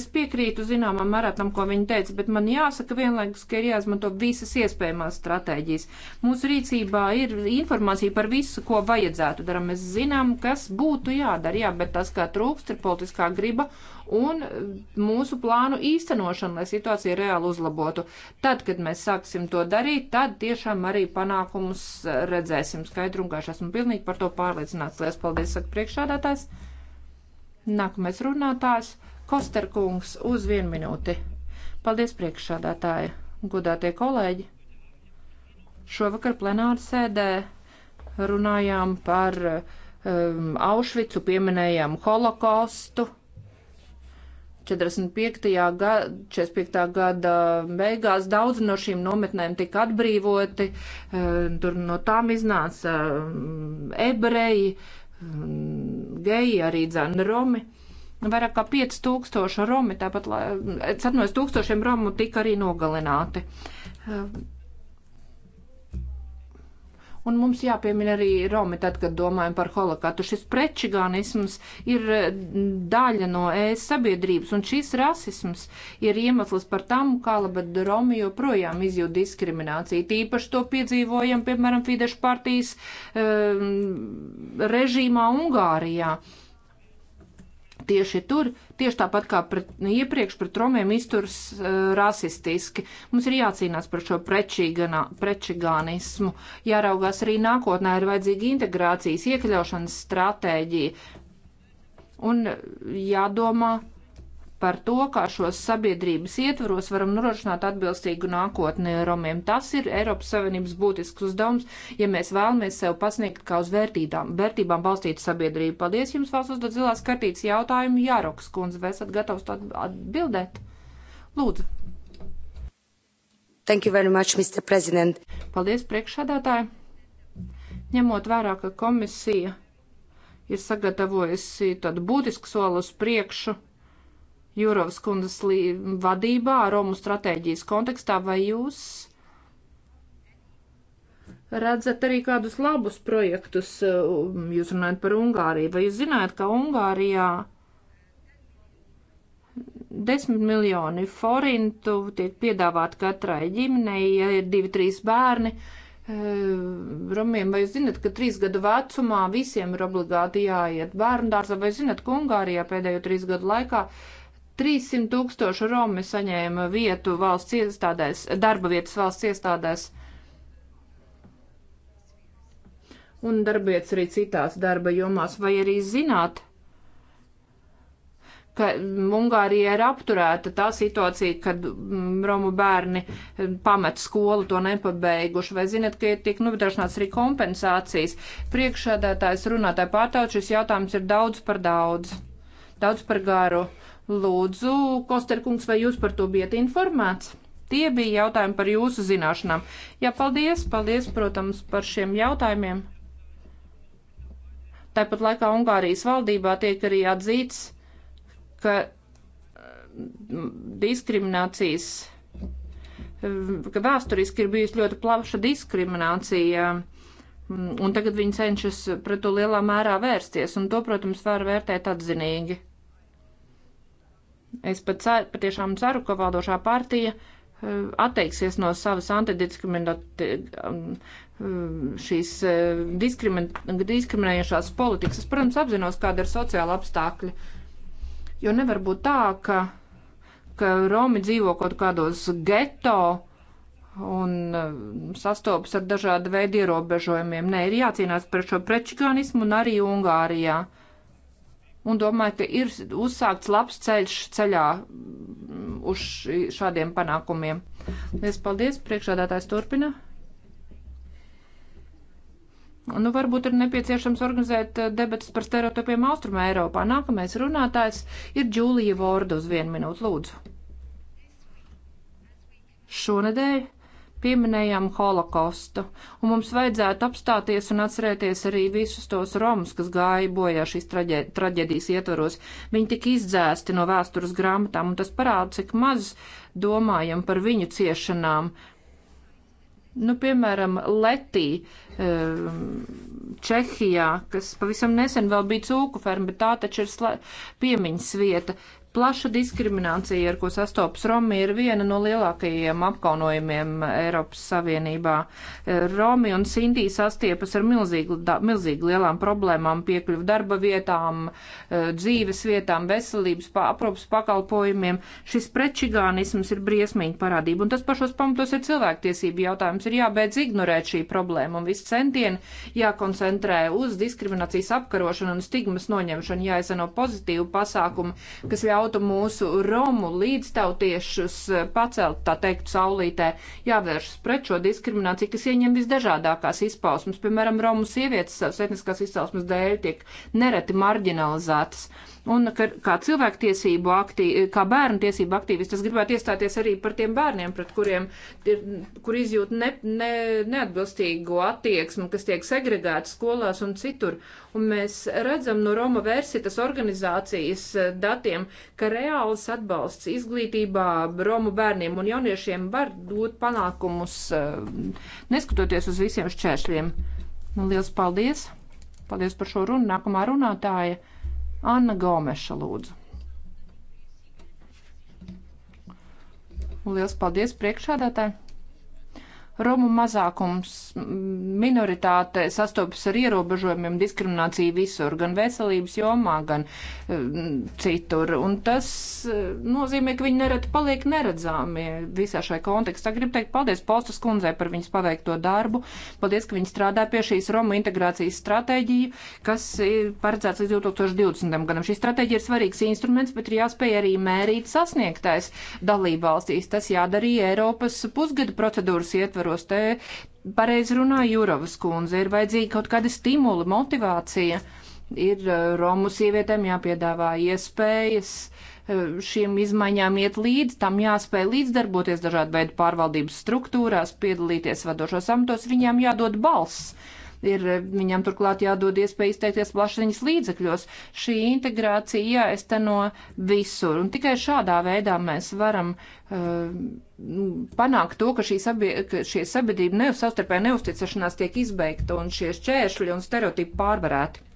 es piekrītu zināmam mērā tam, ko viņa teica, bet man jāsaka vienlaikus, ka ir jāizmanto visas iespējamās stratēģijas. Mūsu rīcībā ir informācija par visu, ko vajadzētu darām. Mēs zinām, kas būtu jādara, jā, bet tas, kā trūkst, ir politiskā griba un mūsu plānu īstenošanu, lai situācija reāli uzlabotu. Tad, kad mēs sāksim to darīt, tad tiešām arī panākumus redzēsim skaidru un gaišu. Esmu pilnīgi par to pārliecināts. Lielas paldies, saka priekšādātājs. Nākamais runātājs - Kosterkungs uz vienu minūti. Paldies priekšādātāji, godātie kolēģi. Šovakar plenāra sēdē runājām par um, Aušvicu, pieminējām holokaustu 45. Gada, 45. gada beigās daudz no šīm nometnēm tika atbrīvoti, eh, tur no tām iznāca eh, ebreji, mm, geji, arī dzēni romi. Vairāk kā 5000 romi, tāpat, lai, es atnos, tūkstošiem romu tika arī nogalināti. Eh, Un mums jāpiemina arī Romi, tad, kad domājam par holokatu. Šis prečigānisms ir eh, daļa no ēs sabiedrības, un šis rasisms ir iemesls par tam, kā labad Romi joprojām izjūt diskrimināciju. Tīpaši to piedzīvojam, piemēram, Fidesz partijas um, režīmā Ungārijā. Uh, Tieši tur, tieši tāpat kā pret, iepriekš pret romiem izturs uh, eh, rasistiski, mums ir jācīnās par šo prečigānismu, jāraugās arī nākotnē ir vajadzīga integrācijas, iekļaušanas stratēģija un eh, jādomā par to, kā šos sabiedrības ietvaros varam norošināt atbilstīgu nākotni Romiem. Tas ir Eiropas Savienības būtisks uzdevums, ja mēs vēlamies sev pasniegt kā uz vērtībām, vērtībām balstītu sabiedrību. Paldies jums, valsts uzdod zilās kartītes jautājumu. Jāroks kundze, vai esat gatavs atbildēt? Lūdzu. Thank you very much, Mr. President. Paldies, priekšsādātāji. Ņemot vērā, ka komisija ir sagatavojusi tādu būtisku soli uz priekšu Jūrovas kundas vadībā Romu stratēģijas kontekstā, vai jūs redzat arī kādus labus projektus, um, jūs runājat par Ungāriju, vai jūs zināt, ka Ungārijā desmit miljoni forintu tiek piedāvāt katrai ģimenei, ja ir divi, trīs bērni. Uh, romiem, vai jūs zinat, ka trīs gadu vecumā visiem ir obligāti jāiet bērnu dārzā, vai zinat, ka Ungārijā pēdējo trīs gadu laikā uh, 300 tūkstoši Romi saņēma vietu valsts iestādēs, darba vietas valsts iestādēs. Un darbietas arī citās darba jomās, vai arī zināt, ka Ungārija ir apturēta tā situācija, kad mm, Romu bērni mm, pamet skolu, to nepabeiguši, vai zinat, ka ir tiek nodrošināts arī kompensācijas. Priekšādātājs runātāji pārtauc, šis jautājums ir daudz par daudz, daudz par garu Lūdzu, Kosterkungs, vai jūs par to bijat informēts? Tie bija jautājumi par jūsu zināšanām. Jā, paldies, paldies, protams, par šiem jautājumiem. Tāpat laikā Ungārijas valdībā tiek arī atzīts, ka mm, diskriminācijas, mm, ka vēsturiski ir bijusi ļoti plaša diskriminācija. Mm, un tagad viņi cenšas pret to lielā mērā vērsties, un to, protams, var vērtēt atzinīgi. Es pat cer, patiešām ceru, ka valdošā partija eh, atteiksies no savas um, eh, šīs eh, diskrimin diskriminējušās politikas. Es, protams, apzinos, kāda ir sociāla apstākļa, jo nevar būt tā, ka, ka Romi dzīvo kaut kādos geto un sastopas ar dažādu veidu ierobežojumiem. Nē, ir jācīnās par šo prečikānismu un arī Ungārijā. Uh, un domāju, ka ir uzsākts labs ceļš ceļā mm, uz šādiem panākumiem. Lies paldies, priekšādātājs turpina. Nu, varbūt ir nepieciešams organizēt eh, debatas par stereotipiem Austrumē Eiropā. Nākamais runātājs ir Džūlija Vorda uz vienu minūtu lūdzu. Šonedēļ pieminējām holokostu, un mums vajadzētu apstāties un atcerēties arī visus tos romus, kas gāja bojā šīs traģē, traģēdijas ietvaros. Viņi tika izdzēsti no vēstures grāmatām, un tas parāda, cik maz domājam par viņu ciešanām. Nu, piemēram, Letī, ehm, Čehijā, kas pavisam nesen vēl bija cūku ferma, bet tā taču ir piemiņas vieta. Plaša diskriminācija, ar ko sastopas Romi, ir viena no lielākajiem apkaunojumiem Eiropas Savienībā. Romi un Sintī sastiepas ar milzīgi, da, milzīgi lielām problēmām piekļuvu darba vietām, eh, dzīves vietām, veselības aprūpas pakalpojumiem. Šis prečigānisms ir briesmīgi parādība, un tas pašos pamatos ir cilvēktiesība jautājums. Ir jābeidz ignorēt šī problēma, un viss centieni jākoncentrē uz diskriminācijas apkarošanu un stigmas noņemšanu, jāizsano pozitīvu pasākumu, kas ļauj ļautu mūsu romu līdztautiešus eh, pacelt, tā teikt, saulītē, jāvēršas pret šo diskrimināciju, kas ieņem visdažādākās izpausmes. Piemēram, romu sievietes savas etniskās izpausmes dēļ tiek nereti marginalizētas. Un ka, kā cilvēktiesību aktī, kā bērnu tiesību aktīvisti, es gribētu iestāties arī par tiem bērniem, pret kuriem, ir, kur izjūt ne, ne, neatbilstīgo attieksmi, kas tiek segregēta skolās un citur. Un mēs redzam no Roma versitas organizācijas eh, datiem, ka reāls atbalsts izglītībā Romu bērniem un jauniešiem var dot panākumus, eh, neskatoties uz visiem šķēršļiem. Nu, liels paldies! Paldies par šo runu. Nākamā runātāja Anna Gomeša lūdzu. Liels paldies priekšādātāji! Romu mazākums minoritāte sastopas ar ierobežojumiem diskrimināciju visur, gan veselības jomā, gan e, citur. Un tas e, nozīmē, ka viņi nereti paliek neredzāmi visā šai kontekstā. Gribu teikt paldies Postas kundzei par viņas paveikto darbu. Paldies, ka viņi strādā pie šīs Romu integrācijas stratēģiju, kas ir paredzēts līdz 2020. gadam. Šī stratēģija ir svarīgs instruments, bet ir jāspēj arī mērīt sasniegtais dalību valstīs. Tas jādara arī Eiropas pusgada procedūras ietvaros ietvaros. Te pareizi runā Jurovas kundze, ir vajadzīga kaut kāda stimula, motivācija. Ir eh, Romu sievietēm jāpiedāvā iespējas eh, šīm izmaiņām iet līdzi, tam jāspēj līdzdarboties dažādu veidu pārvaldības struktūrās, piedalīties vadošos amatos, viņām jādod balss ir viņam turklāt jādod iespēja izteikties plašiņas līdzekļos. Šī integrācija jāizteno visur, un tikai šādā veidā mēs varam uh, nu, panākt to, ka šī, sabie, ka šie sabiedrība neuz, savstarpēja neusticašanās tiek izbeigta un šie šķēršļi un stereotipi pārvarēti.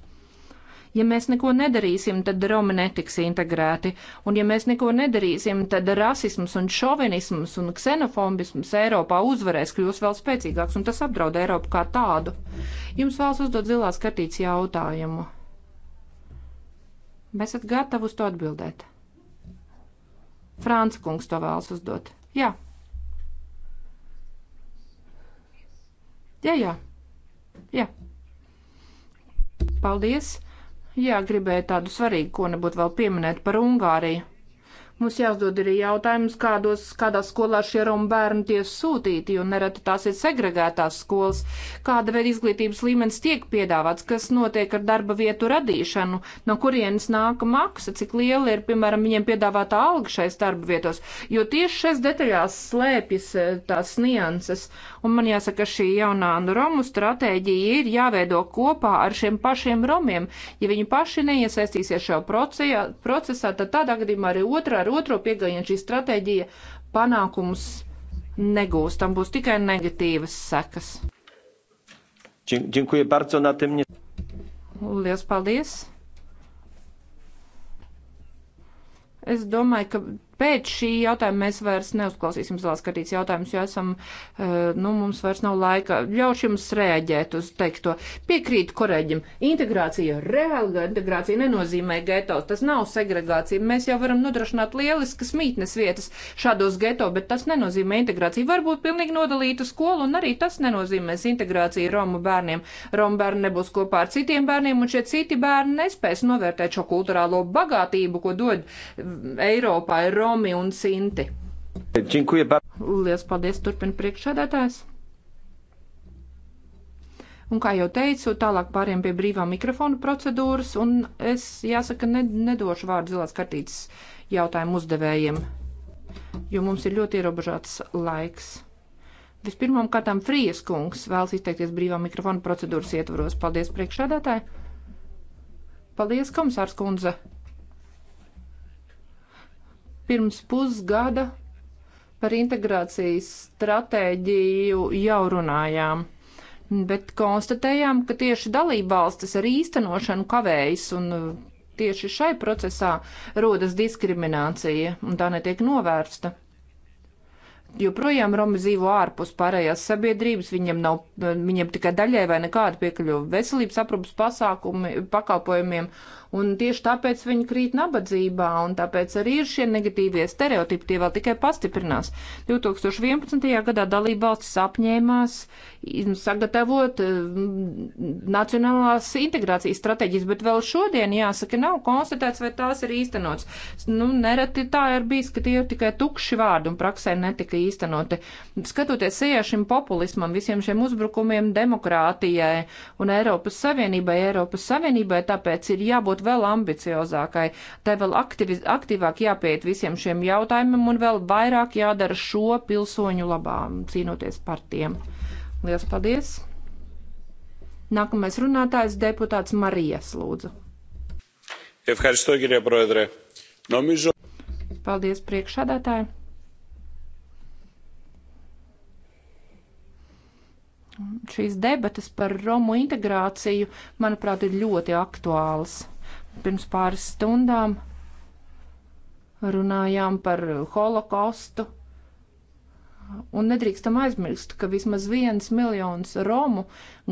Ja mēs neko nedarīsim, tad Romi netiks integrēti, un ja mēs neko nedarīsim, tad rasisms un šovinisms un ksenofobisms Eiropā uzvarēs, kļūs vēl spēcīgāks, un tas apdraud Eiropu kā tādu. Jums vēlas uzdot zilās kartītes jautājumu. Vai esat gatavi uz to atbildēt? Frāns kungs to vēlas uzdot. Jā. Jā, jā. jā. Paldies. Jā, gribēju tādu svarīgu, ko nebūtu vēl pieminēt par Ungāriju. Mums jāuzdod arī jautājums, kādos, kādā skolā šie Romu bērni tiek sūtīti, jo nereti tās ir segregētās skolas, kāda veida izglītības līmenis tiek piedāvāts, kas notiek ar darba vietu radīšanu, no kurienes nāk maksa, cik liela ir, piemēram, viņiem piedāvāta alga šais darba vietos, jo tieši šais detaļās slēpjas eh, tās nianses, Un man jāsaka, šī jaunā Romu stratēģija ir jāveido kopā ar šiem pašiem Romiem. Ja viņi paši neiesaistīsies šajā procesā, procesā tad tādā gadījumā arī otrā ar otro pieejama šī stratēģija panākumus negūs. Tam būs tikai negatīvas sekas. Dziękuję bardzo na tym. Nie... Lielas paldies! Es domāju, ka pēc šī jautājuma mēs vairs neuzklausīsim zilās kartītes jautājumus, jo esam, eh, nu, mums vairs nav laika. Ļaušu jums rēģēt uz teikto. Piekrītu korēģim. Integrācija, reāla integrācija nenozīmē geto. Tas nav segregācija. Mēs jau varam nodrošināt lieliskas mītnes vietas šādos geto, bet tas nenozīmē integrāciju. Varbūt pilnīgi nodalītu skolu un arī tas nenozīmēs integrāciju Romu bērniem. Romu bērni nebūs kopā ar citiem bērniem un šie citi bērni nespēs novērtēt šo kulturālo bagātību, ko dod mm, Eiropā. Eiropā Romi un Sinti. Lielas paldies, turpina priekšsēdētājs. Un kā jau teicu, tālāk pāriem pie brīvā mikrofona procedūras, un es jāsaka, ne, nedošu vārdu zilās kartītes jautājumu uzdevējiem, jo mums ir ļoti ierobežots laiks. Vispirmām kārtām Frijas kungs vēlas izteikties brīvā mikrofona procedūras ietvaros. Paldies priekšsēdētāji! Paldies, komisārs kundze! Pirms pusgada par integrācijas stratēģiju jau runājām. Bet konstatējām, ka tieši dalībvalstis ar īstenošanu kavējas un uh, tieši šai procesā rodas diskriminācija un tā netiek novērsta. Joprojām Romi dzīvo ārpus pārējās sabiedrības, viņiem, nav, uh, viņiem tikai daļai vai nekāda piekļuva veselības aprūpas pasākumi, pakalpojumiem, un tieši tāpēc viņi krīt nabadzībā, un tāpēc arī ir šie negatīvie stereotipi, tie vēl tikai pastiprinās. 2011. gadā dalība valsts apņēmās sagatavot mm, nacionālās integrācijas stratēģijas, bet vēl šodien, jāsaka, nav konstatēts, vai tās ir īstenots. Nu, nereti tā ir bijis, ka tie ir tikai tukši vārdi un praksē netika īstenoti. Skatoties ejā šim populismam, visiem šiem uzbrukumiem demokrātijai un Eiropas Savienībai, Eiropas Savienībai, tāpēc ir jābūt jābūt vēl ambiciozākai, tai vēl aktivi, aktīvāk jāpiet visiem šiem jautājumiem un vēl vairāk jādara šo pilsoņu labām, cīnoties par tiem. Lielas paldies! Nākamais runātājs deputāts Marijas lūdzu. Paldies priekšādātāji! šīs debatas par Romu integrāciju, manuprāt, ir ļoti aktuāls. Pirms pāris stundām runājām par holokostu. Un nedrīkstam aizmirst, ka vismaz viens miljons romu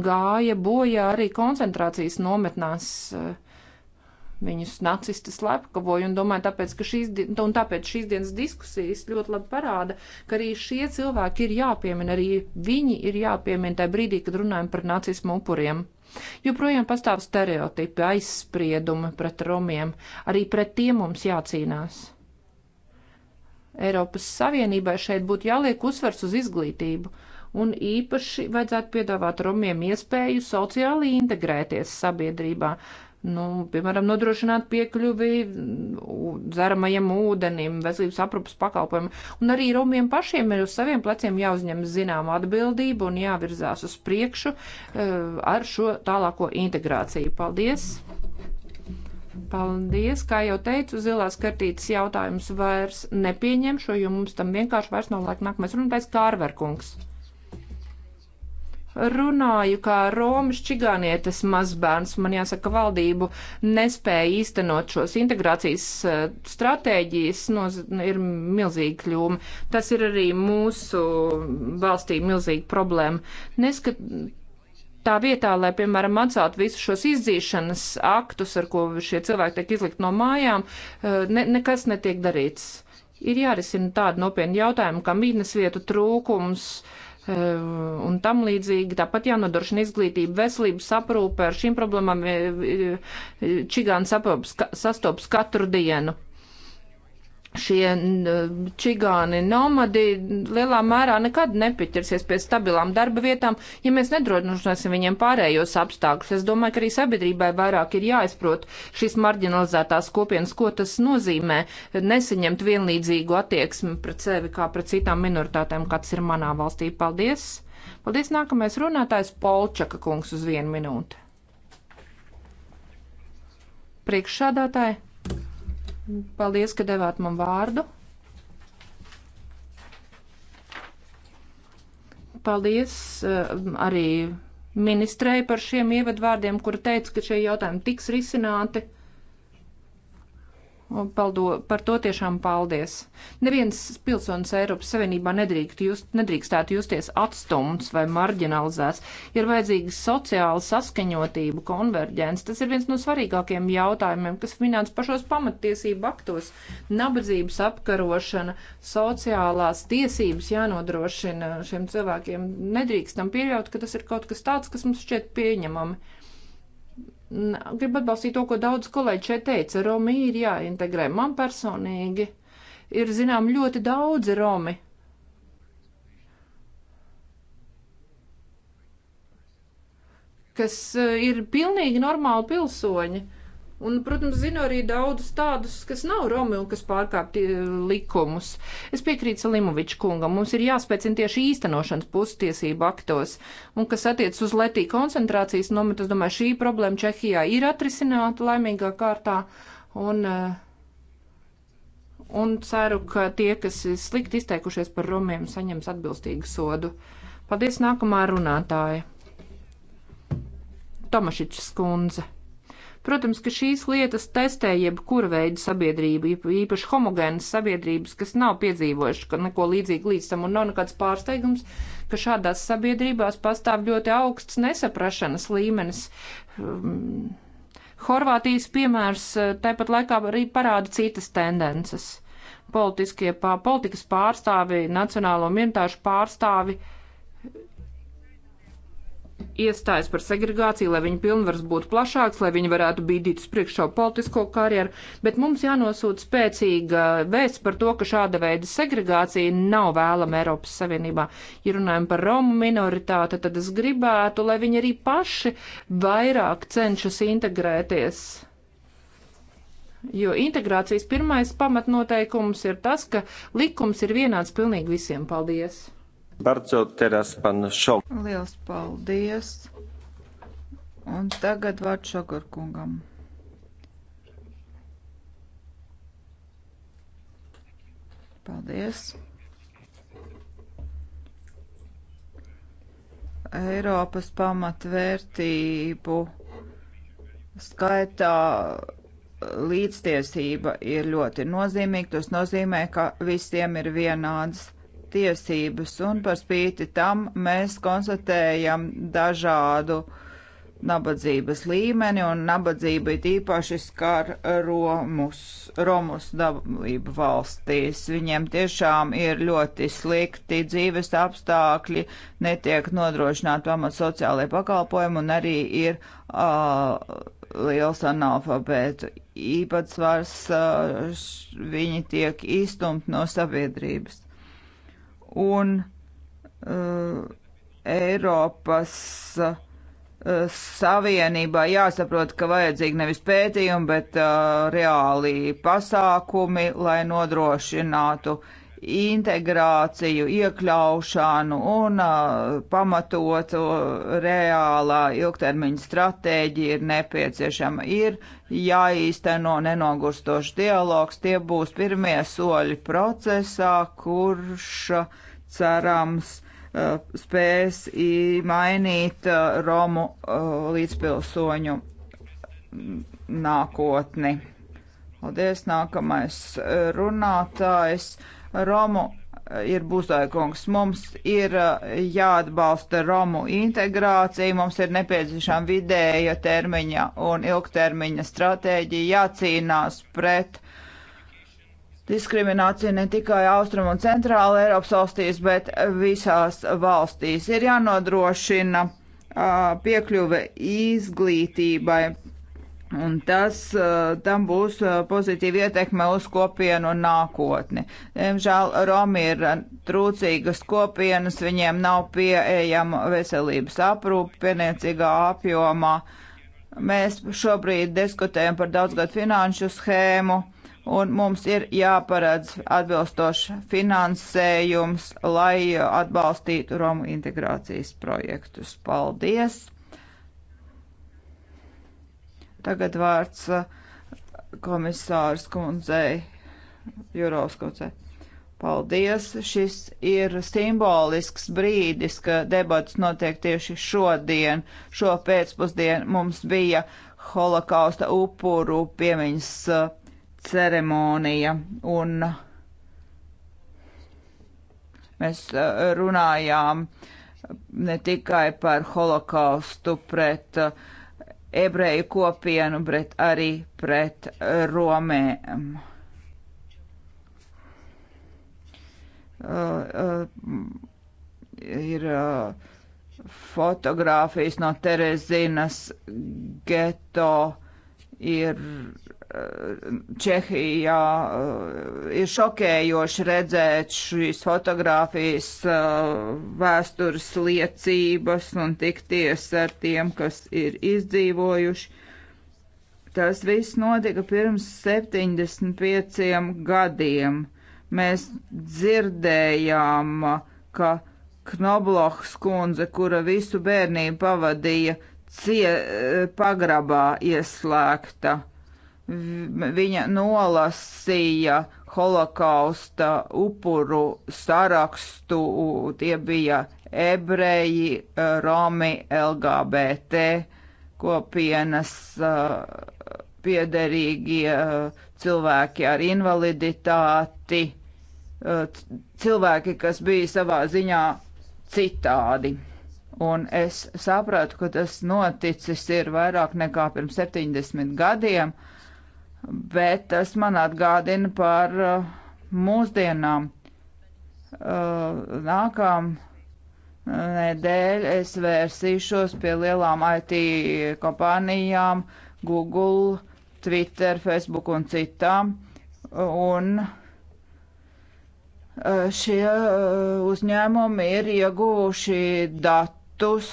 gāja bojā arī koncentrācijas nometnēs. Viņus nacisti slepkavoja un domāju, tāpēc, ka šīs, un tāpēc šīs dienas diskusijas ļoti labi parāda, ka arī šie cilvēki ir jāpiemina, arī viņi ir jāpiemina tajā brīdī, kad runājam par nacismu upuriem. Joprojām pastāv stereotipi, aizspriedumi pret romiem, arī pret tiem mums jācīnās. Eiropas Savienībai šeit būtu jāliek uzsvers uz izglītību, un īpaši vajadzētu piedāvāt romiem iespēju sociāli integrēties sabiedrībā, nu, piemēram, nodrošināt piekļuvi dzeramajam ūdenim, veselības aprūpas pakalpojumam. Un arī Romiem pašiem ir uz saviem pleciem jāuzņem zinām atbildību un jāvirzās uz priekšu eh, ar šo tālāko integrāciju. Paldies! Paldies! Kā jau teicu, zilās kartītes jautājums vairs nepieņemšu, jo mums tam vienkārši vairs nav laika. Nākamais runātais Kārverkungs runāju kā Romas čigānietes mazbērns. Man jāsaka, valdību nespēja īstenot šos integrācijas eh, stratēģijas, no, ir milzīga kļūma. Tas ir arī mūsu valstī milzīga problēma. Neskat, tā vietā, lai, piemēram, atcelt visus šos izdzīšanas aktus, ar ko šie cilvēki tiek izlikt no mājām, eh, ne, nekas netiek darīts. Ir jārisina tādi nopietni jautājumi, kā mītnes vietu trūkums, uh, Eh, un tam līdzīgi. Tāpat jānodrošina izglītība, veselības aprūpe. Ar šīm problēmām eh, eh, čigāns sastopas katru dienu šie čigāni, nomadi lielā mērā nekad nepiķersies pie stabilām darba vietām, ja mēs nedrošināsim viņiem pārējos apstākļus. Es domāju, ka arī sabiedrībai vairāk ir jāizprot šīs marginalizētās kopienas, ko tas nozīmē nesaņemt vienlīdzīgu attieksmi pret sevi kā pret citām minoritātēm, kāds ir manā valstī. Paldies! Paldies! Nākamais runātājs Polčaka kungs uz vienu minūti. Priekšsādātāji! Paldies, ka devāt man vārdu. Paldies eh, arī ministrei par šiem ievadvārdiem, kura teica, ka šie jautājumi tiks risināti. Paldo, par to tiešām paldies. Neviens pilsonis Eiropas Savienībā nedrīkst just, nedrīkstētu justies atstumts vai marginalizēts. Ir vajadzīga sociāla saskaņotība, konverģence. Tas ir viens no svarīgākajiem jautājumiem, kas minēts pašos pamattiesību aktos. Nabadzības apkarošana, sociālās tiesības jānodrošina šiem cilvēkiem. Nedrīkstam pieļaut, ka tas ir kaut kas tāds, kas mums šķiet pieņemami Gribu atbalstīt to, ko daudz kolēģi šeit teica. Romi ir jāintegrē. Man personīgi ir zinām ļoti daudzi Romi. kas eh, ir pilnīgi normāli pilsoņi. Uh, Un, protams, zinu arī daudzus tādus, kas nav Romi un kas pārkāpti likumus. Es piekrītu Salimoviču kungam, mums ir jāspēcina tieši īstenošanas pustiesību aktos. Un, kas attiec uz Letī koncentrācijas nometu, es domāju, šī problēma Čehijā ir atrisināta laimīgā kārtā. Un, eh, un ceru, ka tie, kas slikti izteikušies par Romiem, saņems atbilstīgu sodu. Paldies nākamā runātāja. Tomašičs kundze. Protams, ka šīs lietas testē jebkura veida sabiedrību, īpaši homogēnas sabiedrības, kas nav piedzīvojuši ka neko līdzīgu līdz tam, un nav nekāds pārsteigums, ka šādās sabiedrībās pastāv ļoti augsts nesaprašanas līmenis. Um, Horvātijas piemērs eh, tāpat laikā arī parāda citas tendences. Politiskie, politikas pārstāvi, nacionālo minoritāšu pārstāvi uh, iestājas par segregāciju, lai viņa pilnvars būtu plašāks, lai viņi varētu bīdīt uz priekšu politisko karjeru, bet mums jānosūta spēcīga vēsts par to, ka šāda veida segregācija nav vēlama Eiropas Savienībā. Ja runājam par Romu minoritāti, tad es gribētu, lai viņi arī paši vairāk cenšas integrēties. Jo integrācijas pirmais pamatnoteikums ir tas, ka likums ir vienāds pilnīgi visiem. Paldies! Bardzo teraz pan Šol. Liels paldies. Un tagad vārds Šogar kungam. Paldies. Eiropas pamatvērtību skaitā līdztiesība ir ļoti nozīmīga. Tas nozīmē, ka visiem ir vienādas tiesības, un par spīti tam mēs konstatējam dažādu nabadzības līmeni, un nabadzība ir īpaši skar Romus, Romus dalību valstīs. Viņiem tiešām ir ļoti slikti dzīves apstākļi, netiek nodrošināt pamat sociālajie pakalpojumi, un arī ir uh, liels analfabētu īpatsvars, uh, š, viņi tiek izstumt no sabiedrības un uh, Eiropas uh, Savienībā jāsaprot, ka vajadzīgi nevis pētījumi, bet uh, reāli pasākumi, lai nodrošinātu uh, integrāciju, iekļaušanu un uh, pamatotu reālā ilgtermiņa stratēģija ir nepieciešama. Ir jāīsteno nenogurstošs dialogs, tie būs pirmie soļi procesā, kurš cerams uh, spēs mainīt uh, Romu līdzpilsoņu nākotni. Paldies, nākamais runātājs. Romu eh, ir Buzoikungs. Mums ir eh, jāatbalsta Romu integrācija, mums ir nepieciešama vidēja termiņa un ilgtermiņa stratēģija, jācīnās pret diskrimināciju ne tikai Austrum un Centrāla Eiropas valstīs, bet visās valstīs. Ir jānodrošina eh, piekļuve izglītībai Un tas eh, tam būs eh, pozitīva ietekme uz kopienu un nākotni. Diemžēl Romi ir trūcīgas kopienas, viņiem nav pieejama veselības aprūpe pieniecīgā apjomā. Mēs šobrīd diskutējam par daudzgad finanšu schēmu, un mums ir jāparedz atbilstošs finansējums, lai eh, atbalstītu Romu integrācijas projektus. Paldies! Tagad vārds uh, komisārs kundzei, Jurovs kundzei. Paldies! Šis ir simbolisks brīdis, ka debats notiek tieši šodien. Šo pēcpusdienu mums bija holokausta upuru piemiņas uh, ceremonija, un uh, mēs runājām ne tikai par holokaustu pret uh, ebreju kopienu, bet arī pret romēm. Uh, uh, ir uh, fotogrāfijas no Terezinas geto, ir Čehijā e, ir šokējoši redzēt šīs fotogrāfijas e, vēstures liecības un tikties ar tiem, kas ir izdzīvojuši. Tas viss notika pirms 75 gadiem. Mēs dzirdējām, ka Knoblohs kundze, kura visu bērnību pavadīja cie, pagrabā ieslēgta, uh, viņa nolasīja holokausta upuru sarakstu, tie bija ebreji, e, romi, LGBT kopienas e, piederīgie e, cilvēki ar invaliditāti, cilvēki, kas bija savā ziņā citādi. Un es sapratu, ka tas noticis ir vairāk nekā pirms 70 gadiem, uh, bet tas man atgādina par uh, mūsdienām. Uh, Nākam uh, nedēļ es vērsīšos pie lielām IT kompānijām, Google, Twitter, Facebook un citām. Un šie uzņēmumi ir ieguvuši datus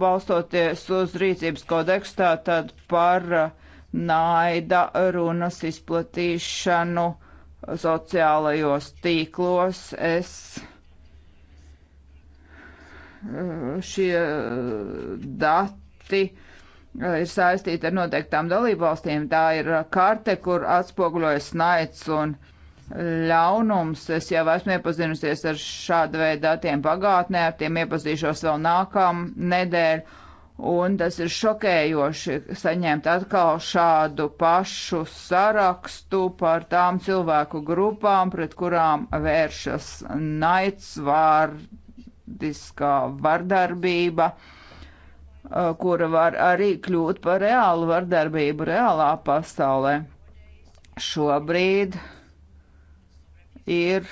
balstoties uz rīcības kodeksu, tātad par uh, naida runas izplatīšanu sociālajos tīklos. Es eh, šie eh, dati eh, ir saistīti ar noteiktām dalībvalstīm. Tā ir karte, kur atspoguļojas naids un ļaunums. Es jau esmu iepazinusies ar šādu veidu datiem pagātnē, ar tiem iepazīšos vēl nākam nedēļu Un tas ir šokējoši saņemt atkal šādu pašu sarakstu par tām cilvēku grupām, pret kurām vēršas naids, vārdiskā vardarbība, kura var arī kļūt par reālu vardarbību reālā pasaulē. Šobrīd ir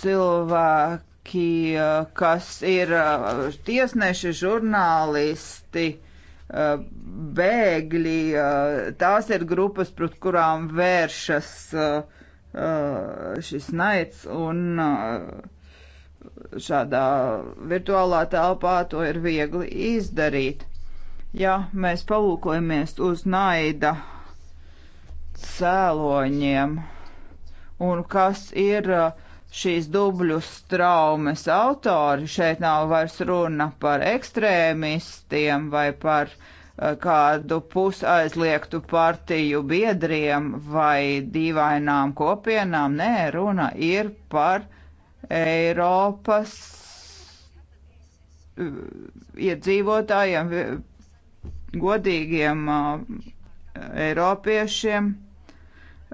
cilvēki cilvēki, eh, kas ir eh, tiesneši, žurnālisti, eh, bēgļi, tās ir grupas, pret kurām vēršas šis naids un šādā virtuālā telpā to ir viegli izdarīt. Ja mēs palūkojamies uz naida cēloņiem un kas ir uh, šīs dubļu straumes autori. Šeit nav vairs runa par ekstrēmistiem vai par uh, kādu pusaizliegtu partiju biedriem vai dīvainām kopienām. Nē, runa ir par Eiropas uh, iedzīvotājiem, godīgiem uh, Eiropiešiem.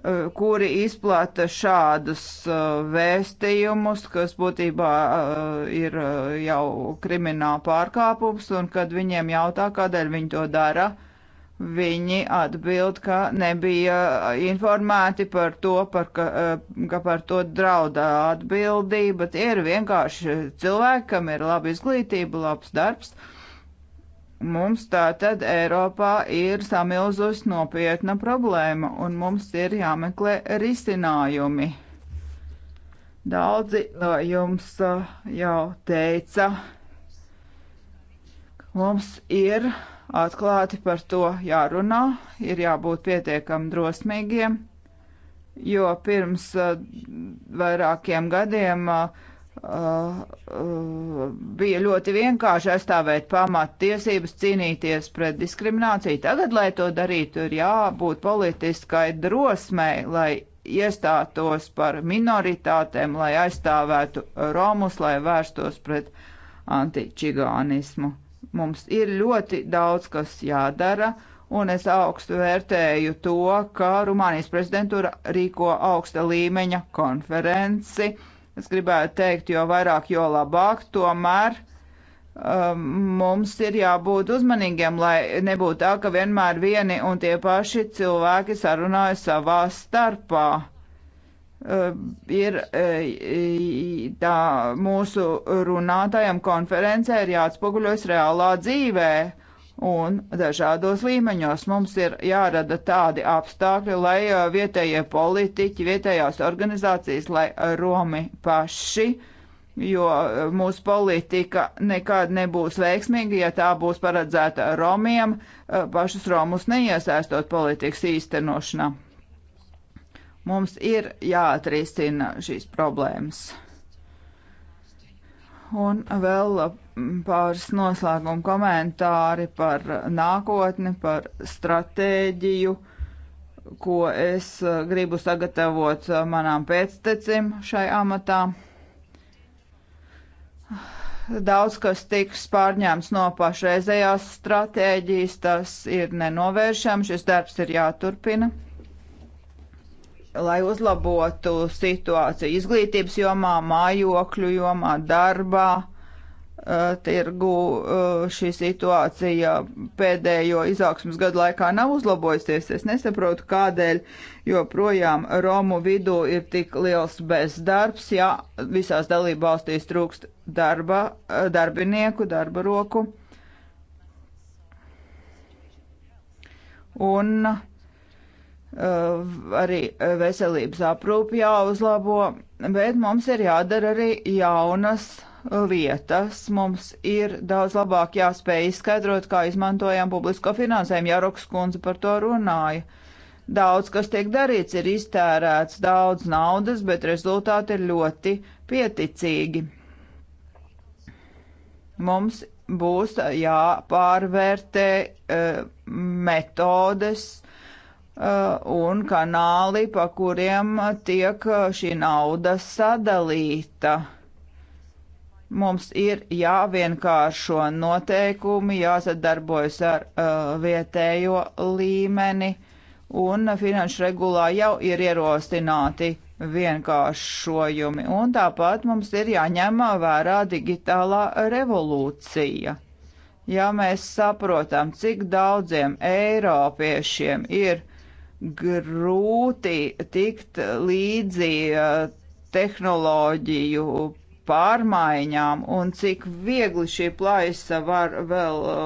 Eh, kuri izplata šādus eh, vēstījumus, kas būtībā eh, ir jau krimināla pārkāpums, un kad viņiem jautā, kādēļ viņi to dara, viņi atbild, ka nebija informēti par to, par ka, ka par to draudā atbildība. Tie ir vienkārši cilvēki, kam ir laba izglītība, labs darbs Mums tā tad Eiropā ir samilzus nopietna problēma, un mums ir jāmeklē risinājumi. Daudzi no jums uh, jau teica, mums ir atklāti par to jārunā, ir jābūt pietiekam drosmīgiem, jo pirms uh, vairākiem gadiem uh, Uh, uh, bija ļoti vienkārši aizstāvēt pamattiesības, cīnīties pret diskrimināciju. Tagad, lai to darītu, ir jābūt politiskai drosmei, lai iestātos par minoritātēm, lai aizstāvētu Romus, lai vērstos pret antičigānismu. Mums ir ļoti daudz, kas jādara, un es augstu vērtēju to, ka Rumānijas prezidentūra rīko augsta līmeņa konferenci es gribētu teikt, jo vairāk, jo labāk, tomēr um, mums ir jābūt uzmanīgiem, lai nebūtu tā, ka vienmēr vieni un tie paši cilvēki sarunājas savā starpā. Uh, ir uh, tā mūsu runātajam konferencē ir jāatspoguļojas reālā dzīvē un dažādos līmeņos. Mums ir jārada tādi apstākļi, lai vietējie politiķi, vietējās organizācijas, lai Romi paši, jo mūsu politika nekad nebūs veiksmīga, ja tā būs paredzēta Romiem, pašus Romus neiesaistot politikas īstenošanā. Mums ir jāatrisina šīs problēmas. Un vēl pāris noslēguma komentāri par nākotni, par stratēģiju, ko es eh, gribu sagatavot eh, manām pēctecim šai amatā. Daudz kas tiks pārņēmts no pašreizējās stratēģijas, tas ir nenovēršams, šis darbs ir jāturpina lai uzlabotu situāciju izglītības jomā, mājokļu jomā, darbā Eh, tirgu eh, šī situācija pēdējo izaugsmas gadu laikā nav uzlabojusies. Es nesaprotu, kādēļ joprojām Romu vidū ir tik liels bezdarbs, ja visās dalība valstīs trūkst darba, eh, darbinieku, darba roku. Un uh, arī veselības aprūpi jāuzlabo, bet mums ir jādara arī jaunas lietas. Mums ir daudz labāk jāspēj izskaidrot, kā izmantojam publisko finansējumu. Jāroks kundze par to runāja. Daudz, kas tiek darīts, ir iztērēts daudz naudas, bet rezultāti ir ļoti pieticīgi. Mums būs jāpārvērtē uh, metodes uh, un kanāli, pa kuriem tiek šī nauda sadalīta. Mums ir jāvienkāršo noteikumi, jāsadarbojas ar uh, vietējo līmeni, un finanšu regulā jau ir ierostināti vienkāršojumi. Un tāpat mums ir jāņem vērā digitālā revolūcija. Ja mēs saprotam, cik daudziem eiropiešiem ir grūti tikt līdzi uh, tehnoloģiju pārmaiņām un cik viegli šī plaisa var vēl uh,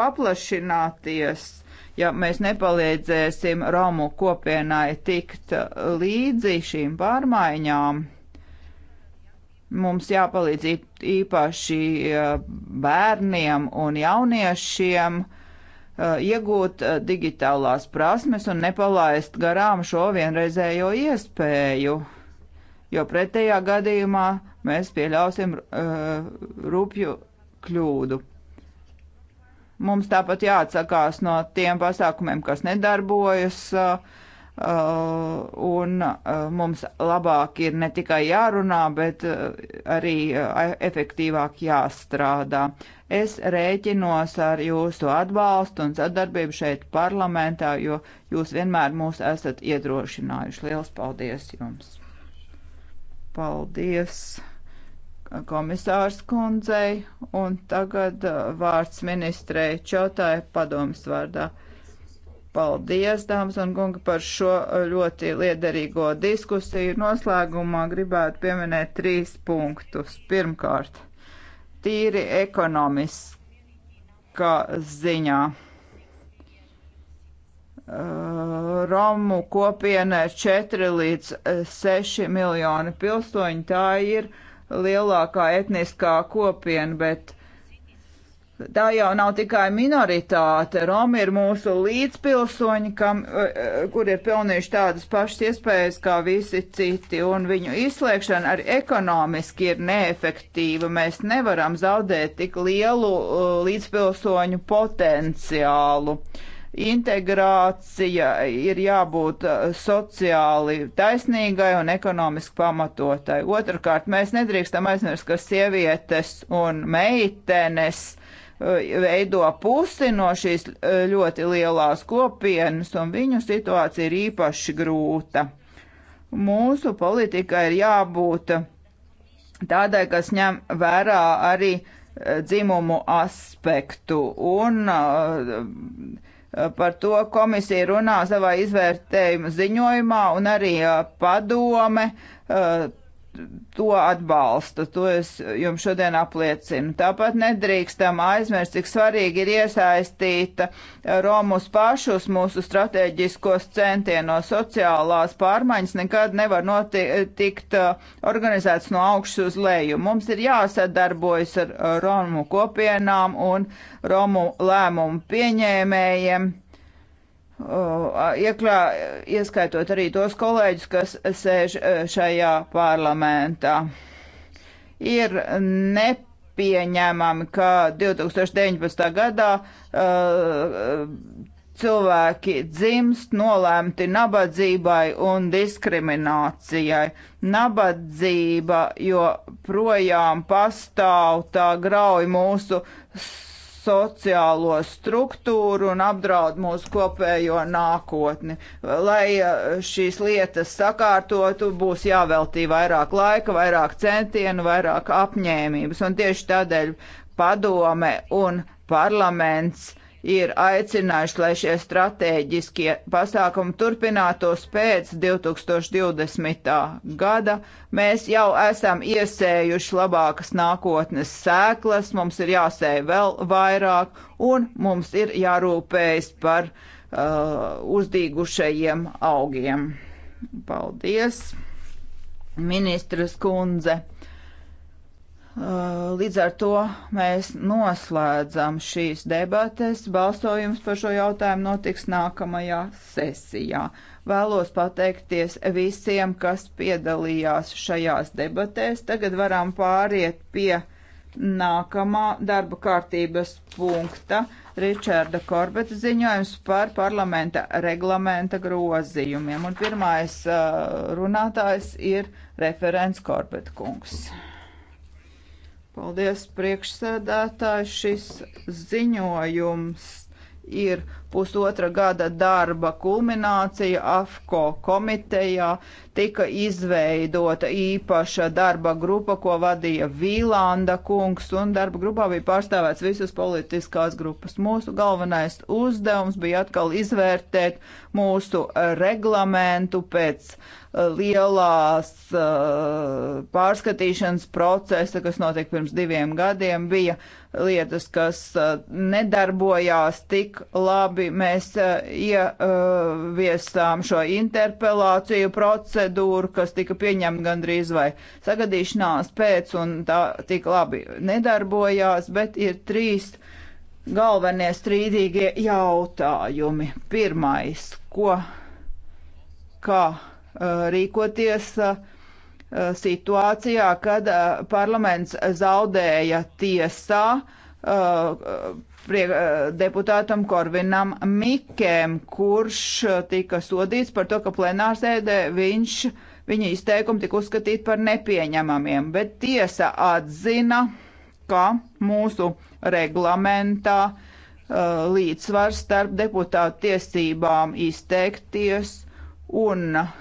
paplašināties, ja mēs nepalīdzēsim Romu kopienai tikt uh, līdzi šīm pārmaiņām. Mums jāpalīdz īpaši uh, bērniem un jauniešiem uh, iegūt digitālās prasmes un nepalaist garām šo vienreizējo iespēju, jo pretējā gadījumā uh, mēs pieļausim uh, rupju kļūdu. Mums tāpat jāatsakās no tiem pasākumiem, kas nedarbojas, uh, uh, un uh, mums labāk ir ne tikai jārunā, bet uh, arī uh, efektīvāk jāstrādā. Es rēķinos ar jūsu atbalstu un sadarbību šeit parlamentā, jo jūs vienmēr mūs esat iedrošinājuši. Liels paldies jums! Paldies! komisārs kundzei, un tagad uh, vārds ministrei Čotāja padomas vārdā. Paldies, dāmas un kungi, par šo uh, ļoti liederīgo diskusiju. Noslēgumā gribētu pieminēt trīs punktus. Pirmkārt, tīri ekonomiskā ziņā. Uh, Romu kopienē 4 līdz 6 miljoni pilsoņu tā ir uh, lielākā etniskā kopiena, bet tā jau nav tikai minoritāte. Romi ir mūsu līdzpilsoņi, kam, eh, kur ir pelnījuši tādas pašas iespējas kā visi citi, un viņu izslēgšana arī ekonomiski ir neefektīva. Mēs nevaram zaudēt tik lielu eh, līdzpilsoņu potenciālu. Uh, Integrācija ir jābūt uh, sociāli taisnīgai un ekonomiski pamatotai. Otrakārt, mēs nedrīkstam aizmirst, ka sievietes un meitenes uh, veido pusi no šīs uh, ļoti lielās kopienas, un viņu situācija ir īpaši grūta. Mūsu politika ir jābūt tādai, kas ņem vērā arī dzimumu aspektu un uh, Eh, par to komisija runā savā izvērtējuma ziņojumā un arī eh, padome eh, to atbalsta. To es jums šodien apliecinu. Tāpat nedrīkstam aizmirst, cik svarīgi ir iesaistīta Romus pašus mūsu strateģiskos centienos. Sociālās pārmaiņas nekad nevar notikt organizētas no augšas uz leju. Mums ir jāsadarbojas ar Romu kopienām un Romu lēmumu pieņēmējiem iekļā, ieskaitot arī tos kolēģus, kas sēž e, šajā parlamentā. Ir nepieņēmami, ka 2019. gadā uh, cilvēki dzimst nolēmti nabadzībai un diskriminācijai. Nabadzība joprojām pastāv, tā grauj mūsu sociālo struktūru un apdraud mūsu kopējo nākotni. Lai e, šīs lietas sakārtotu, būs jāveltī vairāk laika, vairāk centienu, vairāk apņēmības. Un tieši tādēļ padome un parlaments ir aicinājuši, lai šie strateģiskie pasākumi turpinātos pēc 2020. gada. Mēs jau esam iesējuši labākas nākotnes sēklas, mums ir jāsēj vēl vairāk un mums ir jārūpējas par uh, uzdīgušajiem augiem. Paldies, ministras kundze! Eh, līdz ar to mēs noslēdzam šīs debates. Balsojums par šo jautājumu notiks nākamajā sesijā. Vēlos pateikties visiem, kas piedalījās šajās debatēs. Tagad varam pāriet pie nākamā darba kārtības punkta - Ričarda Korbeta ziņojums par parlamenta reglamenta grozījumiem. Un pirmais eh, runātājs ir referents Korbeta kungs. Paldies, priekšsēdētāji. Šis ziņojums ir pusotra gada darba kulminācija. AFCO komitejā tika izveidota īpaša darba grupa, ko vadīja Vīlanda kungs, un darba grupā bija pārstāvēts visas politiskās grupas. Mūsu galvenais uzdevums bija atkal izvērtēt mūsu reglamentu pēc uh, Uh, lielās uh, pārskatīšanas procesa, kas notika pirms diviem gadiem, bija lietas, kas uh, nedarbojās tik labi. Mēs ieviesām šo interpelāciju procedūru, kas tika pieņemta gandrīz vai sagadīšanās pēc, un tā tik labi nedarbojās, bet ir trīs galvenie strīdīgie jautājumi. Pirmais, ko, kā Eh, rīkoties eh, situācijā, kad eh, parlaments zaudēja tiesā deputātam Korvinam Mikēm, kurš tika sodīts par to, ka plenārsēdē viņš, viņa izteikumi tika uzskatīti par nepieņemamiem, bet tiesa atzina, ka mūsu reglamentā līdzsvars starp deputātu tiesībām izteikties un uh,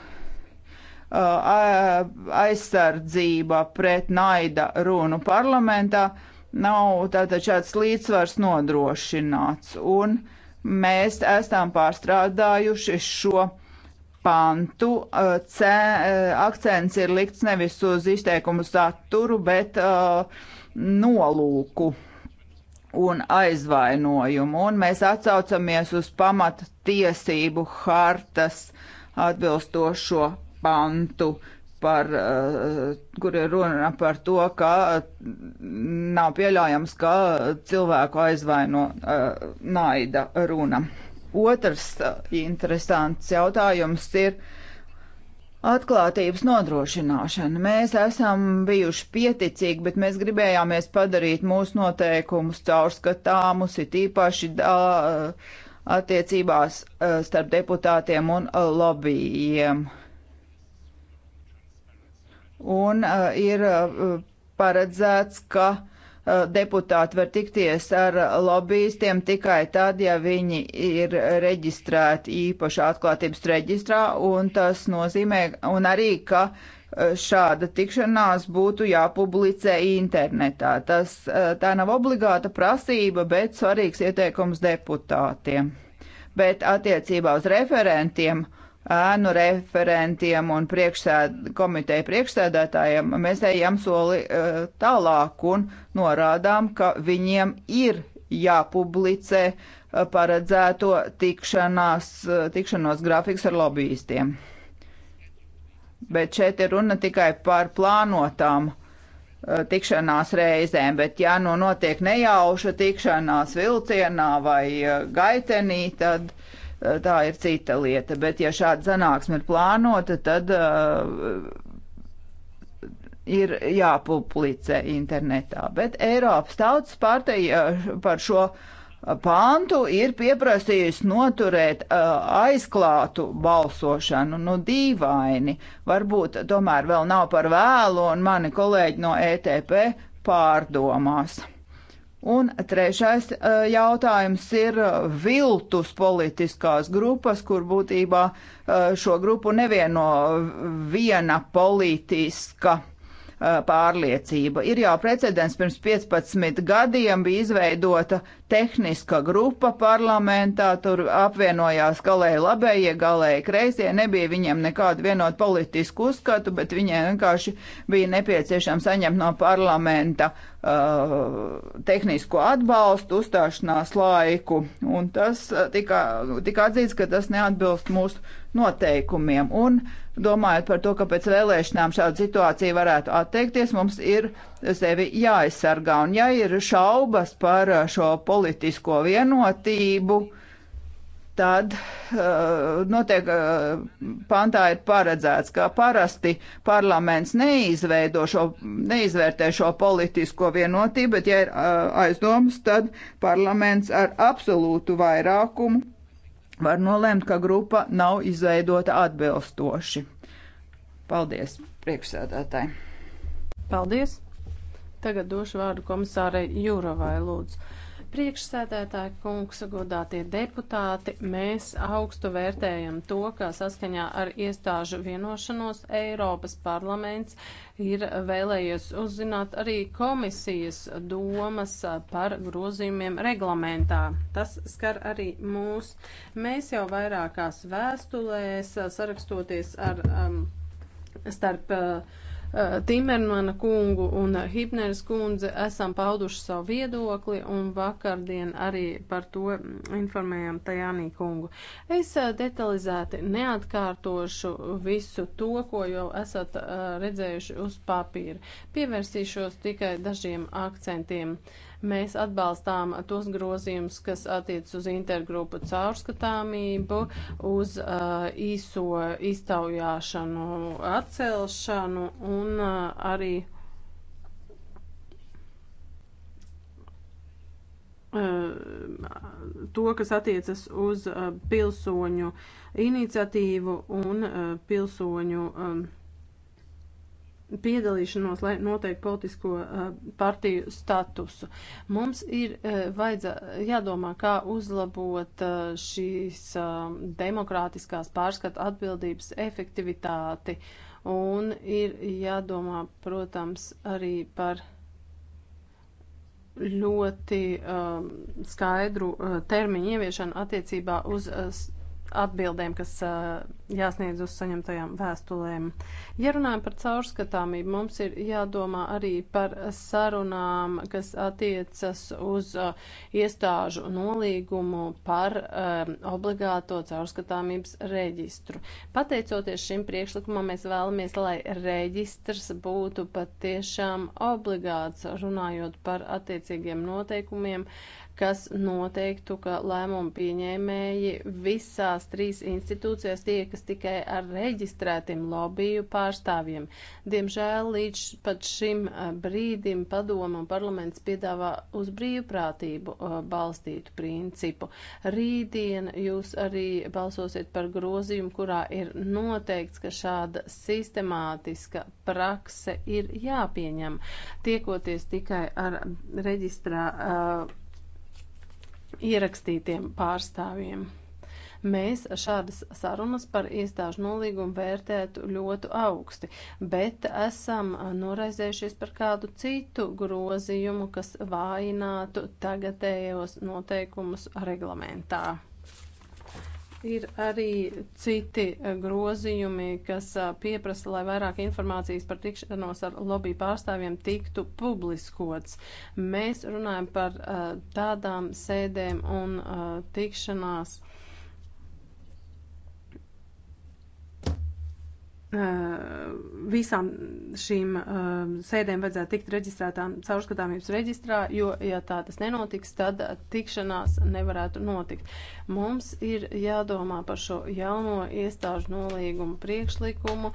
Uh, aizsardzība pret naida runu parlamentā nav tātad šāds līdzsvars nodrošināts. Un mēs esam pārstrādājuši šo pantu. Uh, C, uh, akcents ir likts nevis uz izteikumu saturu, bet uh, nolūku un aizvainojumu. Un mēs atsaucamies uz pamata tiesību hartas atbilstošo pantu, par, eh, kur ir runa par to, ka mm, nav pieļaujams, ka cilvēku aizvaino eh, naida runa. Otrs eh, interesants jautājums ir atklātības nodrošināšana. Mēs esam bijuši pieticīgi, bet mēs gribējāmies padarīt mūsu noteikumus caurskatāmus, it īpaši dā, attiecībās starp deputātiem un lobbyiem. Uh, un uh, ir uh, paredzēts, ka uh, deputāti var tikties ar lobbyistiem tikai tad, ja viņi ir reģistrēti īpašā atklātības reģistrā, un tas nozīmē, un arī, ka uh, šāda tikšanās būtu jāpublicē internetā. Tas, uh, tā nav obligāta prasība, bet svarīgs ieteikums deputātiem. Bet attiecībā uz referentiem uh, ēnu referentiem un priekšsēd, komiteja priekšsēdētājiem, mēs ejam soli uh, tālāk un norādām, ka viņiem ir jāpublicē uh, paredzēto tikšanās, uh, tikšanos grafiks ar lobbyistiem. Bet šeit ir runa tikai par plānotām tikšanās reizēm, bet ja nu notiek nejauša tikšanās vilcienā vai gaitenī, tad uh, Eh, tā ir cita lieta. Bet, ja šāda sanāksme ir plānota, tad uh, ir jāpublicē internetā. Bet Eiropas tautas partija eh, par šo pāntu ir pieprasījusi noturēt uh, aizklātu balsošanu. Nu, dīvaini. Varbūt tomēr vēl nav par vēlu, un mani kolēģi no ETP pārdomās. Un trešais eh, jautājums ir eh, viltus politiskās grupas, kur būtībā eh, šo grupu nevieno viena politiska pārliecība. Ir jau precedents pirms 15 gadiem bija izveidota tehniska grupa parlamentā, tur apvienojās galēji labējie, galēji kreisie, nebija viņiem nekādu vienotu politisku uzskatu, bet viņiem vienkārši bija nepieciešams saņemt no parlamenta uh, tehnisko atbalstu, uzstāšanās laiku, un tas tika, tika atzīts, ka tas neatbilst mūsu noteikumiem. Un domājot par to, ka pēc vēlēšanām šāda situācija varētu atteikties, mums ir sevi jāaizsargā. Un ja ir šaubas par šo politisko vienotību, tad uh, notiek, uh, pantā ir paredzēts, ka parasti parlaments neizveido šo, neizvērtē šo politisko vienotību, bet ja ir uh, aizdomas, tad parlaments ar absolūtu vairākumu var nolēmt, ka grupa nav izveidota atbilstoši. Paldies, priekšsēdētāji. Paldies. Tagad došu vārdu komisārai Jūravai Lūdzu. Priekšsēdētāji kungs, godātie deputāti, mēs augstu vērtējam to, ka saskaņā ar iestāžu vienošanos Eiropas parlaments ir vēlējies uzzināt arī komisijas domas par grozījumiem reglamentā. Tas skar arī mūs. Mēs jau vairākās vēstulēs sarakstoties ar um, starp uh, Timermana kungu un Hibneres kundze esam pauduši savu viedokli un vakardien arī par to informējām Tajānī kungu. Es eh, detalizēti neatkārtošu visu to, ko jau esat eh, redzējuši uz papīra. Pievērsīšos tikai dažiem akcentiem. Uh, Mēs atbalstām tos grozījumus, kas attiec uz intergrupu caurskatāmību, uz uh, īso iztaujāšanu, atcelšanu un uh, arī. Uh, to, kas attiecas uz uh, pilsoņu iniciatīvu un uh, pilsoņu um, piedalīšanos, lai noteiktu politisko eh, partiju statusu. Mums ir eh, vajadzā, jādomā, kā uzlabot eh, šīs demokrātiskās pārskata atbildības efektivitāti un ir jādomā, protams, arī par ļoti um, skaidru uh, termiņu ieviešanu attiecībā uz uh, atbildēm, kas jāsniedz uz saņemtajām vēstulēm. Ja runājam par caurskatāmību, mums ir jādomā arī par sarunām, kas attiecas uz iestāžu nolīgumu par obligāto caurskatāmības reģistru. Pateicoties šim priekšlikumam, mēs vēlamies, lai reģistrs būtu patiešām obligāts, runājot par attiecīgiem noteikumiem. Uh, kas noteiktu, ka lēmumu pieņēmēji visās trīs institūcijās tiekas tikai ar reģistrētiem lobiju pārstāvjiem. Diemžēl līdz pat šim eh, brīdim padoma un parlaments piedāvā uz brīvprātību eh, balstītu principu. Rītdien jūs arī balsosiet par grozījumu, kurā ir noteikts, ka šāda sistemātiska prakse ir jāpieņem, tiekoties tikai ar reģistrā. Uh, ierakstītiem pārstāvjiem. Mēs šādas sarunas par iestāžu nolīgumu vērtētu ļoti augsti, bet esam noraizējušies par kādu citu grozījumu, kas vājinātu tagadējos noteikumus reglamentā. Ir arī citi eh, grozījumi, kas eh, pieprasa, lai vairāk informācijas par tikšanos ar lobby pārstāvjiem tiktu publiskots. Mēs runājam par eh, tādām sēdēm un tikšanās Eh, visām šīm eh, sēdēm vajadzētu tikt reģistrētām caurskatāmības reģistrā, jo, ja tā tas nenotiks, tad tikšanās nevarētu notikt. Mums ir jādomā par šo jauno iestāžu nolīgumu priekšlikumu.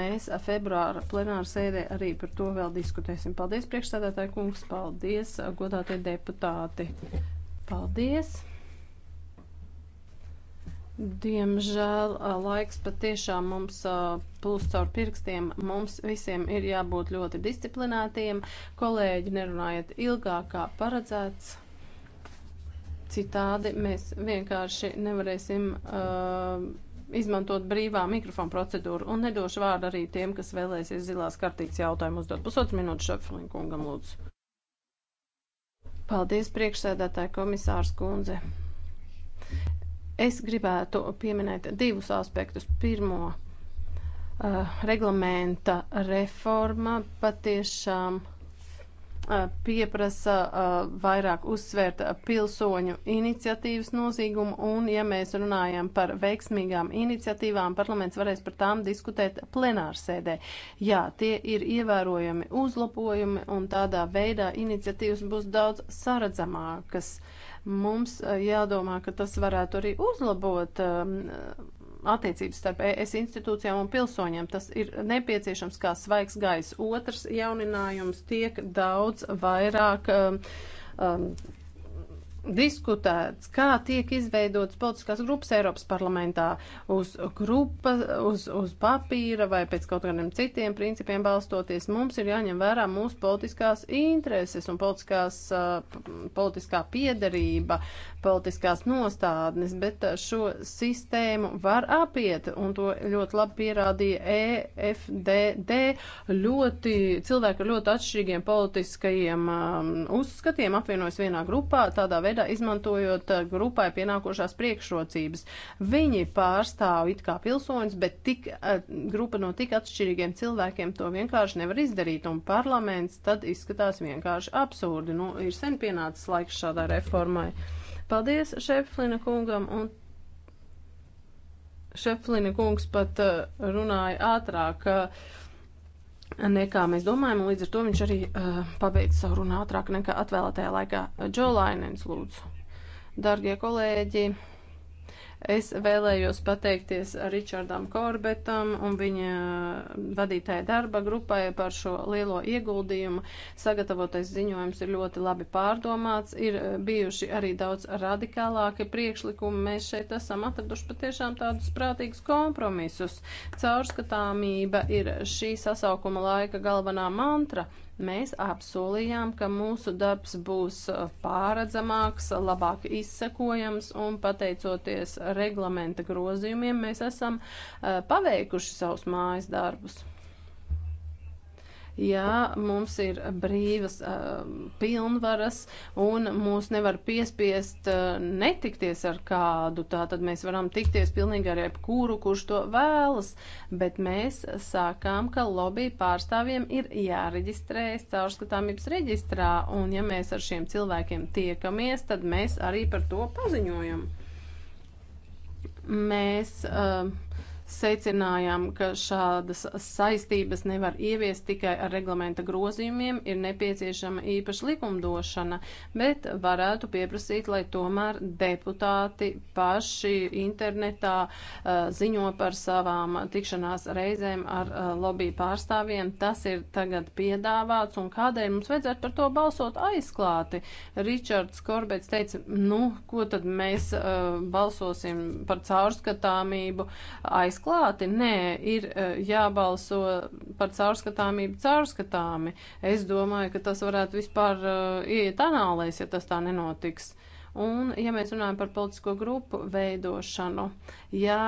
Mēs februāra plenāru sēdē arī par to vēl diskutēsim. Paldies, priekšstādātāji kungs, paldies, godātie deputāti. Paldies! Diemžēl laiks patiešām mums plūst caur pirkstiem. Mums visiem ir jābūt ļoti disciplinētiem. Kolēģi, nerunājiet ilgāk kā paredzēts. Citādi mēs vienkārši nevarēsim uh, izmantot brīvā mikrofona procedūru un nedošu vārdu arī tiem, kas vēlēsies zilās kartītes jautājumu uzdot. Pusotru minūtu Šeflinkungam lūdzu. Paldies, priekšsēdētāja komisārs Kunze. Es gribētu pieminēt divus aspektus. Pirmo, uh, reglamenta reforma patiešām eh, pieprasa uh, vairāk uzsvērt pilsoņu iniciatīvas nozīgumu, un, ja mēs runājam par veiksmīgām iniciatīvām, parlaments varēs par tām diskutēt plenārsēdē. Jā, tie ir ievērojami uzlabojumi, un tādā veidā iniciatīvas būs daudz saredzamākas. Uh, Mums eh, jādomā, ka tas varētu arī uzlabot ehm, attiecības starp ES institūcijām un pilsoņiem. Tas ir nepieciešams kā svaigs gaiss. Otrs jauninājums tiek daudz vairāk um, um, diskutēts, kā tiek izveidotas politiskās grupas Eiropas parlamentā uz grupa, uz, uz papīra vai pēc kaut kādiem citiem principiem balstoties. Mums ir jāņem vērā mūsu politiskās intereses un politiskās, uh, politiskā piederība, politiskās nostādnes, bet uh, šo sistēmu var apiet, un to ļoti labi pierādīja EFDD. Ļoti, cilvēki ar ļoti atšķirīgiem politiskajiem um, uzskatiem apvienojas vienā grupā, tādā veidā veidā izmantojot eh, grupai pienākošās priekšrocības. Viņi pārstāv it kā pilsoņus, bet tik, eh, grupa no tik atšķirīgiem cilvēkiem to vienkārši nevar izdarīt, un parlaments tad izskatās vienkārši absurdi. Nu, ir sen pienācis laiks šādai reformai. Paldies Šeflina kungam un Šeflina kungs pat eh, runāja ātrāk. Uh, nekā mēs domājam, un līdz ar to viņš arī uh, eh, pabeidz savu runu ātrāk nekā atvēlētajā laikā. Džo Lainens, lūdzu. Dargie kolēģi, Es vēlējos pateikties Ričardam Korbetam un viņa vadītāja darba grupai par šo lielo ieguldījumu. Sagatavotais ziņojums ir ļoti labi pārdomāts, ir bijuši arī daudz radikālāki priekšlikumi. Mēs šeit esam atraduši patiešām tādus prātīgus kompromisus. Caurskatāmība ir šī sasaukuma laika galvenā mantra. Mēs apsolījām, ka mūsu darbs būs uh, pāredzamāks, labāk izsekojams, un pateicoties reglamenta grozījumiem, mēs esam uh, paveikuši savus mājas darbus ja mums ir brīvas uh, pilnvaras un mūs nevar piespiest uh, netikties ar kādu, tā tad mēs varam tikties pilnīgi ar jebkuru, kurš to vēlas, bet mēs sākām, ka lobby pārstāvjiem ir jāreģistrējas caurskatāmības reģistrā, un ja mēs ar šiem cilvēkiem tiekamies, tad mēs arī par to paziņojam. Mēs uh, secinājām, ka šādas saistības nevar ieviest tikai ar reglamenta grozījumiem, ir nepieciešama īpaša likumdošana, bet varētu pieprasīt, lai tomēr deputāti paši internetā uh, ziņo par savām tikšanās reizēm ar uh, lobby pārstāvjiem. Tas ir tagad piedāvāts un kādēļ mums vajadzētu par to balsot aizklāti. Ričards Korbets teica, nu, ko tad mēs uh, balsosim par caurskatāmību aizklāti ķeramies klāti. Nē, ir e, jābalso par caurskatāmību caurskatāmi. Es domāju, ka tas varētu vispār e, iet anālēs, ja tas tā nenotiks. Un, ja mēs runājam par politisko grupu veidošanu, jā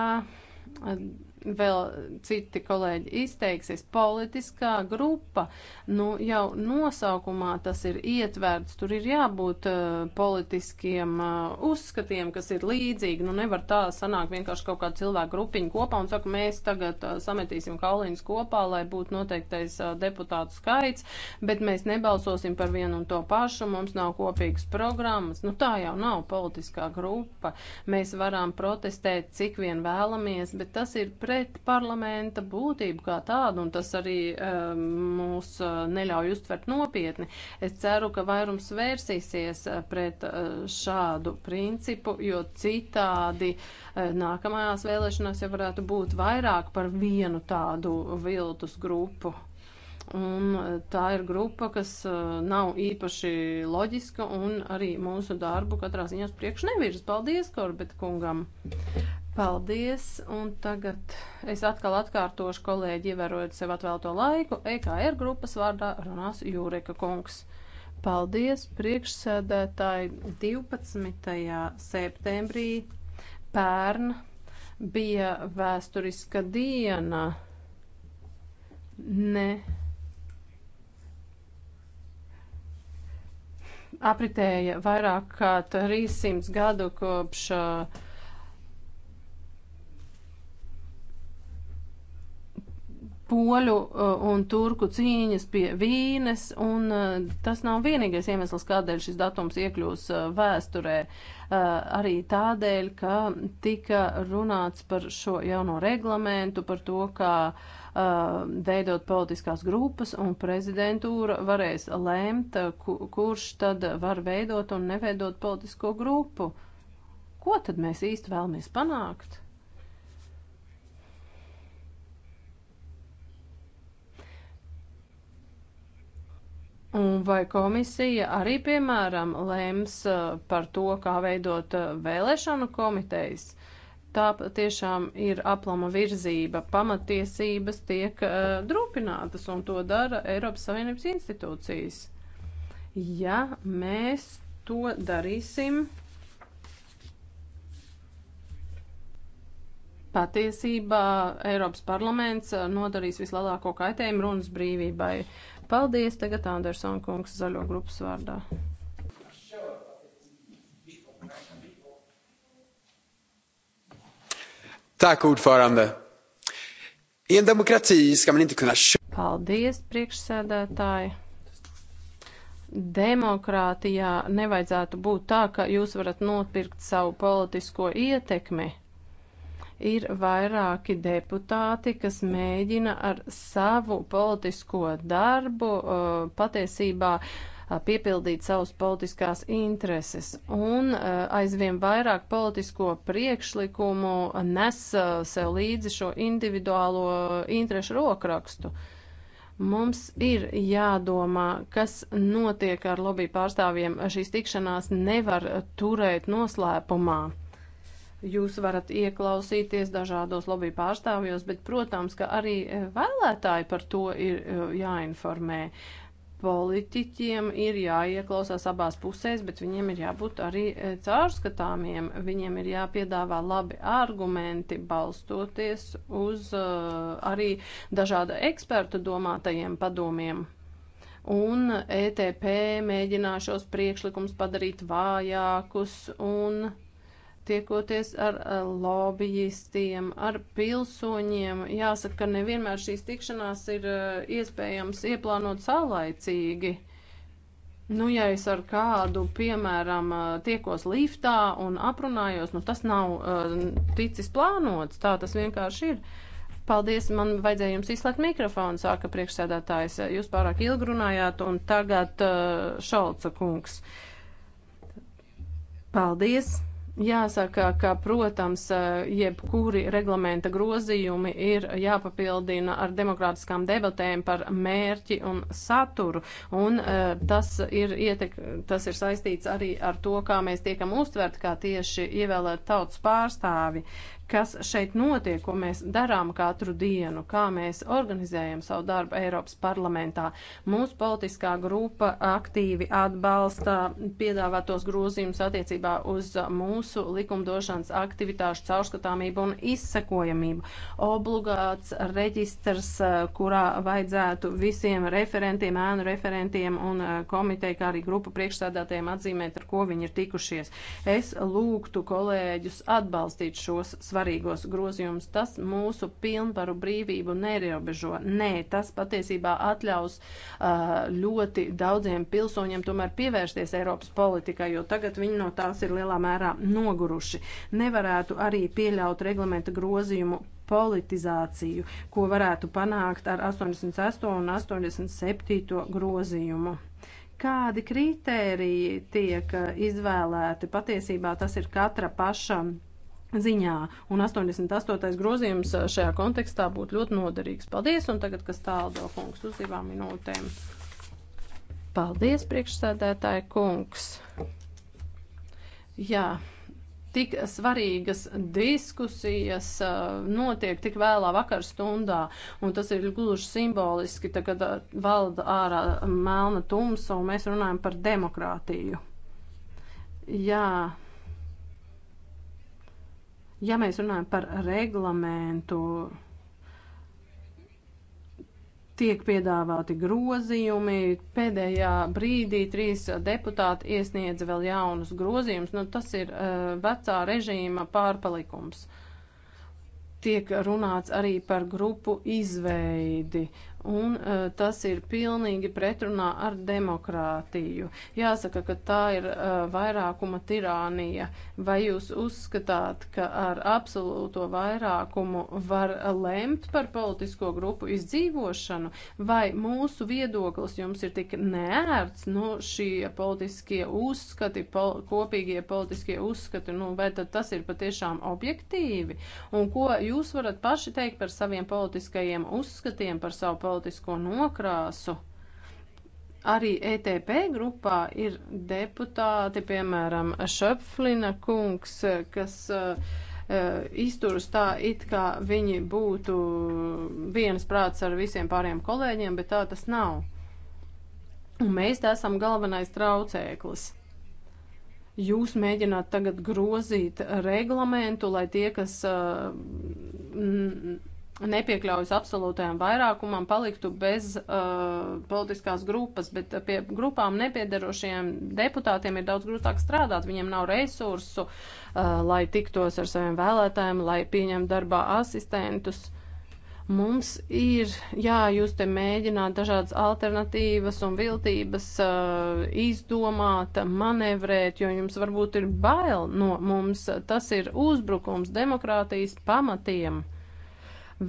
vēl citi kolēģi izteiksies, politiskā grupa, nu jau nosaukumā tas ir ietverts, tur ir jābūt uh, politiskiem uh, uzskatiem, kas ir līdzīgi, nu nevar tā sanāk vienkārši kaut kāda cilvēka grupiņa kopā un saka, mēs tagad uh, sametīsim kaulīņus kopā, lai būtu noteiktais uh, deputātu skaits, bet mēs nebalsosim par vienu un to pašu, mums nav kopīgas programmas, nu tā jau nav politiskā grupa, mēs varam protestēt cik vien vēlamies, bet tas ir pret pret parlamenta būtību kā tādu, un tas arī um, mūs eh, neļauj uztvert nopietni. Es ceru, ka vairums vērsīsies eh, pret eh, šādu principu, jo citādi nākamajās vēlēšanās jau varētu būt vairāk par vienu tādu viltus grupu. Un tā ir grupa, kas nav īpaši loģiska un arī mūsu darbu katrā ziņā uz priekšu nevirs. Paldies, Korbet kungam! Paldies, un tagad es atkal atkārtošu kolēģi, ievērojot sev atvēlto laiku. EKR grupas vārdā runās Jūreka kungs. Paldies, priekšsēdētāji, 12. septembrī pērn bija vēsturiska diena. Ne. Apritēja vairāk kā 300 gadu kopš uh, poļu uh, un turku cīņas pie vīnes, un uh, tas nav vienīgais iemesls, kādēļ šis datums iekļūs uh, vēsturē. Arī tādēļ, ka tika runāts par šo jauno reglamentu, par to, kā veidot politiskās grupas, un prezidentūra varēs lēmt, kurš tad var veidot un neveidot politisko grupu. Ko tad mēs īsti vēlamies panākt? Un vai komisija arī, piemēram, lems uh, par to, kā veidot uh, vēlēšanu komitejas? Tā tiešām ir aplama virzība. Pamatiesības tiek uh, drūpinātas, un to dara Eiropas Savienības institūcijas. Ja mēs to darīsim, patiesībā Eiropas parlaments uh, nodarīs vislielāko kaitējumu runas brīvībai. Uh, Paldies, tagad Andersona kungs zaļo grupas vārdā. Tack ordförande. I en demokrati ska man inte kunna Paldies, priekšsēdētāji. Demokrātijā nevajadzētu būt tā, ka jūs varat nopirkt savu politisko ietekmi ir vairāki deputāti, kas mēģina ar savu politisko darbu uh, patiesībā uh, piepildīt savus politiskās intereses. Un uh, aizvien vairāk politisko priekšlikumu nes sev līdzi šo individuālo interešu rokrakstu. Mums ir jādomā, kas notiek ar lobby pārstāvjiem. Šīs tikšanās nevar turēt noslēpumā. Jūs varat ieklausīties dažādos lobby pārstāvjos, bet, protams, ka arī e, vēlētāji par to ir e, jāinformē. Politiķiem ir jāieklausās abās pusēs, bet viņiem ir jābūt arī e, caurskatāmiem. Viņiem ir jāpiedāvā labi argumenti, balstoties uz uh, arī dažāda ekspertu domātajiem padomiem un ETP mēģināšos priekšlikums padarīt vājākus un tiekoties ar eh, lobbyistiem, ar pilsoņiem. Jāsaka, ka nevienmēr šīs tikšanās ir eh, iespējams ieplānot saulaicīgi. Nu, ja es ar kādu, piemēram, eh, tiekos liftā un aprunājos, nu tas nav uh, ticis plānots, tā tas vienkārši ir. Paldies, man vajadzēja jums izslēgt mikrofonu, sāka priekšsēdētājs. Jūs pārāk ilgi runājāt un tagad uh, Šolca kungs. Paldies! Jāsaka, ka, protams, eh, jebkuri reglamenta grozījumi ir jāpapildina ar demokrātiskām debatēm par mērķi un saturu, un eh, tas ir, ietek, tas ir saistīts arī ar to, kā mēs tiekam uztverti kā tieši ievēlēt tautas pārstāvi kas šeit notiek, ko mēs darām katru dienu, kā mēs organizējam savu darbu Eiropas parlamentā. Mūsu politiskā grupa aktīvi atbalsta piedāvātos grozījumus attiecībā uz mūsu likumdošanas aktivitāšu caurskatāmību un izsekojamību. Obligāts reģistrs, kurā vajadzētu visiem referentiem, ēnu referentiem un komiteja, kā arī grupu priekšsēdātiem atzīmēt, ar ko viņi ir tikušies. Es lūgtu kolēģus atbalstīt šos svarīgus svarīgos grozījumus. Tas mūsu pilnvaru brīvību nerobežo. Nē, tas patiesībā atļaus uh, ļoti daudziem pilsoņiem tomēr pievērsties Eiropas politikai, jo tagad viņi no tās ir lielā mērā noguruši. Nevarētu arī pieļaut reglamenta grozījumu politizāciju, ko varētu panākt ar 88 un 87 grozījumu kādi kritēriji tiek uh, izvēlēti. Patiesībā tas ir katra paša ziņā, un 88. grozījums uh, šajā kontekstā būtu ļoti noderīgs. Paldies, un tagad, kas tāldo kungs uz divām minūtēm. Paldies, priekšsēdētāji kungs. Jā, tik svarīgas diskusijas uh, notiek tik vēlā vakar stundā, un tas ir gluži simboliski, tagad uh, valda ārā melna tumsa, un mēs runājam par demokrātiju. Jā. Ja mēs runājam par reglamentu, tiek piedāvāti grozījumi. Pēdējā brīdī trīs deputāti iesniedza vēl jaunus grozījumus. Nu, tas ir uh, vecā režīma pārpalikums. Tiek runāts arī par grupu izveidi. Uh, un uh, tas ir pilnīgi pretrunā ar demokrātiju. Jāsaka, ka tā ir uh, vairākuma tirānija. Vai jūs uzskatāt, ka ar absolūto vairākumu var lemt par politisko grupu izdzīvošanu, vai mūsu viedoklis jums ir tik nērts, nu, šie politiskie uzskati, pol kopīgie politiskie uzskati, nu, vai tad tas ir patiešām objektīvi? Un ko jūs varat paši teikt par saviem politiskajiem uzskatiem, par savu politiku? politisko nokrāsu. Arī ETP grupā ir deputāti, piemēram, Šöpflina kungs, kas uh, izturas tā, it kā viņi būtu vienas prāts ar visiem pāriem kolēģiem, bet tā tas nav. Un mēs te esam galvenais traucēklis jūs mēģināt tagad grozīt reglamentu, lai tie, kas uh, nepiekļaujas absolūtajam vairākumam, paliktu bez uh, politiskās grupas, bet uh, pie grupām nepiedarošiem deputātiem ir daudz grūtāk strādāt, viņiem nav resursu, uh, lai tiktos ar saviem vēlētājiem, lai pieņemtu darbā asistentus. Mums ir, jā, jūs te mēģināt dažādas alternatīvas un viltības uh, izdomāt, manevrēt, jo jums varbūt ir bail no mums. Tas ir uzbrukums demokrātijas pamatiem. Uh,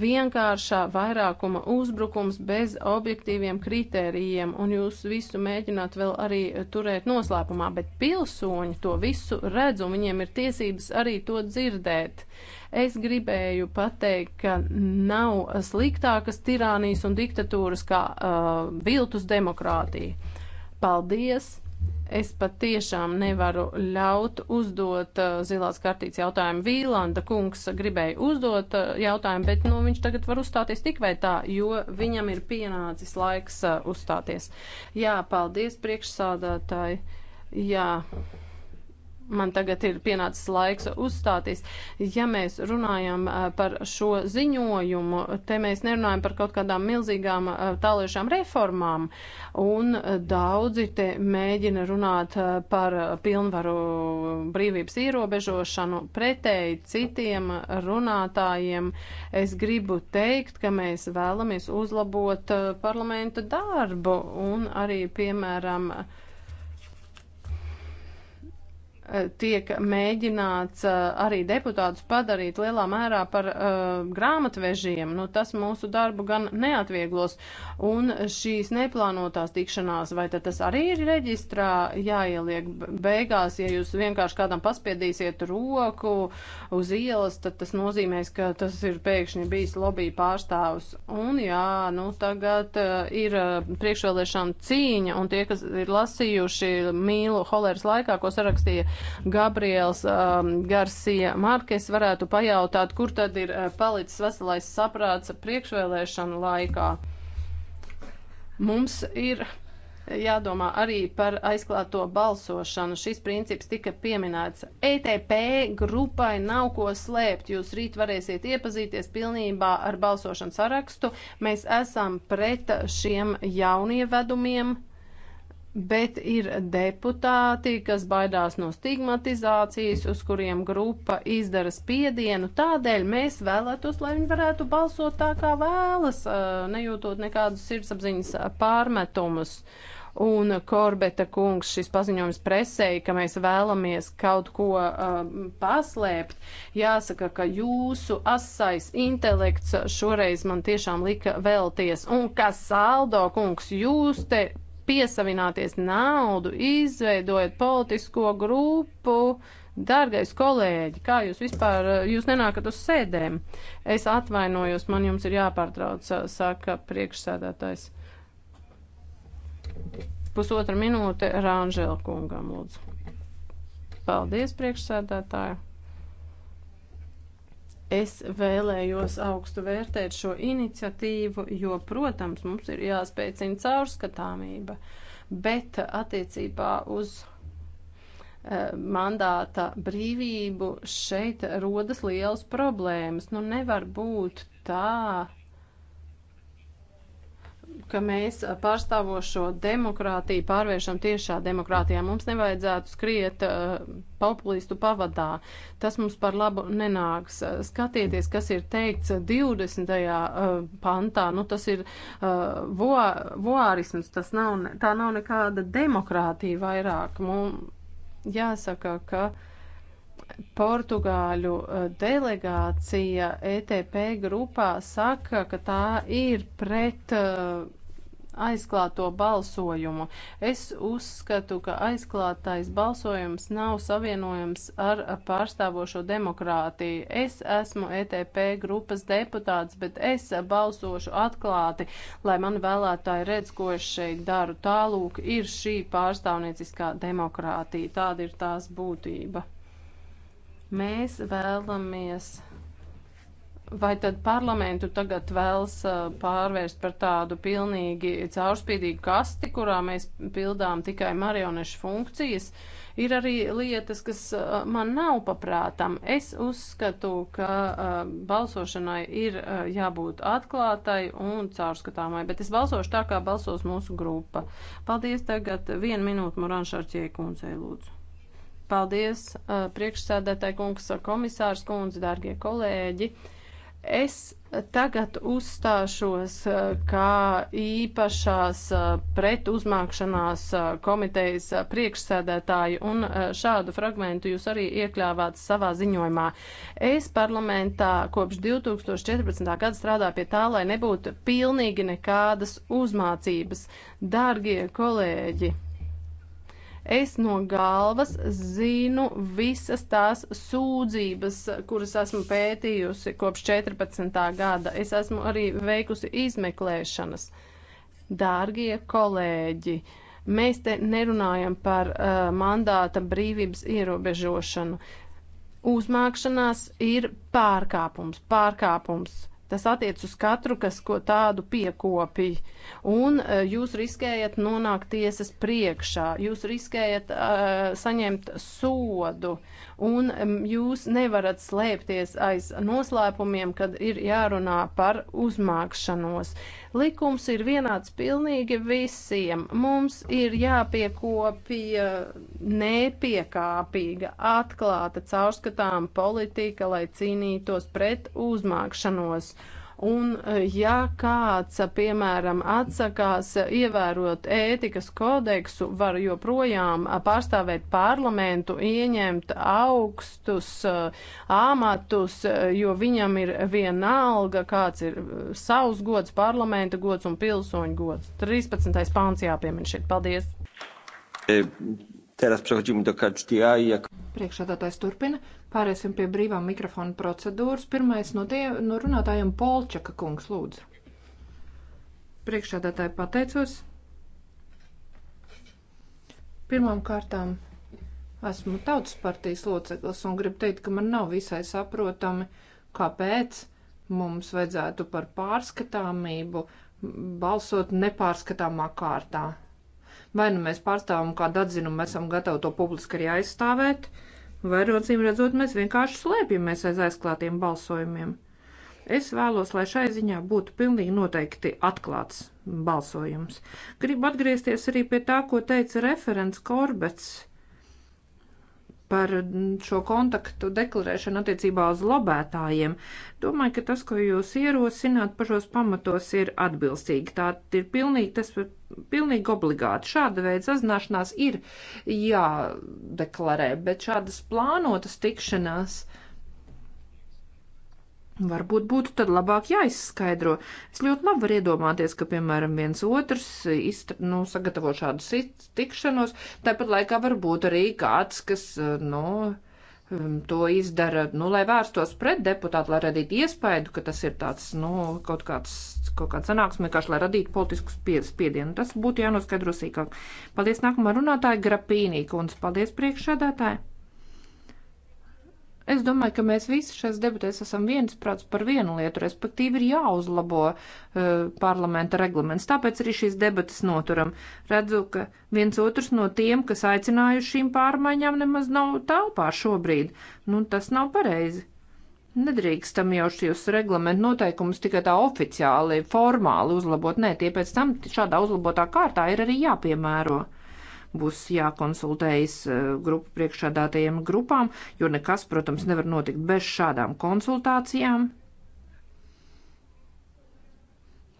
vienkāršā vairākuma uzbrukums bez objektīviem kritērijiem, un jūs visu mēģināt vēl arī eh, turēt noslēpumā, bet pilsoņi to visu redz, un viņiem ir tiesības arī to dzirdēt. Es gribēju pateikt, ka nav sliktākas tirānijas un diktatūras kā uh, viltus demokrātija. Paldies! Es patiešām nevaru ļaut uzdot uh, zilās kartītes jautājumu. Vīlanda kungs gribēja uzdot uh, jautājumu, bet nu, viņš tagad var uzstāties tik vai tā, jo viņam ir pienācis laiks uh, uzstāties. Jā, paldies priekšsādātāji. Jā man tagad ir pienācis laiks uzstāties. Ja mēs runājam par šo ziņojumu, te mēs nerunājam par kaut kādām milzīgām tāliešām reformām, un daudzi te mēģina runāt par pilnvaru brīvības ierobežošanu pretēji citiem runātājiem. Es gribu teikt, ka mēs vēlamies uzlabot parlamenta darbu un arī, piemēram, tiek mēģināts arī deputātus padarīt lielā mērā par uh, grāmatvežiem. Nu, tas mūsu darbu gan neatvieglos. Un šīs neplānotās tikšanās, vai tad tas arī ir reģistrā jāieliek beigās, ja jūs vienkārši kādam paspiedīsiet roku uz ielas, tad tas nozīmēs, ka tas ir pēkšņi bijis lobby pārstāvs. Un jā, nu tagad uh, ir priekšvēlēšana cīņa, un tie, kas ir lasījuši mīlu holeras laikā, ko sarakstīja Gabriels um, Garcia Markes varētu pajautāt, kur tad ir uh, palicis veselais saprāts priekšvēlēšanu laikā. Mums ir jādomā arī par aizklāto balsošanu. Šis princips tika pieminēts. ETP grupai nav ko slēpt. Jūs rīt varēsiet iepazīties pilnībā ar balsošanas sarakstu. Mēs esam pret šiem jaunievedumiem. Bet ir deputāti, kas baidās no stigmatizācijas, uz kuriem grupa izdara spiedienu. Tādēļ mēs vēlētos, lai viņi varētu balsot tā, kā vēlas, nejūtot nekādus sirdsapziņas pārmetumus. Un Korbeta kungs šis paziņojums presēji, ka mēs vēlamies kaut ko um, paslēpt. Jāsaka, ka jūsu asais intelekts šoreiz man tiešām lika vēlties. Un kas saldo kungs, jūs te piesavināties naudu, izveidojat politisko grupu. Dārgais kolēģi, kā jūs vispār, jūs nenākat uz sēdēm? Es atvainojos, man jums ir jāpārtrauc, saka priekšsēdētājs. Pusotra minūte Rāņģēla kungam, lūdzu. Paldies, priekšsēdētāji! Es vēlējos augstu vērtēt šo iniciatīvu, jo, protams, mums ir jāspēcina caurskatāmība, bet attiecībā uz eh, mandāta brīvību šeit rodas liels problēmas. Nu, nevar būt tā, ka mēs pārstāvošo demokrātiju pārvēršam tiešā demokrātijā. Mums nevajadzētu skriet uh, populistu pavadā. Tas mums par labu nenāks. Skatieties, kas ir teikts 20. Uh, eh, pantā. Nu, tas ir uh, eh, vo, voārisms. Tas nav, tā nav nekāda demokrātija vairāk. Mums jāsaka, ka. Uh, Portugāļu eh, delegācija ETP grupā saka, ka tā ir pret eh, aizklāto balsojumu. Es uzskatu, ka aizklātais balsojums nav savienojams ar pārstāvošo demokrātiju. Es esmu ETP grupas deputāts, bet es balsošu atklāti, lai man vēlētāji redz, ko es šeit daru. Tālūk ir šī pārstāvnieciskā demokrātija. Tāda ir tās būtība. Mēs vēlamies Vai tad parlamentu tagad vēlas pārvērst par tādu pilnīgi caurspīdīgu kasti, kurā mēs pildām tikai marionešu funkcijas? Ir arī lietas, kas man nav paprātam. Es uzskatu, ka uh, balsošanai ir uh, jābūt atklātai un caurskatāmai, bet es balsošu tā, kā balsos mūsu grupa. Paldies tagad vienu minūtu Muranšārķie kundzei lūdzu. Paldies, priekšsēdētāji kungs, komisārs kundze, dārgie kolēģi. Es tagad uzstāšos kā īpašās pretuzmākšanās komitejas priekšsēdētāju, un šādu fragmentu jūs arī iekļāvāt savā ziņojumā. Es parlamentā kopš 2014. gada strādāju pie tā, lai nebūtu pilnīgi nekādas uzmācības. Dārgie kolēģi! Es no galvas zinu visas tās sūdzības, kuras esmu pētījusi kopš 14. gada. Es esmu arī veikusi izmeklēšanas. Dārgie kolēģi, mēs te nerunājam par uh, mandāta brīvības ierobežošanu. Uzmākšanās ir pārkāpums, pārkāpums Tas attiec uz katru, kas ko tādu piekopī. Un e, jūs riskējat nonākt tiesas priekšā, jūs riskējat uh, saņemt sodu, un jūs nevarat slēpties aiz noslēpumiem, kad ir jārunā par uzmākšanos. Uh, Likums ir vienāds pilnīgi visiem. Mums ir jāpiekopja nepiekāpīga, atklāta, caurskatām politika, lai cīnītos pret uzmākšanos. Un e, ja kāds, e, piemēram, atsakās e, ievērot ētikas kodeksu, var joprojām pārstāvēt parlamentu, ieņemt augstus āmatus, jo viņam ir vienalga, kāds ir savs gods, parlamenta gods un pilsoņu gods. 13. pāns jāpiemin šeit. Paldies! E, teraz przechodzimy do KHDI. Jak... Priekšādātājs turpina. Pāriesim pie brīvā mikrofona procedūras. Pirmais no, tie, no runātājiem Polčaka kungs lūdzu. Priekšādātāji pateicos. Pirmām kārtām esmu tautas partijas loceklis un gribu teikt, ka man nav visai saprotami, kāpēc mums vajadzētu par pārskatāmību balsot nepārskatāmā kārtā. Vai nu mēs pārstāvam kādu atzinumu, esam gatavi to publiski arī aizstāvēt, uh, vai rocīm redzot, mēs vienkārši slēpjamies aiz aizklātiem balsojumiem. Es vēlos, lai šai ziņā būtu pilnīgi noteikti atklāts balsojums. Gribu atgriezties arī pie tā, ko teica referents Korbets par šo kontaktu deklarēšanu attiecībā uz lobētājiem. Domāju, ka tas, ko jūs ierosināt par šos pamatos, ir atbilstīgi. Tā ir pilnīgi tas, pilnīgi obligāti. Šāda veida sazināšanās ir jādeklarē, bet šādas plānotas tikšanās varbūt būtu tad labāk jāizskaidro. Es ļoti labi varu iedomāties, ka, piemēram, viens otrs izt, nu, sagatavo šādu tikšanos, tāpat laikā varbūt arī kāds, kas, nu, no, to izdara, nu, lai vērstos pret deputātu, lai radītu iespēju, ka tas ir tāds, nu, kaut kāds, kaut kāds sanāksme, kā lai radītu politisku spiedienu. Tas būtu jānoskaidro sīkāk. Paldies nākamā runātāja Grapīnī, kundze, paldies priekšsēdētāji. Es domāju, ka mēs visi šajās debatēs esam viensprāts par vienu lietu, respektīvi ir jāuzlabo uh, parlamenta reglaments. Tāpēc arī šīs debatas noturam. Redzu, ka viens otrs no tiem, kas aicinājuši šīm pārmaiņām, nemaz nav telpā šobrīd. Nu, tas nav pareizi. Nedrīkstam jau šīs reglamentu noteikumus tikai tā oficiāli, formāli uzlabot. Nē, tie pēc tam šādā uzlabotā kārtā ir arī jāpiemēro būs jākonsultējas eh, grupu priekšādātajiem grupām, jo nekas, protams, nevar notikt bez šādām konsultācijām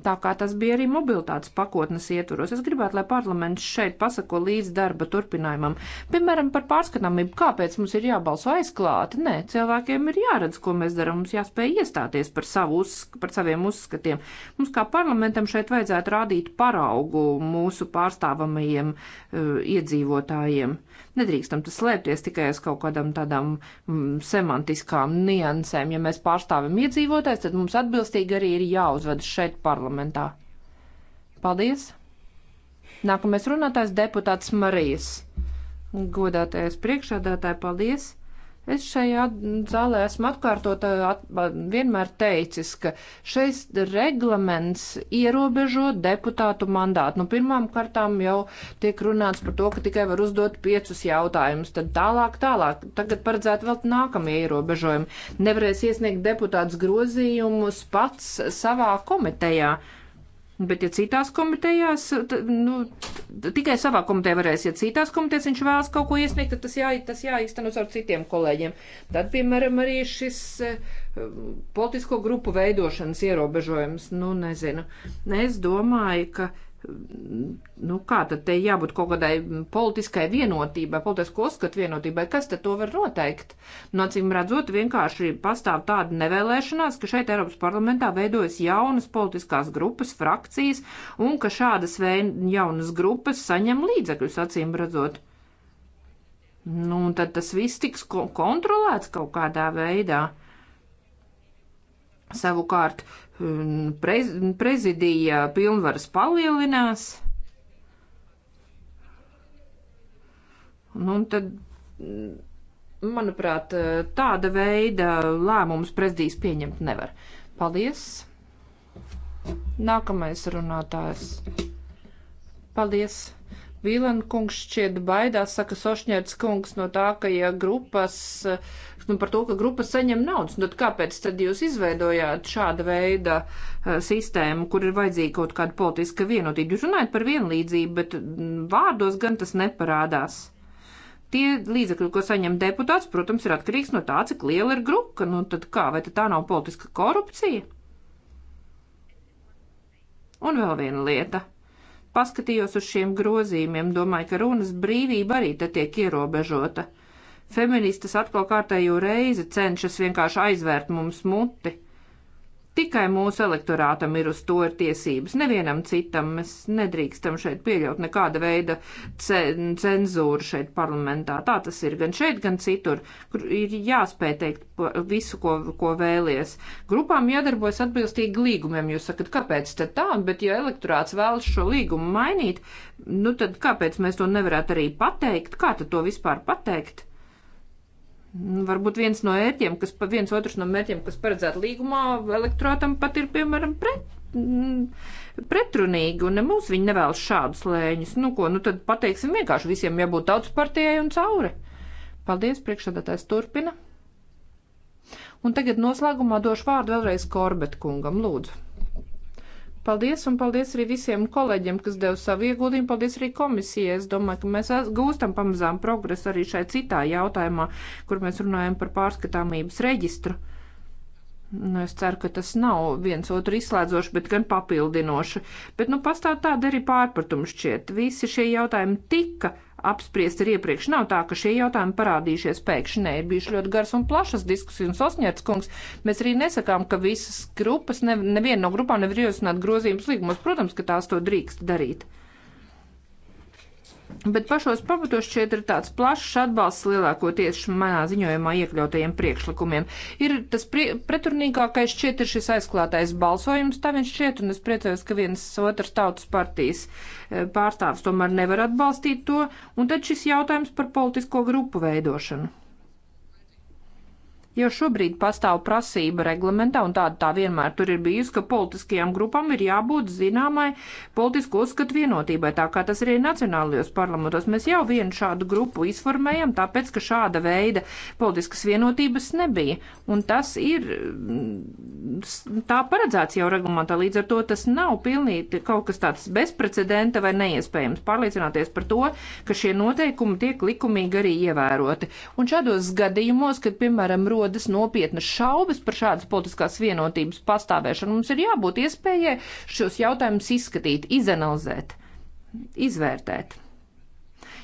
tā kā tas bija arī mobilitātes pakotnes ietvaros. Es gribētu, lai parlaments šeit pasako līdz darba turpinājumam. Piemēram, par pārskatāmību, kāpēc mums ir jābalso aizklāti. Nē, cilvēkiem ir jāredz, ko mēs darām, mums jāspēj iestāties par, savu, par saviem uzskatiem. Mums kā parlamentam šeit vajadzētu rādīt paraugu mūsu pārstāvamajiem uh, iedzīvotājiem. Nedrīkstam tas slēpties tikai aiz kaut kādām tādām mm, semantiskām niansēm. Ja mēs pārstāvam iedzīvotājs, tad mums atbilstīgi arī ir jāuzvedas šeit parlamentā dokumentā. Paldies! Nākamais runātājs deputāts Marijas. Godātais priekšādātāji, paldies! Es šajā zālē esmu atkārtot at, vienmēr teicis, ka šeis reglaments ierobežo deputātu mandātu. Nu, pirmām kartām jau tiek runāts par to, ka tikai var uzdot piecus jautājumus, tad tālāk, tālāk. Tagad paredzēt vēl nākamie ierobežojumi. Nevarēs iesniegt deputāts grozījumus pats savā komitejā. Uh, Bet, ja citās komitejās, tad, nu, tikai savā komitejā varēs, ja citās komitejās viņš vēlas kaut ko iesniegt, tad tas, jā, tas jāizteno ar citiem kolēģiem. Tad, piemēram, arī šis e, politisko grupu veidošanas ierobežojums, nu, nezinu. Es domāju, ka nu kā tad te jābūt kaut kādai politiskai vienotībai, politisko uzskatu vienotībai, kas tad to var noteikt? No nu, cīm redzot, vienkārši pastāv tāda nevēlēšanās, ka šeit Eiropas parlamentā veidojas jaunas politiskās grupas, frakcijas, un ka šādas jaunas grupas saņem līdzekļus, acīm redzot. Nu, un tad tas viss tiks kontrolēts kaut kādā veidā. Savukārt, prez, prezidija pilnvaras palielinās. Nu, un tad, manuprāt, tāda veida lēmumus prezidijas pieņemt nevar. Paldies! Nākamais runātājs. Paldies! Vīlēna kungs šķiet baidās, saka Sošņērts kungs, no tā, ka ja grupas nu, par to, ka grupa saņem naudas. Nu, tad kāpēc tad jūs izveidojāt šāda veida eh, sistēmu, kur ir vajadzīga kaut kāda politiska vienotība? Jūs runājat par vienlīdzību, bet mm, vārdos gan tas neparādās. Tie līdzekļi, ko saņem deputāts, protams, ir atkarīgs no tā, cik liela ir grupa. Nu, tad kā, vai tad tā nav politiska korupcija? Un vēl viena lieta. Paskatījos uz šiem grozījumiem, domāju, ka runas brīvība arī te tiek ierobežota. Uh, Feministas atkal kārtējo reizi cenšas vienkārši aizvērt mums muti. Tikai mūsu elektorātam ir uz to ir tiesības, nevienam citam mēs nedrīkstam šeit pieļaut nekāda veida cenzūru šeit parlamentā. Tā tas ir gan šeit, gan citur, kur ir jāspēj teikt visu, ko, ko vēlies. Grupām jādarbojas atbilstīgi līgumiem, jūs sakat, kāpēc tad tā, bet ja elektorāts vēlas šo līgumu mainīt, nu tad kāpēc mēs to nevarētu arī pateikt, kā tad to vispār pateikt? Varbūt viens no mērķiem, kas pa viens otrs no mērķiem, kas paredzēta līgumā, elektrotam pat ir, piemēram, pret, mm, pretrunīgi, un ne mums viņi nevēlas šādus lēņus. Nu ko, nu tad pateiksim vienkārši visiem jābūt tautas partijai un cauri. Paldies, priekšsādātājs turpina. Un tagad noslēgumā došu vārdu vēlreiz Korbet kungam, lūdzu. Paldies, un paldies arī visiem kolēģiem, kas deva savu ieguldījumu. Paldies arī komisijai. Es domāju, ka mēs gūstam pamazām progresu arī šai citā jautājumā, kur mēs runājam par pārskatāmības reģistru. Nu, es ceru, ka tas nav viens otru izslēdzoši, bet gan papildinoši. Bet, nu, pastāv tāda arī pārpratums šķiet. Visi šie jautājumi tika apspriest ir iepriekš. Nav tā, ka šie jautājumi parādījušies pēkšņi. Nē, ir bijuši ļoti garas un plašas diskusijas. Un Sosņērts kungs, mēs arī nesakām, ka visas grupas, ne, neviena no grupām nevar ierosināt grozījumus līgumos. Protams, ka tās to drīkst darīt. Bet pašos pamatos šeit ir tāds plašs atbalsts lielākoties manā ziņojumā iekļautajiem priekšlikumiem. Ir tas prie, pretrunīgākais šķiet ir šis aizklātais balsojums, tā viņš šķiet, un es priecājos, ka viens otrs tautas partijas e, pārstāvs tomēr nevar atbalstīt to, un tad šis jautājums par politisko grupu veidošanu. Jo šobrīd pastāv prasība reglamentā, un tāda tā vienmēr tur ir bijusi, ka politiskajām grupām ir jābūt zināmai politisku uzskatu vienotībai, tā kā tas arī ir nacionālajos parlamentos. Mēs jau vienu šādu grupu izformējam, tāpēc, ka šāda veida politiskas vienotības nebija. Un tas ir mm, tā paredzēts jau reglamentā, līdz ar to tas nav pilnīgi kaut kas tāds bezprecedenta vai neiespējams pārliecināties par to, ka šie noteikumi tiek likumīgi arī ievēroti. Un šādos gadījumos, kad, piemēram, rodas nopietnas šaubas par šādas politiskās vienotības pastāvēšanu. Mums ir jābūt iespējai šos jautājumus izskatīt, izanalizēt, izvērtēt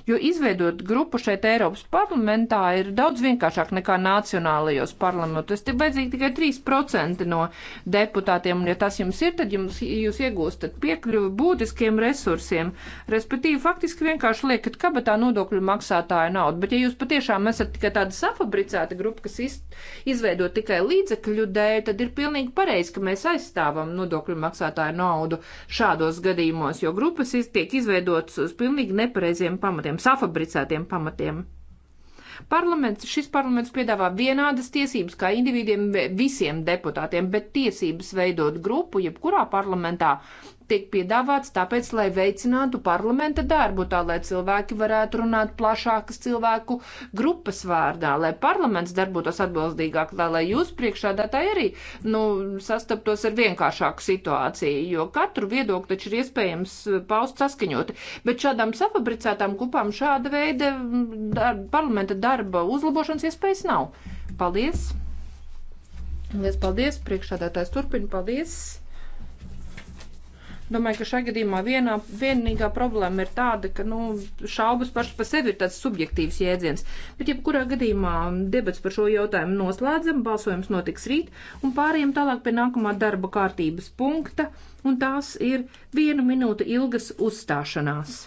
jo izveidot grupu šeit Eiropas parlamentā ir daudz vienkāršāk nekā nacionālajos parlamentos. Te vajadzīgi tikai 3% no deputātiem, un ja tas jums ir, tad jums, jūs iegūstat piekļuvi būtiskiem resursiem, respektīvi faktiski vienkārši liekat kabatā nodokļu maksātāju naudu. Bet ja jūs patiešām esat tikai tāda safabricēta grupa, kas iz, izveido tikai līdzekļu dēļ, tad ir pilnīgi pareizi, ka mēs aizstāvam nodokļu maksātāju naudu šādos gadījumos, jo grupas iz, tiek izveidotas uz pilnīgi nepareiziem pamatiem tādiem safabricētiem pamatiem. Parlaments, šis parlaments piedāvā vienādas tiesības kā individiem visiem deputātiem, bet tiesības veidot grupu jebkurā parlamentā tiek piedāvāts tāpēc, lai veicinātu parlamenta darbu, tā lai cilvēki varētu runāt plašākas cilvēku grupas vārdā, lai parlaments darbotos atbildīgāk, tā lai jūs priekšādātāji arī nu, sastaptos ar vienkāršāku situāciju, jo katru viedokli taču ir iespējams eh, paust saskaņot. Bet šādām safabricētām kupām šāda veida mm, dar parlamenta darba uzlabošanas iespējas nav. Paldies! Liels paldies, priekšādātājs turpina, paldies! Domāju, ka šajā gadījumā vienā, vienīgā problēma ir tāda, ka nu, šaubas pašas par sevi ir tāds subjektīvs jēdziens. Bet jebkurā gadījumā debats par šo jautājumu noslēdzam, balsojums notiks rīt un pāriem tālāk pie nākamā darba kārtības punkta, un tās ir vienu minūtu ilgas uzstāšanās.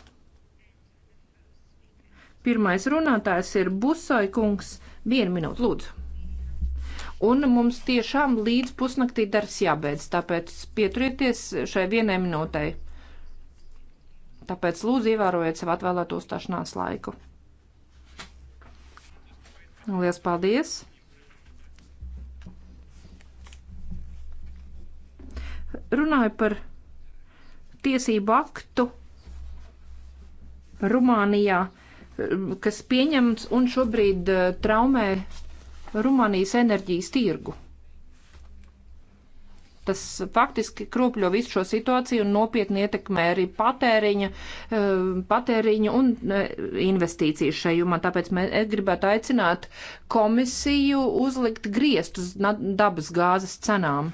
Pirmais runātājs ir Busai kungs. Vienu minūtu, lūdzu. Un mums tiešām līdz pusnaktī darbs jābeidz, tāpēc pieturieties šai vienai minūtei. Tāpēc lūdzu ievērojiet sev atvēlēto uzstāšanās laiku. Lielas paldies! Runāju par tiesību aktu Rumānijā, kas pieņemts un šobrīd eh, traumē Rumānijas enerģijas tirgu. Tas faktiski kropļo visu šo situāciju un nopietni ietekmē arī patēriņa, eh, patēriņa un eh, investīciju šajumā. Tāpēc mēs gribētu aicināt komisiju uzlikt griezt uz dabas gāzes cenām.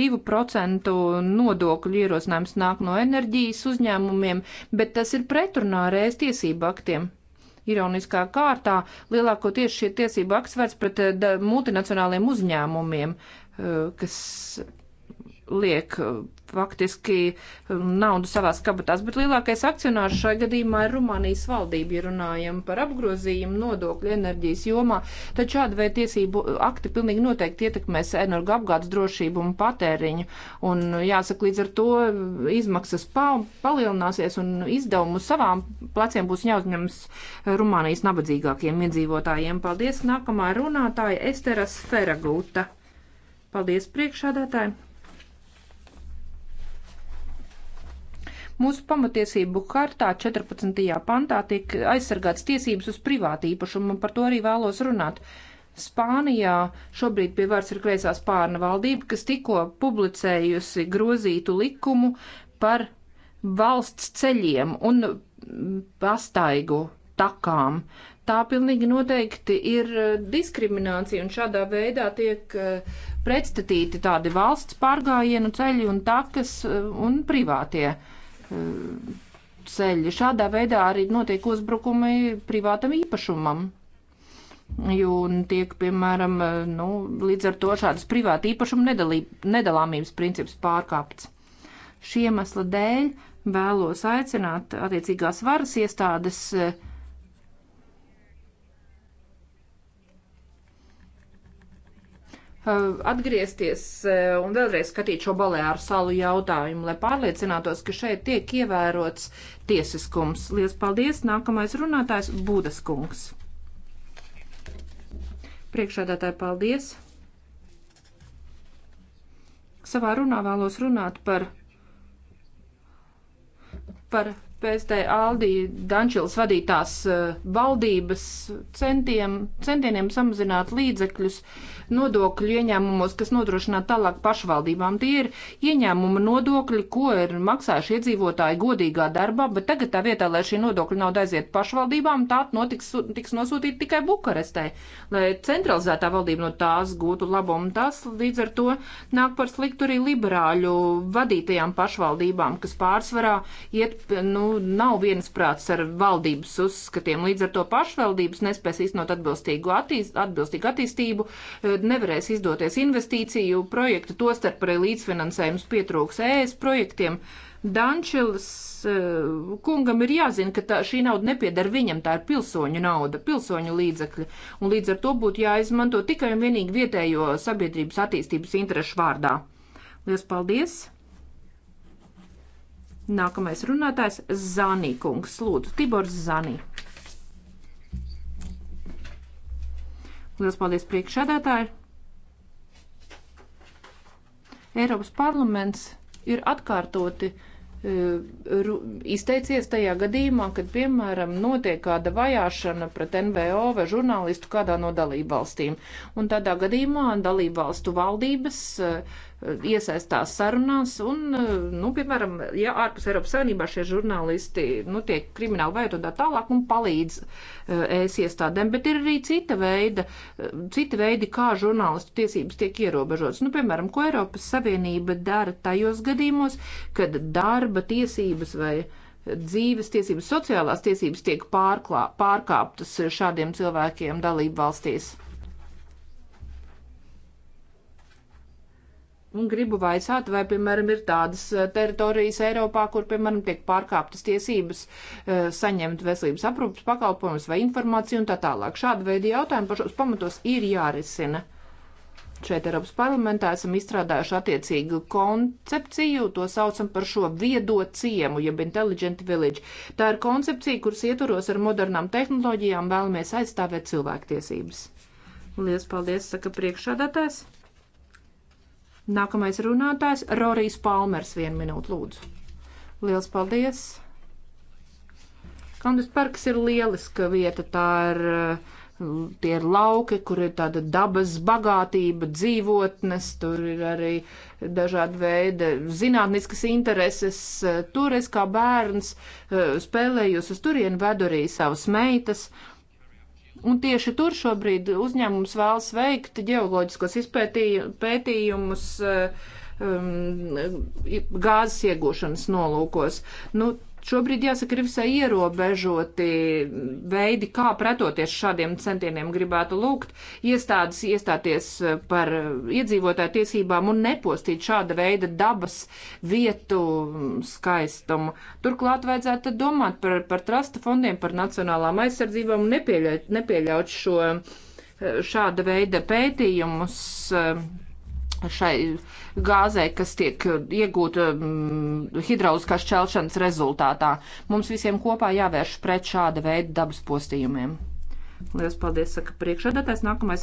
2% nodokļu ierosinājums nāk no enerģijas uzņēmumiem, bet tas ir pretrunā ar ēst tiesību aktiem ironiskā kārtā lielākoties šie tiesību akts vērts pret eh, multinacionāliem uzņēmumiem, eh, kas liek eh, faktiski um, naudu savās kabatās, bet lielākais akcionārs šai gadījumā ir Rumānijas valdība, ja runājam par apgrozījumu nodokļu enerģijas jomā, tad šāda veida tiesību akti pilnīgi noteikti ietekmēs energo apgādes drošību un patēriņu, un jāsaka, līdz ar to izmaksas pa, palielināsies un izdevumu savām pleciem būs jāuzņems Rumānijas nabadzīgākiem iedzīvotājiem. Paldies! Nākamā runātāja Estera Sferaguta. Paldies priekšādātājiem! Mūsu pamatiesību hartā 14. pantā tiek aizsargāts tiesības uz privātu īpašumu, un par to arī vēlos runāt. Spānijā šobrīd pie varas ir kreisā spārna valdība, kas tikko publicējusi grozītu likumu par valsts ceļiem un pastaigu takām. Tā pilnīgi noteikti ir diskriminācija, un šādā veidā tiek eh, pretstatīti tādi valsts pārgājienu ceļi un takas eh, un privātie. Uh, ceļi. Šādā veidā arī notiek uzbrukumi privātam īpašumam. Jo tiek, piemēram, nu, līdz ar to šādas privāta īpašuma nedalī, nedalāmības princips pārkāpts. Šī iemesla dēļ vēlos aicināt attiecīgās varas iestādes uh, Eh, atgriezties eh, un vēlreiz skatīt šo balēāru salu jautājumu, lai pārliecinātos, ka šeit tiek ievērots tiesiskums. Lielas paldies! Nākamais runātājs - Būdas kungs. Priekšādātāji, paldies! Savā runā vēlos runāt par, par pēc tai Aldi Dančils vadītās eh, valdības centiem, centieniem samazināt līdzekļus nodokļu ieņēmumos, kas nodrošināt tālāk pašvaldībām. Tie ir ieņēmuma nodokļi, ko ir maksājuši iedzīvotāji godīgā darbā, bet tagad tā vietā, lai šī nodokļa nauda aiziet pašvaldībām, tā notiks, tiks nosūtīta tikai Bukarestē, lai centralizētā valdība no tās gūtu labumu. Tas līdz ar to nāk par sliktu arī liberāļu vadītajām pašvaldībām, kas pārsvarā iet, nu, nu, nav viensprāts ar valdības uzskatiem. Līdz ar to pašvaldības nespēs iznot atbilstīgu, attīst, atbilstīgu attīstību, eh, nevarēs izdoties investīciju projektu, tostarp arī līdzfinansējums pietrūks ES projektiem. Dančils eh, kungam ir jāzina, ka tā, šī nauda nepiedara viņam, tā ir pilsoņu nauda, pilsoņu līdzekļi, un līdz ar to būtu jāizmanto tikai un vienīgi vietējo sabiedrības attīstības interešu vārdā. Lielas paldies! Nākamais runātājs Zanīkungs. Lūdzu, Tibors Zanī. Lielas paldies priekšsēdētāji. Eiropas parlaments ir atkārtoti e, izteicies tajā gadījumā, kad, piemēram, notiek kāda vajāšana pret NVO vai žurnālistu kādā no dalībvalstīm. Un tādā gadījumā dalībvalstu valdības uh, iesaistās sarunās, un, eh, nu, piemēram, ja ārpus Eiropas Savienībā šie žurnālisti, nu, tiek krimināli vajag un tā tālāk un palīdz ēs eh, iestādēm, bet ir arī cita veida, eh, cita veidi, kā žurnālistu tiesības tiek ierobežotas. Nu, piemēram, ko Eiropas Savienība dara tajos gadījumos, kad darba tiesības vai dzīves tiesības, sociālās tiesības tiek pārklā, pārkāptas šādiem cilvēkiem dalību valstīs. Un gribu vaicāt, vai, piemēram, ir tādas eh, teritorijas Eiropā, kur, piemēram, tiek pārkāptas tiesības eh, saņemt veselības aprūpas pakalpojumus vai informāciju un tā tālāk. Šāda veida jautājumi par šos pamatos ir jārisina. Šeit Eiropas parlamentā esam izstrādājuši attiecīgu koncepciju, to saucam par šo viedo ciemu, jeb intelligent village. Tā ir koncepcija, kuras ietvaros ar modernām tehnoloģijām vēlamies aizstāvēt cilvēktiesības. Lielas paldies, saka priekšādātājs. Nākamais runātājs - Rorijs Palmers, vienu minūtu lūdzu. Liels paldies! Kandas parks ir lieliska vieta, tā ir, eh, tie ir lauki, kur ir tāda dabas bagātība, dzīvotnes, tur ir arī dažādi veidi zinātniskas intereses. Tur es kā bērns eh, spēlējos uz turienu vedu arī savas meitas, Un tieši tur šobrīd uzņēmums vēlas veikt ģeoloģiskos pētījumus eh, um, gāzes iegūšanas nolūkos. Nu, Šobrīd jāsaka ir visai ierobežoti veidi, kā pretoties šādiem centieniem. Gribētu lūgt iestādes iestāties par iedzīvotāju tiesībām un nepostīt šāda veida dabas vietu skaistumu. Turklāt vajadzētu domāt par, par trasta fondiem, par nacionālām aizsardzībām un nepieļaut, nepieļaut šo šāda veida pētījumus šai gāzē, kas tiek uh, iegūta mm, hidrauliskā šķelšanas rezultātā. Mums visiem kopā jāvērš pret šāda veida dabas postījumiem. Lielas paldies, saka priekšredatājs. Nākamais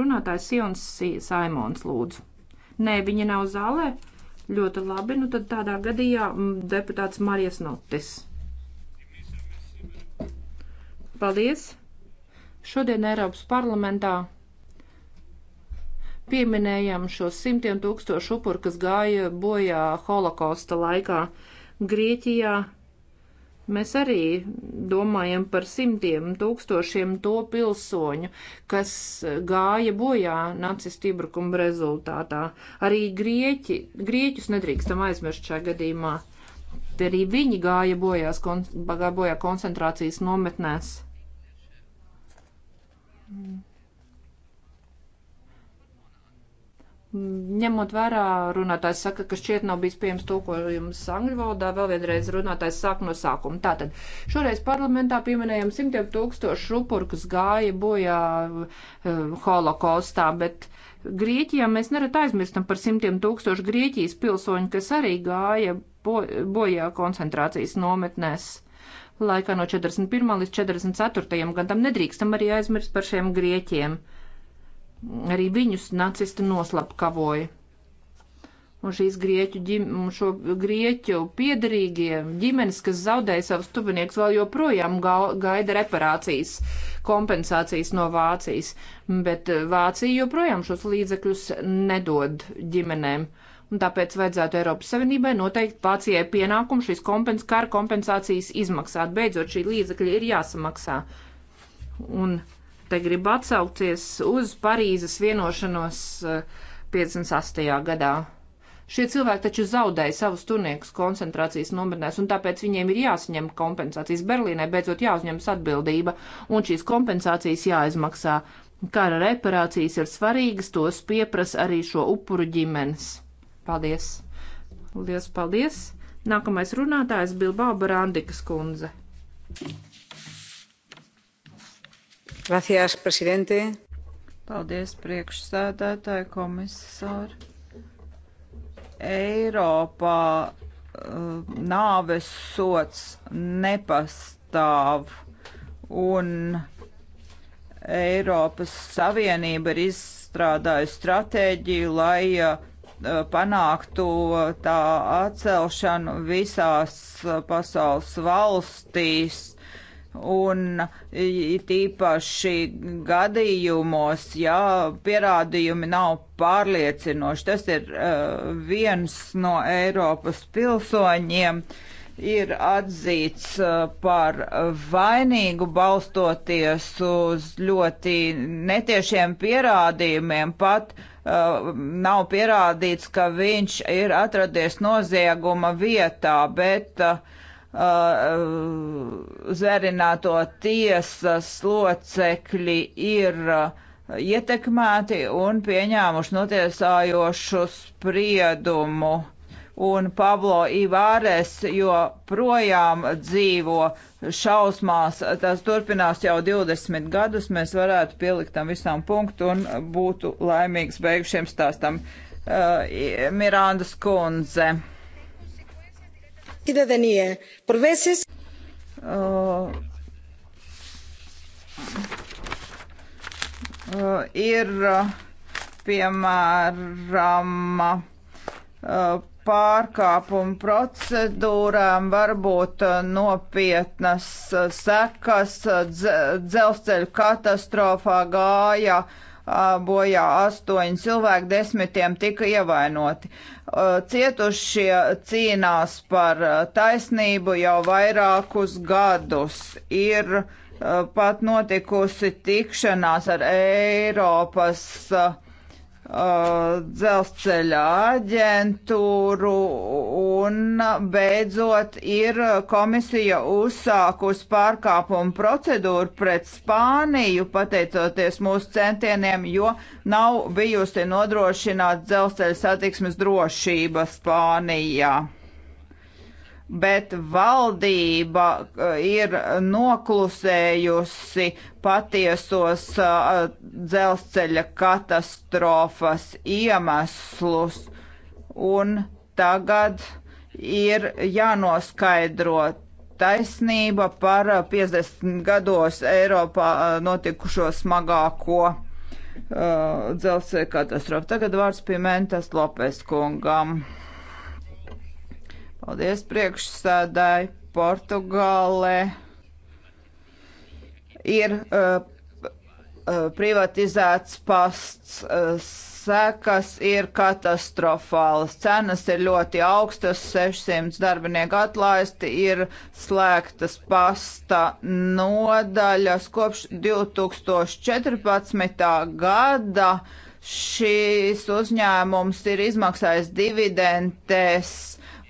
runātājs Sions Saimons lūdzu. Nē, viņa nav zālē. Ļoti labi, nu tad tādā gadījā mm, deputāts Marijas Notis. Paldies! Šodien Eiropas parlamentā Pieminējam šos simtiem tūkstošu upuru, kas gāja bojā holokausta laikā Grieķijā. Mēs arī domājam par simtiem tūkstošiem to pilsoņu, kas gāja bojā nacistu iebrukuma rezultātā. Arī grieķi, grieķus nedrīkstam aizmirst šajā gadījumā. Arī viņi gāja, bojās, kon, gāja bojā koncentrācijas nometnēs. Mm. Ņemot vērā, runātājs saka, ka šķiet nav bijis pieejams tulkojums angļu valodā, vēl vienreiz runātājs sāk no sākuma. Tātad, šoreiz parlamentā pieminējam simtiem tūkstošu upuru, kas gāja bojā uh, holokaustā, bet Grieķijā mēs nerad aizmirstam par simtiem tūkstošu Grieķijas pilsoņu, kas arī gāja bo bojā koncentrācijas nometnēs. Laikā no 41. līdz 44. gadam nedrīkstam arī aizmirst par šiem Grieķiem. Uh, Arī viņus nacisti noslapkavoja. Un šīs grieķu, ģim, šo grieķu piedarīgie ģimenes, kas zaudēja savus tuvinieks, vēl joprojām gaida reparācijas, kompensācijas no Vācijas. Bet eh, Vācija joprojām šos līdzekļus nedod ģimenēm. Un tāpēc vajadzētu Eiropas Savienībai noteikt Vācijai pienākumu šīs kompens, kara kompensācijas izmaksāt. Beidzot, šī līdzekļa ir jāsamaksā. Un Te gribu atsaukties uz Parīzes vienošanos 58. Eh, gadā. Šie cilvēki taču zaudēja savus turniekus koncentrācijas nometnēs, un tāpēc viņiem ir jāsaņem kompensācijas. Berlīnai beidzot jāuzņemas atbildība, un šīs kompensācijas jāizmaksā. Kara reparācijas ir svarīgas, tos pieprasa arī šo upuru ģimenes. Paldies! Lielas paldies! Nākamais runātājs Bilbao Barandikas kundze. Gracias, presidente. Paldies, priekšsēdētāji, komisāri. Eiropā uh, nāves sots nepastāv un Eiropas Savienība ir izstrādājusi stratēģiju, lai uh, panāktu tā atcelšanu visās eh, pasaules valstīs Un tīpaši gadījumos, ja pierādījumi nav pārliecinoši, tas ir uh, viens no Eiropas pilsoņiem, ir atzīts uh, par vainīgu balstoties uz ļoti netiešiem pierādījumiem, pat uh, nav pierādīts, ka viņš ir atradies nozieguma vietā, bet uh, Uh, zverināto tiesas locekļi ir uh, ietekmēti un pieņēmuši notiesājošu spriedumu un Pablo Ivāres joprojām dzīvo šausmās. Tas turpinās jau 20 gadus. Mēs varētu pielikt tam visam punktu un būtu laimīgs beigušiem stāstam. Uh, Mirandas kundze ciudadanía. Por veces. Uh, uh, ir, piemēram, uh, pārkāpumu procedūrām var būt nopietnas sekas. Dzelzceļu katastrofā gāja uh, bojā astoņi cilvēki, desmitiem tika ievainoti. Cietušie cīnās par taisnību jau vairākus gadus. Ir pat notikusi tikšanās ar Eiropas uh, Uh, dzelzceļa aģentūru un beidzot ir komisija uzsākus pārkāpumu procedūru pret Spāniju, pateicoties mūsu centieniem, jo nav bijusi nodrošināta dzelzceļa satiksmes drošība Spānijā bet valdība uh, ir noklusējusi patiesos uh, dzelzceļa katastrofas iemeslus, un tagad ir jānoskaidro taisnība par 50 gados Eiropā uh, notikušo smagāko uh, dzelzceļa katastrofu. Tagad vārds Pimentas Lopes kungam. Paldies priekšsēdāji Portugālē. Ir uh, uh, privatizēts pasts, uh, sekas ir katastrofālas, cenas ir ļoti augstas, 600 darbinieku atlaisti, ir slēgtas pasta nodaļas. Kopš 2014. gada šīs uzņēmums ir izmaksājis dividendēs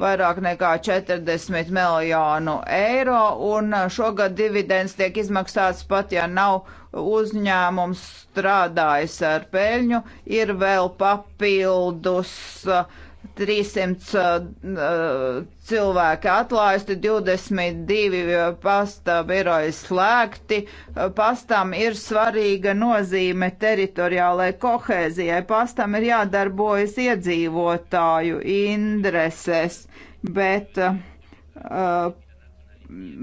vairāk nekā 40 miljonu eiro, un šogad dividends tiek izmaksāts pat, ja nav uzņēmums strādājis ar peļņu, ir vēl papildus uh, 300 uh, cilvēki atlaisti, 22 pastā biroji slēgti. Uh, pastam ir svarīga nozīme teritoriālai kohēzijai. Pastam ir jādarbojas iedzīvotāju interesēs, bet uh, uh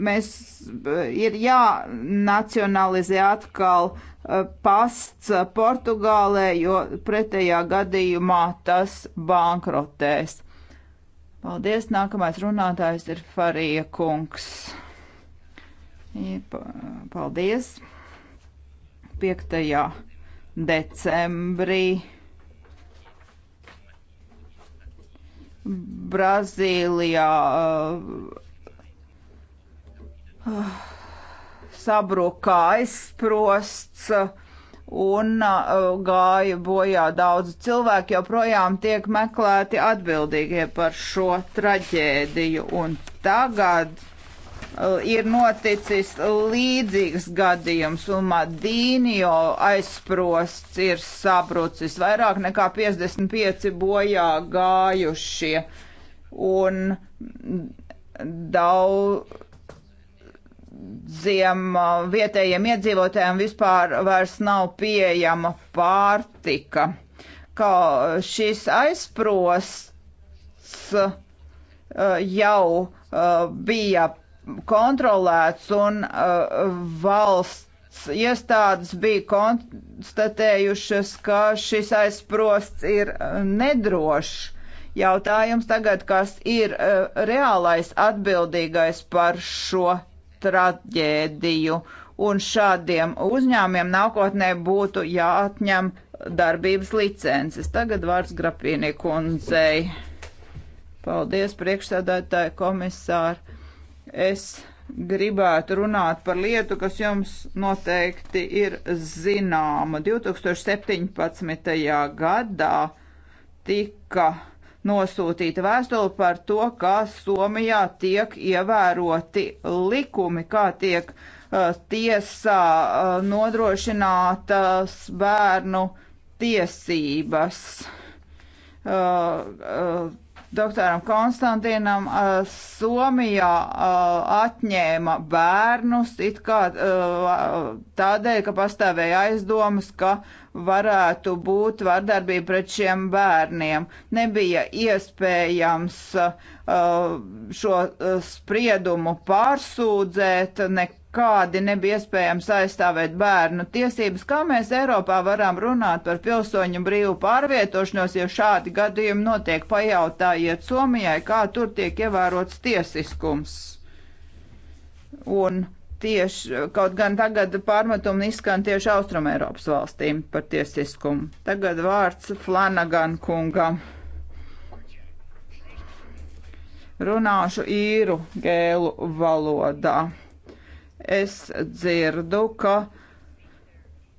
Mēs eh, ir jānacionalizē atkal eh, pasts eh, Portugālē, jo pretējā gadījumā tas bankrotēs. Paldies, nākamais runātājs ir Farija kungs. Paldies. 5. decembrī. Brazīlijā uh, sabruka aizsprosts un uh, gāja bojā daudz cilvēku, joprojām tiek meklēti atbildīgie par šo traģēdiju. Un tagad uh, ir noticis līdzīgs gadījums, un Madīnio aizsprosts ir sabrucis vairāk nekā 55 bojā gājušie. Un mm, daudz daudziem uh, vietējiem iedzīvotājiem vispār vairs nav pieejama pārtika. Kā šis aizprosts uh, jau uh, bija kontrolēts un valsts iestādes bija konstatējušas, ka šis aizprosts ir nedrošs. Jautājums tagad, kas ir reālais atbildīgais par šo traģēdiju. Un šādiem uzņēmiem nākotnē būtu jāatņem darbības licences. Tagad vārds Grapīnī kundzei. Paldies, priekšsēdētāji komisāri. Es gribētu runāt par lietu, kas jums noteikti ir zināma. 2017. gadā tika nosūtīta vēstule par to, kā Somijā tiek ievēroti likumi, kā tiek uh, tiesā uh, nodrošinātas bērnu tiesības. Uh, uh, doktoram Konstantinam Somijā atņēma bērnus, it kā tādēļ, ka pastāvēja aizdomas, ka varētu būt vardarbība pret šiem bērniem. Nebija iespējams šo spriedumu pārsūdzēt, nekā nekādi nebija iespējams aizstāvēt bērnu tiesības. Kā mēs Eiropā varam runāt par pilsoņu brīvu pārvietošanos, ja šādi gadījumi notiek? Pajautājiet Somijai, kā tur tiek ievērots tiesiskums. Un tieši, kaut gan tagad pārmetumi izskan tieši Austrum Eiropas valstīm par tiesiskumu. Tagad vārds Flanagan kungam. Runāšu īru gēlu valodā es dzirdu, ka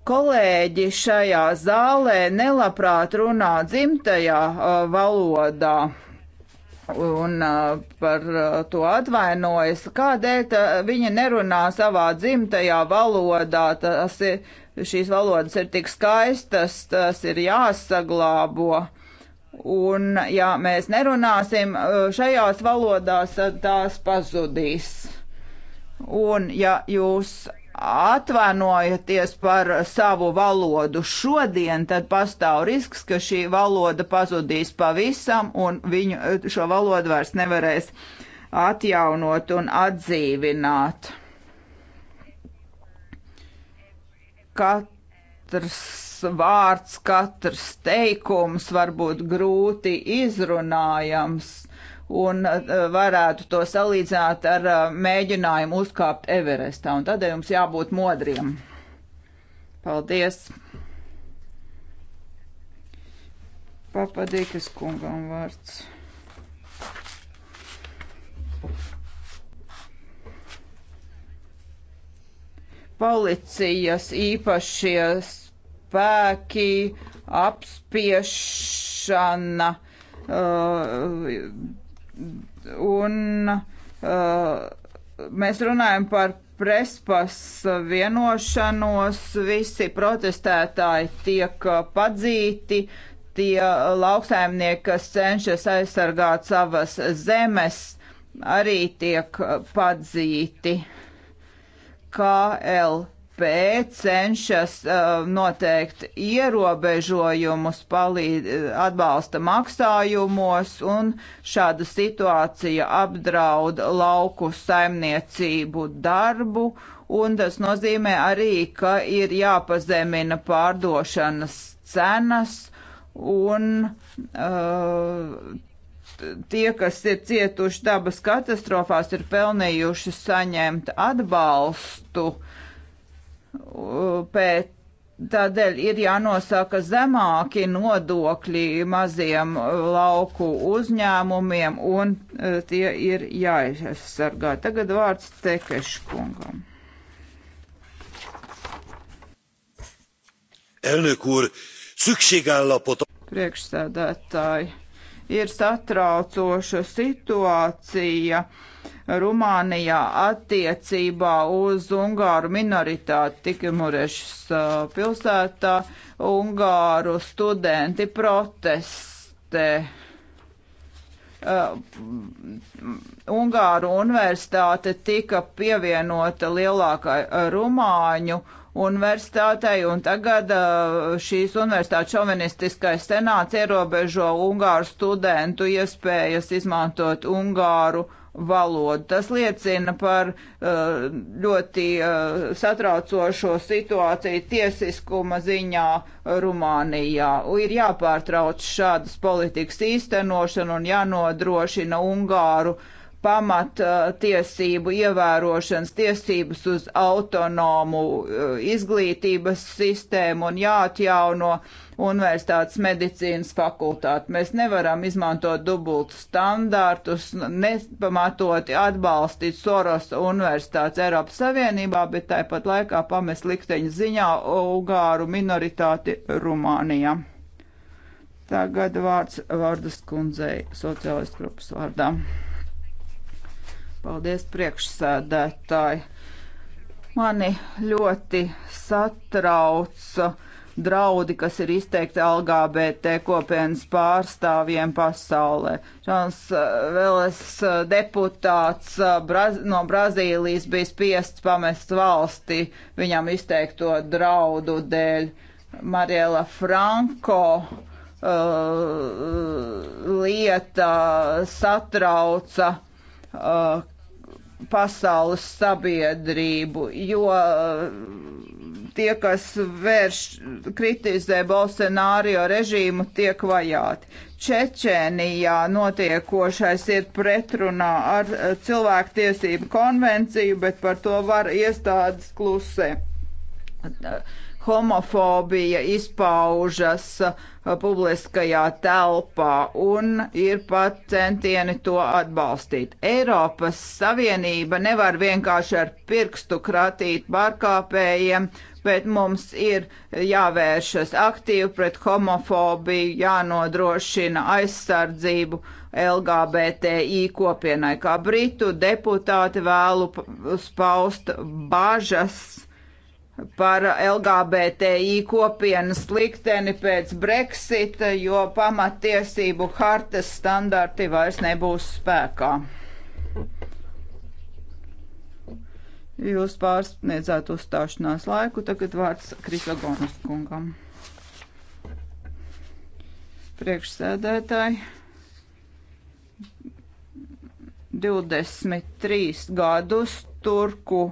kolēģi šajā zālē nelabprāt runā dzimtajā uh, valodā un uh, par uh, to atvainojas. Kādēļ tā, viņa nerunā savā dzimtajā valodā? Tas ir, šīs valodas ir tik skaistas, tas ir jāsaglābo. Un ja mēs nerunāsim uh, šajās valodās, tad tās pazudīs. Un ja jūs atvainojaties par savu valodu šodien, tad pastāv risks, ka šī valoda pazudīs pavisam un viņu šo valodu vairs nevarēs atjaunot un atdzīvināt. Katrs vārds, katrs teikums var būt grūti izrunājams un eh, varētu to salīdzināt ar eh, mēģinājumu uzkāpt Everestā. Un tādēļ jums jābūt modriem. Paldies! Papadīkas kungam vārds. Policijas īpašie spēki, apspiešana, uh, un uh, mēs runājam par prespas vienošanos, visi protestētāji tiek uh, padzīti, tie lauksaimnieki, kas cenšas aizsargāt savas zemes, arī tiek uh, padzīti. KL cenšas uh, noteikt ierobežojumus palīd, uh, atbalsta maksājumos, un šāda situācija apdraud lauku saimniecību darbu, un tas nozīmē arī, ka ir jāpazemina pārdošanas cenas, un uh, tie, kas ir cietuši dabas katastrofās, ir pelnījuši saņemt atbalstu. Uh, pēc Tādēļ ir jānosaka zemāki nodokļi maziem lauku uzņēmumiem, un e, tie ir jāaizsargā. Tagad vārds Tekeškungam. Elnök úr, szükségállapot. Priekšsēdētāji ir satraucoša situācija Rumānijā attiecībā uz Ungāru minoritāti Tikimurešas uh, pilsētā. Ungāru studenti protestē. Uh, Ungāru universitāte tika pievienota lielākai uh, rumāņu universitātei, un tagad uh, šīs universitātes šovinistiskais senāts ierobežo ungāru studentu iespējas izmantot ungāru valodu. Tas liecina par uh, ļoti uh, satraucošo situāciju tiesiskuma ziņā Rumānijā. Ir jāpārtrauc šādas politikas īstenošana un jānodrošina Ungāru uh, pamattiesību ievērošanas, tiesības uz autonomu eh, izglītības sistēmu un jāatjauno universitātes medicīnas fakultāti. Mēs nevaram izmantot dubultus standārtus, nepamatoti atbalstīt Sorosa universitātes Eiropas Savienībā, bet tāpat laikā pamest likteņu ziņā Ugāru minoritāti Rumānijā. Tagad vārds Vārdas kundzei sociālistu grupas vārdā. Paldies, priekšsēdētāji. Mani ļoti satrauca draudi, kas ir izteikti LGBT kopienas pārstāvjiem pasaulē. Šāds eh, vēlas eh, deputāts eh, Braz no Brazīlijas bija spiests pamest valsti viņam izteikto draudu dēļ. Mariela Franko uh, lieta satrauca uh, pasaules sabiedrību, jo eh, tie, kas vērš, kritizē Bolsonārio režīmu, tiek vajāti. Čečēnijā notiekošais ir pretrunā ar eh, cilvēktiesību konvenciju, bet par to var iestādes klusē homofobija izpaužas uh, publiskajā telpā un ir pat centieni to atbalstīt. Eiropas Savienība nevar vienkārši ar pirkstu kratīt pārkāpējiem, bet mums ir jāvēršas aktīvi pret homofobiju, jānodrošina aizsardzību LGBTI kopienai. Kā britu deputāti vēlu spaust bažas par LGBTI kopienas likteni pēc Brexita, jo pamatiesību hartas standarti vairs nebūs spēkā. Jūs pārsniedzāt uzstāšanās laiku, tagad vārds Krisogonas kungam. Priekšsēdētāji. 23 gadus turku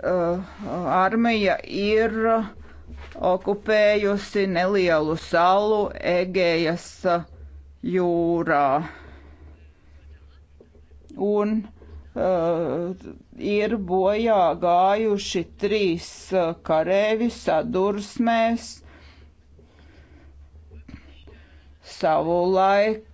Uh, armija ir okupējusi nelielu salu Egejas jūrā. Un uh, ir bojā gājuši trīs uh, karēvi sadursmēs savulaik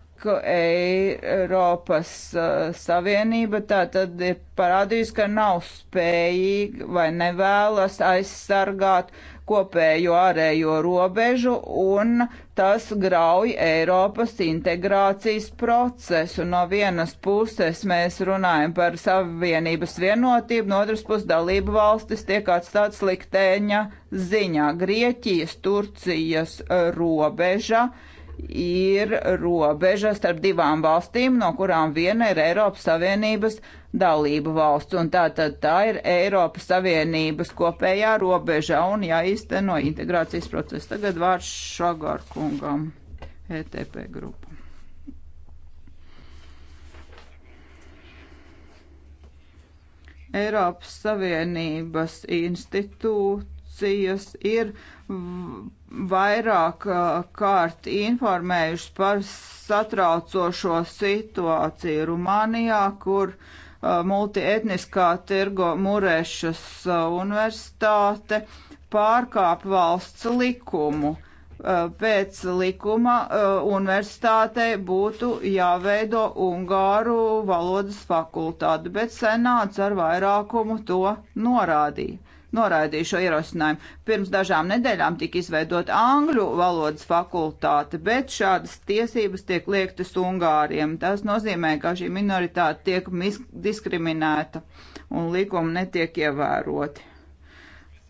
Eiropas eh, Savienība tātad ir parādījusi, ka nav spējīga vai nevēlas aizsargāt kopējo ārējo robežu un tas grauj Eiropas integrācijas procesu. No vienas puses mēs runājam par savienības vienotību, no otras puses dalību valstis tiek atstāts liktēņa ziņā. Grieķijas, Turcijas robeža. Uh, ir robeža starp divām valstīm, no kurām viena ir Eiropas Savienības dalību valsts, un tā tad tā ir Eiropas Savienības kopējā robeža un jāizteno integrācijas process. Tagad vārds Šagarkungam, ETP grupa. Eiropas Savienības institūcijas ir vairāk uh, kārt informējuši par satraucošo situāciju Rumānijā, kur uh, multietniskā tirgo Murešas uh, universitāte pārkāp valsts likumu. Pēc likuma universitātei būtu jāveido Ungāru valodas fakultāte, bet senāts ar vairākumu to norādīja noraidīja šo ierosinājumu. Pirms dažām nedēļām tika izveidota angļu valodas fakultāte, bet šādas tiesības tiek liektas Ungāriem. Tas nozīmē, ka šī minoritāte tiek diskriminēta un likumi netiek ievēroti.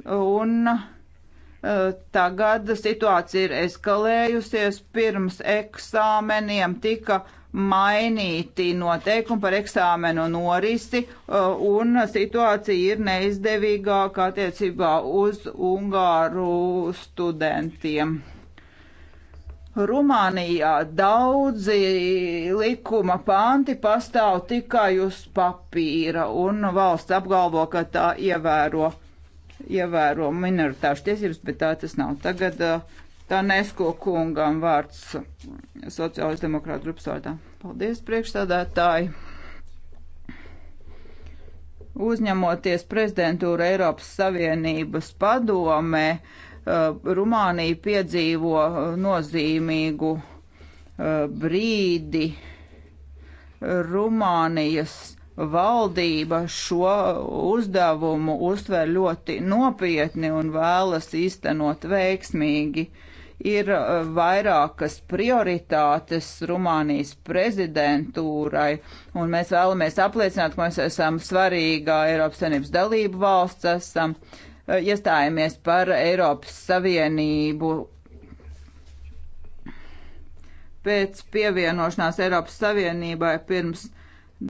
Un eh, tagad situācija ir eskalējusies pirms eksāmeniem tika mainīti noteikumi par eksāmenu norisi, uh, un situācija ir neizdevīgāka attiecībā uz Ungāru studentiem. Rumānijā daudzi likuma panti pastāv tikai uz papīra, un valsts apgalvo, ka tā ievēro, ievēro minoritāšu tiesības, bet tā tas nav. Tagad uh, Tanesko kungam vārds sociālais demokrāta grupas vārdā. Paldies, priekšstādātāji! Uzņemoties prezidentūru Eiropas Savienības padomē, eh, Rumānija piedzīvo eh, nozīmīgu eh, brīdi. Rumānijas valdība šo uzdevumu uztver ļoti nopietni un vēlas īstenot veiksmīgi. Uh, ir uh, vairākas prioritātes Rumānijas prezidentūrai, un mēs vēlamies apliecināt, ka mēs esam svarīgā Eiropas Savienības dalību valsts, esam uh, iestājāmies par Eiropas Savienību pēc pievienošanās Eiropas Savienībai pirms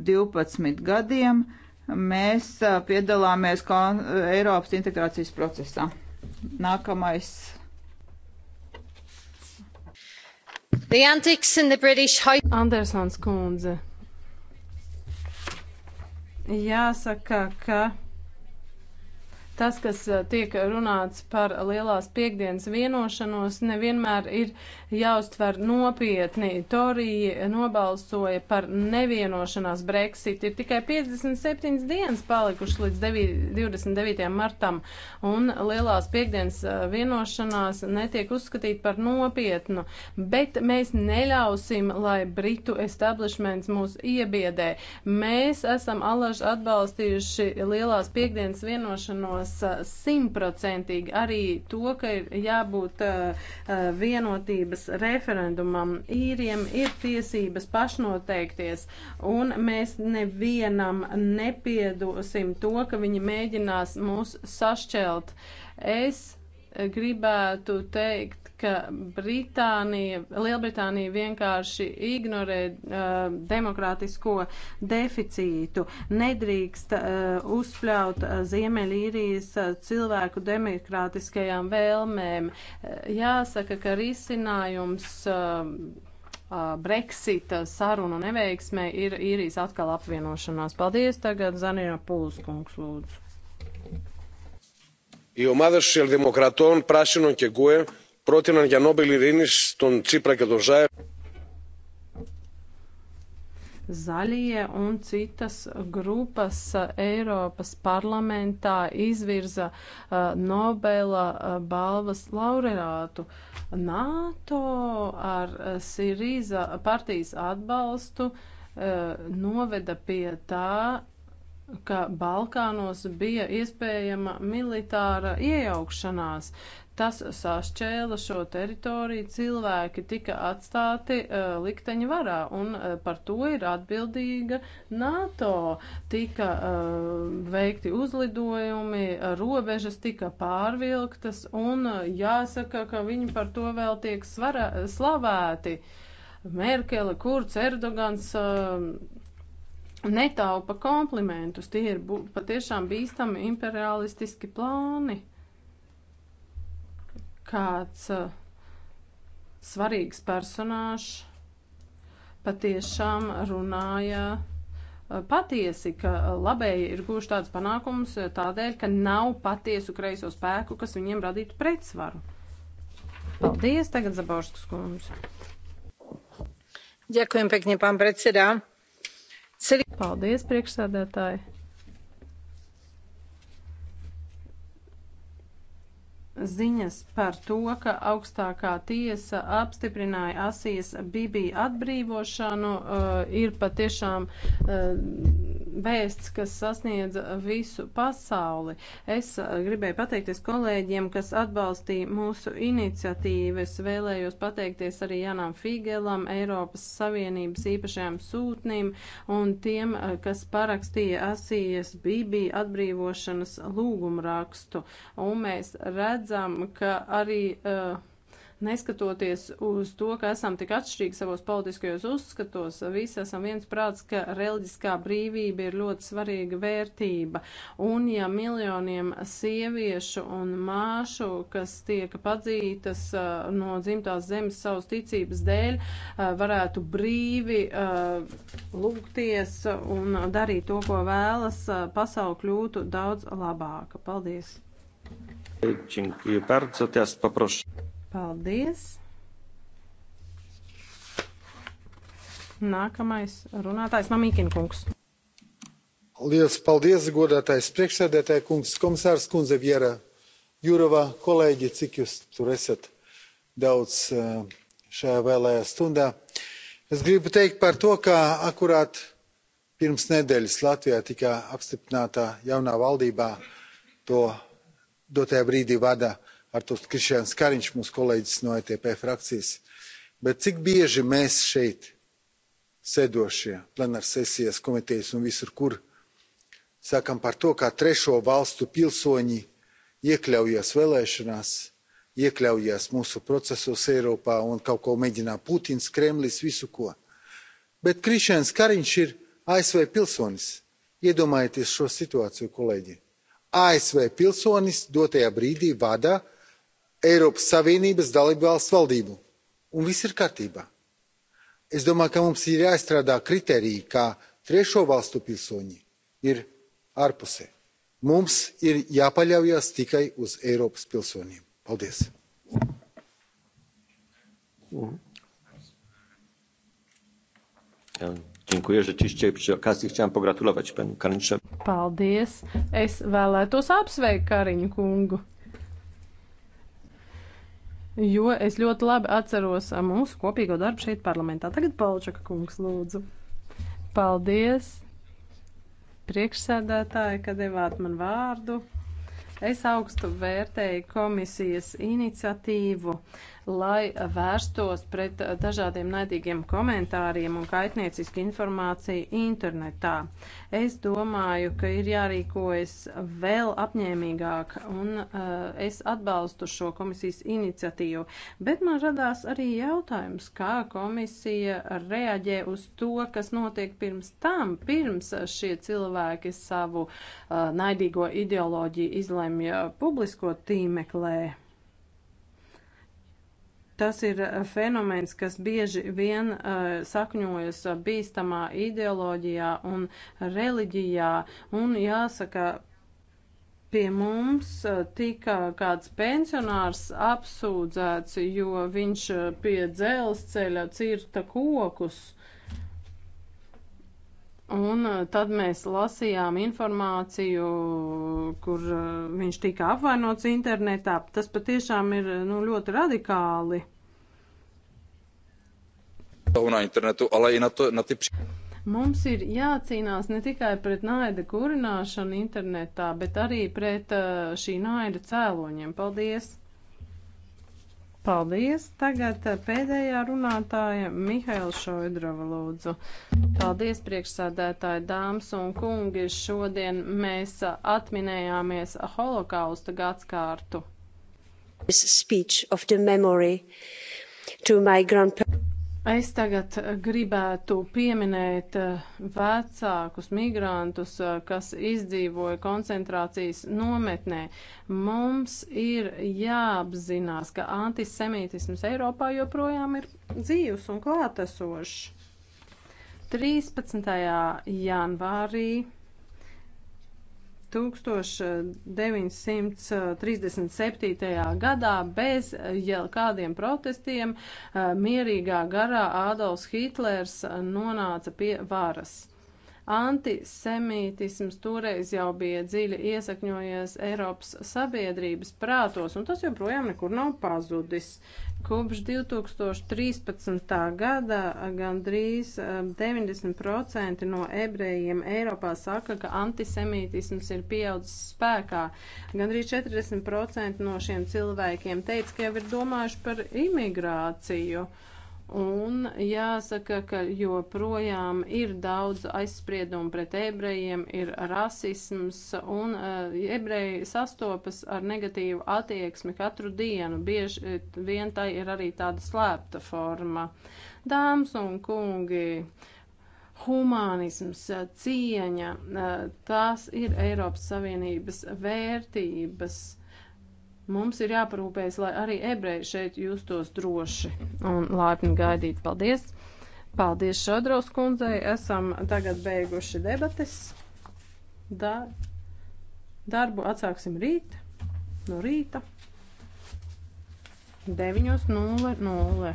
12 gadiem. Mēs uh, piedalāmies Eiropas integrācijas procesā. Nākamais British... Andersons kundze. Jāsaka, ka tas, kas eh, tiek runāts par lielās piekdienas vienošanos, nevienmēr ir jāuztver nopietni. Torija nobalsoja par nevienošanās Brexit. Ir tikai 57 dienas palikušas līdz 9, 29. martam, un lielās piekdienas vienošanās netiek uzskatīta par nopietnu. Bet mēs neļausim, lai Britu establishments mūs iebiedē. Mēs esam alaži atbalstījuši lielās piekdienas vienošanos simtprocentīgi. Arī to, ka ir jābūt vienotības tiesības referendumam. Īriem ir tiesības pašnoteikties, un mēs nevienam nepiedosim to, ka viņi mēģinās mūs sašķelt. Es gribētu teikt, ka Britānija, Lielbritānija vienkārši ignorē uh, demokrātisko deficītu. Nedrīkst uh, uzpļaut uh, Ziemeļīrijas uh, cilvēku demokrātiskajām vēlmēm. Uh, jāsaka, ka risinājums. Um, uh, Brexita uh, sarunu neveiksmē ir īrijas atkal apvienošanās. Paldies, tagad Zanina Pulskungs lūdzu. Η ομάδα Σοσιαλδημοκρατών, Πράσινων και Γκουε πρότειναν για Νόμπελ ειρήνης τον Τσίπρα και τον Ζάεφ. Zaļie un citas grupas uh, Eiropas parlamentā izvirza uh, Nobela uh, balvas laureātu. NATO ar Sirīza partijas atbalstu noveda pie tā, ka Balkānos bija iespējama militāra iejaukšanās. Tas sašķēla šo teritoriju, cilvēki tika atstāti uh, likteņa varā, un uh, par to ir atbildīga NATO. Tika uh, veikti uzlidojumi, robežas tika pārvilktas, un uh, jāsaka, ka viņi par to vēl tiek svara, slavēti. Merkele, Kurts, Erdogans. Uh, netaupa komplimentus. Tie ir patiešām bīstami imperialistiski plāni kāds eh, svarīgs personāžs patiešām runāja eh, patiesi, ka eh, labēji ir guvuši tādus panākumus tādēļ, ka nav patiesu kreiso spēku, kas viņiem radītu pretsvaru. Paldies, tagad Zaborskas kundze. Ďakujem pekne, pán predsedā. Paldies, priekšsēdētāji. ziņas par to, ka augstākā tiesa apstiprināja Asijas Bibī atbrīvošanu, uh, ir patiešām uh, vēsts, kas sasniedz visu pasauli. Es uh, gribēju pateikties kolēģiem, kas atbalstīja mūsu iniciatīvas. Vēlējos pateikties arī Janam Figelam, Eiropas Savienības īpašajam sūtnim un tiem, kas parakstīja Asijas Bibī atbrīvošanas lūgumrakstu. Un mēs redzam, redzam, ka arī. Uh, neskatoties uz to, ka esam tik atšķirīgi savos politiskajos uzskatos, visi esam viens prāts, ka reliģiskā brīvība ir ļoti svarīga vērtība. Un ja miljoniem sieviešu un māšu, kas tiek padzītas eh, no dzimtās zemes savas ticības dēļ, eh, varētu brīvi lūgties un darīt to, ko vēlas, pasauli kļūtu daudz labāka. Paldies! Paldies! Nākamais runātājs Mamīkina kungs. Paldies, paldies, godātais priekšsēdētāji kungs, komisārs kundze Viera Jurova, kolēģi, cik jūs tur esat daudz eh, šajā vēlējā stundā. Es gribu teikt par to, ka akurāt pirms nedēļas Latvijā tika apstiprināta jaunā valdībā to do tajā brīdī vada Artūrs Krišjāns Kariņš, mūsu kolēģis no ETP frakcijas. Bet cik bieži mēs šeit sēdošie plenārsesijās, komitejas un visur, kur sakam par to, kā trešo valstu pilsoņi iekļaujas vēlēšanās, iekļaujas mūsu procesos Eiropā un kaut ko mēģinā Putins, Kremlis, visu ko. Bet Krišjāns Kariņš ir ASV pilsonis. Iedomājieties šo situāciju, kolēģi asv pilsonis dotajā brīdī vada Eiropas Savienības dalībvalsts valdību. Un viss ir kārtībā. Es domāju, ka mums ir jāizstrādā kriteriji, kā trešo valstu pilsoņi ir ārpusē. Mums ir jāpaļaujas tikai uz Eiropas pilsoniem. Paldies! Mhm. Ja. Dziękuję. Rzeczywiście przy okazji chciałam pogratulować panu Karinčam. Paldies. Es vēlētos apsveikt Kariņu kungu. Jo es ļoti labi atceros mūsu kopīgo darbu šeit parlamentā. Tagad Palčaka kungs lūdzu. Paldies priekšsēdētāji, ka devāt man vārdu. Es augstu vērtēju komisijas iniciatīvu lai vērstos pret dažādiem naidīgiem komentāriem un kaitniecisku informāciju internetā. Es domāju, ka ir jārīkojas vēl apņēmīgāk, un uh, es atbalstu šo komisijas iniciatīvu. Bet man radās arī jautājums, kā komisija reaģē uz to, kas notiek pirms tam, pirms šie cilvēki savu uh, naidīgo ideoloģiju izlemj eh, publisko tīmeklē. Tas ir eh, fenomens, kas bieži vien uh, sakņojas eh, bīstamā ideoloģijā un reliģijā, un jāsaka, pie mums tika kāds pensionārs apsūdzēts, jo viņš pie dzelzceļa cirta kokus. Un eh, tad mēs lasījām informāciju, kur eh, viņš tika apvainots internetā. Tas patiešām ir eh, nu, ļoti radikāli. Na internetu, ale i na, to, na ty... Mums ir jācīnās ne tikai pret naida kurināšanu internetā, bet arī pret šī naida cēloņiem. Paldies! Paldies! Tagad eh, pēdējā runātāja Mihaila Šoidrova lūdzu. Paldies, priekšsādētāji, dāmas un kungi! Šodien mēs eh, atminējāmies holokausta gadskārtu. This speech of the memory to my grandparents. Es tagad gribētu pieminēt eh, vecākus migrantus, eh, kas izdzīvoja koncentrācijas nometnē. Mums ir jāapzinās, ka antisemītisms Eiropā joprojām ir dzīvs un klātesošs. 13. janvārī 1937. gadā bez eh, jau kādiem protestiem eh, mierīgā garā Ādolfs Hitlers eh, nonāca pie varas. Antisemītisms toreiz jau bija dziļi iesakņojies Eiropas sabiedrības prātos, un tas joprojām nekur nav pazudis. Kopš 2013. gada gandrīz 90% eh, no ebrejiem Eiropā saka, ka antisemītisms ir pieaudzis spēkā. Gandrīz 40% no šiem cilvēkiem teica, ka jau ir domājuši par imigrāciju. Uh, Un jāsaka, ka joprojām ir daudz aizspriedumu pret ebrejiem, ir rasisms, un uh, ebreji sastopas ar negatīvu attieksmi katru dienu. Bieži eh, vien tai ir arī tāda slēpta forma. Dāmas un kungi, humānisms, cieņa, uh, tās ir Eiropas Savienības vērtības. Uh, Mums ir jāparūpējas, lai arī ebreji šeit justos droši un laipni gaidīt. Paldies! Paldies Šadraus kundzei! Esam tagad beiguši debates. Da, darbu atsāksim rīt, no rīta 9.00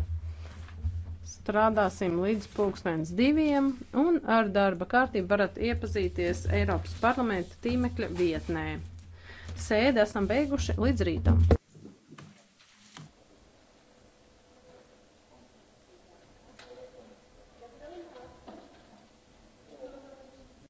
strādāsim līdz pulkstens diviem, un ar darba kārtību varat iepazīties Eiropas parlamenta tīmekļa vietnē sēdi esam beiguši līdz rītam.